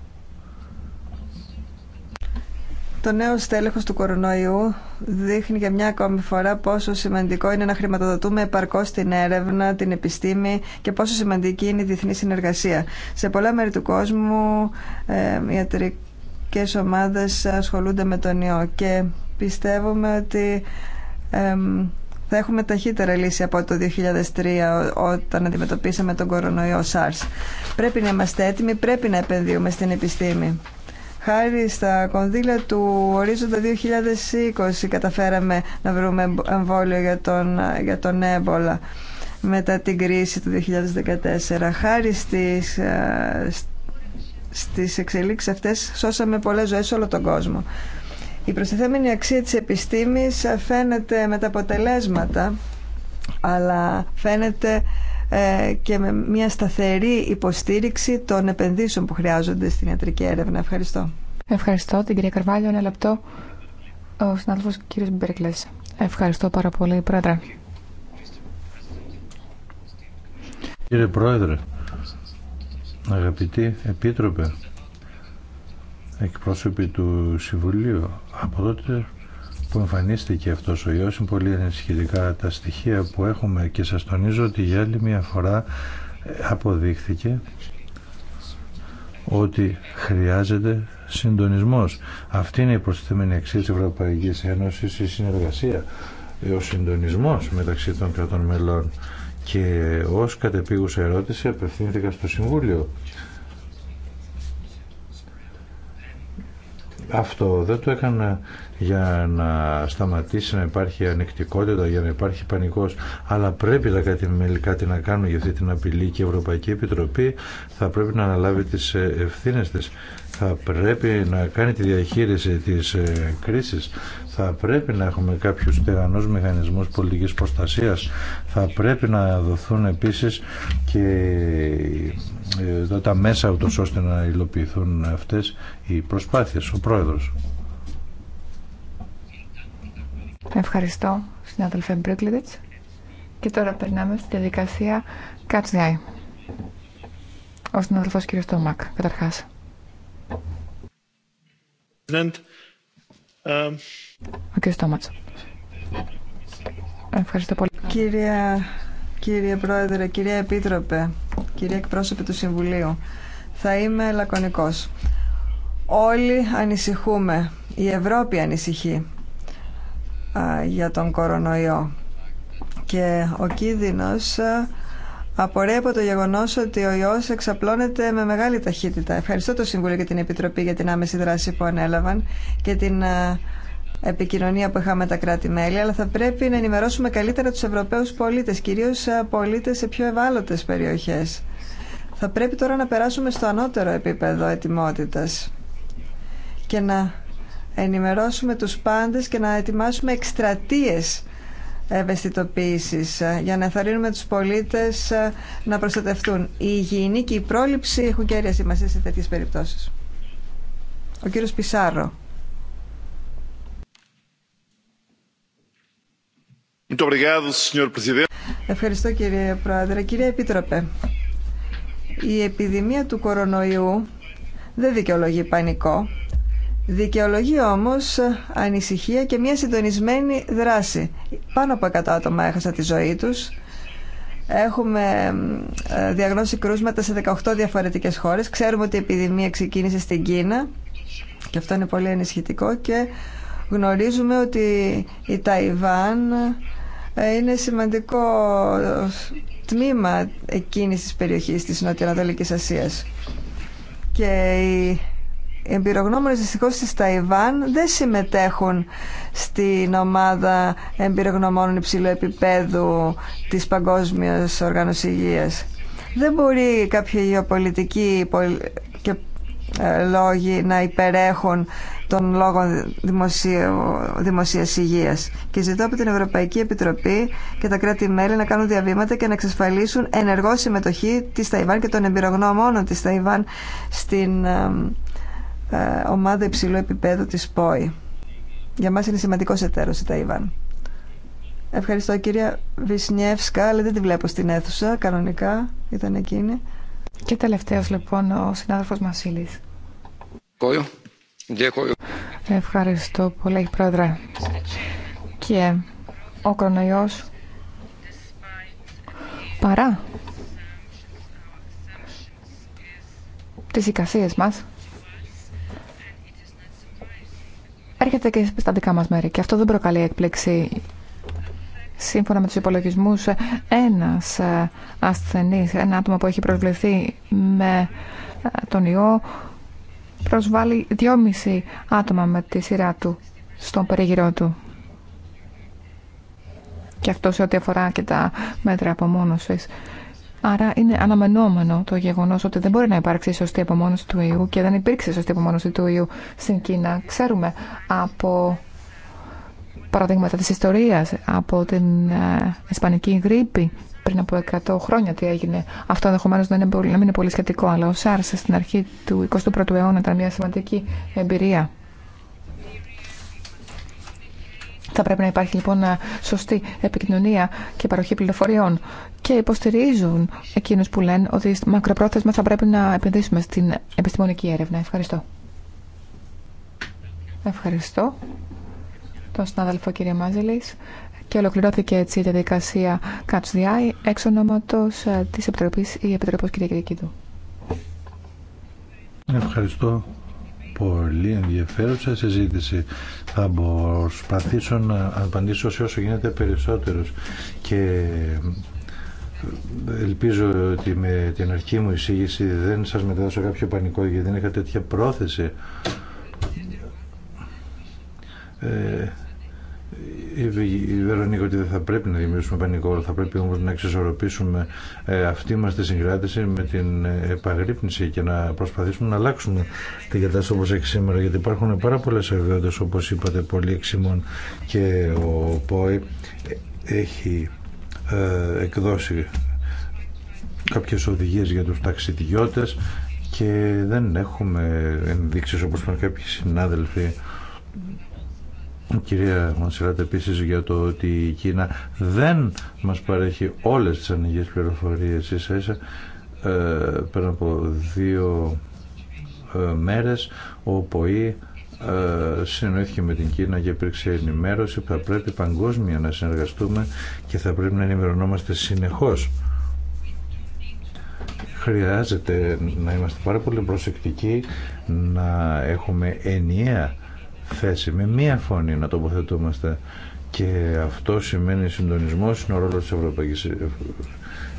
Το νέο στέλεχος του κορονοϊού δείχνει για μια ακόμη φορά πόσο σημαντικό είναι να χρηματοδοτούμε επαρκώς την έρευνα, την επιστήμη και πόσο σημαντική είναι η διεθνή συνεργασία. Σε πολλά μέρη του κόσμου ε, οι ιατρικές ομάδες ασχολούνται με τον ιό και πιστεύουμε ότι θα έχουμε ταχύτερα λύση από το 2003 όταν αντιμετωπίσαμε τον κορονοϊό SARS. Πρέπει να είμαστε έτοιμοι, πρέπει να επενδύουμε στην επιστήμη. Χάρη στα κονδύλια του ορίζοντα 2020 καταφέραμε να βρούμε εμβόλιο για τον, για τον έμπολα μετά την κρίση του 2014. Χάρη στις, ε, στις εξελίξεις αυτές σώσαμε πολλές ζωές σε όλο τον κόσμο. Η προστιθέμενη αξία της επιστήμης φαίνεται με τα αποτελέσματα, αλλά φαίνεται ε, και με μια σταθερή υποστήριξη των επενδύσεων που χρειάζονται στην ιατρική έρευνα. Ευχαριστώ. Ευχαριστώ την κυρία Καρβάλιο. Ένα λεπτό. Ο συνάδελφος κύριος Μπερκλές. Ευχαριστώ πάρα πολύ, Πρόεδρε. Κύριε Πρόεδρε, αγαπητοί Επίτροπε, εκπρόσωποι του Συμβουλίου. Από τότε που εμφανίστηκε αυτός ο ιός είναι πολύ ενισχυτικά τα στοιχεία που έχουμε και σας τονίζω ότι για άλλη μια φορά ε, αποδείχθηκε ότι χρειάζεται συντονισμός. Αυτή είναι η προσθεμένη αξία της Ευρωπαϊκής Ένωσης, η συνεργασία, ε, ο συντονισμός μεταξύ των κρατών μελών. Και ως κατεπίγουσα ερώτηση απευθύνθηκα στο Συμβούλιο Αυτό δεν το έκανα για να σταματήσει να υπάρχει ανεκτικότητα, για να υπάρχει πανικός, αλλά πρέπει τα κάτι κάτι να κάνουν για αυτή την απειλή και η Ευρωπαϊκή Επιτροπή θα πρέπει να αναλάβει τις ε, ευθύνες της θα πρέπει να κάνει τη διαχείριση της ε, κρίσης, θα πρέπει να έχουμε κάποιους στεγανούς μηχανισμούς πολιτικής προστασίας, θα πρέπει να δοθούν επίσης και ε, τα μέσα ούτως ώστε να υλοποιηθούν αυτές οι προσπάθειες, ο Πρόεδρος. Ευχαριστώ, συνάδελφε Μπρίκλιδιτς. Και τώρα περνάμε στη διαδικασία Catch Ο συνάδελφος κύριος Τόμακ, καταρχάς. Um, Ευχαριστώ πολύ. Κύριε, Πρόεδρε, κυρία Επίτροπε, κύριε εκπρόσωπε του Συμβουλίου, θα είμαι λακωνικός. Όλοι ανησυχούμε, η Ευρώπη ανησυχεί για τον κορονοϊό και ο κίνδυνος Απορρέπω το γεγονό ότι ο ιό εξαπλώνεται με μεγάλη ταχύτητα. Ευχαριστώ το Συμβούλιο και την Επιτροπή για την άμεση δράση που ανέλαβαν και την ε, επικοινωνία που είχαμε τα κράτη-μέλη, αλλά θα πρέπει να ενημερώσουμε καλύτερα του Ευρωπαίου πολίτε, κυρίω ε, πολίτε σε πιο ευάλωτε περιοχέ. Θα πρέπει τώρα να περάσουμε στο ανώτερο επίπεδο ετοιμότητα και να ενημερώσουμε τους πάντες και να ετοιμάσουμε εκστρατείε ευαισθητοποίησης ε, για να ενθαρρύνουμε τους πολίτε ε, να προστατευτούν. Η υγιεινή και η πρόληψη έχουν κέρια σημασία σε τέτοιε περιπτώσει. Ο κύριο Πισάρο. Ευχαριστώ κύριε Πρόεδρε. Κύριε Επίτροπε, η επιδημία του κορονοϊού δεν δικαιολογεί πανικό Δικαιολογεί όμω ανησυχία και μια συντονισμένη δράση. Πάνω από 100 άτομα έχασαν τη ζωή τους. Έχουμε ε, διαγνώσει κρούσματα σε 18 διαφορετικές χώρες. Ξέρουμε ότι η επιδημία ξεκίνησε στην Κίνα και αυτό είναι πολύ ανησυχητικό και γνωρίζουμε ότι η Ταϊβάν ε, είναι σημαντικό τμήμα εκείνης της περιοχής της Νοτιοανατολικής Ασίας. Και η οι εμπειρογνώμονες δυστυχώς της Ταϊβάν δεν συμμετέχουν στην ομάδα εμπειρογνωμόνων υψηλού επίπεδου της Παγκόσμιας Οργάνωσης Υγείας. Δεν μπορεί κάποια γεωπολιτικοί και ε, λόγοι να υπερέχουν των λόγων δημοσίας υγείας. Και ζητώ από την Ευρωπαϊκή Επιτροπή και τα κράτη-μέλη να κάνουν διαβήματα και να εξασφαλίσουν ενεργό συμμετοχή της Ταϊβάν και των εμπειρογνώμων της Ταϊβάν στην ε, ε, ομάδα υψηλού επίπεδου της ΠΟΗ. Για μας είναι σημαντικός εταίρος η Ταϊβάν. Ευχαριστώ κυρία Βυσνιεύσκα, αλλά δεν τη βλέπω στην αίθουσα, κανονικά ήταν εκείνη. Και τελευταίος λοιπόν ο συνάδελφος Μασίλης. Ευχαριστώ πολύ, Πρόεδρε. Και ο κορονοϊός παρά τις εικασίες μας έρχεται και στα δικά μας μέρη και αυτό δεν προκαλεί έκπληξη. Σύμφωνα με τους υπολογισμούς, ένας ε, ασθενής, ένα άτομο που έχει προσβληθεί με ε, τον ιό, προσβάλλει δυόμιση άτομα με τη σειρά του στον περίγυρό του. Και αυτό σε ό,τι αφορά και τα μέτρα απομόνωσης. Άρα είναι αναμενόμενο το γεγονό ότι δεν μπορεί να υπάρξει σωστή απομόνωση του ιού και δεν υπήρξε σωστή απομόνωση του ιού στην Κίνα. Ξέρουμε από παραδείγματα της ιστορίας, από την ε, ισπανική γρήπη πριν από 100 χρόνια τι έγινε. Αυτό ενδεχομένω να, να μην είναι πολύ σχετικό, αλλά ο ΣΑΡΣ στην αρχή του 21ου αιώνα ήταν μια σημαντική εμπειρία. Θα πρέπει να υπάρχει λοιπόν ε, σωστή επικοινωνία και παροχή πληροφοριών και υποστηρίζουν εκείνους που λένε ότι μακροπρόθεσμα θα πρέπει να επενδύσουμε στην επιστημονική έρευνα. Ευχαριστώ. Ευχαριστώ τον συνάδελφο κύριε Μάζελη και ολοκληρώθηκε έτσι η διαδικασία Catch the εξ ονόματο ε, της Επιτροπής η Επιτροπής κυρία Κυριακίδου. Ευχαριστώ πολύ ενδιαφέρουσα συζήτηση. Θα προσπαθήσω να απαντήσω σε όσο γίνεται περισσότερος και ελπίζω ότι με την αρχή μου εισήγηση δεν σας μεταδώσω κάποιο πανικό γιατί δεν είχα τέτοια πρόθεση. Ε, ε, η Βερονίκο ότι δεν θα πρέπει να δημιουργήσουμε πανικό, θα πρέπει όμως να εξισορροπήσουμε ε, αυτή μας τη συγκράτηση με την ε, επαγρύπνηση και να προσπαθήσουμε να αλλάξουμε την κατάσταση όπως έχει σήμερα, γιατί υπάρχουν πάρα πολλές αβεβαιότητες όπως είπατε πολύ εξήμων και ο ΠΟΕ έχει εκδώσει κάποιες οδηγίες για τους ταξιδιώτες και δεν έχουμε ενδείξεις όπως είπαν κάποιοι συνάδελφοι Κυρία Μονσεράτ, επίσης για το ότι η Κίνα δεν μας παρέχει όλες τις ανοιγές πληροφορίες ίσα ίσα ε, πριν από δύο ε, μέρες ο ΠΟΗ ε, συνοήθηκε με την Κίνα και υπήρξε ενημέρωση που θα πρέπει παγκόσμια να συνεργαστούμε και θα πρέπει να ενημερωνόμαστε συνεχώς. Χρειάζεται να είμαστε πάρα πολύ προσεκτικοί να έχουμε ενιαία θέση, με μία φωνή να τοποθετούμαστε και αυτό σημαίνει συντονισμό είναι ο ρόλο τη Ευρωπαϊκή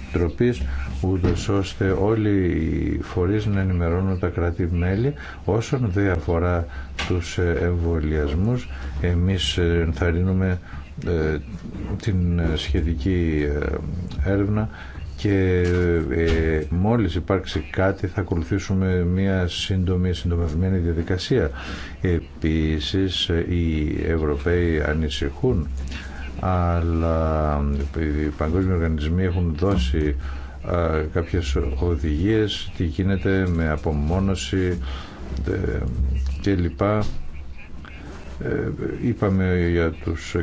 Επιτροπή, ούτω ώστε όλοι οι φορεί να ενημερώνουν τα κράτη-μέλη όσον δεν αφορά τους εμβολιασμού. Εμεί ενθαρρύνουμε ε, την σχετική ε, έρευνα και ε, μόλις υπάρξει κάτι θα ακολουθήσουμε μια σύντομη, συντομευμένη διαδικασία. Επίσης οι Ευρωπαίοι ανησυχούν αλλά οι παγκόσμιοι οργανισμοί έχουν δώσει κάποιες οδηγίες τι γίνεται με απομόνωση κλπ. Ε, είπαμε για τους,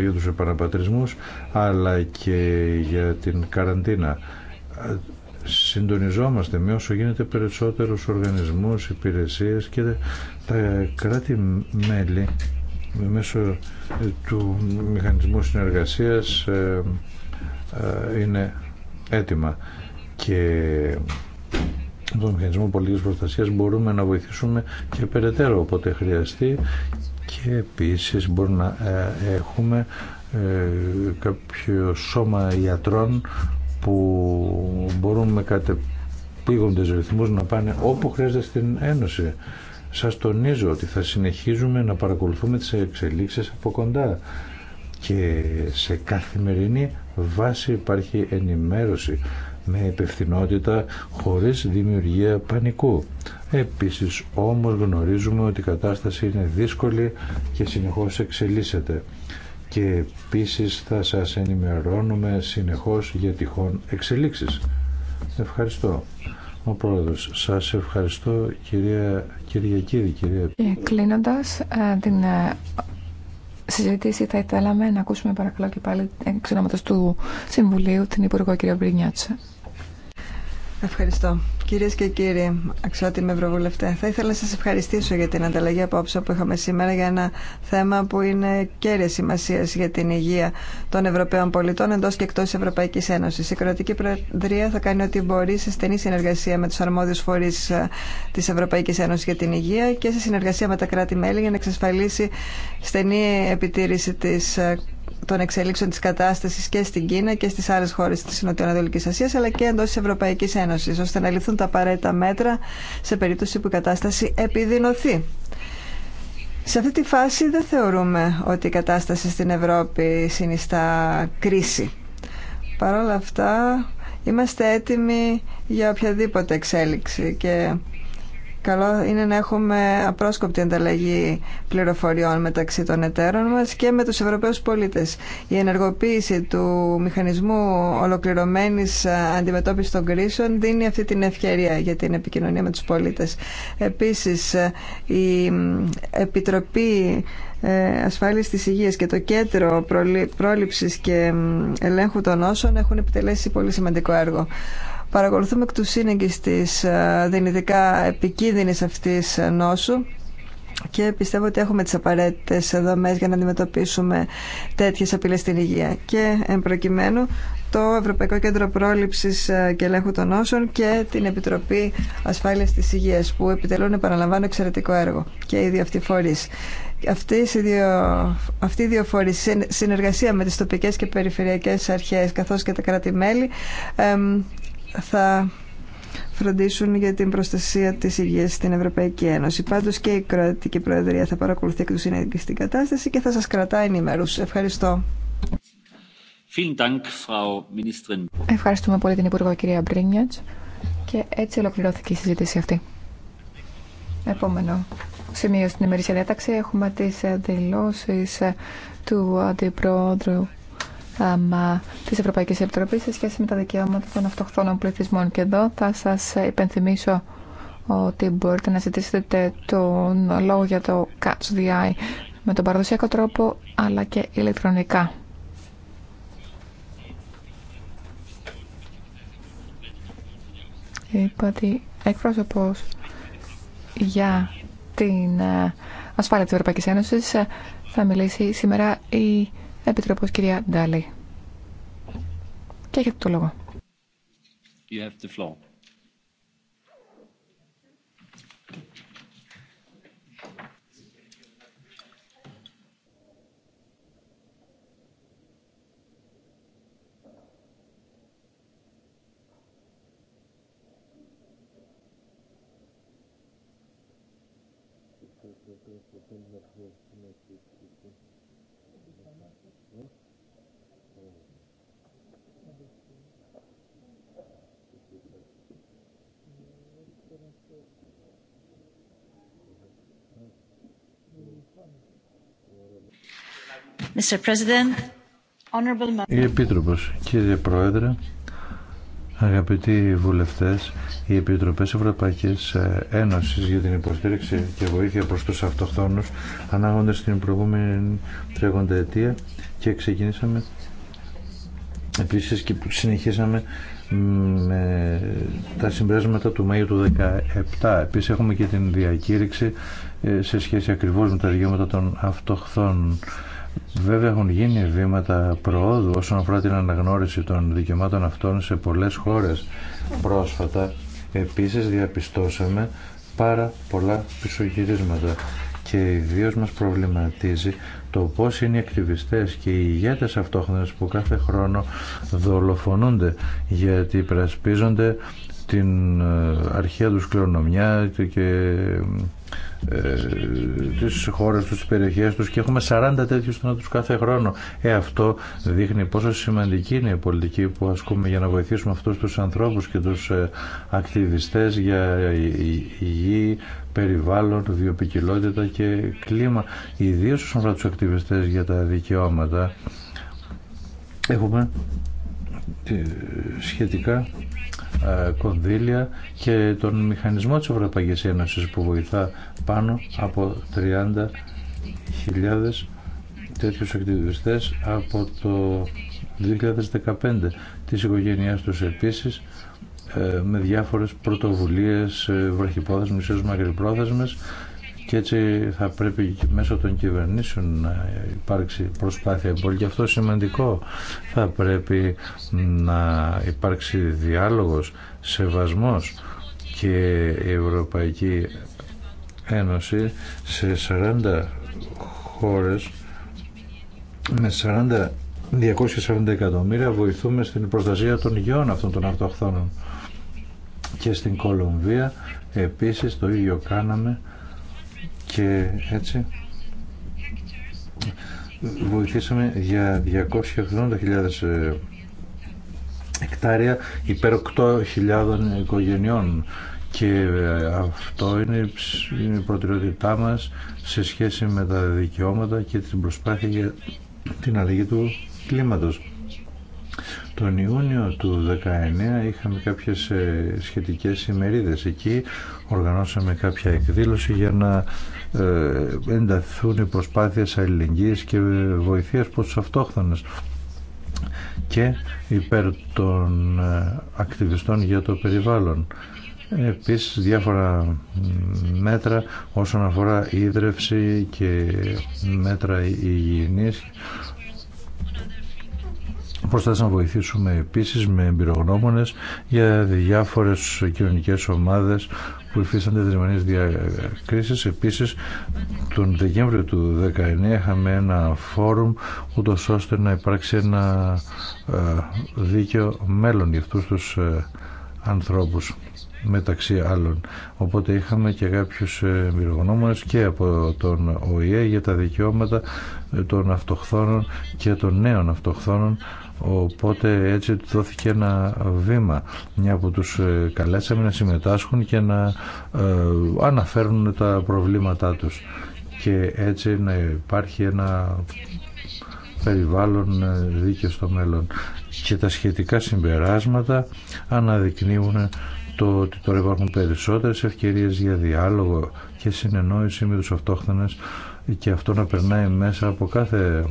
για τους επαναπατρισμούς αλλά και για την καραντίνα συντονιζόμαστε με όσο γίνεται περισσότερους οργανισμούς, υπηρεσίες και τα κράτη-μέλη μέσω του μηχανισμού συνεργασίας ε, ε, είναι έτοιμα και το μηχανισμό πολιτικής προστασίας μπορούμε να βοηθήσουμε και περαιτέρω όποτε χρειαστεί και επίσης μπορούμε να ε, έχουμε ε, κάποιο σώμα ιατρών που μπορούν με κατεπήγοντες ρυθμούς να πάνε όπου χρειάζεται στην Ένωση. Σας τονίζω ότι θα συνεχίζουμε να παρακολουθούμε τις εξελίξεις από κοντά και σε καθημερινή βάση υπάρχει ενημέρωση με υπευθυνότητα χωρίς δημιουργία πανικού. Επίσης όμως γνωρίζουμε ότι η κατάσταση είναι δύσκολη και συνεχώς εξελίσσεται και επίσης θα σας ενημερώνουμε συνεχώς για τυχόν εξελίξεις. Ευχαριστώ. Ο πρόεδρος, σας ευχαριστώ κυρία Κυριακίδη. Κυρία... κλείνοντας ε, την ε, συζήτηση θα ήθελαμε να ακούσουμε παρακαλώ και πάλι εξ του Συμβουλίου την Υπουργό κυρία Μπρινιάτσα. Ευχαριστώ. Κυρίε και κύριοι, αξιότιμοι ευρωβουλευτέ, θα ήθελα να σα ευχαριστήσω για την ανταλλαγή απόψε που είχαμε σήμερα για ένα θέμα που είναι κέρια σημασία για την υγεία των Ευρωπαίων πολιτών εντό και εκτό Ευρωπαϊκή Ένωση. Η Κροατική Προεδρία θα κάνει ό,τι μπορεί σε στενή συνεργασία με του αρμόδιου φορεί ε, τη Ευρωπαϊκή Ένωση για την υγεία και σε συνεργασία με τα κράτη-μέλη για να εξασφαλίσει στενή επιτήρηση τη ε, των εξελίξεων τη κατάστασης και στην Κίνα και στις άλλες χώρες της Νοτιοανατολική Ασίας αλλά και εντό τη Ευρωπαϊκής Ένωσης ώστε να ληφθούν τα απαραίτητα μέτρα σε περίπτωση που η κατάσταση επιδεινωθεί. Σε αυτή τη φάση δεν θεωρούμε ότι η κατάσταση στην Ευρώπη συνιστά κρίση. Παρ' όλα αυτά είμαστε έτοιμοι για οποιαδήποτε εξέλιξη και καλό είναι να έχουμε απρόσκοπτη ανταλλαγή πληροφοριών μεταξύ των εταίρων μας και με τους Ευρωπαίους πολίτες. Η ενεργοποίηση του μηχανισμού ολοκληρωμένης αντιμετώπισης των κρίσεων δίνει αυτή την ευκαιρία για την επικοινωνία με τους πολίτες. Επίσης, η Επιτροπή ε, Ασφάλειας της Υγείας και το Κέντρο Πρόληψης και Ελέγχου των Όσων έχουν επιτελέσει πολύ σημαντικό έργο. Παρακολουθούμε εκ του σύνεγγυς της ε, δυνητικά επικίνδυνης αυτής ε, νόσου και πιστεύω ότι έχουμε τις απαραίτητες δομές για να αντιμετωπίσουμε τέτοιες απειλές στην υγεία. Και προκειμένου το Ευρωπαϊκό Κέντρο Πρόληψης ε, και Ελέγχου των Νόσων και την Επιτροπή Ασφάλειας της Υγείας που επιτελούν, επαναλαμβάνω, εξαιρετικό έργο και οι δύο αυτοί φορείς. Αυτές οι δύο, αυτοί οι δύο φορείς, συνεργασία με τις τοπικές και περιφερειακές αρχές καθώς και τα κράτη-μέλη, θα φροντίσουν για την προστασία της υγείας στην Ευρωπαϊκή Ένωση. Πάντως και η Κροατική Προεδρία θα παρακολουθεί εκ του συνέδρου στην κατάσταση και θα σας κρατάει ενημερούς. Ευχαριστώ. Ευχαριστούμε πολύ την Υπουργό κυρία Μπρίνιατς και έτσι ολοκληρώθηκε η συζήτηση αυτή. Επόμενο σημείο στην ημερήσια διάταξη έχουμε τις δηλώσει του Αντιπρόεδρου τη Ευρωπαϊκή Επιτροπή σε σχέση με τα δικαιώματα των αυτοχθόνων πληθυσμών. Και εδώ θα σα υπενθυμίσω ότι μπορείτε να ζητήσετε τον λόγο για το Catch the Eye με τον παραδοσιακό τρόπο αλλά και ηλεκτρονικά. Είπα ότι εκπρόσωπος για την ε, ασφάλεια της Ευρωπαϊκής Ένωσης ε, θα μιλήσει σήμερα η Επιτροπός κυρία Ντάλη. Και έχετε το λόγο. You have the floor. Η Επίτροπος, κύριε Πρόεδρε, αγαπητοί βουλευτές, οι Επιτροπές Ευρωπαϊκής ε, Ένωσης για την υποστήριξη και βοήθεια προς τους αυτοχθόνους ανάγονται την προηγούμενη τρέχοντα αιτία και ξεκινήσαμε επίσης και συνεχίσαμε με τα συμπρέσματα του Μαΐου του 2017. Επίσης έχουμε και την διακήρυξη ε, σε σχέση ακριβώς με τα δικαιώματα των αυτοχθών Βέβαια έχουν γίνει βήματα προόδου όσον αφορά την αναγνώριση των δικαιωμάτων αυτών σε πολλές χώρες. Πρόσφατα επίσης διαπιστώσαμε πάρα πολλά πισωγυρίσματα και ιδίως μας προβληματίζει το πώς είναι οι ακτιβιστές και οι ηγέτες αυτόχθονες που κάθε χρόνο δολοφονούνται γιατί υπερασπίζονται την ε, αρχαία τους κληρονομιά και ε, τις χώρες τους, τις περιοχές τους και έχουμε 40 τέτοιους θανάτους κάθε χρόνο. Ε, αυτό δείχνει πόσο σημαντική είναι η πολιτική που ασκούμε για να βοηθήσουμε αυτούς τους ανθρώπους και τους ε, ακτιβιστές για υγιή περιβάλλον, βιοπικιλότητα και κλίμα. Ιδίω όσον αφορά τους ακτιβιστές για τα δικαιώματα. Έχουμε ε, σχετικά ε, κονδύλια και τον μηχανισμό της Ευρωπαϊκής Ένωσης που βοηθά πάνω από 30.000 τέτοιους ακτιβιστές από το 2015 της οικογένειάς τους επίσης ε, με διάφορες πρωτοβουλίες ε, βραχυπρόθεσμες, ίσως μακριπρόθεσμες και έτσι θα πρέπει μέσω των κυβερνήσεων να υπάρξει προσπάθεια πολύ και αυτό σημαντικό θα πρέπει να υπάρξει διάλογος, σεβασμός και η Ευρωπαϊκή Ένωση σε 40 χώρες με 40 240 εκατομμύρια βοηθούμε στην προστασία των υγειών αυτών των αυτοχθόνων. Και στην Κολομβία επίσης το ίδιο κάναμε και έτσι βοηθήσαμε για 280.000 ε, εκτάρια υπέρ 8.000 οικογενειών και ε, αυτό είναι η προτεραιότητά μας σε σχέση με τα δικαιώματα και την προσπάθεια για την αλλαγή του κλίματος. Τον Ιούνιο του 19 είχαμε κάποιες ε, σχετικές ημερίδες. Εκεί οργανώσαμε κάποια εκδήλωση για να ε, ενταθούν οι προσπάθειες αλληλεγγύης και βοηθείας προς τους αυτόχθονες και υπέρ των ε, ακτιβιστών για το περιβάλλον. Επίσης διάφορα μέτρα όσον αφορά ίδρευση και μέτρα υγιεινής Προσπαθήσαμε να βοηθήσουμε επίσης με εμπειρογνώμονες για διάφορες κοινωνικές ομάδες που υφίστανται δεσμενείς διακρίσεις. Επίσης, τον Δεκέμβριο του 2019 είχαμε ένα φόρουμ ούτω ώστε να υπάρξει ένα ε, δίκαιο μέλλον για αυτούς τους ε, ανθρώπους μεταξύ άλλων. Οπότε είχαμε και κάποιους ε, εμπειρογνώμονες και από τον ΟΗΕ για τα δικαιώματα των αυτοχθόνων και των νέων αυτοχθόνων Οπότε έτσι του δόθηκε ένα βήμα, μια που τους ε, καλέσαμε να συμμετάσχουν και να ε, αναφέρουν τα προβλήματά τους και έτσι να υπάρχει ένα περιβάλλον ε, δίκαιο στο μέλλον. Και τα σχετικά συμπεράσματα αναδεικνύουν το ότι τώρα υπάρχουν περισσότερες ευκαιρίες για διάλογο και συνεννόηση με τους αυτόχθονες και αυτό να περνάει μέσα από κάθε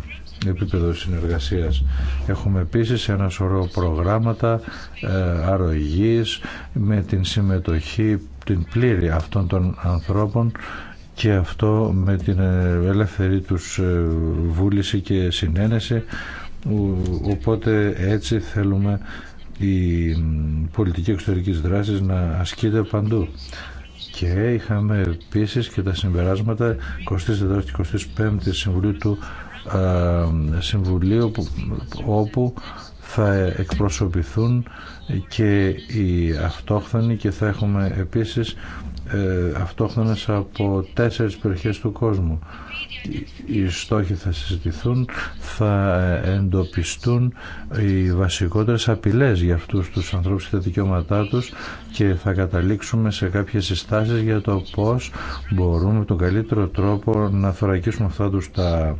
επίπεδο συνεργασίας. Έχουμε επίσης ένα σωρό προγράμματα ε, αρρωγής με την συμμετοχή την πλήρη αυτών των ανθρώπων και αυτό με την ε, ελεύθερη τους ε, βούληση και συνένεση οπότε έτσι θέλουμε η πολιτική εξωτερικής δράσης να ασκείται παντού και είχαμε επίσης και τα συμπεράσματα 24 και 25 Συμβουλίου του ε, που όπου θα εκπροσωπηθούν και οι αυτόχθονοι και θα έχουμε επίσης ε, αυτόχθονες από τέσσερις περιοχές του κόσμου οι στόχοι θα συζητηθούν, θα εντοπιστούν οι βασικότερες απειλές για αυτούς τους ανθρώπους και τα δικαιώματά τους και θα καταλήξουμε σε κάποιες συστάσεις για το πώς μπορούμε με τον καλύτερο τρόπο να θωρακίσουμε αυτά τους τα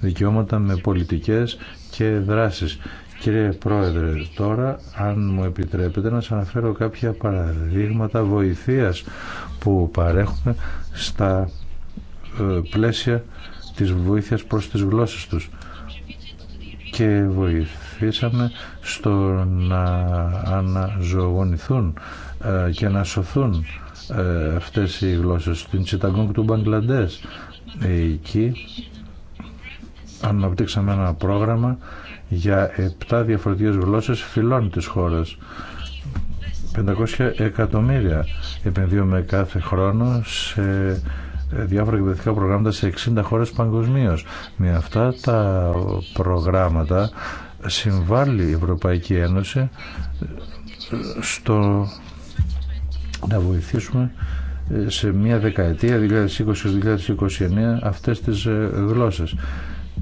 δικαιώματα με πολιτικές και δράσεις. Κύριε Πρόεδρε, τώρα αν μου επιτρέπετε να σας αναφέρω κάποια παραδείγματα βοηθείας που παρέχουμε στα ε, πλαίσια της βοήθειας προς τις γλώσσες τους και βοηθήσαμε στο να αναζωογονηθούν ε, και να σωθούν ε, αυτές οι γλώσσες στην Τσιταγκόγκ του Μπαγκλαντές εκεί αναπτύξαμε ένα πρόγραμμα για 7 διαφορετικές γλώσσες φιλών της χώρας 500 εκατομμύρια επενδύουμε κάθε χρόνο σε διάφορα εκπαιδευτικά προγράμματα σε 60 χώρες παγκοσμίω. Με αυτά τα προγράμματα συμβάλλει η Ευρωπαϊκή Ένωση στο να βοηθήσουμε ε, σε μια δεκαετία 2020-2029 αυτές τις ε, γλώσσες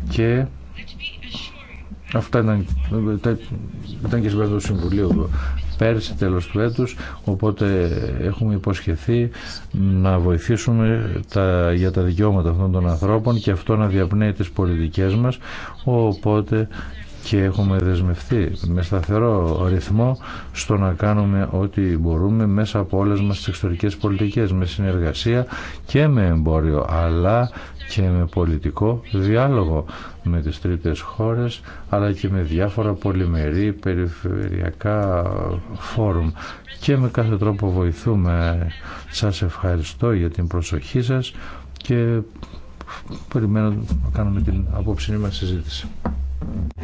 και αυτά ήταν, ε, ήταν και σε το Συμβουλίο πέρσι τέλος του έτους οπότε έχουμε υποσχεθεί να βοηθήσουμε τα, για τα δικαιώματα αυτών των ανθρώπων και αυτό να διαπνέει τις πολιτικές μας οπότε και έχουμε δεσμευτεί με σταθερό ρυθμό στο να κάνουμε ό,τι μπορούμε μέσα από όλες μας τις εξωτερικές πολιτικές με συνεργασία και με εμπόριο αλλά και με πολιτικό διάλογο με τις τρίτες χώρες αλλά και με διάφορα πολυμερή περιφερειακά φόρουμ και με κάθε τρόπο βοηθούμε σας ευχαριστώ για την προσοχή σας και περιμένω να κάνουμε την απόψινή μας συζήτηση.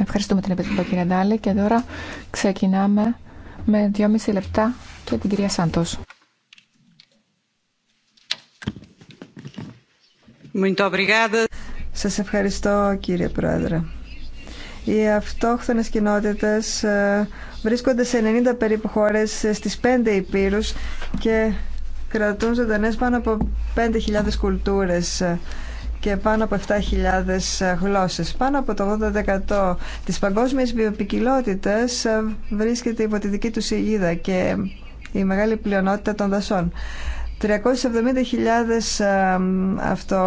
Ευχαριστούμε την Επιτροπή κύριε Ντάλη και τώρα ξεκινάμε με 2,5 λεπτά και την κυρία Σάντος. Σας ευχαριστώ κύριε Πρόεδρε. Οι αυτόχθονες κοινότητες ε, βρίσκονται σε 90 περίπου χώρες ε, στις 5 υπήρους και κρατούν ζωντανές πάνω από 5.000 κουλτούρες και πάνω από 7.000 ε, γλώσσες. Πάνω από το 80% της παγκόσμιας βιοπικιλότητας ε, βρίσκεται υπό τη δική του σιγίδα και η μεγάλη πλειονότητα των δασών. 370.000 ε, αυτό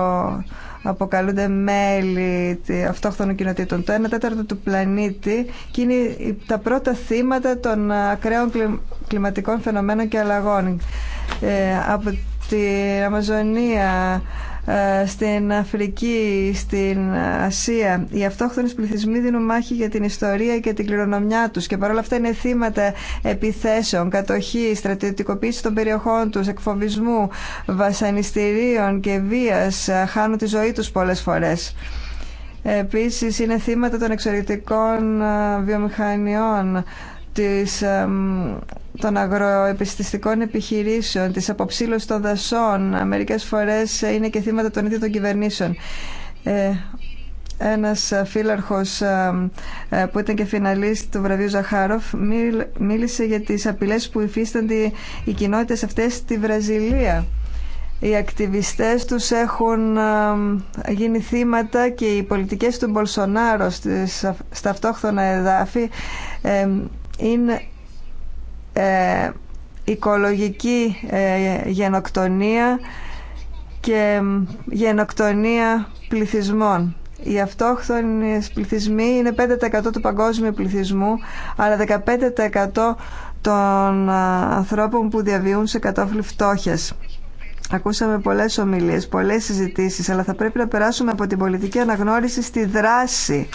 αποκαλούνται μέλη αυτόχθονων κοινοτήτων, το 1 τέταρτο του πλανήτη και είναι τα πρώτα θύματα των ακραίων κλιματικών φαινομένων και αλλαγών. Ε, από την Αμαζονία ε, στην Αφρική, στην Ασία. Οι αυτόχθονες πληθυσμοί δίνουν μάχη για την ιστορία και την κληρονομιά τους και παρόλα αυτά είναι θύματα επιθέσεων, κατοχή, στρατιωτικοποίηση των περιοχών τους, εκφοβισμού, βασανιστήριων και βίας, ε, χάνουν τη ζωή τους πολλές φορές. Επίσης είναι θύματα των εξωτερικών ε, βιομηχανιών της, των αγροεπιστηστικών επιχειρήσεων, της αποψήλωσης των δασών. Μερικές φορές είναι και θύματα των ίδιων των κυβερνήσεων. Ε, ένας φύλαρχος ε, που ήταν και φιναλίστ του βραβείου Ζαχάροφ μίλησε για τις απειλές που υφίστανται οι κοινότητες αυτές στη Βραζιλία. Οι ακτιβιστές τους έχουν γίνει θύματα και οι πολιτικές του Μπολσονάρο στα αυτόχθονα εδάφη είναι ε, οικολογική ε, γενοκτονία και γενοκτονία πληθυσμών. Οι αυτόχθονες πληθυσμοί είναι 5% του παγκόσμιου πληθυσμού, αλλά 15% των ε, ανθρώπων που διαβιούν σε κατόφλι φτώχειας. Ακούσαμε πολλές ομιλίες, πολλές συζητήσεις, αλλά θα πρέπει να περάσουμε από την πολιτική αναγνώριση στη δράση.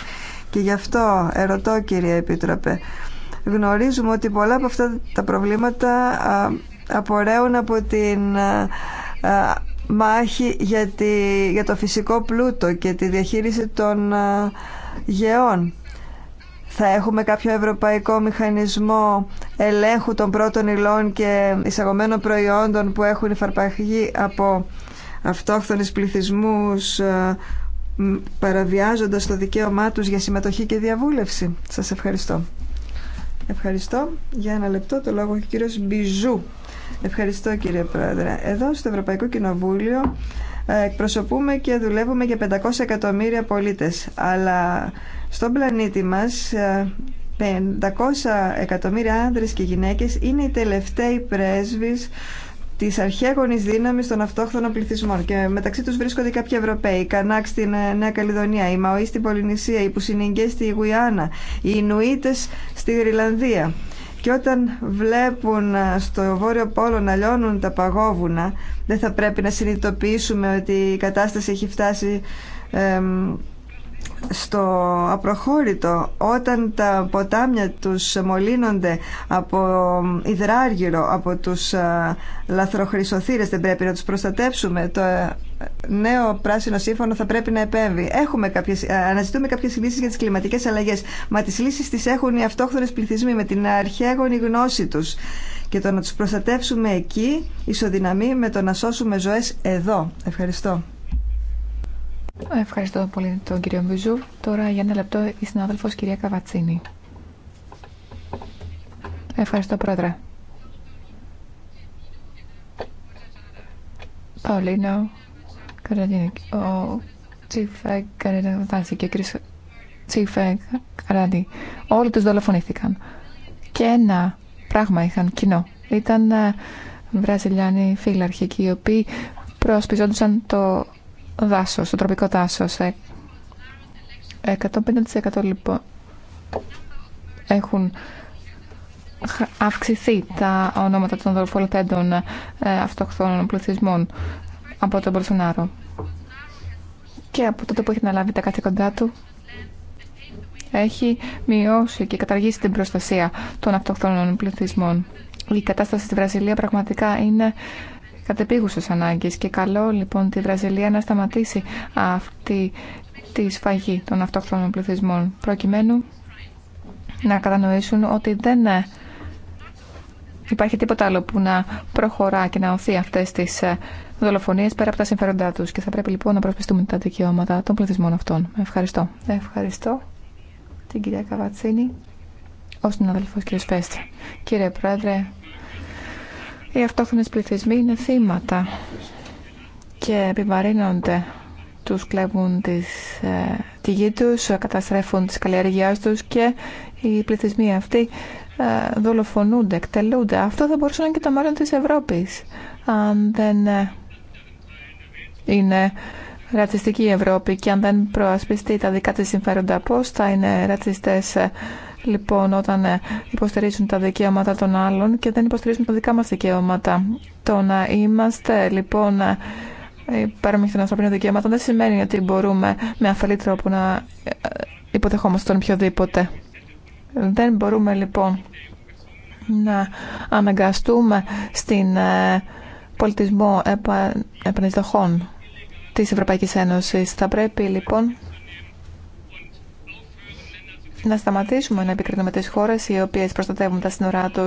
Και γι' αυτό ερωτώ, κύριε Επίτροπε, γνωρίζουμε ότι πολλά από αυτά τα προβλήματα απορρέουν από την μάχη για, για το φυσικό πλούτο και τη διαχείριση των γεών. Θα έχουμε κάποιο ευρωπαϊκό μηχανισμό ελέγχου των πρώτων υλών και εισαγωμένων προϊόντων που έχουν υφαρπαγεί από αυτόχθονες πληθυσμούς παραβιάζοντας το δικαίωμά τους για συμμετοχή και διαβούλευση. Σας ευχαριστώ. Ευχαριστώ. Για ένα λεπτό το λόγο έχει ο κύριος Μπιζού. Ευχαριστώ κύριε Πρόεδρε. Εδώ στο Ευρωπαϊκό Κοινοβούλιο ε, εκπροσωπούμε και δουλεύουμε για 500 εκατομμύρια πολίτες. Αλλά στον πλανήτη μας 500 ε, εκατομμύρια άνδρες και γυναίκες είναι οι τελευταίοι πρέσβεις τη αρχαίγονη δύναμη των αυτόχθων πληθυσμών. Και μεταξύ του βρίσκονται κάποιοι Ευρωπαίοι, οι Κανάκ στην ε, Νέα Καλλιδονία, οι Μαοί στην Πολυνησία, οι Πουσινιγκέ στη Γουιάννα, οι Ινουίτε στη Γρυλανδία. Και όταν βλέπουν ε, στο Βόρειο Πόλο να λιώνουν τα παγόβουνα, δεν θα πρέπει να συνειδητοποιήσουμε ότι η κατάσταση έχει φτάσει στο απροχώρητο όταν τα ποτάμια τους μολύνονται από υδράργυρο από τους ε, λαθροχρυσοθύρες δεν πρέπει να τους προστατέψουμε το ε, νέο πράσινο σύμφωνο θα πρέπει να επέμβει Έχουμε κάποιες, ε, αναζητούμε κάποιες λύσεις για τις κλιματικές αλλαγές μα τις λύσεις τις έχουν οι αυτόχθονες πληθυσμοί με την αρχαίγονη γνώση τους και το να τους προστατεύσουμε εκεί ισοδυναμεί με το να σώσουμε ζωές εδώ Ευχαριστώ Ευχαριστώ πολύ τον κύριο Μπιζού. Τώρα για ένα λεπτό η συνάδελφος κυρία Καβατσίνη. Ευχαριστώ πρόεδρε. Παολίνο, Καραντίνη, ο Τσίφε Καραντίνη και κύριος Τσίφε Όλοι τους δολοφονήθηκαν. Και ένα πράγμα είχαν κοινό. Ήταν ε, Βραζιλιάνοι φύλαρχοι οι οποίοι προσπιζόντουσαν το δάσος, το τροπικό δάσος. 150% ε. λοιπόν έχουν αυξηθεί τα ονόματα των δολοφολοθέντων ε, πληθυσμών από τον Μπολσονάρο. Και από τότε που έχει αναλάβει τα κοντά του, έχει μειώσει και καταργήσει την προστασία των αυτοχθόνων πληθυσμών. Η κατάσταση στη Βραζιλία πραγματικά είναι κατεπίγουσες ανάγκες και καλό λοιπόν τη Βραζιλία να σταματήσει αυτή τη σφαγή των αυτόχθονων πληθυσμών προκειμένου να κατανοήσουν ότι δεν ε, υπάρχει τίποτα άλλο που να προχωρά και να οθεί αυτές τις ε, δολοφονίες πέρα από τα συμφέροντά τους και θα πρέπει λοιπόν να προσπιστούμε τα δικαιώματα των πληθυσμών αυτών. Ευχαριστώ. Ευχαριστώ την κυρία Καβατσίνη ως την αδελφός κύριος Σπέστη. Κύριε Πρόεδρε, οι αυτόχθονες πληθυσμοί είναι θύματα και επιβαρύνονται. Τους κλέβουν τις, ε, τη γη τους, καταστρέφουν τις καλλιεργειές τους και οι πληθυσμοί αυτοί ε, δολοφονούνται, εκτελούνται. Αυτό θα μπορούσε να είναι και το μέλλον της Ευρώπης. Αν δεν ε, είναι ρατσιστική η Ευρώπη και αν δεν προασπιστεί τα δικά της συμφέροντα, πώς θα είναι ρατσιστές λοιπόν όταν ε, υποστηρίζουν τα δικαιώματα των άλλων και δεν υποστηρίζουν τα δικά μας δικαιώματα. Το να είμαστε λοιπόν υπέρμεχοι των ανθρωπίνων δικαιωμάτων δεν σημαίνει ότι μπορούμε με αφαλή τρόπο να ε, υποδεχόμαστε τον οποιοδήποτε. Δεν μπορούμε λοιπόν να αναγκαστούμε στην ε, πολιτισμό επανεισδοχών της Ευρωπαϊκής Ένωσης. Θα πρέπει λοιπόν να σταματήσουμε να επικρίνουμε τις χώρες οι οποίες προστατεύουν τα σύνορά του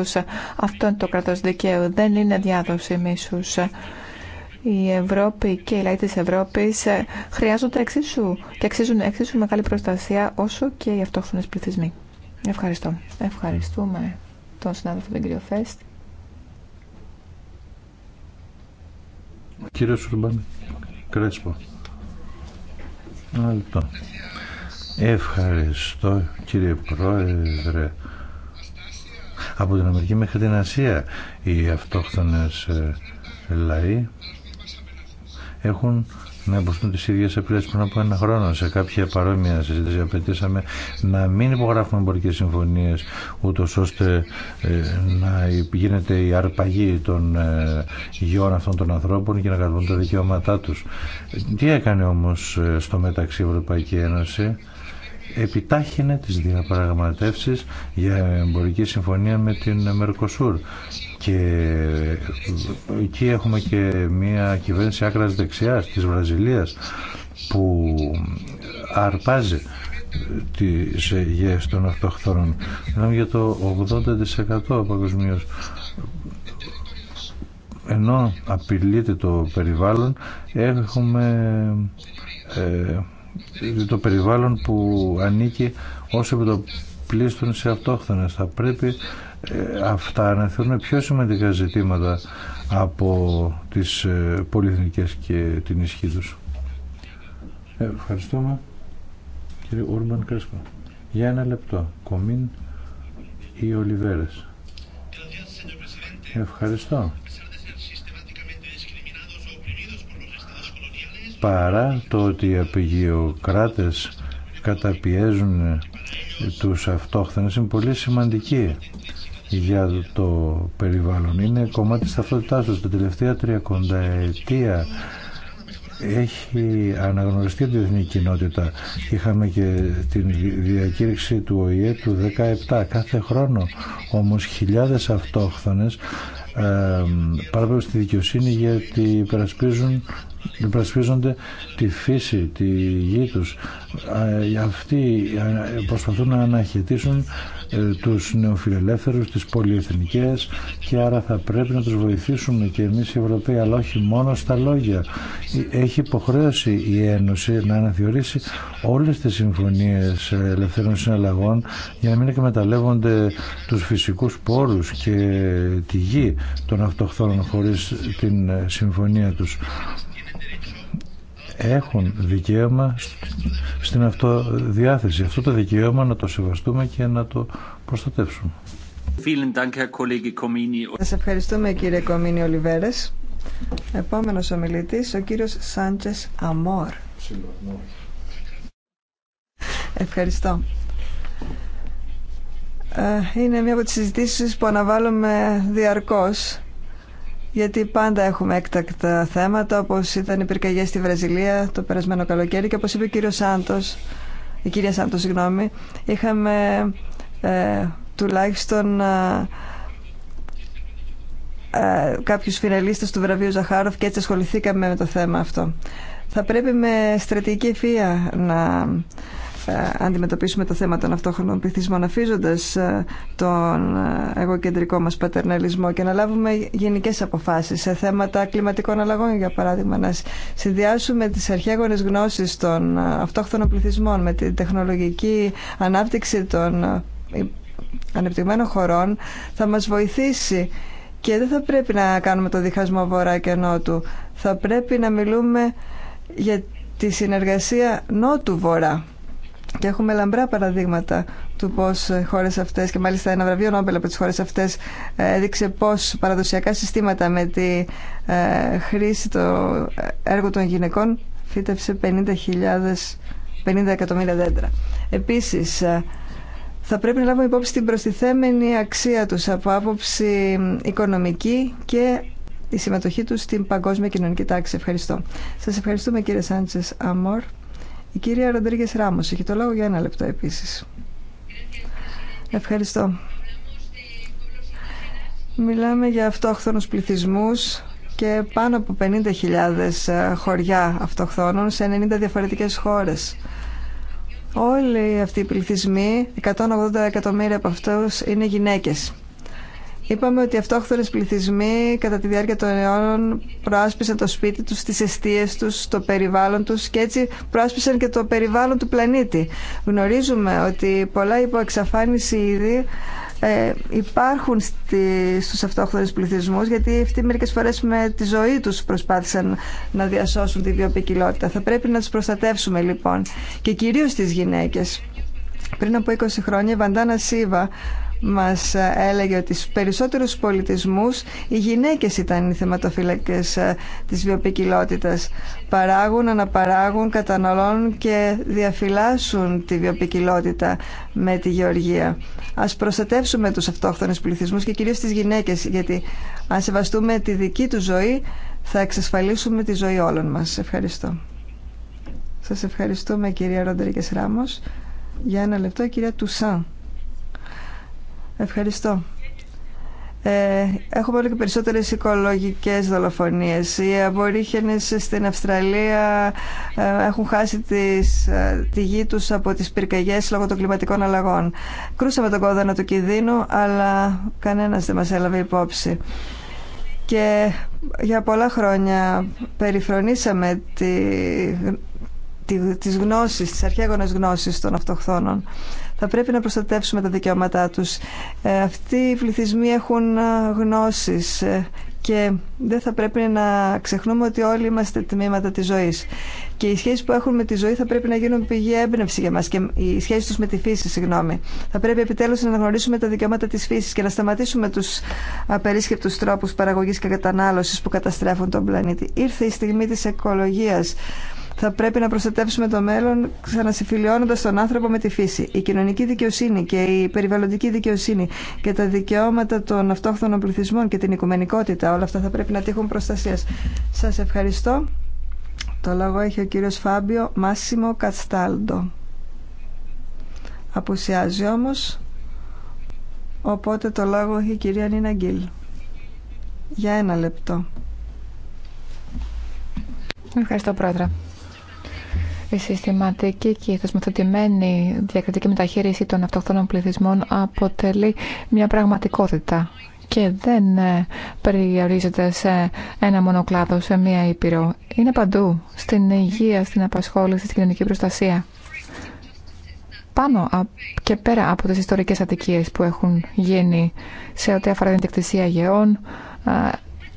Αυτό είναι το κρατός δικαίου. Δεν είναι διάδοση μίσου. Η Ευρώπη και οι λαοί της Ευρώπης χρειάζονται εξίσου και αξίζουν εξίσου μεγάλη προστασία όσο και οι αυτόχθονε πληθυσμοί. Ευχαριστώ. Ευχαριστούμε τον συνάδελφο τον κύριο Φέστ. Κύριε κρέσπο. Ευχαριστώ κύριε Πρόεδρε. Από την Αμερική μέχρι την Ασία οι αυτόχθονες ε, λαοί έχουν να υποστούν τις ίδιες απειλές πριν από ένα χρόνο. Σε κάποια παρόμοια συζήτηση απαιτήσαμε να μην υπογράφουμε εμπορικές συμφωνίες ούτως ώστε ε, να γίνεται η αρπαγή των ε, γιών αυτών των ανθρώπων και να καλούν τα δικαιώματά τους. Τι έκανε όμως στο μεταξύ Ευρωπαϊκή Ένωση επιτάχυνε τις διαπραγματεύσεις για εμπορική συμφωνία με την Μερκοσούρ και εκεί έχουμε και μια κυβέρνηση άκρας δεξιάς της Βραζιλίας που αρπάζει τις γέ των αυτοχθόνων. Μιλάμε για το 80% παγκοσμίω. Ενώ απειλείται το περιβάλλον, έχουμε ε, το περιβάλλον που ανήκει όσο που το πλήστον σε αυτόχθονες. Θα πρέπει ε, αυτά να θεωρούν πιο σημαντικά ζητήματα από τις ε, πολυεθνικές και την ισχύ τους. Ε, ευχαριστούμε. Κύριε Ούρμπαν Κρέσπα. Για ένα λεπτό. Κομίν ή Ολιβέρες. Ευχαριστώ. παρά το ότι οι απειγειοκράτες καταπιέζουν τους αυτόχθονες είναι πολύ σημαντική για το περιβάλλον. Είναι κομμάτι της ταυτότητάς τους. Τα τελευταία τριακονταετία έχει αναγνωριστεί από τη διεθνή κοινότητα. Είχαμε και την διακήρυξη του ΟΗΕ του 17. Κάθε χρόνο όμως χιλιάδες αυτόχθονες ε, στη δικαιοσύνη γιατί υπερασπίζουν υπερασπίζονται τη φύση, τη γη τους. Ε, αυτοί ε, προσπαθούν να αναχαιτήσουν ε, τους νεοφιλελεύθερους, τις πολυεθνικές και άρα θα πρέπει να τους βοηθήσουμε και εμείς οι Ευρωπαίοι, αλλά όχι μόνο στα λόγια. Έχει υποχρέωση η Ένωση να αναθεωρήσει όλες τις συμφωνίες ελευθερών συναλλαγών για να μην εκμεταλλεύονται τους φυσικούς πόρους και τη γη των αυτοχθών χωρίς την συμφωνία τους έχουν δικαίωμα στην αυτοδιάθεση. Αυτό το δικαίωμα να το σεβαστούμε και να το προστατεύσουμε. Σας ευχαριστούμε κύριε Κομίνη Ολιβέρες. Επόμενος ομιλητής, ο κύριος Σάντσες Αμόρ. Ευχαριστώ. Ε, είναι μία από τις συζητήσεις που αναβάλλουμε διαρκώς γιατί πάντα έχουμε έκτακτα θέματα όπως ήταν οι πυρκαγιές στη Βραζιλία το περασμένο καλοκαίρι και όπως είπε ο κύριος Σάντο, η κυρία Σάντο, συγγνώμη, είχαμε ε, τουλάχιστον ε, ε, κάποιους φινελίστες του βραβείου Ζαχάροφ και έτσι ασχοληθήκαμε με το θέμα αυτό. Θα πρέπει με στρατηγική ευφία να αντιμετωπίσουμε το θέμα των αυτόχρονων πληθυσμών αφίζοντας ε, τον ε, εγωκεντρικό μας πατερναλισμό και να λάβουμε γενικές αποφάσεις σε θέματα κλιματικών αλλαγών για παράδειγμα να συνδυάσουμε τις αρχαίγονες γνώσεις των ε, αυτόχθονων πληθυσμών με την τεχνολογική ανάπτυξη των ανεπτυγμένων χωρών θα μας βοηθήσει και δεν θα πρέπει να κάνουμε το διχασμό βορρά και νότου. Θα πρέπει να μιλούμε για τη συνεργασία νότου-βορρά και έχουμε λαμπρά παραδείγματα του πώ χώρε αυτέ, και μάλιστα ένα βραβείο Νόμπελ από τι χώρε αυτέ, ε, έδειξε πώ παραδοσιακά συστήματα με τη ε, χρήση το έργο των γυναικών φύτευσε 50.000 50 εκατομμύρια δέντρα. Επίση, ε, θα πρέπει να λάβουμε υπόψη την προστιθέμενη αξία του από άποψη οικονομική και η συμμετοχή του στην παγκόσμια κοινωνική τάξη. Ευχαριστώ. Σας ευχαριστούμε κύριε Σάντσες Αμόρ. Η κυρία Ροντρίγκε Ράμο έχει το λόγο για ένα λεπτό επίση. Ευχαριστώ. Μιλάμε για αυτόχθονους πληθυσμούς και πάνω από 50.000 ε, χωριά αυτοχθόνων σε 90 διαφορετικές χώρες. Όλοι αυτοί οι πληθυσμοί, 180 εκατομμύρια από αυτούς, είναι γυναίκες. Είπαμε ότι οι πληθυσμοί κατά τη διάρκεια των αιώνων προάσπισαν το σπίτι του τι αιστείε του το περιβάλλον του και έτσι προάσπισαν και το περιβάλλον του πλανήτη. Γνωρίζουμε ότι πολλά υποεξαφάνιση ήδη ε, υπάρχουν στι, στους αυτόχθονες πληθυσμούς γιατί αυτοί μερικές φορές με τη ζωή τους προσπάθησαν να διασώσουν τη βιοπικιλότητα. Θα πρέπει να τους προστατεύσουμε λοιπόν και κυρίως τις γυναίκες. Πριν από 20 χρόνια η Βαντάνα Σίβα μας έλεγε ότι στους περισσότερους πολιτισμούς οι γυναίκες ήταν οι θεματοφύλακες ε, της βιοπικιλότητας. Παράγουν, αναπαράγουν, καταναλώνουν και διαφυλάσσουν τη βιοπικιλότητα με τη γεωργία. Ας προστατεύσουμε τους αυτόχθονες πληθυσμούς και κυρίως τις γυναίκες γιατί αν σεβαστούμε τη δική του ζωή θα εξασφαλίσουμε τη ζωή όλων μας. Ευχαριστώ. Σας ευχαριστούμε κυρία Ροντερικες Ράμος. Για ένα λεπτό κυρία Τουσάν. Ευχαριστώ. Ε, έχουμε όλο και περισσότερες οικολογικές δολοφονίες. Οι αμπορίχενες στην Αυστραλία ε, έχουν χάσει τις, ε, τη γη τους από τις πυρκαγιές λόγω των κλιματικών αλλαγών. Κρούσαμε τον κόδωνα του κινδύνου, αλλά κανένας δεν μας έλαβε υπόψη. Και για πολλά χρόνια περιφρονήσαμε τη, τη, τις γνώσεις, τις αρχαίγονες γνώσεις των αυτοχθόνων. Θα πρέπει να προστατεύσουμε τα δικαιώματά τους. Ε, αυτοί οι πληθυσμοί έχουν ε, γνώσεις ε, και δεν θα πρέπει να ξεχνούμε ότι όλοι είμαστε τμήματα της ζωής. Και οι σχέσεις που έχουν με τη ζωή θα πρέπει να γίνουν πηγή έμπνευση για μας και οι σχέσεις τους με τη φύση, συγγνώμη. Θα πρέπει επιτέλους να αναγνωρίσουμε τα δικαιώματα της φύσης και να σταματήσουμε τους απερίσκεπτους τρόπους παραγωγής και κατανάλωσης που καταστρέφουν τον πλανήτη. Ήρθε η στιγμή της οικολογίας θα πρέπει να προστατεύσουμε το μέλλον ξανασυμφιλιώνοντα τον άνθρωπο με τη φύση. Η κοινωνική δικαιοσύνη και η περιβαλλοντική δικαιοσύνη και τα δικαιώματα των αυτόχθονων πληθυσμών και την οικουμενικότητα, όλα αυτά θα πρέπει να τύχουν προστασία. Σα ευχαριστώ. Το λόγο έχει ο κύριος Φάμπιο Μάσιμο Κατστάλντο. Αποουσιάζει όμως, οπότε το λόγο έχει η κυρία Νίνα Γκίλ. Για ένα λεπτό. Ευχαριστώ πρόεδρε η συστηματική και η θεσμοθετημένη διακριτική μεταχείριση των αυτοκτονών πληθυσμών αποτελεί μια πραγματικότητα και δεν ε, περιορίζεται σε ένα μονοκλάδο, σε μία ήπειρο. Είναι παντού, στην υγεία, στην απασχόληση, στην κοινωνική προστασία. Πάνω και πέρα από τις ιστορικές αδικίες που έχουν γίνει σε ό,τι αφορά την τεκτησία γεών, ε,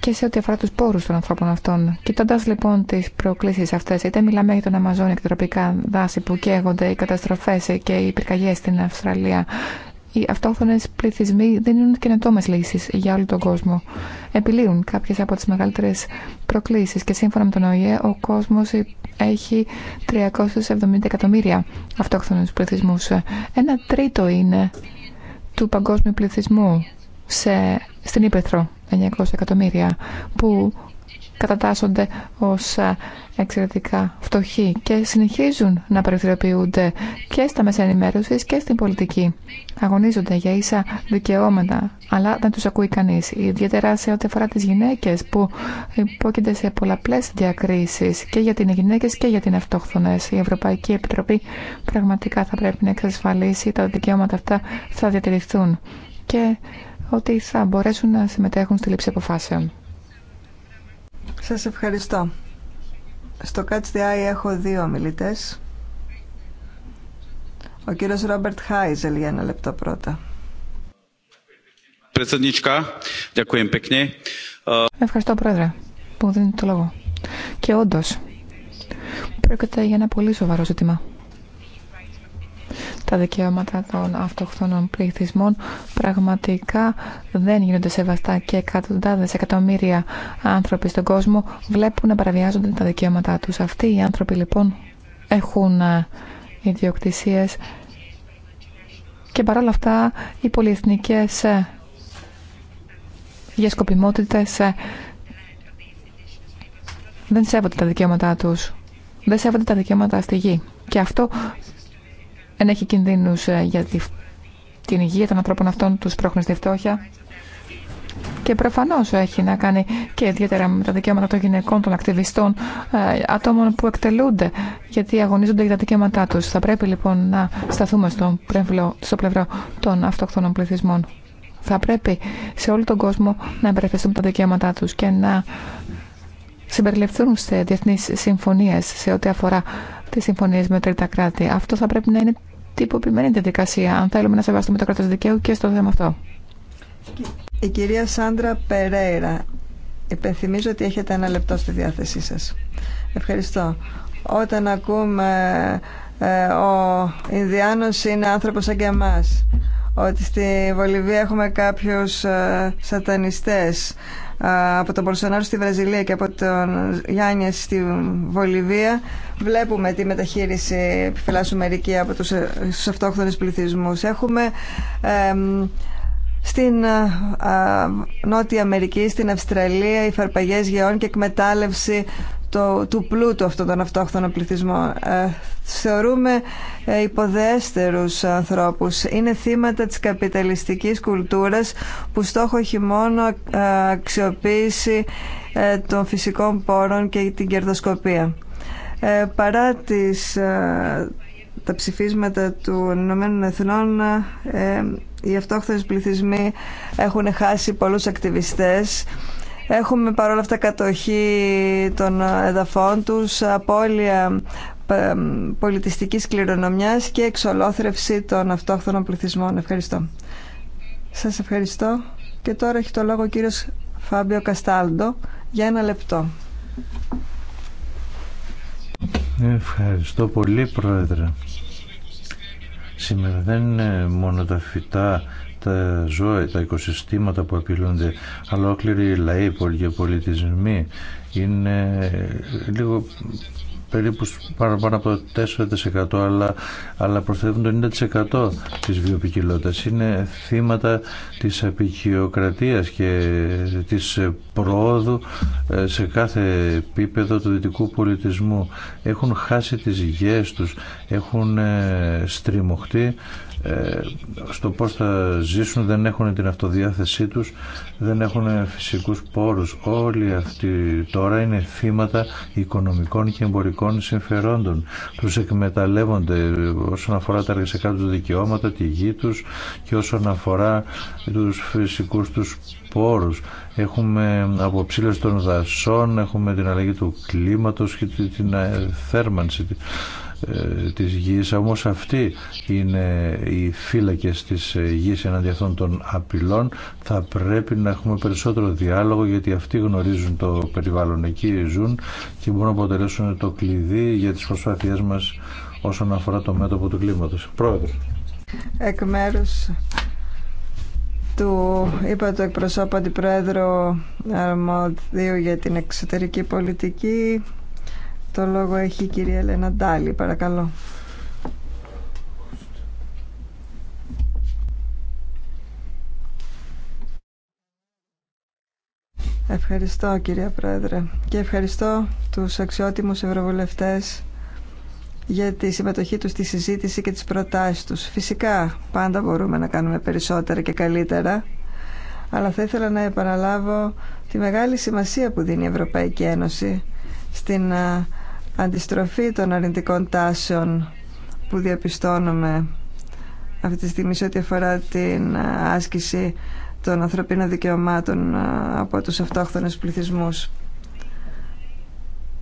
και σε ό,τι αφορά του πόρου των ανθρώπων αυτών. Κοιτώντα λοιπόν τι προκλήσει αυτέ, είτε μιλάμε για τον Αμαζόνιο και τα τροπικά δάση που καίγονται, οι καταστροφέ και οι πυρκαγιέ στην Αυστραλία, οι αυτόχθονε πληθυσμοί δίνουν καινοτόμε λύσει για όλο τον κόσμο. Επιλύουν κάποιε από τι μεγαλύτερε προκλήσει και σύμφωνα με τον ΟΗΕ, ο κόσμο έχει 370 εκατομμύρια αυτόχθονε πληθυσμού. Ένα τρίτο είναι του παγκόσμιου πληθυσμού σε, στην Ήπεθρο. 900 εκατομμύρια που κατατάσσονται ως ε, εξαιρετικά φτωχοί και συνεχίζουν να περιθωριοποιούνται και στα μέσα ενημέρωση και στην πολιτική. Αγωνίζονται για ίσα δικαιώματα, αλλά δεν τους ακούει κανείς. Ιδιαίτερα σε ό,τι αφορά τις γυναίκες που υπόκεινται σε πολλαπλές διακρίσεις και για την γυναίκες και για την αυτόχθονες. Η Ευρωπαϊκή Επιτροπή πραγματικά θα πρέπει να εξασφαλίσει τα δικαιώματα αυτά θα διατηρηθούν. Και ότι θα μπορέσουν να συμμετέχουν στη λήψη αποφάσεων. Σας ευχαριστώ. Στο Catch the Eye έχω δύο μιλητές. Ο κύριος Ρόμπερτ Χάιζελ για ένα λεπτό πρώτα. Ευχαριστώ πρόεδρε που μου δίνετε το λόγο. Και όντω, πρόκειται για ένα πολύ σοβαρό ζήτημα τα δικαιώματα των αυτοκτονών πληθυσμών πραγματικά δεν γίνονται σεβαστά και εκατοντάδε εκατομμύρια άνθρωποι στον κόσμο βλέπουν να παραβιάζονται τα δικαιώματά τους. Αυτοί οι άνθρωποι λοιπόν έχουν ε, ιδιοκτησίες και παρόλα αυτά οι πολυεθνικές για ε, ε, δεν σέβονται τα δικαιώματά τους. Δεν σέβονται τα δικαιώματα στη γη. Και αυτό έχει κινδύνου ε, για την υγεία των ανθρώπων αυτών, του πρόχνει στη φτώχεια. Και προφανώ έχει να κάνει και ιδιαίτερα με τα δικαιώματα των γυναικών, των ακτιβιστών, ε, ατόμων που εκτελούνται γιατί αγωνίζονται για τα δικαιώματά του. Θα πρέπει λοιπόν να σταθούμε στο, πρέμβλο, στο πλευρό των αυτοκτόνων πληθυσμών. Θα πρέπει σε όλο τον κόσμο να εμπερευθεστούν τα δικαιώματά του και να συμπεριληφθούν σε διεθνεί συμφωνίε σε ό,τι αφορά τι συμφωνίε με τρίτα κράτη. Αυτό θα πρέπει να είναι τυποποιημένη διαδικασία, αν θέλουμε να σεβαστούμε το κράτο δικαίου και στο θέμα αυτό. Η κυρία Σάντρα Περέιρα, υπενθυμίζω ότι έχετε ένα λεπτό στη διάθεσή σα. Ευχαριστώ. Όταν ακούμε ε, ο Ινδιάνο είναι άνθρωπο σαν και εμά, ότι στη Βολιβία έχουμε κάποιους ε, σατανιστές, από τον Πολσονάρο στη Βραζιλία και από τον Γιάννη στη Βολιβία βλέπουμε τη μεταχείριση επιφυλάσσου μερική από τους, ε, τους αυτόχθονες πληθυσμούς. Έχουμε στην ε, Νότια Αμερική, στην Αυστραλία, οι φαρπαγές γεών και εκμετάλλευση το, του πλούτου αυτών των αυτόχθων πληθυσμών. Ε, θεωρούμε ε, υποδέστερους ανθρώπους. Είναι θύματα της καπιταλιστικής κουλτούρας που στόχο έχει μόνο ε, αξιοποίηση ε, των φυσικών πόρων και την κερδοσκοπία. παρά τις, τα ψηφίσματα του Ηνωμένων Εθνών ε, οι αυτόχθονες πληθυσμοί έχουν χάσει πολλούς ακτιβιστές Έχουμε παρόλα αυτά κατοχή των εδαφών τους, απώλεια ε, πολιτιστικής κληρονομιάς και εξολόθρευση των αυτόχθονων πληθυσμών. Ευχαριστώ. Σας ευχαριστώ. Και τώρα έχει το λόγο ο κύριος Φάμπιο Καστάλντο για ένα λεπτό. Ευχαριστώ πολύ, Πρόεδρε. Σήμερα δεν είναι μόνο τα φυτά τα ζώα, τα οικοσυστήματα που απειλούνται, αλλά ολόκληροι λαοί, πολιτισμοί είναι λίγο περίπου παραπάνω από το 4% αλλά, αλλά προσθέτουν το 90% της βιοποικιλότητας. Είναι θύματα της απεικιοκρατίας και της προόδου ε, σε κάθε επίπεδο του δυτικού πολιτισμού. Έχουν χάσει τις γης τους, έχουν ε, στριμωχτεί ε, στο πώς θα ζήσουν, δεν έχουν την αυτοδιάθεσή τους, δεν έχουν φυσικούς πόρους. Όλοι αυτοί τώρα είναι θύματα οικονομικών και εμπορικών συμφερόντων. Τους εκμεταλλεύονται όσον αφορά τα εργασιακά τους δικαιώματα, τη γη τους και όσον αφορά τους φυσικούς τους πόρους. Έχουμε αποψήλωση των δασών, έχουμε την αλλαγή του κλίματος και την ε, θέρμανση ε, της γης όμως αυτοί είναι οι φύλακες της ε, γης εναντί αυτών των απειλών θα πρέπει να έχουμε περισσότερο διάλογο γιατί αυτοί γνωρίζουν το περιβάλλον εκεί ζουν και μπορούν να αποτελέσουν το κλειδί για τις προσπάθειές μας όσον αφορά το μέτωπο του κλίματος. Πρόεδρε. Εκ μέρους του είπα το εκπροσώπου αντιπρόεδρο αρμοδίου για την εξωτερική πολιτική το λόγο έχει η κυρία Ελένα Ντάλη, παρακαλώ. Ευχαριστώ κυρία Πρόεδρε και ευχαριστώ τους αξιότιμους ευρωβουλευτές για τη συμμετοχή τους στη συζήτηση και τις προτάσεις τους. Φυσικά πάντα μπορούμε να κάνουμε περισσότερα και καλύτερα αλλά θα ήθελα να επαναλάβω τη μεγάλη σημασία που δίνει η Ευρωπαϊκή Ένωση στην αντιστροφή των αρνητικών τάσεων που διαπιστώνουμε αυτή τη στιγμή σε ό,τι αφορά την ε, άσκηση των ανθρωπίνων δικαιωμάτων ε, από τους αυτόχθονες πληθυσμούς.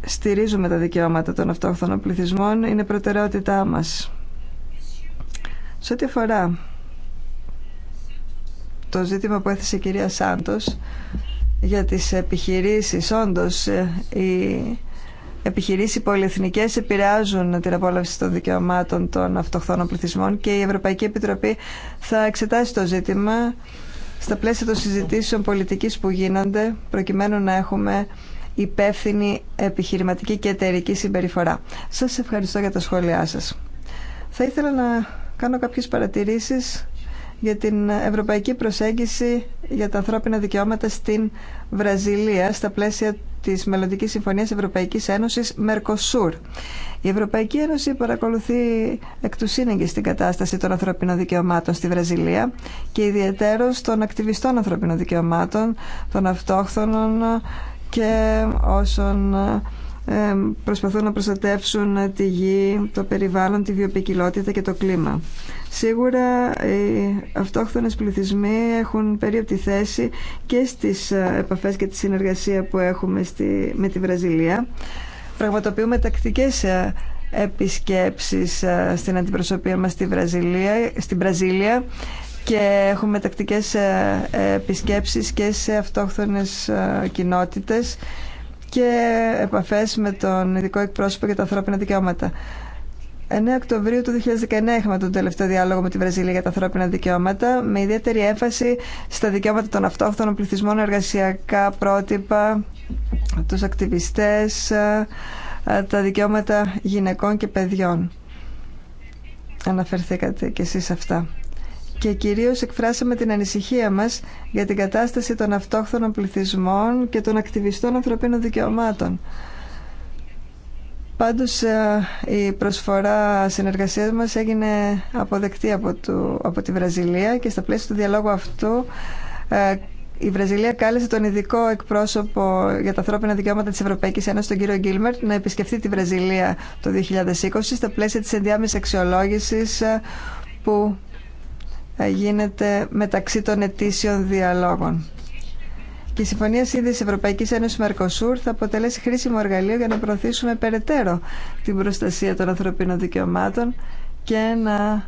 Στηρίζουμε τα δικαιώματα των αυτόχθονων πληθυσμών, είναι προτεραιότητά μας. Σε ό,τι αφορά το ζήτημα που έθεσε η κυρία Σάντος για τις επιχειρήσεις, όντως ε, η επιχειρήσει πολυεθνικές επηρεάζουν την απόλαυση των δικαιωμάτων των αυτοχθόνων πληθυσμών και η Ευρωπαϊκή Επιτροπή θα εξετάσει το ζήτημα στα πλαίσια των συζητήσεων πολιτικής που γίνονται προκειμένου να έχουμε υπεύθυνη επιχειρηματική και εταιρική συμπεριφορά. Σας ευχαριστώ για τα σχόλιά σας. Θα ήθελα να κάνω κάποιες παρατηρήσεις για την ευρωπαϊκή προσέγγιση για τα ανθρώπινα δικαιώματα στην Βραζιλία στα πλαίσια της μελλοντική Συμφωνίας Ευρωπαϊκής Ένωσης Μερκοσούρ. Η Ευρωπαϊκή Ένωση παρακολουθεί εκ του σύνεγγυ την κατάσταση των ανθρωπίνων δικαιωμάτων στη Βραζιλία και ιδιαίτερως των ακτιβιστών ανθρωπίνων δικαιωμάτων, των αυτόχθονων και όσων ε, προσπαθούν να προστατεύσουν τη γη, το περιβάλλον, τη βιοπικιλότητα και το κλίμα. Σίγουρα οι ε, αυτόχθονες πληθυσμοί έχουν περίοπτη θέση και στις ε, επαφές και τη συνεργασία που έχουμε στη, με τη Βραζιλία. Πραγματοποιούμε τακτικές ε, επισκέψεις στην αντιπροσωπεία μας στη Βραζιλία, στην Βραζίλια και έχουμε τακτικές επισκέψεις και σε αυτόχθονες κοινότητες και επαφές με τον ειδικό εκπρόσωπο για τα ανθρώπινα δικαιώματα. 9 Οκτωβρίου του 2019 έχουμε τον τελευταίο διάλογο με τη Βραζιλία για τα ανθρώπινα δικαιώματα, με ιδιαίτερη έμφαση στα δικαιώματα των αυτόχθων πληθυσμών, εργασιακά πρότυπα, τους ακτιβιστές, ε, τα δικαιώματα γυναικών και παιδιών. Αναφερθήκατε κι εσείς αυτά. Και κυρίως εκφράσαμε την ανησυχία μας για την κατάσταση των αυτόχθων πληθυσμών και των ακτιβιστών ανθρωπίνων δικαιωμάτων Πάντως ε, η προσφορά συνεργασίας μας έγινε αποδεκτή από, το από τη Βραζιλία και στα πλαίσια του διαλόγου αυτού ε, η Βραζιλία κάλεσε τον ειδικό εκπρόσωπο για τα ανθρώπινα δικαιώματα της Ευρωπαϊκής Ένωσης, τον κύριο Γκίλμερτ, να επισκεφτεί τη Βραζιλία το 2020 στα πλαίσια της ενδιάμεσης αξιολόγησης ε, που γίνεται μεταξύ των ετήσιων διαλόγων η Συμφωνία Σύνδεση Ευρωπαϊκή Ένωση Μερκοσούρ θα αποτελέσει χρήσιμο εργαλείο για να προωθήσουμε περαιτέρω την προστασία των ανθρωπίνων δικαιωμάτων και να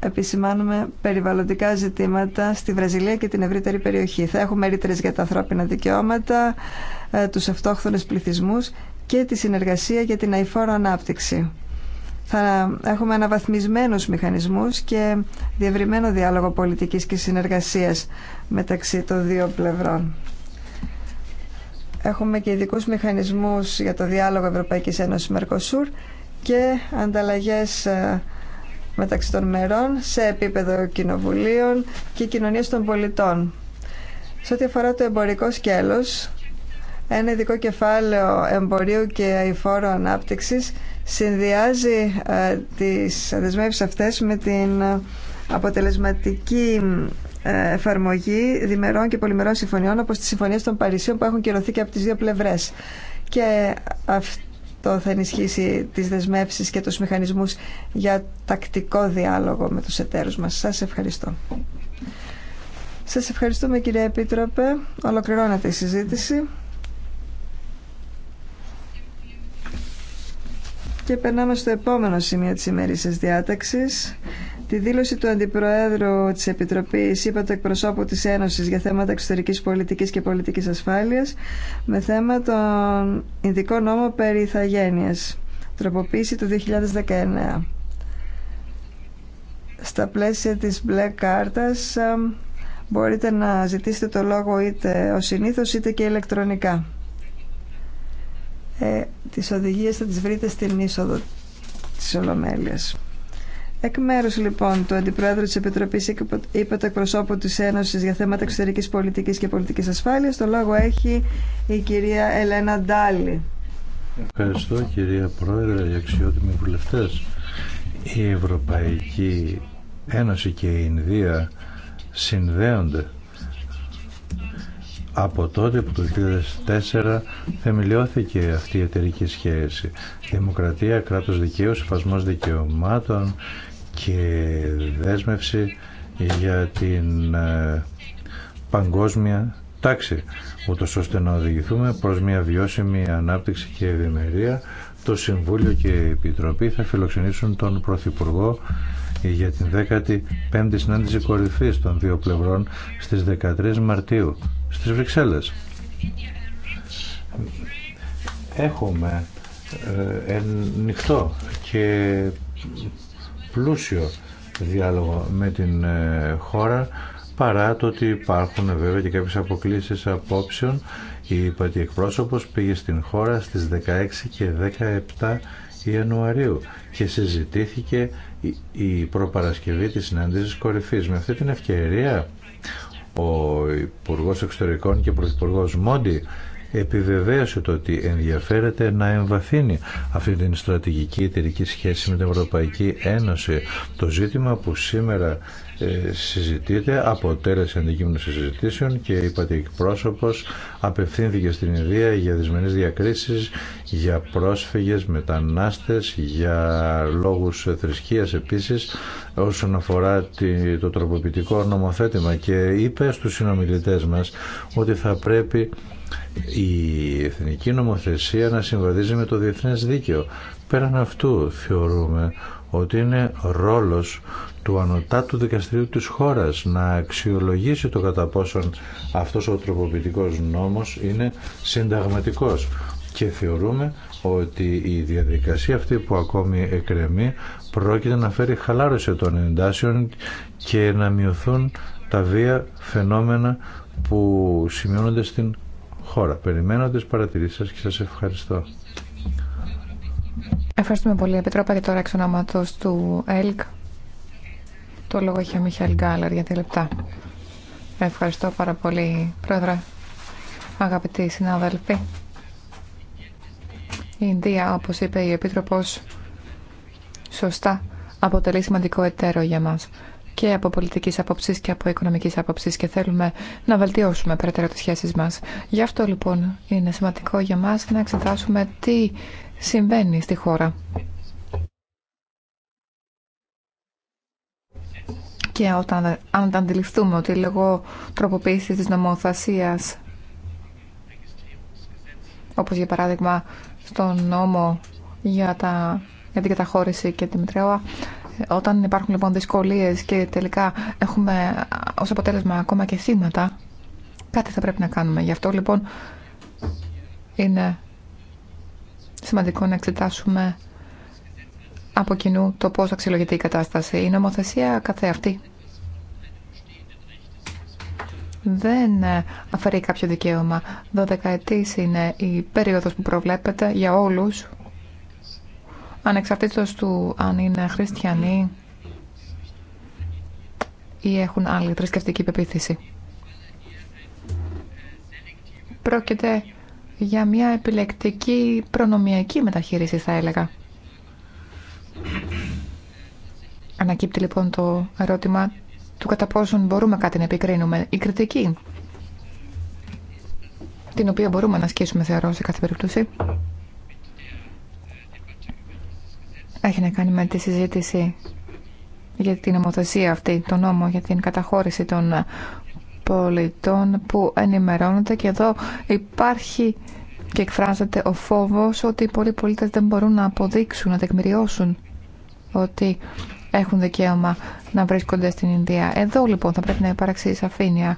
επισημάνουμε περιβαλλοντικά ζητήματα στη Βραζιλία και την ευρύτερη περιοχή. Θα έχουμε ρήτρε για τα ανθρώπινα δικαιώματα, ε, τους αυτόχθονε πληθυσμού και τη συνεργασία για την αηφόρο ανάπτυξη θα έχουμε αναβαθμισμένους μηχανισμούς και διευρυμένο διάλογο πολιτικής και συνεργασίας μεταξύ των δύο πλευρών. Έχουμε και ειδικού μηχανισμούς για το διάλογο Ευρωπαϊκής Ένωσης Μερκοσούρ και ανταλλαγές ε, μεταξύ των μερών σε επίπεδο κοινοβουλίων και κοινωνίας των πολιτών. Σε ό,τι αφορά το εμπορικό σκέλος, ένα ειδικό κεφάλαιο εμπορίου και αηφόρο ανάπτυξης συνδυάζει ε, τις δεσμεύσεις αυτές με την ε, αποτελεσματική ε, εφαρμογή διμερών και πολυμερών συμφωνιών όπως τις συμφωνίες των Παρισίων που έχουν κυρωθεί και από τις δύο πλευρές. Και αυτό θα ενισχύσει τις δεσμεύσεις και τους μηχανισμούς για τακτικό διάλογο με τους εταίρους μας. Σας ευχαριστώ. Σας ευχαριστούμε κύριε Επίτροπε. Ολοκληρώνεται η συζήτηση. Και περνάμε στο επόμενο σημείο της ημερήσιας διάταξης. Τη δήλωση του Αντιπροέδρου της Επιτροπής, είπα το εκπροσώπου της Ένωσης για θέματα εξωτερικής πολιτικής και πολιτικής ασφάλειας, με θέμα τον ειδικό νόμο περί ηθαγένειας, τροποποίηση του 2019. Στα πλαίσια της μπλε κάρτας μπορείτε να ζητήσετε το λόγο είτε ως συνήθως είτε και ηλεκτρονικά ε, τις οδηγίες θα τις βρείτε στην είσοδο της Ολομέλειας. Εκ μέρους λοιπόν του Αντιπρόεδρου της Επιτροπής είπε το εκπροσώπου της Ένωσης για θέματα εξωτερικής πολιτικής και πολιτικής ασφάλειας. Το λόγο έχει η κυρία Ελένα Ντάλη. Ευχαριστώ κυρία Πρόεδρε, οι αξιότιμοι βουλευτές. Η Ευρωπαϊκή Ένωση και η Ινδία συνδέονται από τότε που το 2004 θεμελιώθηκε αυτή η εταιρική σχέση. Δημοκρατία, κράτος δικαίου, σεφασμός δικαιωμάτων και δέσμευση για την ε, παγκόσμια τάξη, ούτως ώστε να οδηγηθούμε προς μια βιώσιμη ανάπτυξη και ευημερία. Το Συμβούλιο και η Επιτροπή θα φιλοξενήσουν τον Πρωθυπουργό για την 15η συνάντηση κορυφής των δύο πλευρών στις 13 Μαρτίου στις Βρυξέλλες. Έχουμε ε, και πλούσιο διάλογο με την ε, χώρα παρά το ότι υπάρχουν βέβαια και κάποιες αποκλήσεις απόψεων η Πατή εκπρόσωπος πήγε στην χώρα στις 16 και 17 Ιανουαρίου και συζητήθηκε η προπαρασκευή της συνάντησης κορυφής. Με αυτή την ευκαιρία ο Υπουργό Εξωτερικών και Πρωθυπουργό Μόντι επιβεβαίωσε το ότι ενδιαφέρεται να εμβαθύνει αυτή την στρατηγική εταιρική σχέση με την Ευρωπαϊκή Ένωση. Το ζήτημα που σήμερα ε, συζητείται, αποτέλεσε αντικείμενο συζητήσεων και είπατε εκπρόσωπο απευθύνθηκε στην Ινδία για δυσμενείς διακρίσεις, για πρόσφυγες, μετανάστες, για λόγους θρησκείας επίσης όσον αφορά το τροποποιητικό νομοθέτημα και είπε στους συνομιλητές μας ότι θα πρέπει η εθνική νομοθεσία να συμβαδίζει με το διεθνές δίκαιο. Πέραν αυτού θεωρούμε ότι είναι ρόλος του Ανωτάτου Δικαστηρίου της χώρας να αξιολογήσει το κατά πόσον αυτός ο τροποποιητικός νόμος είναι συνταγματικός και θεωρούμε ότι η διαδικασία αυτή που ακόμη εκρεμεί πρόκειται να φέρει χαλάρωση των εντάσεων και να μειωθούν τα βία φαινόμενα που σημειώνονται στην χώρα. Περιμένω τις παρατηρήσεις σας και σας ευχαριστώ. Ευχαριστούμε πολύ, Επιτρόπα, και του ΕΛΚ. Το λόγο έχει ο Μιχαήλ Γκάλερ για δύο λεπτά. Ευχαριστώ πάρα πολύ, Πρόεδρε. Αγαπητοί συνάδελφοι, η Ινδία, όπως είπε η Επίτροπος, σωστά αποτελεί σημαντικό εταίρο για μας και από πολιτικής απόψης και από οικονομικής απόψης και θέλουμε να βελτιώσουμε περαιτέρω τις σχέσεις μας. Γι' αυτό λοιπόν είναι σημαντικό για μας να εξετάσουμε τι συμβαίνει στη χώρα και όταν, αν αντιληφθούμε ότι λόγω τροποποίηση της νομοθεσίας όπως για παράδειγμα στον νόμο για, τα, για την καταχώρηση και τη Μητρέωα όταν υπάρχουν λοιπόν δυσκολίες και τελικά έχουμε ως αποτέλεσμα ακόμα και θύματα κάτι θα πρέπει να κάνουμε. Γι' αυτό λοιπόν είναι σημαντικό να εξετάσουμε από κοινού το πώς αξιολογείται η κατάσταση. Η νομοθεσία καθεαυτή δεν αφαιρεί κάποιο δικαίωμα. 12 είναι η περίοδος που προβλέπεται για όλους, ανεξαρτήτως του αν είναι χριστιανοί ή έχουν άλλη θρησκευτική πεποίθηση. Πρόκειται για μια επιλεκτική προνομιακή μεταχείριση, θα έλεγα. Ανακύπτει λοιπόν το ερώτημα του κατά πόσον μπορούμε κάτι να επικρίνουμε. Η κριτική, την οποία μπορούμε να ασκήσουμε θεωρώ σε κάθε περίπτωση, έχει να κάνει με τη συζήτηση για την νομοθεσία αυτή, τον νόμο για την καταχώρηση των πολιτών που ενημερώνονται και εδώ υπάρχει και εκφράζεται ο φόβος ότι πολλοί πολίτες δεν μπορούν να αποδείξουν, να τεκμηριώσουν ότι έχουν δικαίωμα να βρίσκονται στην Ινδία. Εδώ λοιπόν θα πρέπει να υπάρξει σαφήνεια.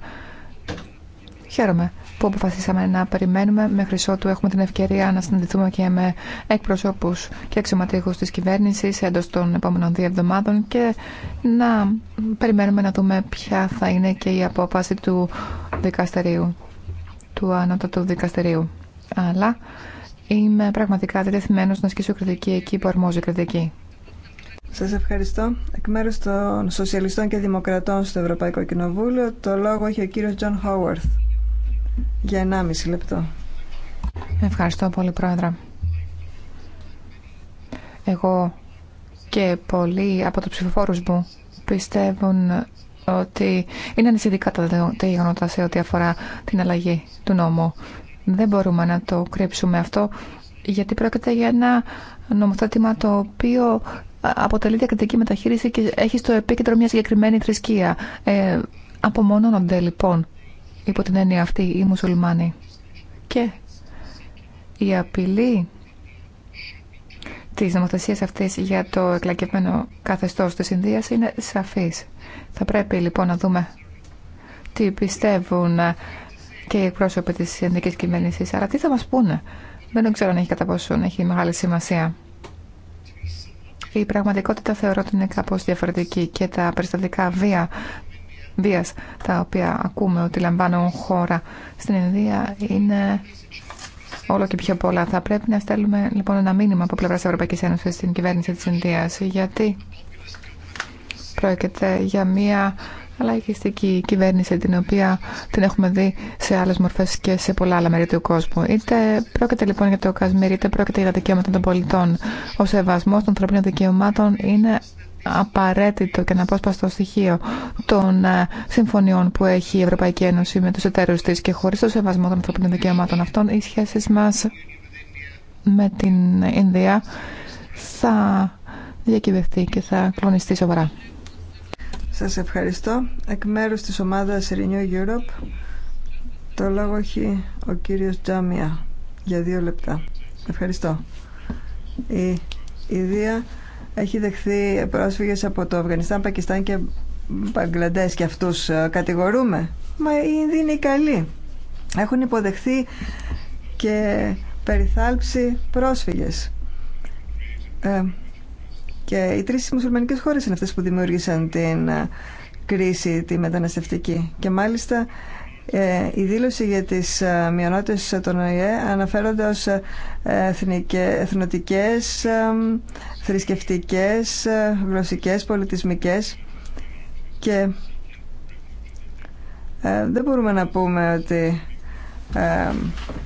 Χαίρομαι που αποφασίσαμε να περιμένουμε μέχρι ότου έχουμε την ευκαιρία να συναντηθούμε και με εκπροσώπου και αξιωματικού τη κυβέρνηση εντό των επόμενων δύο εβδομάδων και να περιμένουμε να δούμε ποια θα είναι και η απόφαση του δικαστηρίου, του ανώτατου δικαστηρίου. Αλλά είμαι πραγματικά διτεθειμένος να ασκήσω κριτική εκεί που αρμόζει κριτική. Σας ευχαριστώ. Εκ μέρους των Σοσιαλιστών και Δημοκρατών στο Ευρωπαϊκό Κοινοβούλιο, το λόγο έχει ο κύριος Τζον Χόουαρθ για 1,5 λεπτό. Ευχαριστώ πολύ, Πρόεδρε. Εγώ και πολλοί από τους ψηφοφόρους μου πιστεύουν ότι είναι ανησυχητικά τα γεγονότα σε ό,τι αφορά την αλλαγή του νόμου. Δεν μπορούμε να το κρύψουμε αυτό, γιατί πρόκειται για ένα νομοθέτημα το οποίο αποτελεί διακριτική μεταχείριση και έχει στο επίκεντρο μια συγκεκριμένη θρησκεία. Ε, απομονώνονται λοιπόν υπό την έννοια αυτή οι μουσουλμάνοι. Και η απειλή της νομοθεσίας αυτής για το εκλακευμένο καθεστώς της Ινδίας είναι σαφής. Θα πρέπει λοιπόν να δούμε τι πιστεύουν και οι εκπρόσωποι της Ινδικής Κυβέρνησης. Αλλά τι θα μας πούνε. Δεν ξέρω αν έχει κατά πόσο έχει μεγάλη σημασία η πραγματικότητα θεωρώ ότι είναι κάπως διαφορετική και τα περιστατικά βία βίας τα οποία ακούμε ότι λαμβάνουν χώρα στην Ινδία είναι όλο και πιο πολλά. Θα πρέπει να στέλνουμε λοιπόν ένα μήνυμα από πλευρά Ευρωπαϊκή Ένωση στην κυβέρνηση τη Ινδία, γιατί πρόκειται για μια αλλά η χειριστική κυβέρνηση την οποία την έχουμε δει σε άλλες μορφές και σε πολλά άλλα μέρη του κόσμου. Είτε πρόκειται λοιπόν για το Κασμίρι, είτε πρόκειται για τα δικαιώματα των πολιτών. Ο σεβασμός των ανθρωπίνων δικαιωμάτων είναι απαραίτητο και αναπόσπαστο στοιχείο των ε, συμφωνιών που έχει η Ευρωπαϊκή Ένωση με τους εταίρους της και χωρίς το σεβασμό των ανθρωπίνων δικαιωμάτων αυτών οι σχέσεις μας με την Ινδία θα διακυβευτεί και θα κλονιστεί σοβαρά. Σας ευχαριστώ. Εκ μέρους της ομάδας Renew Europe το λόγο έχει ο κύριος Τζάμια για δύο λεπτά. Ευχαριστώ. Η Ιδία έχει δεχθεί πρόσφυγες από το Αφγανιστάν, Πακιστάν και Μπαγκλαντές και αυτούς ε, κατηγορούμε. Μα η Ινδοί είναι η καλοί. Έχουν υποδεχθεί και περιθάλψει πρόσφυγες. Ε, και οι τρεις μουσουλμανικές χώρες είναι αυτές που δημιούργησαν την ε, κρίση τη μεταναστευτική. Και μάλιστα ε, η δήλωση για τις ε, μειονότητες των ΟΗΕ αναφέρονται ως εθνοτικές, θρησκευτικές, γλωσσικές, πολιτισμικές και δεν μπορούμε να πούμε ότι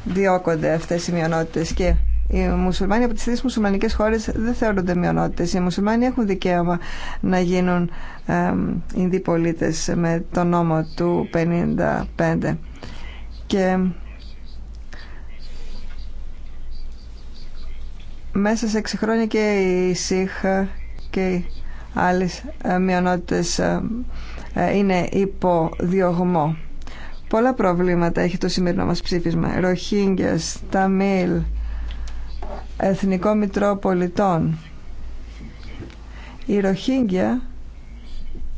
διώκονται αυτές οι μειονότητες και οι μουσουλμάνοι από τις τρεις μουσουλμανικές χώρες δεν θεωρούνται μειονότητες. Οι μουσουλμάνοι έχουν δικαίωμα να γίνουν ε, με το νόμο του 55. Και μέσα σε 6 χρόνια και η ΣΥΧ και οι άλλες ε, μειονότητες ε, ε, είναι υπό διωγμό. Πολλά προβλήματα έχει το σημερινό μας ψήφισμα. Ροχίνγκες, Ταμίλ, Εθνικό Μητρό Πολιτών. Η Ροχίνγκια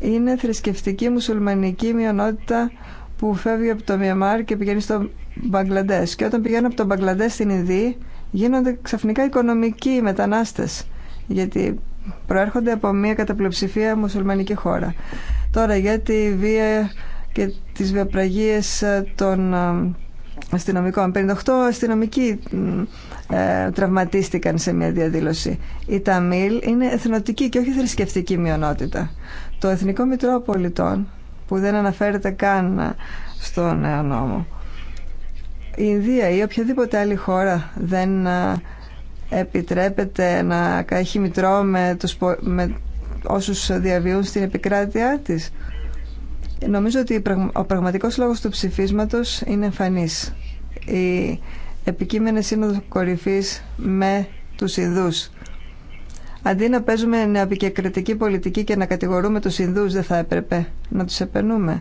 είναι θρησκευτική μουσουλμανική μειονότητα που φεύγει από το Μιαμάρ και πηγαίνει στο Μπαγκλαντές. Και όταν πηγαίνουν από το Μπαγκλαντές στην Ινδία γίνονται ξαφνικά οικονομικοί μετανάστες γιατί προέρχονται από μια καταπλειοψηφία μουσουλμανική χώρα. Τώρα για τη βία και τις βιοπραγίες των 58 αστυνομικοί ε, τραυματίστηκαν σε μια διαδήλωση. Η Ταμίλ είναι εθνοτική και όχι θρησκευτική μειονότητα. Το Εθνικό Μητρό Πολιτών, που δεν αναφέρεται καν στον νέο νόμο, η Ινδία ή οποιαδήποτε άλλη χώρα δεν ε, επιτρέπεται να έχει μητρό με, τους, με όσους διαβιούν στην επικράτειά της. Νομίζω ότι ο πραγματικός λόγος του ψηφίσματος είναι εμφανής. Η επικείμενη σύνοδο κορυφής με τους Ινδούς. Αντί να παίζουμε νεαπικιακριτική πολιτική και να κατηγορούμε τους Ινδούς, δεν θα έπρεπε να τους επενούμε.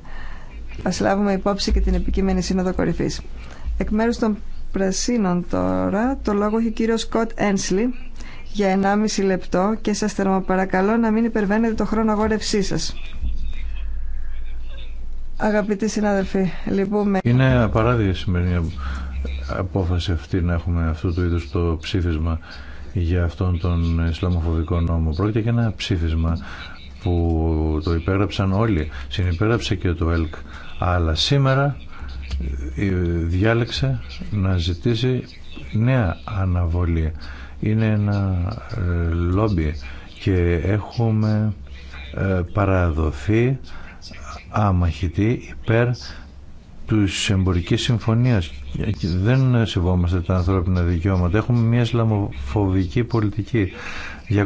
Α λάβουμε υπόψη και την επικείμενη σύνοδο κορυφής. Εκ μέρους των Πρασίνων τώρα, το λόγο έχει ο κύριος Σκοτ Ένσλι για 1,5 λεπτό και σας θερμοπαρακαλώ να μην υπερβαίνετε το χρόνο αγόρευσή σας. Αγαπητοί συνάδελφοι, λυπούμε. Είναι απαράδειγη η σημερινή απόφαση αυτή να έχουμε αυτού του είδους το ψήφισμα για αυτόν τον Ισλαμοφοβικό νόμο. Πρόκειται για ένα ψήφισμα που το υπέγραψαν όλοι. Συνυπέγραψε και το ΕΛΚ. Αλλά σήμερα ε, διάλεξε να ζητήσει νέα αναβολή. Είναι ένα ε, λόμπι και έχουμε ε, παραδοθεί αμαχητή υπέρ της εμπορική συμφωνία. Δεν σεβόμαστε τα ανθρώπινα δικαιώματα. Έχουμε μια Ισλαμοφοβική πολιτική.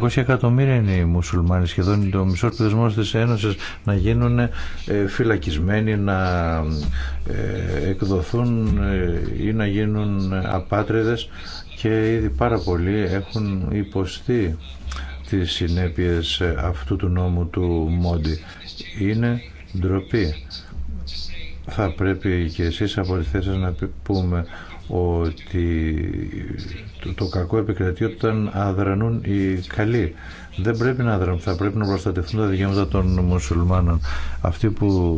200 εκατομμύρια είναι οι μουσουλμάνοι, σχεδόν το μισό πληθυσμό τη Ένωση να γίνουν ε, φυλακισμένοι, να ε, εκδοθούν ε, ή να γίνουν απάτριδες και ήδη πάρα πολλοί έχουν υποστεί τις συνέπειες αυτού του νόμου του Μόντι. Είναι ντροπή. Θα πρέπει και εσείς από τη θέση να πούμε ότι το, το κακό επικρατεί όταν αδρανούν οι καλοί. Δεν πρέπει να αδρανούν, θα πρέπει να προστατευτούν τα δικαιώματα των μουσουλμάνων. Αυτοί που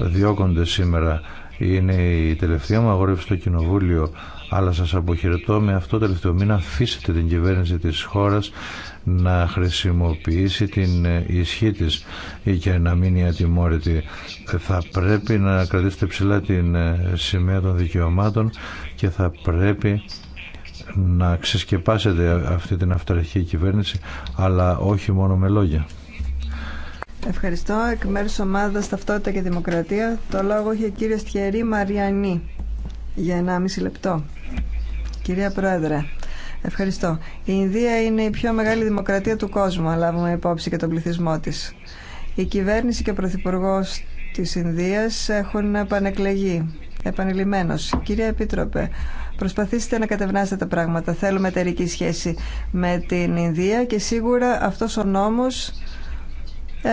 διώκονται σήμερα είναι η τελευταία μου αγόρευση στο Κοινοβούλιο, αλλά σας αποχαιρετώ με αυτό το τελευταίο μήνα αφήσετε την κυβέρνηση της χώρας να χρησιμοποιήσει την ισχύ της και να μείνει ατιμόρυτη. Θα πρέπει να κρατήσετε ψηλά την σημαία των δικαιωμάτων και θα πρέπει να ξεσκεπάσετε αυτή την αυταρχική κυβέρνηση, αλλά όχι μόνο με λόγια. Ευχαριστώ. Εκ μέρους ομάδας Ταυτότητα και Δημοκρατία, το λόγο έχει ο κύριος Τιερή Μαριανή για 1,5 λεπτό. Κυρία Πρόεδρε, Ευχαριστώ. Η Ινδία είναι η πιο μεγάλη δημοκρατία του κόσμου, αν λάβουμε υπόψη και τον πληθυσμό τη. Η κυβέρνηση και ο πρωθυπουργό τη Ινδία έχουν επανεκλεγεί επανειλημμένω. Κυρία Επίτροπε, προσπαθήστε να κατευνάσετε τα πράγματα. Θέλουμε εταιρική σχέση με την Ινδία και σίγουρα αυτό ο νόμο ε,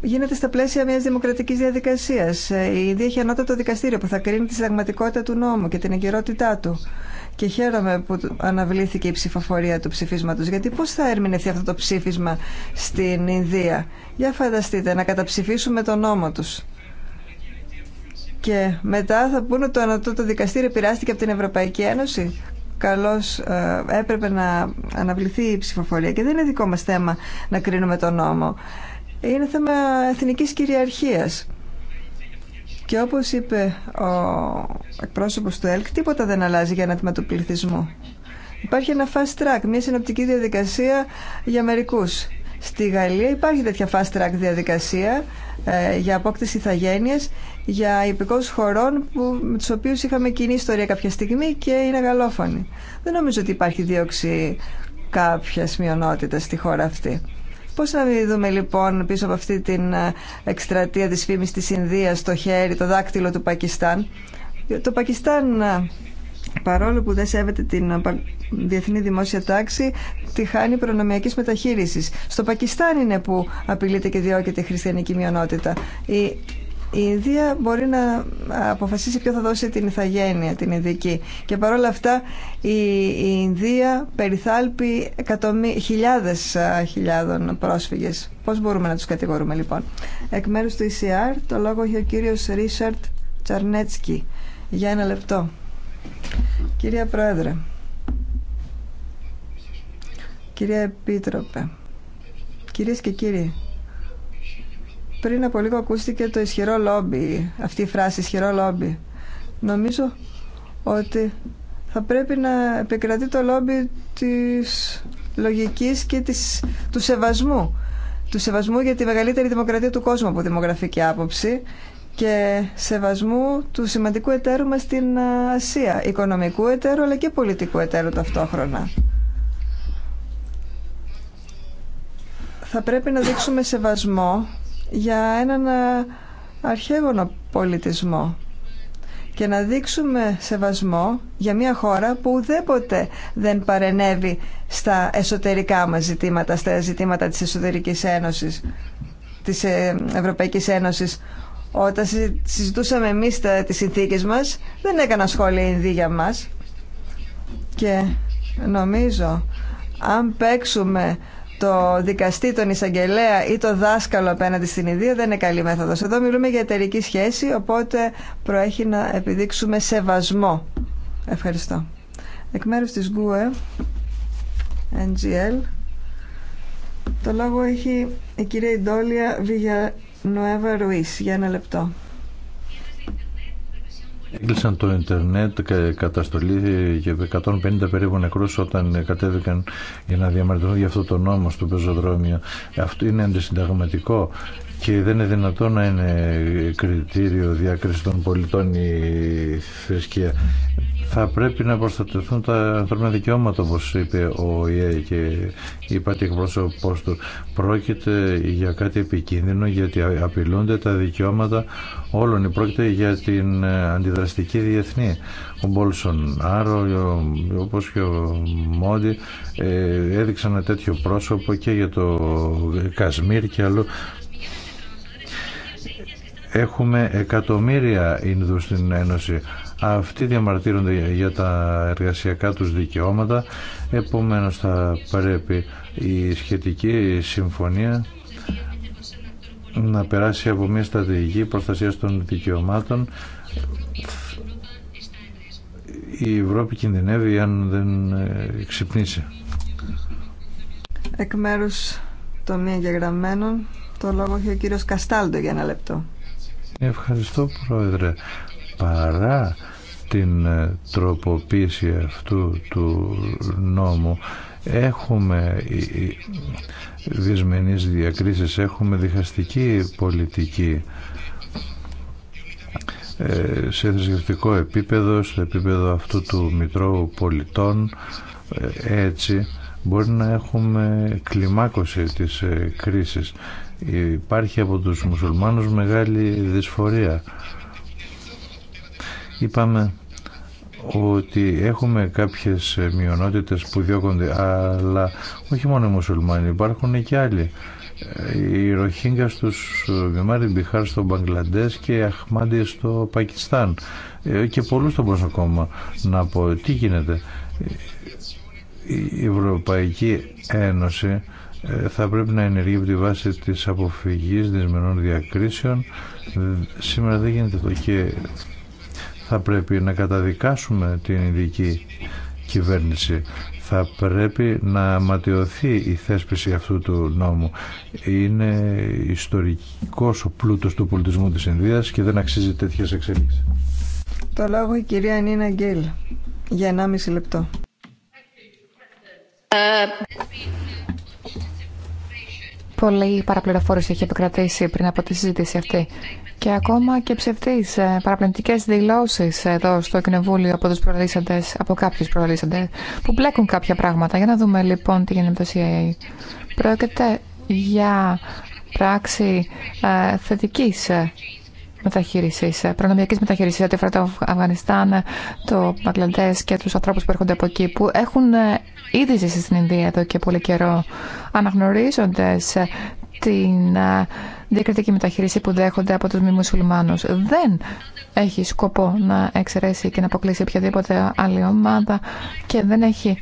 γίνεται στα πλαίσια μια δημοκρατική διαδικασία. Η Ινδία έχει ανώτατο δικαστήριο που θα κρίνει τη συνταγματικότητα του νόμου και την εγκυρότητά του και χαίρομαι που αναβλήθηκε η ψηφοφορία του ψηφίσματο, γιατί πώς θα ερμηνευτεί αυτό το ψήφισμα στην Ινδία για φανταστείτε να καταψηφίσουμε τον νόμο τους και μετά θα πούνε το Δικαστήριο πειράστηκε από την Ευρωπαϊκή Ένωση Καλώ ε, έπρεπε να αναβληθεί η ψηφοφορία και δεν είναι δικό μας θέμα να κρίνουμε τον νόμο είναι θέμα εθνική κυριαρχία. Και όπως είπε ο εκπρόσωπο του ΕΛΚ, τίποτα δεν αλλάζει για ένα τμήμα του πληθυσμού. Υπάρχει ένα fast track, μια συνοπτική διαδικασία για μερικούς. Στη Γαλλία υπάρχει τέτοια fast track διαδικασία ε, για απόκτηση ηθαγένειας για υπηκόους χωρών που, με τους οποίους είχαμε κοινή ιστορία κάποια στιγμή και είναι γαλλόφωνοι. Δεν νομίζω ότι υπάρχει δίωξη κάποιας μειονότητας στη χώρα αυτή. Πώς να δούμε λοιπόν πίσω από αυτή την ε, εκστρατεία της φήμης της Ινδίας το χέρι, το δάκτυλο του Πακιστάν. Το Πακιστάν ε, παρόλο που δεν σέβεται την ε, διεθνή δημόσια τάξη, τη χάνει προνομιακής μεταχείρισης. Στο Πακιστάν είναι που απειλείται και διώκεται η χριστιανική μειονότητα η Ινδία μπορεί να αποφασίσει ποιο θα δώσει την ηθαγένεια, την ειδική. Και παρόλα αυτά η, Ινδία περιθάλπει εκατομί... χιλιάδες χιλιάδων πρόσφυγες. Πώς μπορούμε να τους κατηγορούμε λοιπόν. Εκ μέρους του ECR το λόγο έχει ο κύριος Ρίσαρτ Τσαρνέτσκι. Για ένα λεπτό. Κυρία Πρόεδρε. Κυρία Επίτροπε. Κυρίες και κύριοι. Πριν από λίγο ακούστηκε το ισχυρό λόμπι, αυτή η φράση ισχυρό λόμπι. Νομίζω ότι θα πρέπει να επικρατεί το λόμπι της λογικής και της, του σεβασμού. Του σεβασμού για τη μεγαλύτερη δημοκρατία του κόσμου από δημογραφική άποψη και σεβασμού του σημαντικού εταίρου μας στην ε, Ασία, οικονομικού εταίρου αλλά και πολιτικού εταίρου ταυτόχρονα. Θα πρέπει να δείξουμε σεβασμό για έναν ε, αρχαίγωνο πολιτισμό και να δείξουμε σεβασμό για μια χώρα που ουδέποτε δεν παρενέβη στα εσωτερικά μας ζητήματα, στα ζητήματα της Εσωτερικής Ένωσης, της ε, Ευρωπαϊκής Ένωσης. Όταν συζητούσαμε εμείς τα, τις συνθήκες μας, δεν έκανα σχόλια Ινδί για μας. Και νομίζω, αν παίξουμε το δικαστή, τον εισαγγελέα ή το δάσκαλο απέναντι στην ιδία δεν είναι καλή μέθοδος. Εδώ μιλούμε για εταιρική σχέση, οπότε προέχει να επιδείξουμε σεβασμό. Ευχαριστώ. Εκ μέρους της ΓΚΟΕ, NGL, το λόγο έχει η κυρία Ιντόλια Βιγιανοέβα Ρουίς. Για ένα λεπτό. Έκλεισαν το ίντερνετ, καταστολή και 150 περίπου νεκρού όταν κατέβηκαν για να διαμαρτυρούν για αυτό το νόμο στο πεζοδρόμιο. Αυτό είναι αντισυνταγματικό και δεν είναι δυνατόν να είναι κριτήριο διάκριση των πολιτών η θρησκεία. Θα πρέπει να προστατευτούν τα ανθρώπινα δικαιώματα, όπω είπε ο ΙΕ και είπα την εκπρόσωπό του. Πρόκειται για κάτι επικίνδυνο, γιατί απειλούνται τα δικαιώματα όλων. Πρόκειται για την αντιδραστική διεθνή. Ο Άρο όπω και ο Μόντι, ε, έδειξαν ένα τέτοιο πρόσωπο και για το Κασμίρ και αλλού. Έχουμε εκατομμύρια Ινδού στην Ένωση. Αυτοί διαμαρτύρονται για τα εργασιακά τους δικαιώματα. Επομένως θα πρέπει η σχετική συμφωνία να περάσει από μια στρατηγική προστασία των δικαιωμάτων. Η Ευρώπη κινδυνεύει αν δεν ε, ξυπνήσει. Εκ μέρους των το λόγο έχει ο κύριος Καστάλντο για ένα λεπτό. Ευχαριστώ Πρόεδρε. Παρά την ε, τροποποίηση αυτού του νόμου έχουμε δυσμενείς διακρίσεις, έχουμε διχαστική πολιτική ε, σε θρησκευτικό επίπεδο, στο επίπεδο αυτού του Μητρώου Πολιτών ε, έτσι μπορεί να έχουμε κλιμάκωση της κρίσης Υπάρχει από τους μουσουλμάνους μεγάλη δυσφορία. Είπαμε ότι έχουμε κάποιες μειονότητες που διώκονται, αλλά όχι μόνο οι μουσουλμάνοι, υπάρχουν και άλλοι. οι Ροχίνγκα στους Μιμάρι Μπιχάρ στο Μπαγκλαντές και οι Αχμάντι στο Πακιστάν ε, και πολλούς το ακόμα να πω τι γίνεται. Η Ευρωπαϊκή Ένωση ε, θα πρέπει να ενεργεί από τη βάση της αποφυγής δυσμενών διακρίσεων. Σήμερα δεν γίνεται αυτό και θα πρέπει να καταδικάσουμε την ειδική κυβέρνηση. Θα πρέπει να ματαιωθεί η θέσπιση αυτού του νόμου. Είναι ιστορικό ο πλούτος του πολιτισμού της Ινδίας και δεν αξίζει τέτοιες εξέλιξεις. Το λόγο η κυρία Νίνα Γκέλ για 1,5 λεπτό. Ε, Πολλή παραπληροφόρηση έχει επικρατήσει πριν από τη συζήτηση αυτή. Και ακόμα και ψευδεί ε, παραπλανητικέ δηλώσει εδώ στο Κοινοβούλιο από του προορίσαντε, από κάποιου προορίσαντε, που μπλέκουν κάποια πράγματα. Για να δούμε λοιπόν τι γίνεται με το CIA. Πρόκειται για πράξη ε, θετικής ε, μεταχείριση, προνομιακή μεταχείριση, ό,τι αφορά το Αφγανιστάν, το Μπαγκλαντέ και του ανθρώπου που έρχονται από εκεί, που έχουν ε, ήδη ζήσει στην Ινδία εδώ και πολύ καιρό, αναγνωρίζοντα ε, την ε, διακριτική μεταχείριση που δέχονται από τους μη μουσουλμάνους. Δεν έχει σκοπό να εξαιρέσει και να αποκλείσει οποιαδήποτε άλλη ομάδα και δεν έχει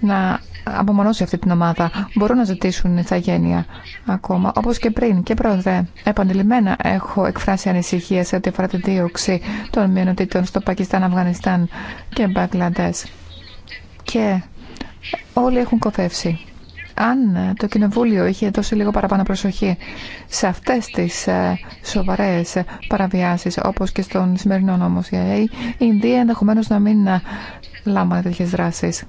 να απομονώσει αυτή την ομάδα. Μπορούν να ζητήσουν ηθαγένεια ακόμα, όπως και πριν. Και πρόεδρε, επανειλημμένα έχω εκφράσει ανησυχία σε ό,τι αφορά τη δίωξη των μειονοτήτων στο Πακιστάν, Αφγανιστάν και Μπαγκλαντές. Και όλοι έχουν κοφεύσει. Αν το Κοινοβούλιο είχε δώσει λίγο παραπάνω προσοχή σε αυτές τις ε, σοβαρές παραβιάσεις, όπως και στον σημερινό νόμο CIA, η Ινδία ενδεχομένως να μην ε, λάμβανε τέτοιες δράσεις.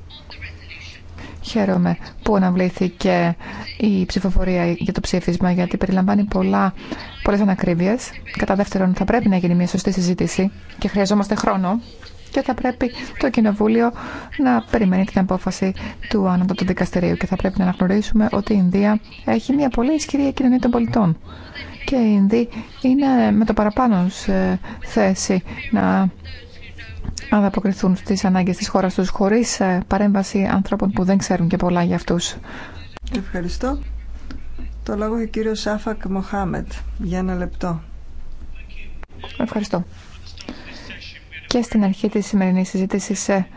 Χαίρομαι που αναβλήθηκε η ψηφοφορία για το ψήφισμα γιατί περιλαμβάνει πολλά, πολλές ανακρίβειες. Κατά δεύτερον θα πρέπει να γίνει μια σωστή συζήτηση και χρειαζόμαστε χρόνο και θα πρέπει το Κοινοβούλιο να περιμένει την απόφαση του του Δικαστηρίου και θα πρέπει να αναγνωρίσουμε ότι η Ινδία έχει μια πολύ ισχυρή κοινωνία των πολιτών και η Ινδία είναι με το παραπάνω θέση να ανταποκριθούν στις ανάγκε της χώρας τους χωρίς ε, παρέμβαση ανθρώπων που δεν ξέρουν και πολλά για αυτούς. Ευχαριστώ. Το λόγο έχει ο κύριο Σάφακ Μοχάμετ για ένα λεπτό. Ευχαριστώ. Και στην αρχή της σημερινής συζήτησης ε,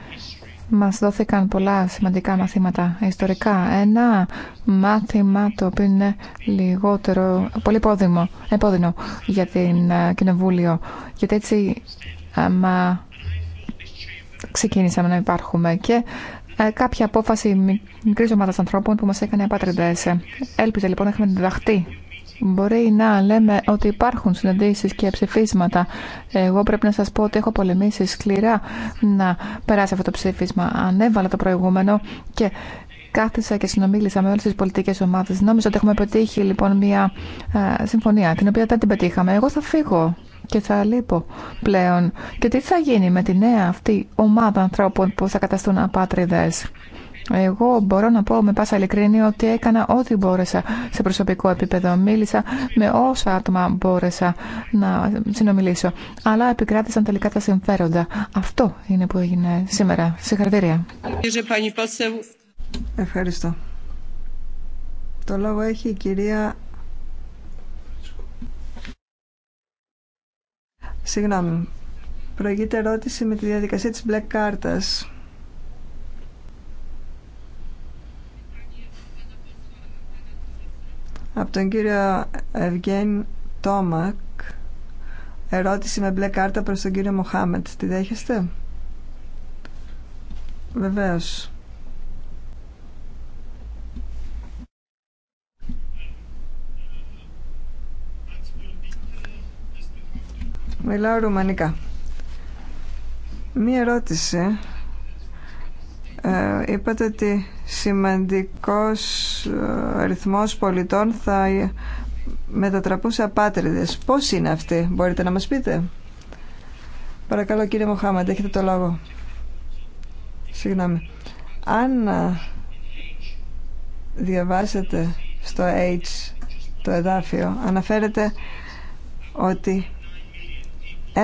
μας δόθηκαν πολλά σημαντικά μαθήματα ιστορικά. Ένα μάθημα το οποίο είναι λιγότερο, πολύ επώδυνο για την ε, Κοινοβούλιο. Γιατί έτσι μα ξεκίνησαμε να υπάρχουμε και ε, κάποια απόφαση μικρή ομάδα ανθρώπων που μα έκανε απάτριδε. Έλπιζα λοιπόν να έχουμε διδαχτεί. Μπορεί να λέμε ότι υπάρχουν συναντήσει και ψηφίσματα. Εγώ πρέπει να σα πω ότι έχω πολεμήσει σκληρά να περάσει αυτό το ψήφισμα. Ανέβαλα το προηγούμενο και κάθισα και συνομίλησα με όλε τι πολιτικέ ομάδε. Νόμιζα ότι έχουμε πετύχει λοιπόν μια ε, συμφωνία, την οποία δεν την πετύχαμε. Εγώ θα φύγω και θα λείπω πλέον. Και τι θα γίνει με τη νέα αυτή ομάδα ανθρώπων που θα καταστούν απάτριδες. Εγώ μπορώ να πω με πάσα ειλικρίνεια ότι έκανα ό,τι μπόρεσα σε προσωπικό επίπεδο. Μίλησα με όσα άτομα μπόρεσα να συνομιλήσω. Αλλά επικράτησαν τελικά τα συμφέροντα. Αυτό είναι που έγινε σήμερα. Συγχαρητήρια. Ευχαριστώ. Το λόγο έχει η κυρία Συγγνώμη. Προηγείται ερώτηση με τη διαδικασία της μπλε κάρτας. Από τον κύριο Ευγέν Τόμακ. Ερώτηση με μπλε κάρτα προς τον κύριο Μοχάμετ. Τη δέχεστε? Βεβαίως. Μιλάω ρουμανικά. Μία ερώτηση. Ε, είπατε ότι σημαντικός ε, αριθμός πολιτών θα μετατραπούσε απάτριδες. Πώς είναι αυτοί, μπορείτε να μας πείτε. Παρακαλώ κύριε Μοχάμαντ, έχετε το λόγο. Συγγνώμη. Αν ε, διαβάσετε στο H το εδάφιο, αναφέρεται ότι 1,9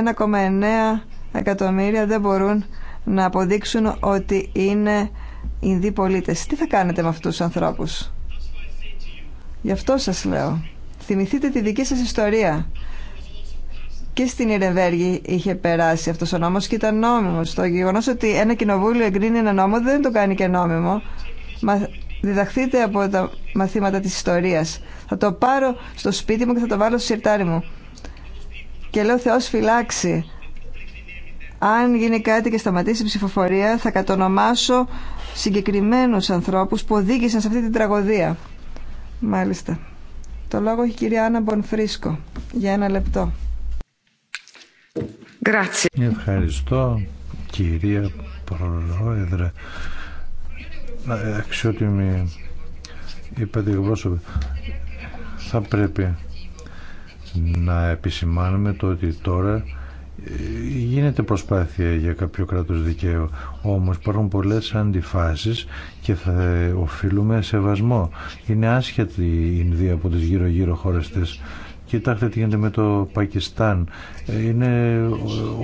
εκατομμύρια δεν μπορούν να αποδείξουν ότι είναι Ινδοί πολίτες. Τι θα κάνετε με αυτούς τους ανθρώπους. Γι' αυτό σας λέω. Θυμηθείτε τη δική σας ιστορία. Και στην Ιρεβέργη είχε περάσει αυτός ο νόμος και ήταν νόμιμος. Το γεγονός ότι ένα κοινοβούλιο εγκρίνει ένα νόμο δεν το κάνει και νόμιμο. Μα διδαχθείτε από τα μαθήματα της ιστορίας. Θα το πάρω στο σπίτι μου και θα το βάλω στο σιρτάρι μου. Και λέω Θεός φυλάξει. Αν γίνει κάτι και σταματήσει η ψηφοφορία θα κατονομάσω συγκεκριμένους ανθρώπους που οδήγησαν σε αυτή την τραγωδία. Μάλιστα. Το λόγο έχει η κυρία Άννα Μπονφρίσκο. Για ένα λεπτό. Ευχαριστώ κυρία Πρόεδρε. Αξιότιμη είπατε εκπρόσωπε. Θα πρέπει να επισημάνουμε το ότι τώρα ε, γίνεται προσπάθεια για κάποιο κράτος δικαίου όμως υπάρχουν πολλές αντιφάσεις και θα οφείλουμε σεβασμό είναι άσχετη η Ινδία από τις γύρω γύρω χώρες της Κοιτάξτε τι γίνεται με το Πακιστάν. Είναι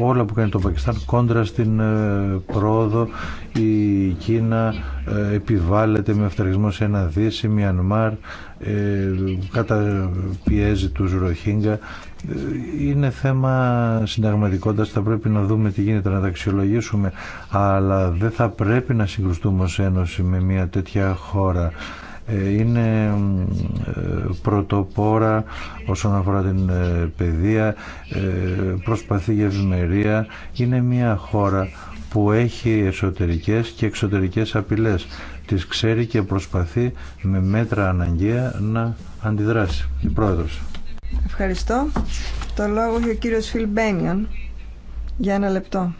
όλα που κάνει το Πακιστάν κόντρα στην ε, πρόοδο. Η Κίνα ε, επιβάλλεται με αυταρισμό σε ένα δύση, Μιανμάρ, ε, καταπιέζει τους Ροχίνγκα. Είναι θέμα συνταγματικότητας, θα πρέπει να δούμε τι γίνεται, να τα αξιολογήσουμε, αλλά δεν θα πρέπει να συγκρουστούμε ως Ένωση με μια τέτοια χώρα είναι ε, πρωτοπόρα όσον αφορά την ε, παιδεία, ε, προσπαθεί για ευημερία. Είναι μια χώρα που έχει εσωτερικές και εξωτερικές απειλές. Τις ξέρει και προσπαθεί με μέτρα αναγκαία να αντιδράσει. Η Πρόεδρος. Ευχαριστώ. Το λόγο έχει ο κύριος Φιλμπένιον. Για ένα λεπτό.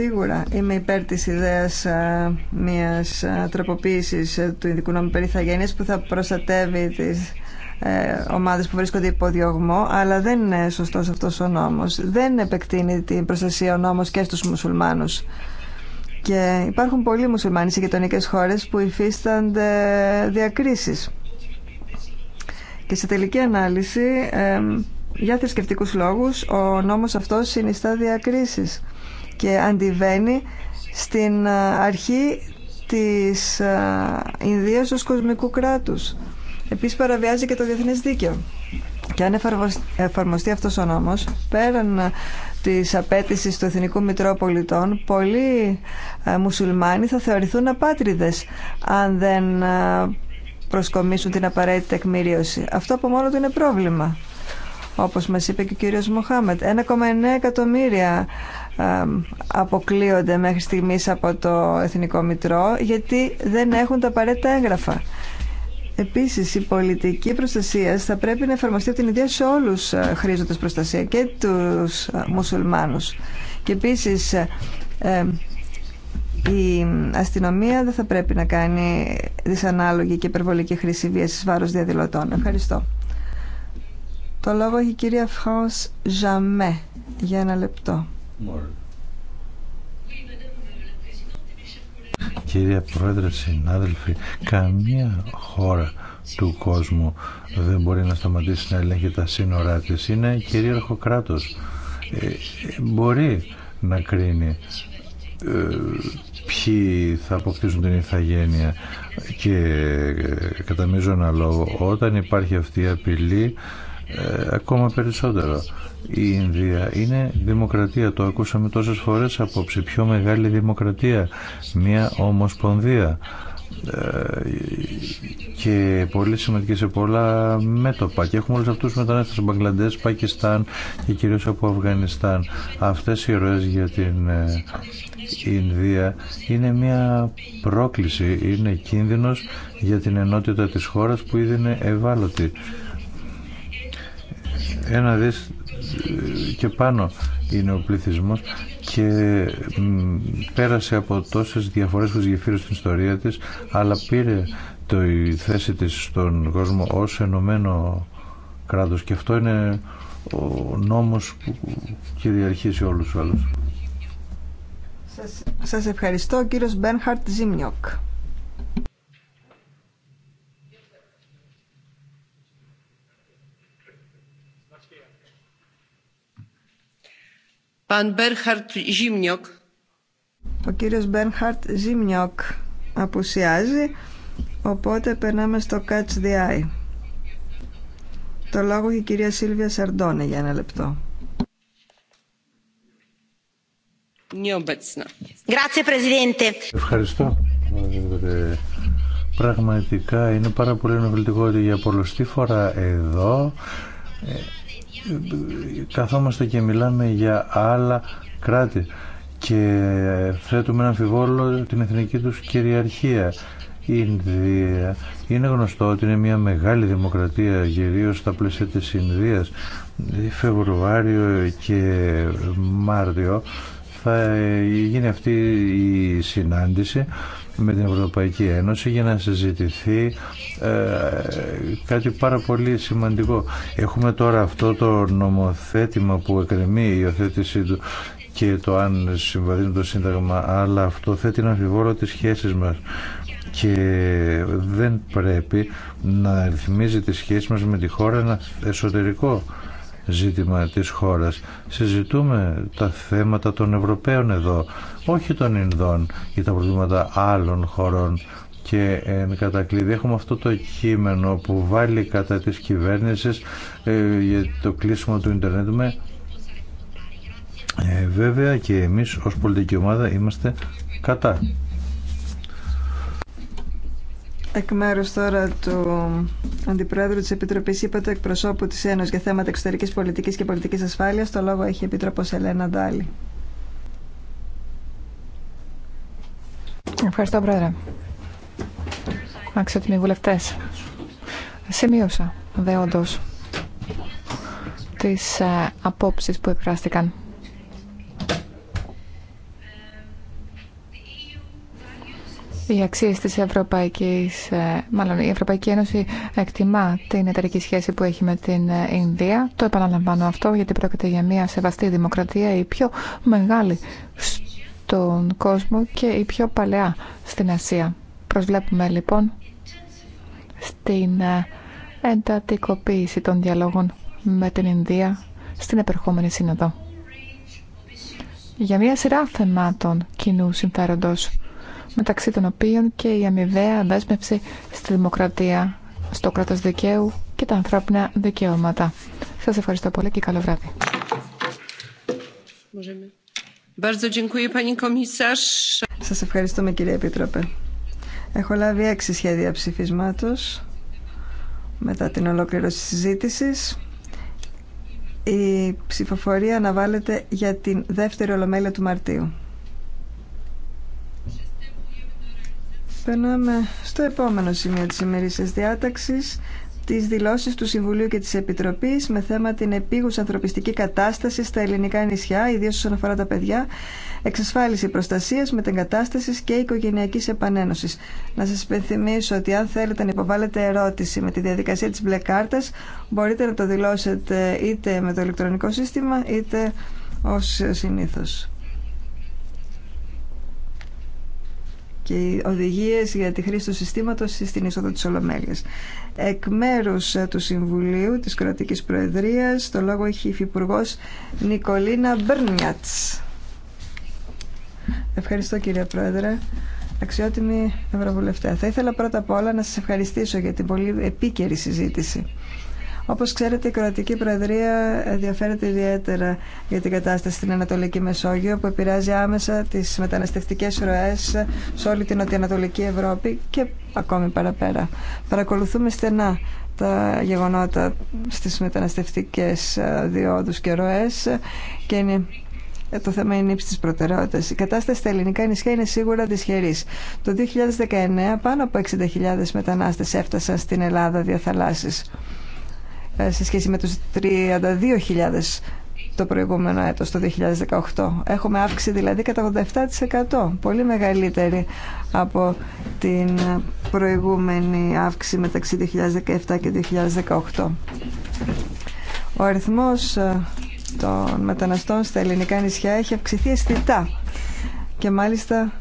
Σίγουρα είμαι υπέρ της ιδέας μιας τροποποίησης ε, του ειδικού νόμου που θα προστατεύει τις ε, ομάδες που βρίσκονται υπό διωγμό, αλλά δεν είναι σωστός αυτός ο νόμος. Δεν επεκτείνει την προστασία ο νόμος και στους μουσουλμάνους. Και υπάρχουν πολλοί μουσουλμάνοι σε γειτονικέ χώρες που υφίστανται διακρίσεις. Και σε τελική ανάλυση, για θρησκευτικού λόγους, ο νόμος αυτός συνιστά διακρίσεις και αντιβαίνει στην ε, αρχή της ε, Ινδίας ως κοσμικού κράτους. Επίσης παραβιάζει και το διεθνές δίκαιο. Και αν εφαρμοστεί αυτός ο νόμος, πέραν ε, της απέτησης του Εθνικού Μητρώου Πολιτών, πολλοί μουσουλμάνοι θα θεωρηθούν απάτριδες αν δεν προσκομίσουν την απαραίτητη τεκμηρίωση. Αυτό από μόνο του είναι πρόβλημα. Όπως μας είπε και ο κύριος Μοχάμετ, 1,9 εκατομμύρια αποκλείονται μέχρι στιγμής από το Εθνικό Μητρό γιατί δεν έχουν τα απαραίτητα έγγραφα. Επίσης, η πολιτική προστασία θα πρέπει να εφαρμοστεί από την ιδέα σε όλους ε, χρήζοντες προστασία και τους ε, μουσουλμάνους. Και επίσης, ε, η αστυνομία δεν θα πρέπει να κάνει δυσανάλογη και υπερβολική χρήση βίας στις διαδηλωτών. Ευχαριστώ. Το λόγο έχει η κυρία Φρανς Ζαμέ για ένα λεπτό. Κύριε Πρόεδρε, συνάδελφοι, καμία χώρα του κόσμου δεν μπορεί να σταματήσει να ελέγχει τα σύνορά της. Είναι κυρίαρχο κράτος. Ε, μπορεί να κρίνει ε, ποιοι θα αποκτήσουν την ηθαγένεια και ε, κατά μείζωνα λόγο όταν υπάρχει αυτή η απειλή ε, ακόμα περισσότερο. Η Ινδία είναι δημοκρατία, το ακούσαμε τόσες φορές απόψη, πιο μεγάλη δημοκρατία, μια ομοσπονδία ε, και πολύ σημαντική σε πολλά μέτωπα και έχουμε όλους αυτούς τους μετανάστες Μπαγκλαντές, Πακιστάν και κυρίως από Αφγανιστάν αυτές οι ροές για την ε, Ινδία είναι μια πρόκληση είναι κίνδυνος για την ενότητα της χώρας που ήδη είναι ευάλωτη ένα δις και πάνω είναι ο πληθυσμός και πέρασε από τόσες διαφορές που γεφύρου στην ιστορία της αλλά πήρε το, η θέση της στον κόσμο ως ενωμένο κράτος και αυτό είναι ο νόμος που κυριαρχεί σε όλους τους άλλους. Σας ευχαριστώ κύριος Μπένχαρτ Ζιμνιόκ. Ο κύριος Μπέρχαρτ Ζιμνιόκ απουσιάζει, οπότε περνάμε στο Catch the Eye. Το λόγο η κυρία Σίλβια Σαρντώνε για ένα λεπτό. Ναι. Ευχαριστώ. Πραγματικά είναι πάρα πολύ ενοχλητικό ότι για πολλωστή φορά εδώ ε, καθόμαστε και μιλάμε για άλλα κράτη και θέτουμε να αμφιβόλο την εθνική τους κυριαρχία. Η Ινδία είναι γνωστό ότι είναι μια μεγάλη δημοκρατία γυρίως στα πλαίσια της Ινδίας. Φεβρουάριο και Μάρτιο θα γίνει αυτή η συνάντηση με την Ευρωπαϊκή Ένωση για να συζητηθεί ε, κάτι πάρα πολύ σημαντικό. Έχουμε τώρα αυτό το νομοθέτημα που εκρεμεί η υιοθέτησή του και το αν συμβαδίζει το Σύνταγμα, αλλά αυτό θέτει να αμφιβόλο τις σχέσεις μας και δεν πρέπει να ρυθμίζει τις σχέσεις μας με τη χώρα ένα εσωτερικό ζήτημα της χώρας. Συζητούμε τα θέματα των Ευρωπαίων εδώ, όχι των Ινδών ή τα προβλήματα άλλων χωρών και εν κατακλείδη έχουμε αυτό το κείμενο που βάλει κατά της κυβέρνησης ε, για το κλείσιμο του ίντερνετ με ε, βέβαια και εμείς ως πολιτική ομάδα είμαστε κατά. Εκ μέρου τώρα του Αντιπρόεδρου τη Επιτροπή, είπα το εκπροσώπου τη Ένωση για θέματα εξωτερική πολιτική και πολιτική ασφάλεια, το λόγο έχει η Επίτροπο Ελένα Ντάλη. Ευχαριστώ, Πρόεδρε. Αξιότιμοι βουλευτέ. Σημείωσα δεόντω τι ε, απόψει που εκφράστηκαν Οι αξίε τη Ευρωπαϊκή, ε, μάλλον η Ευρωπαϊκή Ένωση εκτιμά την εταιρική σχέση που έχει με την ε, Ινδία. Το επαναλαμβάνω αυτό γιατί πρόκειται για μια σεβαστή δημοκρατία, η πιο μεγάλη στον κόσμο και η πιο παλαιά στην Ασία. Προσβλέπουμε λοιπόν στην ε, εντατικοποίηση των διαλόγων με την Ινδία στην επερχόμενη σύνοδο. Για μια σειρά θεμάτων κοινού συμφέροντος μεταξύ των οποίων και η αμοιβαία δέσμευση στη δημοκρατία, στο κράτος δικαίου και τα ανθρώπινα δικαιώματα. Σας ευχαριστώ πολύ και καλό βράδυ. Σας ευχαριστούμε κύριε Επίτροπε. Έχω λάβει έξι σχέδια ψηφισμάτους μετά την ολόκληρωση της συζήτησης. Η ψηφοφορία αναβάλλεται για την δεύτερη ολομέλεια του Μαρτίου. Περνάμε στο επόμενο σημείο της ημερήσιας διάταξης, τις δηλώσεις του Συμβουλίου και της Επιτροπής με θέμα την επίγουσα ανθρωπιστική κατάσταση στα ελληνικά νησιά, ιδίως όσον αφορά τα παιδιά, εξασφάλιση προστασίας, κατάσταση και οικογενειακής επανένωσης. Να σας υπενθυμίσω ότι αν θέλετε να υποβάλλετε ερώτηση με τη διαδικασία της μπλε κάρτας, μπορείτε να το δηλώσετε είτε με το ηλεκτρονικό σύστημα είτε ως συνήθως. και οι οδηγίες για τη χρήση του συστήματος στην είσοδο της Ολομέλειας. Εκ μέρους ε, του Συμβουλίου της Κρατικής Προεδρίας, το λόγο έχει η Υφυπουργός Νικολίνα Μπέρνιατς. Ευχαριστώ κύριε Πρόεδρε. Αξιότιμη Ευρωβουλευτέ, θα ήθελα πρώτα απ' όλα να σας ευχαριστήσω για την πολύ επίκαιρη συζήτηση. Όπως ξέρετε, η Κροατική Προεδρία ενδιαφέρεται ιδιαίτερα για την κατάσταση στην Ανατολική Μεσόγειο, που επηρεάζει άμεσα τις μεταναστευτικές ροές σε όλη την Νοτιοανατολική Ευρώπη και ακόμη παραπέρα. Παρακολουθούμε στενά τα γεγονότα στις μεταναστευτικές ε, διόδους και ροές και είναι ε, το θέμα είναι ύψη τη προτεραιότητα. Η κατάσταση στα ελληνικά νησιά είναι σίγουρα δυσχερή. Το 2019 πάνω από 60.000 μετανάστε έφτασαν στην Ελλάδα δια θαλάσσης. Ε, σε σχέση με τους 32.000 το προηγούμενο έτος, το 2018. Έχουμε αύξηση δηλαδή κατά 87%, πολύ μεγαλύτερη από την προηγούμενη αύξηση μεταξύ 2017 και 2018. Ο αριθμός ε, των μεταναστών στα ελληνικά νησιά έχει αυξηθεί αισθητά και μάλιστα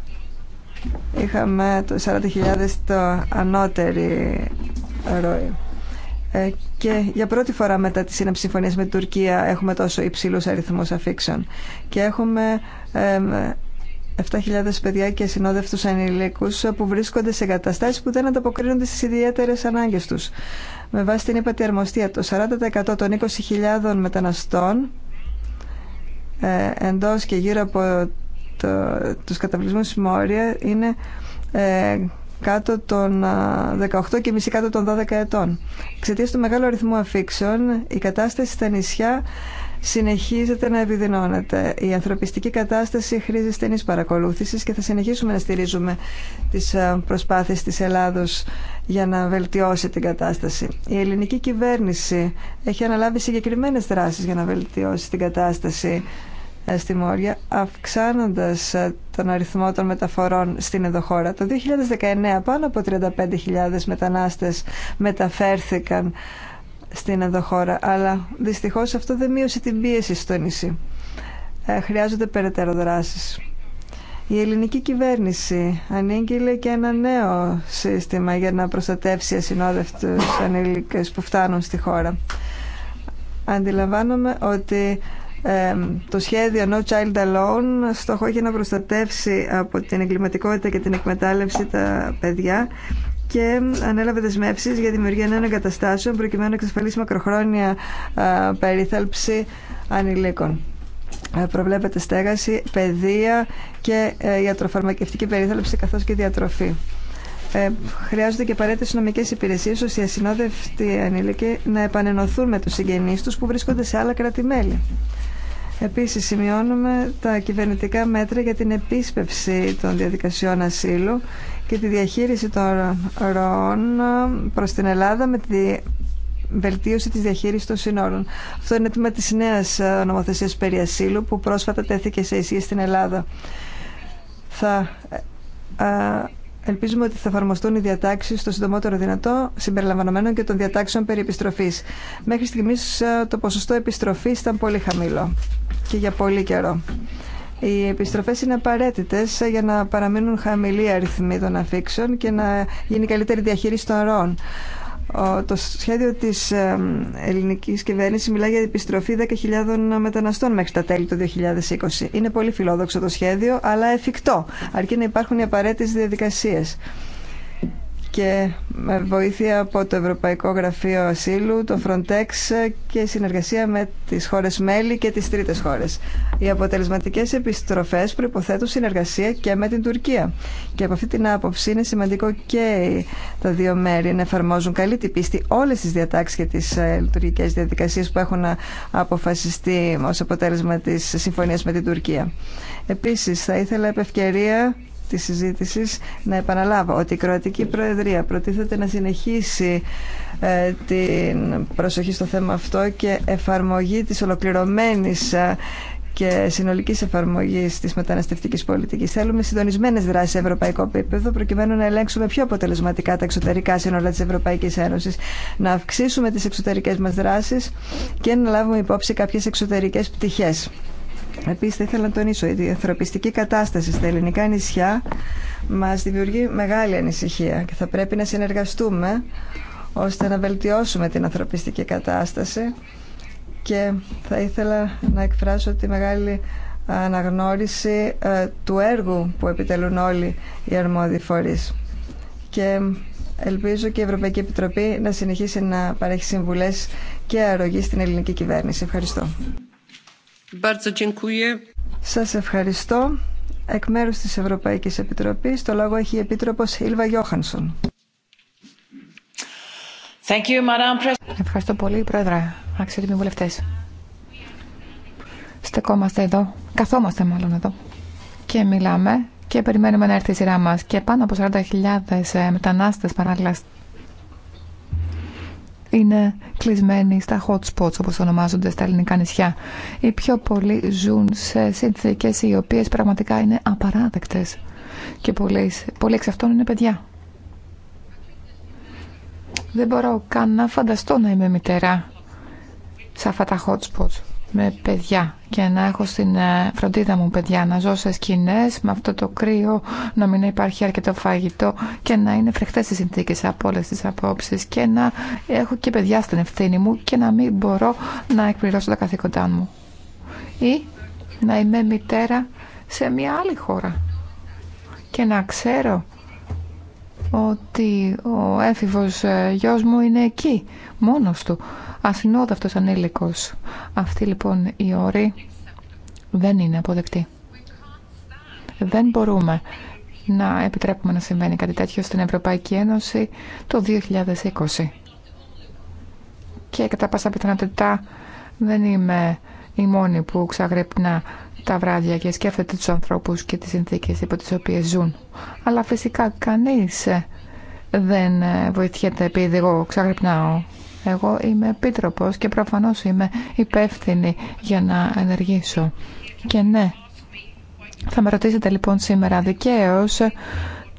είχαμε το 40.000 το ανώτερη ροή. Ε, και για πρώτη φορά μετά τη σύναψη με την Τουρκία έχουμε τόσο υψηλού αριθμούς αφήξεων και έχουμε 7.000 παιδιά και συνόδευτους ανηλικου που βρίσκονται σε εγκαταστάσει που δεν ανταποκρίνονται στι ιδιαίτερε ανάγκε του. Με βάση την είπα αρμοστία, το 40% των 20.000 μεταναστών ε, εντό και γύρω από το, τους καταβλισμούς Μόρια είναι ε, κάτω των 18 και μισή κάτω των 12 ετών. Εξαιτία του μεγάλου αριθμού αφήξεων, η κατάσταση στα νησιά συνεχίζεται να επιδεινώνεται. Η ανθρωπιστική κατάσταση χρήζει στενής παρακολούθησης και θα συνεχίσουμε να στηρίζουμε τις προσπάθειες της Ελλάδος για να βελτιώσει την κατάσταση. Η ελληνική κυβέρνηση έχει αναλάβει συγκεκριμένες δράσεις για να βελτιώσει την κατάσταση ε, στη Μόρια, αυξάνοντας ε, τον αριθμό των μεταφορών στην Εδωχώρα. Το 2019 πάνω από 35.000 μετανάστες μεταφέρθηκαν στην Εδωχώρα, αλλά δυστυχώς αυτό δεν μείωσε την πίεση στο νησί. Ε, χρειάζονται περαιτέρω δράσεις. Η ελληνική κυβέρνηση ανήγγειλε και ένα νέο σύστημα για να προστατεύσει ασυνόδευτους ανήλικες που φτάνουν στη χώρα. Αντιλαμβάνομαι ότι το σχέδιο No Child Alone στόχο έχει να προστατεύσει από την εγκληματικότητα και την εκμετάλλευση τα παιδιά και ανέλαβε δεσμεύσει για δημιουργία νέων εγκαταστάσεων προκειμένου να εξασφαλίσει μακροχρόνια περίθαλψη ανηλίκων. Ε, προβλέπεται στέγαση, παιδεία και ε, ιατροφαρμακευτική περίθαλψη καθώς και διατροφή. Ε, χρειάζονται και απαραίτητε νομικέ υπηρεσίε ώστε οι ασυνόδευτοι ανήλικοι να επανενωθούν με του συγγενεί του που βρίσκονται σε άλλα κράτη-μέλη. Επίσης σημειώνουμε τα κυβερνητικά μέτρα για την επίσπευση των διαδικασιών ασύλου και τη διαχείριση των ροών προς την Ελλάδα με τη βελτίωση της διαχείρισης των συνόρων. Αυτό είναι τμήμα της νέας ε, νομοθεσίας περί ασύλου που πρόσφατα τέθηκε σε ισχύ στην Ελλάδα. Θα ε, ε, Ελπίζουμε ότι θα εφαρμοστούν οι διατάξεις στο συντομότερο δυνατό, συμπεριλαμβανομένων και των διατάξεων περί επιστροφής. Μέχρι στιγμής το ποσοστό επιστροφή ήταν πολύ χαμηλό και για πολύ καιρό. Οι επιστροφές είναι απαραίτητες για να παραμείνουν χαμηλοί αριθμοί των αφήξεων και να γίνει καλύτερη διαχείριση των ροών. Το σχέδιο της ελληνικής κυβέρνησης μιλά για επιστροφή 10.000 μεταναστών μέχρι τα τέλη του 2020. Είναι πολύ φιλόδοξο το σχέδιο, αλλά εφικτό, αρκεί να υπάρχουν οι απαραίτητες διαδικασίες και βοήθεια από το Ευρωπαϊκό Γραφείο Ασύλου, το Frontex και συνεργασία με τις χώρες μέλη και τις τρίτες χώρες. Οι αποτελεσματικές επιστροφές προϋποθέτουν συνεργασία και με την Τουρκία. Και από αυτή την άποψη είναι σημαντικό και τα δύο μέρη να εφαρμόζουν καλή την πίστη όλες τις διατάξεις και τις ε, λειτουργικές διαδικασίες που έχουν αποφασιστεί ως αποτέλεσμα της συμφωνίας με την Τουρκία. Επίσης, θα ήθελα επευκαιρία της συζήτησης να επαναλάβω ότι η Κροατική Προεδρία προτίθεται να συνεχίσει ε, την προσοχή στο θέμα αυτό και εφαρμογή της ολοκληρωμένης ε, και συνολική εφαρμογή τη μεταναστευτική πολιτική. Θέλουμε συντονισμένε δράσει σε ευρωπαϊκό επίπεδο προκειμένου να ελέγξουμε πιο αποτελεσματικά τα εξωτερικά σύνορα τη Ευρωπαϊκή Ένωση, να αυξήσουμε τι εξωτερικέ μα δράσει και να λάβουμε υπόψη κάποιε εξωτερικέ πτυχέ. Επίσης θα ήθελα να τονίσω ότι η ανθρωπιστική κατάσταση στα ελληνικά νησιά μας δημιουργεί μεγάλη ανησυχία και θα πρέπει να συνεργαστούμε ώστε να βελτιώσουμε την ανθρωπιστική κατάσταση και θα ήθελα να εκφράσω τη μεγάλη αναγνώριση ε, του έργου που επιτελούν όλοι οι αρμόδιοι φορείς. Και ελπίζω και η Ευρωπαϊκή Επιτροπή να συνεχίσει να παρέχει συμβουλές και αρρωγή στην ελληνική κυβέρνηση. Ευχαριστώ. Σας ευχαριστώ. Εκ μέρους της Ευρωπαϊκής Επιτροπής, το λόγο έχει η Επίτροπος Ήλβα Γιώχανσον. Ευχαριστώ πολύ, Πρόεδρε. Αξιότιμοι βουλευτές. Στεκόμαστε εδώ, καθόμαστε μάλλον εδώ και μιλάμε και περιμένουμε να έρθει η σειρά μας. Και πάνω από 40.000 ε, μετανάστες παράλληλα είναι κλεισμένοι στα hot spots όπως ονομάζονται στα ελληνικά νησιά. Οι πιο πολλοί ζουν σε συνθήκες οι οποίες πραγματικά είναι απαράδεκτες και πολλοί, πολλοί εξ αυτών είναι παιδιά. Δεν μπορώ καν να φανταστώ να είμαι μητέρα σε αυτά τα hot spots με παιδιά και να έχω στην ε, φροντίδα μου παιδιά να ζω σε σκηνές με αυτό το κρύο να μην υπάρχει αρκετό φαγητό και να είναι φρεχτές οι συνθήκες από όλε τις απόψεις και να έχω και παιδιά στην ευθύνη μου και να μην μπορώ να εκπληρώσω τα καθήκοντά μου ή να είμαι μητέρα σε μια άλλη χώρα και να ξέρω ότι ο έφηβος ε, γιος μου είναι εκεί μόνος του ασυνόδευτος ανήλικος. Αυτή λοιπόν η όρη δεν είναι αποδεκτή. Δεν μπορούμε να επιτρέπουμε να συμβαίνει κάτι τέτοιο στην Ευρωπαϊκή Ένωση το 2020. Και κατά πάσα πιθανότητα δεν είμαι η μόνη που ξαγρυπνά τα βράδια και σκέφτεται τους ανθρώπους και τις συνθήκες υπό τις οποίες ζουν. Αλλά φυσικά κανείς δεν βοηθιέται επειδή εγώ ξαγρυπνάω εγώ είμαι επίτροπος και προφανώς είμαι υπεύθυνη για να ενεργήσω. Και ναι, θα με ρωτήσετε λοιπόν σήμερα δικαίω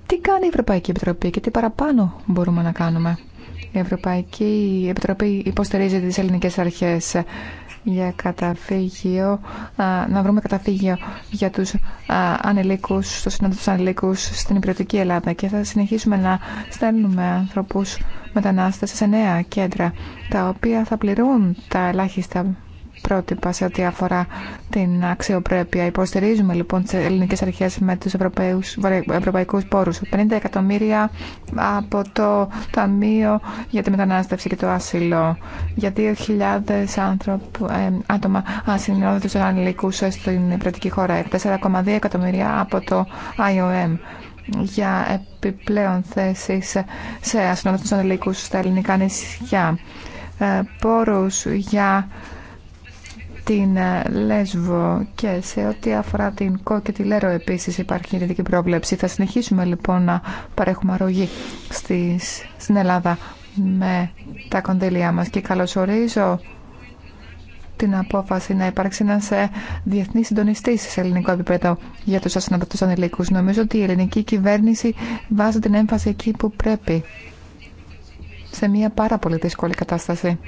τι κάνει η Ευρωπαϊκή Επιτροπή και τι παραπάνω μπορούμε να κάνουμε. Η Ευρωπαϊκή Επιτροπή υποστηρίζει τις ελληνικές αρχές για καταφύγιο, να βρούμε καταφύγιο για τους ανηλίκους, στο Σύνοδο τους Ανηλίκους στην Υπηρετική Ελλάδα και θα συνεχίσουμε να στέλνουμε ανθρώπους μετανάστες σε νέα κέντρα τα οποία θα πληρούν τα ελάχιστα πρότυπα σε ό,τι αφορά την αξιοπρέπεια. Υποστηρίζουμε λοιπόν τι ελληνικέ αρχέ με του ευρωπαϊκού πόρου. 50 εκατομμύρια από το Ταμείο για τη Μετανάστευση και το Άσυλο. Για 2.000 ε, άτομα ασυνόδευτου ανηλίκου στην πρωτική χώρα. 4,2 εκατομμύρια από το IOM για επιπλέον θέσει σε ασυνόδευτου ανηλικού στα ελληνικά νησιά, ε, πόρους για την ε, Λέσβο και σε ό,τι αφορά την ΚΟ και τη ΛΕΡΟ επίσης υπάρχει ειδική πρόβλεψη. Θα συνεχίσουμε λοιπόν να παρέχουμε αρρωγή στις, στην Ελλάδα με τα κονδύλια μας και καλωσορίζω την απόφαση να υπάρξει ένα ε, διεθνή συντονιστή σε ελληνικό επίπεδο για του ασυνοδοτού ανηλίκου. Νομίζω ότι η ελληνική κυβέρνηση βάζει την έμφαση εκεί που πρέπει. Σε μια πάρα πολύ δύσκολη κατάσταση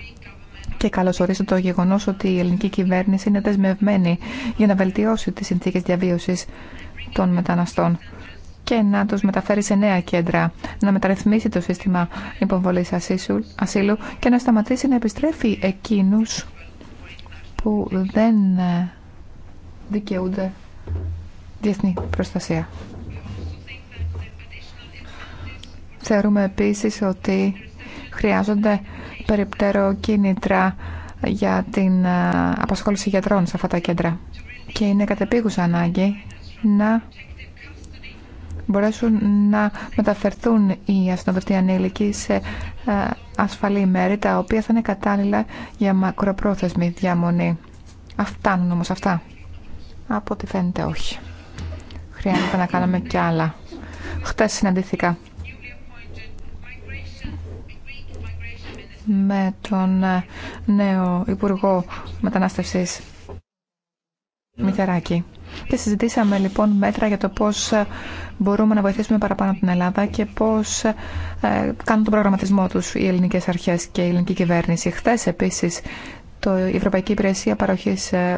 και καλωσορίζω το γεγονός ότι η ελληνική κυβέρνηση είναι δεσμευμένη για να βελτιώσει τις συνθήκες διαβίωσης των μεταναστών και να τους μεταφέρει σε νέα κέντρα, να μεταρρυθμίσει το σύστημα υποβολή ασύλου και να σταματήσει να επιστρέφει εκείνου που δεν ε, δικαιούνται διεθνή προστασία. Θεωρούμε επίσης ότι χρειάζονται περιπτέρω κίνητρα για την ε, απασχόληση γιατρών σε αυτά τα κέντρα. Και είναι κατεπίγουσα ανάγκη να μπορέσουν να μεταφερθούν οι αστυνοδευτοί ανήλικοι σε ε, ασφαλή μέρη, τα οποία θα είναι κατάλληλα για μακροπρόθεσμη διαμονή. είναι όμως αυτά. Από ό,τι φαίνεται όχι. Χρειάζεται να κάνουμε κι άλλα. Χτες συναντήθηκα με τον ε, νέο Υπουργό Μετανάστευσης Μητεράκη. Και συζητήσαμε λοιπόν μέτρα για το πώς ε, μπορούμε να βοηθήσουμε παραπάνω την Ελλάδα και πώς ε, κάνουν τον προγραμματισμό τους οι ελληνικές αρχές και η ελληνική κυβέρνηση. Χθες επίσης το, η Ευρωπαϊκή Υπηρεσία Παροχή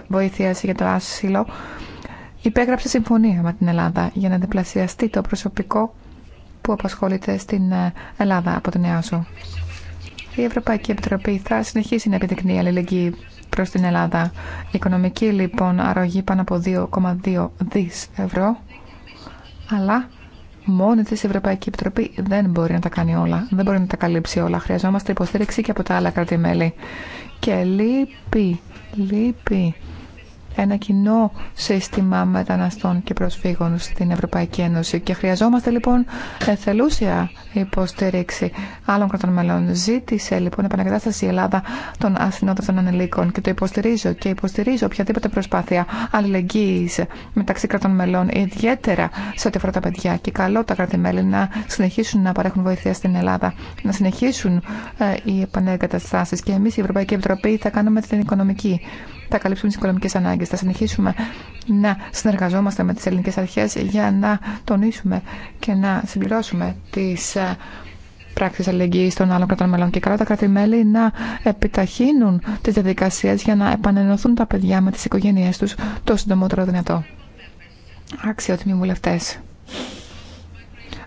Βοήθειας για το Άσυλο υπέγραψε συμφωνία με την Ελλάδα για να διπλασιαστεί το προσωπικό που απασχολείται στην Ελλάδα από την ΕΑΣΟ. Η Ευρωπαϊκή Επιτροπή θα συνεχίσει να επιδεικνύει αλληλεγγύη προς την Ελλάδα. Η οικονομική λοιπόν αρρωγή πάνω από 2,2 δις ευρώ, αλλά μόνη της Ευρωπαϊκή Επιτροπή δεν μπορεί να τα κάνει όλα, δεν μπορεί να τα καλύψει όλα. Χρειαζόμαστε υποστήριξη και από τα άλλα Και λείπει, λείπει ένα κοινό σύστημα μεταναστών και προσφύγων στην Ευρωπαϊκή Ένωση και χρειαζόμαστε λοιπόν θελούσια υποστήριξη άλλων κρατών μελών. Ζήτησε λοιπόν επανακατάσταση η Ελλάδα των αθηνότατων ανελίκων και το υποστηρίζω και υποστηρίζω οποιαδήποτε προσπάθεια αλληλεγγύης μεταξύ κρατών μελών, ιδιαίτερα σε ό,τι αφορά τα παιδιά και καλό τα κράτη-μέλη να συνεχίσουν να παρέχουν βοήθεια στην Ελλάδα, να συνεχίσουν ε, οι επανεγκαταστάσεις και εμεί, η Ευρωπαϊκή Επιτροπή θα κάνουμε την οικονομική θα καλύψουμε τι οικονομικέ ανάγκε. Θα συνεχίσουμε να συνεργαζόμαστε με τι ελληνικέ αρχέ για να τονίσουμε και να συμπληρώσουμε τι ε, πράξεις αλληλεγγύη των άλλων κρατών μελών. Και καλά τα κράτη-μέλη να επιταχύνουν τι διαδικασίε για να επανενωθούν τα παιδιά με τι οικογένειέ του το συντομότερο δυνατό. Αξιότιμοι βουλευτέ.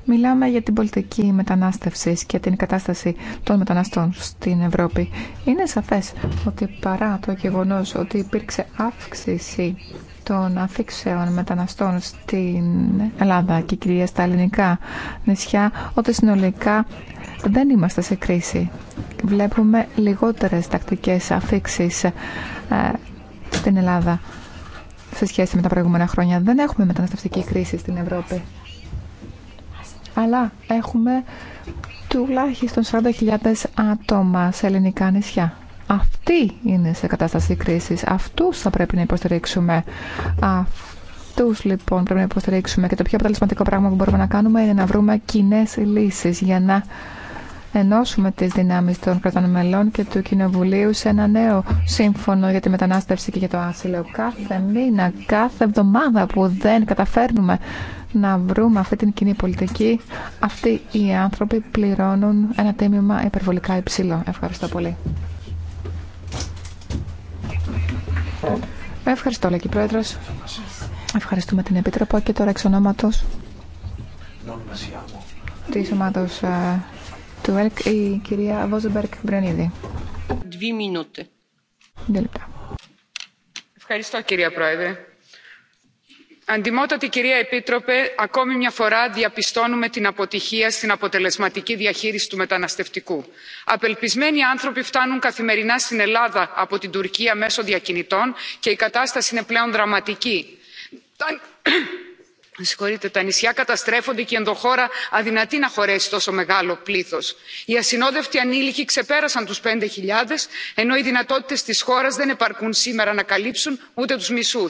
Μιλάμε για την πολιτική μετανάστευση και την κατάσταση των μεταναστών στην Ευρώπη. Είναι σαφές ότι παρά το γεγονό ότι υπήρξε αύξηση των αφήξεων μεταναστών στην Ελλάδα και κυρία στα ελληνικά νησιά, ότι συνολικά δεν είμαστε σε κρίση. Βλέπουμε λιγότερες τακτικές αφήξεις ε, στην Ελλάδα σε σχέση με τα προηγούμενα χρόνια. Δεν έχουμε μεταναστευτική κρίση στην Ευρώπη αλλά έχουμε τουλάχιστον 40.000 άτομα σε ελληνικά νησιά. Αυτοί είναι σε κατάσταση κρίσης. Αυτούς θα πρέπει να υποστηρίξουμε. Αυτούς λοιπόν πρέπει να υποστηρίξουμε. Και το πιο αποτελεσματικό πράγμα που μπορούμε να κάνουμε είναι να βρούμε κοινέ λύσεις για να ενώσουμε τις δυνάμεις των κρατών μελών και του Κοινοβουλίου σε ένα νέο σύμφωνο για τη μετανάστευση και για το άσυλο. Κάθε μήνα, κάθε εβδομάδα που δεν καταφέρνουμε να βρούμε αυτή την κοινή πολιτική, αυτοί οι άνθρωποι πληρώνουν ένα τίμημα υπερβολικά υψηλό. Ευχαριστώ πολύ. Ευχαριστώ, Λέκη Πρόεδρος. Ευχαριστούμε την Επίτροπο και τώρα εξ ονόματος της ομάδος ε, του ΕΛΚ, η κυρία Βόζεμπερκ Μπρενίδη. Δύο λεπτά. Ευχαριστώ, κυρία Πρόεδρε αντιμότατη κυρία επίτροπε ακόμη μια φορά διαπιστώνουμε την αποτυχία στην αποτελεσματική διαχείριση του μεταναστευτικού. απελπισμένοι άνθρωποι φτάνουν καθημερινά στην ελλάδα από την τουρκία μέσω διακινητών και η κατάσταση είναι πλέον δραματική. [COUGHS] Συγχωρείτε, τα νησιά καταστρέφονται και η ενδοχώρα αδυνατεί να χωρέσει τόσο μεγάλο πλήθο. Οι ασυνόδευτοι ανήλικοι ξεπέρασαν του 5.000, ενώ οι δυνατότητε τη χώρα δεν επαρκούν σήμερα να καλύψουν ούτε του μισού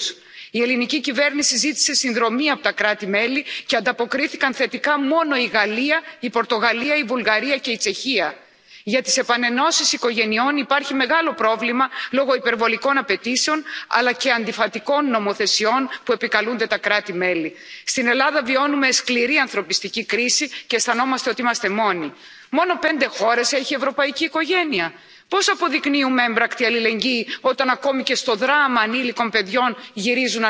η ελληνική κυβέρνηση ζήτησε συνδρομή από τα κράτη μέλη και ανταποκρίθηκαν θετικά μόνο η γαλλία η πορτογαλία η βουλγαρία και η τσεχία. για τις επανενώσεις οικογενειών υπάρχει μεγάλο πρόβλημα λόγω υπερβολικών απαιτήσεων αλλά και αντιφατικών νομοθεσιών που επικαλούνται τα κράτη μέλη. στην ελλάδα βιώνουμε σκληρή ανθρωπιστική κρίση και αισθανόμαστε ότι είμαστε μόνοι. μόνο πέντε χώρες έχει ευρωπαϊκή οικογένεια πώς αποδεικνύουμε έμπρακτη αλληλεγγύη όταν ακόμη και στο δράμα ανήλικων παιδιών γυρίζουν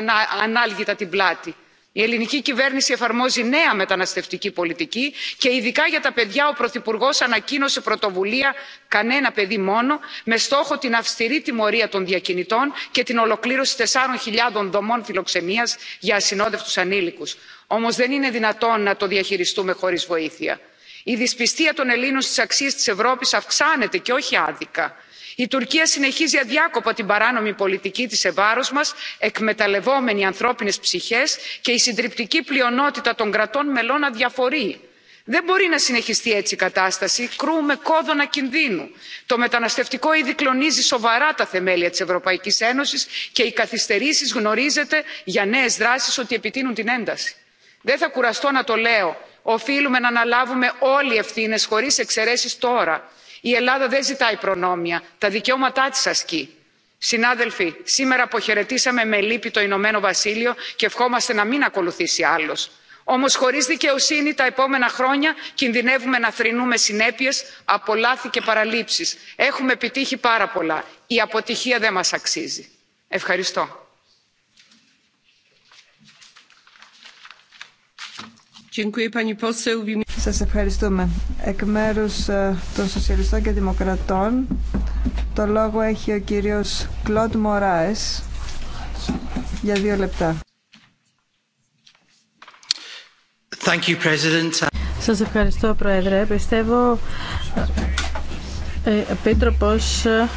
ανάλγητα την πλάτη. η ελληνική κυβέρνηση εφαρμόζει νέα μεταναστευτική πολιτική και ειδικά για τα παιδιά ο πρωθυπουργό ανακοίνωσε πρωτοβουλία κανένα παιδί μόνο με στόχο την αυστηρή τιμωρία των διακινητών και την ολοκλήρωση 4.000 χιλιάδων δομών φιλοξενίας για ασυνόδευτους ανήλικους. όμως δεν είναι δυνατόν να το διαχειριστούμε χωρίς βοήθεια η δυσπιστία των ελλήνων στις αξίες της ευρώπης αυξάνεται και όχι άδικα. η τουρκία συνεχίζει αδιάκοπα την παράνομη πολιτική της σε βάρος μας εκμεταλλευόμενη ανθρώπινες ψυχές και η συντριπτική πλειονότητα των κρατών μελών αδιαφορεί. δεν μπορεί να συνεχιστεί έτσι η κατάσταση Κρούμε κόδωνα κινδύνου. το μεταναστευτικό ήδη κλονίζει σοβαρά τα θεμέλια της ευρωπαϊκής ένωσης και οι καθυστερήσεις γνωρίζετε για νέες δράσεις ότι επιτείνουν την ένταση. δεν θα κουραστώ να το λέω οφείλουμε να αναλάβουμε όλοι ευθύνες χωρίς εξαιρέσεις τώρα. η ελλάδα δεν ζητάει προνόμια τα δικαιώματά της ασκεί. συνάδελφοι σήμερα αποχαιρετήσαμε με λύπη το ηνωμένο βασίλειο και ευχόμαστε να μην ακολουθήσει άλλος. όμως χωρίς δικαιοσύνη τα επόμενα χρόνια κινδυνεύουμε να θρυνούμε συνέπειε από λάθη και παραλήψεις. έχουμε επιτύχει πάρα πολλά. η αποτυχία δεν μας αξίζει. ευχαριστώ. Σας ευχαριστούμε. Εκ μέρου ε, των Σοσιαλιστών και Δημοκρατών, το λόγο έχει ο κύριος Κλοντ Μωράες για δύο λεπτά. Thank Σας ευχαριστώ, Πρόεδρε. Πιστεύω, ε, Επίτροπος, ε,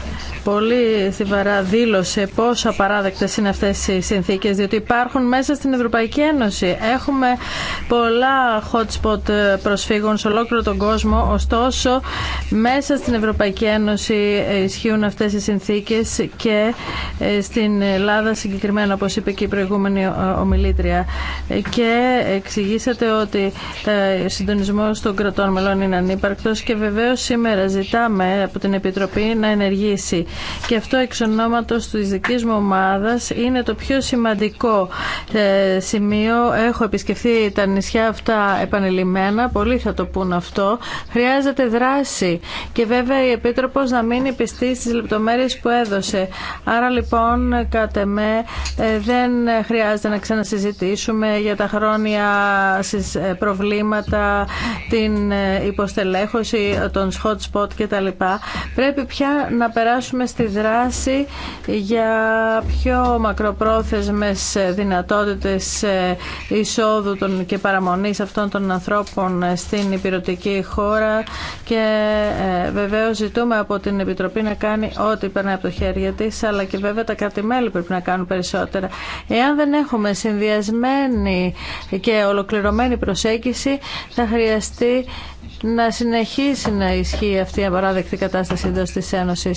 πολύ θυβαρά δήλωσε πόσο απαράδεκτες είναι αυτές οι συνθήκες διότι υπάρχουν μέσα στην Ευρωπαϊκή Ένωση. Έχουμε πολλά hot spot ε, προσφύγων σε ολόκληρο τον κόσμο ωστόσο μέσα στην Ευρωπαϊκή Ένωση ε, ισχύουν αυτές οι συνθήκες και ε, στην Ελλάδα συγκεκριμένα όπως είπε και η προηγούμενη ομιλήτρια και εξηγήσατε ότι ο συντονισμό των κρατών μελών είναι ανύπαρκτος και βεβαίως σήμερα ζητάμε από την Επιτροπή να ενεργήσει και αυτό εξ ονόματος της δικής μου ομάδας είναι το πιο σημαντικό ε, σημείο. Έχω επισκεφθεί τα νησιά αυτά επανειλημμένα, πολλοί θα το πούν αυτό. Χρειάζεται δράση και βέβαια η Επίτροπος να μείνει πιστή στις λεπτομέρειες που έδωσε. Άρα λοιπόν κατά με ε, δεν χρειάζεται να ξανασυζητήσουμε για τα χρόνια ε, προβλήματα, την υποστελέχωση των hot spot κτλ. Πρέπει πια να περάσουμε περάσουμε στη δράση για πιο μακροπρόθεσμες δυνατότητες εισόδου των και παραμονής αυτών των ανθρώπων στην υπηρετική χώρα και ε, βεβαίως ζητούμε από την Επιτροπή να κάνει ό,τι περνάει από το χέρι της, αλλά και βέβαια τα κράτη-μέλη πρέπει να κάνουν περισσότερα. Εάν δεν έχουμε συνδυασμένη και ολοκληρωμένη προσέγγιση θα χρειαστεί να συνεχίσει να ισχύει αυτή η απαράδεκτη κατάσταση εντό τη Ένωση.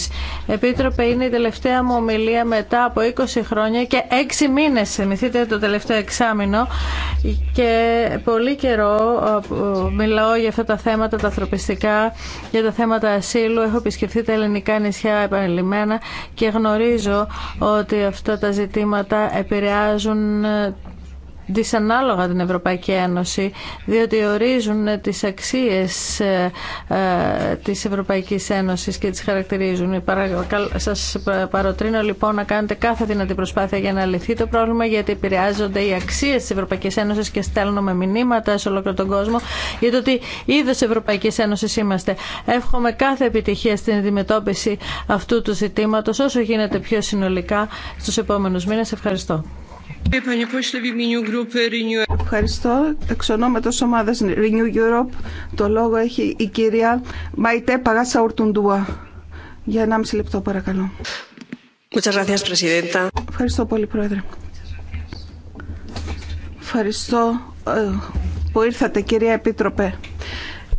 Επίτροπε, είναι η τελευταία μου ομιλία μετά από 20 χρόνια και 6 μήνε. Θυμηθείτε το τελευταίο εξάμεινο και πολύ καιρό ε, μιλάω για αυτά τα θέματα, τα ανθρωπιστικά, για τα θέματα ασύλου. Έχω επισκεφθεί τα ελληνικά νησιά επανειλημμένα και γνωρίζω ότι αυτά τα ζητήματα επηρεάζουν ε, δυσανάλογα την Ευρωπαϊκή Ένωση, διότι ορίζουν τις αξίες ε, ε, της Ευρωπαϊκής Ένωσης και τις χαρακτηρίζουν. Σας παροτρύνω λοιπόν να κάνετε κάθε δυνατή προσπάθεια για να λυθεί το πρόβλημα, γιατί επηρεάζονται οι αξίες της Ευρωπαϊκής Ένωσης και στέλνουμε μηνύματα σε ολόκληρο τον κόσμο γιατί το ότι είδος Ευρωπαϊκής Ένωσης είμαστε. Εύχομαι κάθε επιτυχία στην αντιμετώπιση αυτού του ζητήματος, όσο γίνεται πιο συνολικά στους επόμενους μήνες. Ευχαριστώ. Ευχαριστώ. Εξ ονόματος ομάδας Renew Europe το λόγο έχει η κυρία Μαϊτέ Παγάσα Ορτουντούα. Για ένα μισή λεπτό παρακαλώ. Ευχαριστώ πολύ Πρόεδρε. Ευχαριστώ ε, που ήρθατε κυρία Επίτροπε.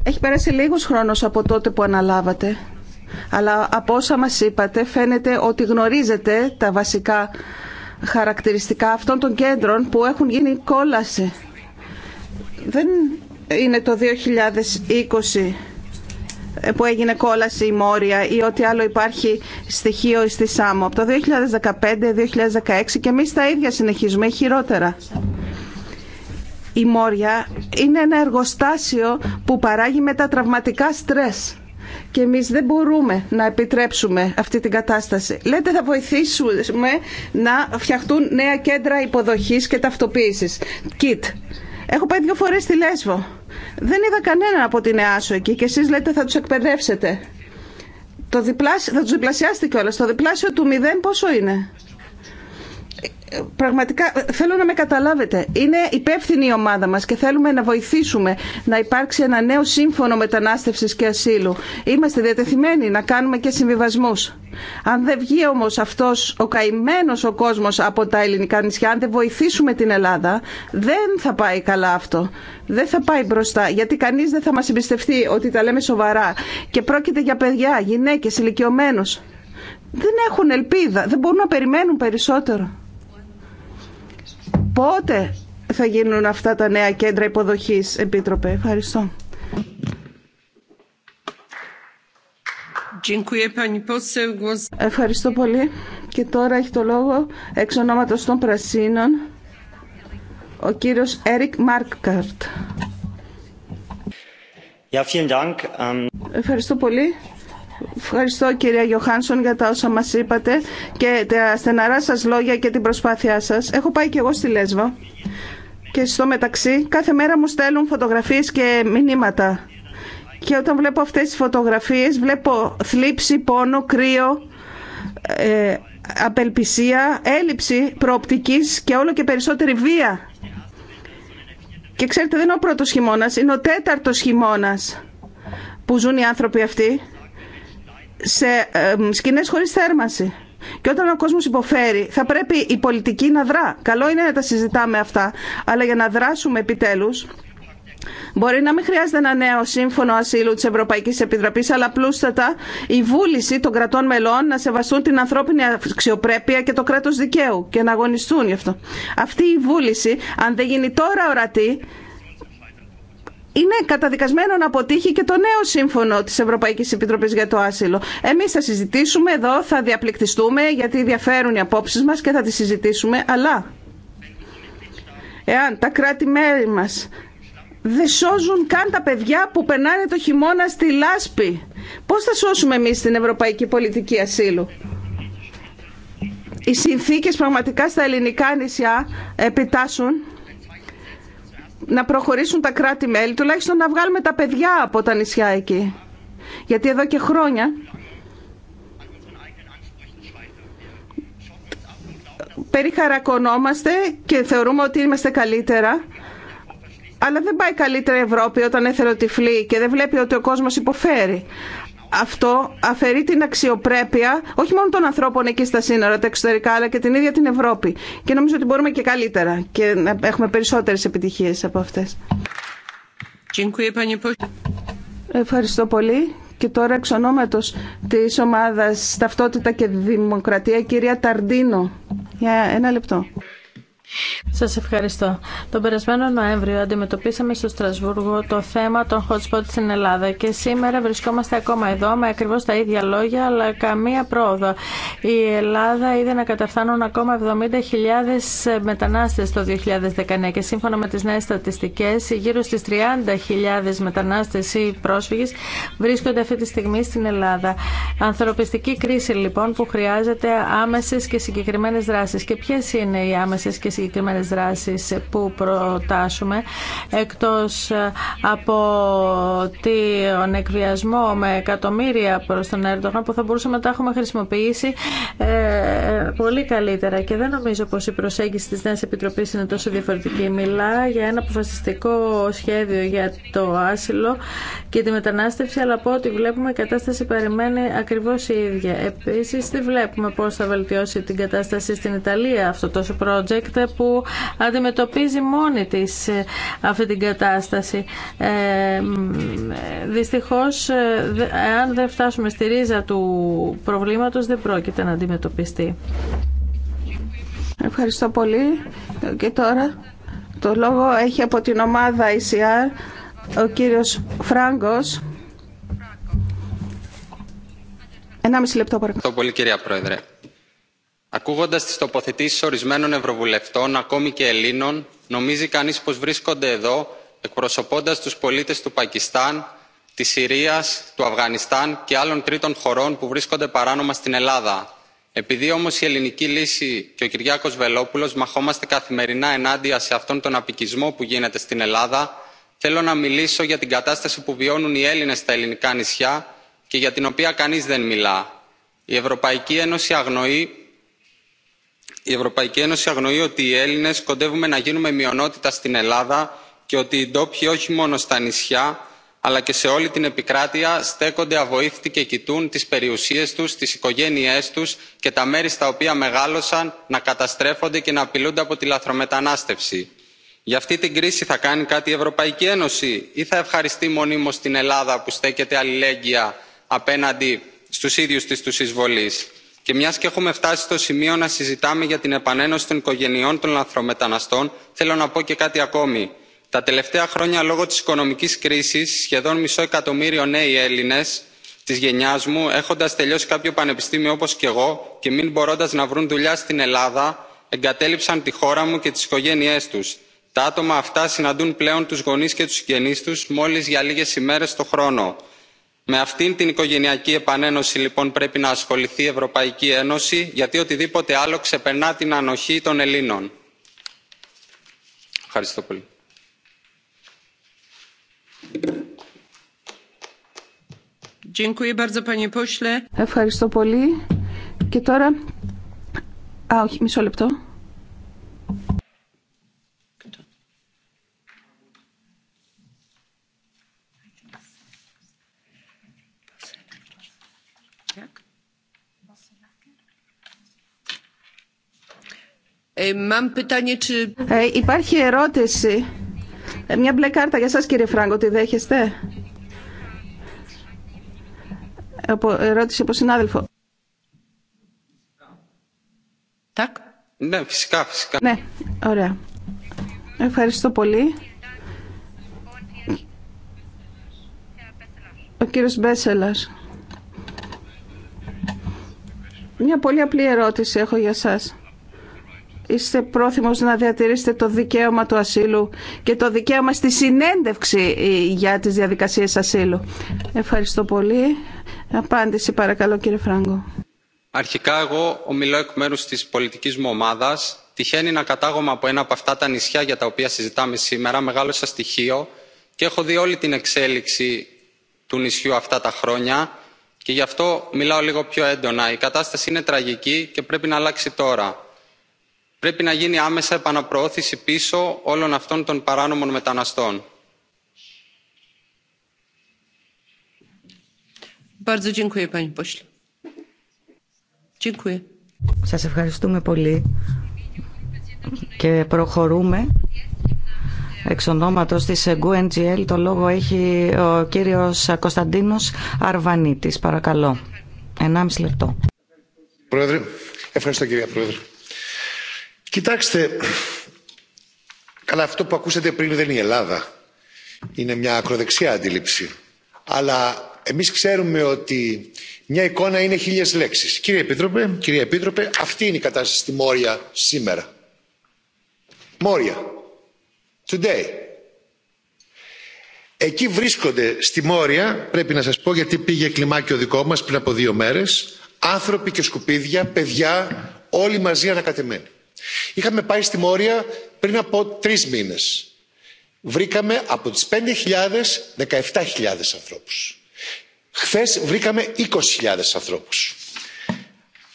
Έχει περάσει λίγος χρόνος από τότε που αναλάβατε, αλλά από όσα μας είπατε φαίνεται ότι γνωρίζετε τα βασικά χαρακτηριστικά αυτών των κέντρων που έχουν γίνει κόλαση. Δεν είναι το 2020 που έγινε κόλαση η Μόρια ή ό,τι άλλο υπάρχει στοιχείο στη ΣΑΜΟ. Από το 2015-2016 και εμεί τα ίδια συνεχίζουμε, χειρότερα. Η Μόρια είναι ένα εργοστάσιο που παράγει μετατραυματικά στρες και εμείς δεν μπορούμε να επιτρέψουμε αυτή την κατάσταση. Λέτε θα βοηθήσουμε να φτιαχτούν νέα κέντρα υποδοχής και ταυτοποίησης. Κιτ. Έχω πάει δύο φορές στη Λέσβο. Δεν είδα κανέναν από την ΕΑΣΟ εκεί και εσείς λέτε θα τους εκπαιδεύσετε. Το διπλάσιο, θα τους διπλασιάσετε κιόλας. Το διπλάσιο του μηδέν πόσο είναι πραγματικά θέλω να με καταλάβετε. Είναι υπεύθυνη η ομάδα μας και θέλουμε να βοηθήσουμε να υπάρξει ένα νέο σύμφωνο μετανάστευσης και ασύλου. Είμαστε διατεθειμένοι να κάνουμε και συμβιβασμούς. Αν δεν βγει όμως αυτός ο καημένος ο κόσμος από τα ελληνικά νησιά, αν δεν βοηθήσουμε την Ελλάδα, δεν θα πάει καλά αυτό. Δεν θα πάει μπροστά, γιατί κανείς δεν θα μας εμπιστευτεί ότι τα λέμε σοβαρά. Και πρόκειται για παιδιά, γυναίκες, ηλικιωμένους. Δεν έχουν ελπίδα, δεν μπορούν να περιμένουν περισσότερο. Πότε θα γίνουν αυτά τα νέα κέντρα υποδοχής, Επίτροπε. Ευχαριστώ. Ευχαριστώ πολύ. Και τώρα έχει το λόγο εξ ονόματος των Πρασίνων ο κύριος Έρικ Μάρκκαρτ. Ähm, Ευχαριστώ πολύ. Ευχαριστώ κυρία Γιωχάνσον για τα όσα μας είπατε και τα στεναρά σας λόγια και την προσπάθειά σας. Έχω πάει και εγώ στη Λέσβα και στο μεταξύ κάθε μέρα μου στέλνουν φωτογραφίες και μηνύματα. Και όταν βλέπω αυτές τις φωτογραφίες βλέπω θλίψη, πόνο, κρύο, ε, απελπισία, έλλειψη προοπτικής και όλο και περισσότερη βία. Και ξέρετε δεν είναι ο πρώτος χειμώνας, είναι ο τέταρτος χειμώνας που ζουν οι άνθρωποι αυτοί σε σκηνές χωρίς θέρμανση. Και όταν ο κόσμος υποφέρει, θα πρέπει η πολιτική να δρά. Καλό είναι να τα συζητάμε αυτά, αλλά για να δράσουμε επιτέλους Μπορεί να μην χρειάζεται ένα νέο σύμφωνο ασύλου της Ευρωπαϊκής Επιτροπής αλλά πλούστατα η βούληση των κρατών μελών να σεβαστούν την ανθρώπινη αξιοπρέπεια και το κράτος δικαίου και να αγωνιστούν γι' αυτό. Αυτή η βούληση, αν δεν γίνει τώρα ορατή, είναι καταδικασμένο να αποτύχει και το νέο σύμφωνο της Ευρωπαϊκής Επιτροπής για το άσυλο. Εμείς θα συζητήσουμε εδώ, θα διαπληκτιστούμε γιατί διαφέρουν οι απόψεις μας και θα τις συζητήσουμε, αλλά εάν τα κρατη μελη μας δεν σώζουν καν τα παιδιά που περνάνε το χειμώνα στη λάσπη, πώς θα σώσουμε εμείς την Ευρωπαϊκή Πολιτική Ασύλου. Οι συνθήκες πραγματικά στα ελληνικά νησιά επιτάσσουν να προχωρήσουν τα κράτη-μέλη, τουλάχιστον να βγάλουμε τα παιδιά από τα νησιά εκεί. Γιατί εδώ και χρόνια περιχαρακωνόμαστε και θεωρούμε ότι είμαστε καλύτερα. Αλλά δεν πάει καλύτερα η Ευρώπη όταν έθελε τυφλή και δεν βλέπει ότι ο κόσμος υποφέρει αυτό αφαιρεί την αξιοπρέπεια όχι μόνο των ανθρώπων εκεί στα σύνορα, τα εξωτερικά, αλλά και την ίδια την Ευρώπη. Και νομίζω ότι μπορούμε και καλύτερα και να έχουμε περισσότερες επιτυχίες από αυτές. Ευχαριστώ πολύ. Και τώρα εξ ονόματο της ομάδας Ταυτότητα και Δημοκρατία, κυρία Ταρντίνο. Για ένα λεπτό. Σα ευχαριστώ. Τον περασμένο Νοέμβριο αντιμετωπίσαμε στο Στρασβούργο το θέμα των hot spots στην Ελλάδα και σήμερα βρισκόμαστε ακόμα εδώ με ακριβώ τα ίδια λόγια αλλά καμία πρόοδο. Η Ελλάδα είδε να καταφθάνουν ακόμα 70.000 μετανάστε το 2019 και σύμφωνα με τι νέε στατιστικέ, γύρω στι 30.000 μετανάστε ή πρόσφυγες βρίσκονται αυτή τη στιγμή στην Ελλάδα. Ανθρωπιστική κρίση λοιπόν που χρειάζεται άμεσε και συγκεκριμένε δράσει. Και ποιε είναι οι άμεσε και και συγκεκριμένες δράσεις που προτάσουμε εκτός ε, από τον εκβιασμό με εκατομμύρια προς τον Ερντογάν που θα μπορούσαμε να τα έχουμε χρησιμοποιήσει ε, πολύ καλύτερα και δεν νομίζω πως η προσέγγιση της Νέας Επιτροπής είναι τόσο διαφορετική. Μιλά για ένα αποφασιστικό σχέδιο για το άσυλο και τη μετανάστευση αλλά από ό,τι βλέπουμε η κατάσταση περιμένει ακριβώς η ίδια. Επίσης δεν βλέπουμε πώς θα βελτιώσει την κατάσταση στην Ιταλία αυτό το project που αντιμετωπίζει μόνη της ε, αυτή την κατάσταση. Ε, δυστυχώς, αν ε, δεν φτάσουμε στη ρίζα του προβλήματος, δεν πρόκειται να αντιμετωπιστεί. Ευχαριστώ πολύ. Και τώρα το λόγο έχει από την ομάδα ICR ο κύριος Φράγκος. Ένα μισή λεπτό παρακαλώ. Ευχαριστώ πολύ κυρία Πρόεδρε ακούγοντας τις τοποθετήσεις ορισμένων ευρωβουλευτών ακόμη και ελλήνων νομίζει κανείς πως βρίσκονται εδώ εκπροσωπώντας τους πολίτες του πακιστάν της συρίας του αφγανιστάν και άλλων τρίτων χωρών που βρίσκονται παράνομα στην ελλάδα. επειδή όμως η ελληνική λύση και ο κυριάκος βελόπουλος μαχόμαστε καθημερινά ενάντια σε αυτόν τον απικισμό που γίνεται στην ελλάδα θέλω να μιλήσω για την κατάσταση που βιώνουν οι έλληνες στα ελληνικά νησιά και για την οποία κανείς δεν μιλά. η ευρωπαϊκή ένωση αγνοεί η ευρωπαϊκή ένωση αγνοεί ότι οι έλληνες κοντεύουμε να γίνουμε μειονότητα στην ελλάδα και ότι οι ντόπιοι όχι μόνο στα νησιά αλλά και σε όλη την επικράτεια στέκονται αβοήθητοι και κοιτούν τις περιουσίες τους τις οικογένειές τους και τα μέρη στα οποία μεγάλωσαν να καταστρέφονται και να απειλούνται από τη λαθρομετανάστευση. για αυτή την κρίση θα κάνει κάτι η ευρωπαϊκή ένωση ή θα ευχαριστεί μονίμως την ελλάδα που στέκεται αλληλέγγυα απέναντι στους ίδιους τη του εισβολείς και μιας και έχουμε φτάσει στο σημείο να συζητάμε για την επανένωση των οικογενειών των λαθρομεταναστών θέλω να πω και κάτι ακόμη τα τελευταία χρόνια λόγω της οικονομικής κρίσης σχεδόν μισό εκατομμύριο νέοι έλληνες της γενιάς μου έχοντας τελειώσει κάποιο πανεπιστήμιο όπως και εγώ και μην μπορώντας να βρουν δουλειά στην ελλάδα εγκατέλειψαν τη χώρα μου και τις οικογένειές τους. τα άτομα αυτά συναντούν πλέον τους γονείς και τους συγγενεί του, μόλις για λίγες ημέρες το χρόνο με αυτήν την οικογενειακή επανένωση λοιπόν πρέπει να ασχοληθεί η ευρωπαϊκή ένωση γιατί οτιδήποτε άλλο ξεπερνά την ανοχή των ελλήνων. Ευχαριστώ πολύ. Ευχαριστώ πολύ. Και τώρα... Ε, ε, υπάρχει ερώτηση. Ε, μια μπλε κάρτα για σας κύριε Φράγκο, τη δέχεστε. ερώτηση από συνάδελφο. Τακ. Ναι, φυσικά, φυσικά. Ναι, ωραία. Ευχαριστώ πολύ. Ο κύριος Μπέσελας. Μια πολύ απλή ερώτηση έχω για σας είστε πρόθυμος να διατηρήσετε το δικαίωμα του ασύλου και το δικαίωμα στη συνέντευξη ε, για τις διαδικασίες ασύλου. Ευχαριστώ πολύ. Απάντηση παρακαλώ κύριε Φράγκο. Αρχικά εγώ ομιλώ εκ μέρου της πολιτικής μου ομάδας. Τυχαίνει να κατάγομαι από ένα από αυτά τα νησιά για τα οποία συζητάμε σήμερα, σας στοιχείο και έχω δει όλη την εξέλιξη του νησιού αυτά τα χρόνια και γι' αυτό μιλάω λίγο πιο έντονα. Η κατάσταση είναι τραγική και πρέπει να αλλάξει τώρα πρέπει να γίνει άμεσα επαναπροώθηση πίσω όλων αυτών των παράνομων μεταναστών. Σας ευχαριστούμε πολύ και προχωρούμε Εξ ονόματος της GUNGL το λόγο έχει ο κύριος Κωνσταντίνος Αρβανίτης. Παρακαλώ. 1,5 λεπτό. Πρόεδρε, ευχαριστώ κυρία Πρόεδρε. Κοιτάξτε, καλά αυτό που ακούσατε πριν δεν είναι η Ελλάδα. Είναι μια ακροδεξιά αντίληψη. Αλλά εμείς ξέρουμε ότι μια εικόνα είναι χίλιες λέξεις. Κύριε Επίτροπε, κύριε Επίτροπε, αυτή είναι η κατάσταση στη Μόρια σήμερα. Μόρια. Today. Εκεί βρίσκονται στη Μόρια, πρέπει να σας πω γιατί πήγε κλιμάκιο δικό μας πριν από δύο μέρες, άνθρωποι και σκουπίδια, παιδιά, όλοι μαζί ανακατεμένοι είχαμε πάει στη μόρια πριν από τρεις μήνες βρήκαμε από τις 5.000 17.000 ανθρώπους. Χθες βρήκαμε 20.000 ανθρώπους.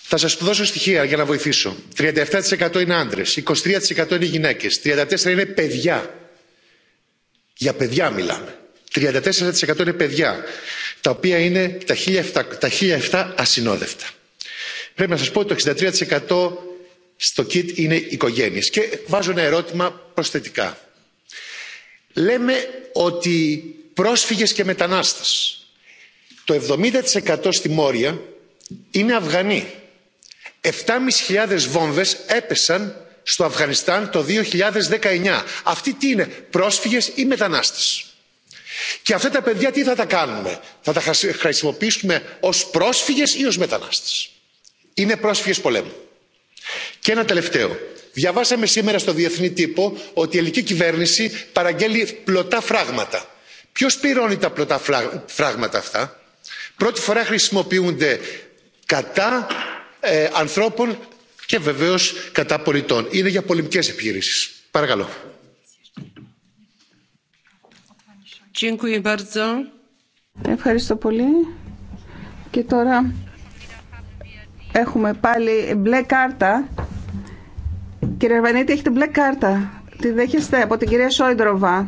Θα σας δώσω στοιχεία για να βοηθήσω. 37% είναι άντρες, 23% είναι γυναίκες, 34% είναι παιδιά. Για παιδιά μιλάμε. 34% είναι παιδιά, τα οποία είναι τα 1.007 ασυνόδευτα. Πρέπει να σας πω ότι το 63% στο κιτ είναι οικογένειε. και βάζω ένα ερώτημα προσθετικά λέμε ότι πρόσφυγες και μετανάστες το 70% στη Μόρια είναι Αφγανοί 7.500 βόμβε έπεσαν στο Αφγανιστάν το 2019 αυτοί τι είναι πρόσφυγες ή μετανάστες και αυτά τα παιδιά τι θα τα κάνουμε θα τα χρησιμοποιήσουμε ως πρόσφυγες ή ως μετανάστες είναι πρόσφυγες πολέμου και ένα τελευταίο διαβάσαμε σήμερα στο διεθνή τύπο ότι η ελληνική κυβέρνηση παραγγέλνει πλωτά φράγματα. ποιος πληρώνει τα πλωτά φράγματα αυτά; πρώτη φορά χρησιμοποιούνται κατά ε, ανθρώπων και βεβαίως κατά πολιτών. είναι για πολεμικές επιχειρήσεις. παρακαλώ. Ευχαριστώ πολύ. Και τώρα έχουμε πάλι μπλε κάρτα Κύριε Αρβανίτη, έχετε μπλε κάρτα. Τη δέχεστε από την κυρία Σόιντροβα.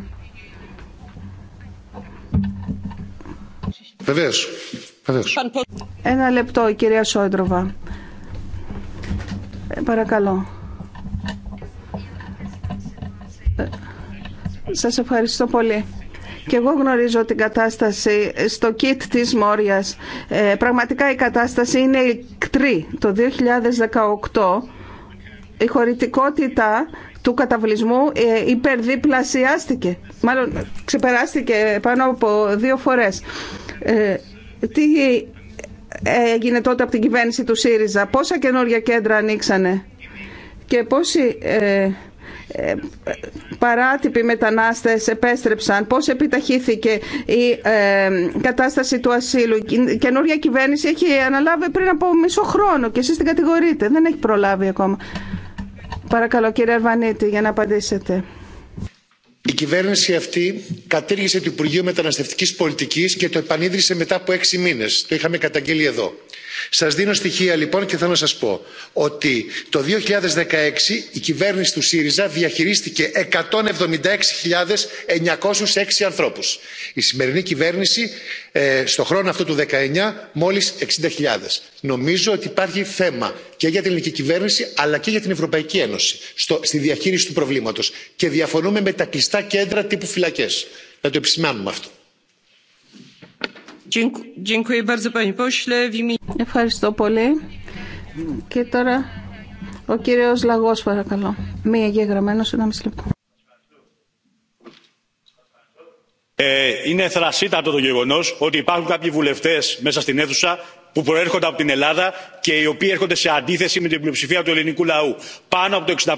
Ένα λεπτό, η κυρία Σόιντροβα. Ε, παρακαλώ. Ε, σας ευχαριστώ πολύ. Και εγώ γνωρίζω την κατάσταση στο κίτ της Μόριας. Ε, πραγματικά η κατάσταση είναι η κτρή. Το 2018 η χωρητικότητα του καταβλισμού ε, υπερδιπλασιάστηκε. Μάλλον ξεπεράστηκε πάνω από δύο φορές. Ε, τι έγινε τότε από την κυβέρνηση του ΣΥΡΙΖΑ, πόσα καινούργια κέντρα ανοίξανε και πόσοι ε, ε παράτυποι μετανάστες επέστρεψαν, πώς επιταχύθηκε η κατάσταση του ασύλου. Η καινούργια κυβέρνηση έχει αναλάβει πριν από μισό χρόνο και εσείς την κατηγορείτε, δεν έχει προλάβει ακόμα. Παρακαλώ κύριε Αρβανίτη για να απαντήσετε. Η κυβέρνηση αυτή κατήργησε το Υπουργείο Μεταναστευτική Πολιτική και το επανίδρυσε μετά από έξι μήνες. Το είχαμε καταγγείλει εδώ σας δίνω στοιχεία λοιπόν και θέλω να σας πω ότι το 2016 η κυβέρνηση του ΣΥΡΙΖΑ διαχειρίστηκε 176.906 ανθρώπους. Η σημερινή κυβέρνηση στον ε, στο χρόνο αυτό του 19 μόλις 60.000. Νομίζω ότι υπάρχει θέμα και για την ελληνική κυβέρνηση αλλά και για την Ευρωπαϊκή Ένωση στη διαχείριση του προβλήματος και διαφωνούμε με τα κλειστά κέντρα τύπου φυλακές. Να το επισημάνουμε αυτό. Ευχαριστώ πολύ. Και τώρα ο κύριο Λαγός παρακαλώ. Μία γεγραμμένος, ένα μισή λεπτό. Ε, είναι θρασίτατο το γεγονός ότι υπάρχουν κάποιοι βουλευτές μέσα στην αίθουσα που προέρχονται από την ελλάδα και οι οποίοι έρχονται σε αντίθεση με την πλειοψηφία του ελληνικού λαού. πάνω από το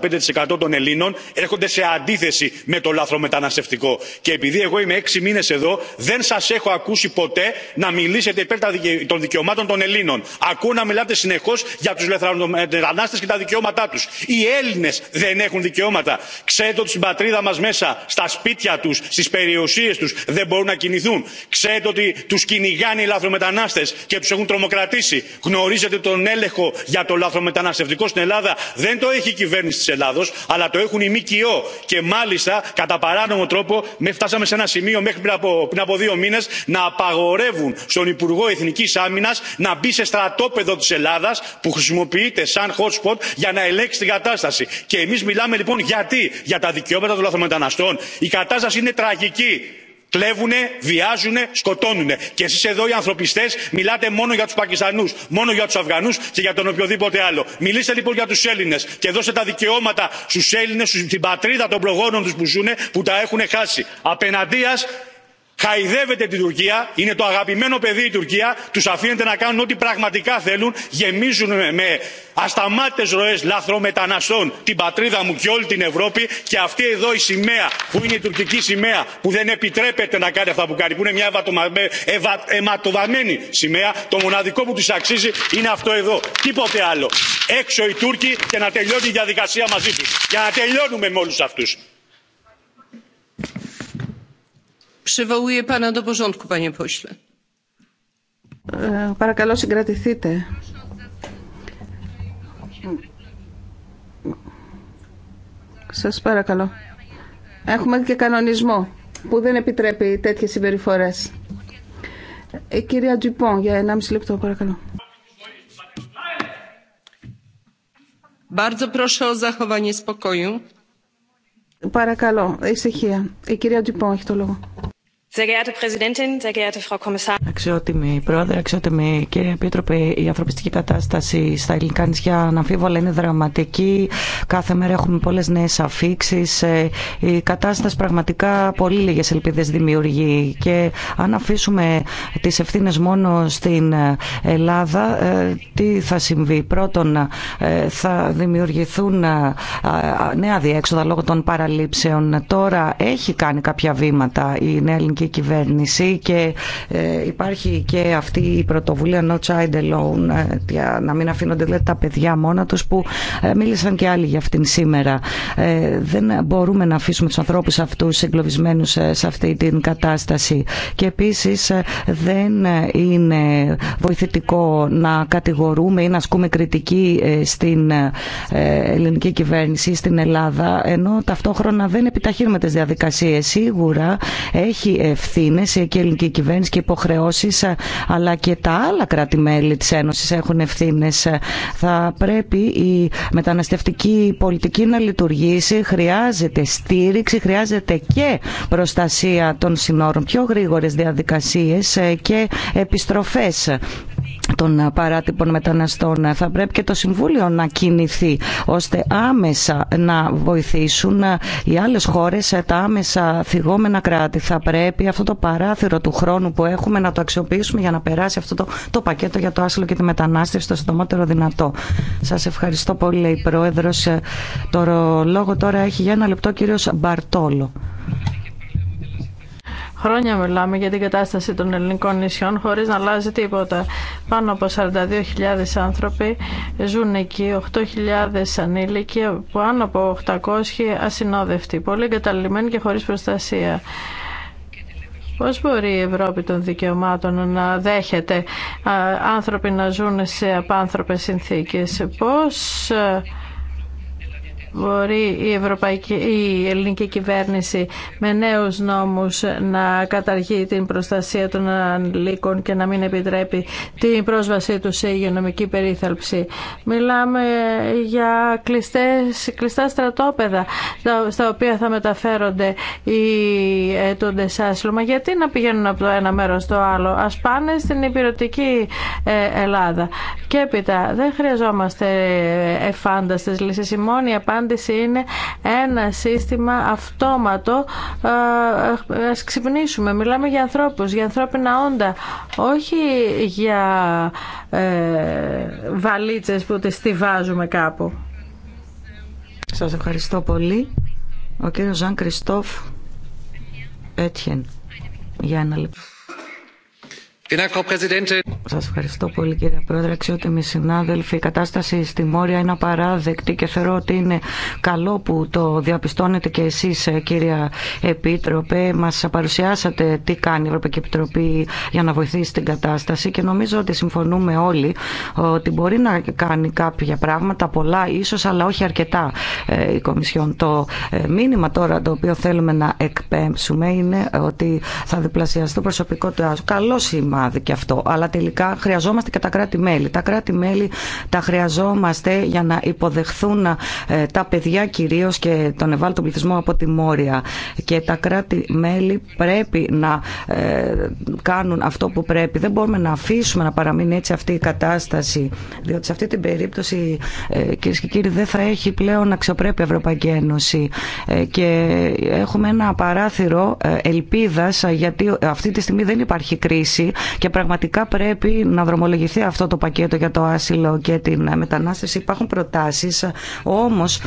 65% των ελλήνων έρχονται σε αντίθεση με το λαθρομεταναστευτικό και επειδή εγώ είμαι έξι μήνες εδώ δεν σας έχω ακούσει ποτέ να μιλήσετε υπέρ των δικαιωμάτων των ελλήνων. ακούω να μιλάτε συνεχώς για τους λαθρομετανάστες και τα δικαιώματά τους. οι έλληνες δεν έχουν δικαιώματα. ξέρετε ότι στην πατρίδα μας μέσα στα σπίτια τους στις περιουσίες τους δεν μπορούν να κινηθούν. ξέρετε ότι τους κυνηγάνε οι λαθρομετανάστες και τους έχουν τρομοκρατήσει. Γνωρίζετε τον έλεγχο για το λαθρομεταναστευτικό στην Ελλάδα. Δεν το έχει η κυβέρνηση τη Ελλάδο, αλλά το έχουν οι ΜΚΟ. Και μάλιστα, κατά παράνομο τρόπο, φτάσαμε σε ένα σημείο μέχρι πριν από, πριν δύο μήνε, να απαγορεύουν στον Υπουργό Εθνική Άμυνα να μπει σε στρατόπεδο τη Ελλάδα που χρησιμοποιείται σαν hot spot για να ελέγξει την κατάσταση. Και εμείς μιλάμε λοιπόν γιατί, για τα δικαιώματα των λαθρομεταναστών. Η κατάσταση είναι τραγική κλέβουνε βιάζουνε σκοτώνουνε και εσείς εδώ οι ανθρωπιστές μιλάτε μόνο για τους πακιστανούς μόνο για τους αφγανούς και για τον οποιοδήποτε άλλο. μιλήστε λοιπόν για τους έλληνες και δώστε τα δικαιώματα στους έλληνες στην πατρίδα των προγόνων τους που ζουν που τα έχουν χάσει. απέναντίας χαϊδεύεται την Τουρκία, είναι το αγαπημένο παιδί η Τουρκία, τους αφήνεται να κάνουν ό,τι πραγματικά θέλουν, γεμίζουν με ασταμάτητες ροές λαθρομεταναστών την πατρίδα μου και όλη την Ευρώπη και αυτή εδώ η σημαία που είναι η τουρκική σημαία που δεν επιτρέπεται να κάνει αυτά που κάνει, που είναι μια ευα... σημαία, το μοναδικό που τη αξίζει είναι αυτό εδώ, τίποτε άλλο. Έξω οι Τούρκοι και να τελειώνει η διαδικασία μαζί τους. Για να τελειώνουμε με όλους αυτούς. Przywołuję pana do porządku, panie pośle. Ε, παρακαλώ συγκρατηθείτε. Σας παρακαλώ. Έχουμε και κανονισμό που δεν επιτρέπει τέτοιες συμπεριφορές. Ε, κυρία Τζιπών, για ένα μισή λεπτό παρακαλώ. Bardzo proszę o zachowanie spokoju. Παρακαλώ, ησυχία. Η κυρία Τζιπών έχει το λόγο. Αξιότιμη Πρόεδρε, αξιότιμη κύριε Επίτροπε, η ανθρωπιστική κατάσταση στα ελληνικά νησιά αναμφίβολα είναι δραματική. Κάθε μέρα έχουμε πολλές νέες αφήξεις. Ε, η κατάσταση πραγματικά πολύ λίγες ελπίδες δημιουργεί και αν αφήσουμε τις ευθύνες μόνο στην Ελλάδα, ε, τι θα συμβεί. Πρώτον, ε, θα δημιουργηθούν νέα διέξοδα λόγω των παραλήψεων. Τώρα έχει κάνει κάποια βήματα η νέα ελληνική κυβέρνηση και ε, υπάρχει και αυτή η πρωτοβουλία No Child Alone ε, για να μην αφήνονται τα παιδιά μόνα τους που ε, μίλησαν και άλλοι για αυτήν σήμερα. δεν μπορούμε να αφήσουμε τους ανθρώπους αυτούς εγκλωβισμένους σε αυτή την κατάσταση και επίσης δεν είναι βοηθητικό να κατηγορούμε ή να ασκούμε κριτική στην ελληνική κυβέρνηση στην Ελλάδα ενώ ταυτόχρονα δεν επιταχύνουμε τις διαδικασίες. Σίγουρα έχει ευθύνε και η ελληνική κυβέρνηση και υποχρεώσει, ε, αλλά και τα άλλα κράτη-μέλη τη Ένωση έχουν ευθύνε. Ε, θα πρέπει η μεταναστευτική πολιτική να λειτουργήσει. Χρειάζεται στήριξη, χρειάζεται και προστασία των συνόρων, πιο γρήγορε διαδικασίε ε, και επιστροφέ των παράτυπων μεταναστών. Θα πρέπει και το Συμβούλιο να κινηθεί ώστε άμεσα να βοηθήσουν οι άλλες χώρες τα άμεσα θυγόμενα κράτη. Θα πρέπει αυτό το παράθυρο του χρόνου που έχουμε να το αξιοποιήσουμε για να περάσει αυτό το, το πακέτο για το άσυλο και τη μετανάστευση το συντομότερο δυνατό. Σας ευχαριστώ πολύ, λέει η Πρόεδρος. Ε, το λόγο τώρα έχει για ένα λεπτό ο κύριος Μπαρτόλο. Χρόνια μιλάμε για την κατάσταση των ελληνικών νησιών χωρίς να αλλάζει τίποτα. Πάνω από 42.000 άνθρωποι ζουν εκεί, 8.000 ανήλικοι, πάνω από 800 ασυνόδευτοι, πολύ εγκαταλειμμένοι και χωρίς προστασία. Πώς μπορεί η Ευρώπη των δικαιωμάτων να δέχεται άνθρωποι να ζουν σε απάνθρωπες συνθήκες. Πώς μπορεί η, Ευρωπαϊκή, η ελληνική κυβέρνηση με νέους νόμους να καταργεί την προστασία των ανηλίκων και να μην επιτρέπει την πρόσβασή τους σε υγειονομική περίθαλψη. Μιλάμε για κλειστές, κλειστά στρατόπεδα στα οποία θα μεταφέρονται οι αιτούντες Μα Γιατί να πηγαίνουν από το ένα μέρος στο άλλο. Ας πάνε στην υπηρετική ε, Ελλάδα. Και έπειτα δεν χρειαζόμαστε εφάνταστες λύσεις. Η μόνη απάντηση απάντηση είναι ένα σύστημα αυτόματο. Ε, ας ξυπνήσουμε. Μιλάμε για ανθρώπους, για ανθρώπινα όντα. Όχι για ε, βαλίτσες που τις στηβάζουμε κάπου. Σας ευχαριστώ πολύ. Ο κύριος Ζαν Κριστόφ Έτχεν. Για ένα λεπτό. Σα ευχαριστώ πολύ κύριε Πρόεδρε, αξιότιμοι συνάδελφοι. Η κατάσταση στη Μόρια είναι απαράδεκτη και θεωρώ ότι είναι καλό που το διαπιστώνετε και εσείς ε, κύριε Επίτροπε. Μας παρουσιάσατε τι κάνει η Ευρωπαϊκή Επιτροπή για να βοηθήσει την κατάσταση και νομίζω ότι συμφωνούμε όλοι ότι μπορεί να κάνει κάποια πράγματα, πολλά ίσως αλλά όχι αρκετά ε, η Κομισιόν. Το ε, μήνυμα τώρα το οποίο θέλουμε να εκπέμψουμε είναι ότι θα διπλασιαστεί το προσωπικό του άσου. Καλό σήμα και αυτό. Αλλά τελικά χρειαζόμαστε και τα κράτη-μέλη. Τα κράτη-μέλη τα χρειαζόμαστε για να υποδεχθούν ε, τα παιδιά κυρίω και τον ευάλωτο πληθυσμό από τη Μόρια. Και τα κράτη-μέλη πρέπει να ε, κάνουν αυτό που πρέπει. Δεν μπορούμε να αφήσουμε να παραμείνει έτσι αυτή η κατάσταση. Διότι σε αυτή την περίπτωση, ε, κυρίε και κύριοι, δεν θα έχει πλέον αξιοπρέπεια η Ευρωπαϊκή Ένωση. Και έχουμε ένα παράθυρο ελπίδα, γιατί αυτή τη στιγμή δεν υπάρχει κρίση, και πραγματικά πρέπει να δρομολογηθεί αυτό το πακέτο για το άσυλο και την μετανάστευση. Υπάρχουν προτάσεις, όμως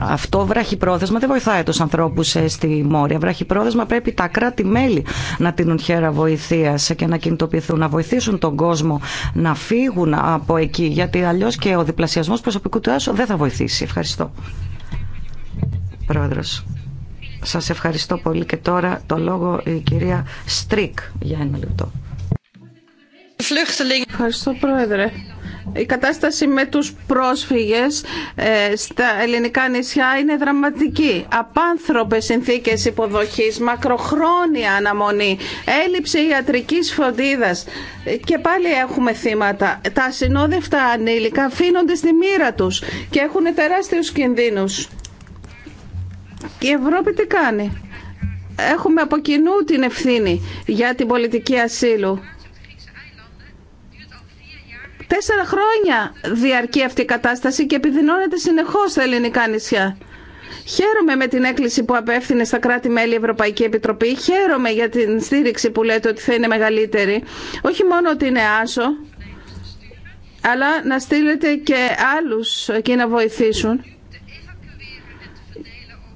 αυτό βραχυπρόθεσμα δεν βοηθάει τους ανθρώπους ε, στη Μόρια. Βραχυπρόθεσμα πρέπει τα κράτη-μέλη να τίνουν χέρα βοηθείας και να κινητοποιηθούν, να βοηθήσουν τον κόσμο να φύγουν από εκεί, γιατί αλλιώς και ο διπλασιασμός προσωπικού του άσου δεν θα βοηθήσει. Ευχαριστώ. Πρόεδρος. Σας ευχαριστώ πολύ και τώρα το λόγο η κυρία Στρίκ για ένα λεπτό. Ευχαριστώ Πρόεδρε. Η κατάσταση με τους πρόσφυγες ε, στα ελληνικά νησιά είναι δραματική. Απάνθρωπες συνθήκες υποδοχής, μακροχρόνια αναμονή, έλλειψη ιατρικής φροντίδας και πάλι έχουμε θύματα. Τα ασυνόδευτα ανήλικα αφήνονται στη μοίρα τους και έχουν τεράστιους κινδύνους. Και η Ευρώπη τι κάνει. Έχουμε από κοινού την ευθύνη για την πολιτική ασύλου Τέσσερα χρόνια διαρκεί αυτή η κατάσταση και επιδεινώνεται συνεχώ στα ελληνικά νησιά. Χαίρομαι με την έκκληση που απέφθινε στα κράτη-μέλη Ευρωπαϊκή Επιτροπή. Χαίρομαι για την στήριξη που λέτε ότι θα είναι μεγαλύτερη. Όχι μόνο ότι είναι άσο, αλλά να στείλετε και άλλους εκεί να βοηθήσουν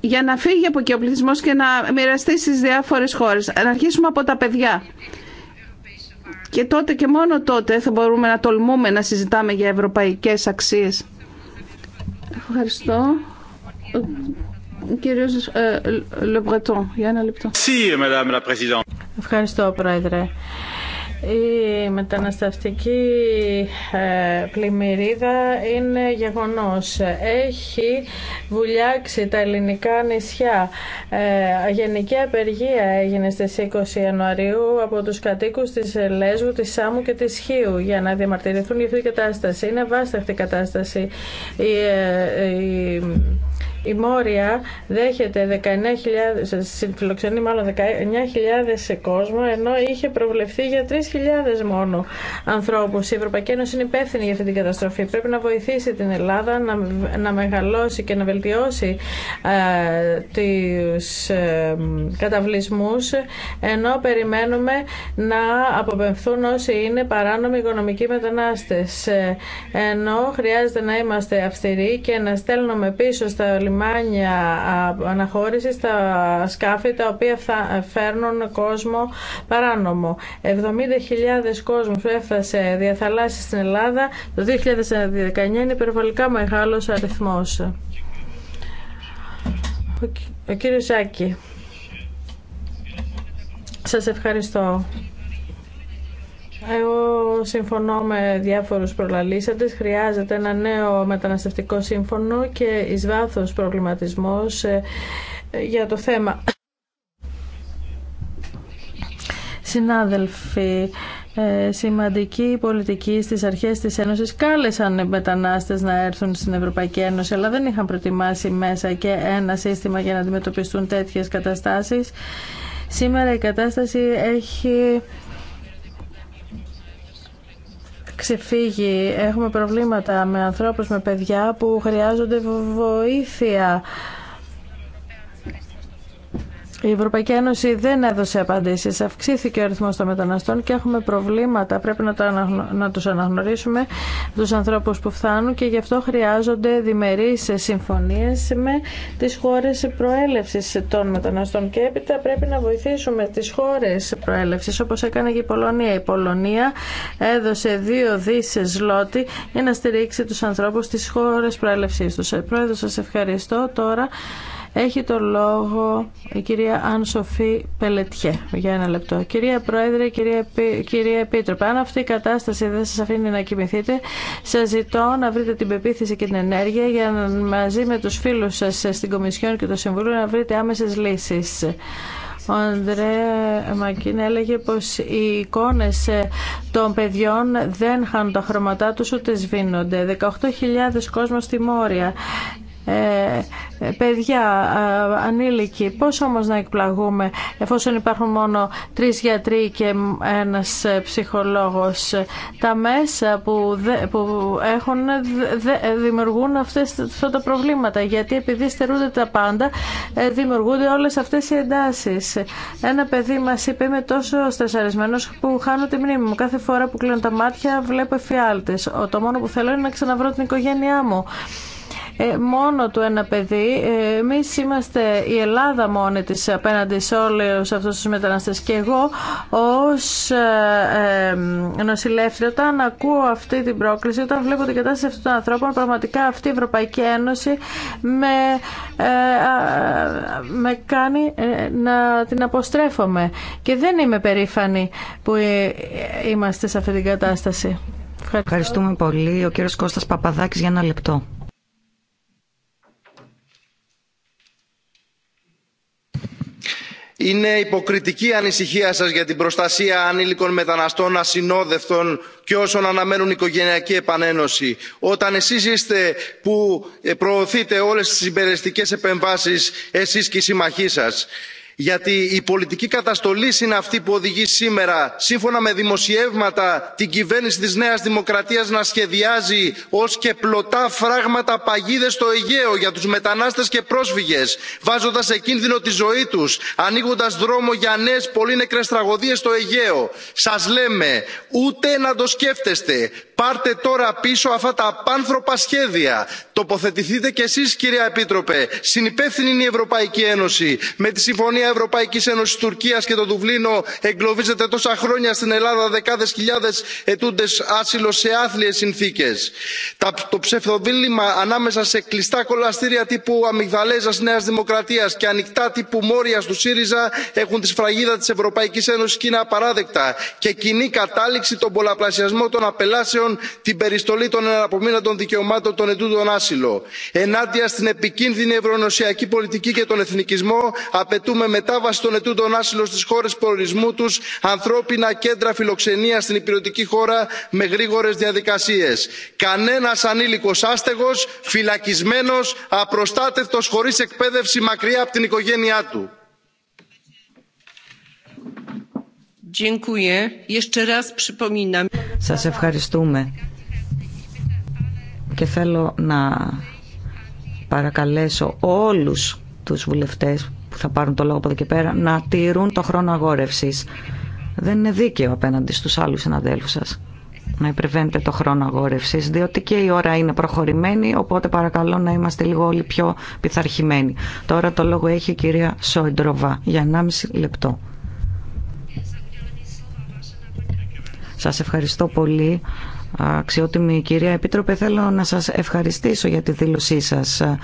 για να φύγει από εκεί ο πληθυσμό και να μοιραστεί στις διάφορες χώρες. Να αρχίσουμε από τα παιδιά. Και τότε και μόνο τότε θα μπορούμε να τολμούμε να συζητάμε για ευρωπαϊκές αξίες. Ευχαριστώ. Κύριο Λεμπρετών, για ένα λεπτό. Ευχαριστώ, Πρόεδρε. Η μεταναστευτική ε, πλημμυρίδα είναι γεγονός. Έχει βουλιάξει τα ελληνικά νησιά. Ε, γενική απεργία έγινε στις 20 Ιανουαρίου από τους κατοίκους της Λέσβου, της Σάμου και της Χίου για να διαμαρτυρηθούν για αυτή την κατάσταση. Είναι βάσταχτη κατάσταση. Η, ε, η η Μόρια δέχεται 19.000, φιλοξενεί μάλλον 19.000 κόσμο, ενώ είχε προβλεφθεί για 3.000 μόνο ανθρώπους. Η Ευρωπαϊκή Ένωση είναι υπεύθυνη για αυτή την καταστροφή. Πρέπει να βοηθήσει την Ελλάδα να, να μεγαλώσει και να βελτιώσει ε, τους ε, καταβλισμούς, ενώ περιμένουμε να αποπεμφθούν όσοι είναι παράνομοι οικονομικοί μετανάστες. Ε, ενώ χρειάζεται να είμαστε αυστηροί και να στέλνουμε πίσω στα λιμάνια λιμάνια αναχώρηση στα σκάφη τα οποία φέρνουν κόσμο παράνομο. 70.000 κόσμος έφτασε θαλάσσης στην Ελλάδα το 2019 είναι υπερβολικά μεγάλο αριθμό. Ο κύριος Ζάκη. Σας ευχαριστώ. Εγώ συμφωνώ με διάφορους προλαλήσαντες. Χρειάζεται ένα νέο μεταναστευτικό σύμφωνο και εις βάθος προβληματισμός ε, για το θέμα. Συνάδελφοι, ε, σημαντικοί πολιτικοί στις αρχές της Ένωσης κάλεσαν μετανάστες να έρθουν στην Ευρωπαϊκή Ένωση αλλά δεν είχαν προετοιμάσει μέσα και ένα σύστημα για να αντιμετωπιστούν τέτοιες καταστάσεις. Σήμερα η κατάσταση έχει ξεφύγει. Έχουμε προβλήματα με ανθρώπους, με παιδιά που χρειάζονται βοήθεια. Η Ευρωπαϊκή Ένωση δεν έδωσε απαντήσει, Αυξήθηκε ο αριθμό των μεταναστών και έχουμε προβλήματα. Πρέπει να, το να τους αναγνωρίσουμε του ανθρώπου που φτάνουν και γι' αυτό χρειάζονται διμερείς συμφωνίε με τι χώρε προέλευση των μεταναστών. Και έπειτα πρέπει να βοηθήσουμε τι χώρε προέλευση. Όπω έκανε και η Πολωνία. Η Πολωνία έδωσε δύο δίσεις σλότι για να στηρίξει του ανθρώπου, στι χώρες προέλευση του. Πρόεδρο, σας ευχαριστώ. Τώρα έχει το λόγο η κυρία Αν Πελετιέ. Για ένα λεπτό. Κυρία Πρόεδρε, κυρία, κυρία Επίτροπε, αν αυτή η κατάσταση δεν σα αφήνει να κοιμηθείτε, σα ζητώ να βρείτε την πεποίθηση και την ενέργεια για να, μαζί με του φίλου σα στην Κομισιόν και το Συμβούλιο να βρείτε άμεσε λύσει. Ο Ανδρέ Μακίν έλεγε πως οι εικόνες ε, των παιδιών δεν χάνουν τα χρώματά τους ούτε σβήνονται. 18.000 κόσμος στη Μόρια. Ε, παιδιά, ε, ανήλικοι. Πώς όμως να εκπλαγούμε εφόσον υπάρχουν μόνο τρεις γιατροί και ένας ε, ψυχολόγος. Τα μέσα που, έχουν δημιουργούν αυτές, αυτά τα προβλήματα γιατί επειδή στερούνται τα πάντα δημιουργούνται όλες αυτές οι εντάσεις. Ένα παιδί μας είπε είμαι τόσο στεσαρισμένος που χάνω τη μνήμη μου. Κάθε φορά που κλείνω τα μάτια βλέπω εφιάλτες. Το μόνο που θέλω είναι να ξαναβρω την οικογένειά μου. Ε, μόνο του ένα παιδί. Ε, Εμεί είμαστε η Ελλάδα μόνη τη απέναντι σε όλου αυτού του μετανάστε. Και εγώ ω ε, νοσηλεύτρια, όταν ακούω αυτή την πρόκληση, όταν βλέπω την κατάσταση αυτών των ανθρώπων, πραγματικά αυτή η Ευρωπαϊκή Ένωση με, με κάνει να την αποστρέφομαι. Και δεν είμαι περήφανη που είμαστε σε αυτή την κατάσταση. Ευχαριστούμε πολύ. Ο κύριος Κώστας Παπαδάκης για ένα λεπτό. είναι υποκριτική η ανησυχία σας για την προστασία ανήλικων μεταναστών ασυνόδευτων και όσων αναμένουν οικογενειακή επανένωση όταν εσείς είστε που ε, προωθείτε όλες τις συμπεριστικές επεμβάσεις εσείς και οι συμμαχοί σας γιατί η πολιτική καταστολή είναι αυτή που οδηγεί σήμερα σύμφωνα με δημοσιεύματα την κυβέρνηση της νέας δημοκρατίας να σχεδιάζει ως και πλωτά φράγματα παγίδες στο αιγαίο για τους μετανάστες και πρόσφυγες βάζοντας σε κίνδυνο τη ζωή τους ανοίγοντας δρόμο για νέες πολύ νεκρές τραγωδίες στο αιγαίο. σας λέμε ούτε να το σκέφτεστε πάρτε τώρα πίσω αυτά τα απάνθρωπα σχέδια τοποθετηθείτε κι εσείς κυρία επίτροπε συνυπεύθυνη είναι η ευρωπαϊκή ένωση με τη συμφωνία συμφωνία ευρωπαϊκής ένωσης τουρκίας και το δουβλίνο εγκλωβίζεται τόσα χρόνια στην ελλάδα δεκάδες χιλιάδες αιτούντες άσυλο σε άθλιες συνθήκες. το ψευδοδίλημμα ανάμεσα σε κλειστά κολαστήρια τύπου αμυγδαλέζας νέας δημοκρατίας και ανοιχτά τύπου μόριας του σύριζα έχουν τη σφραγίδα της ευρωπαϊκής ένωσης και είναι απαράδεκτα και κοινή κατάληξη τον πολλαπλασιασμό των απελάσεων την περιστολή των εναπομείνατων δικαιωμάτων των ετούντων άσυλο. ενάντια στην επικίνδυνη ευρωνοσιακή πολιτική και τον εθνικισμό απαιτούμε μετάβαση των ετούντων άσυλο στις χώρες προορισμού τους ανθρώπινα κέντρα φιλοξενίας στην υπηρετική χώρα με γρήγορες διαδικασίες. κανένας ανήλικος άστεγος φυλακισμένος απροστάτευτος χωρίς εκπαίδευση μακριά από την οικογένειά του. Σας ευχαριστούμε και θέλω να παρακαλέσω όλους τους βουλευτές που θα πάρουν το λόγο από εδώ και πέρα να τηρούν το χρόνο αγόρευση. Δεν είναι δίκαιο απέναντι στου άλλους συναδέλφου σας να υπερβαίνετε το χρόνο αγόρευση, διότι και η ώρα είναι προχωρημένη, οπότε παρακαλώ να είμαστε λίγο όλοι πιο πειθαρχημένοι. Τώρα το λόγο έχει η κυρία Σόιντροβα για 1,5 λεπτό. Σας ευχαριστώ πολύ Αξιότιμη κυρία Επίτροπε, θέλω να σας ευχαριστήσω για τη δήλωσή σας, ε,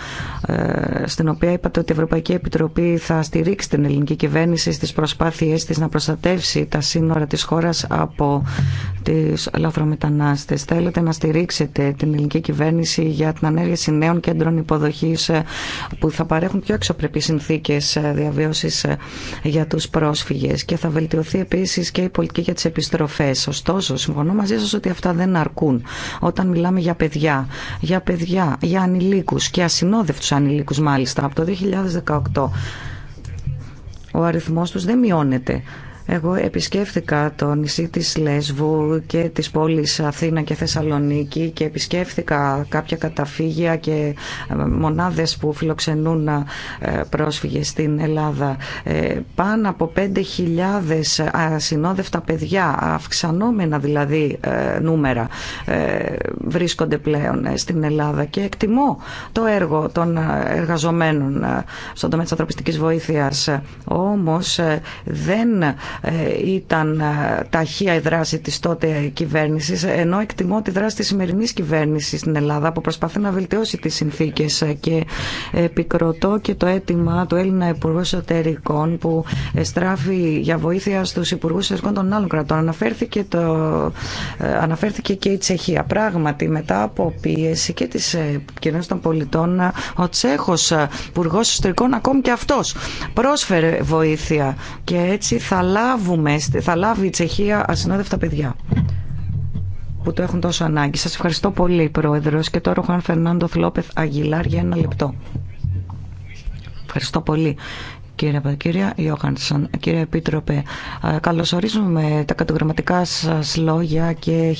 στην οποία είπατε ότι η Ευρωπαϊκή Επιτροπή θα στηρίξει την ελληνική κυβέρνηση στις προσπάθειές της να προστατεύσει τα σύνορα της χώρας από τις λαθρομετανάστες. Θέλετε να στηρίξετε την ελληνική κυβέρνηση για την ανέργεια νέων κέντρων υποδοχής ε, που θα παρέχουν πιο εξωπρεπείς συνθήκες ε, διαβίωσης για τους πρόσφυγες και θα βελτιωθεί επίσης και η πολιτική για τις επιστροφές. Ωστόσο, συμφωνώ μαζί σας ότι αυτά δεν αρκούν. Όταν μιλάμε για παιδιά, για παιδιά, για ανηλίκους και ασυνόδευτους ανηλίκους μάλιστα από το 2018, ο αριθμός τους δεν μειώνεται. Εγώ επισκέφθηκα το νησί της Λέσβου και της πόλης Αθήνα και Θεσσαλονίκη και επισκέφθηκα κάποια καταφύγια και ε, μονάδες που φιλοξενούν ε, πρόσφυγες στην Ελλάδα. Ε, πάνω από 5.000 ασυνόδευτα παιδιά, αυξανόμενα δηλαδή νούμερα, βρίσκονται πλέον στην Ελλάδα και εκτιμώ το έργο των εργαζομένων στον τομέα της ανθρωπιστικής βοήθειας. Όμως δεν ε, ήταν ε, ταχεία η δράση της τότε κυβέρνησης ενώ εκτιμώ τη δράση της σημερινή κυβέρνησης στην Ελλάδα που προσπαθεί να βελτιώσει τις συνθήκες ε, και επικροτώ και το αίτημα του Έλληνα Υπουργού Εσωτερικών που στράφει για βοήθεια στους Υπουργούς Εσωτερικών των άλλων κρατών. Αναφέρθηκε, το, αναφέρθηκε και η Τσεχία. Πράγματι μετά από πίεση και της κοινωνίας των πολιτών ο Τσέχος Υπουργός Εσωτερικών ακόμη και αυτός πρόσφερε βοήθεια και έτσι θα λάβουμε, θα λάβει η Τσεχία ασυνόδευτα παιδιά που το έχουν τόσο ανάγκη. Σας ευχαριστώ πολύ, Πρόεδρος. Και τώρα ο Χαν Φερνάντο Θλόπεθ Αγγιλάρ για ένα λεπτό. Ευχαριστώ πολύ, Κύριε κύριε Ιόχανσον, κύριε Επίτροπε, καλωσορίζουμε τα κατογραμματικά σα λόγια και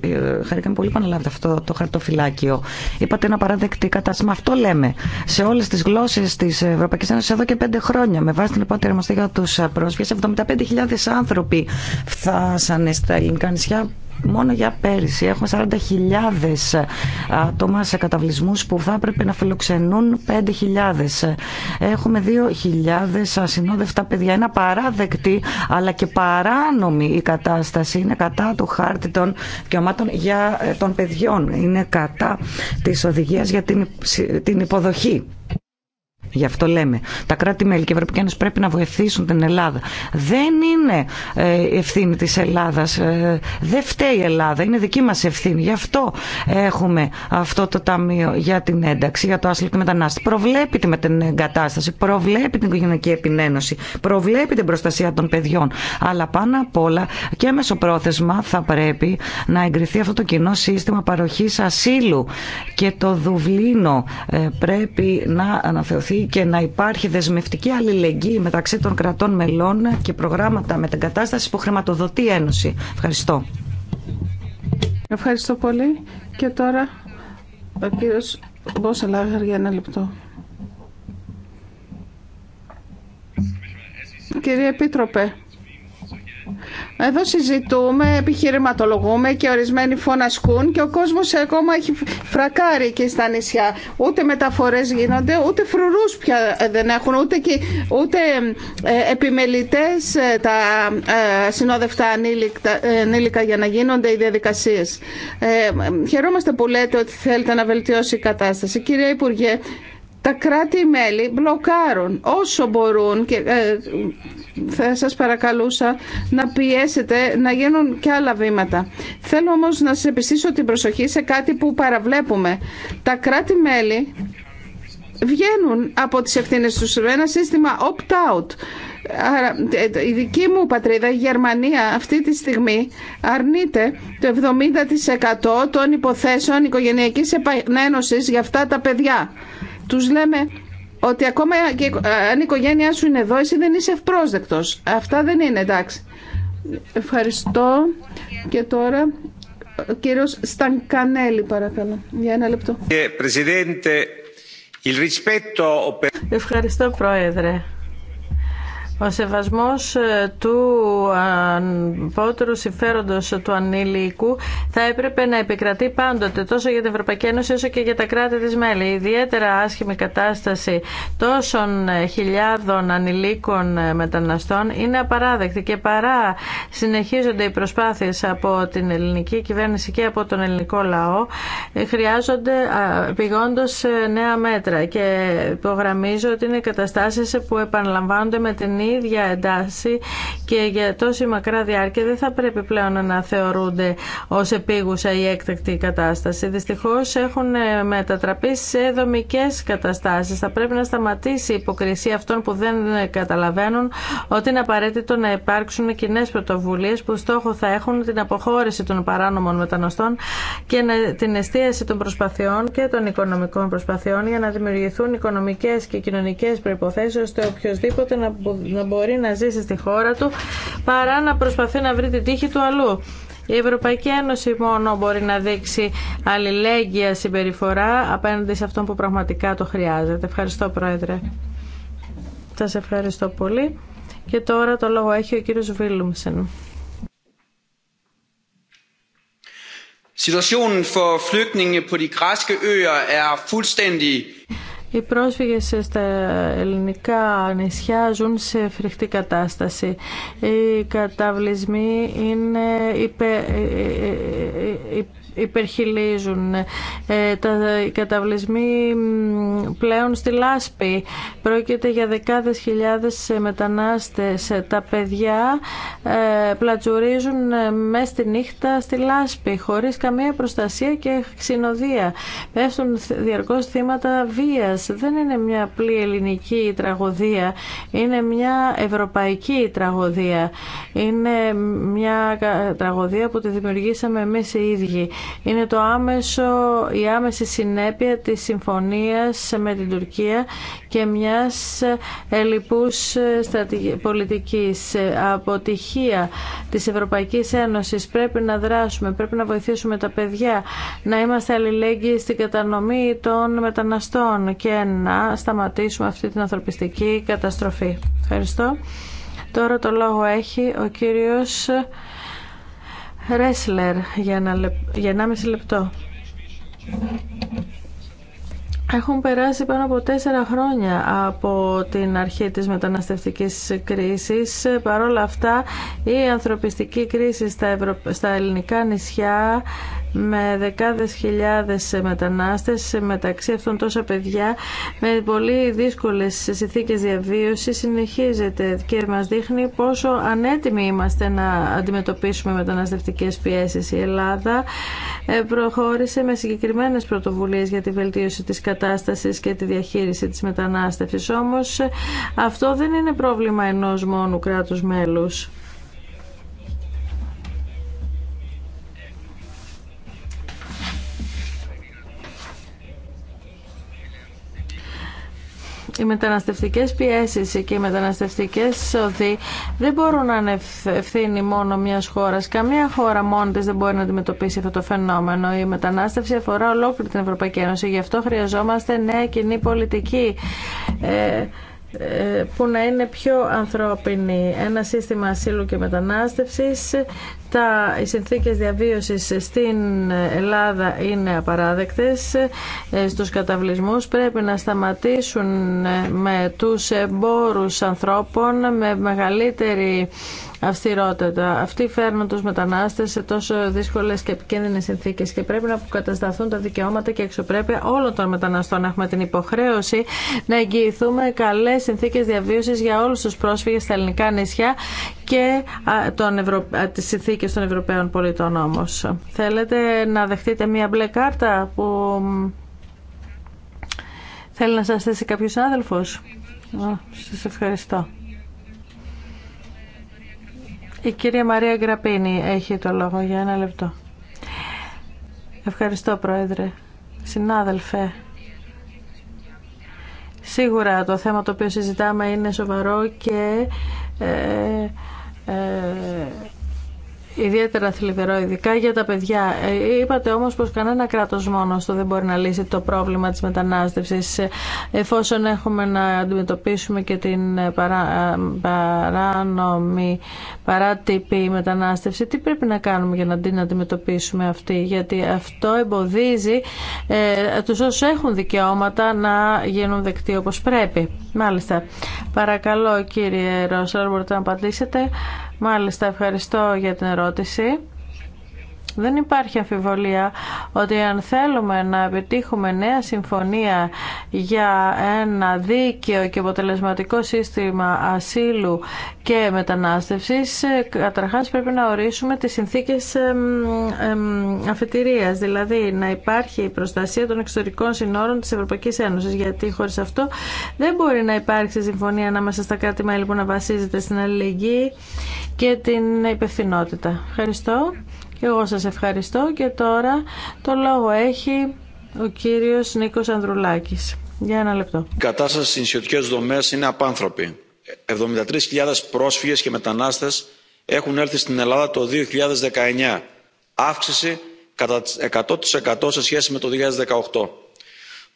ε, χαρήκαμε πολύ που αναλάβετε αυτό το χαρτοφυλάκιο. Είπατε ένα παραδεκτή κατάστημα. Αυτό λέμε σε όλες τις γλώσσες τη Ευρωπαϊκή Ένωση εδώ και πέντε χρόνια. Με βάση την λοιπόν μας για τους πρόσφυγες, 75.000 άνθρωποι φτάσανε στα ελληνικά νησιά μόνο για πέρυσι έχουμε 40.000 άτομα σε καταβλισμούς που θα έπρεπε να φιλοξενούν 5.000. Έχουμε 2.000 ασυνόδευτα παιδιά. Είναι παράδεκτη αλλά και παράνομη η κατάσταση. Είναι κατά του χάρτη των δικαιωμάτων για ε, των παιδιών. Είναι κατά της οδηγίας για την υποδοχή. Γι' αυτό λέμε. Τα κράτη-μέλη και η Ευρωπαϊκή Ένωση πρέπει να βοηθήσουν την Ελλάδα. Δεν είναι ε, ευθύνη τη Ελλάδα. Ε, δεν φταίει η Ελλάδα. Είναι δική μα ευθύνη. Γι' αυτό έχουμε αυτό το Ταμείο για την ένταξη, για το άσυλο και μετανάστη. Προβλέπει την εγκατάσταση, προβλέπει την οικογενειακή επινένωση, προβλέπει την προστασία των παιδιών. Αλλά πάνω απ' όλα και μεσοπρόθεσμα θα πρέπει να εγκριθεί αυτό το κοινό σύστημα παροχή ασύλου. Και το Δουβλίνο ε, πρέπει να αναθεωθεί και να υπάρχει δεσμευτική αλληλεγγύη μεταξύ των κρατών μελών και προγράμματα μετεγκατάστασης που χρηματοδοτεί η Ένωση. Ευχαριστώ. Ευχαριστώ πολύ. Και τώρα ο κύριος Μπόσελάγερ για ένα λεπτό. Κύριε Επίτροπε, εδώ συζητούμε, επιχειρηματολογούμε και ορισμένοι φωνασκούν και ο κόσμος ακόμα έχει φρακάρει και στα νησιά. Ούτε μεταφορές γίνονται, ούτε φρουρούς πια δεν έχουν, ούτε, και, ούτε ε, επιμελητές ε, τα ε, συνόδευτα ανήλικα για να γίνονται οι διαδικασίες. Ε, χαιρόμαστε που λέτε ότι θέλετε να βελτιώσει η κατάσταση. Κύριε Υπουργέ, τα κράτη-μέλη μπλοκάρουν όσο μπορούν και ε, θα σας παρακαλούσα να πιέσετε να γίνουν και άλλα βήματα. Θέλω όμως να σας επιστήσω την προσοχή σε κάτι που παραβλέπουμε. Τα κράτη-μέλη βγαίνουν από τις ευθύνες τους ένα σύστημα opt-out. Ε, ε, η δική μου πατρίδα, η Γερμανία, αυτή τη στιγμή αρνείται το 70% των υποθέσεων οικογενειακής επανένωσης για αυτά τα παιδιά. Τους λέμε ότι ακόμα και αν η οικογένειά σου είναι εδώ, εσύ δεν είσαι ευπρόσδεκτος. Αυτά δεν είναι εντάξει. Ευχαριστώ. Και τώρα ο κύριος Στανκανέλη παρακαλώ. Για ένα λεπτό. Ευχαριστώ πρόεδρε. Ο σεβασμός ε, του πότερου συμφέροντος του ανήλικου θα έπρεπε να επικρατεί πάντοτε τόσο για την Ευρωπαϊκή Ένωση όσο και για τα κράτη της μέλη. Η ιδιαίτερα άσχημη κατάσταση τόσων ε, χιλιάδων ανηλίκων ε, μεταναστών είναι απαράδεκτη και παρά συνεχίζονται οι προσπάθειες από την ελληνική κυβέρνηση και από τον ελληνικό λαό χρειάζονται πηγόντως νέα μέτρα και υπογραμμίζω ότι είναι καταστάσεις που επαναλαμβάνονται με την ίδια εντάση και για τόση μακρά διάρκεια δεν θα πρέπει πλέον να θεωρούνται ως επίγουσα η έκτακτη κατάσταση. Δυστυχώ έχουν ε, μετατραπεί σε δομικέ καταστάσεις. Θα πρέπει να σταματήσει η υποκρισία αυτών που δεν ε, καταλαβαίνουν ότι είναι απαραίτητο να υπάρξουν κοινέ πρωτοβουλίε που στόχο θα έχουν την αποχώρηση των παράνομων μετανοστών και την εστίαση των προσπαθειών και των οικονομικών προσπαθειών για να δημιουργηθούν οικονομικές και κοινωνικές προποθέσει ώστε οποιοδήποτε να να μπορεί να ζήσει στη χώρα του παρά να προσπαθεί να βρει τη τύχη του αλλού. Η Ευρωπαϊκή Ένωση μόνο μπορεί να δείξει αλληλέγγυα συμπεριφορά απέναντι σε αυτόν που πραγματικά το χρειάζεται. Ευχαριστώ Πρόεδρε. Σα ευχαριστώ πολύ. Και τώρα το λόγο έχει ο κύριος Βίλουμσεν. Situationen for flygtninge på de græske øer er οι πρόσφυγες στα ελληνικά νησιά ζουν σε φρικτή κατάσταση. Οι καταβλισμοί είναι υπε... Ε, ε, ε, υπερχιλίζουν. Ε, τα, οι καταβλισμοί πλέον στη λάσπη. Πρόκειται για δεκάδες χιλιάδες μετανάστες. Τα παιδιά ε, πλατζουρίζουν ε, μέσα στη νύχτα στη λάσπη χωρίς καμία προστασία και ξυνοδία. Πέφτουν διαρκώς θύματα βίας. Δεν είναι μια απλή ελληνική τραγωδία. Είναι μια ευρωπαϊκή τραγωδία. Είναι μια τραγωδία που τη δημιουργήσαμε εμείς οι ίδιοι είναι το άμεσο, η άμεση συνέπεια της συμφωνίας με την Τουρκία και μιας ελλειπούς πολιτικής. Αποτυχία της Ευρωπαϊκής Ένωσης πρέπει να δράσουμε, πρέπει να βοηθήσουμε τα παιδιά, να είμαστε αλληλέγγυοι στην κατανομή των μεταναστών και να σταματήσουμε αυτή την ανθρωπιστική καταστροφή. Ευχαριστώ. Τώρα το λόγο έχει ο κύριος Ρέσλερ για, ένα, για 1,5 λεπτό. Έχουν περάσει πάνω από τέσσερα χρόνια από την αρχή της μεταναστευτικής κρίσης. Παρ' όλα αυτά, η ανθρωπιστική κρίση στα, στα ελληνικά νησιά με δεκάδες χιλιάδες μετανάστες, μεταξύ αυτών τόσα παιδιά, με πολύ δύσκολες συνθήκες διαβίωσης συνεχίζεται και μας δείχνει πόσο ανέτοιμοι είμαστε να αντιμετωπίσουμε μεταναστευτικές πιέσεις. Η Ελλάδα ε, προχώρησε με συγκεκριμένες πρωτοβουλίες για τη βελτίωση της κατάστασης και τη διαχείριση της μετανάστευσης. Όμως αυτό δεν είναι πρόβλημα ενός μόνο κράτους μέλους. Οι μεταναστευτικές πιέσεις και οι μεταναστευτικές οδοί δεν μπορούν να είναι ευθύνη μόνο μιας χώρας. Καμία χώρα μόνη της δεν μπορεί να αντιμετωπίσει αυτό το φαινόμενο. Η μετανάστευση αφορά ολόκληρη την Ευρωπαϊκή Ένωση. Γι' αυτό χρειαζόμαστε νέα κοινή πολιτική. Ε, ε, που να είναι πιο ανθρώπινη. Ένα σύστημα ασύλου και μετανάστευσης. Τα, οι συνθήκες διαβίωσης στην Ελλάδα είναι απαράδεκτες ε, στους καταβλισμούς. Πρέπει να σταματήσουν με τους εμπόρους ανθρώπων με μεγαλύτερη Αυστηρότητα. Αυτοί φέρνουν του μετανάστες σε τόσο δύσκολε και επικίνδυνε συνθήκες και πρέπει να αποκατασταθούν τα δικαιώματα και εξωπρέπεια όλων των μεταναστών. Έχουμε την υποχρέωση να εγγυηθούμε καλές συνθήκες διαβίωσης για όλους τους πρόσφυγες στα ελληνικά νησιά και Ευρω... συνθήκες των Ευρωπαίων πολιτών όμω. Θέλετε να δεχτείτε μία μπλε κάρτα που θέλει να σας θέσει κάποιος άδελφος. Σας ευχαριστώ. Η κυρία Μαρία Γκραπίνη έχει το λόγο για ένα λεπτό. Ευχαριστώ, Πρόεδρε. Συνάδελφε, σίγουρα το θέμα το οποίο συζητάμε είναι σοβαρό και ε, ε, ιδιαίτερα θλιβερό, ειδικά για τα παιδιά. Ε, είπατε όμως πως κανένα κράτος μόνο του δεν μπορεί να λύσει το πρόβλημα της μετανάστευσης εφόσον έχουμε να αντιμετωπίσουμε και την ε, παρά, ε, παράνομη, παράτυπη μετανάστευση. Τι πρέπει να κάνουμε για να την αντιμετωπίσουμε αυτή, γιατί αυτό εμποδίζει ε, τους όσους έχουν δικαιώματα να γίνουν δεκτοί όπως πρέπει. Μάλιστα. Παρακαλώ κύριε Ροσόρμπορτ να απαντήσετε. Μάλιστα, ευχαριστώ για την ερώτηση. Δεν υπάρχει αμφιβολία ότι αν θέλουμε να επιτύχουμε νέα συμφωνία για ένα δίκαιο και αποτελεσματικό σύστημα ασύλου και μετανάστευσης, καταρχάς πρέπει να ορίσουμε τις συνθήκες αφετηρίας, δηλαδή να υπάρχει η προστασία των εξωτερικών συνόρων της Ευρωπαϊκής Ένωσης, γιατί χωρίς αυτό δεν μπορεί να υπάρξει συμφωνία ανάμεσα στα κράτη-μέλη που να βασίζεται στην αλληλεγγύη και την υπευθυνότητα. Ευχαριστώ. Και εγώ σας ευχαριστώ και τώρα το λόγο έχει ο κύριος Νίκος Ανδρουλάκης. Για ένα λεπτό. Η κατάσταση στις νησιωτικές δομές είναι απάνθρωπη. 73.000 πρόσφυγες και μετανάστες έχουν έρθει στην Ελλάδα το 2019. Αύξηση κατά 100% σε σχέση με το 2018.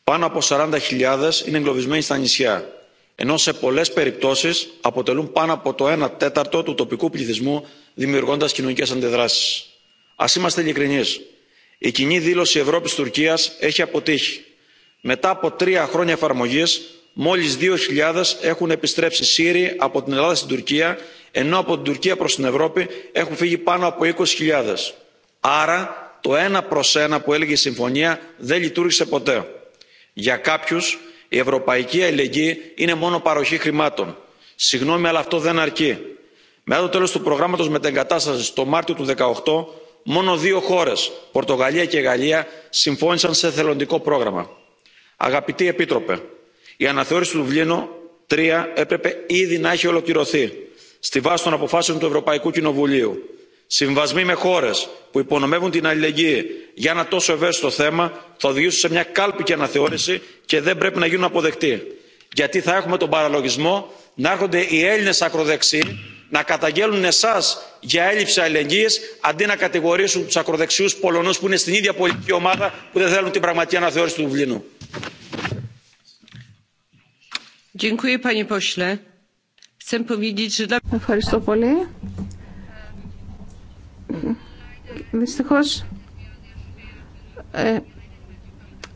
Πάνω από 40.000 είναι εγκλωβισμένοι στα νησιά, ενώ σε πολλές περιπτώσεις αποτελούν πάνω από το 1 τέταρτο του τοπικού πληθυσμού, δημιουργώντας κοινωνικές αντιδράσεις α είμαστε ειλικρινεί η κοινή δήλωση ευρώπη τουρκία έχει αποτύχει. μετά από τρία χρόνια εφαρμογή μόλι 2.000 έχουν επιστρέψει σύριοι από την ελλάδα στην τουρκία ενώ από την τουρκία προ την ευρώπη έχουν φύγει πάνω από 20.000. άρα το ένα προ ένα που έλεγε η συμφωνία δεν λειτουργήσε ποτέ. για κάποιου η ευρωπαϊκή αλληλεγγύη είναι μόνο παροχή χρημάτων. συγγνώμη αλλά αυτό δεν αρκεί. μετά το τέλο του προγράμματο μετεγκατάσταση το μάρτιο του 2018 μόνο δύο χώρες πορτογαλία και γαλλία συμφώνησαν σε θελοντικό πρόγραμμα. Αγαπητοί επίτροπε η αναθεώρηση του δουβλίνου 3 έπρεπε ήδη να έχει ολοκληρωθεί στη βάση των αποφάσεων του ευρωπαϊκού κοινοβουλίου. συμβασμοί με χώρες που υπονομεύουν την αλληλεγγύη για ένα τόσο ευαίσθητο θέμα θα οδηγήσουν σε μια κάλπικη αναθεώρηση και δεν πρέπει να γίνουν αποδεκτοί γιατί θα έχουμε τον παραλογισμό να έρχονται οι έλληνες ακροδεξιοί να καταγγέλνουν εσά για έλλειψη αλληλεγγύη αντί να κατηγορήσουν του ακροδεξιού Πολωνούς που είναι στην ίδια πολιτική ομάδα που δεν θέλουν την πραγματική αναθεώρηση του Δουβλίνου. Ευχαριστώ πολύ. Ε,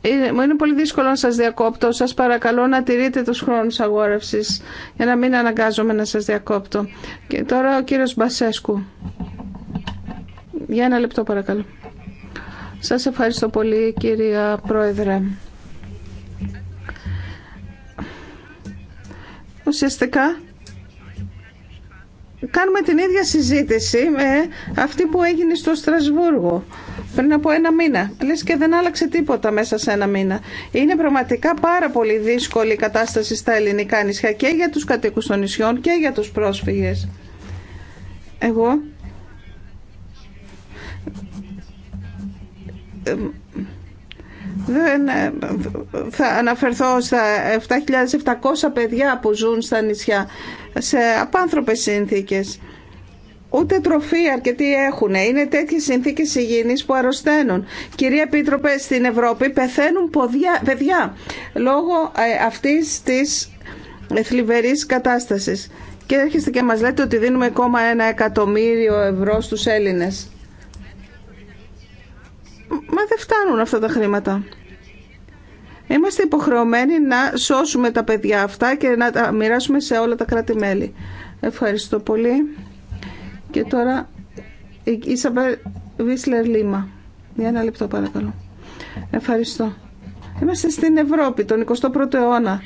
είναι, είναι πολύ δύσκολο να σας διακόπτω. Σας παρακαλώ να τηρείτε τους χρόνους αγόρευσης για να μην αναγκάζομαι να σας διακόπτω. Και τώρα ο κύριος Μπασέσκου. Για ένα λεπτό παρακαλώ. Σας ευχαριστώ πολύ κυρία Πρόεδρε. Ουσιαστικά κάνουμε την ίδια συζήτηση με αυτή που έγινε στο Στρασβούργο πριν από ένα μήνα. Λε και δεν άλλαξε τίποτα μέσα σε ένα μήνα. Είναι πραγματικά πάρα πολύ δύσκολη η κατάσταση στα ελληνικά νησιά και για τους κατοικού των νησιών και για τους πρόσφυγες. Εγώ... Δεν, θα αναφερθώ στα 7.700 παιδιά που ζουν στα νησιά σε απάνθρωπες συνθήκες. Ούτε τροφή αρκετοί έχουν. Είναι τέτοιε συνθήκε υγιεινή που αρρωσταίνουν. Κυρία Επίτροπε, στην Ευρώπη πεθαίνουν ποδιά, παιδιά λόγω ε, αυτή τη θλιβερή κατάσταση. Και έρχεστε και μα λέτε ότι δίνουμε ακόμα ένα εκατομμύριο ευρώ στους Έλληνες. Μα δεν φτάνουν αυτά τα χρήματα. Είμαστε υποχρεωμένοι να σώσουμε τα παιδιά αυτά και να τα μοιράσουμε σε όλα τα κράτη-μέλη. Ευχαριστώ πολύ. Και τώρα η Ισαμπέλ Βίσλερ Λίμα. Για ένα λεπτό παρακαλώ. Ευχαριστώ. Είμαστε στην Ευρώπη, τον 21ο αιώνα.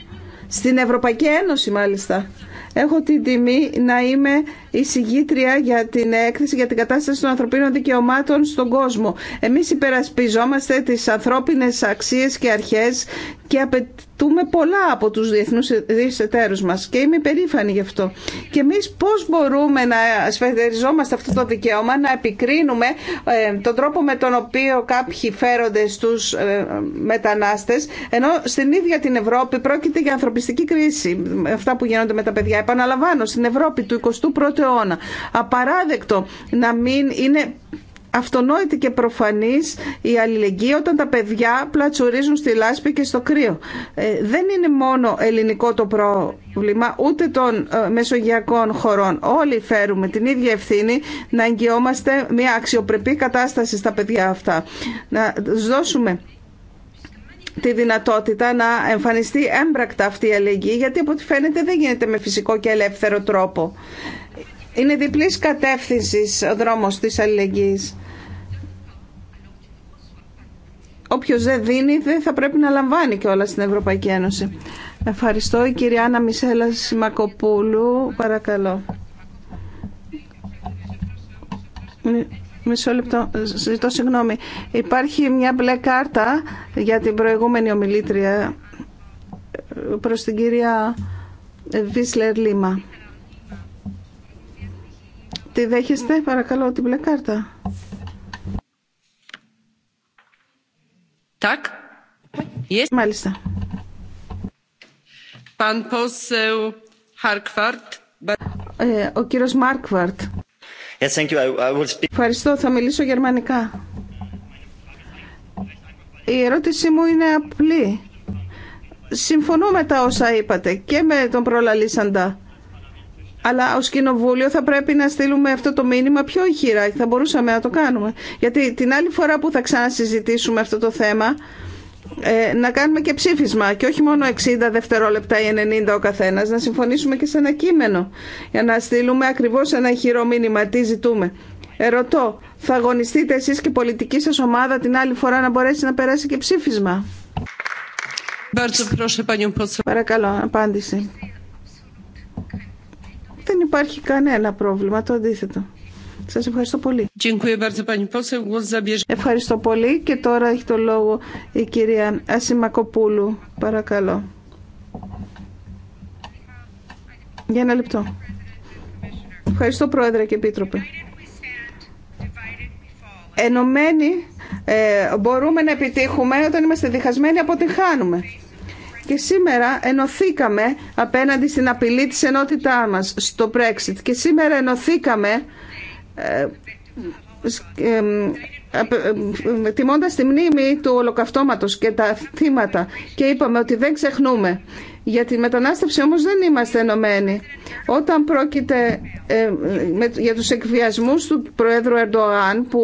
Στην Ευρωπαϊκή Ένωση μάλιστα. Έχω την τιμή να είμαι η συγγήτρια για την έκθεση για την κατάσταση των ανθρωπίνων δικαιωμάτων στον κόσμο. Εμείς υπερασπιζόμαστε τις ανθρώπινες αξίες και αρχές και απαιτούμε πολλά από τους διεθνούς εταίρους μας και είμαι περήφανη γι' αυτό. Και εμείς πώς μπορούμε να ασφαιριζόμαστε αυτό το δικαίωμα, να επικρίνουμε ε, τον τρόπο με τον οποίο κάποιοι φέρονται στους ε, μετανάστες, ενώ στην ίδια την Ευρώπη πρόκειται για ανθρωπιστική κρίση, αυτά που γίνονται με τα παιδιά. Επαναλαμβάνω, στην Ευρώπη του 21ου αιώνα. Απαράδεκτο να μην είναι αυτονόητη και προφανής η αλληλεγγύη όταν τα παιδιά πλατσουρίζουν στη λάσπη και στο κρύο. Ε, δεν είναι μόνο ελληνικό το πρόβλημα, ούτε των ε, μεσογειακών χωρών. Όλοι φέρουμε την ίδια ευθύνη να εγγυόμαστε μια αξιοπρεπή κατάσταση στα παιδιά αυτά. Να τους δώσουμε τη δυνατότητα να εμφανιστεί έμπρακτα αυτή η αλληλεγγύη, γιατί από ό,τι φαίνεται δεν γίνεται με φυσικό και ελεύθερο τρόπο. Είναι διπλής κατεύθυνσης ο δρόμος της αλληλεγγύης. Όποιος δεν δίνει δεν θα πρέπει να λαμβάνει και όλα στην Ευρωπαϊκή Ένωση. Ευχαριστώ η κυρία Άννα Μισέλα Σιμακοπούλου. Παρακαλώ. Μισό λεπτό. Ζητώ συγγνώμη. Υπάρχει μια μπλε κάρτα για την προηγούμενη ομιλήτρια ε, προς την κυρία Βίσλερ Λίμα. Τη δέχεστε, παρακαλώ, την μπλε κάρτα. Τακ. Yes. Μάλιστα. Παν Πόσεου ο κύριος Μάρκβαρτ. Yes, thank you. I Ευχαριστώ. Θα μιλήσω γερμανικά. Η ερώτησή μου είναι απλή. Συμφωνώ με τα όσα είπατε και με τον προλαλήσαντα αλλά ω κοινοβούλιο θα πρέπει να στείλουμε αυτό το μήνυμα πιο ηχηρά θα μπορούσαμε να το κάνουμε. Γιατί την άλλη φορά που θα ξανασυζητήσουμε αυτό το θέμα, ε, να κάνουμε και ψήφισμα και όχι μόνο 60 δευτερόλεπτα ή 90 ο καθένας, να συμφωνήσουμε και σε ένα κείμενο για να στείλουμε ακριβώς ένα ηχηρό μήνυμα τι ζητούμε. Ερωτώ, θα αγωνιστείτε εσείς και η πολιτική σας ομάδα την άλλη φορά να μπορέσει να περάσει και ψήφισμα. Παρακαλώ, απάντηση. Δεν υπάρχει κανένα πρόβλημα, το αντίθετο. Σας ευχαριστώ πολύ. Ευχαριστώ πολύ και τώρα έχει το λόγο η κυρία Ασημακοπούλου. Παρακαλώ. Για ένα λεπτό. Ευχαριστώ Πρόεδρε και Επίτροπε. Ενωμένοι ε, μπορούμε να επιτύχουμε όταν είμαστε διχασμένοι από χάνουμε. Και σήμερα ενωθήκαμε απέναντι στην απειλή της ενότητά μας στο Brexit. Και σήμερα ενωθήκαμε ε, ε, ε, τιμώντας τη μνήμη του ολοκαυτώματος και τα θύματα. Και είπαμε ότι δεν ξεχνούμε για τη μετανάστευση όμως δεν είμαστε ενωμένοι. Όταν πρόκειται ε, με, για τους εκβιασμούς του Προέδρου Ερντογάν που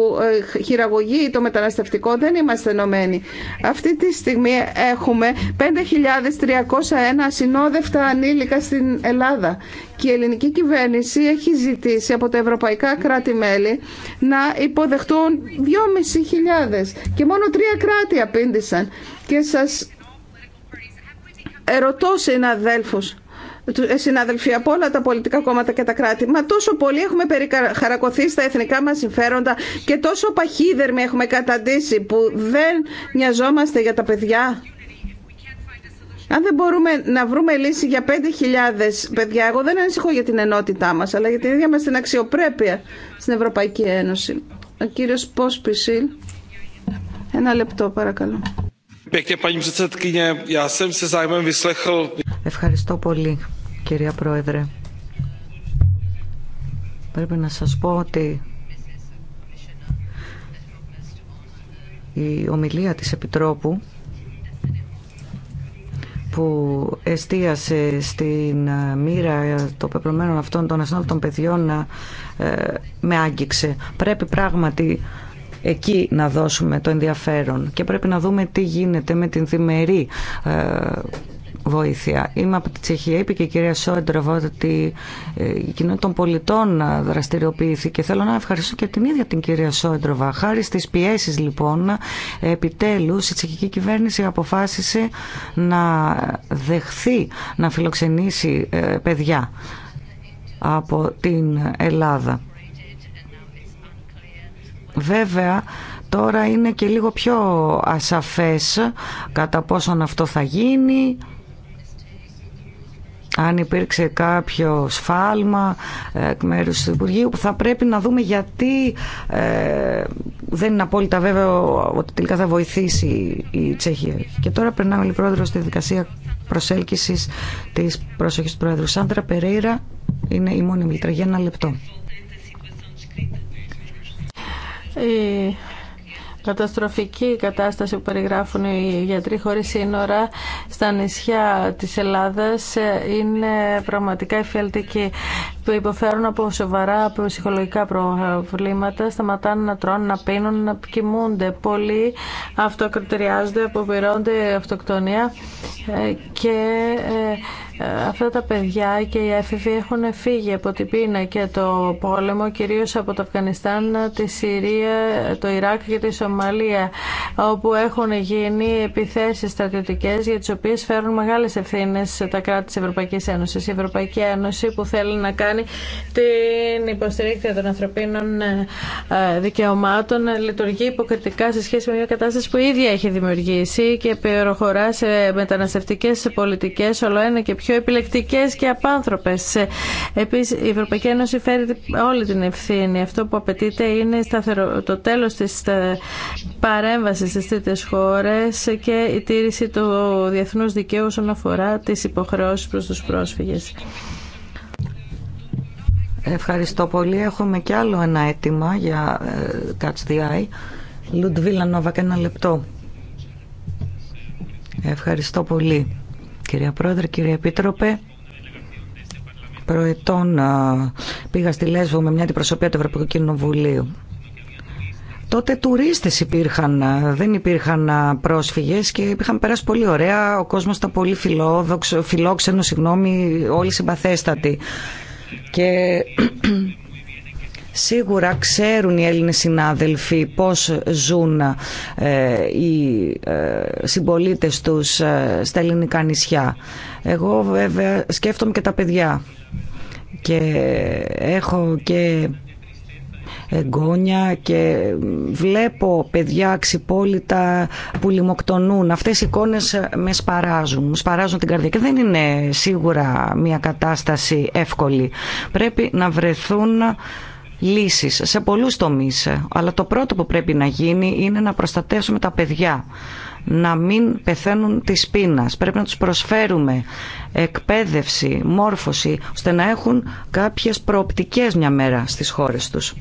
ε, χειραγωγεί το μεταναστευτικό δεν είμαστε ενωμένοι. Αυτή τη στιγμή έχουμε 5.301 ασυνόδευτα ανήλικα στην Ελλάδα και η ελληνική κυβέρνηση έχει ζητήσει από τα ευρωπαϊκά κράτη-μέλη να υποδεχτούν 2.500 και μόνο τρία κράτη απήντησαν. Και σας Ερωτώ συναδέλφους, ε, συναδελφοί από όλα τα πολιτικά κόμματα και τα κράτη, μα τόσο πολύ έχουμε περιχαρακωθεί στα εθνικά μας συμφέροντα και τόσο παχύδερμοι έχουμε καταντήσει που δεν νοιαζόμαστε για τα παιδιά. Αν δεν μπορούμε να βρούμε λύση για 5.000 παιδιά, εγώ δεν ανησυχώ για την ενότητά μας, αλλά για την ίδια μας την αξιοπρέπεια στην Ευρωπαϊκή Ένωση. Ο κύριος Πόσπισιλ, ένα λεπτό παρακαλώ. Ευχαριστώ πολύ, κυρία Πρόεδρε. Πρέπει να σας πω ότι η ομιλία της Επιτρόπου που εστίασε στην μοίρα των πεπρωμένων αυτών των των παιδιών ε, με άγγιξε. Πρέπει πράγματι εκεί να δώσουμε το ενδιαφέρον και πρέπει να δούμε τι γίνεται με την διμερή ε, βοήθεια. Είμαι από τη Τσεχία, είπε και η κυρία Σόντροβα ότι ε, η κοινότητα των πολιτών ε, δραστηριοποιήθηκε. Θέλω να ευχαριστήσω και την ίδια την κυρία Σόντροβα. Χάρη στις πιέσεις λοιπόν, επιτέλους η τσεχική κυβέρνηση αποφάσισε να δεχθεί να φιλοξενήσει παιδιά από την Ελλάδα. Βέβαια, τώρα είναι και λίγο πιο ασαφές κατά πόσον αυτό θα γίνει, αν υπήρξε κάποιο σφάλμα ε, εκ μέρου του Υπουργείου που θα πρέπει να δούμε γιατί ε, δεν είναι απόλυτα βέβαιο ότι τελικά θα βοηθήσει η Τσεχία. Και τώρα περνάμε λοιπόν πρόεδρο στη δικασία προσέλκυσης της προσοχή του Πρόεδρου Σάντρα Περέιρα είναι η μόνη μιλήτρα για ένα λεπτό η καταστροφική κατάσταση που περιγράφουν οι γιατροί χωρίς σύνορα στα νησιά της Ελλάδας ε, είναι πραγματικά εφιαλτική που υποφέρουν από σοβαρά ψυχολογικά προβλήματα σταματάνε να τρώνε, να πίνουν, να κοιμούνται. Πολλοί αυτοκριτηριάζονται, αποπειρώνται αυτοκτονία ε, και ε, ε, αυτά τα παιδιά και οι έφηβοι έχουν φύγει από την πείνα και το πόλεμο, κυρίως από το Αφγανιστάν, τη Συρία, το Ιράκ και τη Σομαλία, όπου έχουν γίνει επιθέσεις στρατιωτικές για τις οποίες φέρουν μεγάλες ευθύνες τα κράτη της Ευρωπαϊκής Ένωσης. Η Ευρωπαϊκή Ένωση που θέλει να κάνει κάνει την υποστηρίκτρια των ανθρωπίνων ε, δικαιωμάτων ε, λειτουργεί υποκριτικά σε σχέση με μια κατάσταση που ίδια έχει δημιουργήσει και περιοχωρά σε μεταναστευτικές πολιτικές όλο ένα και πιο επιλεκτικές και απάνθρωπες. Επίσης η Ευρωπαϊκή Ένωση φέρει όλη την ευθύνη. Αυτό που απαιτείται είναι το τέλος της ε, παρέμβασης στις τρίτες χώρες και η τήρηση του διεθνούς δικαίου όσον αφορά τις υποχρεώσεις προς τους πρόσφυγες. Ευχαριστώ πολύ. Έχουμε και άλλο ένα αίτημα για ε, Catch the Eye. Λουντβίλα Νόβα, και ένα λεπτό. Ευχαριστώ πολύ. Κυρία Πρόεδρε, κύριε Επίτροπε, προετών ε, πήγα στη Λέσβο με μια αντιπροσωπεία του Ευρωπαϊκού Κοινοβουλίου. Τότε τουρίστες υπήρχαν, ε, δεν υπήρχαν πρόσφυγες και είχαν περάσει πολύ ωραία. Ο κόσμος ήταν πολύ φιλόδοξο, φιλόξενο, συγγνώμη, όλοι συμπαθέστατοι και [CLEARS THROAT] Σίγουρα ξέρουν οι Έλληνες συνάδελφοι πώς ζουν ε, οι ε, συμπολίτες τους ε, στα ελληνικά νησιά. Εγώ βέβαια σκέφτομαι και τα παιδιά και έχω και εγγόνια και βλέπω παιδιά ξυπόλυτα που λιμοκτονούν. Αυτές οι εικόνες με σπαράζουν, μου σπαράζουν την καρδιά και δεν είναι σίγουρα μια κατάσταση εύκολη. Πρέπει να βρεθούν λύσεις σε πολλούς τομείς, αλλά το πρώτο που πρέπει να γίνει είναι να προστατεύσουμε τα παιδιά να μην πεθαίνουν τη πείνα. Πρέπει να τους προσφέρουμε εκπαίδευση, μόρφωση, ώστε να έχουν κάποιες προοπτικές μια μέρα στις χώρες τους.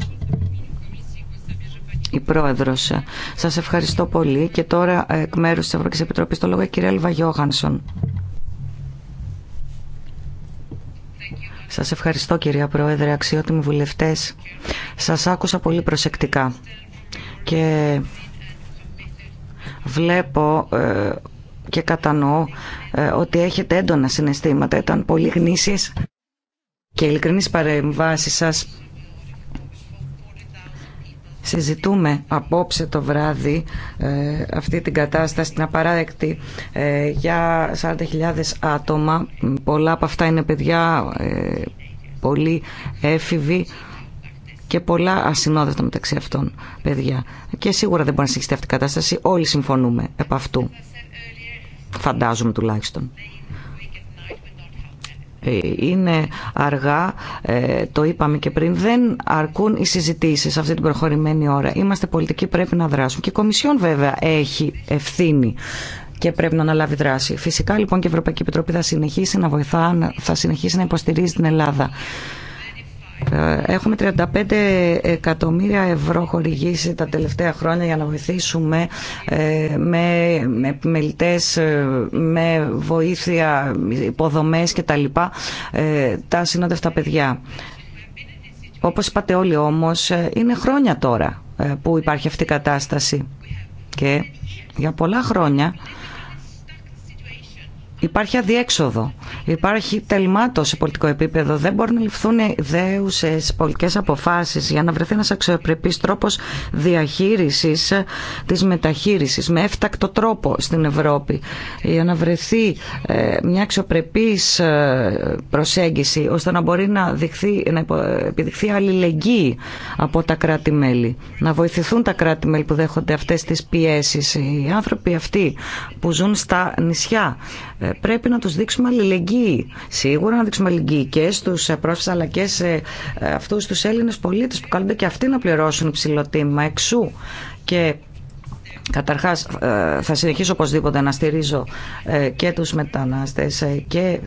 Η Πρόεδρος, σας ευχαριστώ πολύ και τώρα εκ μέρους της Ευρωπαϊκής Επιτροπής το λόγο η κυρία Λιβα Γιώχανσον. Σας ευχαριστώ κυρία Πρόεδρε, αξιότιμοι βουλευτές. Σας άκουσα πολύ προσεκτικά και βλέπω ε, και κατανοώ ε, ότι έχετε έντονα συναισθήματα. Ήταν πολύ γνήσιες και ειλικρινείς παρεμβάσεις σας. Συζητούμε απόψε το βράδυ ε, αυτή την κατάσταση, την απαράδεκτη, για 40.000 άτομα. Πολλά από αυτά είναι παιδιά, ε, πολύ έφηβοι και πολλά ασυνόδευτα μεταξύ αυτών παιδιά. Και σίγουρα δεν μπορεί να συνεχιστεί αυτή η κατάσταση. Όλοι συμφωνούμε επ' αυτού. Φαντάζομαι τουλάχιστον. Ε, είναι αργά, ε, το είπαμε και πριν, δεν αρκούν οι συζητήσει σε αυτή την προχωρημένη ώρα. Είμαστε πολιτικοί, πρέπει να δράσουμε. Και η Κομισιόν βέβαια έχει ευθύνη και πρέπει να αναλάβει δράση. Φυσικά λοιπόν και η Ευρωπαϊκή Επιτροπή θα συνεχίσει να βοηθά, θα συνεχίσει να υποστηρίζει την Ελλάδα ε, έχουμε 35 εκατομμύρια ευρώ χορηγήσει τα τελευταία χρόνια για να βοηθήσουμε ε, με επιμελητές, ε, με βοήθεια, υποδομές κτλ. τα συνόδευτα παιδιά. Όπως είπατε όλοι όμως, είναι χρόνια τώρα που υπάρχει αυτή η κατάσταση. Και για πολλά χρόνια Υπάρχει αδιέξοδο. Υπάρχει τελμάτωση σε πολιτικό επίπεδο. Δεν μπορούν να ληφθούν δέουσε πολιτικέ αποφάσει για να βρεθεί ένα αξιοπρεπή τρόπο διαχείριση τη μεταχείριση με έφτακτο τρόπο στην Ευρώπη. Για να βρεθεί ε, μια αξιοπρεπή ε, προσέγγιση ώστε να μπορεί να, δειχθεί, να επιδειχθεί αλληλεγγύη από τα κράτη-μέλη. Να βοηθηθούν τα κράτη-μέλη που δέχονται αυτέ τι πιέσει. Οι άνθρωποι αυτοί που ζουν στα νησιά ε, πρέπει να τους δείξουμε αλληλεγγύη. Σίγουρα να δείξουμε αλληλεγγύη και στους ε, πρόσφυγες αλλά και σε ε, αυτούς τους Έλληνες πολίτες που καλούνται και αυτοί να πληρώσουν υψηλό εξού. Και Καταρχάς θα συνεχίσω οπωσδήποτε να στηρίζω και τους μετανάστες και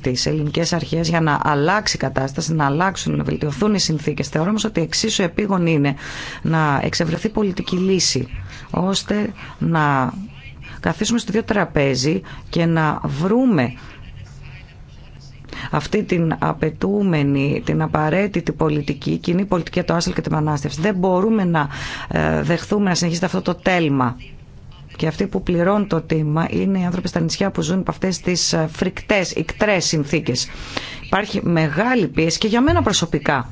τις ελληνικές αρχές για να αλλάξει η κατάσταση, να αλλάξουν, να βελτιωθούν οι συνθήκες. Θεωρώ όμως ότι εξίσου επίγον είναι να εξευρεθεί πολιτική λύση ώστε να καθίσουμε στο δύο τραπέζι και να βρούμε αυτή την απαιτούμενη, την απαραίτητη πολιτική, κοινή πολιτική για το άσυλο και την πανάστευση. Δεν μπορούμε να ε, δεχθούμε να συνεχίζεται αυτό το τέλμα. Και αυτοί που πληρώνουν το τίμα είναι οι άνθρωποι στα νησιά που ζουν από αυτέ τι ε, φρικτέ, ικτρέ συνθήκε. Υπάρχει μεγάλη πίεση και για μένα προσωπικά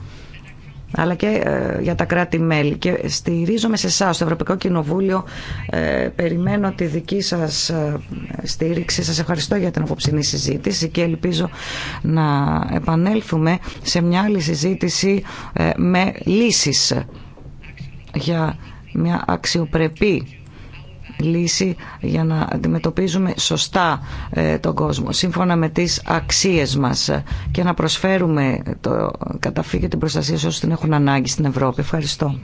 αλλά και ε, για τα κράτη-μέλη. Και στηρίζομαι σε εσά, στο Ευρωπαϊκό Κοινοβούλιο. Ε, περιμένω τη δική σα ε, στήριξη. Σα ευχαριστώ για την απόψηνή συζήτηση και ελπίζω να επανέλθουμε σε μια άλλη συζήτηση με λύσει για μια αξιοπρεπή λύση για να αντιμετωπίζουμε σωστά ε, τον κόσμο, σύμφωνα με τις αξίες μας ε, και να προσφέρουμε το καταφύγιο την προστασία σε όσους την έχουν ανάγκη στην Ευρώπη. Ευχαριστώ.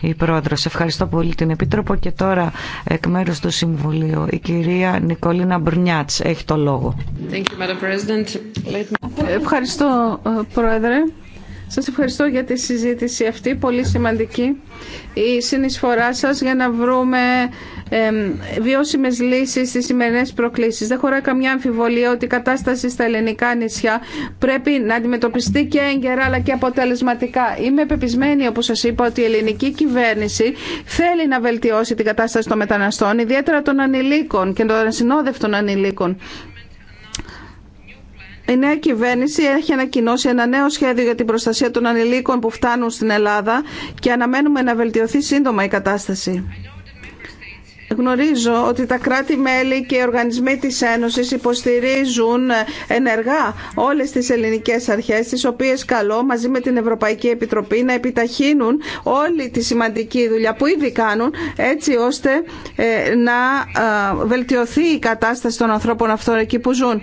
Η Πρόεδρος, ευχαριστώ πολύ την Επίτροπο και τώρα εκ μέρους του Συμβουλίου η κυρία Νικολίνα Μπρνιάτς έχει το λόγο. you, Ευχαριστώ ε, Πρόεδρε. Σας ευχαριστώ για τη συζήτηση αυτή, πολύ σημαντική. Η συνεισφορά σας για να βρούμε ε, βιώσιμες λύσεις στις σημερινές προκλήσεις. Δεν χωράει καμιά αμφιβολία ότι η κατάσταση στα ελληνικά νησιά πρέπει να αντιμετωπιστεί και έγκαιρα αλλά και αποτελεσματικά. Είμαι πεπισμένη, όπως σας είπα, ότι η ελληνική κυβέρνηση θέλει να βελτιώσει την κατάσταση των μεταναστών, ιδιαίτερα των ανηλίκων και των ασυνόδευτων ανηλίκων. Η νέα κυβέρνηση έχει ανακοινώσει ένα νέο σχέδιο για την προστασία των ανηλίκων που φτάνουν στην Ελλάδα και αναμένουμε να βελτιωθεί σύντομα η κατάσταση. Γνωρίζω ότι τα κράτη-μέλη και οι οργανισμοί της Ένωσης υποστηρίζουν ενεργά όλες τις ελληνικές αρχές, τις οποίες καλώ μαζί με την Ευρωπαϊκή Επιτροπή να επιταχύνουν όλη τη σημαντική δουλειά που ήδη κάνουν, έτσι ώστε ε, να ε, βελτιωθεί η κατάσταση των ανθρώπων αυτών εκεί που ζουν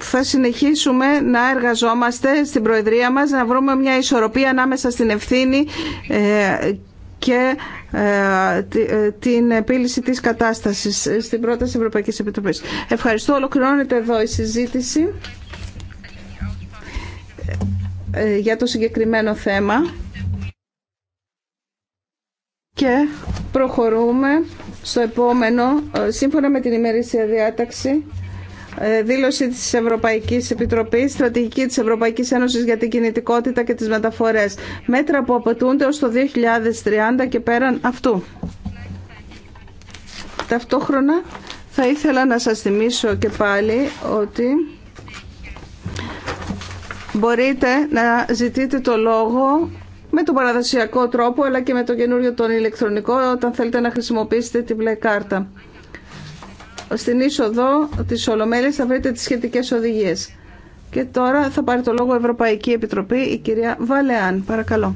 θα συνεχίσουμε να εργαζόμαστε στην Προεδρία μας, να βρούμε μια ισορροπία ανάμεσα στην ευθύνη ε, και ε, ε, την επίλυση της κατάστασης στην πρόταση Ευρωπαϊκής Επιτροπής. Ευχαριστώ. Ολοκληρώνεται εδώ η συζήτηση για το συγκεκριμένο θέμα και προχωρούμε στο επόμενο σύμφωνα με την ημερήσια διάταξη ε, δήλωση της Ευρωπαϊκής Επιτροπής, στρατηγική της Ευρωπαϊκής Ένωσης για την κινητικότητα και τις μεταφορές. Μέτρα που απαιτούνται ως το 2030 και πέραν αυτού. Ταυτόχρονα θα ήθελα να σας θυμίσω και πάλι ότι μπορείτε να ζητείτε το λόγο με τον παραδοσιακό τρόπο αλλά και με το καινούριο τον ηλεκτρονικό όταν θέλετε να χρησιμοποιήσετε την μπλε κάρτα στην είσοδο της Ολομέλειας θα βρείτε τις σχετικές οδηγίες. Και τώρα θα πάρει το λόγο Ευρωπαϊκή Επιτροπή η κυρία Βαλεάν. Παρακαλώ.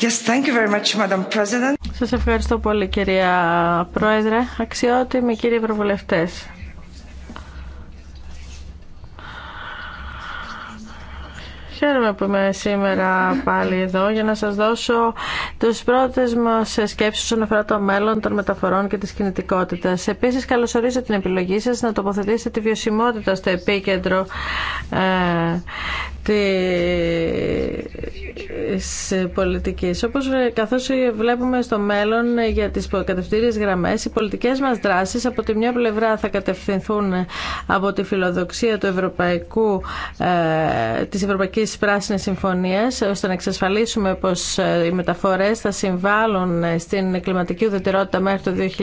Yes, thank you very much, Madam President. Σας ευχαριστώ πολύ κυρία Πρόεδρε, αξιότιμοι κύριοι Ευρωβουλευτές. Χαίρομαι που είμαι σήμερα πάλι εδώ για να σας δώσω τους πρώτες μας σκέψεις όσον αφορά το μέλλον των μεταφορών και της κινητικότητας. Επίσης, καλωσορίζω την επιλογή σας να τοποθετήσετε τη βιωσιμότητα στο επίκεντρο ε, της ε, πολιτική. Όπως ε, καθώς ε, βλέπουμε στο μέλλον για τις κατευθύνσεις γραμμές, οι πολιτικές μας δράσεις από τη μια πλευρά θα κατευθυνθούν από τη φιλοδοξία του Ευρωπαϊκού, της Ευρωπαϊκής Πράσινης Συμφωνίας, ώστε να εξασφαλίσουμε πως οι μεταφορές θα συμβάλλουν στην κλιματική ουδετερότητα μέχρι το 2030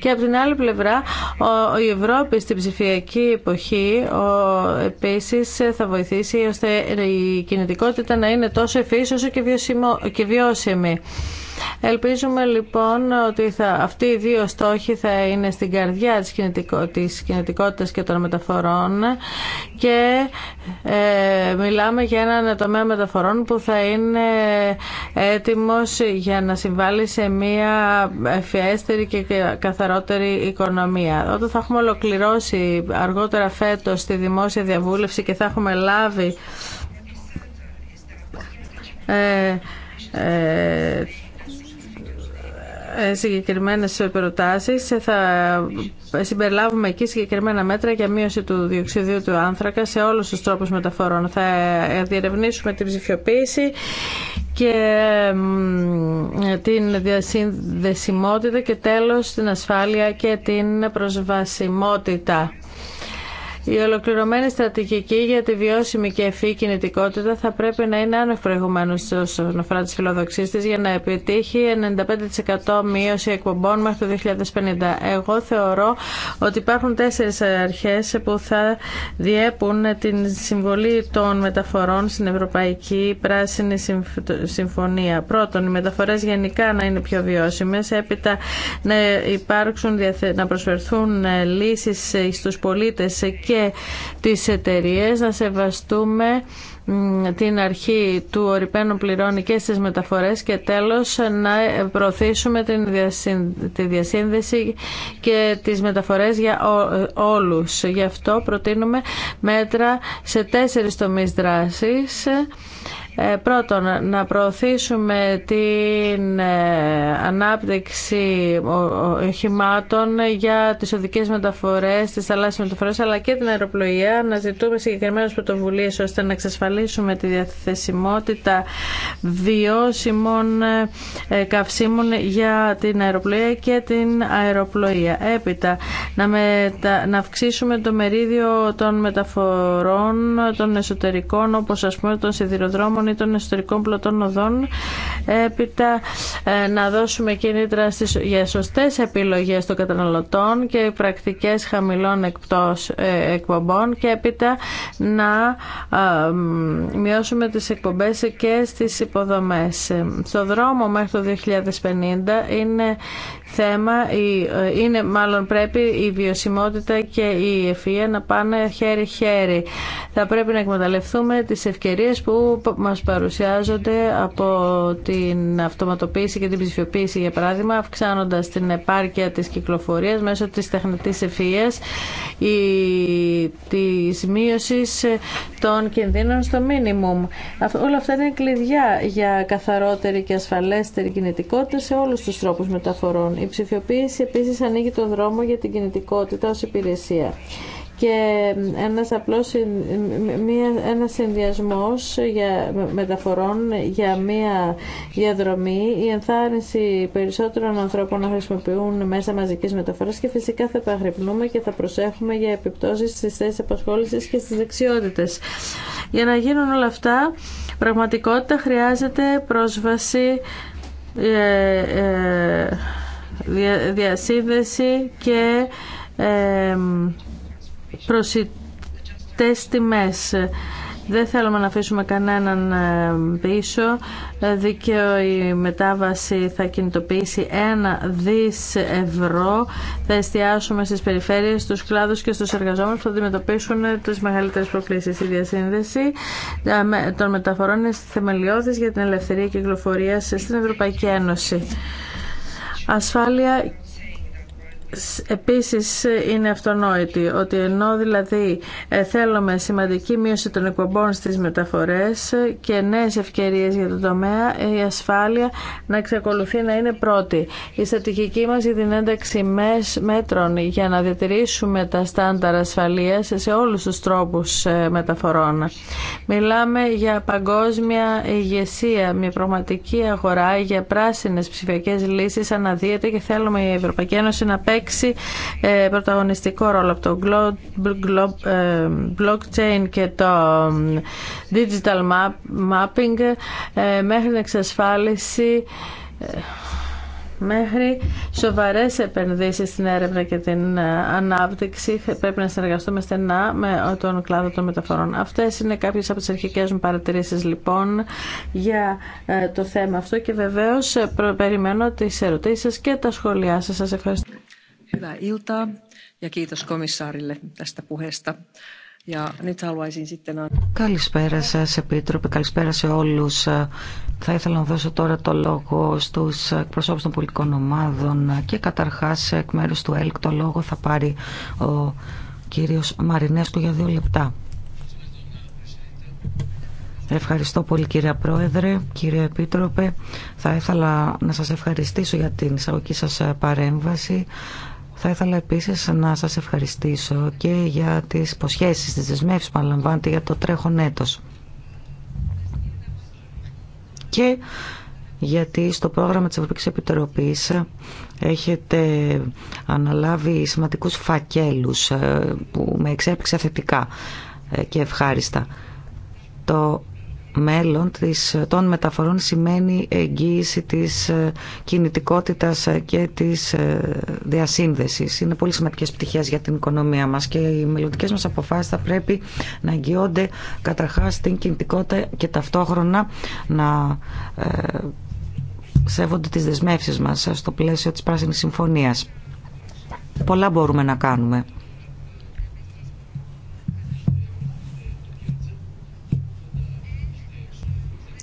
και από την άλλη πλευρά η Ευρώπη στην ψηφιακή εποχή, ο επίσης θα βοηθήσει ώστε η κινητικότητα να είναι τόσο ευφύης όσο και, βιώσιμη. Ελπίζουμε λοιπόν ότι θα, αυτοί οι δύο στόχοι θα είναι στην καρδιά της, κινητικό, της κινητικότητας και των μεταφορών και ε, μιλάμε για έναν τομέα μεταφορών που θα είναι έτοιμος για να συμβάλλει σε μια ευφιέστερη και καθαρότερη οικονομία. Όταν θα έχουμε ολοκληρώσει αργότερα φέτος τη δημόσια διαβούλευση και θα έχουμε λάβει ε, ε, ε, συγκεκριμένες προτάσεις. Θα συμπεριλάβουμε εκεί συγκεκριμένα μέτρα για μείωση του διοξιδίου του άνθρακα σε όλους τους τρόπους μεταφορών. Θα διερευνήσουμε την ψηφιοποίηση και την διασυνδεσιμότητα και τέλος την ασφάλεια και την προσβασιμότητα. Η ολοκληρωμένη στρατηγική για τη βιώσιμη και ευφύ κινητικότητα θα πρέπει να είναι άνευ προηγουμένου όσον αφορά τι φιλοδοξίε τη για να επιτύχει 95% μείωση εκπομπών μέχρι το 2050. Εγώ θεωρώ ότι υπάρχουν τέσσερι αρχέ που θα διέπουν την συμβολή των μεταφορών στην Ευρωπαϊκή Πράσινη Συμφωνία. Πρώτον, οι μεταφορέ γενικά να είναι πιο βιώσιμε, έπειτα να, να προσφερθούν ε, λύσει ε, στου πολίτε και και τις εταιρείε να σεβαστούμε την αρχή του ορυπένου πληρώνει και στις μεταφορές και τέλος να προωθήσουμε τη διασύνδεση και τις μεταφορές για όλους. Γι' αυτό προτείνουμε μέτρα σε τέσσερις τομείς δράσης ε, πρώτον, να προωθήσουμε την ε, ανάπτυξη οχημάτων για τις οδικές μεταφορές, τις θαλάσσιες μεταφορές, αλλά και την αεροπλοεία. Να ζητούμε συγκεκριμένες πρωτοβουλίες ώστε να εξασφαλίσουμε τη διαθεσιμότητα βιώσιμων ε, καυσίμων για την αεροπλοεία και την αεροπλοεία. Έπειτα, να, να αυξήσουμε το μερίδιο των μεταφορών των εσωτερικών, όπως ας πούμε των σιδηροδρόμων των εσωτερικών πλωτών οδών. Έπειτα ε, να δώσουμε κίνητρα στις, για σωστές επιλογές των καταναλωτών και πρακτικές χαμηλών ε, εκπομπών και έπειτα να ε, μειώσουμε τις εκπομπές και στις υποδομές. Στο δρόμο μέχρι το 2050 είναι θέμα ε, είναι μάλλον πρέπει η βιωσιμότητα και η ευφυΐα να πάνε χέρι-χέρι. Θα πρέπει να εκμεταλλευτούμε τις ευκαιρίες που μας παρουσιάζονται από την αυτοματοποίηση και την ψηφιοποίηση για παράδειγμα αυξάνοντας την επάρκεια της κυκλοφορίας μέσω της τεχνητής ευφυΐας ή της μείωσης των κινδύνων στο μίνιμουμ. Όλα αυτά είναι κλειδιά για καθαρότερη και ασφαλέστερη κινητικότητα σε όλους τους τρόπους μεταφορών. Η ψηφιοποίηση επίσης ανοίγει το δρόμο για την κινητικότητα ως υπηρεσία και ένας απλός μία, ένας συνδυασμός για, μεταφορών για μία διαδρομή, η ενθάρρυνση περισσότερων ανθρώπων να χρησιμοποιούν μέσα μαζικής μεταφοράς και φυσικά θα επαγρυπνούμε και θα προσέχουμε για επιπτώσεις στις θέσεις απασχόλησης και στις δεξιότητες. Για να γίνουν όλα αυτά, πραγματικότητα χρειάζεται πρόσβαση ε, ε, διασύνδεση και προσιτές τιμές. Δεν θέλουμε να αφήσουμε κανέναν πίσω. Δίκαιο η μετάβαση θα κινητοποιήσει ένα δις ευρώ. Θα εστιάσουμε στις περιφέρειες, στους κλάδους και στους εργαζόμενους που θα αντιμετωπίσουν τις μεγαλύτερες προκλήσεις. Η διασύνδεση ε, των μεταφορών είναι θεμελιώδης για την ελευθερία κυκλοφορία στην Ευρωπαϊκή Ένωση ασφάλεια Επίσης είναι αυτονόητη ότι ενώ δηλαδή ε, θέλουμε σημαντική μείωση των εκπομπών στις μεταφορές και νέες ευκαιρίες για το τομέα, η ασφάλεια να εξακολουθεί να είναι πρώτη. Η στατικική μας για την ένταξη μέτρων για να διατηρήσουμε τα στάνταρ ασφαλείας σε όλους τους τρόπους ε, μεταφορών. Μιλάμε για παγκόσμια ηγεσία, μια πραγματική αγορά για πράσινες ψηφιακές λύσεις αναδύεται και θέλουμε η Ευρωπαϊκή Ένωση να παίξει παίξει ε, πρωταγωνιστικό ρόλο από το ε, blockchain και το digital mapping ε, μέχρι την εξασφάλιση μέχρι σοβαρές επενδύσεις στην έρευνα και την ανάπτυξη πρέπει να συνεργαστούμε στενά με τον κλάδο των μεταφορών. Αυτές είναι κάποιες από τις αρχικές μου παρατηρήσεις λοιπόν για το θέμα αυτό και βεβαίως περιμένω τις ερωτήσεις και τα σχόλιά σας. Σας ευχαριστώ. Hyvää iltaa ja kiitos Καλησπέρα σας, Επίτροπε. Καλησπέρα σε όλους. Θα ήθελα να δώσω τώρα το λόγο στους εκπροσώπους των πολιτικών ομάδων και καταρχάς εκ μέρους του ΕΛΚ το λόγο θα πάρει ο κύριος Μαρινέσκου για δύο λεπτά. Ευχαριστώ πολύ κύριε Πρόεδρε, κύριε Επίτροπε. Θα ήθελα να σας ευχαριστήσω για την εισαγωγή σας παρέμβαση. Θα ήθελα επίση να σας ευχαριστήσω και για τις υποσχέσει, τι δεσμεύσεις που αναλαμβάνετε για το τρέχον έτος. Και γιατί στο πρόγραμμα της Ευρωπαϊκής Επιτροπής έχετε αναλάβει σημαντικούς φακέλους ε, που με εξέπληξε θετικά ε, και ευχάριστα. Το μέλλον της, των μεταφορών σημαίνει εγγύηση της ε, κινητικότητας ε, και της ε, διασύνδεσης. Είναι πολύ σημαντικές πτυχές για την οικονομία μας και οι μελλοντικέ μας αποφάσεις θα πρέπει να εγγυώνται καταρχάς την κινητικότητα και ταυτόχρονα να σέβονται τις δεσμεύσεις μας στο πλαίσιο της Πράσινης Συμφωνίας. Πολλά μπορούμε να κάνουμε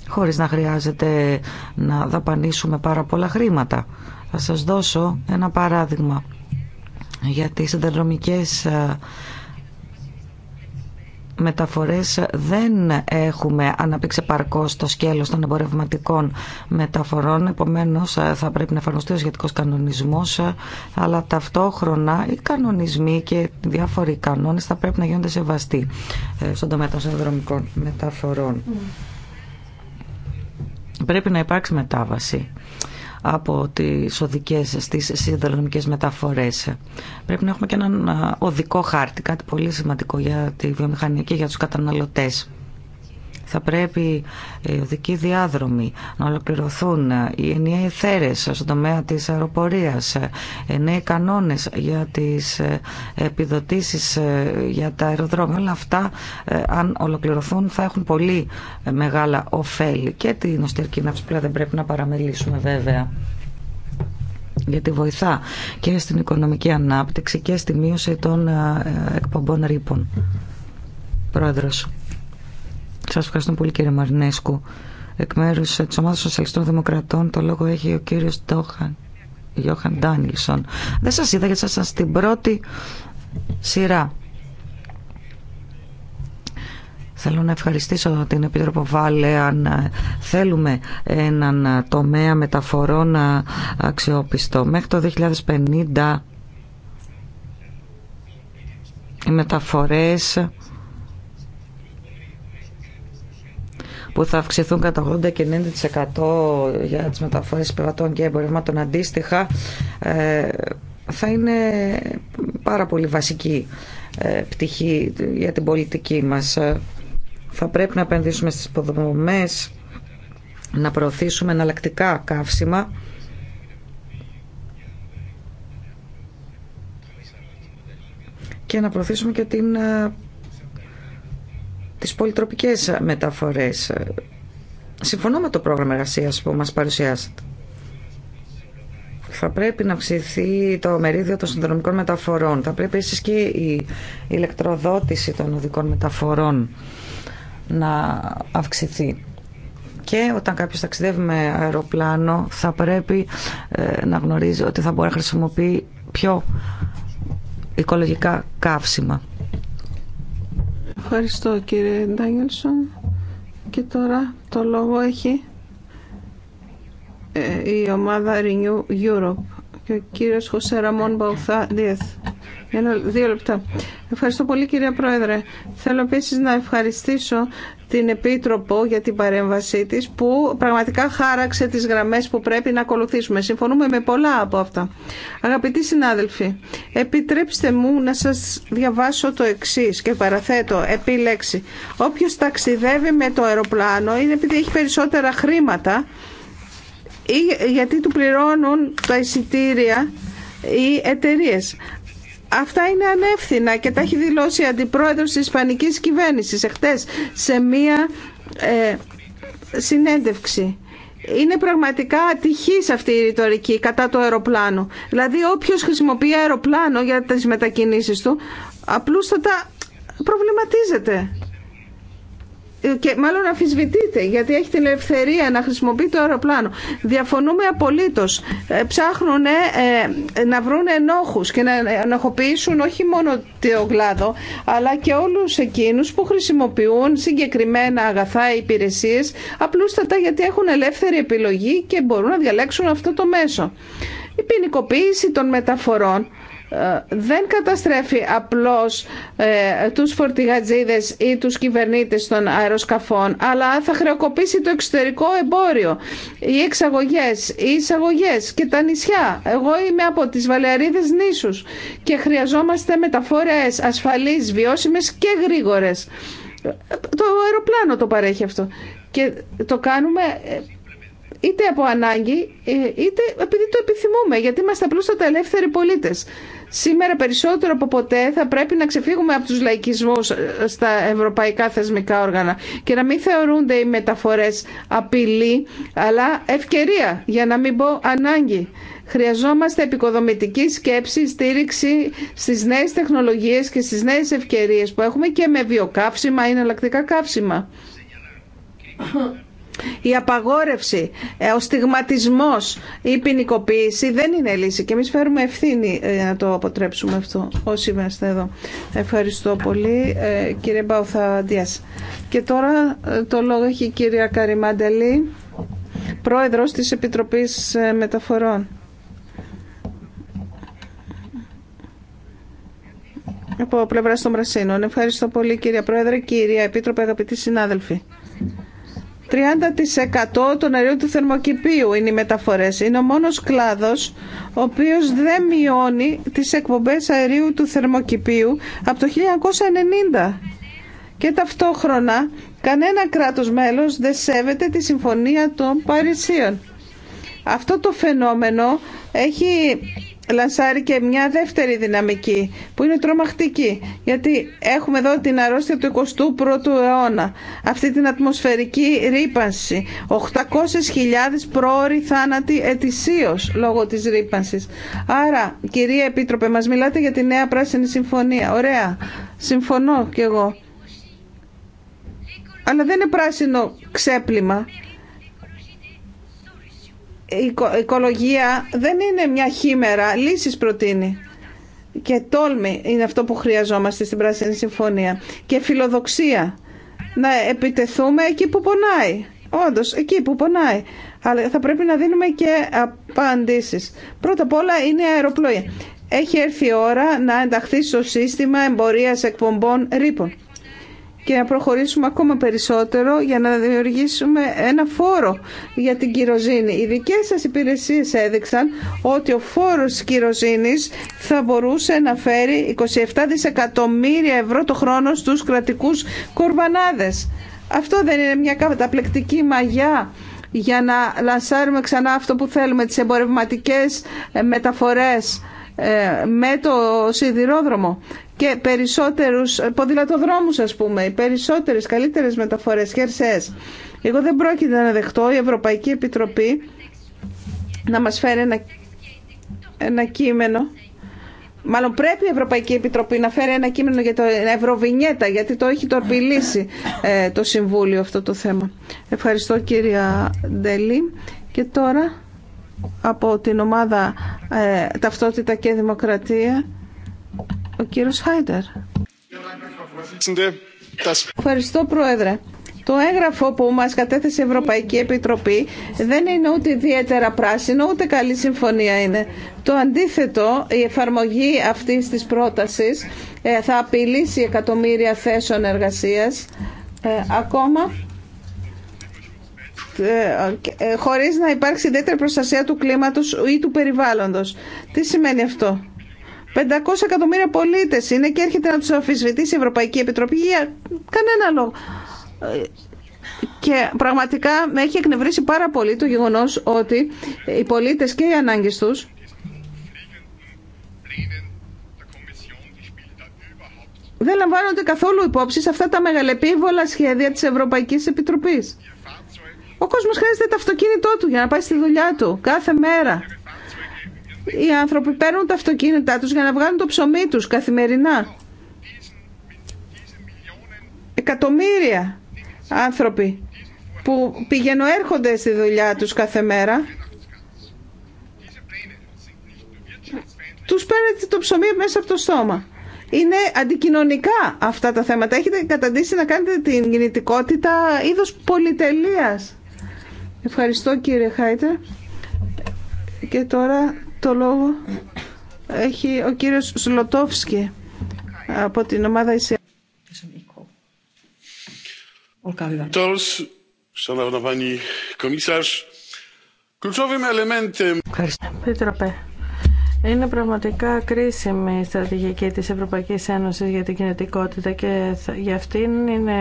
χωρίς να χρειάζεται να δαπανίσουμε πάρα πολλά χρήματα. Θα σας δώσω ένα παράδειγμα για τις συνδρομικές ε, μεταφορές δεν έχουμε αναπτύξει παρκώς το σκέλος των εμπορευματικών μεταφορών επομένως ε, θα πρέπει να εφαρμοστεί ο σχετικός κανονισμός ε, αλλά ταυτόχρονα οι κανονισμοί και διάφοροι κανόνες θα πρέπει να γίνονται σεβαστοί στον τομέα των συνδρομικών μεταφορών πρέπει να υπάρξει μετάβαση από τις οδικές στις συνδρομικές μεταφορές. Πρέπει να έχουμε και έναν οδικό χάρτη, κάτι πολύ σημαντικό για τη βιομηχανία και για τους καταναλωτές. Θα πρέπει ε, οι οδικοί διάδρομοι να ολοκληρωθούν, ε, οι ενιαίοι θέρες στον τομέα της αεροπορίας, ε, νέοι κανόνες για τις επιδοτήσεις για τα αεροδρόμια. Όλα αυτά, αν ολοκληρωθούν, θα έχουν πολύ μεγάλα ωφέλη. Και την ναύση που δεν πρέπει να παραμελήσουμε βέβαια γιατί βοηθά και στην οικονομική ανάπτυξη και στη μείωση των εκπομπών ρήπων. Πρόεδρος. Σας ευχαριστώ πολύ κύριε Μαρνέσκου. Εκ μέρου ε, τη ομάδας Σοσιαλιστών Δημοκρατών το λόγο έχει ο κύριος Ντόχαν. Γιώχαν Ντάνιλσον. Δεν σα είδα γιατί ήσασταν στην πρώτη σειρά. Θέλω να ευχαριστήσω την Επίτροπο Βάλε αν ε, θέλουμε έναν ε, τομέα μεταφορών αξιόπιστο. Μέχρι το 2050 οι μεταφορές που θα αυξηθούν κατά 80 και 90% για τις μεταφορές πελατών και εμπορευμάτων αντίστοιχα ε, θα είναι πάρα πολύ βασική ε, πτυχή για την πολιτική μας. Θα πρέπει να επενδύσουμε στις υποδομές, να προωθήσουμε εναλλακτικά καύσιμα και να προωθήσουμε και την ε, τις πολυτροπικές μεταφορές. Συμφωνώ με το πρόγραμμα εργασία που μας παρουσιάσατε. Θα πρέπει να αυξηθεί το μερίδιο των συνδρομικών μεταφορών. Θα πρέπει επίσης και η ηλεκτροδότηση των οδικών μεταφορών να αυξηθεί. Και όταν κάποιος ταξιδεύει με αεροπλάνο θα πρέπει ε, να γνωρίζει ότι θα μπορεί να χρησιμοποιεί πιο οικολογικά καύσιμα. Ευχαριστώ κύριε Ντάγγελσον. Και τώρα το λόγο έχει ε, η ομάδα Renew Europe και ο δύο λεπτά. Ευχαριστώ πολύ κυρία Πρόεδρε. Θέλω επίση να ευχαριστήσω την Επίτροπο για την παρέμβασή της που πραγματικά χάραξε τις γραμμές που πρέπει να ακολουθήσουμε. Συμφωνούμε με πολλά από αυτά. Αγαπητοί συνάδελφοι, επιτρέψτε μου να σας διαβάσω το εξής και παραθέτω επί λέξη. ταξιδεύει με το αεροπλάνο είναι επειδή έχει περισσότερα χρήματα ή γιατί του πληρώνουν τα εισιτήρια οι εταιρείε. Αυτά είναι ανεύθυνα και τα έχει δηλώσει η αντιπρόεδρος της Ισπανικής κυβέρνησης εχθές σε μία ε, συνέντευξη. Είναι πραγματικά ατυχής αυτή η ρητορική κατά το αεροπλάνο. Δηλαδή όποιος χρησιμοποιεί αεροπλάνο για τις μετακινήσεις του απλούστατα προβληματίζεται και μάλλον αμφισβητείτε γιατί έχει την ελευθερία να χρησιμοποιεί το αεροπλάνο. Διαφωνούμε απολύτως. Ε, Ψάχνουν ε, να βρουν ενόχους και να ενοχοποιήσουν όχι μόνο το κλάδο αλλά και όλους εκείνους που χρησιμοποιούν συγκεκριμένα αγαθά ή υπηρεσίες απλούστατα γιατί έχουν ελεύθερη επιλογή και μπορούν να διαλέξουν αυτό το μέσο. ποινικοποίηση των μεταφορών ε, δεν καταστρέφει απλώς ε, τους φορτηγατζίδες ή τους κυβερνήτες των αεροσκαφών αλλά θα χρεοκοπήσει το εξωτερικό εμπόριο οι εξαγωγές, οι εισαγωγές και τα νησιά εγώ είμαι από τις Βαλεαρίδες νήσους και χρειαζόμαστε μεταφορές ασφαλείς, βιώσιμες και γρήγορες το αεροπλάνο το παρέχει αυτό και το κάνουμε ε, είτε από ανάγκη ε, είτε επειδή το επιθυμούμε γιατί είμαστε απλούστατα τα ελεύθεροι πολίτες Σήμερα περισσότερο από ποτέ θα πρέπει να ξεφύγουμε από τους λαϊκισμούς ε, στα ευρωπαϊκά θεσμικά όργανα και να μην θεωρούνται οι μεταφορές απειλή αλλά ευκαιρία για να μην πω ανάγκη. Χρειαζόμαστε επικοδομητική σκέψη, στήριξη στις νέες τεχνολογίες και στις νέες ευκαιρίες που έχουμε και με βιοκάψιμα ή εναλλακτικά καύσιμα η απαγόρευση, ε, ο στιγματισμός, η ποινικοποίηση δεν είναι λύση και εμείς φέρουμε ευθύνη ε, να το αποτρέψουμε αυτό όσοι είμαστε εδώ. Ευχαριστώ πολύ ε, κύριε Μπαουθαντίας. Και τώρα το λόγο έχει η κυρία Καριμάντελη, πρόεδρος της Επιτροπής Μεταφορών. Από πλευρά των Πρασίνων. Ευχαριστώ πολύ κύριε Πρόεδρε, κυρία Επίτροπε, αγαπητοί συνάδελφοι. 30% των αερίων του θερμοκηπίου είναι οι μεταφορές. Είναι ο μόνος κλάδος ο οποίος δεν μειώνει τις εκπομπές αερίου του θερμοκηπίου από το 1990. Και ταυτόχρονα κανένα κράτος μέλος δεν σέβεται τη Συμφωνία των Παρισίων. Αυτό το φαινόμενο έχει λανσάρει και μια δεύτερη δυναμική που είναι τρομακτική γιατί έχουμε εδώ την αρρώστια του 21ου αιώνα αυτή την ατμοσφαιρική ρήπανση 800.000 πρόοροι θάνατοι ετησίως λόγω της ρήπανσης άρα κυρία Επίτροπε μας μιλάτε για τη νέα πράσινη συμφωνία ωραία συμφωνώ κι εγώ αλλά δεν είναι πράσινο ξέπλυμα η οικολογία δεν είναι μια χήμερα, λύσεις προτείνει. Και τόλμη είναι αυτό που χρειαζόμαστε στην Πράσινη Συμφωνία. Και φιλοδοξία. Να επιτεθούμε εκεί που πονάει. Όντω, εκεί που πονάει. Αλλά θα πρέπει να δίνουμε και απαντήσεις. Πρώτα απ' όλα είναι η αεροπλοία. Έχει έρθει η ώρα να ενταχθεί στο σύστημα εμπορίας εκπομπών ρήπων και να προχωρήσουμε ακόμα περισσότερο για να δημιουργήσουμε ένα φόρο για την κυροζήνη. Οι δικές σας υπηρεσίες έδειξαν ότι ο φόρος τη κυροζήνης θα μπορούσε να φέρει 27 δισεκατομμύρια ευρώ το χρόνο στου κρατικούς κορβανάδε. Αυτό δεν είναι μια καταπληκτική μαγιά για να λανσάρουμε ξανά αυτό που θέλουμε, τις εμπορευματικές μεταφορές ε, με το σιδηρόδρομο και περισσότερους ποδηλατοδρόμους ας πούμε, οι περισσότερες καλύτερες μεταφορές χερσαίες. Εγώ δεν πρόκειται να δεχτώ η Ευρωπαϊκή Επιτροπή να μας φέρει ένα, κείμενο Μάλλον πρέπει η Ευρωπαϊκή Επιτροπή να φέρει ένα κείμενο για το Ευρωβινιέτα, γιατί το έχει τορπιλήσει ε, το Συμβούλιο αυτό το θέμα. Ευχαριστώ κύρια Ντελή. Και τώρα από την ομάδα ε, Ταυτότητα και Δημοκρατία Κύριο Χάιντερ. Ευχαριστώ Πρόεδρε. Το έγγραφο που μας κατέθεσε η Ευρωπαϊκή Επιτροπή δεν είναι ούτε ιδιαίτερα πράσινο, ούτε καλή συμφωνία είναι. Το αντίθετο, η εφαρμογή αυτής της πρότασης ε, θα απειλήσει εκατομμύρια θέσεων εργασίας ε, ακόμα ε, χωρίς να υπάρξει ιδιαίτερη προστασία του κλίματος ή του περιβάλλοντος. Τι σημαίνει αυτό. 500 εκατομμύρια πολίτες είναι και έρχεται να τους αφισβητήσει η Ευρωπαϊκή Επιτροπή για κανένα λόγο. Και πραγματικά με έχει εκνευρίσει πάρα πολύ το γεγονός ότι οι πολίτες και οι ανάγκες τους δεν λαμβάνονται καθόλου υπόψη σε αυτά τα μεγαλεπίβολα σχέδια της Ευρωπαϊκής Επιτροπής. Ο κόσμος χρειάζεται το αυτοκίνητό του για να πάει στη δουλειά του κάθε μέρα οι άνθρωποι παίρνουν τα αυτοκίνητά τους για να βγάλουν το ψωμί τους καθημερινά. Εκατομμύρια άνθρωποι που πηγαίνουν έρχονται στη δουλειά τους κάθε μέρα. Τους παίρνετε το ψωμί μέσα από το στόμα. Είναι αντικοινωνικά αυτά τα θέματα. Έχετε καταντήσει να κάνετε την κινητικότητα είδο πολυτελείας. Ευχαριστώ κύριε Χάιτερ. Και τώρα το λόγο έχει ο κύριος Σλοτόφσκι από την ομάδα ΙΣΕΑ. Ευχαριστώ. Είναι πραγματικά κρίσιμη η στρατηγική της Ευρωπαϊκής Ένωσης για την κινητικότητα και για αυτήν είναι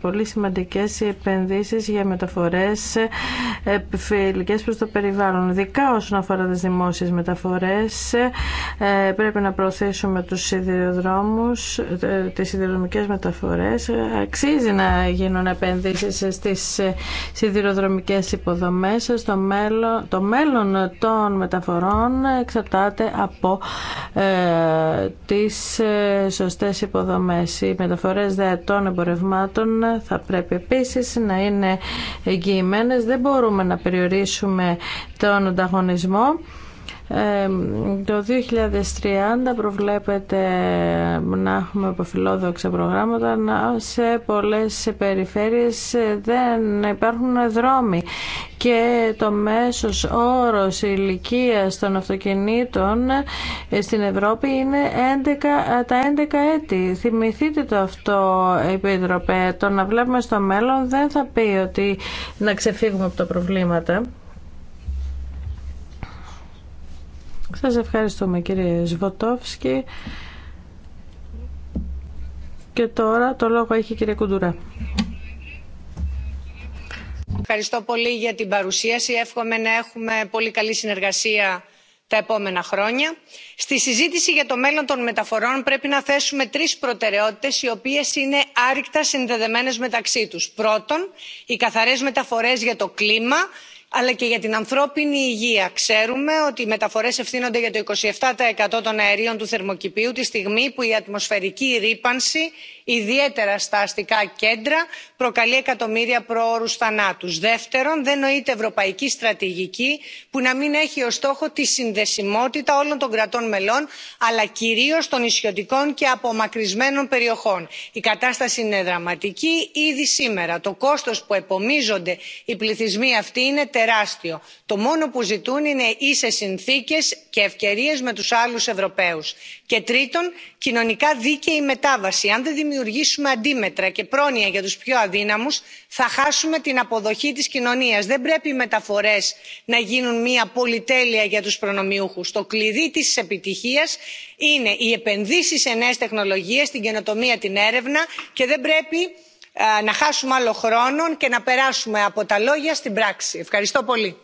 πολύ σημαντικές οι επενδύσεις για μεταφορές φιλικές προς το περιβάλλον. Ειδικά όσον αφορά τις δημόσιες μεταφορές ε, πρέπει να προωθήσουμε τους σιδηροδρόμους, ε, τις σιδηροδρομικές μεταφορές. Αξίζει να γίνουν επενδύσεις στις ε, σιδηροδρομικές υποδομές. Στο μέλλον, το μέλλον των μεταφορών εξαρτάται από ε, τις ε, σωστές υποδομές. Οι μεταφορές δεατών εμπορευμάτων θα πρέπει επίσης να είναι εγγυημένες. Δεν μπορούμε να περιορίσουμε τον ανταγωνισμό το 2030 προβλέπεται να έχουμε αποφιλόδοξα προγράμματα να σε πολλές περιφέρειες ε, δεν υπάρχουν δρόμοι και το μέσος όρος ηλικίας των αυτοκινήτων ε, στην Ευρώπη είναι 11, ε, τα 11 έτη. Θυμηθείτε το αυτό, Επίτροπε, το να βλέπουμε στο μέλλον δεν θα πει ότι να ξεφύγουμε από τα προβλήματα. Σας ευχαριστούμε κύριε Σβοτόφσκι. Και τώρα το λόγο έχει η κυρία Κουντουρά. Ευχαριστώ πολύ για την παρουσίαση. Εύχομαι να έχουμε πολύ καλή συνεργασία τα επόμενα χρόνια. Στη συζήτηση για το μέλλον των μεταφορών πρέπει να θέσουμε τρεις προτεραιότητες οι οποίες είναι άρρηκτα συνδεδεμένες μεταξύ τους. Πρώτον, οι καθαρές μεταφορές για το κλίμα αλλά και για την ανθρώπινη υγεία. ξέρουμε ότι οι μεταφορές ευθύνονται για το 27% των αερίων του θερμοκηπίου τη στιγμή που η ατμοσφαιρική ρήπανση ιδιαίτερα στα αστικά κέντρα προκαλεί εκατομμύρια προώρους θανάτους. δεύτερον δεν νοείται ευρωπαϊκή στρατηγική που να μην έχει ως στόχο τη συνδεσιμότητα όλων των κρατών μελών αλλά κυρίως των νησιωτικών και απομακρυσμένων περιοχών. η κατάσταση είναι δραματική ήδη σήμερα. το κόστος που επομίζονται οι πληθυσμοί αυτοί είναι τεράστιο. το μόνο που ζητούν είναι ίσες συνθήκες και ευκαιρίες με τους άλλους ευρωπαίους και τρίτον κοινωνικά δίκαιη μετάβαση. αν δεν δημιουργήσουμε αντίμετρα και πρόνοια για τους πιο αδύναμους θα χάσουμε την αποδοχή της κοινωνίας. δεν πρέπει οι μεταφορές να γίνουν μια πολυτέλεια για τους προνομιούχους. το κλειδί της επιτυχίας είναι οι επενδύσεις σε νέες τεχνολογίες την καινοτομία την έρευνα και δεν πρέπει να χάσουμε άλλο χρόνο και να περάσουμε από τα λόγια στην πράξη. ευχαριστώ πολύ.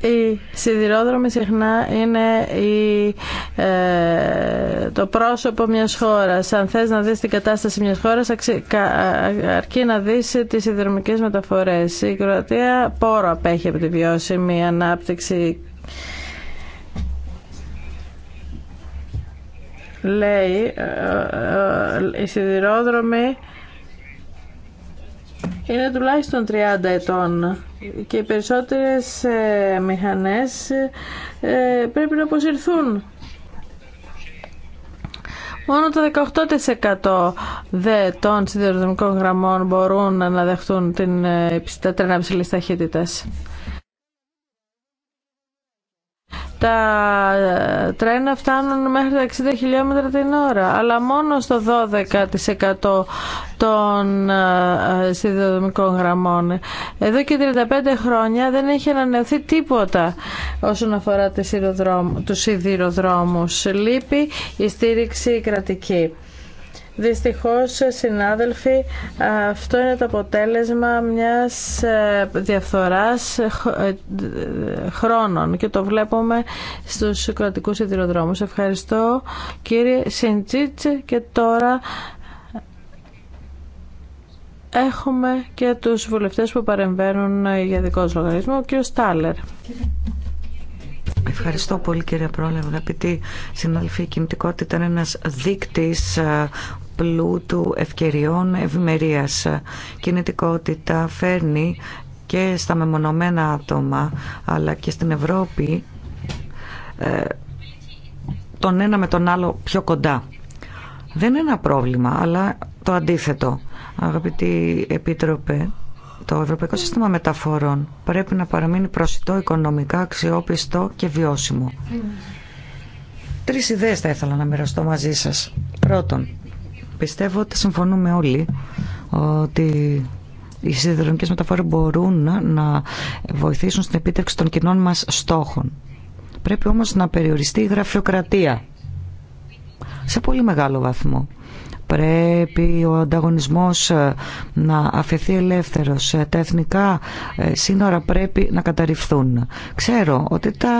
Οι σιδηρόδρομοι συχνά είναι η, ε, το πρόσωπο μιας χώρας. Αν θες να δεις την κατάσταση μιας χώρας, αρκεί να δεις τις σιδηρομικές μεταφορές. Η Κροατία πόρο απέχει από τη βιώσιμη ανάπτυξη λέει ε, ε, οι σιδηρόδρομοι είναι τουλάχιστον 30 ετών και οι περισσότερες ε, μηχανές ε, πρέπει να αποσυρθούν. Μόνο το 18% δε των σιδηροδρομικών γραμμών μπορούν να δεχτούν την, ε, τα τρένα ψηλής ταχύτητας τα ε, τρένα φτάνουν μέχρι τα 60 χιλιόμετρα την ώρα, αλλά μόνο στο 12% των ε, ε, σιδηροδρομικών γραμμών. Εδώ και 35 χρόνια δεν έχει ανανεωθεί τίποτα όσον αφορά τους σιδηροδρόμους. Λείπει η στήριξη κρατική. Δυστυχώς, συνάδελφοι, αυτό είναι το αποτέλεσμα μιας ε, διαφθοράς ε, χρόνων και το βλέπουμε στους κρατικούς σιδηροδρόμους. Ευχαριστώ κύριε Σεντζίτσε και τώρα έχουμε και τους βουλευτές που παρεμβαίνουν για δικό λογαριασμό, ο κύριος Τάλερ. Ευχαριστώ πολύ κύριε πρόεδρε Αγαπητοί συναδελφοί, η κινητικότητα είναι ένας δείκτης ε, πλούτου, ευκαιριών, ευημερίας. Κινητικότητα φέρνει και στα μεμονωμένα άτομα, αλλά και στην Ευρώπη, ε, τον ένα με τον άλλο πιο κοντά. Δεν είναι ένα πρόβλημα, αλλά το αντίθετο. Αγαπητοί Επίτροπε, το Ευρωπαϊκό Σύστημα Μεταφορών πρέπει να παραμείνει προσιτό, οικονομικά, αξιόπιστο και βιώσιμο. Τρεις ιδέες θα ήθελα να μοιραστώ μαζί σας. Πρώτον, Πιστεύω ότι συμφωνούμε όλοι ότι οι σιδηρονικές μεταφορές μπορούν να βοηθήσουν στην επίτευξη των κοινών μας στόχων. Πρέπει όμως να περιοριστεί η γραφειοκρατία σε πολύ μεγάλο βαθμό πρέπει ο ανταγωνισμός ε, να αφαιθεί ελεύθερος. Ε, τα εθνικά ε, σύνορα πρέπει να καταρριφθούν. Ξέρω ότι τα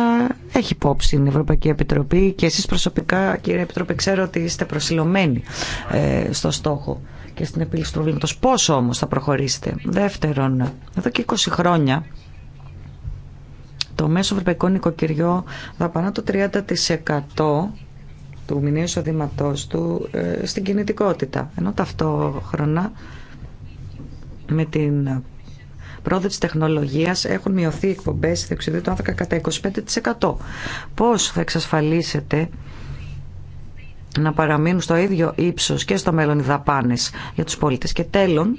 έχει υπόψη η Ευρωπαϊκή Επιτροπή και εσείς προσωπικά κύριε Επιτροπή ξέρω ότι είστε προσιλωμένοι στο στόχο και στην επίλυση του προβλήματος. Πώς όμως θα προχωρήσετε. Δεύτερον, εδώ και 20 χρόνια το μέσο ευρωπαϊκό νοικοκυριό δαπανά το 30% του μηνύου εισοδήματό του ε, στην κινητικότητα. Ενώ ταυτόχρονα με την πρόοδο της τεχνολογίας έχουν μειωθεί οι εκπομπές διοξιδίου του άνθρακα κατά 25%. Πώς θα εξασφαλίσετε να παραμείνουν στο ίδιο ύψος και στο μέλλον οι δαπάνες για τους πολίτες. Και τέλον,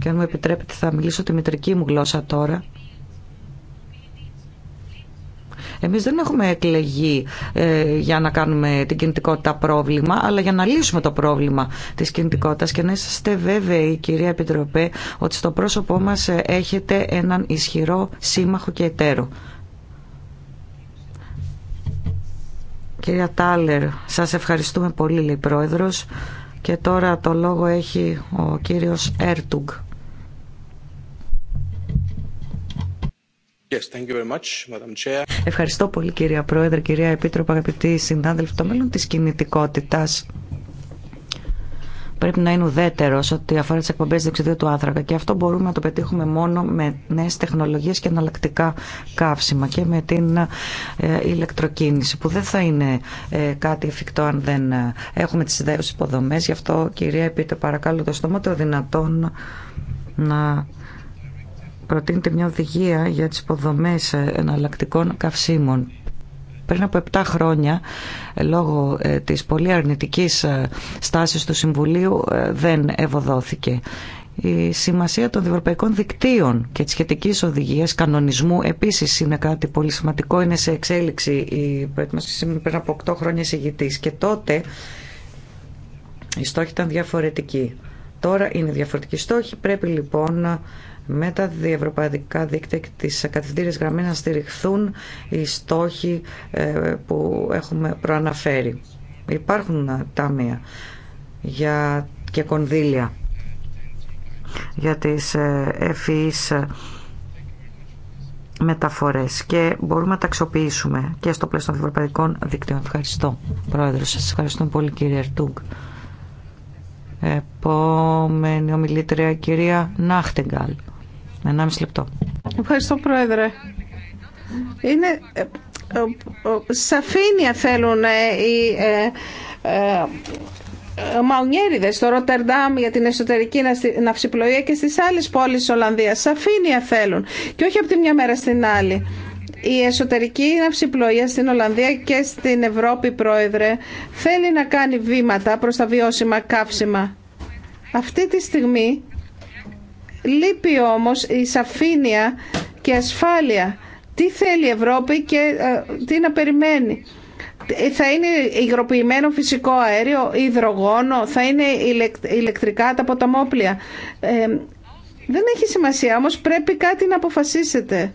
και αν μου επιτρέπετε θα μιλήσω τη μητρική μου γλώσσα τώρα, Εμεί δεν έχουμε εκλεγεί ε, για να κάνουμε την κινητικότητα πρόβλημα, αλλά για να λύσουμε το πρόβλημα της κινητικότητα. και να είστε βέβαιοι, κυρία Επιτροπέ, ότι στο πρόσωπό μας ε, έχετε έναν ισχυρό σύμμαχο και εταίρο. Κυρία Τάλερ, σας ευχαριστούμε πολύ, λέει Πρόεδρος. Και τώρα το λόγο έχει ο κύριος Έρτουγκ. Ευχαριστώ πολύ κυρία Πρόεδρε, κυρία Επίτροπο, αγαπητοί συνάδελφοι. Το μέλλον της κινητικότητας πρέπει να είναι ουδέτερο ό,τι αφορά τι εκπομπέ διοξιδίου του άνθρακα. Και αυτό μπορούμε να το πετύχουμε μόνο με νέε τεχνολογίε και εναλλακτικά καύσιμα και με την ε, ηλεκτροκίνηση, που δεν θα είναι ε, κάτι εφικτό αν δεν ε, έχουμε τι ιδέε υποδομέ. Γι' αυτό, κυρία Επίτροπο, παρακαλώ το στόμα δυνατόν να προτείνεται μια οδηγία για τις υποδομές εναλλακτικών καυσίμων. Πριν από 7 χρόνια, λόγω ε, της πολύ αρνητικής ε, στάσης του Συμβουλίου, ε, δεν ευωδόθηκε. Η σημασία των ευρωπαϊκών δικτύων και της σχετικής οδηγίας κανονισμού επίσης είναι κάτι πολύ σημαντικό. Είναι σε εξέλιξη η προετοιμασία πριν από 8 χρόνια εισηγητής και τότε οι στόχοι ήταν διαφορετικοί. Τώρα είναι διαφορετικοί στόχοι, πρέπει λοιπόν με τα διευρωπαϊκά δίκτυα και τις κατευθυντήριες γραμμή να στηριχθούν οι στόχοι ε, που έχουμε προαναφέρει. Υπάρχουν ε, τάμια για και κονδύλια για τις ε, ευφυείς μεταφορές και μπορούμε να τα αξιοποιήσουμε και στο πλαίσιο των ευρωπαϊκών δικτύων. Ευχαριστώ, πρόεδρο. Σας ευχαριστώ πολύ, κύριε Ερτούγκ. Επόμενη ομιλήτρια, κυρία Νάχτεγκάλ. Ναι, Με 1,5 λεπτό. Ευχαριστώ, Πρόεδρε. Είναι ε, ε, ε, σαφήνεια θέλουν οι μαουνιέριδες στο Ρότερνταμ για την εσωτερική ναυσιπλοεία και στις άλλες πόλεις της Ολλανδίας. Σαφήνεια θέλουν και όχι από τη μια μέρα στην άλλη. Η εσωτερική ναυσιπλοεία στην Ολλανδία και στην Ευρώπη, Πρόεδρε, θέλει να κάνει βήματα προς τα βιώσιμα καύσιμα. Αυτή τη στιγμή Λείπει όμως η σαφήνεια και ασφάλεια. Τι θέλει η Ευρώπη και ε, τι να περιμένει. Θα είναι υγροποιημένο φυσικό αέριο, υδρογόνο, θα είναι ηλεκτρικά τα ποταμόπλια. Ε, δεν έχει σημασία, όμως πρέπει κάτι να αποφασίσετε.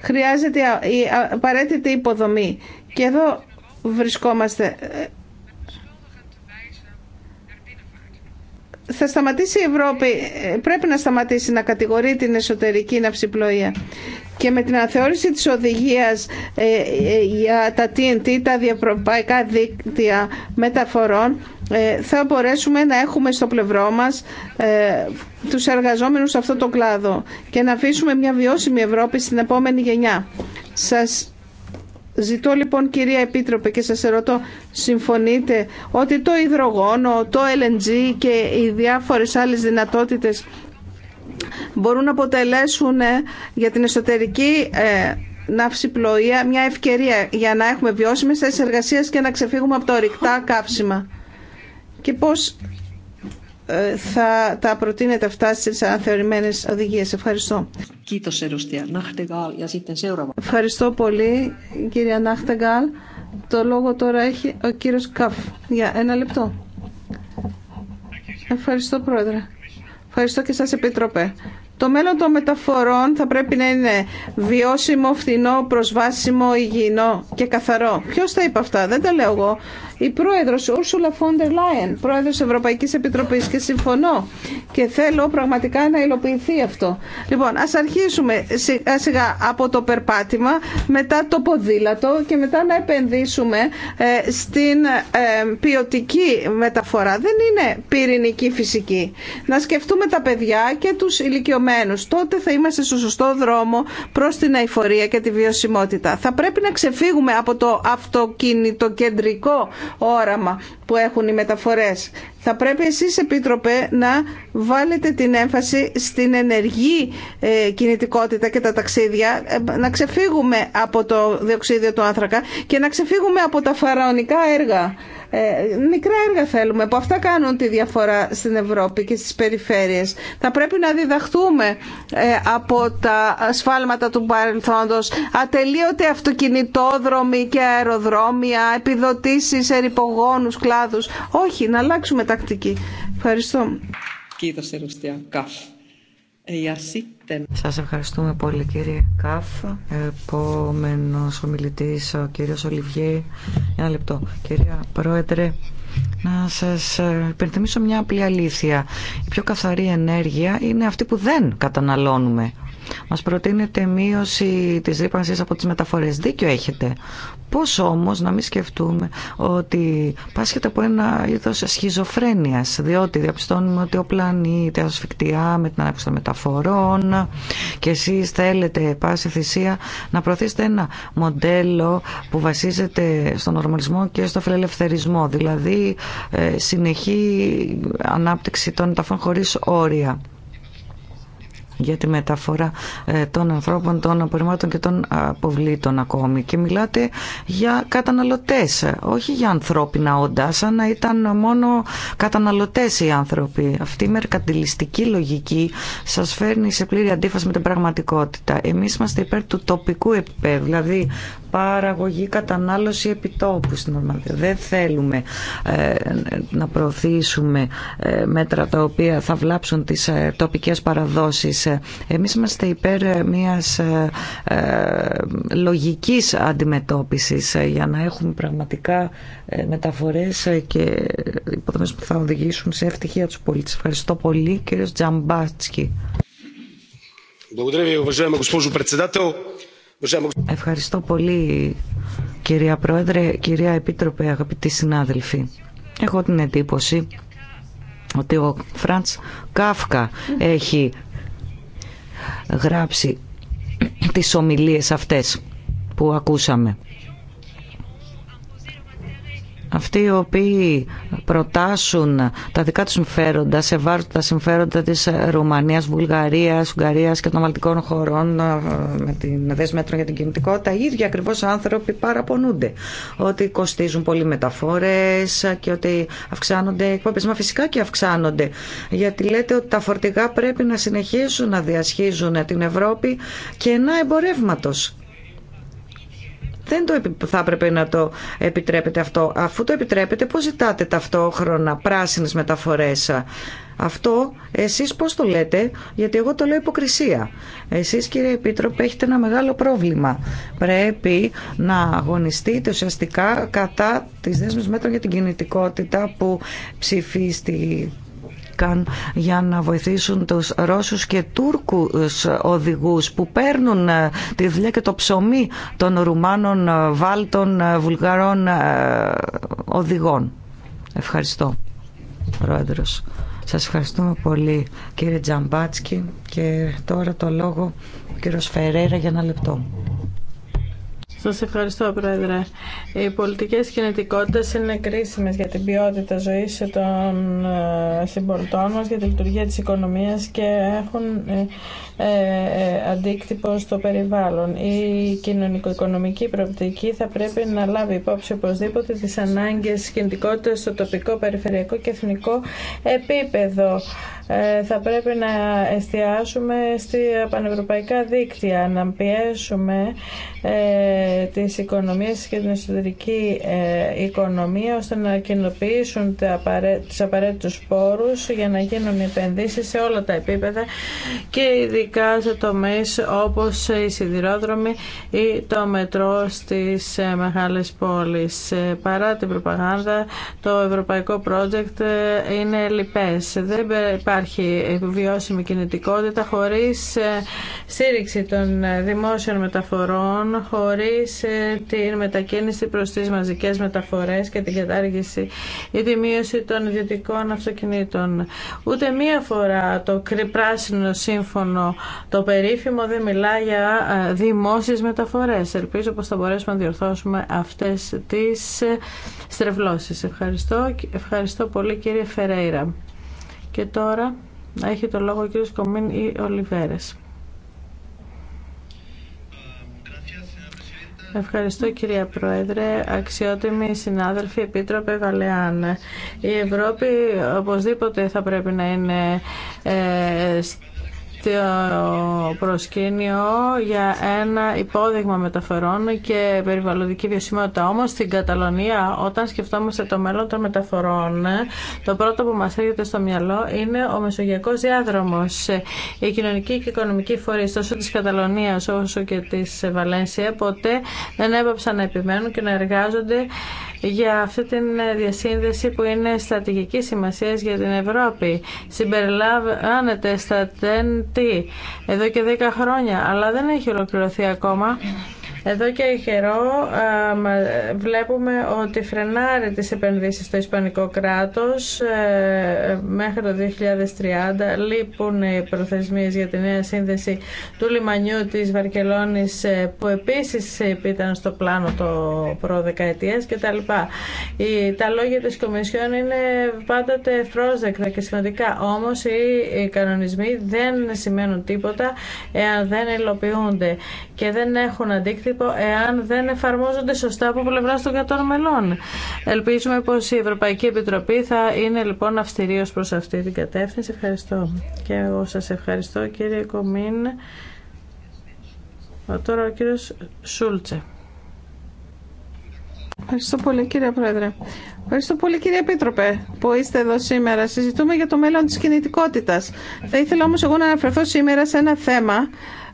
Χρειάζεται η απαραίτητη υποδομή. Και εδώ βρισκόμαστε. Ε, θα σταματήσει η Ευρώπη, ε, πρέπει να σταματήσει να κατηγορεί την εσωτερική ναυσιπλοεία. Και με την αναθεώρηση της οδηγίας ε, ε, για τα TNT, τα διαπροπαϊκά δίκτυα μεταφορών, θα μπορέσουμε να έχουμε στο πλευρό μας τους εργαζόμενους σε αυτό το κλάδο και να αφήσουμε μια βιώσιμη Ευρώπη στην επόμενη γενιά. Ζητώ λοιπόν κυρία Επίτροπε και σας ερωτώ, συμφωνείτε ότι το υδρογόνο, το LNG και οι διάφορες άλλες δυνατότητες μπορούν να αποτελέσουν ε, για την εσωτερική ε, ναυσιπλοεία μια ευκαιρία για να έχουμε βιώσιμες θέσεις εργασίας και να ξεφύγουμε από το ρηκτά καύσιμα. Και πώς θα τα προτείνετε αυτά στις αναθεωρημένε οδηγίες. Ευχαριστώ. Ευχαριστώ πολύ κυρία Νάχτεγκάλ. Το λόγο τώρα έχει ο κύριος Καφ. Για ένα λεπτό. Ευχαριστώ πρόεδρε. Ευχαριστώ και σας επιτροπέ. Το μέλλον των μεταφορών θα πρέπει να είναι βιώσιμο, φθηνό, προσβάσιμο, υγιεινό και καθαρό. Ποιος τα είπε αυτά, δεν τα λέω εγώ η πρόεδρος Ούρσουλα Φόντερ Λάιεν, πρόεδρος Ευρωπαϊκή Επιτροπής και συμφωνώ και θέλω πραγματικά να υλοποιηθεί αυτό. Λοιπόν, α αρχίσουμε σιγά σιγά από το περπάτημα, μετά το ποδήλατο και μετά να επενδύσουμε ε, στην ε, ποιοτική μεταφορά. Δεν είναι πυρηνική φυσική. Να σκεφτούμε τα παιδιά και του ηλικιωμένου. Τότε θα είμαστε στο σωστό δρόμο προ την αηφορία και τη βιωσιμότητα. Θα πρέπει να ξεφύγουμε από το αυτοκίνητο κεντρικό όραμα που έχουν οι μεταφορές. Θα πρέπει εσείς, Επίτροπε, να βάλετε την έμφαση στην ενεργή ε, κινητικότητα και τα ταξίδια, ε, να ξεφύγουμε από το διοξίδιο του άνθρακα και να ξεφύγουμε από τα φαραωνικά έργα. Ε, μικρά έργα θέλουμε, που αυτά κάνουν τη διαφορά στην Ευρώπη και στις περιφέρειες. Θα πρέπει να διδαχθούμε από τα ασφάλματα του παρελθόντος, ατελείωτε αυτοκινητόδρομοι και αεροδρόμια, επιδοτήσεις ερυπογόνους, κλάδους. Όχι, να αλλάξουμε τακτική. Ευχαριστώ. Ε, σας ευχαριστούμε πολύ κύριε Καφ. Επόμενος ομιλητής ο κύριος Ολιβιέ. Ένα λεπτό. Κυρία Πρόεδρε, να σας ε, υπενθυμίσω μια απλή αλήθεια. Η πιο καθαρή ενέργεια είναι αυτή που δεν καταναλώνουμε. Μας προτείνεται μείωση τη ρήπανση από τι μεταφορέ. Δίκιο έχετε. Πώ όμω να μην σκεφτούμε ότι πάσχεται από ένα είδο σχιζοφρένεια, διότι διαπιστώνουμε ότι ο πλανήτη ασφικτιά με την ανάπτυξη των μεταφορών και εσεί θέλετε πάση θυσία να προωθήσετε ένα μοντέλο που βασίζεται στον ορμονισμό και στο φιλελευθερισμό, δηλαδή ε, συνεχή ανάπτυξη των μεταφορών χωρί όρια για τη μεταφορά ε, των ανθρώπων, των απορριμμάτων και των αποβλήτων ακόμη. Και μιλάτε για καταναλωτές, όχι για ανθρώπινα όντα, σαν να ήταν μόνο καταναλωτές οι άνθρωποι. Αυτή η μερκαντιλιστική λογική σας φέρνει σε πλήρη αντίφαση με την πραγματικότητα. Εμείς είμαστε υπέρ του τοπικού επίπεδου, δηλαδή παραγωγή, κατανάλωση επιτόπου στην Ορμανδία. Δεν θέλουμε ε, να προωθήσουμε ε, μέτρα τα οποία θα βλάψουν τις ε, τοπικές παραδόσεις. Εμείς είμαστε υπέρ ε, μιας λογικής αντιμετώπισης για να έχουμε πραγματικά μεταφορές και υποδομές που θα οδηγήσουν σε ευτυχία τους πολίτες. Ευχαριστώ πολύ Κύριο Τζαμπάτσκι. Благодаря Ευχαριστώ πολύ κυρία Πρόεδρε, κυρία Επίτροπε, αγαπητοί συνάδελφοι. Έχω την εντύπωση ότι ο Φραντς Κάφκα έχει γράψει τις ομιλίες αυτές που ακούσαμε αυτοί οι οποίοι προτάσουν τα δικά τους συμφέροντα σε βάρος τα συμφέροντα της Ρουμανίας, Βουλγαρίας, Ουγγαρίας και των μαλτικών χωρών ε, με την δεσμέτρο για την κινητικότητα, οι ίδιοι ακριβώς άνθρωποι παραπονούνται ότι κοστίζουν πολύ μεταφόρες και ότι αυξάνονται εκπομπές. Μα φυσικά και αυξάνονται γιατί λέτε ότι τα φορτηγά πρέπει να συνεχίσουν να διασχίζουν την Ευρώπη και ένα εμπορεύματος δεν θα έπρεπε να το επιτρέπετε αυτό. Αφού το επιτρέπετε, πώς ζητάτε ταυτόχρονα πράσινες μεταφορές. Αυτό εσείς πώς το λέτε, γιατί εγώ το λέω υποκρισία. Εσείς κύριε Επίτροπε έχετε ένα μεγάλο πρόβλημα. Πρέπει να αγωνιστείτε ουσιαστικά κατά τις δέσμες μέτρων για την κινητικότητα που ψηφίστηκε για να βοηθήσουν τους Ρώσους και Τούρκους οδηγούς που παίρνουν ε, τη δουλειά και το ψωμί των Ρουμάνων, ε, Βάλτων, ε, Βουλγαρών οδηγών. Ευχαριστώ, Πρόεδρος. Σας ευχαριστούμε πολύ κύριε Τζαμπάτσκι και τώρα το λόγο ο κύριος Φερέρα για ένα λεπτό. Σας ευχαριστώ, Πρόεδρε. Οι πολιτικές κινητικότητε είναι κρίσιμες για την ποιότητα ζωής των ε, συμπολιτών μα για τη λειτουργία της οικονομίας και έχουν ε, ε, αντίκτυπο στο περιβάλλον. Η κοινωνικο-οικονομική προοπτική θα πρέπει να λάβει υπόψη οπωσδήποτε τις ανάγκες κινητικότητας στο τοπικό, περιφερειακό και εθνικό επίπεδο. Ε, θα πρέπει να εστιάσουμε στη πανευρωπαϊκά δίκτυα, να πιέσουμε ε, τις οικονομίες και την εσωτερική ε, οικονομία ώστε να κοινοποιήσουν τις απαραίτητους πόρους για να γίνουν επενδύσεις σε όλα τα επίπεδα και ειδικά σε τομείς όπως οι σιδηρόδρομοι ή το μετρό στις μεγάλες πόλεις. Παρά την προπαγάνδα, το ευρωπαϊκό project είναι λοιπές. Δεν υπάρχει υπάρχει βιώσιμη κινητικότητα χωρίς ε, στήριξη των ε, δημόσιων μεταφορών, χωρίς ε, τη μετακίνηση προς τις μαζικές μεταφορές και την κατάργηση ή τη μείωση των ιδιωτικών αυτοκινήτων. Ούτε μία φορά το πράσινο σύμφωνο, το περίφημο, δεν μιλά για δημόσιες μεταφορές. Ελπίζω πως θα μπορέσουμε να διορθώσουμε αυτές τις στρεβλώσεις. Ευχαριστώ, ευχαριστώ πολύ κύριε Φερέιρα. Και τώρα έχει το λόγο ο κύριος Κομίν ή Ολιβέρες. Ευχαριστώ κυρία Πρόεδρε, αξιότιμοι συνάδελφοι, Επίτροπε Βαλεάν. Η Ευρώπη οπωσδήποτε θα πρέπει να είναι ε, το προσκήνιο για ένα υπόδειγμα μεταφορών και περιβαλλοντική βιωσιμότητα. Όμως στην Καταλωνία όταν σκεφτόμαστε το μέλλον των μεταφορών το πρώτο που μας έρχεται στο μυαλό είναι ο Μεσογειακός Διάδρομος. Η κοινωνική και οικονομική φορεί τόσο της Καταλωνίας όσο και της Βαλένσια ποτέ δεν έπαψαν να επιμένουν και να εργάζονται για αυτή την διασύνδεση που είναι στρατηγική σημασία για την Ευρώπη. Συμπεριλαμβάνεται στα αυτή εδώ και 10 χρόνια, αλλά δεν έχει ολοκληρωθεί ακόμα. Εδώ και δήχλια διστρριάτα λύπουν βλέπουμε ότι φρενάρει τις επενδύσεις στο Ισπανικό κράτος ε, μέχρι το 2030. Λείπουν οι προθεσμίες για τη νέα σύνδεση του λιμανιού της Βαρκελόνης ε, που επίσης ήταν στο πλάνο το προδεκαετίας κτλ. Τα λόγια της Κομισιόν είναι πάντοτε φρόζεκτα και σημαντικά. Όμως οι κανονισμοί δεν σημαίνουν τίποτα εάν δεν υλοποιούνται και δεν έχουν αντίκτυπο εάν δεν εφαρμόζονται σωστά από πλευρά των κρατών μελών. Ελπίζουμε πω η Ευρωπαϊκή Επιτροπή θα είναι λοιπόν αυστηρή ω προ αυτή την κατεύθυνση. Ευχαριστώ. Και εγώ σα ευχαριστώ κύριε Κομίν. Τώρα ο κύριο Σούλτσε. Ευχαριστώ πολύ κύριε Πρόεδρε. Ευχαριστώ πολύ κύριε Επίτροπε που είστε εδώ σήμερα. Συζητούμε για το μέλλον της κινητικότητας. Θα ήθελα όμως εγώ να αναφερθώ σήμερα σε ένα θέμα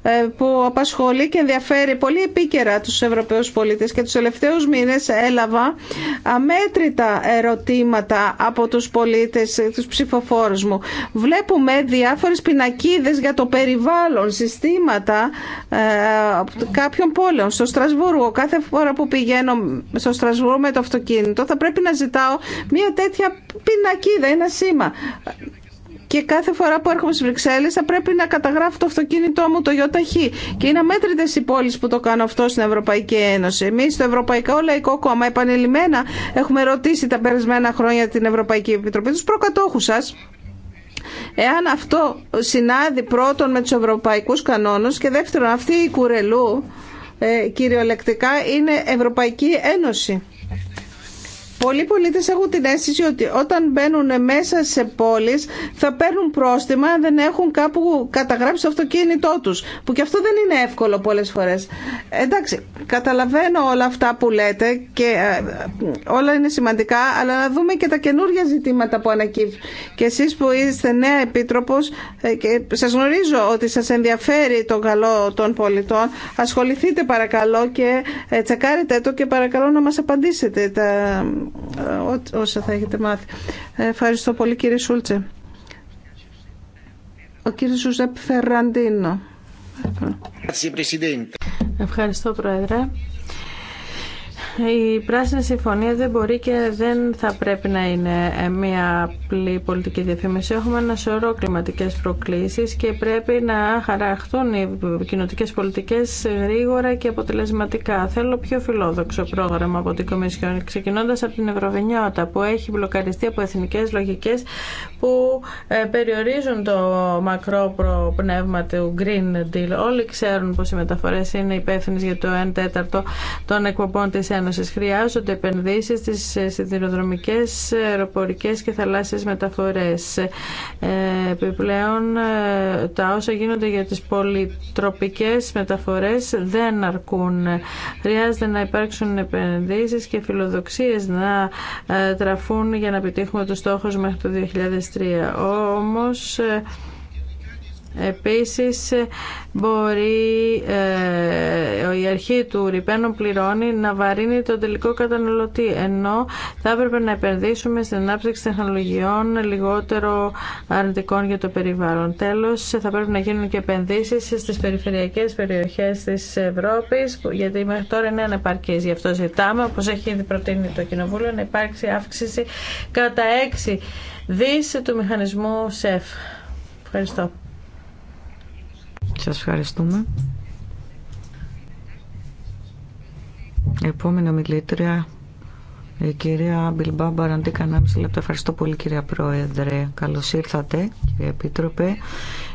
ε, που απασχολεί και ενδιαφέρει πολύ επίκαιρα τους Ευρωπαίους πολίτες και τους τελευταίους μήνες έλαβα αμέτρητα ερωτήματα από τους πολίτες, τους ψηφοφόρους μου. Βλέπουμε διάφορες πινακίδες για το περιβάλλον, συστήματα ε, κάποιων πόλεων. Στο Στρασβούργο, κάθε φορά που πηγαίνω στο Στρασβούργο με το αυτοκίνητο θα πρέπει να ζητάω μια τέτοια πινακίδα, ένα σήμα και κάθε φορά που έρχομαι στι Βρυξέλλε θα πρέπει να καταγράφω το αυτοκίνητό μου το ΙΟΤΑΧΗ και είναι αμέτρητε οι πόλεις που το κάνω αυτό στην Ευρωπαϊκή Ένωση. Εμείς στο Ευρωπαϊκό Λαϊκό Κόμμα επανειλημμένα έχουμε ρωτήσει τα περασμένα χρόνια την Ευρωπαϊκή Επιτροπή Του προκατόχους σα, εάν αυτό συνάδει πρώτον με του Ευρωπαϊκού κανόνους και δεύτερον αυτή η κουρελού ε, κυριολεκτικά είναι Ευρωπαϊκή Ένωση. Πολλοί πολίτε έχουν την αίσθηση ότι όταν μπαίνουν μέσα σε πόλεις θα παίρνουν πρόστιμα αν δεν έχουν κάπου καταγράψει το αυτοκίνητό του. που και αυτό δεν είναι εύκολο πολλέ φορέ. Εντάξει, καταλαβαίνω όλα αυτά που λέτε και ε, όλα είναι σημαντικά, αλλά να δούμε και τα καινούργια ζητήματα που ανακύπτουν. Και εσεί που είστε νέα επίτροπος, ε, και σας γνωρίζω ότι σα ενδιαφέρει το καλό των πολιτών, ασχοληθείτε παρακαλώ και ε, τσεκάρετε το και παρακαλώ να μας απαντήσετε τα ε, όσα θα έχετε μάθει. Ευχαριστώ πολύ κύριε Σούλτσε. Ο κύριος Ζουζέπ Φεραντίνο. Ευχαριστώ Πρόεδρε η Πράσινη Συμφωνία δεν μπορεί και δεν θα πρέπει να είναι ε, μια απλή πολιτική διαφήμιση. Έχουμε ένα σωρό κλιματικέ προκλήσει και πρέπει να χαραχθούν οι κοινοτικέ πολιτικέ γρήγορα και αποτελεσματικά. Θέλω πιο φιλόδοξο πρόγραμμα από την Κομισιόν, ξεκινώντα από την Ευρωβινιώτα που έχει μπλοκαριστεί από εθνικέ λογικέ που ε, περιορίζουν το μακρό πνεύμα του Green Deal. Όλοι ξέρουν πω οι μεταφορέ είναι υπεύθυνε για το 1 τέταρτο των εκπομπών τη σας Χρειάζονται επενδύσεις στις σιδηροδρομικές, αεροπορικές και θαλάσσιες μεταφορές. Ε, επιπλέον, ε, τα όσα γίνονται για τις πολυτροπικές μεταφορές δεν αρκούν. Χρειάζεται να υπάρξουν επενδύσεις και φιλοδοξίες να ε, τραφούν για να επιτύχουμε τους στόχους μέχρι το 2003. Όμως, Επίσης μπορεί ε, η αρχή του ρηπαίνων πληρώνει να βαρύνει τον τελικό καταναλωτή ενώ θα έπρεπε να επενδύσουμε στην ανάπτυξη τεχνολογιών λιγότερο αρνητικών για το περιβάλλον. Τέλος θα πρέπει να γίνουν και επενδύσεις στις περιφερειακές περιοχές της Ευρώπης γιατί μέχρι τώρα είναι ανεπαρκής. Γι' αυτό ζητάμε όπως έχει ήδη προτείνει το Κοινοβούλιο να υπάρξει αύξηση κατά 6 δις του μηχανισμού ΣΕΦ. Ευχαριστώ. Σας ευχαριστούμε. Επόμενη ομιλήτρια, η κυρία Μπιλμπά Μπαραντή, κανάμιση λεπτά. Ευχαριστώ πολύ κυρία Πρόεδρε. Καλώς ήρθατε κύριε Επίτροπε.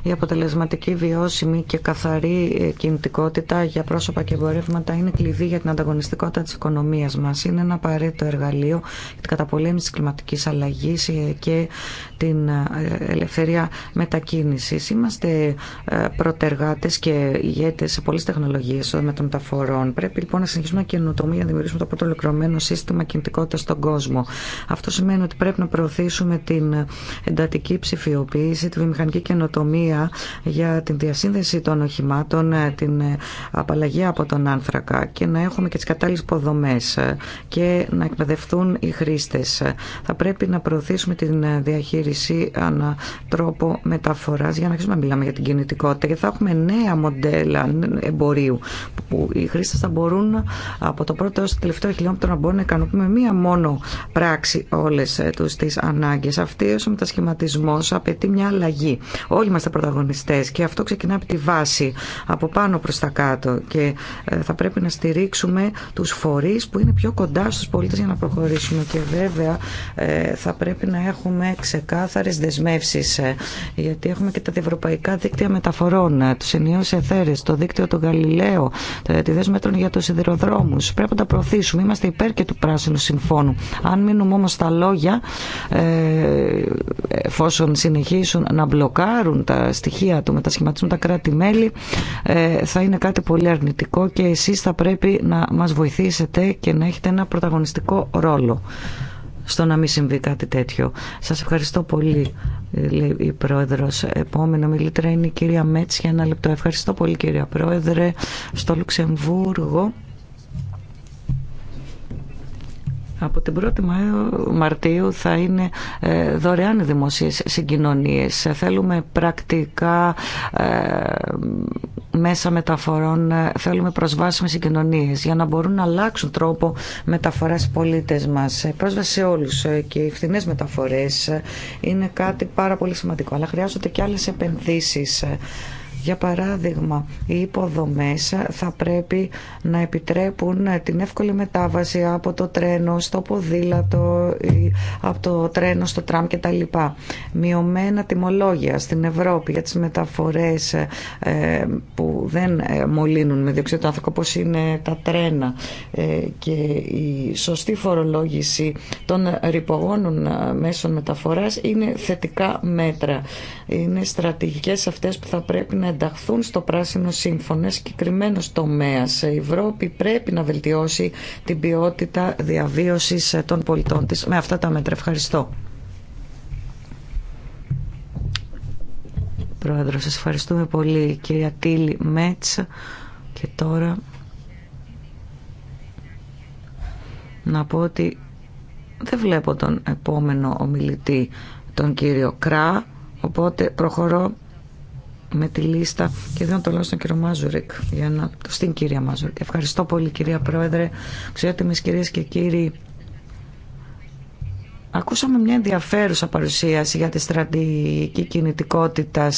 Η αποτελεσματική, βιώσιμη και καθαρή ε, κινητικότητα για πρόσωπα και εμπορεύματα είναι κλειδί για την ανταγωνιστικότητα τη οικονομία μα. Είναι ένα απαραίτητο εργαλείο για την καταπολέμηση τη κλιματική αλλαγή ε, και την ε, ελευθερία μετακίνηση. Είμαστε πρωτεργάτε και ηγέτε σε πολλέ τεχνολογίε με των μεταφορών. Πρέπει λοιπόν να συνεχίσουμε καινοτομία για να δημιουργήσουμε το πρώτο ολοκληρωμένο σύστημα κινητικότητα στον κόσμο. Αυτό σημαίνει ότι πρέπει να προωθήσουμε την εντατική ψηφιοποίηση, τη βιομηχανική καινοτομία για την διασύνδεση των οχημάτων, την απαλλαγή από τον άνθρακα και να έχουμε και τι κατάλληλε υποδομέ και να εκπαιδευτούν οι χρήστε. Θα πρέπει να προωθήσουμε την διαχείριση ανά τρόπο μεταφοράς για να αρχίσουμε να μιλάμε για την κινητικότητα και θα έχουμε νέα μοντέλα εμπορίου που οι χρήστε θα μπορούν από το πρώτο έως το τελευταίο χιλιόμετρο να μπορούν να ικανοποιούμε μία μόνο πράξη όλες τους τις ανάγκες. Αυτή ο μετασχηματισμό απαιτεί μια αλλαγή. Όλοι μας πρωταγωνιστές και αυτό ξεκινά από τη βάση, από πάνω προς τα κάτω και ε, θα πρέπει να στηρίξουμε τους φορείς που είναι πιο κοντά στους πολίτες για να προχωρήσουμε και βέβαια ε, θα πρέπει να έχουμε ξεκάθαρες δεσμεύσεις ε, γιατί έχουμε και τα ευρωπαϊκά δίκτυα μεταφορών, τους ενιαίους εθέρες, το δίκτυο του Γαλιλαίου, τη δέσμη μέτρων για τους σιδηροδρόμους. Πρέπει να τα προωθήσουμε. Είμαστε υπέρ και του πράσινου συμφώνου. Αν μείνουμε όμως στα λόγια, εφόσον συνεχίσουν να μπλοκάρουν τα στοιχεία του μετασχηματισμού τα κράτη-μέλη ε, θα είναι κάτι πολύ αρνητικό και εσείς θα πρέπει να μας βοηθήσετε και να έχετε ένα πρωταγωνιστικό ρόλο στο να μην συμβεί κάτι τέτοιο. Σας ευχαριστώ πολύ, ε, λέει η Πρόεδρος. Επόμενο μιλήτρα είναι η κυρία Μέτσια για ένα λεπτό. Ευχαριστώ πολύ, κυρία Πρόεδρε, στο Λουξεμβούργο. Από την 1η Μαρτίου θα είναι ε, δωρεάν οι δημοσίες συγκοινωνίες. Θέλουμε πρακτικά ε, μέσα μεταφορών, ε, θέλουμε προσβάσιμες συγκοινωνίες για να μπορούν να αλλάξουν τρόπο μεταφοράς πολίτες μας. Πρόσβαση σε όλους και οι φθηνές μεταφορές είναι κάτι πάρα πολύ σημαντικό. Αλλά χρειάζονται και άλλες επενδύσεις για παράδειγμα, οι υποδομές θα πρέπει να επιτρέπουν την εύκολη μετάβαση από το τρένο στο ποδήλατο, από το τρένο στο τραμ κτλ. Μειωμένα τιμολόγια στην Ευρώπη για τις μεταφορές ε, που δεν ε, μολύνουν με διοξείδιο του άνθρακα όπως είναι τα τρένα ε, και η σωστή φορολόγηση των ρηπογόνων μέσων μεταφοράς είναι θετικά μέτρα. Είναι στρατηγικές αυτές που θα πρέπει να ενταχθούν στο πράσινο σύμφωνο. Ένα συγκεκριμένο τομέα. Η Ευρώπη πρέπει να βελτιώσει την ποιότητα διαβίωση των πολιτών τη με αυτά τα μέτρα. Ευχαριστώ. Πρόεδρο, σας ευχαριστούμε πολύ κυρία Τίλη Μέτς και τώρα να πω ότι δεν βλέπω τον επόμενο ομιλητή τον κύριο Κρά οπότε προχωρώ με τη λίστα και δεν το λόγο στον κύριο Μάζουρικ για να... στην κυρία Μάζουρικ. Ευχαριστώ πολύ κυρία Πρόεδρε, αξιότιμες κυρίες και κύριοι. Ακούσαμε μια ενδιαφέρουσα παρουσίαση για τη στρατηγική κινητικότητα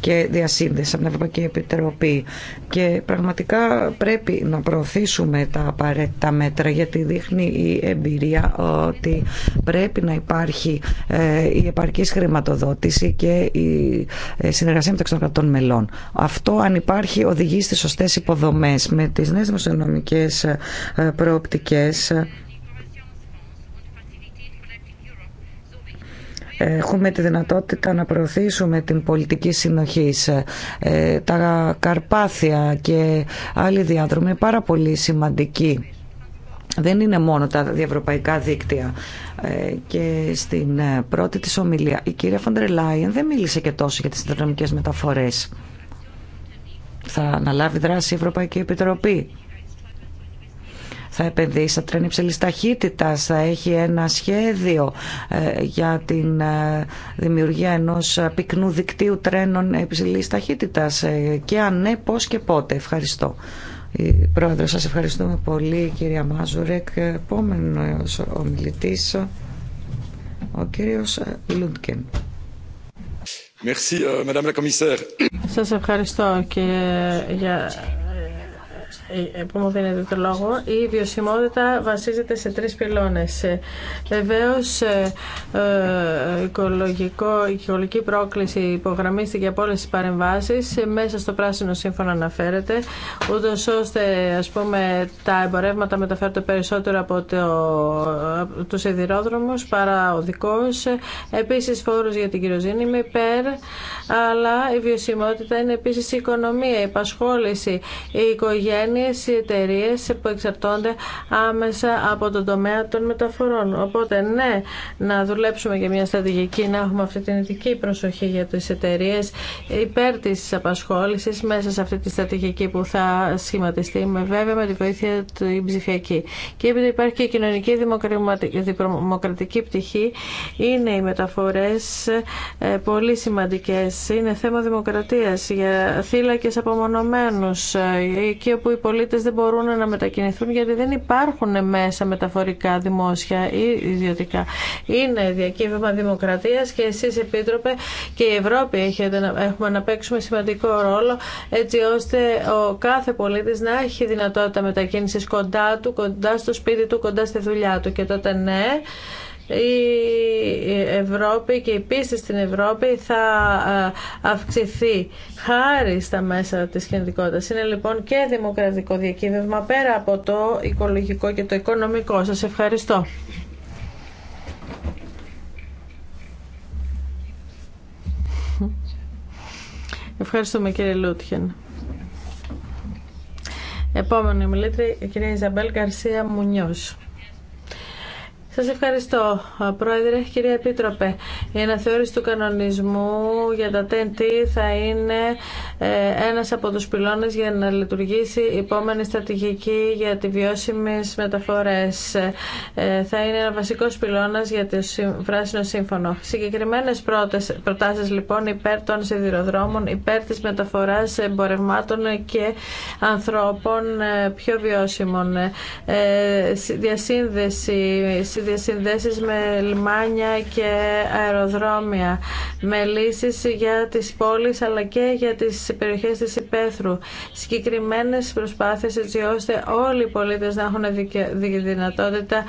και διασύνδεση από την Ευρωπαϊκή Επιτροπή και πραγματικά πρέπει να προωθήσουμε τα απαραίτητα μέτρα γιατί δείχνει η εμπειρία ότι πρέπει να υπάρχει ε, η επαρκής χρηματοδότηση και η ε, συνεργασία μεταξύ των κρατών μελών. Αυτό αν υπάρχει οδηγεί στι σωστέ υποδομέ με τις νέες δημοσιονομικές ε, προοπτικές έχουμε τη δυνατότητα να προωθήσουμε την πολιτική συνοχή. Ε, τα Καρπάθια και άλλοι διάδρομοι είναι πάρα πολύ σημαντικοί. Δεν είναι μόνο τα διευρωπαϊκά δίκτυα. Ε, και στην ε, πρώτη της ομιλία η κυρία Φοντρελάιεν δεν μίλησε και τόσο για τις συνδρομικές μεταφορές. Θα αναλάβει δράση η Ευρωπαϊκή Επιτροπή θα επενδύσει στα τρένα υψηλή ταχύτητα, θα έχει ένα σχέδιο ε, για την ε, δημιουργία ενό πυκνού δικτύου τρένων υψηλή ταχύτητα ε, και αν ναι, και πότε. Ευχαριστώ. Πρόεδρε, σας ευχαριστούμε πολύ κυρία Μάζουρεκ. Επόμενος ομιλητής, ο κύριος Λούντκεν. Merci, euh, Σας ευχαριστώ και για ε, ε, που μου δίνετε το λόγο. Η βιωσιμότητα βασίζεται σε τρεις πυλώνες. Ε, βεβαίως, οικολογικό, η οικολογική πρόκληση υπογραμμίστηκε από όλες τις παρεμβάσεις. Μέσα στο πράσινο σύμφωνο αναφέρεται, ούτω ώστε ας πούμε, τα εμπορεύματα μεταφέρονται περισσότερο από το, τους σιδηρόδρομους παρά οδικός. Επίσης, φόρους για την κυριοζήνη με υπέρ, αλλά η βιωσιμότητα είναι επίσης η οικονομία, η επασχόληση, η οικογένεια οι ή εταιρείε που εξαρτώνται άμεσα από τον τομέα των μεταφορών. Οπότε ναι, να δουλέψουμε για μια στρατηγική, να έχουμε αυτή την ειδική προσοχή για τις εταιρείε υπέρ της απασχόλησης μέσα σε αυτή τη στρατηγική που θα σχηματιστεί με βέβαια με τη βοήθεια του ψηφιακή. Και επειδή υπάρχει και η κοινωνική δημοκρατική πτυχή, είναι οι μεταφορές ε, πολύ σημαντικές. Είναι θέμα δημοκρατίας για θύλακες απομονωμένους, ε, εκεί πολίτες δεν μπορούν να μετακινηθούν γιατί δεν υπάρχουν μέσα μεταφορικά δημόσια ή ιδιωτικά. Είναι διακύβευμα δημοκρατίας και εσείς Επίτροπε και η Ευρώπη έχετε, έχουμε να παίξουμε σημαντικό ρόλο έτσι ώστε ο κάθε πολίτης να έχει δυνατότητα μετακίνησης κοντά του, κοντά στο σπίτι του, κοντά στη δουλειά του και τότε ναι, η Ευρώπη και η πίστη στην Ευρώπη θα ε, αυξηθεί χάρη στα μέσα της κινητικότητας. Είναι λοιπόν και δημοκρατικό διακύβευμα πέρα από το οικολογικό και το οικονομικό. Σας ευχαριστώ. Ευχαριστούμε κύριε Λούτχεν. Επόμενη μιλήτρια, η κυρία Ιζαμπέλ Καρσία Μουνιός. Σα ευχαριστώ, Πρόεδρε. Κυρία Επίτροπε, η αναθεώρηση του κανονισμού για τα TNT θα είναι ε, ένας από τους πυλώνε για να λειτουργήσει η επόμενη στρατηγική για τη βιώσιμε μεταφορές. Ε, θα είναι ένα βασικός πυλώνας για το Βράσινο Σύμφωνο. Συγκεκριμένε προτάσει λοιπόν υπέρ των σιδηροδρόμων, υπέρ τη μεταφορά εμπορευμάτων και ανθρώπων ε, πιο βιώσιμων. Διασύνδεση διασυνδέσει με λιμάνια και αεροδρόμια, με λύσει για τι πόλει, αλλά και για τι περιοχέ τη υπαίθρου. Συγκεκριμένε προσπάθειε, έτσι ώστε όλοι οι πολίτε να έχουν δυνατότητα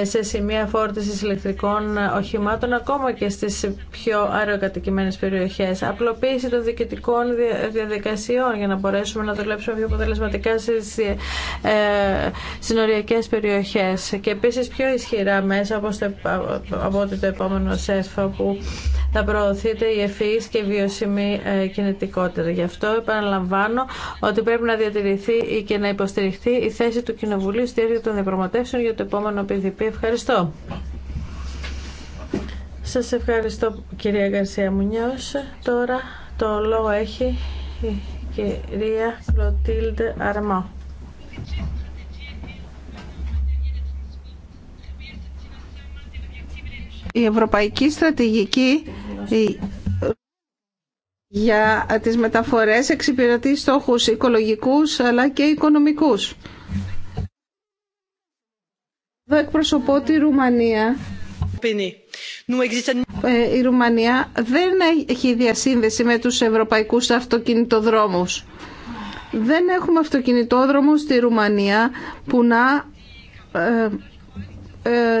ε, σε σημεία φόρτιση ηλεκτρικών οχημάτων ακόμα και στι πιο αεροκατοικημένε περιοχέ, Απλοποίηση των διοικητικών διαδικασιών για να μπορέσουμε να δουλέψουμε πιο αποτελεσματικά στις ε, συνοριακέ περιοχέ και επίσης πιο ισχυρά γραμμές το, από το επόμενο ΣΕΦΑ που θα προωθείται η ευφυής και η βιωσιμή ε, κινητικότητα. Γι' αυτό επαναλαμβάνω ότι πρέπει να διατηρηθεί και να υποστηριχθεί η θέση του Κοινοβουλίου στη στήριξη των διαπραγματεύσεων για το επόμενο PDP. Ευχαριστώ. Σας ευχαριστώ κυρία Γκαρσία Μουνιός. Τώρα το λόγο έχει η κυρία Κλωτίλντε Αρμά. Η Ευρωπαϊκή Στρατηγική για τις μεταφορές εξυπηρετεί στόχους οικολογικούς αλλά και οικονομικούς. Εδώ εκπροσωπώ τη Ρουμανία. Ε, η Ρουμανία δεν έχει διασύνδεση με τους ευρωπαϊκούς αυτοκινητοδρόμους. Δεν έχουμε αυτοκινητόδρομο στη Ρουμανία που να ε,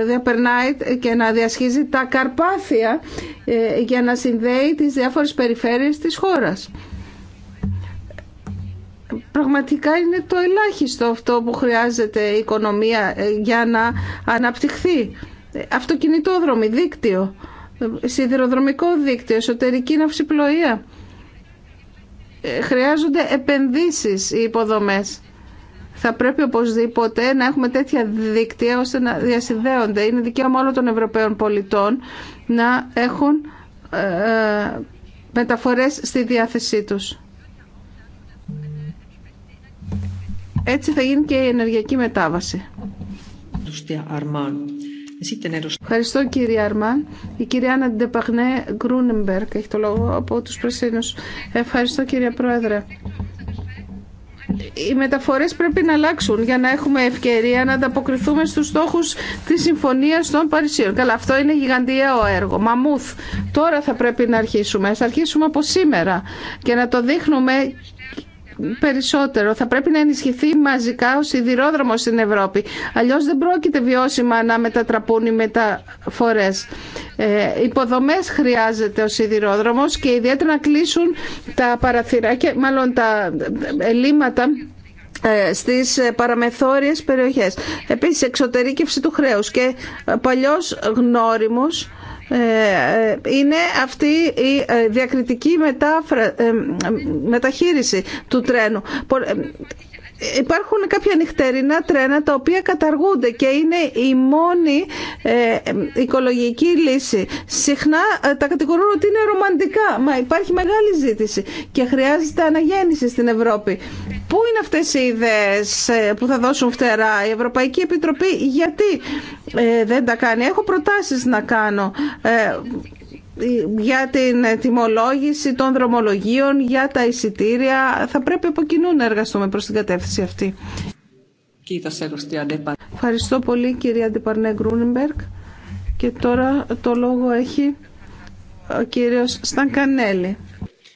διαπερνάει ε, και να διασχίζει τα Καρπάθια ε, για να συνδέει τις διάφορες περιφέρειες της χώρας. Πραγματικά είναι το ελάχιστο αυτό που χρειάζεται η οικονομία ε, για να αναπτυχθεί. Αυτοκινητόδρομοι, δίκτυο, σιδηροδρομικό δίκτυο, εσωτερική ναυσιπλοεία. Χρειάζονται επενδύσεις οι υποδομές θα πρέπει οπωσδήποτε να έχουμε τέτοια δίκτυα ώστε να διασυνδέονται. Είναι δικαίωμα όλων των Ευρωπαίων πολιτών να έχουν ε, ε, μεταφορές στη διάθεσή τους. Έτσι θα γίνει και η ενεργειακή μετάβαση. Ευχαριστώ κύριε Αρμάν. Η κυρία Ναντεπαγνέ Γκρούνεμπερκ έχει το λόγο από τους Πρεσίνους. Ευχαριστώ κύριε Πρόεδρε οι μεταφορές πρέπει να αλλάξουν για να έχουμε ευκαιρία να ανταποκριθούμε στους στόχους της Συμφωνίας των Παρισίων. Καλά, αυτό είναι γιγαντιαίο έργο. Μαμούθ. Τώρα θα πρέπει να αρχίσουμε. θα αρχίσουμε από σήμερα και να το δείχνουμε περισσότερο. Θα πρέπει να ενισχυθεί μαζικά ο σιδηρόδρομος στην Ευρώπη. Αλλιώ δεν πρόκειται βιώσιμα να μετατραπούν οι μεταφορές. Ε, υποδομές χρειάζεται ο σιδηρόδρομος και ιδιαίτερα να κλείσουν τα παραθυράκια, μάλλον τα ελλείμματα ε, στις ε, παραμεθόριες περιοχές. Επίσης, εξωτερήκευση του χρέους και ε, παλιός γνώριμος ε, ε, είναι αυτή η ε, διακριτική μετάφρα... μεταχείριση του τρένου υπάρχουν κάποια νυχτερινά τρένα τα οποία καταργούνται και είναι η μόνη ε, οικολογική λύση. Συχνά ε, τα κατηγορούν ότι είναι ρομαντικά, μα υπάρχει μεγάλη ζήτηση και χρειάζεται αναγέννηση στην Ευρώπη. Πού είναι αυτές οι ιδέες ε, που θα δώσουν φτερά η Ευρωπαϊκή Επιτροπή, γιατί δεν τα κάνει. Έχω προτάσεις να κάνω για την τιμολόγηση των δρομολογίων, για τα εισιτήρια. Θα πρέπει από κοινού να εργαστούμε προς την κατεύθυνση αυτή. Ευχαριστώ πολύ κυρία Αντιπαρνέ Γκρούνιμπεργκ. Και τώρα το λόγο έχει ο κύριος Στανκανέλη.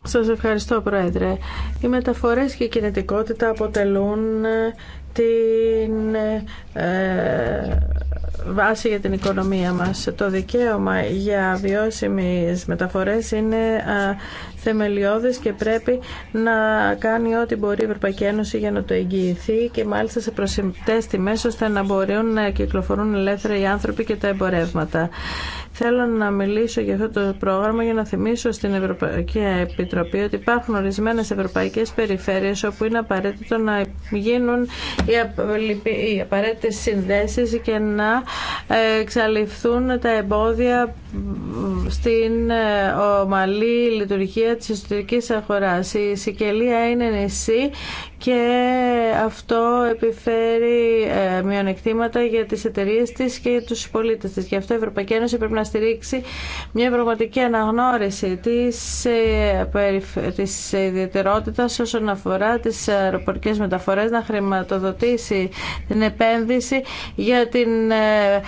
Σας ευχαριστώ Πρόεδρε. Οι μεταφορές και η κινητικότητα αποτελούν ε, την ε, βάση για την οικονομία μας. Το δικαίωμα για βιώσιμες μεταφορές είναι θεμελιώδης και πρέπει να κάνει ό,τι μπορεί η Ευρωπαϊκή Ένωση για να το εγγυηθεί και μάλιστα σε προσυμπτές τιμές ώστε να μπορούν να κυκλοφορούν ελεύθερα οι άνθρωποι και τα εμπορεύματα. Θέλω να μιλήσω για αυτό το πρόγραμμα για να θυμίσω στην Ευρωπαϊκή Επιτροπή ότι υπάρχουν ορισμένε ευρωπαϊκέ περιφέρειε όπου είναι απαραίτητο να γίνουν οι απαραίτητε συνδέσει και να εξαλειφθούν τα εμπόδια στην ε, ομαλή λειτουργία της εσωτερικής αγοράς. Η Σικελία είναι νησί και αυτό επιφέρει ε, μειονεκτήματα για τις εταιρείες της και τους πολίτες της. Γι' αυτό η Ευρωπαϊκή Ένωση πρέπει να στηρίξει μια πραγματική αναγνώριση της, ε, της ιδιαιτερότητας όσον αφορά τις αεροπορικές μεταφορές, να χρηματοδοτήσει την επένδυση για την ε,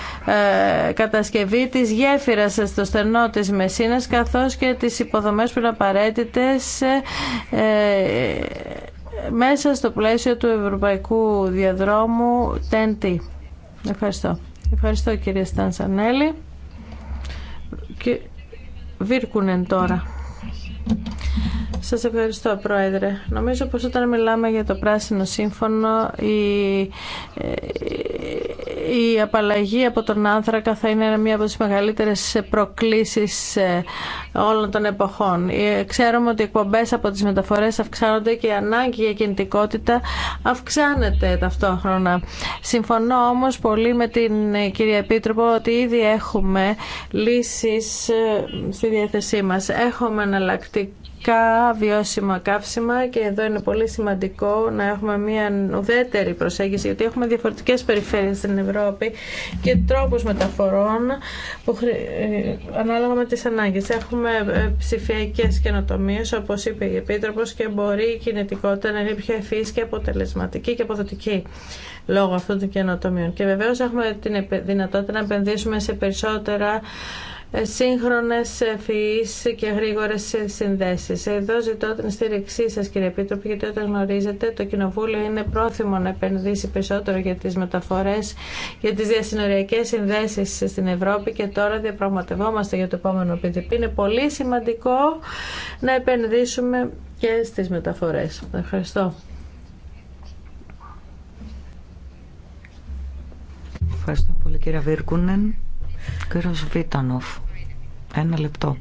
ε, κατασκευή της γέφυρας στο στενό της Μεσίνας καθώς και τις υποδομές που είναι απαραίτητες ε, μέσα στο πλαίσιο του Ευρωπαϊκού Διαδρόμου TNT. Ευχαριστώ. Ευχαριστώ κύριε Στανσανέλη. Και Βίρκουνεν τώρα. Σας ευχαριστώ Πρόεδρε. Νομίζω πως όταν μιλάμε για το Πράσινο Σύμφωνο η, η απαλλαγή από τον άνθρακα θα είναι μία από τις μεγαλύτερες προκλήσεις ε, όλων των εποχών. Ε, ξέρουμε ότι οι εκπομπές από τις μεταφορές αυξάνονται και η ανάγκη για κινητικότητα αυξάνεται ταυτόχρονα. Συμφωνώ όμως πολύ με την ε, κυρία Επίτροπο ότι ήδη έχουμε λύσεις στη διάθεσή μας. Έχουμε εναλλακτικά βιώσιμα καύσιμα και εδώ είναι πολύ σημαντικό να έχουμε μια ουδέτερη προσέγγιση γιατί έχουμε διαφορετικές περιφέρειες στην Ευρώπη και τρόπους μεταφορών που ε, ανάλογα με τις ανάγκες. Έχουμε ε, ψηφιακές καινοτομίε, όπως είπε η Επίτροπος και μπορεί η κινητικότητα να είναι πιο ευφύς και αποτελεσματική και αποδοτική λόγω αυτών των καινοτομιών. Και βεβαίως έχουμε την δυνατότητα να επενδύσουμε σε περισσότερα σύγχρονες φυΐς και γρήγορες συνδέσεις. Εδώ ζητώ την στήριξή σας κύριε Επίτροπη γιατί όταν γνωρίζετε το Κοινοβούλιο είναι πρόθυμο να επενδύσει περισσότερο για τις μεταφορές για τις διασυνοριακές συνδέσεις στην Ευρώπη και τώρα διαπραγματευόμαστε για το επόμενο PDP. Είναι πολύ σημαντικό να επενδύσουμε και στις μεταφορές. Ευχαριστώ. Ευχαριστώ πολύ κύριε Βίρκουνεν. Κύριος Βίτανοφ, ένα λεπτό.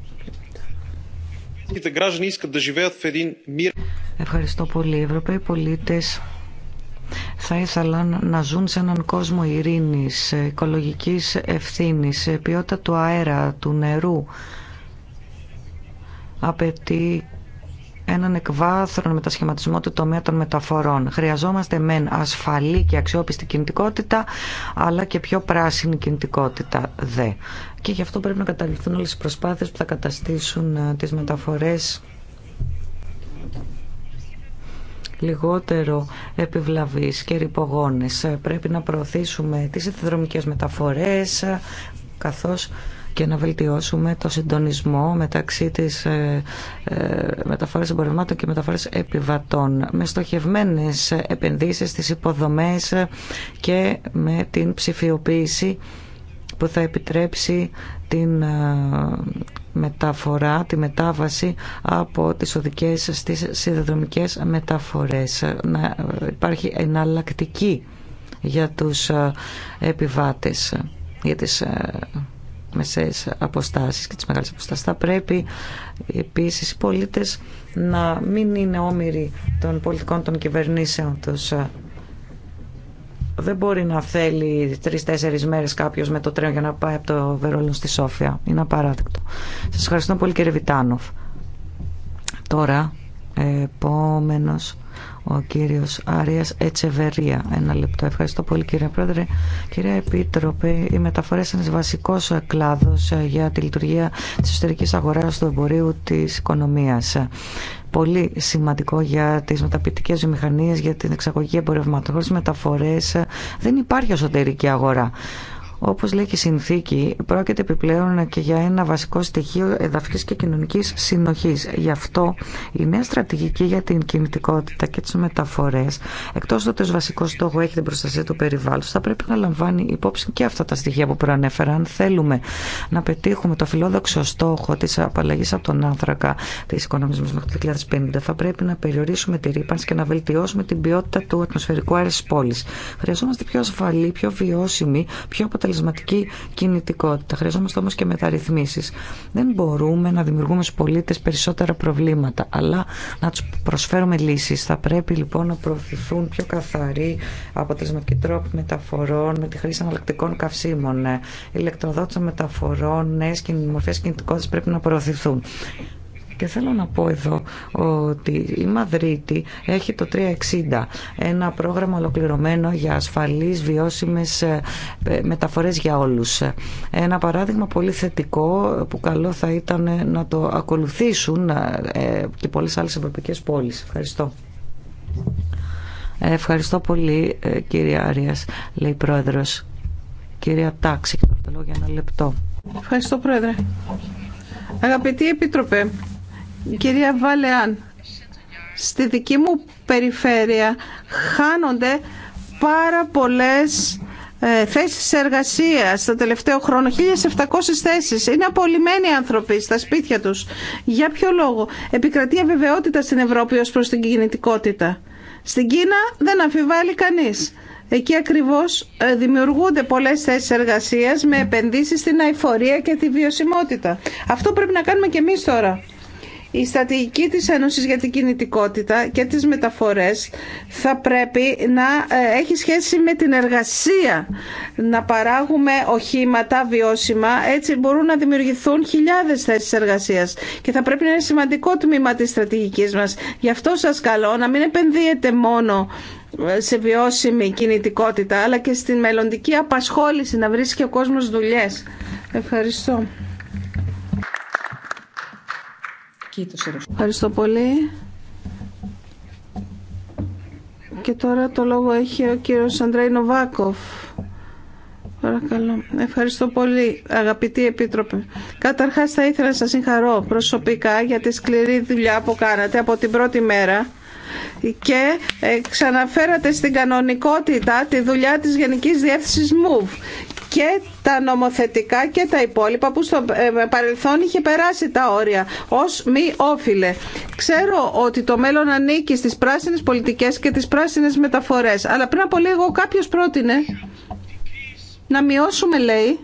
Ευχαριστώ πολύ. Οι Ευρωπαίοι πολίτες θα ήθελαν να ζουν σε έναν κόσμο ειρήνης, οικολογικής ευθύνης, ποιότητα του αέρα, του νερού. Απαιτεί έναν εκβάθρον μετασχηματισμό του τομέα των μεταφορών. Χρειαζόμαστε μεν ασφαλή και αξιόπιστη κινητικότητα, αλλά και πιο πράσινη κινητικότητα δε. Και γι' αυτό πρέπει να καταληφθούν όλες οι προσπάθειες που θα καταστήσουν ε, τις μεταφορές λιγότερο επιβλαβείς και ρηπογόνες. Ε, πρέπει να προωθήσουμε τις εθιδρομικές μεταφορές, ε, καθώς και να βελτιώσουμε το συντονισμό μεταξύ της ε, ε μεταφορές εμπορευμάτων και μεταφορές επιβατών με στοχευμένες επενδύσεις στις υποδομές και με την ψηφιοποίηση που θα επιτρέψει την ε, μεταφορά, τη μετάβαση από τις οδικές στις σιδεδρομικές μεταφορές. Να ε, υπάρχει εναλλακτική για τους επιβάτες, για τις Μεσέ αποστάσεις και τις μεγάλες αποστάσεις. Θα πρέπει επίσης οι πολίτες να μην είναι όμοιροι των πολιτικών των κυβερνήσεων τους. Δεν μπορεί να θέλει τρει-τέσσερι μέρε κάποιο με το τρένο για να πάει από το Βερολίνο στη Σόφια. Είναι απαράδεκτο. Σα ευχαριστώ πολύ κύριε Βιτάνοφ. Τώρα, επόμενο ο κύριος Άριας Ετσεβερία. Ένα λεπτό. Ευχαριστώ πολύ κύριε Πρόεδρε. Κυρία Επίτροπε, οι μεταφορές είναι βασικός κλάδος ε, για τη λειτουργία της εσωτερικής αγοράς του εμπορίου της οικονομίας πολύ σημαντικό για τις μεταπητικές βιομηχανίες, για την εξαγωγή εμπορευματών. μεταφορές ε, δεν υπάρχει εσωτερική αγορά. Όπως λέει και η συνθήκη, πρόκειται επιπλέον και για ένα βασικό στοιχείο εδαφικής και κοινωνικής συνοχής. Γι' αυτό η νέα στρατηγική για την κινητικότητα και τις μεταφορές, εκτός ότι ως βασικό στόχο έχει την προστασία του περιβάλλοντος, θα πρέπει να λαμβάνει υπόψη και αυτά τα στοιχεία που προανέφερα. Αν θέλουμε να πετύχουμε το φιλόδοξο στόχο της απαλλαγής από τον άνθρακα της οικονομίας μέχρι το 2050, θα πρέπει να περιορίσουμε τη ρήπανση και να βελτιώσουμε την ποιότητα του ατμοσφαιρικού αέρα της πόλης. Χρειαζόμαστε πιο ασφαλή, πιο βιώσιμη, πιο αποτελεσματική κινητικότητα. Χρειαζόμαστε όμω και μεταρρυθμίσει. Δεν μπορούμε να δημιουργούμε στου πολίτε περισσότερα προβλήματα, αλλά να του προσφέρουμε λύσει. Θα πρέπει λοιπόν να προωθηθούν πιο καθαροί αποτελεσματικοί τρόποι μεταφορών με τη χρήση αναλλακτικών καυσίμων. Ε, ηλεκτροδότηση μεταφορών, νέε μορφέ κινητικότητα πρέπει να προωθηθούν. Και θέλω να πω εδώ ότι η Μαδρίτη έχει το 360, ένα πρόγραμμα ολοκληρωμένο για ασφαλείς, βιώσιμες ε, μεταφορές για όλους. Ένα παράδειγμα πολύ θετικό που καλό θα ήταν να το ακολουθήσουν ε, και πολλές άλλες ευρωπαϊκές πόλεις. Ευχαριστώ. Ευχαριστώ πολύ ε, κύριε Άριας, λέει πρόεδρος. Κυρία Τάξη, το λόγο για ένα λεπτό. Ευχαριστώ πρόεδρε. Αγαπητή Επίτροπε, Κυρία Βαλεάν, στη δική μου περιφέρεια χάνονται πάρα πολλές ε, θέσεις εργασίας το τελευταίο χρόνο, 1.700 θέσεις. Είναι απολυμμένοι άνθρωποι στα σπίτια τους. Για ποιο λόγο. Επικρατεί αβεβαιότητα στην Ευρώπη ως προς την κινητικότητα. Στην Κίνα δεν αμφιβάλλει κανείς. Εκεί ακριβώς ε, δημιουργούνται πολλές θέσεις εργασίας με επενδύσεις στην αηφορία και τη βιωσιμότητα. Αυτό πρέπει να κάνουμε και εμείς τώρα. Η στρατηγική της Ένωσης για την κινητικότητα και τις μεταφορές θα πρέπει να ε, έχει σχέση με την εργασία. Να παράγουμε οχήματα βιώσιμα, έτσι μπορούν να δημιουργηθούν χιλιάδες θέσεις εργασίας και θα πρέπει να είναι σημαντικό τμήμα της στρατηγικής μας. Γι' αυτό σας καλώ να μην επενδύετε μόνο ε, σε βιώσιμη κινητικότητα αλλά και στην μελλοντική απασχόληση να βρίσκει ο κόσμος δουλειές. Ευχαριστώ. Ευχαριστώ πολύ. Και τώρα το λόγο έχει ο κύριος Αντρέι Νοβάκοφ. Παρακαλώ. Ευχαριστώ πολύ, αγαπητή Επίτροπε. Καταρχάς θα ήθελα να σας συγχαρώ προσωπικά για τη σκληρή δουλειά που κάνατε από την πρώτη μέρα και ε, ξαναφέρατε στην κανονικότητα τη δουλειά της Γενικής Διεύθυνσης ΜΟΥΒ και τα νομοθετικά και τα υπόλοιπα που στο ε, παρελθόν είχε περάσει τα όρια ως μη όφιλε. Ξέρω ότι το μέλλον ανήκει στις πράσινες πολιτικές και τις πράσινες μεταφορές, αλλά πριν από λίγο κάποιος πρότεινε να μειώσουμε, λέει,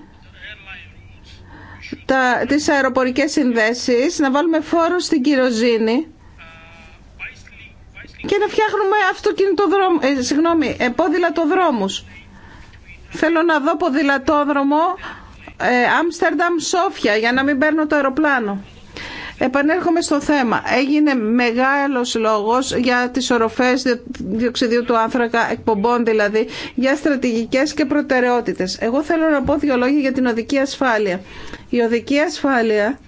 τα, τις αεροπορικές συνδέσεις, να βάλουμε φόρο στην κυροζήνη και να φτιάχνουμε δρόμο. ε, συγγνώμη, ε, ποδηλατοδρόμους. Θέλω να δω ποδηλατόδρομο ε, Άμστερνταμ Σόφια για να μην παίρνω το αεροπλάνο. Επανέρχομαι στο θέμα. Έγινε μεγάλος λόγος για τις οροφές διοξιδίου του άνθρακα, εκπομπών δηλαδή, για στρατηγικές και προτεραιότητες. Εγώ θέλω να πω δύο λόγια για την οδική ασφάλεια. Η οδική ασφάλεια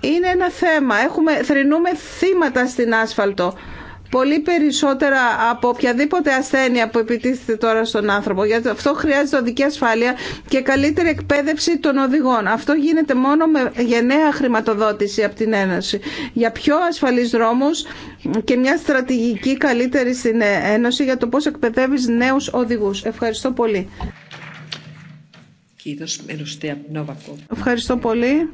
είναι ένα θέμα. Έχουμε, θρυνούμε θύματα στην άσφαλτο. Πολύ περισσότερα από οποιαδήποτε ασθένεια που επιτίθεται τώρα στον άνθρωπο. Γιατί αυτό χρειάζεται οδική ασφάλεια και καλύτερη εκπαίδευση των οδηγών. Αυτό γίνεται μόνο με γενναία χρηματοδότηση από την Ένωση. Για πιο ασφαλείς δρόμους και μια στρατηγική καλύτερη στην Ένωση για το πώς εκπαιδεύεις νέους οδηγούς. Ευχαριστώ πολύ. Ευχαριστώ πολύ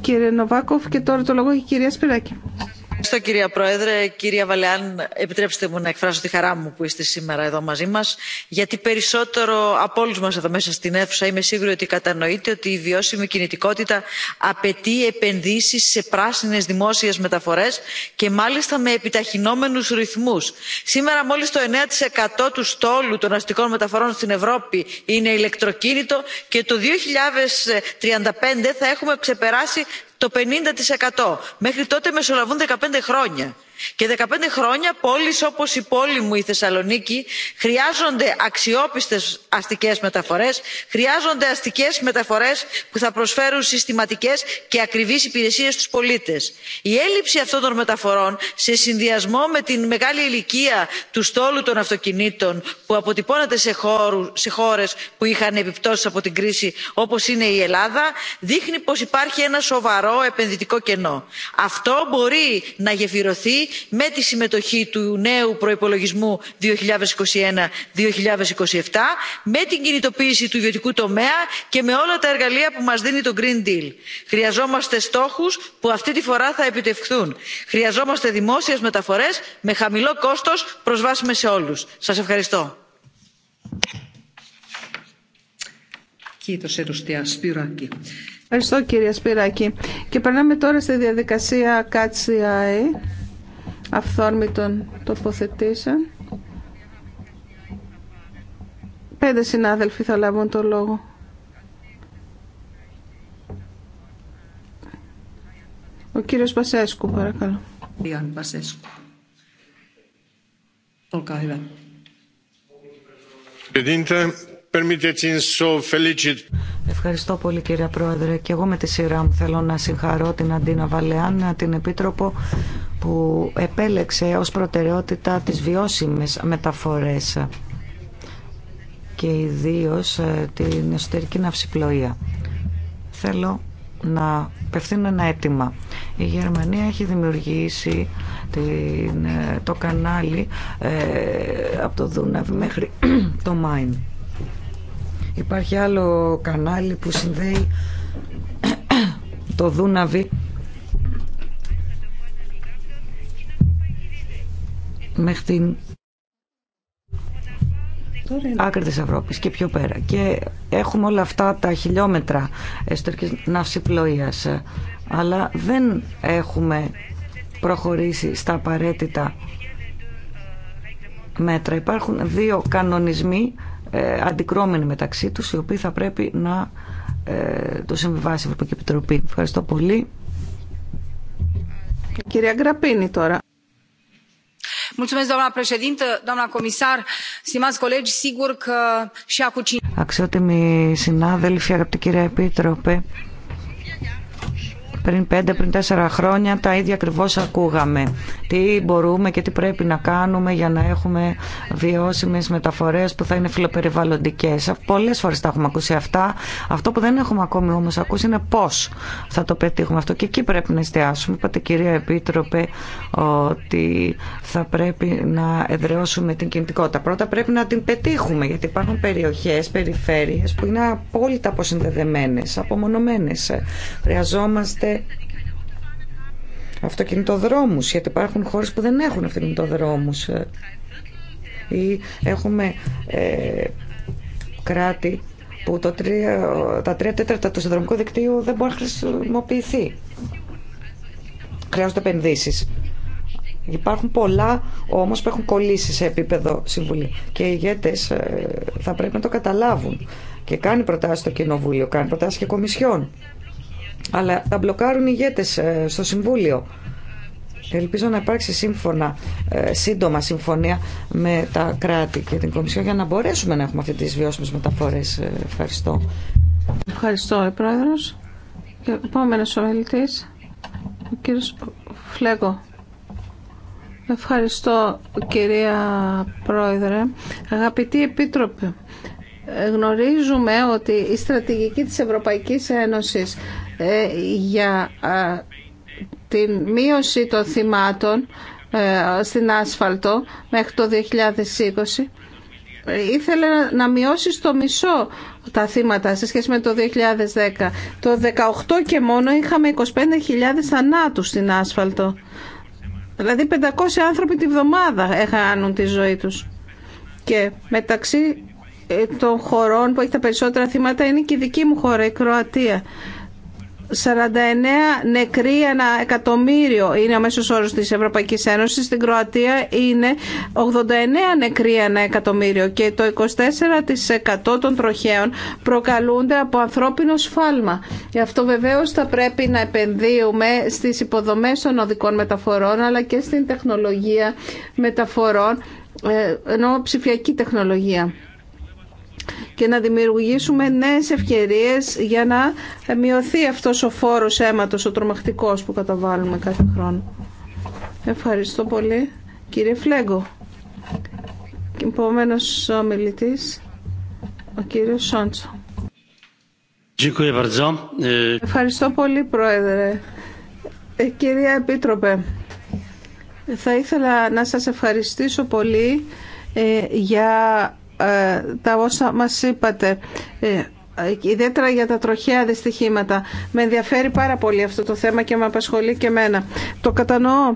κύριε Νοβάκοφ και τώρα το λόγο έχει η κυρία Σπυράκη. Ευχαριστώ κυρία Πρόεδρε. Κυρία Βαλεάν, επιτρέψτε μου να εκφράσω τη χαρά μου που είστε σήμερα εδώ μαζί μας, γιατί περισσότερο από όλους μας εδώ μέσα στην αίθουσα είμαι σίγουρη ότι κατανοείτε ότι η βιώσιμη κινητικότητα απαιτεί επενδύσεις σε πράσινες δημόσιες μεταφορές και μάλιστα με επιταχυνόμενους ρυθμούς. Σήμερα μόλις το 9% του στόλου των αστικών μεταφορών στην Ευρώπη είναι ηλεκτροκίνητο και το 2035 θα έχουμε ξεπεράσει το 50% μέχρι τότε μεσολαβούν 15 χρόνια και 15 χρόνια πόλεις όπως η πόλη μου η θεσσαλονίκη χρειάζονται αξιόπιστες αστικές μεταφορές χρειάζονται αστικές μεταφορές που θα προσφέρουν συστηματικές και ακριβείς υπηρεσίες στους πολίτες. η έλλειψη αυτών των μεταφορών σε συνδυασμό με την μεγάλη ηλικία του στόλου των αυτοκινήτων που αποτυπώνεται σε, χώρου, σε χώρες που είχαν επιπτώσεις από την κρίση όπως είναι η ελλάδα δείχνει πως υπάρχει ένα σοβαρό επενδυτικό κενό. αυτό μπορεί να γεφυρωθεί με τη συμμετοχή του νέου προϋπολογισμού 2021-2027 με την κινητοποίηση του ιδιωτικού τομέα και με όλα τα εργαλεία που μας δίνει το Green Deal. Χρειαζόμαστε στόχους που αυτή τη φορά θα επιτευχθούν. Χρειαζόμαστε δημόσιες μεταφορές με χαμηλό κόστος προσβάσιμες σε όλους. Σας ευχαριστώ. Ευχαριστώ κυρία Σπυράκη. Και περνάμε τώρα στη διαδικασία ΚΑΤΣΙΑΕ αυθόρμητων τοποθετήσεων. Πέντε συνάδελφοι θα λάβουν το λόγο. Ο κύριος Πασέσκου, παρακαλώ. Ιαν Olkaa hyvä. Ευχαριστώ πολύ κύριε Πρόεδρε και εγώ με τη σειρά μου θέλω να συγχαρώ την Αντίνα Βαλεάν, την Επίτροπο που επέλεξε ως προτεραιότητα τις βιώσιμες μεταφορές και ιδίως ε, την εσωτερική ναυσιπλοεία. Θέλω να απευθύνω ένα αίτημα. Η Γερμανία έχει δημιουργήσει ε, το κανάλι ε, από το Δούναβι μέχρι το Μάιν. Υπάρχει άλλο κανάλι που συνδέει το Δούναβι μέχρι την άκρη της Ευρώπης και πιο πέρα. Και έχουμε όλα αυτά τα χιλιόμετρα εσωτερικής ναυσιπλοείας, αλλά δεν έχουμε προχωρήσει στα απαραίτητα μέτρα. Υπάρχουν δύο κανονισμοί ε, αντικρώμενοι μεταξύ τους, οι οποίοι θα πρέπει να ε, το συμβιβάσει η Ευρωπαϊκή Επιτροπή. Ευχαριστώ πολύ. κυρία Γκραπίνη τώρα. Αξιότιμοι συνάδελφοι, αγαπητή κυρία Επίτροπε, πριν πέντε πριν τέσσερα χρόνια τα ίδια ακριβώ ακούγαμε. Τι μπορούμε και τι πρέπει να κάνουμε για να έχουμε βιώσιμε μεταφορέ που θα είναι φιλοπεριβαλλοντικέ. Πολλέ φορέ τα έχουμε ακούσει αυτά. Αυτό που δεν έχουμε ακόμη όμω ακούσει είναι πώ θα το πετύχουμε αυτό. Και εκεί πρέπει να εστιάσουμε. Είπατε, κυρία Επίτροπε, ότι θα πρέπει να εδραιώσουμε την κινητικότητα. Πρώτα πρέπει να την πετύχουμε, γιατί υπάρχουν περιοχέ, περιφέρειε που είναι απόλυτα αποσυνδεδεμένε, απομονωμένε. Χρειαζόμαστε το αυτοκινητοδρόμους, γιατί υπάρχουν χώρες που δεν έχουν αυτοκινητοδρόμους ή έχουμε ε, κράτη που το 3, τα τρία τέταρτα του συνδρομικού δικτύου δεν μπορεί να χρησιμοποιηθεί. Χρειάζονται επενδύσει. Υπάρχουν πολλά όμω που έχουν κολλήσει σε επίπεδο συμβουλή. Και οι ηγέτε ε, θα πρέπει να το καταλάβουν. Και κάνει προτάσει στο Κοινοβούλιο, κάνει προτάσει και κομισιόν αλλά τα μπλοκάρουν οι ηγέτες ε, στο Συμβούλιο. Ελπίζω να υπάρξει σύμφωνα, ε, σύντομα συμφωνία με τα κράτη και την Κομισιόν για να μπορέσουμε να έχουμε αυτές τις βιώσιμες μεταφορές. Ε, ευχαριστώ. Ευχαριστώ, Πρόεδρος. Και επόμενος ο ο κύριος Φλέγκο. Ευχαριστώ, κυρία Πρόεδρε. Αγαπητή Επίτροπε, γνωρίζουμε ότι η στρατηγική της Ευρωπαϊκής Ένωσης ε, για την μείωση των θυμάτων ε, στην άσφαλτο μέχρι το 2020 ήθελε να μειώσει στο μισό τα θύματα σε σχέση με το 2010. Το 18 και μόνο είχαμε 25.000 θανάτους στην άσφαλτο. Δηλαδή 500 άνθρωποι τη βδομάδα έχανουν τη ζωή τους. Και μεταξύ ε, των χωρών που έχει τα περισσότερα θύματα είναι και η δική μου χώρα, η Κροατία. 49 νεκροί ανά εκατομμύριο είναι ο μέσος όρος της Ευρωπαϊκής Ένωσης. Στην Κροατία είναι 89 νεκροί ένα εκατομμύριο και το 24% των τροχαίων προκαλούνται από ανθρώπινο σφάλμα. Γι' αυτό βεβαίως θα πρέπει να επενδύουμε στις υποδομές των οδικών μεταφορών αλλά και στην τεχνολογία μεταφορών, ε, ενώ ψηφιακή τεχνολογία και να δημιουργήσουμε νέες ευκαιρίες για να μειωθεί αυτός ο φόρος αίματος, ο τρομακτικός που καταβάλουμε κάθε χρόνο. Ευχαριστώ πολύ. Κύριε Φλέγκο, επόμενος ομιλητής, ο κύριος Σόντσο. Ε, Ευχαριστώ πολύ, Πρόεδρε. Ε, κυρία Επίτροπε, θα ήθελα να σας ευχαριστήσω πολύ ε, για ε, τα όσα μας είπατε ε, ιδιαίτερα για τα τροχαία δυστυχήματα. Με ενδιαφέρει πάρα πολύ αυτό το θέμα και με απασχολεί και εμένα. Το κατανοώ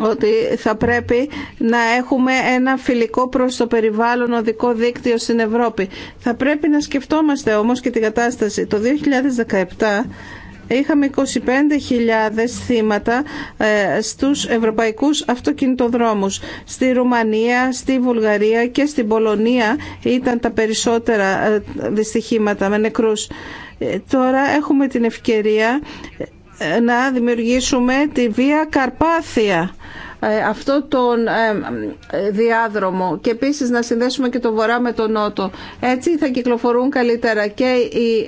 ότι θα πρέπει να έχουμε ένα φιλικό προς το περιβάλλον οδικό δίκτυο στην Ευρώπη. Θα πρέπει να σκεφτόμαστε όμως και την κατάσταση. Το 2017 είχαμε 25.000 θύματα ε, στους ευρωπαϊκούς αυτοκινητοδρόμους. Στη Ρουμανία, στη Βουλγαρία και στην Πολωνία ήταν τα περισσότερα ε, δυστυχήματα με νεκρούς. Ε, τώρα έχουμε την ευκαιρία να δημιουργήσουμε τη Βία Καρπάθια αυτό τον διάδρομο και επίσης να συνδέσουμε και το βορρά με τον νότο. Έτσι θα κυκλοφορούν καλύτερα και οι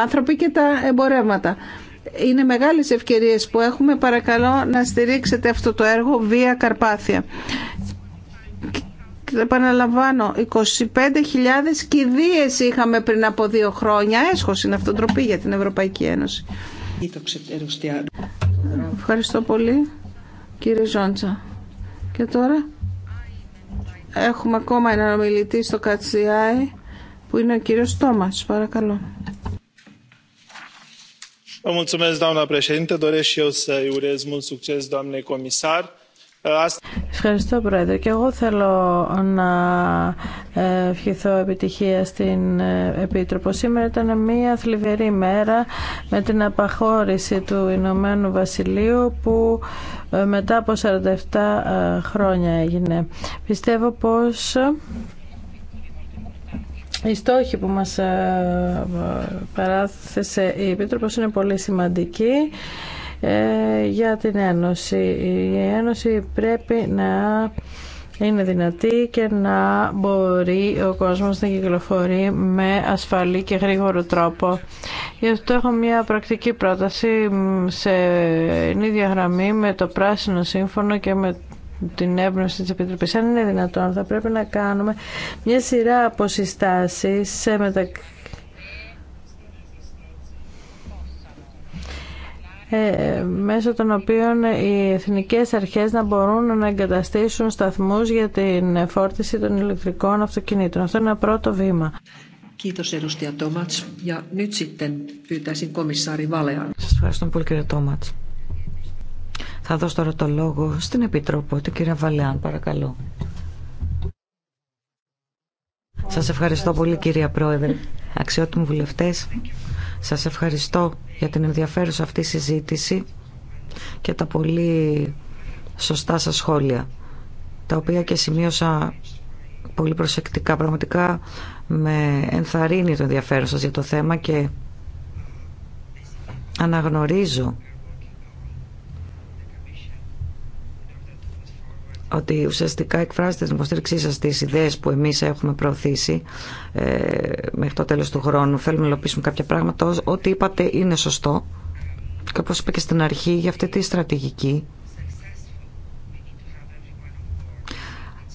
άνθρωποι και τα εμπορεύματα. Είναι μεγάλες ευκαιρίες που έχουμε. Παρακαλώ να στηρίξετε αυτό το έργο Βία Καρπάθια. Επαναλαμβάνω, 25.000 κηδείες είχαμε πριν από δύο χρόνια. Έσχος είναι αυτό ντροπή για την Ευρωπαϊκή Ένωση. Ευχαριστώ πολύ κύριε Ζόντσα. Και τώρα έχουμε ακόμα έναν ομιλητή στο ΚΑΤΣΙΑΕ που είναι ο κύριος Τόμας. Παρακαλώ. Ευχαριστώ Πρόεδρε και εγώ θέλω να ε, ευχηθώ επιτυχία στην ε, Επίτροπο. Σήμερα ήταν μια θλιβερή μέρα με την απαχώρηση του Ηνωμένου Βασιλείου που ε, μετά από 47 χρόνια έγινε. Πιστεύω πως οι στόχοι που μας ε, παράθεσε η Επίτροπος είναι πολύ σημαντικοί ε, για την Ένωση. Η Ένωση πρέπει να είναι δυνατή και να μπορεί ο κόσμος να κυκλοφορεί με ασφαλή και γρήγορο τρόπο. Γι' αυτό έχω μια πρακτική πρόταση σε ίδια γραμμή με το Πράσινο Σύμφωνο και με την έμπνευση της Επιτροπής. Αν είναι δυνατόν θα πρέπει να κάνουμε μια σειρά από συστάσεις ε, μέσω των οποίων οι εθνικές αρχές να μπορούν να εγκαταστήσουν σταθμούς για την φόρτιση των ηλεκτρικών αυτοκινήτων. Αυτό είναι ένα πρώτο βήμα. Σας ευχαριστώ πολύ κύριε Τόματς. Θα δώσω τώρα το λόγο στην Επιτρόπο, την κυρία Βαλεάν, παρακαλώ. Σας ευχαριστώ πολύ κυρία Πρόεδρε, αξιότιμοι βουλευτές. Σας ευχαριστώ για την ενδιαφέρουσα αυτή συζήτηση και τα πολύ σωστά σας σχόλια, τα οποία και σημείωσα πολύ προσεκτικά. Πραγματικά με ενθαρρύνει το ενδιαφέρον σας για το θέμα και αναγνωρίζω ότι ουσιαστικά εκφράζεται την υποστήριξή σα στις ιδέες που εμείς έχουμε προωθήσει ε, μέχρι το τέλος του χρόνου. Θέλουμε να υλοποιήσουμε κάποια πράγματα. Ό,τι είπατε είναι σωστό. Και όπως είπα και στην αρχή, για αυτή τη στρατηγική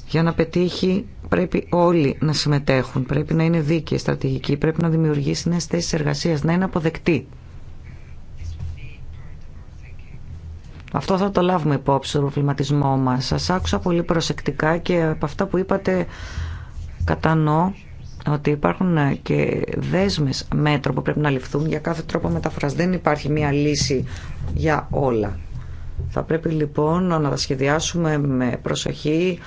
Για να πετύχει πρέπει όλοι να συμμετέχουν, πρέπει να είναι δίκαιη στρατηγική, πρέπει να δημιουργήσει νέες θέσεις εργασίας, να είναι αποδεκτή. Αυτό θα το λάβουμε υπόψη στον προβληματισμό μας. Σα άκουσα πολύ προσεκτικά και από αυτά που είπατε κατανοώ ότι υπάρχουν και δέσμες μέτρων που πρέπει να ληφθούν για κάθε τρόπο μεταφράς. Δεν υπάρχει μία λύση για όλα. Θα πρέπει λοιπόν να τα σχεδιάσουμε με προσοχή,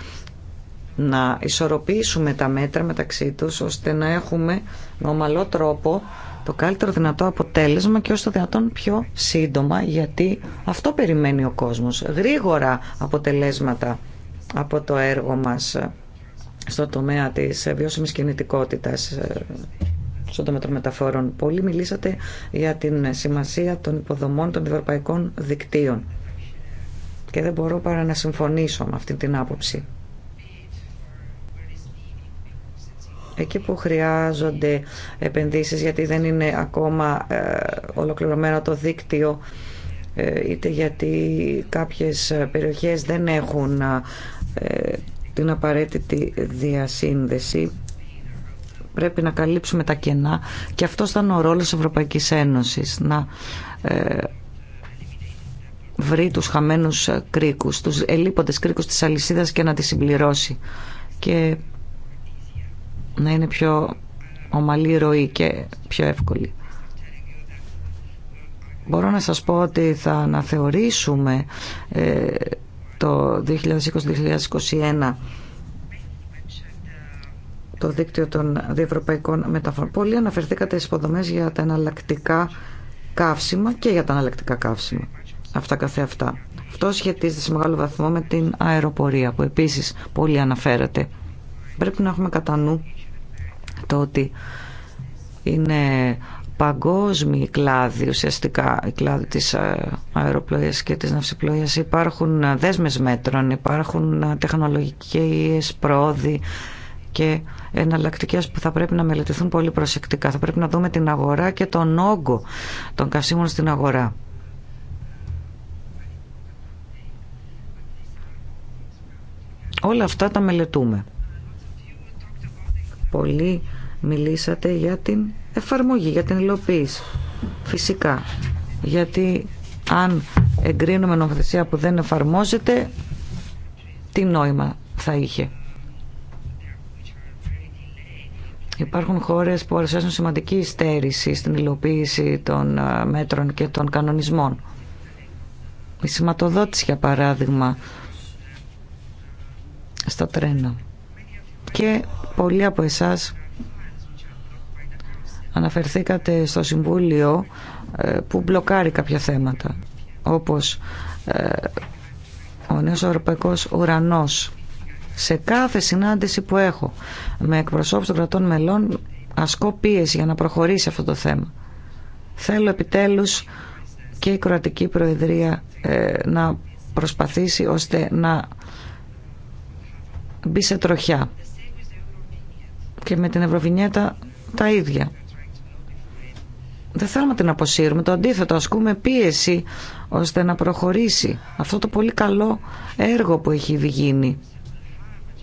να ισορροπήσουμε τα μέτρα μεταξύ τους, ώστε να έχουμε με τρόπο το καλύτερο δυνατό αποτέλεσμα και όσο το δυνατόν πιο σύντομα γιατί αυτό περιμένει ο κόσμος. Γρήγορα αποτελέσματα από το έργο μας στο τομέα της βιώσιμης κινητικότητας στον τομέα των μεταφορών. Πολύ μιλήσατε για την σημασία των υποδομών των ευρωπαϊκών δικτύων και δεν μπορώ παρά να συμφωνήσω με αυτή την άποψη. εκεί που χρειάζονται επενδύσεις γιατί δεν είναι ακόμα ε, ολοκληρωμένο το δίκτυο ε, είτε γιατί κάποιες περιοχές δεν έχουν ε, την απαραίτητη διασύνδεση πρέπει να καλύψουμε τα κενά και αυτό ήταν ο ρόλος της Ευρωπαϊκής Ένωσης να βρει τους χαμένους κρίκους τους ελείποντες κρίκους της αλυσίδας και να τις συμπληρώσει και να είναι πιο ομαλή ροή και πιο εύκολη. Μπορώ να σας πω ότι θα αναθεωρήσουμε ε, το 2020-2021 το δίκτυο των διευρωπαϊκών μεταφορών. Πολλοί αναφερθήκατε στις υποδομές για τα εναλλακτικά καύσιμα και για τα εναλλακτικά καύσιμα. Αυτά αυτά. Αυτό σχετίζεται σε μεγάλο βαθμό με την αεροπορία που επίσης πολύ αναφέρατε. Πρέπει να έχουμε κατά νου το ότι είναι παγκόσμιοι κλάδοι, ουσιαστικά οι κλάδοι της ε, αεροπλοείας και της ναυσιπλοείας υπάρχουν ε, δέσμες μέτρων, υπάρχουν ε, τεχνολογικές πρόοδοι και εναλλακτικέ που θα πρέπει να μελετηθούν πολύ προσεκτικά. Θα πρέπει να δούμε την αγορά και τον όγκο των κασίμων στην αγορά. Όλα αυτά τα μελετούμε πολύ μιλήσατε για την εφαρμογή, για την υλοποίηση. Φυσικά, γιατί αν εγκρίνουμε νομοθεσία που δεν εφαρμόζεται, τι νόημα θα είχε. Υπάρχουν χώρες που αρουσιάζουν σημαντική στέρηση στην υλοποίηση των ε, μέτρων και των κανονισμών. Η σηματοδότηση, για παράδειγμα, στα τρένα και πολλοί από εσάς αναφερθήκατε στο Συμβούλιο ε, που μπλοκάρει κάποια θέματα όπως ε, ο νέος ευρωπαϊκός ουρανός σε κάθε συνάντηση που έχω με εκπροσώπους των κρατών μελών ασκώ πίεση για να προχωρήσει αυτό το θέμα θέλω επιτέλους και η Κροατική Προεδρία ε, να προσπαθήσει ώστε να μπει σε τροχιά και με την Ευρωβινιέτα τα ίδια. Δεν θέλουμε την αποσύρουμε, το αντίθετο ασκούμε πίεση ώστε να προχωρήσει αυτό το πολύ καλό έργο που έχει ήδη γίνει.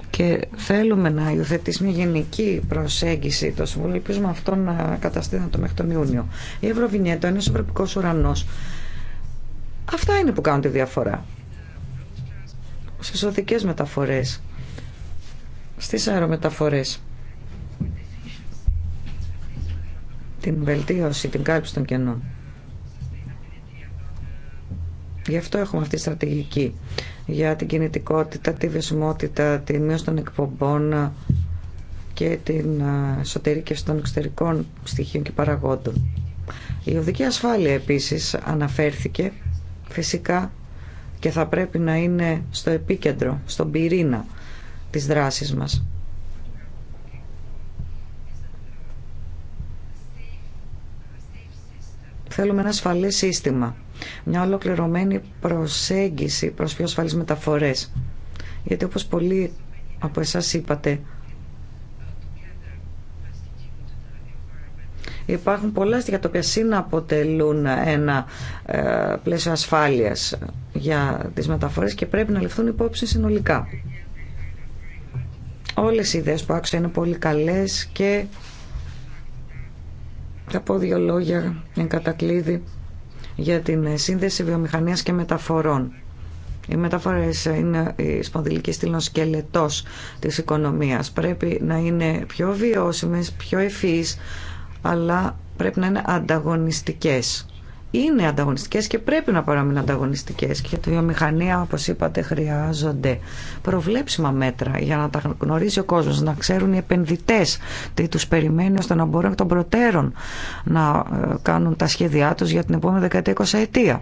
Και θέλουμε να υιοθετήσει μια γενική προσέγγιση το Συμβούλιο. Ελπίζουμε αυτό να το μέχρι τον Ιούνιο. Η Ευρωβινιέτα είναι ο ευρωπαϊκό ουρανό. Αυτά είναι που κάνουν τη διαφορά. Στι οδικέ μεταφορέ, στι αερομεταφορέ. την βελτίωση, την κάλυψη των κενών. Γι' αυτό έχουμε αυτή τη στρατηγική για την κινητικότητα, τη βιωσιμότητα, τη μείωση των εκπομπών και την εσωτερήκευση των εξωτερικών στοιχείων και παραγόντων. Η οδική ασφάλεια επίσης αναφέρθηκε φυσικά και θα πρέπει να είναι στο επίκεντρο, στον πυρήνα της δράσης μας. Θέλουμε ένα ασφαλέ σύστημα, μια ολοκληρωμένη προσέγγιση προς πιο ασφαλείς μεταφορέ. Γιατί όπως πολλοί από εσά είπατε, υπάρχουν πολλά στοιχεία τα οποία συναποτελούν ένα ε, πλαίσιο ασφάλειας για τις μεταφορές και πρέπει να ληφθούν υπόψη συνολικά. Όλες οι ιδέες που άκουσα είναι πολύ καλές και θα πω δύο λόγια εν κατακλείδη για την σύνδεση βιομηχανίας και μεταφορών. Οι μεταφορές είναι η σπονδυλική στήλη σκελετό της οικονομίας. Πρέπει να είναι πιο βιώσιμες, πιο ευφύς, αλλά πρέπει να είναι ανταγωνιστικές είναι ανταγωνιστικές και πρέπει να παραμείνουν ανταγωνιστικές και για τη βιομηχανία όπως είπατε χρειάζονται προβλέψιμα μέτρα για να τα γνωρίζει ο κόσμος, να ξέρουν οι επενδυτές τι τους περιμένει ώστε να μπορούν εκ των προτέρων να ε, κάνουν τα σχέδιά τους για την επόμενη δεκαετία 20 ετία.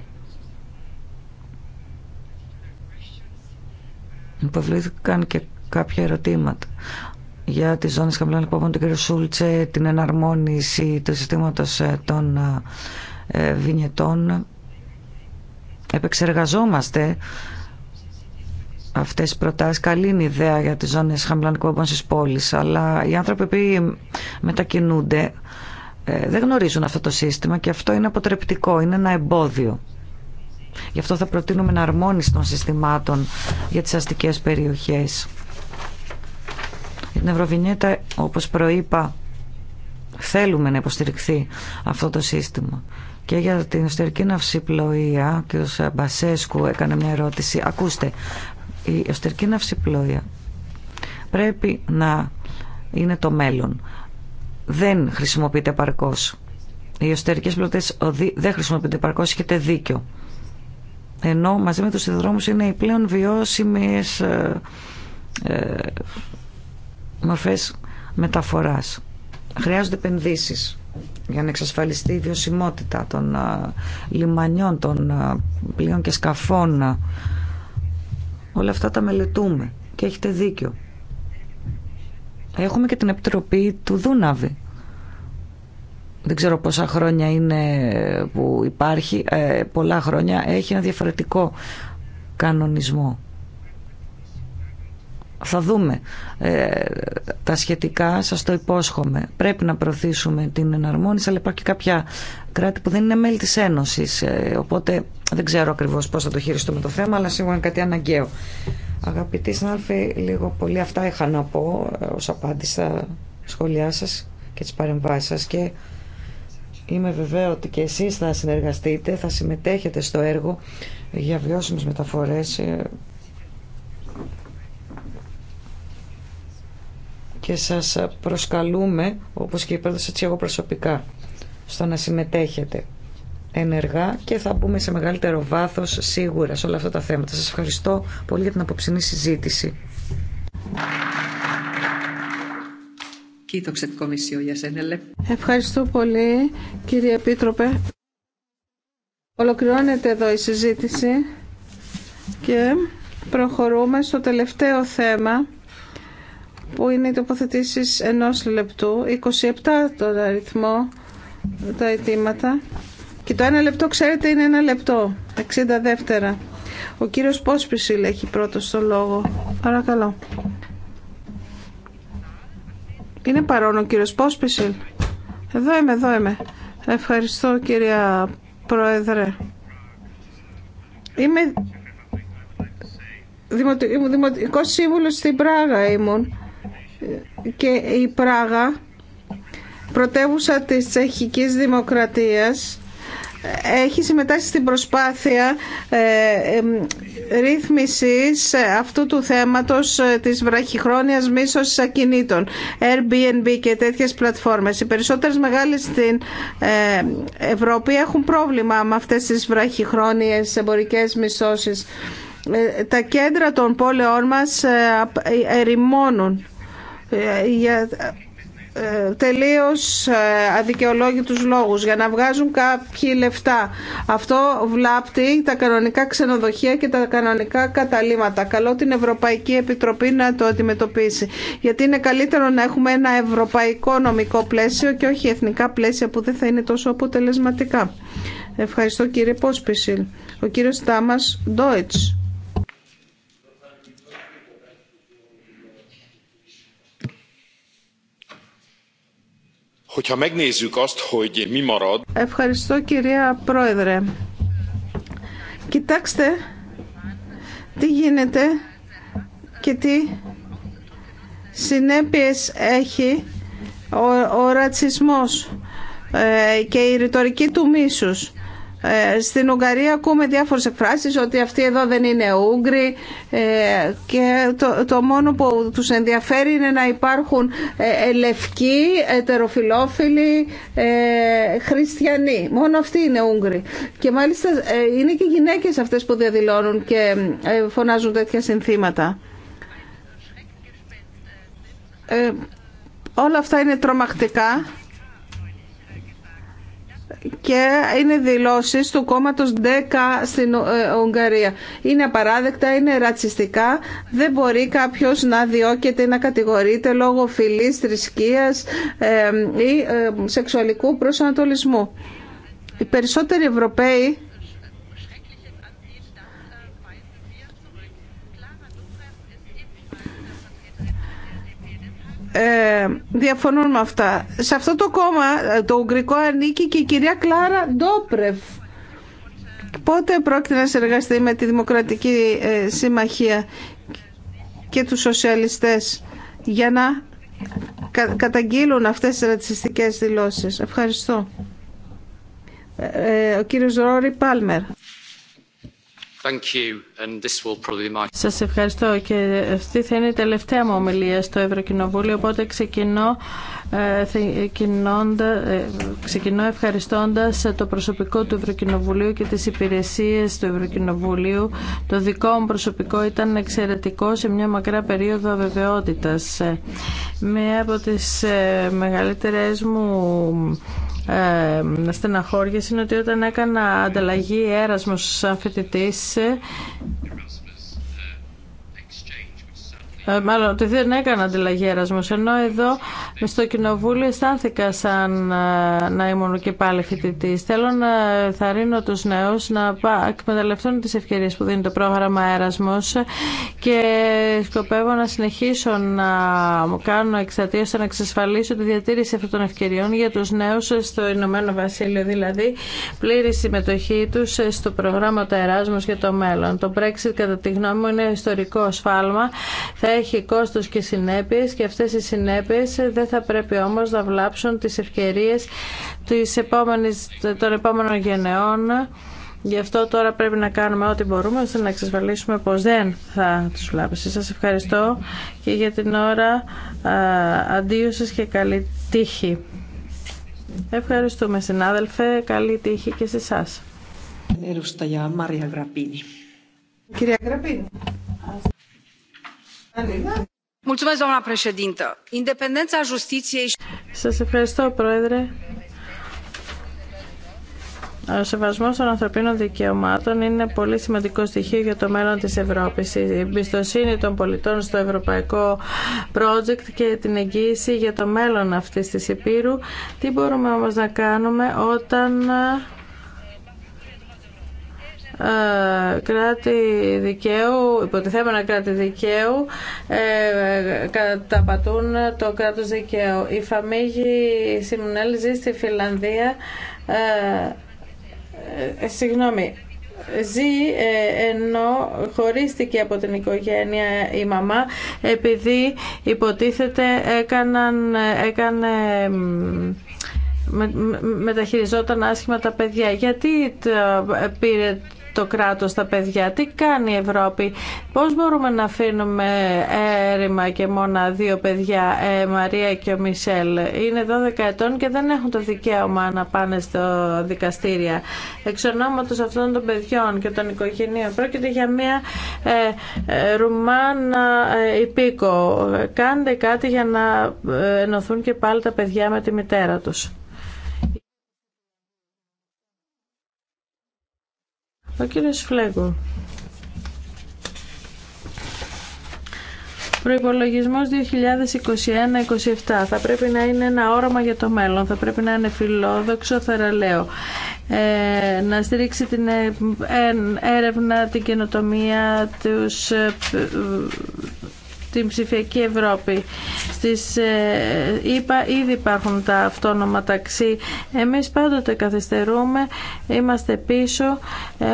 Υποβλήθηκαν και κάποια ερωτήματα για τις ζώνες χαμηλών εκπομπών του κ. Σούλτσε, την εναρμόνιση του συστήματος ε, των ε, ε, βινιετών επεξεργαζόμαστε αυτές τις προτάσεις. Καλή είναι η ιδέα για τις ζώνες χαμηλών κόμπων στις πόλεις, αλλά οι άνθρωποι που μετακινούνται ε, δεν γνωρίζουν αυτό το σύστημα και αυτό είναι αποτρεπτικό, είναι ένα εμπόδιο. Γι' αυτό θα προτείνουμε να των συστημάτων για τις αστικές περιοχές. Για την Ευρωβινιέτα, όπως προείπα, θέλουμε να υποστηριχθεί αυτό το σύστημα. Και για την εσωτερική και ο κ. Μπασέσκου έκανε μια ερώτηση. Ακούστε, η εσωτερική ναυσιπλοεία πρέπει να είναι το μέλλον. Δεν χρησιμοποιείται παρκώς. Οι εσωτερικές πλωτές δεν χρησιμοποιούνται παρκώς, έχετε δίκιο. Ενώ μαζί με τους συνδρόμους είναι οι πλέον βιώσιμες ε, ε, μορφές μεταφοράς. Χρειάζονται επενδύσεις για να εξασφαλιστεί η βιωσιμότητα των λιμανιών, των πλοίων και σκαφών. Όλα αυτά τα μελετούμε και έχετε δίκιο. Έχουμε και την Επιτροπή του Δούναβη. Δεν ξέρω πόσα χρόνια είναι που υπάρχει, ε, πολλά χρόνια έχει ένα διαφορετικό κανονισμό. Θα δούμε ε, τα σχετικά, σας το υπόσχομαι. Πρέπει να προωθήσουμε την εναρμόνιση, αλλά υπάρχει και κάποια κράτη που δεν είναι μέλη της Ένωσης. Ε, οπότε δεν ξέρω ακριβώς πώς θα το χειριστούμε το θέμα, αλλά σίγουρα είναι κάτι αναγκαίο. Αγαπητοί συνάδελφοι, λίγο πολύ αυτά είχα να πω ε, ως απάντηση στα σχόλιά σας και τις παρεμβάσεις σας και είμαι βεβαίω ότι και εσείς θα συνεργαστείτε, θα συμμετέχετε στο έργο για βιώσιμες μεταφορές ε, και σας προσκαλούμε, όπως και η πρόεδρος, έτσι εγώ προσωπικά, στο να συμμετέχετε ενεργά και θα μπούμε σε μεγαλύτερο βάθος σίγουρα σε όλα αυτά τα θέματα. Σας ευχαριστώ πολύ για την απόψινή συζήτηση. Ευχαριστώ πολύ κύριε Επίτροπε. Ολοκληρώνεται εδώ η συζήτηση και προχωρούμε στο τελευταίο θέμα που είναι οι τοποθετήσει ενό λεπτού, 27 τον αριθμό τα αιτήματα. Και το ένα λεπτό, ξέρετε, είναι ένα λεπτό, 60 δεύτερα. Ο κύριος Πόσπισιλ έχει πρώτος το λόγο. Παρακαλώ. Είναι παρόν ο κύριος Πόσπισιλ. Εδώ είμαι, εδώ είμαι. Ευχαριστώ κυρία Πρόεδρε. Είμαι δημοτικός σύμβουλος στην Πράγα ήμουν και η Πράγα, πρωτεύουσα της τσεχικής δημοκρατίας, έχει συμμετάσχει στην προσπάθεια ε, ρύθμισης αυτού του θέματος ε, της βραχυχρόνιας μίσωσης ακινήτων, Airbnb και τέτοιες πλατφόρμες. Οι περισσότερες μεγάλες στην ε, Ευρώπη έχουν πρόβλημα με αυτές τις βραχυχρόνιες εμπορικές μισώσεις. Τα κέντρα των πόλεων μας ερημώνουν για ε, τελείως ε, αδικαιολόγητους λόγους για να βγάζουν κάποιοι λεφτά. Αυτό βλάπτει τα κανονικά ξενοδοχεία και τα κανονικά καταλήματα. Καλό την Ευρωπαϊκή Επιτροπή να το αντιμετωπίσει. Γιατί είναι καλύτερο να έχουμε ένα ευρωπαϊκό νομικό πλαίσιο και όχι εθνικά πλαίσια που δεν θα είναι τόσο αποτελεσματικά. Ευχαριστώ κύριε Πόσπισιλ. Ο κύριος Τάμας Ντόιτς. Ευχαριστώ κυρία Πρόεδρε. Κοιτάξτε τι γίνεται και τι συνέπειες έχει ο, ο ρατσισμός ε, και η ρητορική του μίσους. Ε, στην Ουγγαρία ακούμε διάφορες εκφράσεις ότι αυτοί εδώ δεν είναι Ούγγροι ε, και το, το μόνο που τους ενδιαφέρει είναι να υπάρχουν ε, λευκοί, ετεροφιλόφιλοι, χριστιανοί. Μόνο αυτοί είναι Ούγγροι. Και μάλιστα είναι και γυναίκες αυτές που διαδηλώνουν και φωνάζουν τέτοια συνθήματα. όλα αυτά είναι τρομακτικά και είναι δηλώσεις του κόμματος 10 στην ε, Ουγγαρία. Είναι απαράδεκτα, είναι ρατσιστικά, δεν μπορεί κάποιος να διώκεται, να κατηγορείται λόγω φιλής, θρησκείας ε, ή ε, σεξουαλικού προσανατολισμού. Οι περισσότεροι Ευρωπαίοι ε, διαφωνούν με αυτά. Σε αυτό το κόμμα ε, το Ουγγρικό ανήκει και η κυρία Κλάρα Ντόπρεφ. Πότε πρόκειται να συνεργαστεί με τη Δημοκρατική ε, Συμμαχία και τους σοσιαλιστές για να καταγγείλουν αυτές τις ρατσιστικές δηλώσεις. Ευχαριστώ. Ε, ο κύριος Ρόρι Πάλμερ. Σα Σας ευχαριστώ και αυτή θα είναι η τελευταία μου ομιλία στο Ευρωκοινοβούλιο οπότε ξεκινώ, ε, ε το προσωπικό του Ευρωκοινοβουλίου και τις υπηρεσίες του Ευρωκοινοβουλίου. Το δικό μου προσωπικό ήταν εξαιρετικό σε μια μακρά περίοδο αβεβαιότητας. Ε, Μία από τις ε, μεγαλύτερες μου ε, στεναχώριες είναι ότι όταν έκανα ανταλλαγή έρασμος σαν φοιτητής ε, ε, μάλλον ότι δεν έκανα αντιλαγέρασμος ενώ εδώ στο Κοινοβούλιο αισθάνθηκα σαν ε, να ήμουν και πάλι φοιτητή. Θέλω να θαρρύνω τους νέους να εκμεταλλευτούν τις ευκαιρίες που δίνει το πρόγραμμα έρασμος και σκοπεύω να συνεχίσω να κάνω εξατία ώστε να εξασφαλίσω τη διατήρηση αυτών των ευκαιριών για τους νέους στο Ηνωμένο Βασίλειο, δηλαδή πλήρη συμμετοχή τους στο πρόγραμμα το Εράσμος για το μέλλον. Το Brexit κατά τη γνώμη μου είναι ιστορικό σφάλμα. Θα έχει κόστος και συνέπειες και αυτές οι συνέπειες δεν θα πρέπει όμως να βλάψουν τις ευκαιρίες της επόμενης, των επόμενων γενεών. Γι' αυτό τώρα πρέπει να κάνουμε ό,τι μπορούμε ώστε να εξασφαλίσουμε πως δεν θα τους βλάψει. Σας ευχαριστώ και για την ώρα αντίου και καλή τύχη. Ευχαριστούμε συνάδελφε. Καλή τύχη και σε εσάς. Κυρία Γραπίνη doamnă σας ευχαριστώ πρόεδρε. Ο Σεβασμό των ανθρωπίνων δικαιωμάτων είναι πολύ σημαντικό στοιχείο για το μέλλον της Ευρώπη. Η εμπιστοσύνη των πολιτών στο ευρωπαϊκό project και την εγγύηση για το μέλλον αυτής της Επίρου. Τι μπορούμε όμως να κάνουμε όταν ε, κράτη δικαίου, υποτιθέμενα κράτη δικαίου, ε, καταπατούν το κράτος δικαίου. Η Φαμίγη Σιμουνέλ ζει στη Φιλανδία, ε, ε συγγνώμη, ζει ε, ενώ χωρίστηκε από την οικογένεια η μαμά επειδή υποτίθεται έκαναν, έκανε μεταχειριζόταν άσχημα τα παιδιά. Γιατί πήρε το κράτος τα παιδιά. Τι κάνει η Ευρώπη. Πώς μπορούμε να αφήνουμε έρημα και μόνα δύο παιδιά, ε, Μαρία και ο Μισελ. Είναι 12 ετών και δεν έχουν το δικαίωμα να πάνε στο δικαστήρια. Εξ ονόματος αυτών των παιδιών και των οικογενείων πρόκειται για μια ε, ε, Ρουμάνα ε, υπήκο. Κάντε κάτι για να ε, ενωθούν και πάλι τα παιδιά με τη μητέρα τους. Ο κύριος Φλέγκο. Προϋπολογισμός 2021-2027. θα πρέπει να είναι ένα όρομα για το μέλλον, θα πρέπει να είναι φιλόδοξο, θαραλέο. Ε, να στηρίξει την ε, ε, έρευνα, την καινοτομία, τους ε, την ψηφιακή Ευρώπη. Στις ε, είπα ήδη υπάρχουν τα αυτόνομα ταξί. Εμείς πάντοτε καθυστερούμε, είμαστε πίσω ε,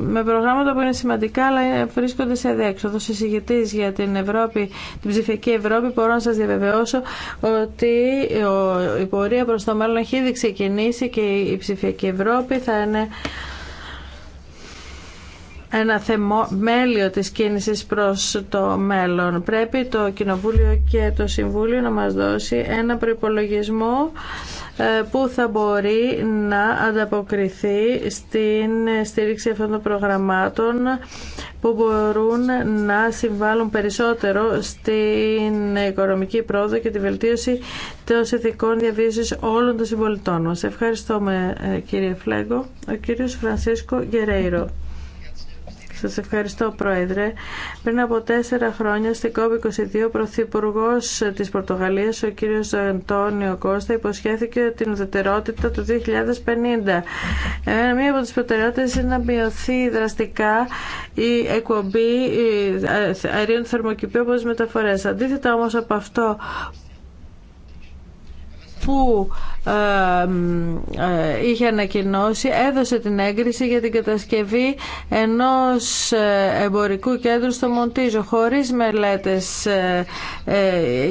με προγράμματα που είναι σημαντικά αλλά βρίσκονται σε διέξοδο. Συζητητής για την Ευρώπη, την ψηφιακή Ευρώπη, μπορώ να σας διαβεβαιώσω ότι η πορεία προς το μέλλον έχει ήδη ξεκινήσει και η ψηφιακή Ευρώπη θα είναι ένα μέλιο της κίνησης προς το μέλλον. Πρέπει το Κοινοβούλιο και το Συμβούλιο να μας δώσει ένα προϋπολογισμό ε, που θα μπορεί να ανταποκριθεί στην στήριξη αυτών των προγραμμάτων που μπορούν να συμβάλλουν περισσότερο στην οικονομική πρόοδο και τη βελτίωση των συνθηκών διαβίωσης όλων των συμπολιτών μας. Ευχαριστώ με κύριε Φλέγκο, ο κύριος Φρανσίσκο Γκερέιρο. Σα ευχαριστώ Πρόεδρε. Πριν από τέσσερα χρόνια στην COP22 ο Πρωθυπουργό της Πορτογαλίας ο κύριος Αντώνιο Κώστα υποσχέθηκε την ουδετερότητα του 2050. Ε, μία από τι προτεραιότητε είναι να μειωθεί δραστικά η εκπομπή ε, ε, αερίων θερμοκηπίου από τι μεταφορές. Αντίθετα όμως από αυτό που ε, είχε ανακοινώσει έδωσε την έγκριση για την κατασκευή ενός ε, εμπορικού κέντρου στο Μοντίζο χωρίς μελέτες ε,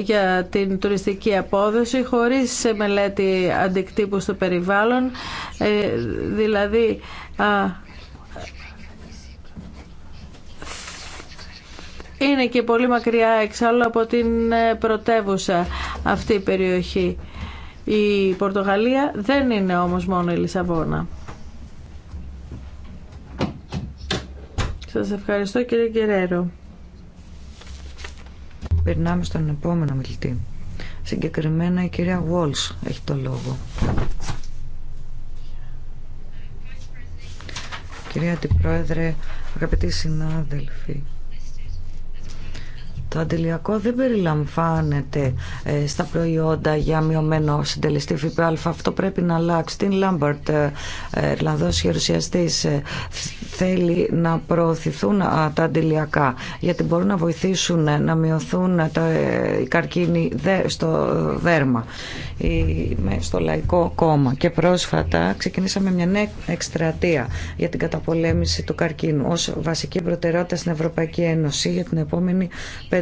για την τουριστική απόδοση, χωρίς μελέτη αντικτύπου στο περιβάλλον δηλαδή είναι και πολύ μακριά εξάλλου από την πρωτεύουσα αυτή η περιοχή. Η Πορτογαλία δεν είναι όμως μόνο η Λισαβόνα. Σας ευχαριστώ κύριε Γκερέρο. Περνάμε στον επόμενο μιλητή. Συγκεκριμένα η κυρία Βόλς έχει το λόγο. Κυρία Αντιπρόεδρε, αγαπητοί συνάδελφοι, το αντιλιακό δεν περιλαμβάνεται ε, στα προϊόντα για μειωμένο συντελεστή ΦΠΑ. Αυτό πρέπει να αλλάξει. Την Λάμπαρτ, ε, ε, Ιρλανδό χερουσιαστή, θέλει να προωθηθούν τα αντιλιακά γιατί μπορούν να βοηθήσουν να μειωθούν τα, οι καρκίνοι στο δέρμα στο Λαϊκό Κόμμα και πρόσφατα ξεκινήσαμε μια νέα εκστρατεία για την καταπολέμηση του καρκίνου ως βασική προτεραιότητα στην Ευρωπαϊκή Ένωση για την επόμενη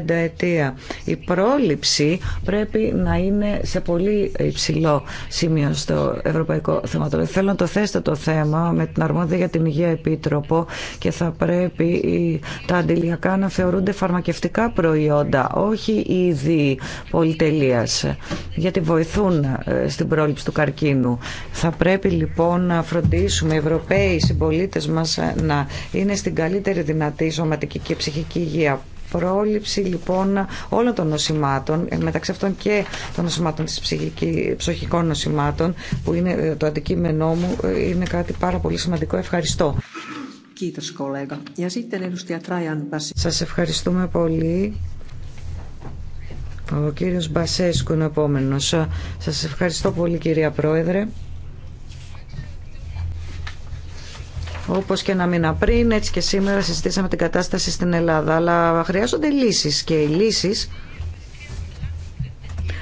πενταετία. Η πρόληψη πρέπει να είναι σε πολύ υψηλό σημείο στο ευρωπαϊκό θεματολόγιο. Θέλω να το θέσετε το θέμα με την αρμόδια για την υγεία επίτροπο και θα πρέπει τα αντιλιακά να θεωρούνται φαρμακευτικά προϊόντα, όχι είδη πολυτελείας, γιατί βοηθούν ε, στην πρόληψη του καρκίνου. Θα πρέπει λοιπόν να φροντίσουμε οι Ευρωπαίοι συμπολίτε μα ε, να είναι στην καλύτερη δυνατή σωματική και ψυχική υγεία πρόληψη λοιπόν όλων των νοσημάτων, ε, μεταξύ αυτών και των νοσημάτων της ψυχικής, ψυχικών νοσημάτων, που είναι ε, το αντικείμενό μου, ε, είναι κάτι πάρα πολύ σημαντικό. Ευχαριστώ. Σας ευχαριστούμε πολύ. Ο κύριος Μπασέσκου είναι ο επόμενος. Σας ευχαριστώ πολύ κυρία Πρόεδρε. Όπως και ένα μήνα πριν, έτσι και σήμερα συζητήσαμε την κατάσταση στην Ελλάδα. Αλλά χρειάζονται λύσεις και οι λύσεις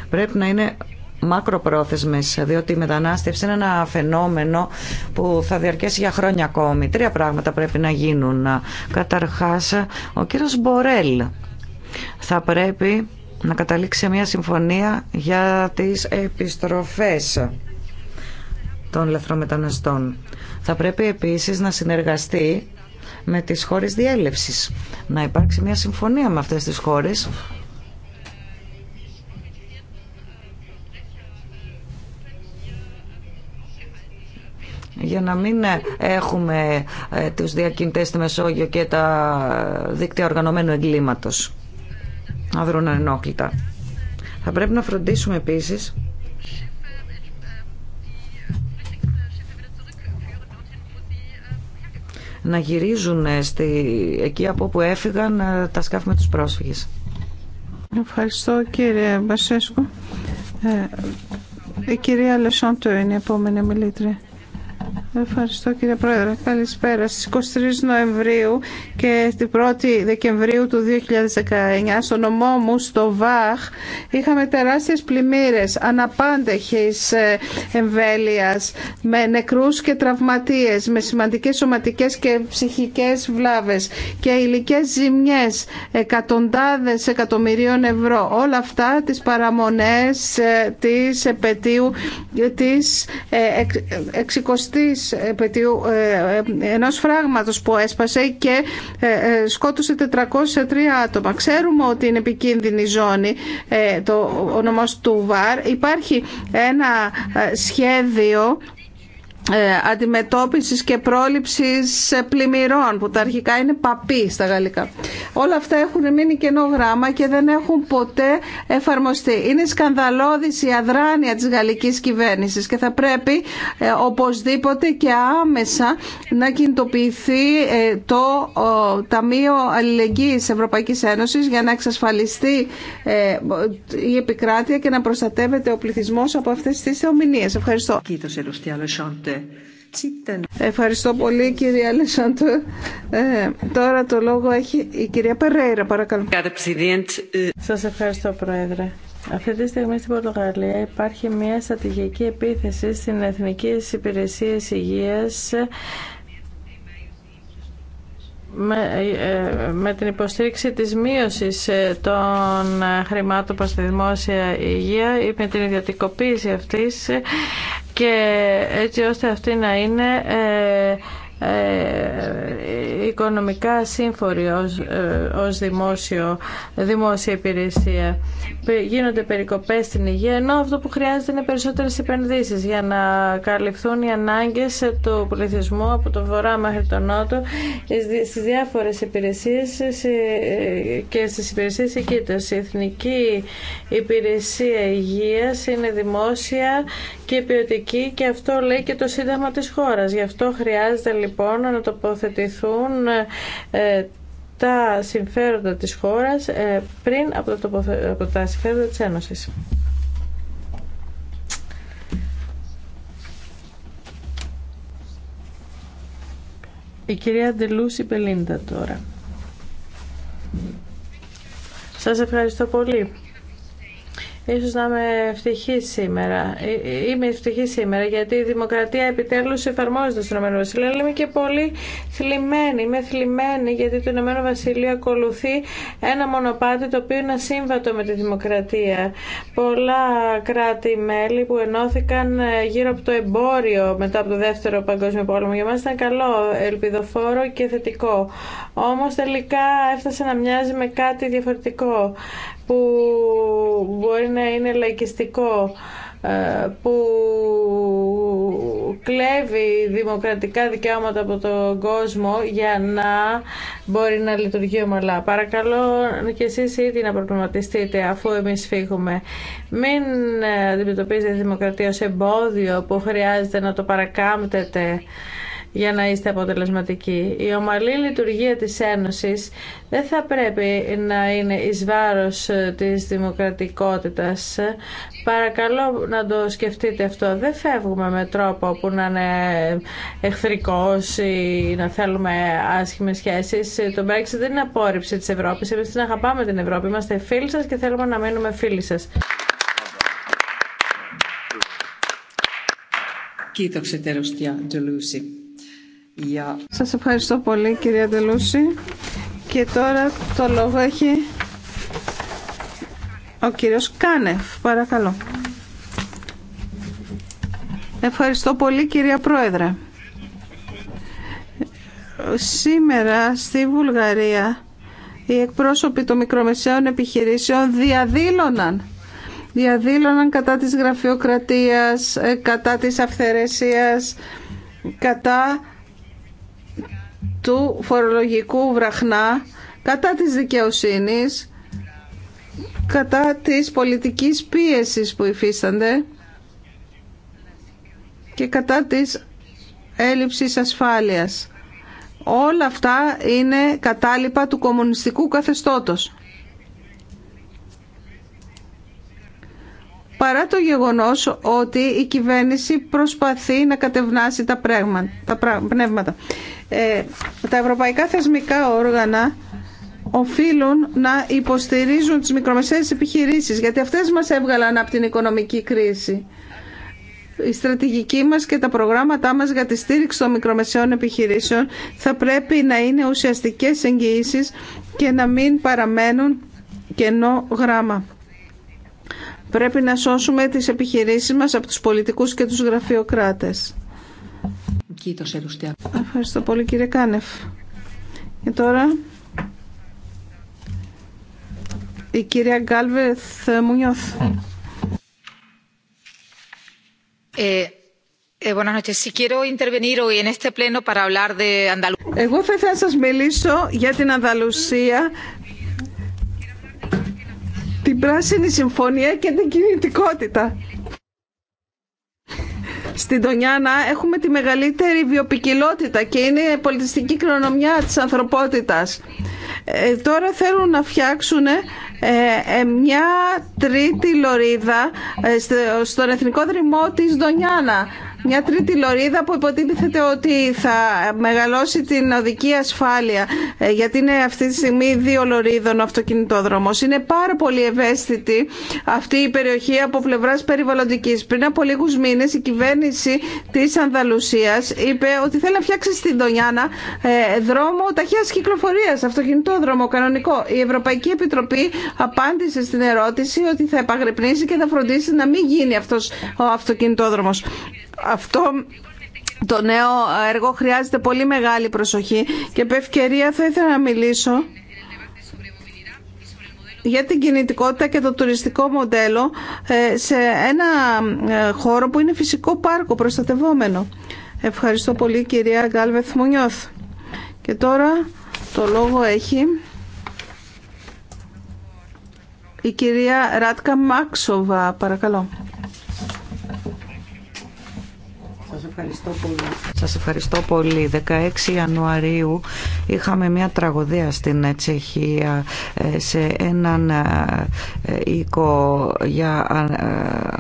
πρέπει να είναι μακροπρόθεσμες, διότι η μετανάστευση είναι ένα φαινόμενο που θα διαρκέσει για χρόνια ακόμη. Τρία πράγματα πρέπει να γίνουν. Καταρχάς, ο κύριος Μπορέλ θα πρέπει να καταλήξει μια συμφωνία για τις επιστροφές των λαθρομεταναστών. Θα πρέπει επίσης να συνεργαστεί με τις χώρες διέλευσης. Να υπάρξει μια συμφωνία με αυτές τις χώρες για να μην έχουμε ε, τους διακινητές στη Μεσόγειο και τα δίκτυα οργανωμένου εγκλήματος να δρουν Θα πρέπει να φροντίσουμε επίσης να γυρίζουν ε, στη, εκεί από όπου έφυγαν ε, τα σκάφη με τους πρόσφυγες. Ευχαριστώ κύριε Μπασέσκο. Ε, η κυρία Λεσόντο είναι η επόμενη μιλήτρια. Ευχαριστώ κύριε Πρόεδρε. Καλησπέρα. Στις 23 Νοεμβρίου και την 1η Δεκεμβρίου του 2019 στο νομό μου στο ΒΑΧ είχαμε τεράστιες πλημμύρες αναπάντεχης ε, εμβέλειας με νεκρούς και τραυματίες, με σημαντικές σωματικές και ψυχικές βλάβες και υλικές ζημιές εκατοντάδες εκατομμυρίων ευρώ. Όλα αυτά τις παραμονές ε, της επαιτίου ε, της της επαιτίου, ε, ε, ενός φράγματος που έσπασε και ε, σκότωσε 403 άτομα. Ξέρουμε ότι είναι επικίνδυνη ζώνη το ονομά του ΒΑΡ. Υπάρχει ένα σχέδιο ε, αντιμετώπισης και πρόληψης ε, πλημμυρών που τα αρχικά είναι παπί στα γαλλικά. Όλα αυτά έχουν μείνει κενό γράμμα και δεν έχουν ποτέ εφαρμοστεί. Είναι σκανδαλώδης η αδράνεια της γαλλικής κυβέρνησης και θα πρέπει ε, οπωσδήποτε και άμεσα να κινητοποιηθεί το Ταμείο Αλληλεγγύης Ευρωπαϊκής Ένωσης για να εξασφαλιστεί η επικράτεια και να προστατεύεται ο πληθυσμός από αυτές τις θεομηνίες. Ευχαριστώ. Ευχαριστώ πολύ κύριε Αλεσάντο. Ε, τώρα το λόγο έχει η κυρία Περέιρα παρακαλώ. Σας ευχαριστώ Πρόεδρε. Αυτή τη στιγμή στην Πορτογαλία υπάρχει μια στατηγική επίθεση στην Εθνική Υπηρεσία Υγείας ε, με, την υποστήριξη της μείωσης ε, των ε, χρημάτων προς τη δημόσια υγεία ή με την ιδιωτικοποίηση αυτής και έτσι ώστε αυτή να είναι ε, οικονομικά σύμφοροι ε, ως, δημόσιο, δημόσια υπηρεσία. Γίνονται περικοπές στην υγεία, ενώ αυτό που χρειάζεται είναι περισσότερες επενδύσεις για να καλυφθούν οι ανάγκες του πληθυσμού από το βορρά μέχρι τον νότο στις διάφορες υπηρεσίες και στις υπηρεσίες εκεί. Η Εθνική Υπηρεσία Υγείας είναι δημόσια και ποιοτική και αυτό λέει και το Σύνταγμα της χώρας. Γι' αυτό χρειάζεται λοιπόν να τοποθετηθούν ε, ε, τα συμφέροντα της χώρας ε, πριν από, το, από τα συμφέροντα της Ένωσης. Η κυρία Ντελούση Πελίντα τώρα. Σας ευχαριστώ πολύ. Ίσως να είμαι ευτυχή σήμερα. Ε, ε, είμαι ευτυχή σήμερα γιατί η δημοκρατία επιτέλους εφαρμόζεται στον Ηνωμένο Αλλά είμαι και πολύ θλιμμένη. Είμαι θλιμμένη γιατί το Ηνωμένο ακολουθεί ένα μονοπάτι το οποίο είναι ασύμβατο με τη δημοκρατία. Πολλά κράτη-μέλη που ενώθηκαν ε, γύρω από το εμπόριο μετά από το Δεύτερο Παγκόσμιο Πόλεμο. Για μας ήταν καλό, ελπιδοφόρο και θετικό. Όμως τελικά έφτασε να μοιάζει με κάτι διαφορετικό που μπορεί να είναι λαϊκιστικό ε, που κλέβει δημοκρατικά δικαιώματα από τον κόσμο για να μπορεί να λειτουργεί ομαλά. Παρακαλώ και εσείς ήδη να προβληματιστείτε αφού εμείς φύγουμε. Μην ε, αντιμετωπίζετε τη δημοκρατία ως εμπόδιο που χρειάζεται να το παρακάμπτετε για να είστε αποτελεσματικοί. Η ομαλή λειτουργία της Ένωσης δεν θα πρέπει να είναι εις βάρος ε, της δημοκρατικότητας. Παρακαλώ να το σκεφτείτε αυτό. Δεν φεύγουμε με τρόπο που να είναι εχθρικός ή να θέλουμε άσχημες σχέσεις. Ε, το Brexit δεν είναι απόρριψη της Ευρώπης. Εμείς την αγαπάμε την Ευρώπη. Είμαστε φίλοι σας και θέλουμε να μείνουμε φίλοι σας. Σα Σας ευχαριστώ πολύ κυρία Ντελούση. Και τώρα το λόγο έχει ο κύριος Κάνεφ. Παρακαλώ. Ευχαριστώ πολύ κυρία Πρόεδρε. Σήμερα στη Βουλγαρία οι εκπρόσωποι των μικρομεσαίων επιχειρήσεων διαδήλωναν διαδήλωναν κατά της γραφειοκρατίας, ε, κατά της αυθαιρεσίας, κατά του φορολογικού βραχνά κατά της δικαιοσύνης, κατά της πολιτικής πίεσης που υφίστανται και κατά της έλλειψης ασφάλειας. Όλα αυτά είναι κατάλοιπα του κομμουνιστικού καθεστώτος. παρά το γεγονός ότι η κυβέρνηση προσπαθεί να κατευνάσει τα, πράγματα, τα πνεύματα. Ε, τα ευρωπαϊκά θεσμικά όργανα οφείλουν να υποστηρίζουν τις μικρομεσαίες επιχειρήσεις, γιατί αυτές μας έβγαλαν από την οικονομική κρίση. Η στρατηγική μας και τα προγράμματά μας για τη στήριξη των μικρομεσαίων επιχειρήσεων θα πρέπει να είναι ουσιαστικές εγγυήσεις και να μην παραμένουν κενό γράμμα. Πρέπει να σώσουμε τις επιχειρήσεις μας από τους πολιτικούς και τους γραφειοκράτες. Ευχαριστώ πολύ κύριε Κάνεφ. Και τώρα η κυρία Γκάλβεθ Μουνιώθ. Ε, ε εγώ θα ήθελα να σας μιλήσω για την Ανδαλουσία την Πράσινη Συμφωνία και την κινητικότητα. Στην Τονιάνα έχουμε τη μεγαλύτερη βιοπικιλότητα και είναι η πολιτιστική κληρονομιά της ανθρωπότητας. Ε, τώρα θέλουν να φτιάξουν ε, ε μια τρίτη λωρίδα ε, στον Εθνικό Δρυμό της Ντονιάνα μια τρίτη λωρίδα που υποτίθεται ότι θα μεγαλώσει την οδική ασφάλεια, ε, γιατί είναι αυτή τη στιγμή δύο λωρίδων ο αυτοκινητόδρομος. Είναι πάρα πολύ ευαίσθητη αυτή η περιοχή από πλευράς περιβαλλοντικής. Πριν από λίγους μήνες η κυβέρνηση της Ανδαλουσίας είπε ότι θέλει να φτιάξει στην Δονιάνα ε, δρόμο ταχείας κυκλοφορίας, αυτοκινητόδρομο κανονικό. Η Ευρωπαϊκή Επιτροπή απάντησε στην ερώτηση ότι θα επαγρυπνήσει και θα φροντίσει να μην γίνει αυτός ο αυτοκινητόδρομος αυτό το νέο έργο χρειάζεται πολύ μεγάλη προσοχή και επ' ευκαιρία θα ήθελα να μιλήσω για την κινητικότητα και το τουριστικό μοντέλο ε, σε ένα ε, χώρο που είναι φυσικό πάρκο προστατευόμενο. Ευχαριστώ πολύ κυρία Γκάλβεθ Μουνιώθ. Και τώρα το λόγο έχει η κυρία Ράτκα Μάξοβα, παρακαλώ. ευχαριστώ Σας ευχαριστώ πολύ. 16 Ιανουαρίου είχαμε μια τραγωδία στην Τσεχία ε, σε έναν ε, ε, οίκο για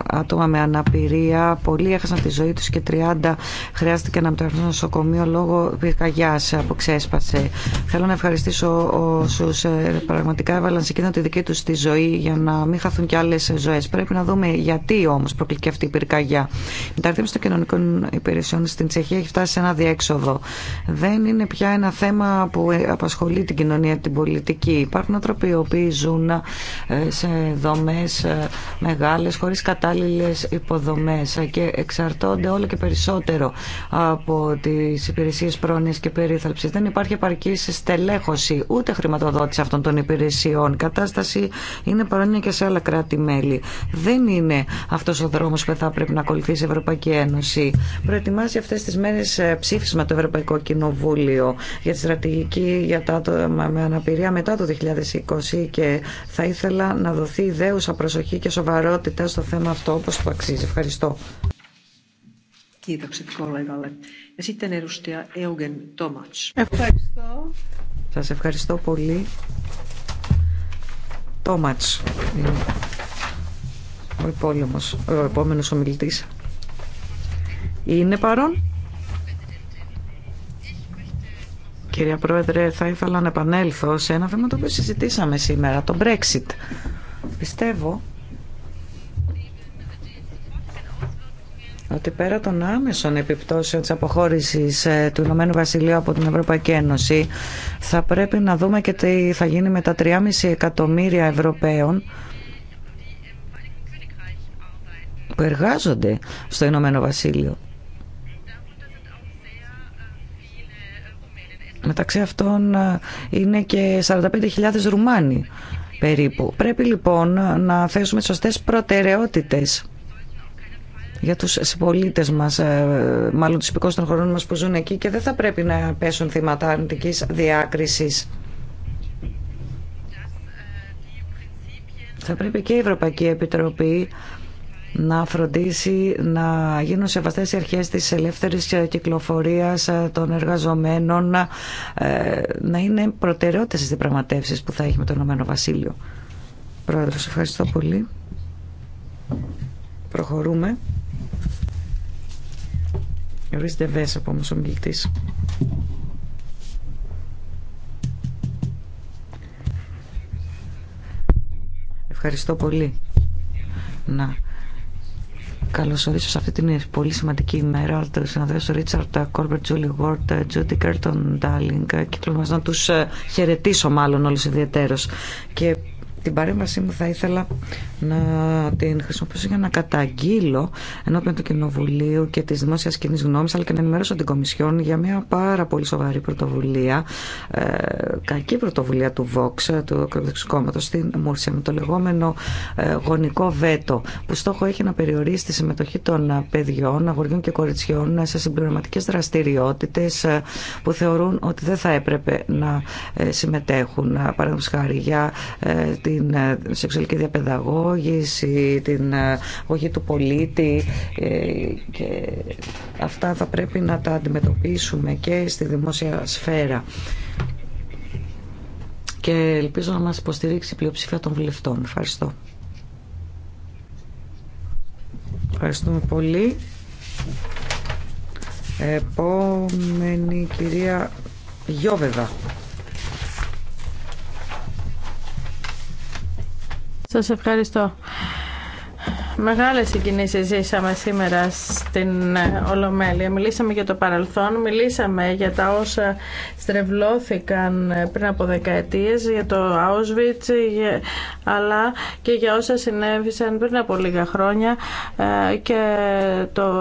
άτομα με αναπηρία. Πολλοί έχασαν τη ζωή τους και 30 χρειάστηκε να μεταφερθούν στο νοσοκομείο λόγω πυρκαγιάς που ξέσπασε. Θέλω να ευχαριστήσω όσου πραγματικά έβαλαν σε κίνδυνο τη δική του τη ζωή για να μην χαθούν και άλλες ζωές. Πρέπει να δούμε γιατί όμως προκλήκε αυτή η πυρκαγιά. μεταρρύθμιση των κοινωνικών υπηρεσιών στην Τσεχία έχει φτάσει σε ένα διέξοδο. Δεν είναι πια ένα θέμα που ε, απασχολεί την κοινωνία, την πολιτική. Υπάρχουν άνθρωποι οι οποίοι ζουν ε, σε δομέ ε, μεγάλε, χωρί κατάλληλε υποδομέ και εξαρτώνται όλο και περισσότερο από τι υπηρεσίε πρόνοια και περίθαλψη. Δεν υπάρχει επαρκή στελέχωση ούτε χρηματοδότηση αυτών των υπηρεσιών. κατάσταση είναι παρόνια και σε άλλα κράτη-μέλη. Δεν είναι αυτό ο δρόμο που θα πρέπει να ακολουθήσει η Ευρωπαϊκή Ένωση προετοιμάσει αυτές τις μέρες ε, ψήφισμα το Ευρωπαϊκό Κοινοβούλιο για τη στρατηγική για τα άτομα με αναπηρία μετά το 2020 και θα ήθελα να δοθεί ιδέουσα προσοχή και σοβαρότητα στο θέμα αυτό όπως το αξίζει. Ευχαριστώ. Ευχαριστώ. Σας ευχαριστώ πολύ. Τόματς. Ο, ο επόμενος ομιλητής. Είναι παρόν. Κυρία Πρόεδρε, θα ήθελα να επανέλθω σε ένα θέμα το οποίο συζητήσαμε σήμερα, το Brexit. Πιστεύω ότι πέρα των άμεσων επιπτώσεων της αποχώρησης ε, του Ηνωμένου Βασιλείου από την Ευρωπαϊκή Ένωση θα πρέπει να δούμε και τι θα γίνει με τα 3,5 εκατομμύρια Ευρωπαίων που εργάζονται στο Ηνωμένο Βασίλειο. Μεταξύ αυτών ε, είναι και 45.000 Ρουμάνοι περίπου. Πρέπει λοιπόν να θέσουμε σωστές προτεραιότητες για τους συμπολίτε μας, ε, μάλλον τους υπηκόστων των χωρών μας που ζουν εκεί και δεν θα πρέπει να πέσουν θύματα αρνητικής διάκρισης. Θα πρέπει και η Ευρωπαϊκή Επιτροπή να φροντίσει να γίνουν σεβαστές οι αρχές της ελεύθερης κυκλοφορίας των εργαζομένων ε, να είναι προτεραιότητες στις διπραγματεύσεις που θα έχει με το Ηνωμένο Βασίλειο. Πρόεδρος, ευχαριστώ πολύ. Προχωρούμε. Ορίστε Βέσ από όμως ο μιλητής. Ευχαριστώ πολύ. Να καλωσορίσω σε αυτή την πολύ σημαντική ημέρα του συναδέλφου Ρίτσαρτ Κόρμπερτ, Τζούλι Γουόρτ, Τζούτι Κέρτον Ντάλινγκ. Και πρέπει να του ε, χαιρετήσω μάλλον όλου ιδιαίτερω. Και την παρέμβασή μου θα ήθελα να την χρησιμοποιήσω για να καταγγείλω ενώπιον του Κοινοβουλίου και τη δημόσια κοινή γνώμη, αλλά και να ενημερώσω την Κομισιόν για μια πάρα πολύ σοβαρή πρωτοβουλία, ε, κακή πρωτοβουλία του Vox, του Εκλογικού Κόμματο, στην Μούρσια, με το λεγόμενο ε, γονικό βέτο, που στόχο έχει να περιορίσει τη συμμετοχή των παιδιών, αγοριών και κοριτσιών σε συμπληρωματικέ δραστηριότητε ε, που θεωρούν ότι δεν θα έπρεπε να ε, συμμετέχουν, παραδείγματο χάρη ε, την σεξουαλική διαπαιδαγώγηση, την ε, αγωγή του πολίτη ε, και αυτά θα πρέπει να τα αντιμετωπίσουμε και στη δημόσια σφαίρα. Και ελπίζω να μας υποστηρίξει η πλειοψηφία των βουλευτών. Ευχαριστώ. Ευχαριστούμε πολύ. Επόμενη κυρία Γιώβεδα. Σας ευχαριστώ. Μεγάλες συγκινήσεις ζήσαμε σήμερα στην ε, Ολομέλεια. Μιλήσαμε για το παρελθόν, μιλήσαμε για τα όσα στρεβλώθηκαν ε, πριν από δεκαετίες, για το Auschwitz, αλλά και για όσα συνέβησαν πριν από λίγα χρόνια ε, και το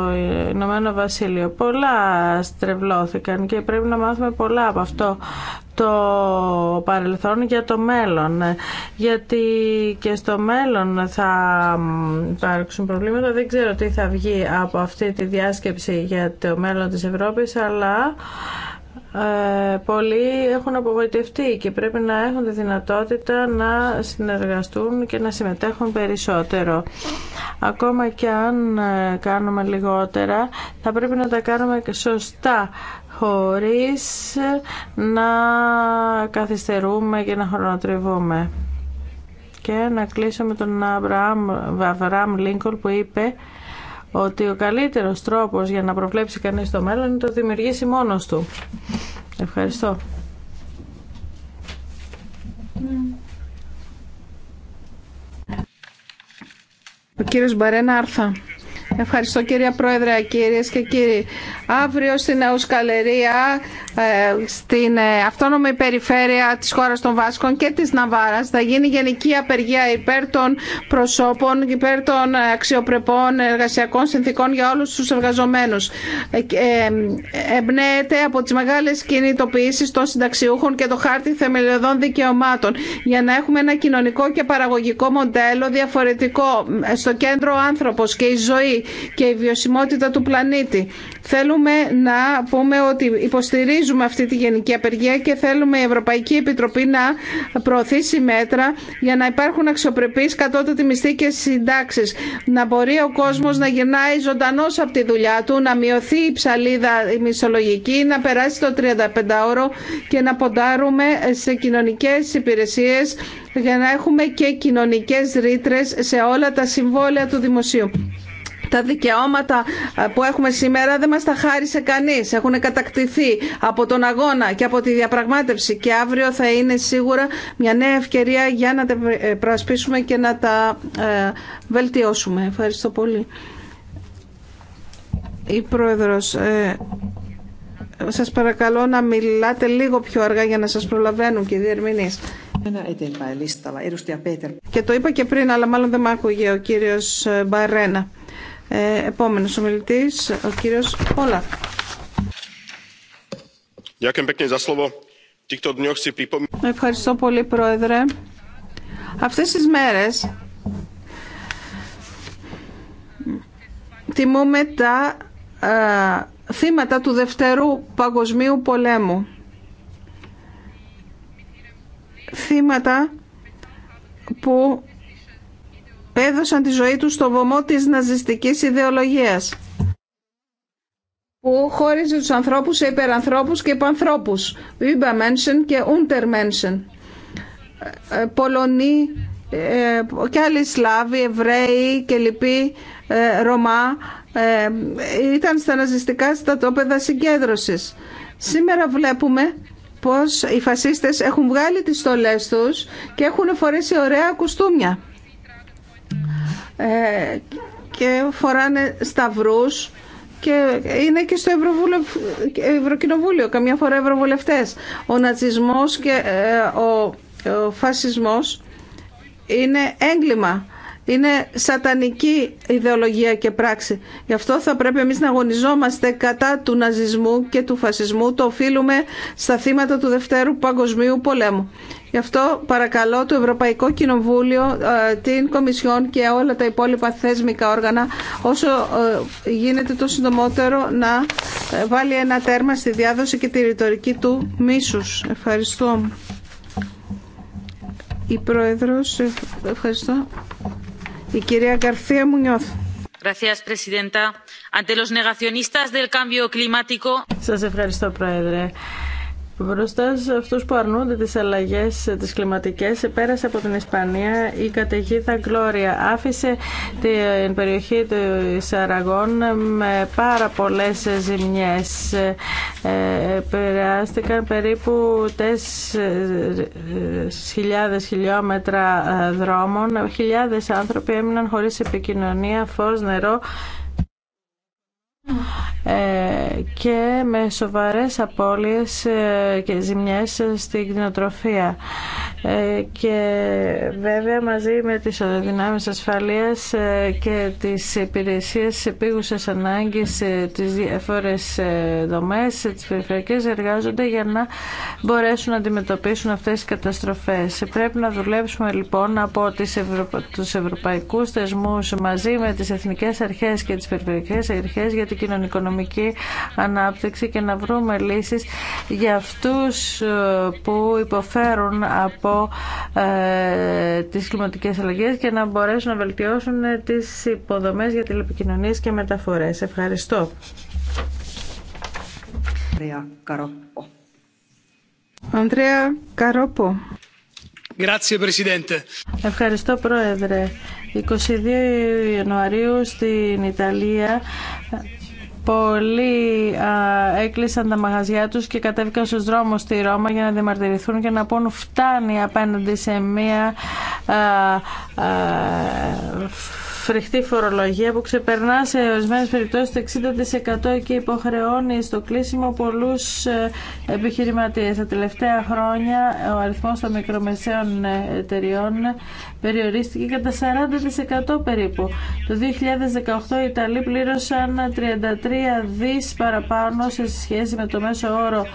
Ηνωμένο Βασίλειο. Πολλά στρεβλώθηκαν και πρέπει να μάθουμε πολλά από αυτό το παρελθόν για το μέλλον γιατί και στο μέλλον θα υπάρξουν προβλήματα. Δεν ξέρω τι θα βγει από αυτή τη διάσκεψη για το μέλλον της Ευρώπης, αλλά ε, πολλοί έχουν απογοητευτεί και πρέπει να έχουν τη δυνατότητα να συνεργαστούν και να συμμετέχουν περισσότερο. Ακόμα και αν ε, κάνουμε λιγότερα, θα πρέπει να τα κάνουμε σωστά χωρίς να καθυστερούμε και να χρονοτριβούμε. Και να κλείσω με τον Αβραάμ Λίνκολ που είπε ότι ο καλύτερος τρόπος για να προβλέψει κανείς το μέλλον είναι το δημιουργήσει μόνος του. Ευχαριστώ. Ο κύριος Μπαρένα Άρθα. Ευχαριστώ κυρία Πρόεδρε, κυρίες και κύριοι. Αύριο στην Αουσκαλερία, ε, στην ε, αυτόνομη περιφέρεια της χώρας των Βάσκων και της Ναβάρας θα γίνει γενική απεργία υπέρ των προσώπων, υπέρ των αξιοπρεπών εργασιακών συνθήκων για όλους τους εργαζομένους. Ε, εμπνέεται από τις μεγάλες κινητοποιήσεις των συνταξιούχων και το χάρτη θεμελιωδών δικαιωμάτων για να έχουμε ένα κοινωνικό και παραγωγικό μοντέλο διαφορετικό στο κέντρο άνθρωπος και η ζωή και η βιωσιμότητα του πλανήτη. Θέλουμε να πούμε ότι υποστηρίζουμε αυτή τη γενική απεργία και θέλουμε η Ευρωπαϊκή Επιτροπή να προωθήσει μέτρα για να υπάρχουν αξιοπρεπείς κατώτατοι μισθοί και συντάξεις. Να μπορεί ο κόσμος να γυρνάει ζωντανό από τη δουλειά του, να μειωθεί η ψαλίδα η μισολογική, να περάσει το 35ωρο και να ποντάρουμε σε κοινωνικές υπηρεσίες για να έχουμε και κοινωνικές ρήτρες σε όλα τα συμβόλαια του δημοσίου. Τα δικαιώματα ε, που έχουμε σήμερα δεν μας τα χάρισε κανείς. Έχουν κατακτηθεί από τον αγώνα και από τη διαπραγμάτευση και αύριο θα είναι σίγουρα μια νέα ευκαιρία για να τα ε, προασπίσουμε και να τα ε, βελτιώσουμε. Ευχαριστώ πολύ. Η Πρόεδρος, σας παρακαλώ να μιλάτε λίγο πιο αργά για να σας προλαβαίνουν και οι διερμηνείς. Και το είπα και πριν, αλλά μάλλον δεν μ' άκουγε ο κύριος Μπαρένα. Ε, επόμενος ομιλητής, ο κύριος Πόλακ. Ευχαριστώ πολύ, Πρόεδρε. Αυτές τις μέρες τιμούμε τα ε, θύματα του Δευτέρου Παγκοσμίου Πολέμου. Θύματα που έδωσαν τη ζωή τους στο βωμό της ναζιστικής ιδεολογίας που χώριζε τους ανθρώπους σε υπερανθρώπους και υπανθρώπους Übermenschen και Untermenschen ε, Πολωνοί ε, και άλλοι Σλάβοι, Εβραίοι και λοιποί ε, Ρωμά ήταν στα ναζιστικά στατόπεδα συγκέντρωσης σήμερα βλέπουμε πως οι φασίστες έχουν βγάλει τις στολές τους και έχουν φορέσει ωραία κουστούμια ε, και φοράνε σταυρούς και είναι και στο Ευρωβουλευ... Ευρωκοινοβούλιο, καμιά φορά ευρωβουλευτές. Ο νατσισμός και ε, ο, ο φασισμός είναι έγκλημα είναι σατανική ιδεολογία και πράξη. Γι' αυτό θα πρέπει εμείς να αγωνιζόμαστε κατά του ναζισμού και του φασισμού. Το οφείλουμε στα θύματα του Δευτέρου Παγκοσμίου Πολέμου. Γι' αυτό παρακαλώ το Ευρωπαϊκό Κοινοβούλιο, ε, την Κομισιόν και όλα τα υπόλοιπα θεσμικά όργανα όσο ε, γίνεται το συντομότερο να ε, βάλει ένα τέρμα στη διάδοση και τη ρητορική του μίσους. Ευχαριστώ. ευχαριστώ. Η κυρία Γκαρθία Μουνιώθ. Σας ευχαριστώ, Πρόεδρε. Μπροστά σε αυτούς που αρνούνται τις αλλαγές τις κλιματικές, πέρασε από την Ισπανία η καταιγίδα Γκλώρια. Άφησε την περιοχή του Σαραγών με πάρα πολλές ζημιές. Ε, Περιάστηκαν περίπου 4.000 χιλιόμετρα ε, δρόμων. Χιλιάδες άνθρωποι έμειναν χωρίς επικοινωνία, φως, νερό ε, και με σοβαρές απώλειες ε, και ζημιές στην κτηνοτροφία. Ε, και βέβαια μαζί με τις δυνάμεις ασφαλείας και τις υπηρεσίες επίγουσας ανάγκης, τις διάφορες δομές, τις περιφερειακές εργάζονται για να μπορέσουν να αντιμετωπίσουν αυτές τις καταστροφές. Πρέπει να δουλέψουμε λοιπόν από τις τους ευρωπαϊκούς θεσμούς μαζί με τις εθνικές αρχές και τις περιφερειακές αρχές για κοινωνικονομική ανάπτυξη και να βρούμε λύσεις για αυτούς ε, που υποφέρουν από ε, τις κλιματικές αλλαγές και να μπορέσουν να βελτιώσουν ε, τις υποδομές για τηλεπικοινωνίες και μεταφορές. Ευχαριστώ. Ανδρέα Καρόπο. Ευχαριστώ Πρόεδρε. 22 Ιανουαρίου στην Ιταλία Πολλοί έκλεισαν τα μαγαζιά τους και κατέβηκαν στους δρόμους στη Ρώμα για να διαμαρτυρηθούν και να πούν φτάνει απέναντι σε μια φρικτή φορολογία που ξεπερνά σε ορισμένε περιπτώσει το 60% και υποχρεώνει στο κλείσιμο πολλού ε, επιχειρηματίε. Τα τελευταία χρόνια ο αριθμό των μικρομεσαίων ε, εταιριών περιορίστηκε κατά 40% περίπου. Το 2018 οι Ιταλοί πλήρωσαν 33 δι παραπάνω σε σχέση με το μέσο όρο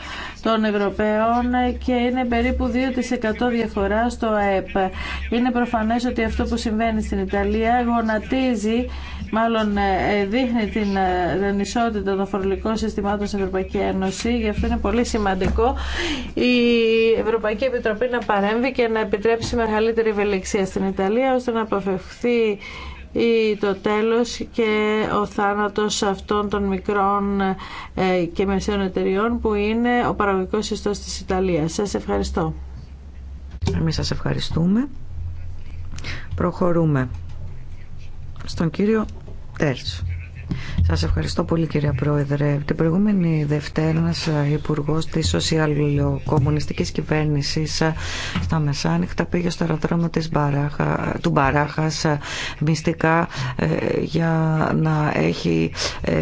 των Ευρωπαίων και είναι περίπου 2% διαφορά στο ΑΕΠ. Είναι προφανές ότι αυτό που συμβαίνει στην Ιταλία γονατίζει, μάλλον ε, δείχνει την ανισότητα ε, των φορολογικών συστημάτων στην Ευρωπαϊκή Ένωση. Γι' αυτό είναι πολύ σημαντικό η Ευρωπαϊκή Επιτροπή να παρέμβει και να επιτρέψει μεγαλύτερη ευελιξία στην Ιταλία ώστε να αποφευχθεί ή το τέλος και ο θάνατος αυτών των μικρών ε, και μεσαίων εταιριών που είναι ο παραγωγικός ιστός της Ιταλίας. Σας ευχαριστώ. Εμείς σας ευχαριστούμε. Προχωρούμε στον κύριο Τέρτσο. Σας ευχαριστώ πολύ κυρία Πρόεδρε. Την προηγούμενη Δευτέρα ε, υπουργός της σοσιαλοκομμουνιστικής κυβέρνησης ε, στα Μεσάνυχτα πήγε στο αεροδρόμιο της Μπαράχα, ε, του Μπαράχας μυστικά για να έχει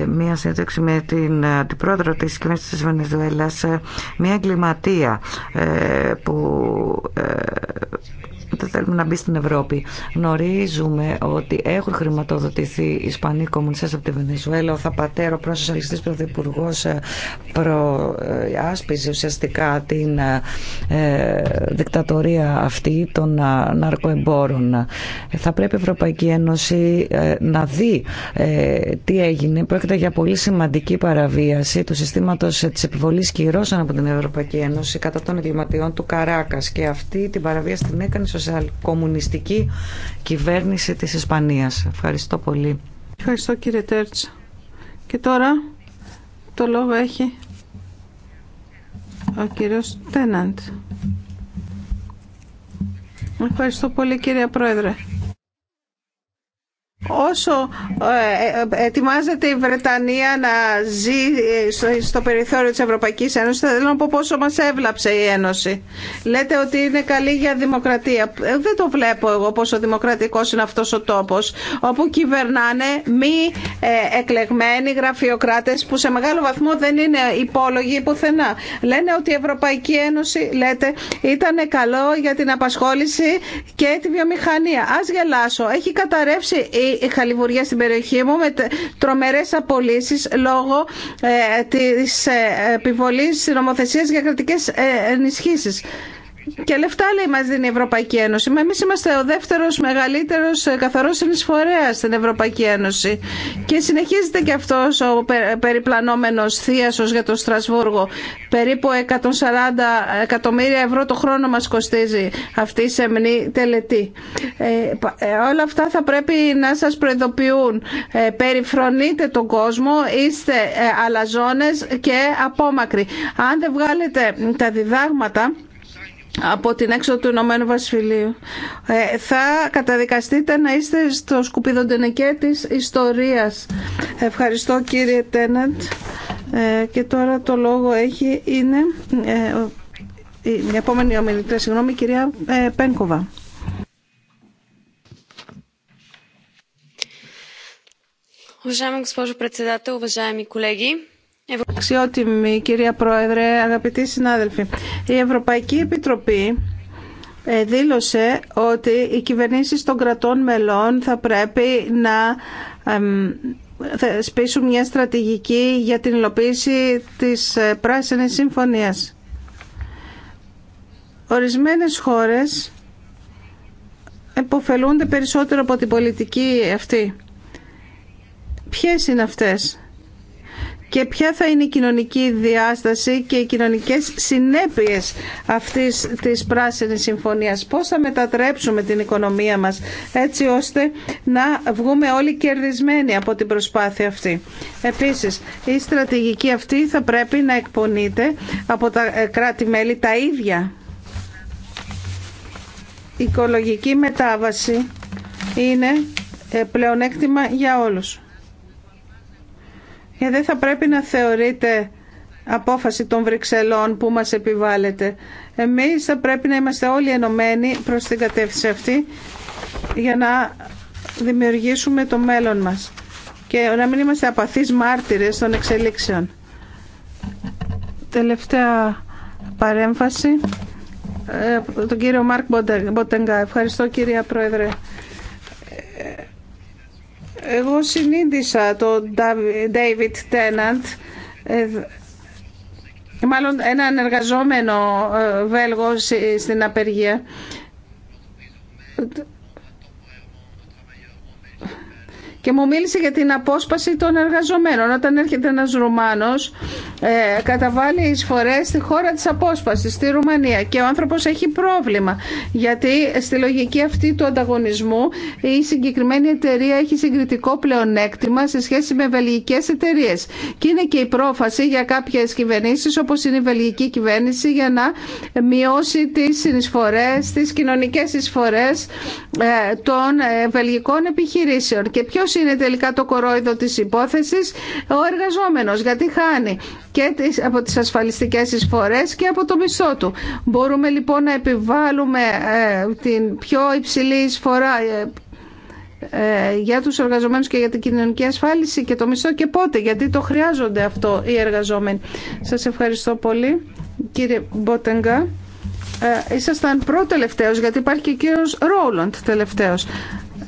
μία συνέντευξη με την αντιπρόεδρο της κυβέρνησης της Βενεζουέλας, μία εγκληματία που που θέλουμε να μπει στην Ευρώπη. Γνωρίζουμε ότι έχουν χρηματοδοτηθεί οι Ισπανοί κομμουνιστέ από τη Βενεζουέλα. Ο Θαπατέρο, πρώην σοσιαλιστή πρωθυπουργό, ε, προάσπιζε ε, ουσιαστικά την ε, ε, δικτατορία αυτή των α, ναρκοεμπόρων. θα πρέπει η Ευρωπαϊκή Ένωση να δει τι έγινε. Πρόκειται για πολύ σημαντική παραβίαση του συστήματο τη επιβολή κυρώσεων από την Ευρωπαϊκή Ένωση κατά των εγκληματιών του Καράκα. Και αυτή την παραβίαση την έκανε σοσιαλκομμουνιστική κυβέρνηση της Ισπανίας. Ευχαριστώ πολύ. Ευχαριστώ κύριε Τέρτσα. Και τώρα το λόγο έχει ο κύριος Τέναντ. Ευχαριστώ πολύ κύριε Πρόεδρε. Όσο ε, ε, ε, ετοιμάζεται η Βρετανία να ζει στο περιθώριο της Ευρωπαϊκής Ένωσης, θα θέλω να πω πόσο μας έβλαψε η Ένωση. Λέτε ότι είναι καλή για δημοκρατία. Δεν το βλέπω εγώ πόσο δημοκρατικός είναι αυτός ο τόπος, όπου κυβερνάνε μη εκλεγμένοι γραφειοκράτες που σε μεγάλο βαθμό δεν είναι υπόλογοι πουθενά. Λένε ότι η Ευρωπαϊκή Ένωση, λέτε, ήταν καλό για την απασχόληση και τη βιομηχανία. Ας γελάσω. Έχει καταρρεύσει η χαλιβουργία στην περιοχή μου με τρομερές απολύσεις λόγω ε, της ε, επιβολής νομοθεσίας για κρατικές ε, ενισχύσεις. Και λεφτά λέει μας δίνει η Ευρωπαϊκή Ένωση. Μα εμείς είμαστε ο δεύτερος μεγαλύτερος ε, καθαρό συνεισφορέα στην Ευρωπαϊκή Ένωση. Και συνεχίζεται και αυτός ο περιπλανόμενο θίασος για το Στρασβούργο. Περίπου 140 εκατομμύρια ευρώ το χρόνο μας κοστίζει αυτή η σεμνή τελετή. Ε, ε, όλα αυτά θα πρέπει να σας προειδοποιούν. περιφρονείτε τον κόσμο, είστε αλαζόνες και απόμακροι. Αν δεν βγάλετε τα διδάγματα από την έξοδο του Ηνωμένου Βασιλείου. Ε, θα καταδικαστείτε να είστε στο σκουπιδοντενεκέ της ιστορίας. Ευχαριστώ κύριε Τέναντ. Ε, και τώρα το λόγο έχει είναι ε, η επόμενη ομιλητρία, συγγνώμη, η κυρία Πένκοβα. Уважаема госпожо председател, уважаеми колеги, Αξιότιμη κυρία Πρόεδρε, αγαπητοί συνάδελφοι, η Ευρωπαϊκή Επιτροπή ε, δήλωσε ότι οι κυβερνήσεις των κρατών μελών θα πρέπει να σπίσουν μια στρατηγική για την υλοποίηση της ε, Πράσινης Συμφωνίας. Ορισμένες χώρες εποφελούνται περισσότερο από την πολιτική αυτή. Ποιες είναι αυτές και ποια θα είναι η κοινωνική διάσταση και οι κοινωνικές συνέπειες αυτής της πράσινης συμφωνίας. Πώς θα μετατρέψουμε την οικονομία μας έτσι ώστε να βγούμε όλοι κερδισμένοι από την προσπάθεια αυτή. Επίσης, η στρατηγική αυτή θα πρέπει να εκπονείται από τα κράτη-μέλη τα ίδια. Η οικολογική μετάβαση είναι πλεονέκτημα για όλους και ε, δεν θα πρέπει να θεωρείτε απόφαση των Βρυξελών που μας επιβάλλεται. Εμείς θα πρέπει να είμαστε όλοι ενωμένοι προς την κατεύθυνση αυτή για να δημιουργήσουμε το μέλλον μας και να μην είμαστε απαθείς μάρτυρες των εξελίξεων. Τελευταία παρέμφαση ε, τον κύριο Μάρκ Μποτεγκά. Ευχαριστώ κυρία Πρόεδρε. Ε, εγώ συνείδησα τον David Tennant, ε, μάλλον έναν εργαζόμενο ε, Βέλγο στην απεργία και μου μίλησε για την απόσπαση των εργαζομένων. Όταν έρχεται ένα Ρουμάνος, ε, καταβάλει εισφορέ στη χώρα τη απόσπαση, στη Ρουμανία και ο άνθρωπο έχει πρόβλημα γιατί στη λογική αυτή του ανταγωνισμού η συγκεκριμένη εταιρεία έχει συγκριτικό πλεονέκτημα σε σχέση με βελγικέ εταιρείε. Και είναι και η πρόφαση για κάποιε κυβερνήσει, όπω είναι η βελγική κυβέρνηση για να μειώσει τις συνεισφορές, τις κοινωνικές ε, των ε, βελγικών επιχειρήσεων. Και είναι τελικά το κορόιδο της υπόθεσης, ο εργαζόμενος, γιατί χάνει και από τις ασφαλιστικές εισφορές και από το μισό του. Μπορούμε λοιπόν να επιβάλλουμε ε, την πιο υψηλή εισφορά ε, ε, για τους εργαζομένους και για την κοινωνική ασφάλιση και το μισθό και πότε, γιατί το χρειάζονται αυτό οι εργαζόμενοι. Σας ευχαριστώ πολύ, κύριε Μπότεγκα. Ήσασταν προτελευταίος, γιατί υπάρχει και ο κύριος Ρόλοντ τελευταίος.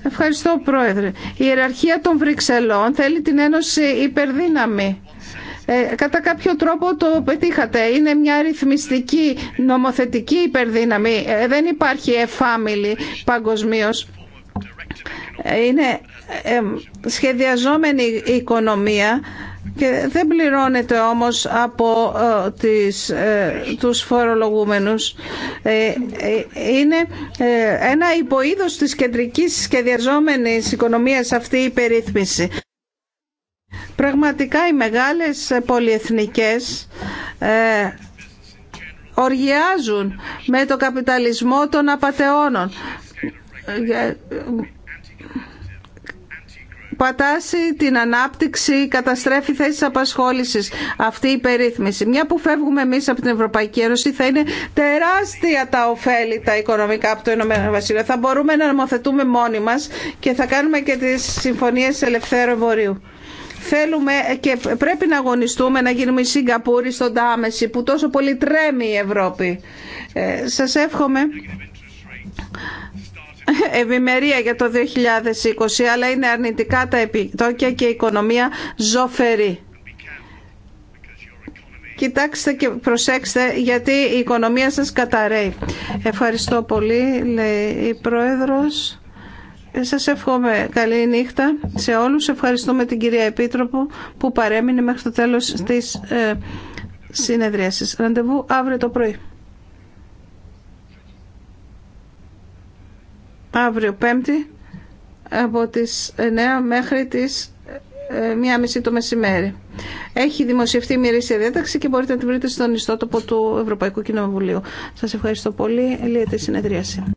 Ευχαριστώ Πρόεδρε. Η ιεραρχία των Βρυξελών θέλει την Ένωση υπερδύναμη. Ε, κατά κάποιο τρόπο το πετύχατε. Είναι μια ρυθμιστική, νομοθετική υπερδύναμη. Ε, δεν υπάρχει εφάμιλη παγκοσμίω. Ε, είναι σχεδιαζόμενη η οικονομία και δεν πληρώνεται όμως από ε, τις, ε, τους φορολογούμενους. Ε, είναι ένα υποείδος της κεντρικής σχεδιαζόμενης οικονομίας αυτή η περίθμηση. Πραγματικά οι μεγάλες πολυεθνικές οργιάζουν με το καπιταλισμό των απαταιώνων πατάσει την ανάπτυξη, καταστρέφει θέσει απασχόληση αυτή η περίθμηση. Μια που φεύγουμε εμεί από την Ευρωπαϊκή Ένωση, θα είναι τεράστια τα ωφέλη τα οικονομικά από το Ηνωμένο Βασίλειο. Θα μπορούμε να νομοθετούμε μόνοι μα και θα κάνουμε και τι συμφωνίε ελευθέρου εμπορίου. Θέλουμε και πρέπει να αγωνιστούμε να γίνουμε η Σιγκαπούρη στον Τάμεση που τόσο πολύ τρέμει η Ευρώπη. Ε, σας εύχομαι ευημερία για το 2020, αλλά είναι αρνητικά τα επιτόκια και η οικονομία ζωφερή. Κοιτάξτε και προσέξτε γιατί η οικονομία σας καταραίει. Ευχαριστώ πολύ, λέει η Πρόεδρος. Σας εύχομαι καλή νύχτα σε όλους. Ευχαριστούμε την κυρία Επίτροπο που παρέμεινε μέχρι το τέλος της ε, συνεδρίασης. Ραντεβού αύριο το πρωί. αύριο Πέμπτη από τις 9 μέχρι τις ε, μία μισή το μεσημέρι. Έχει δημοσιευτεί η διάταξη και μπορείτε να την βρείτε στον ιστότοπο του Ευρωπαϊκού Κοινοβουλίου. Σας ευχαριστώ πολύ. Ελίεται η συνεδρίαση.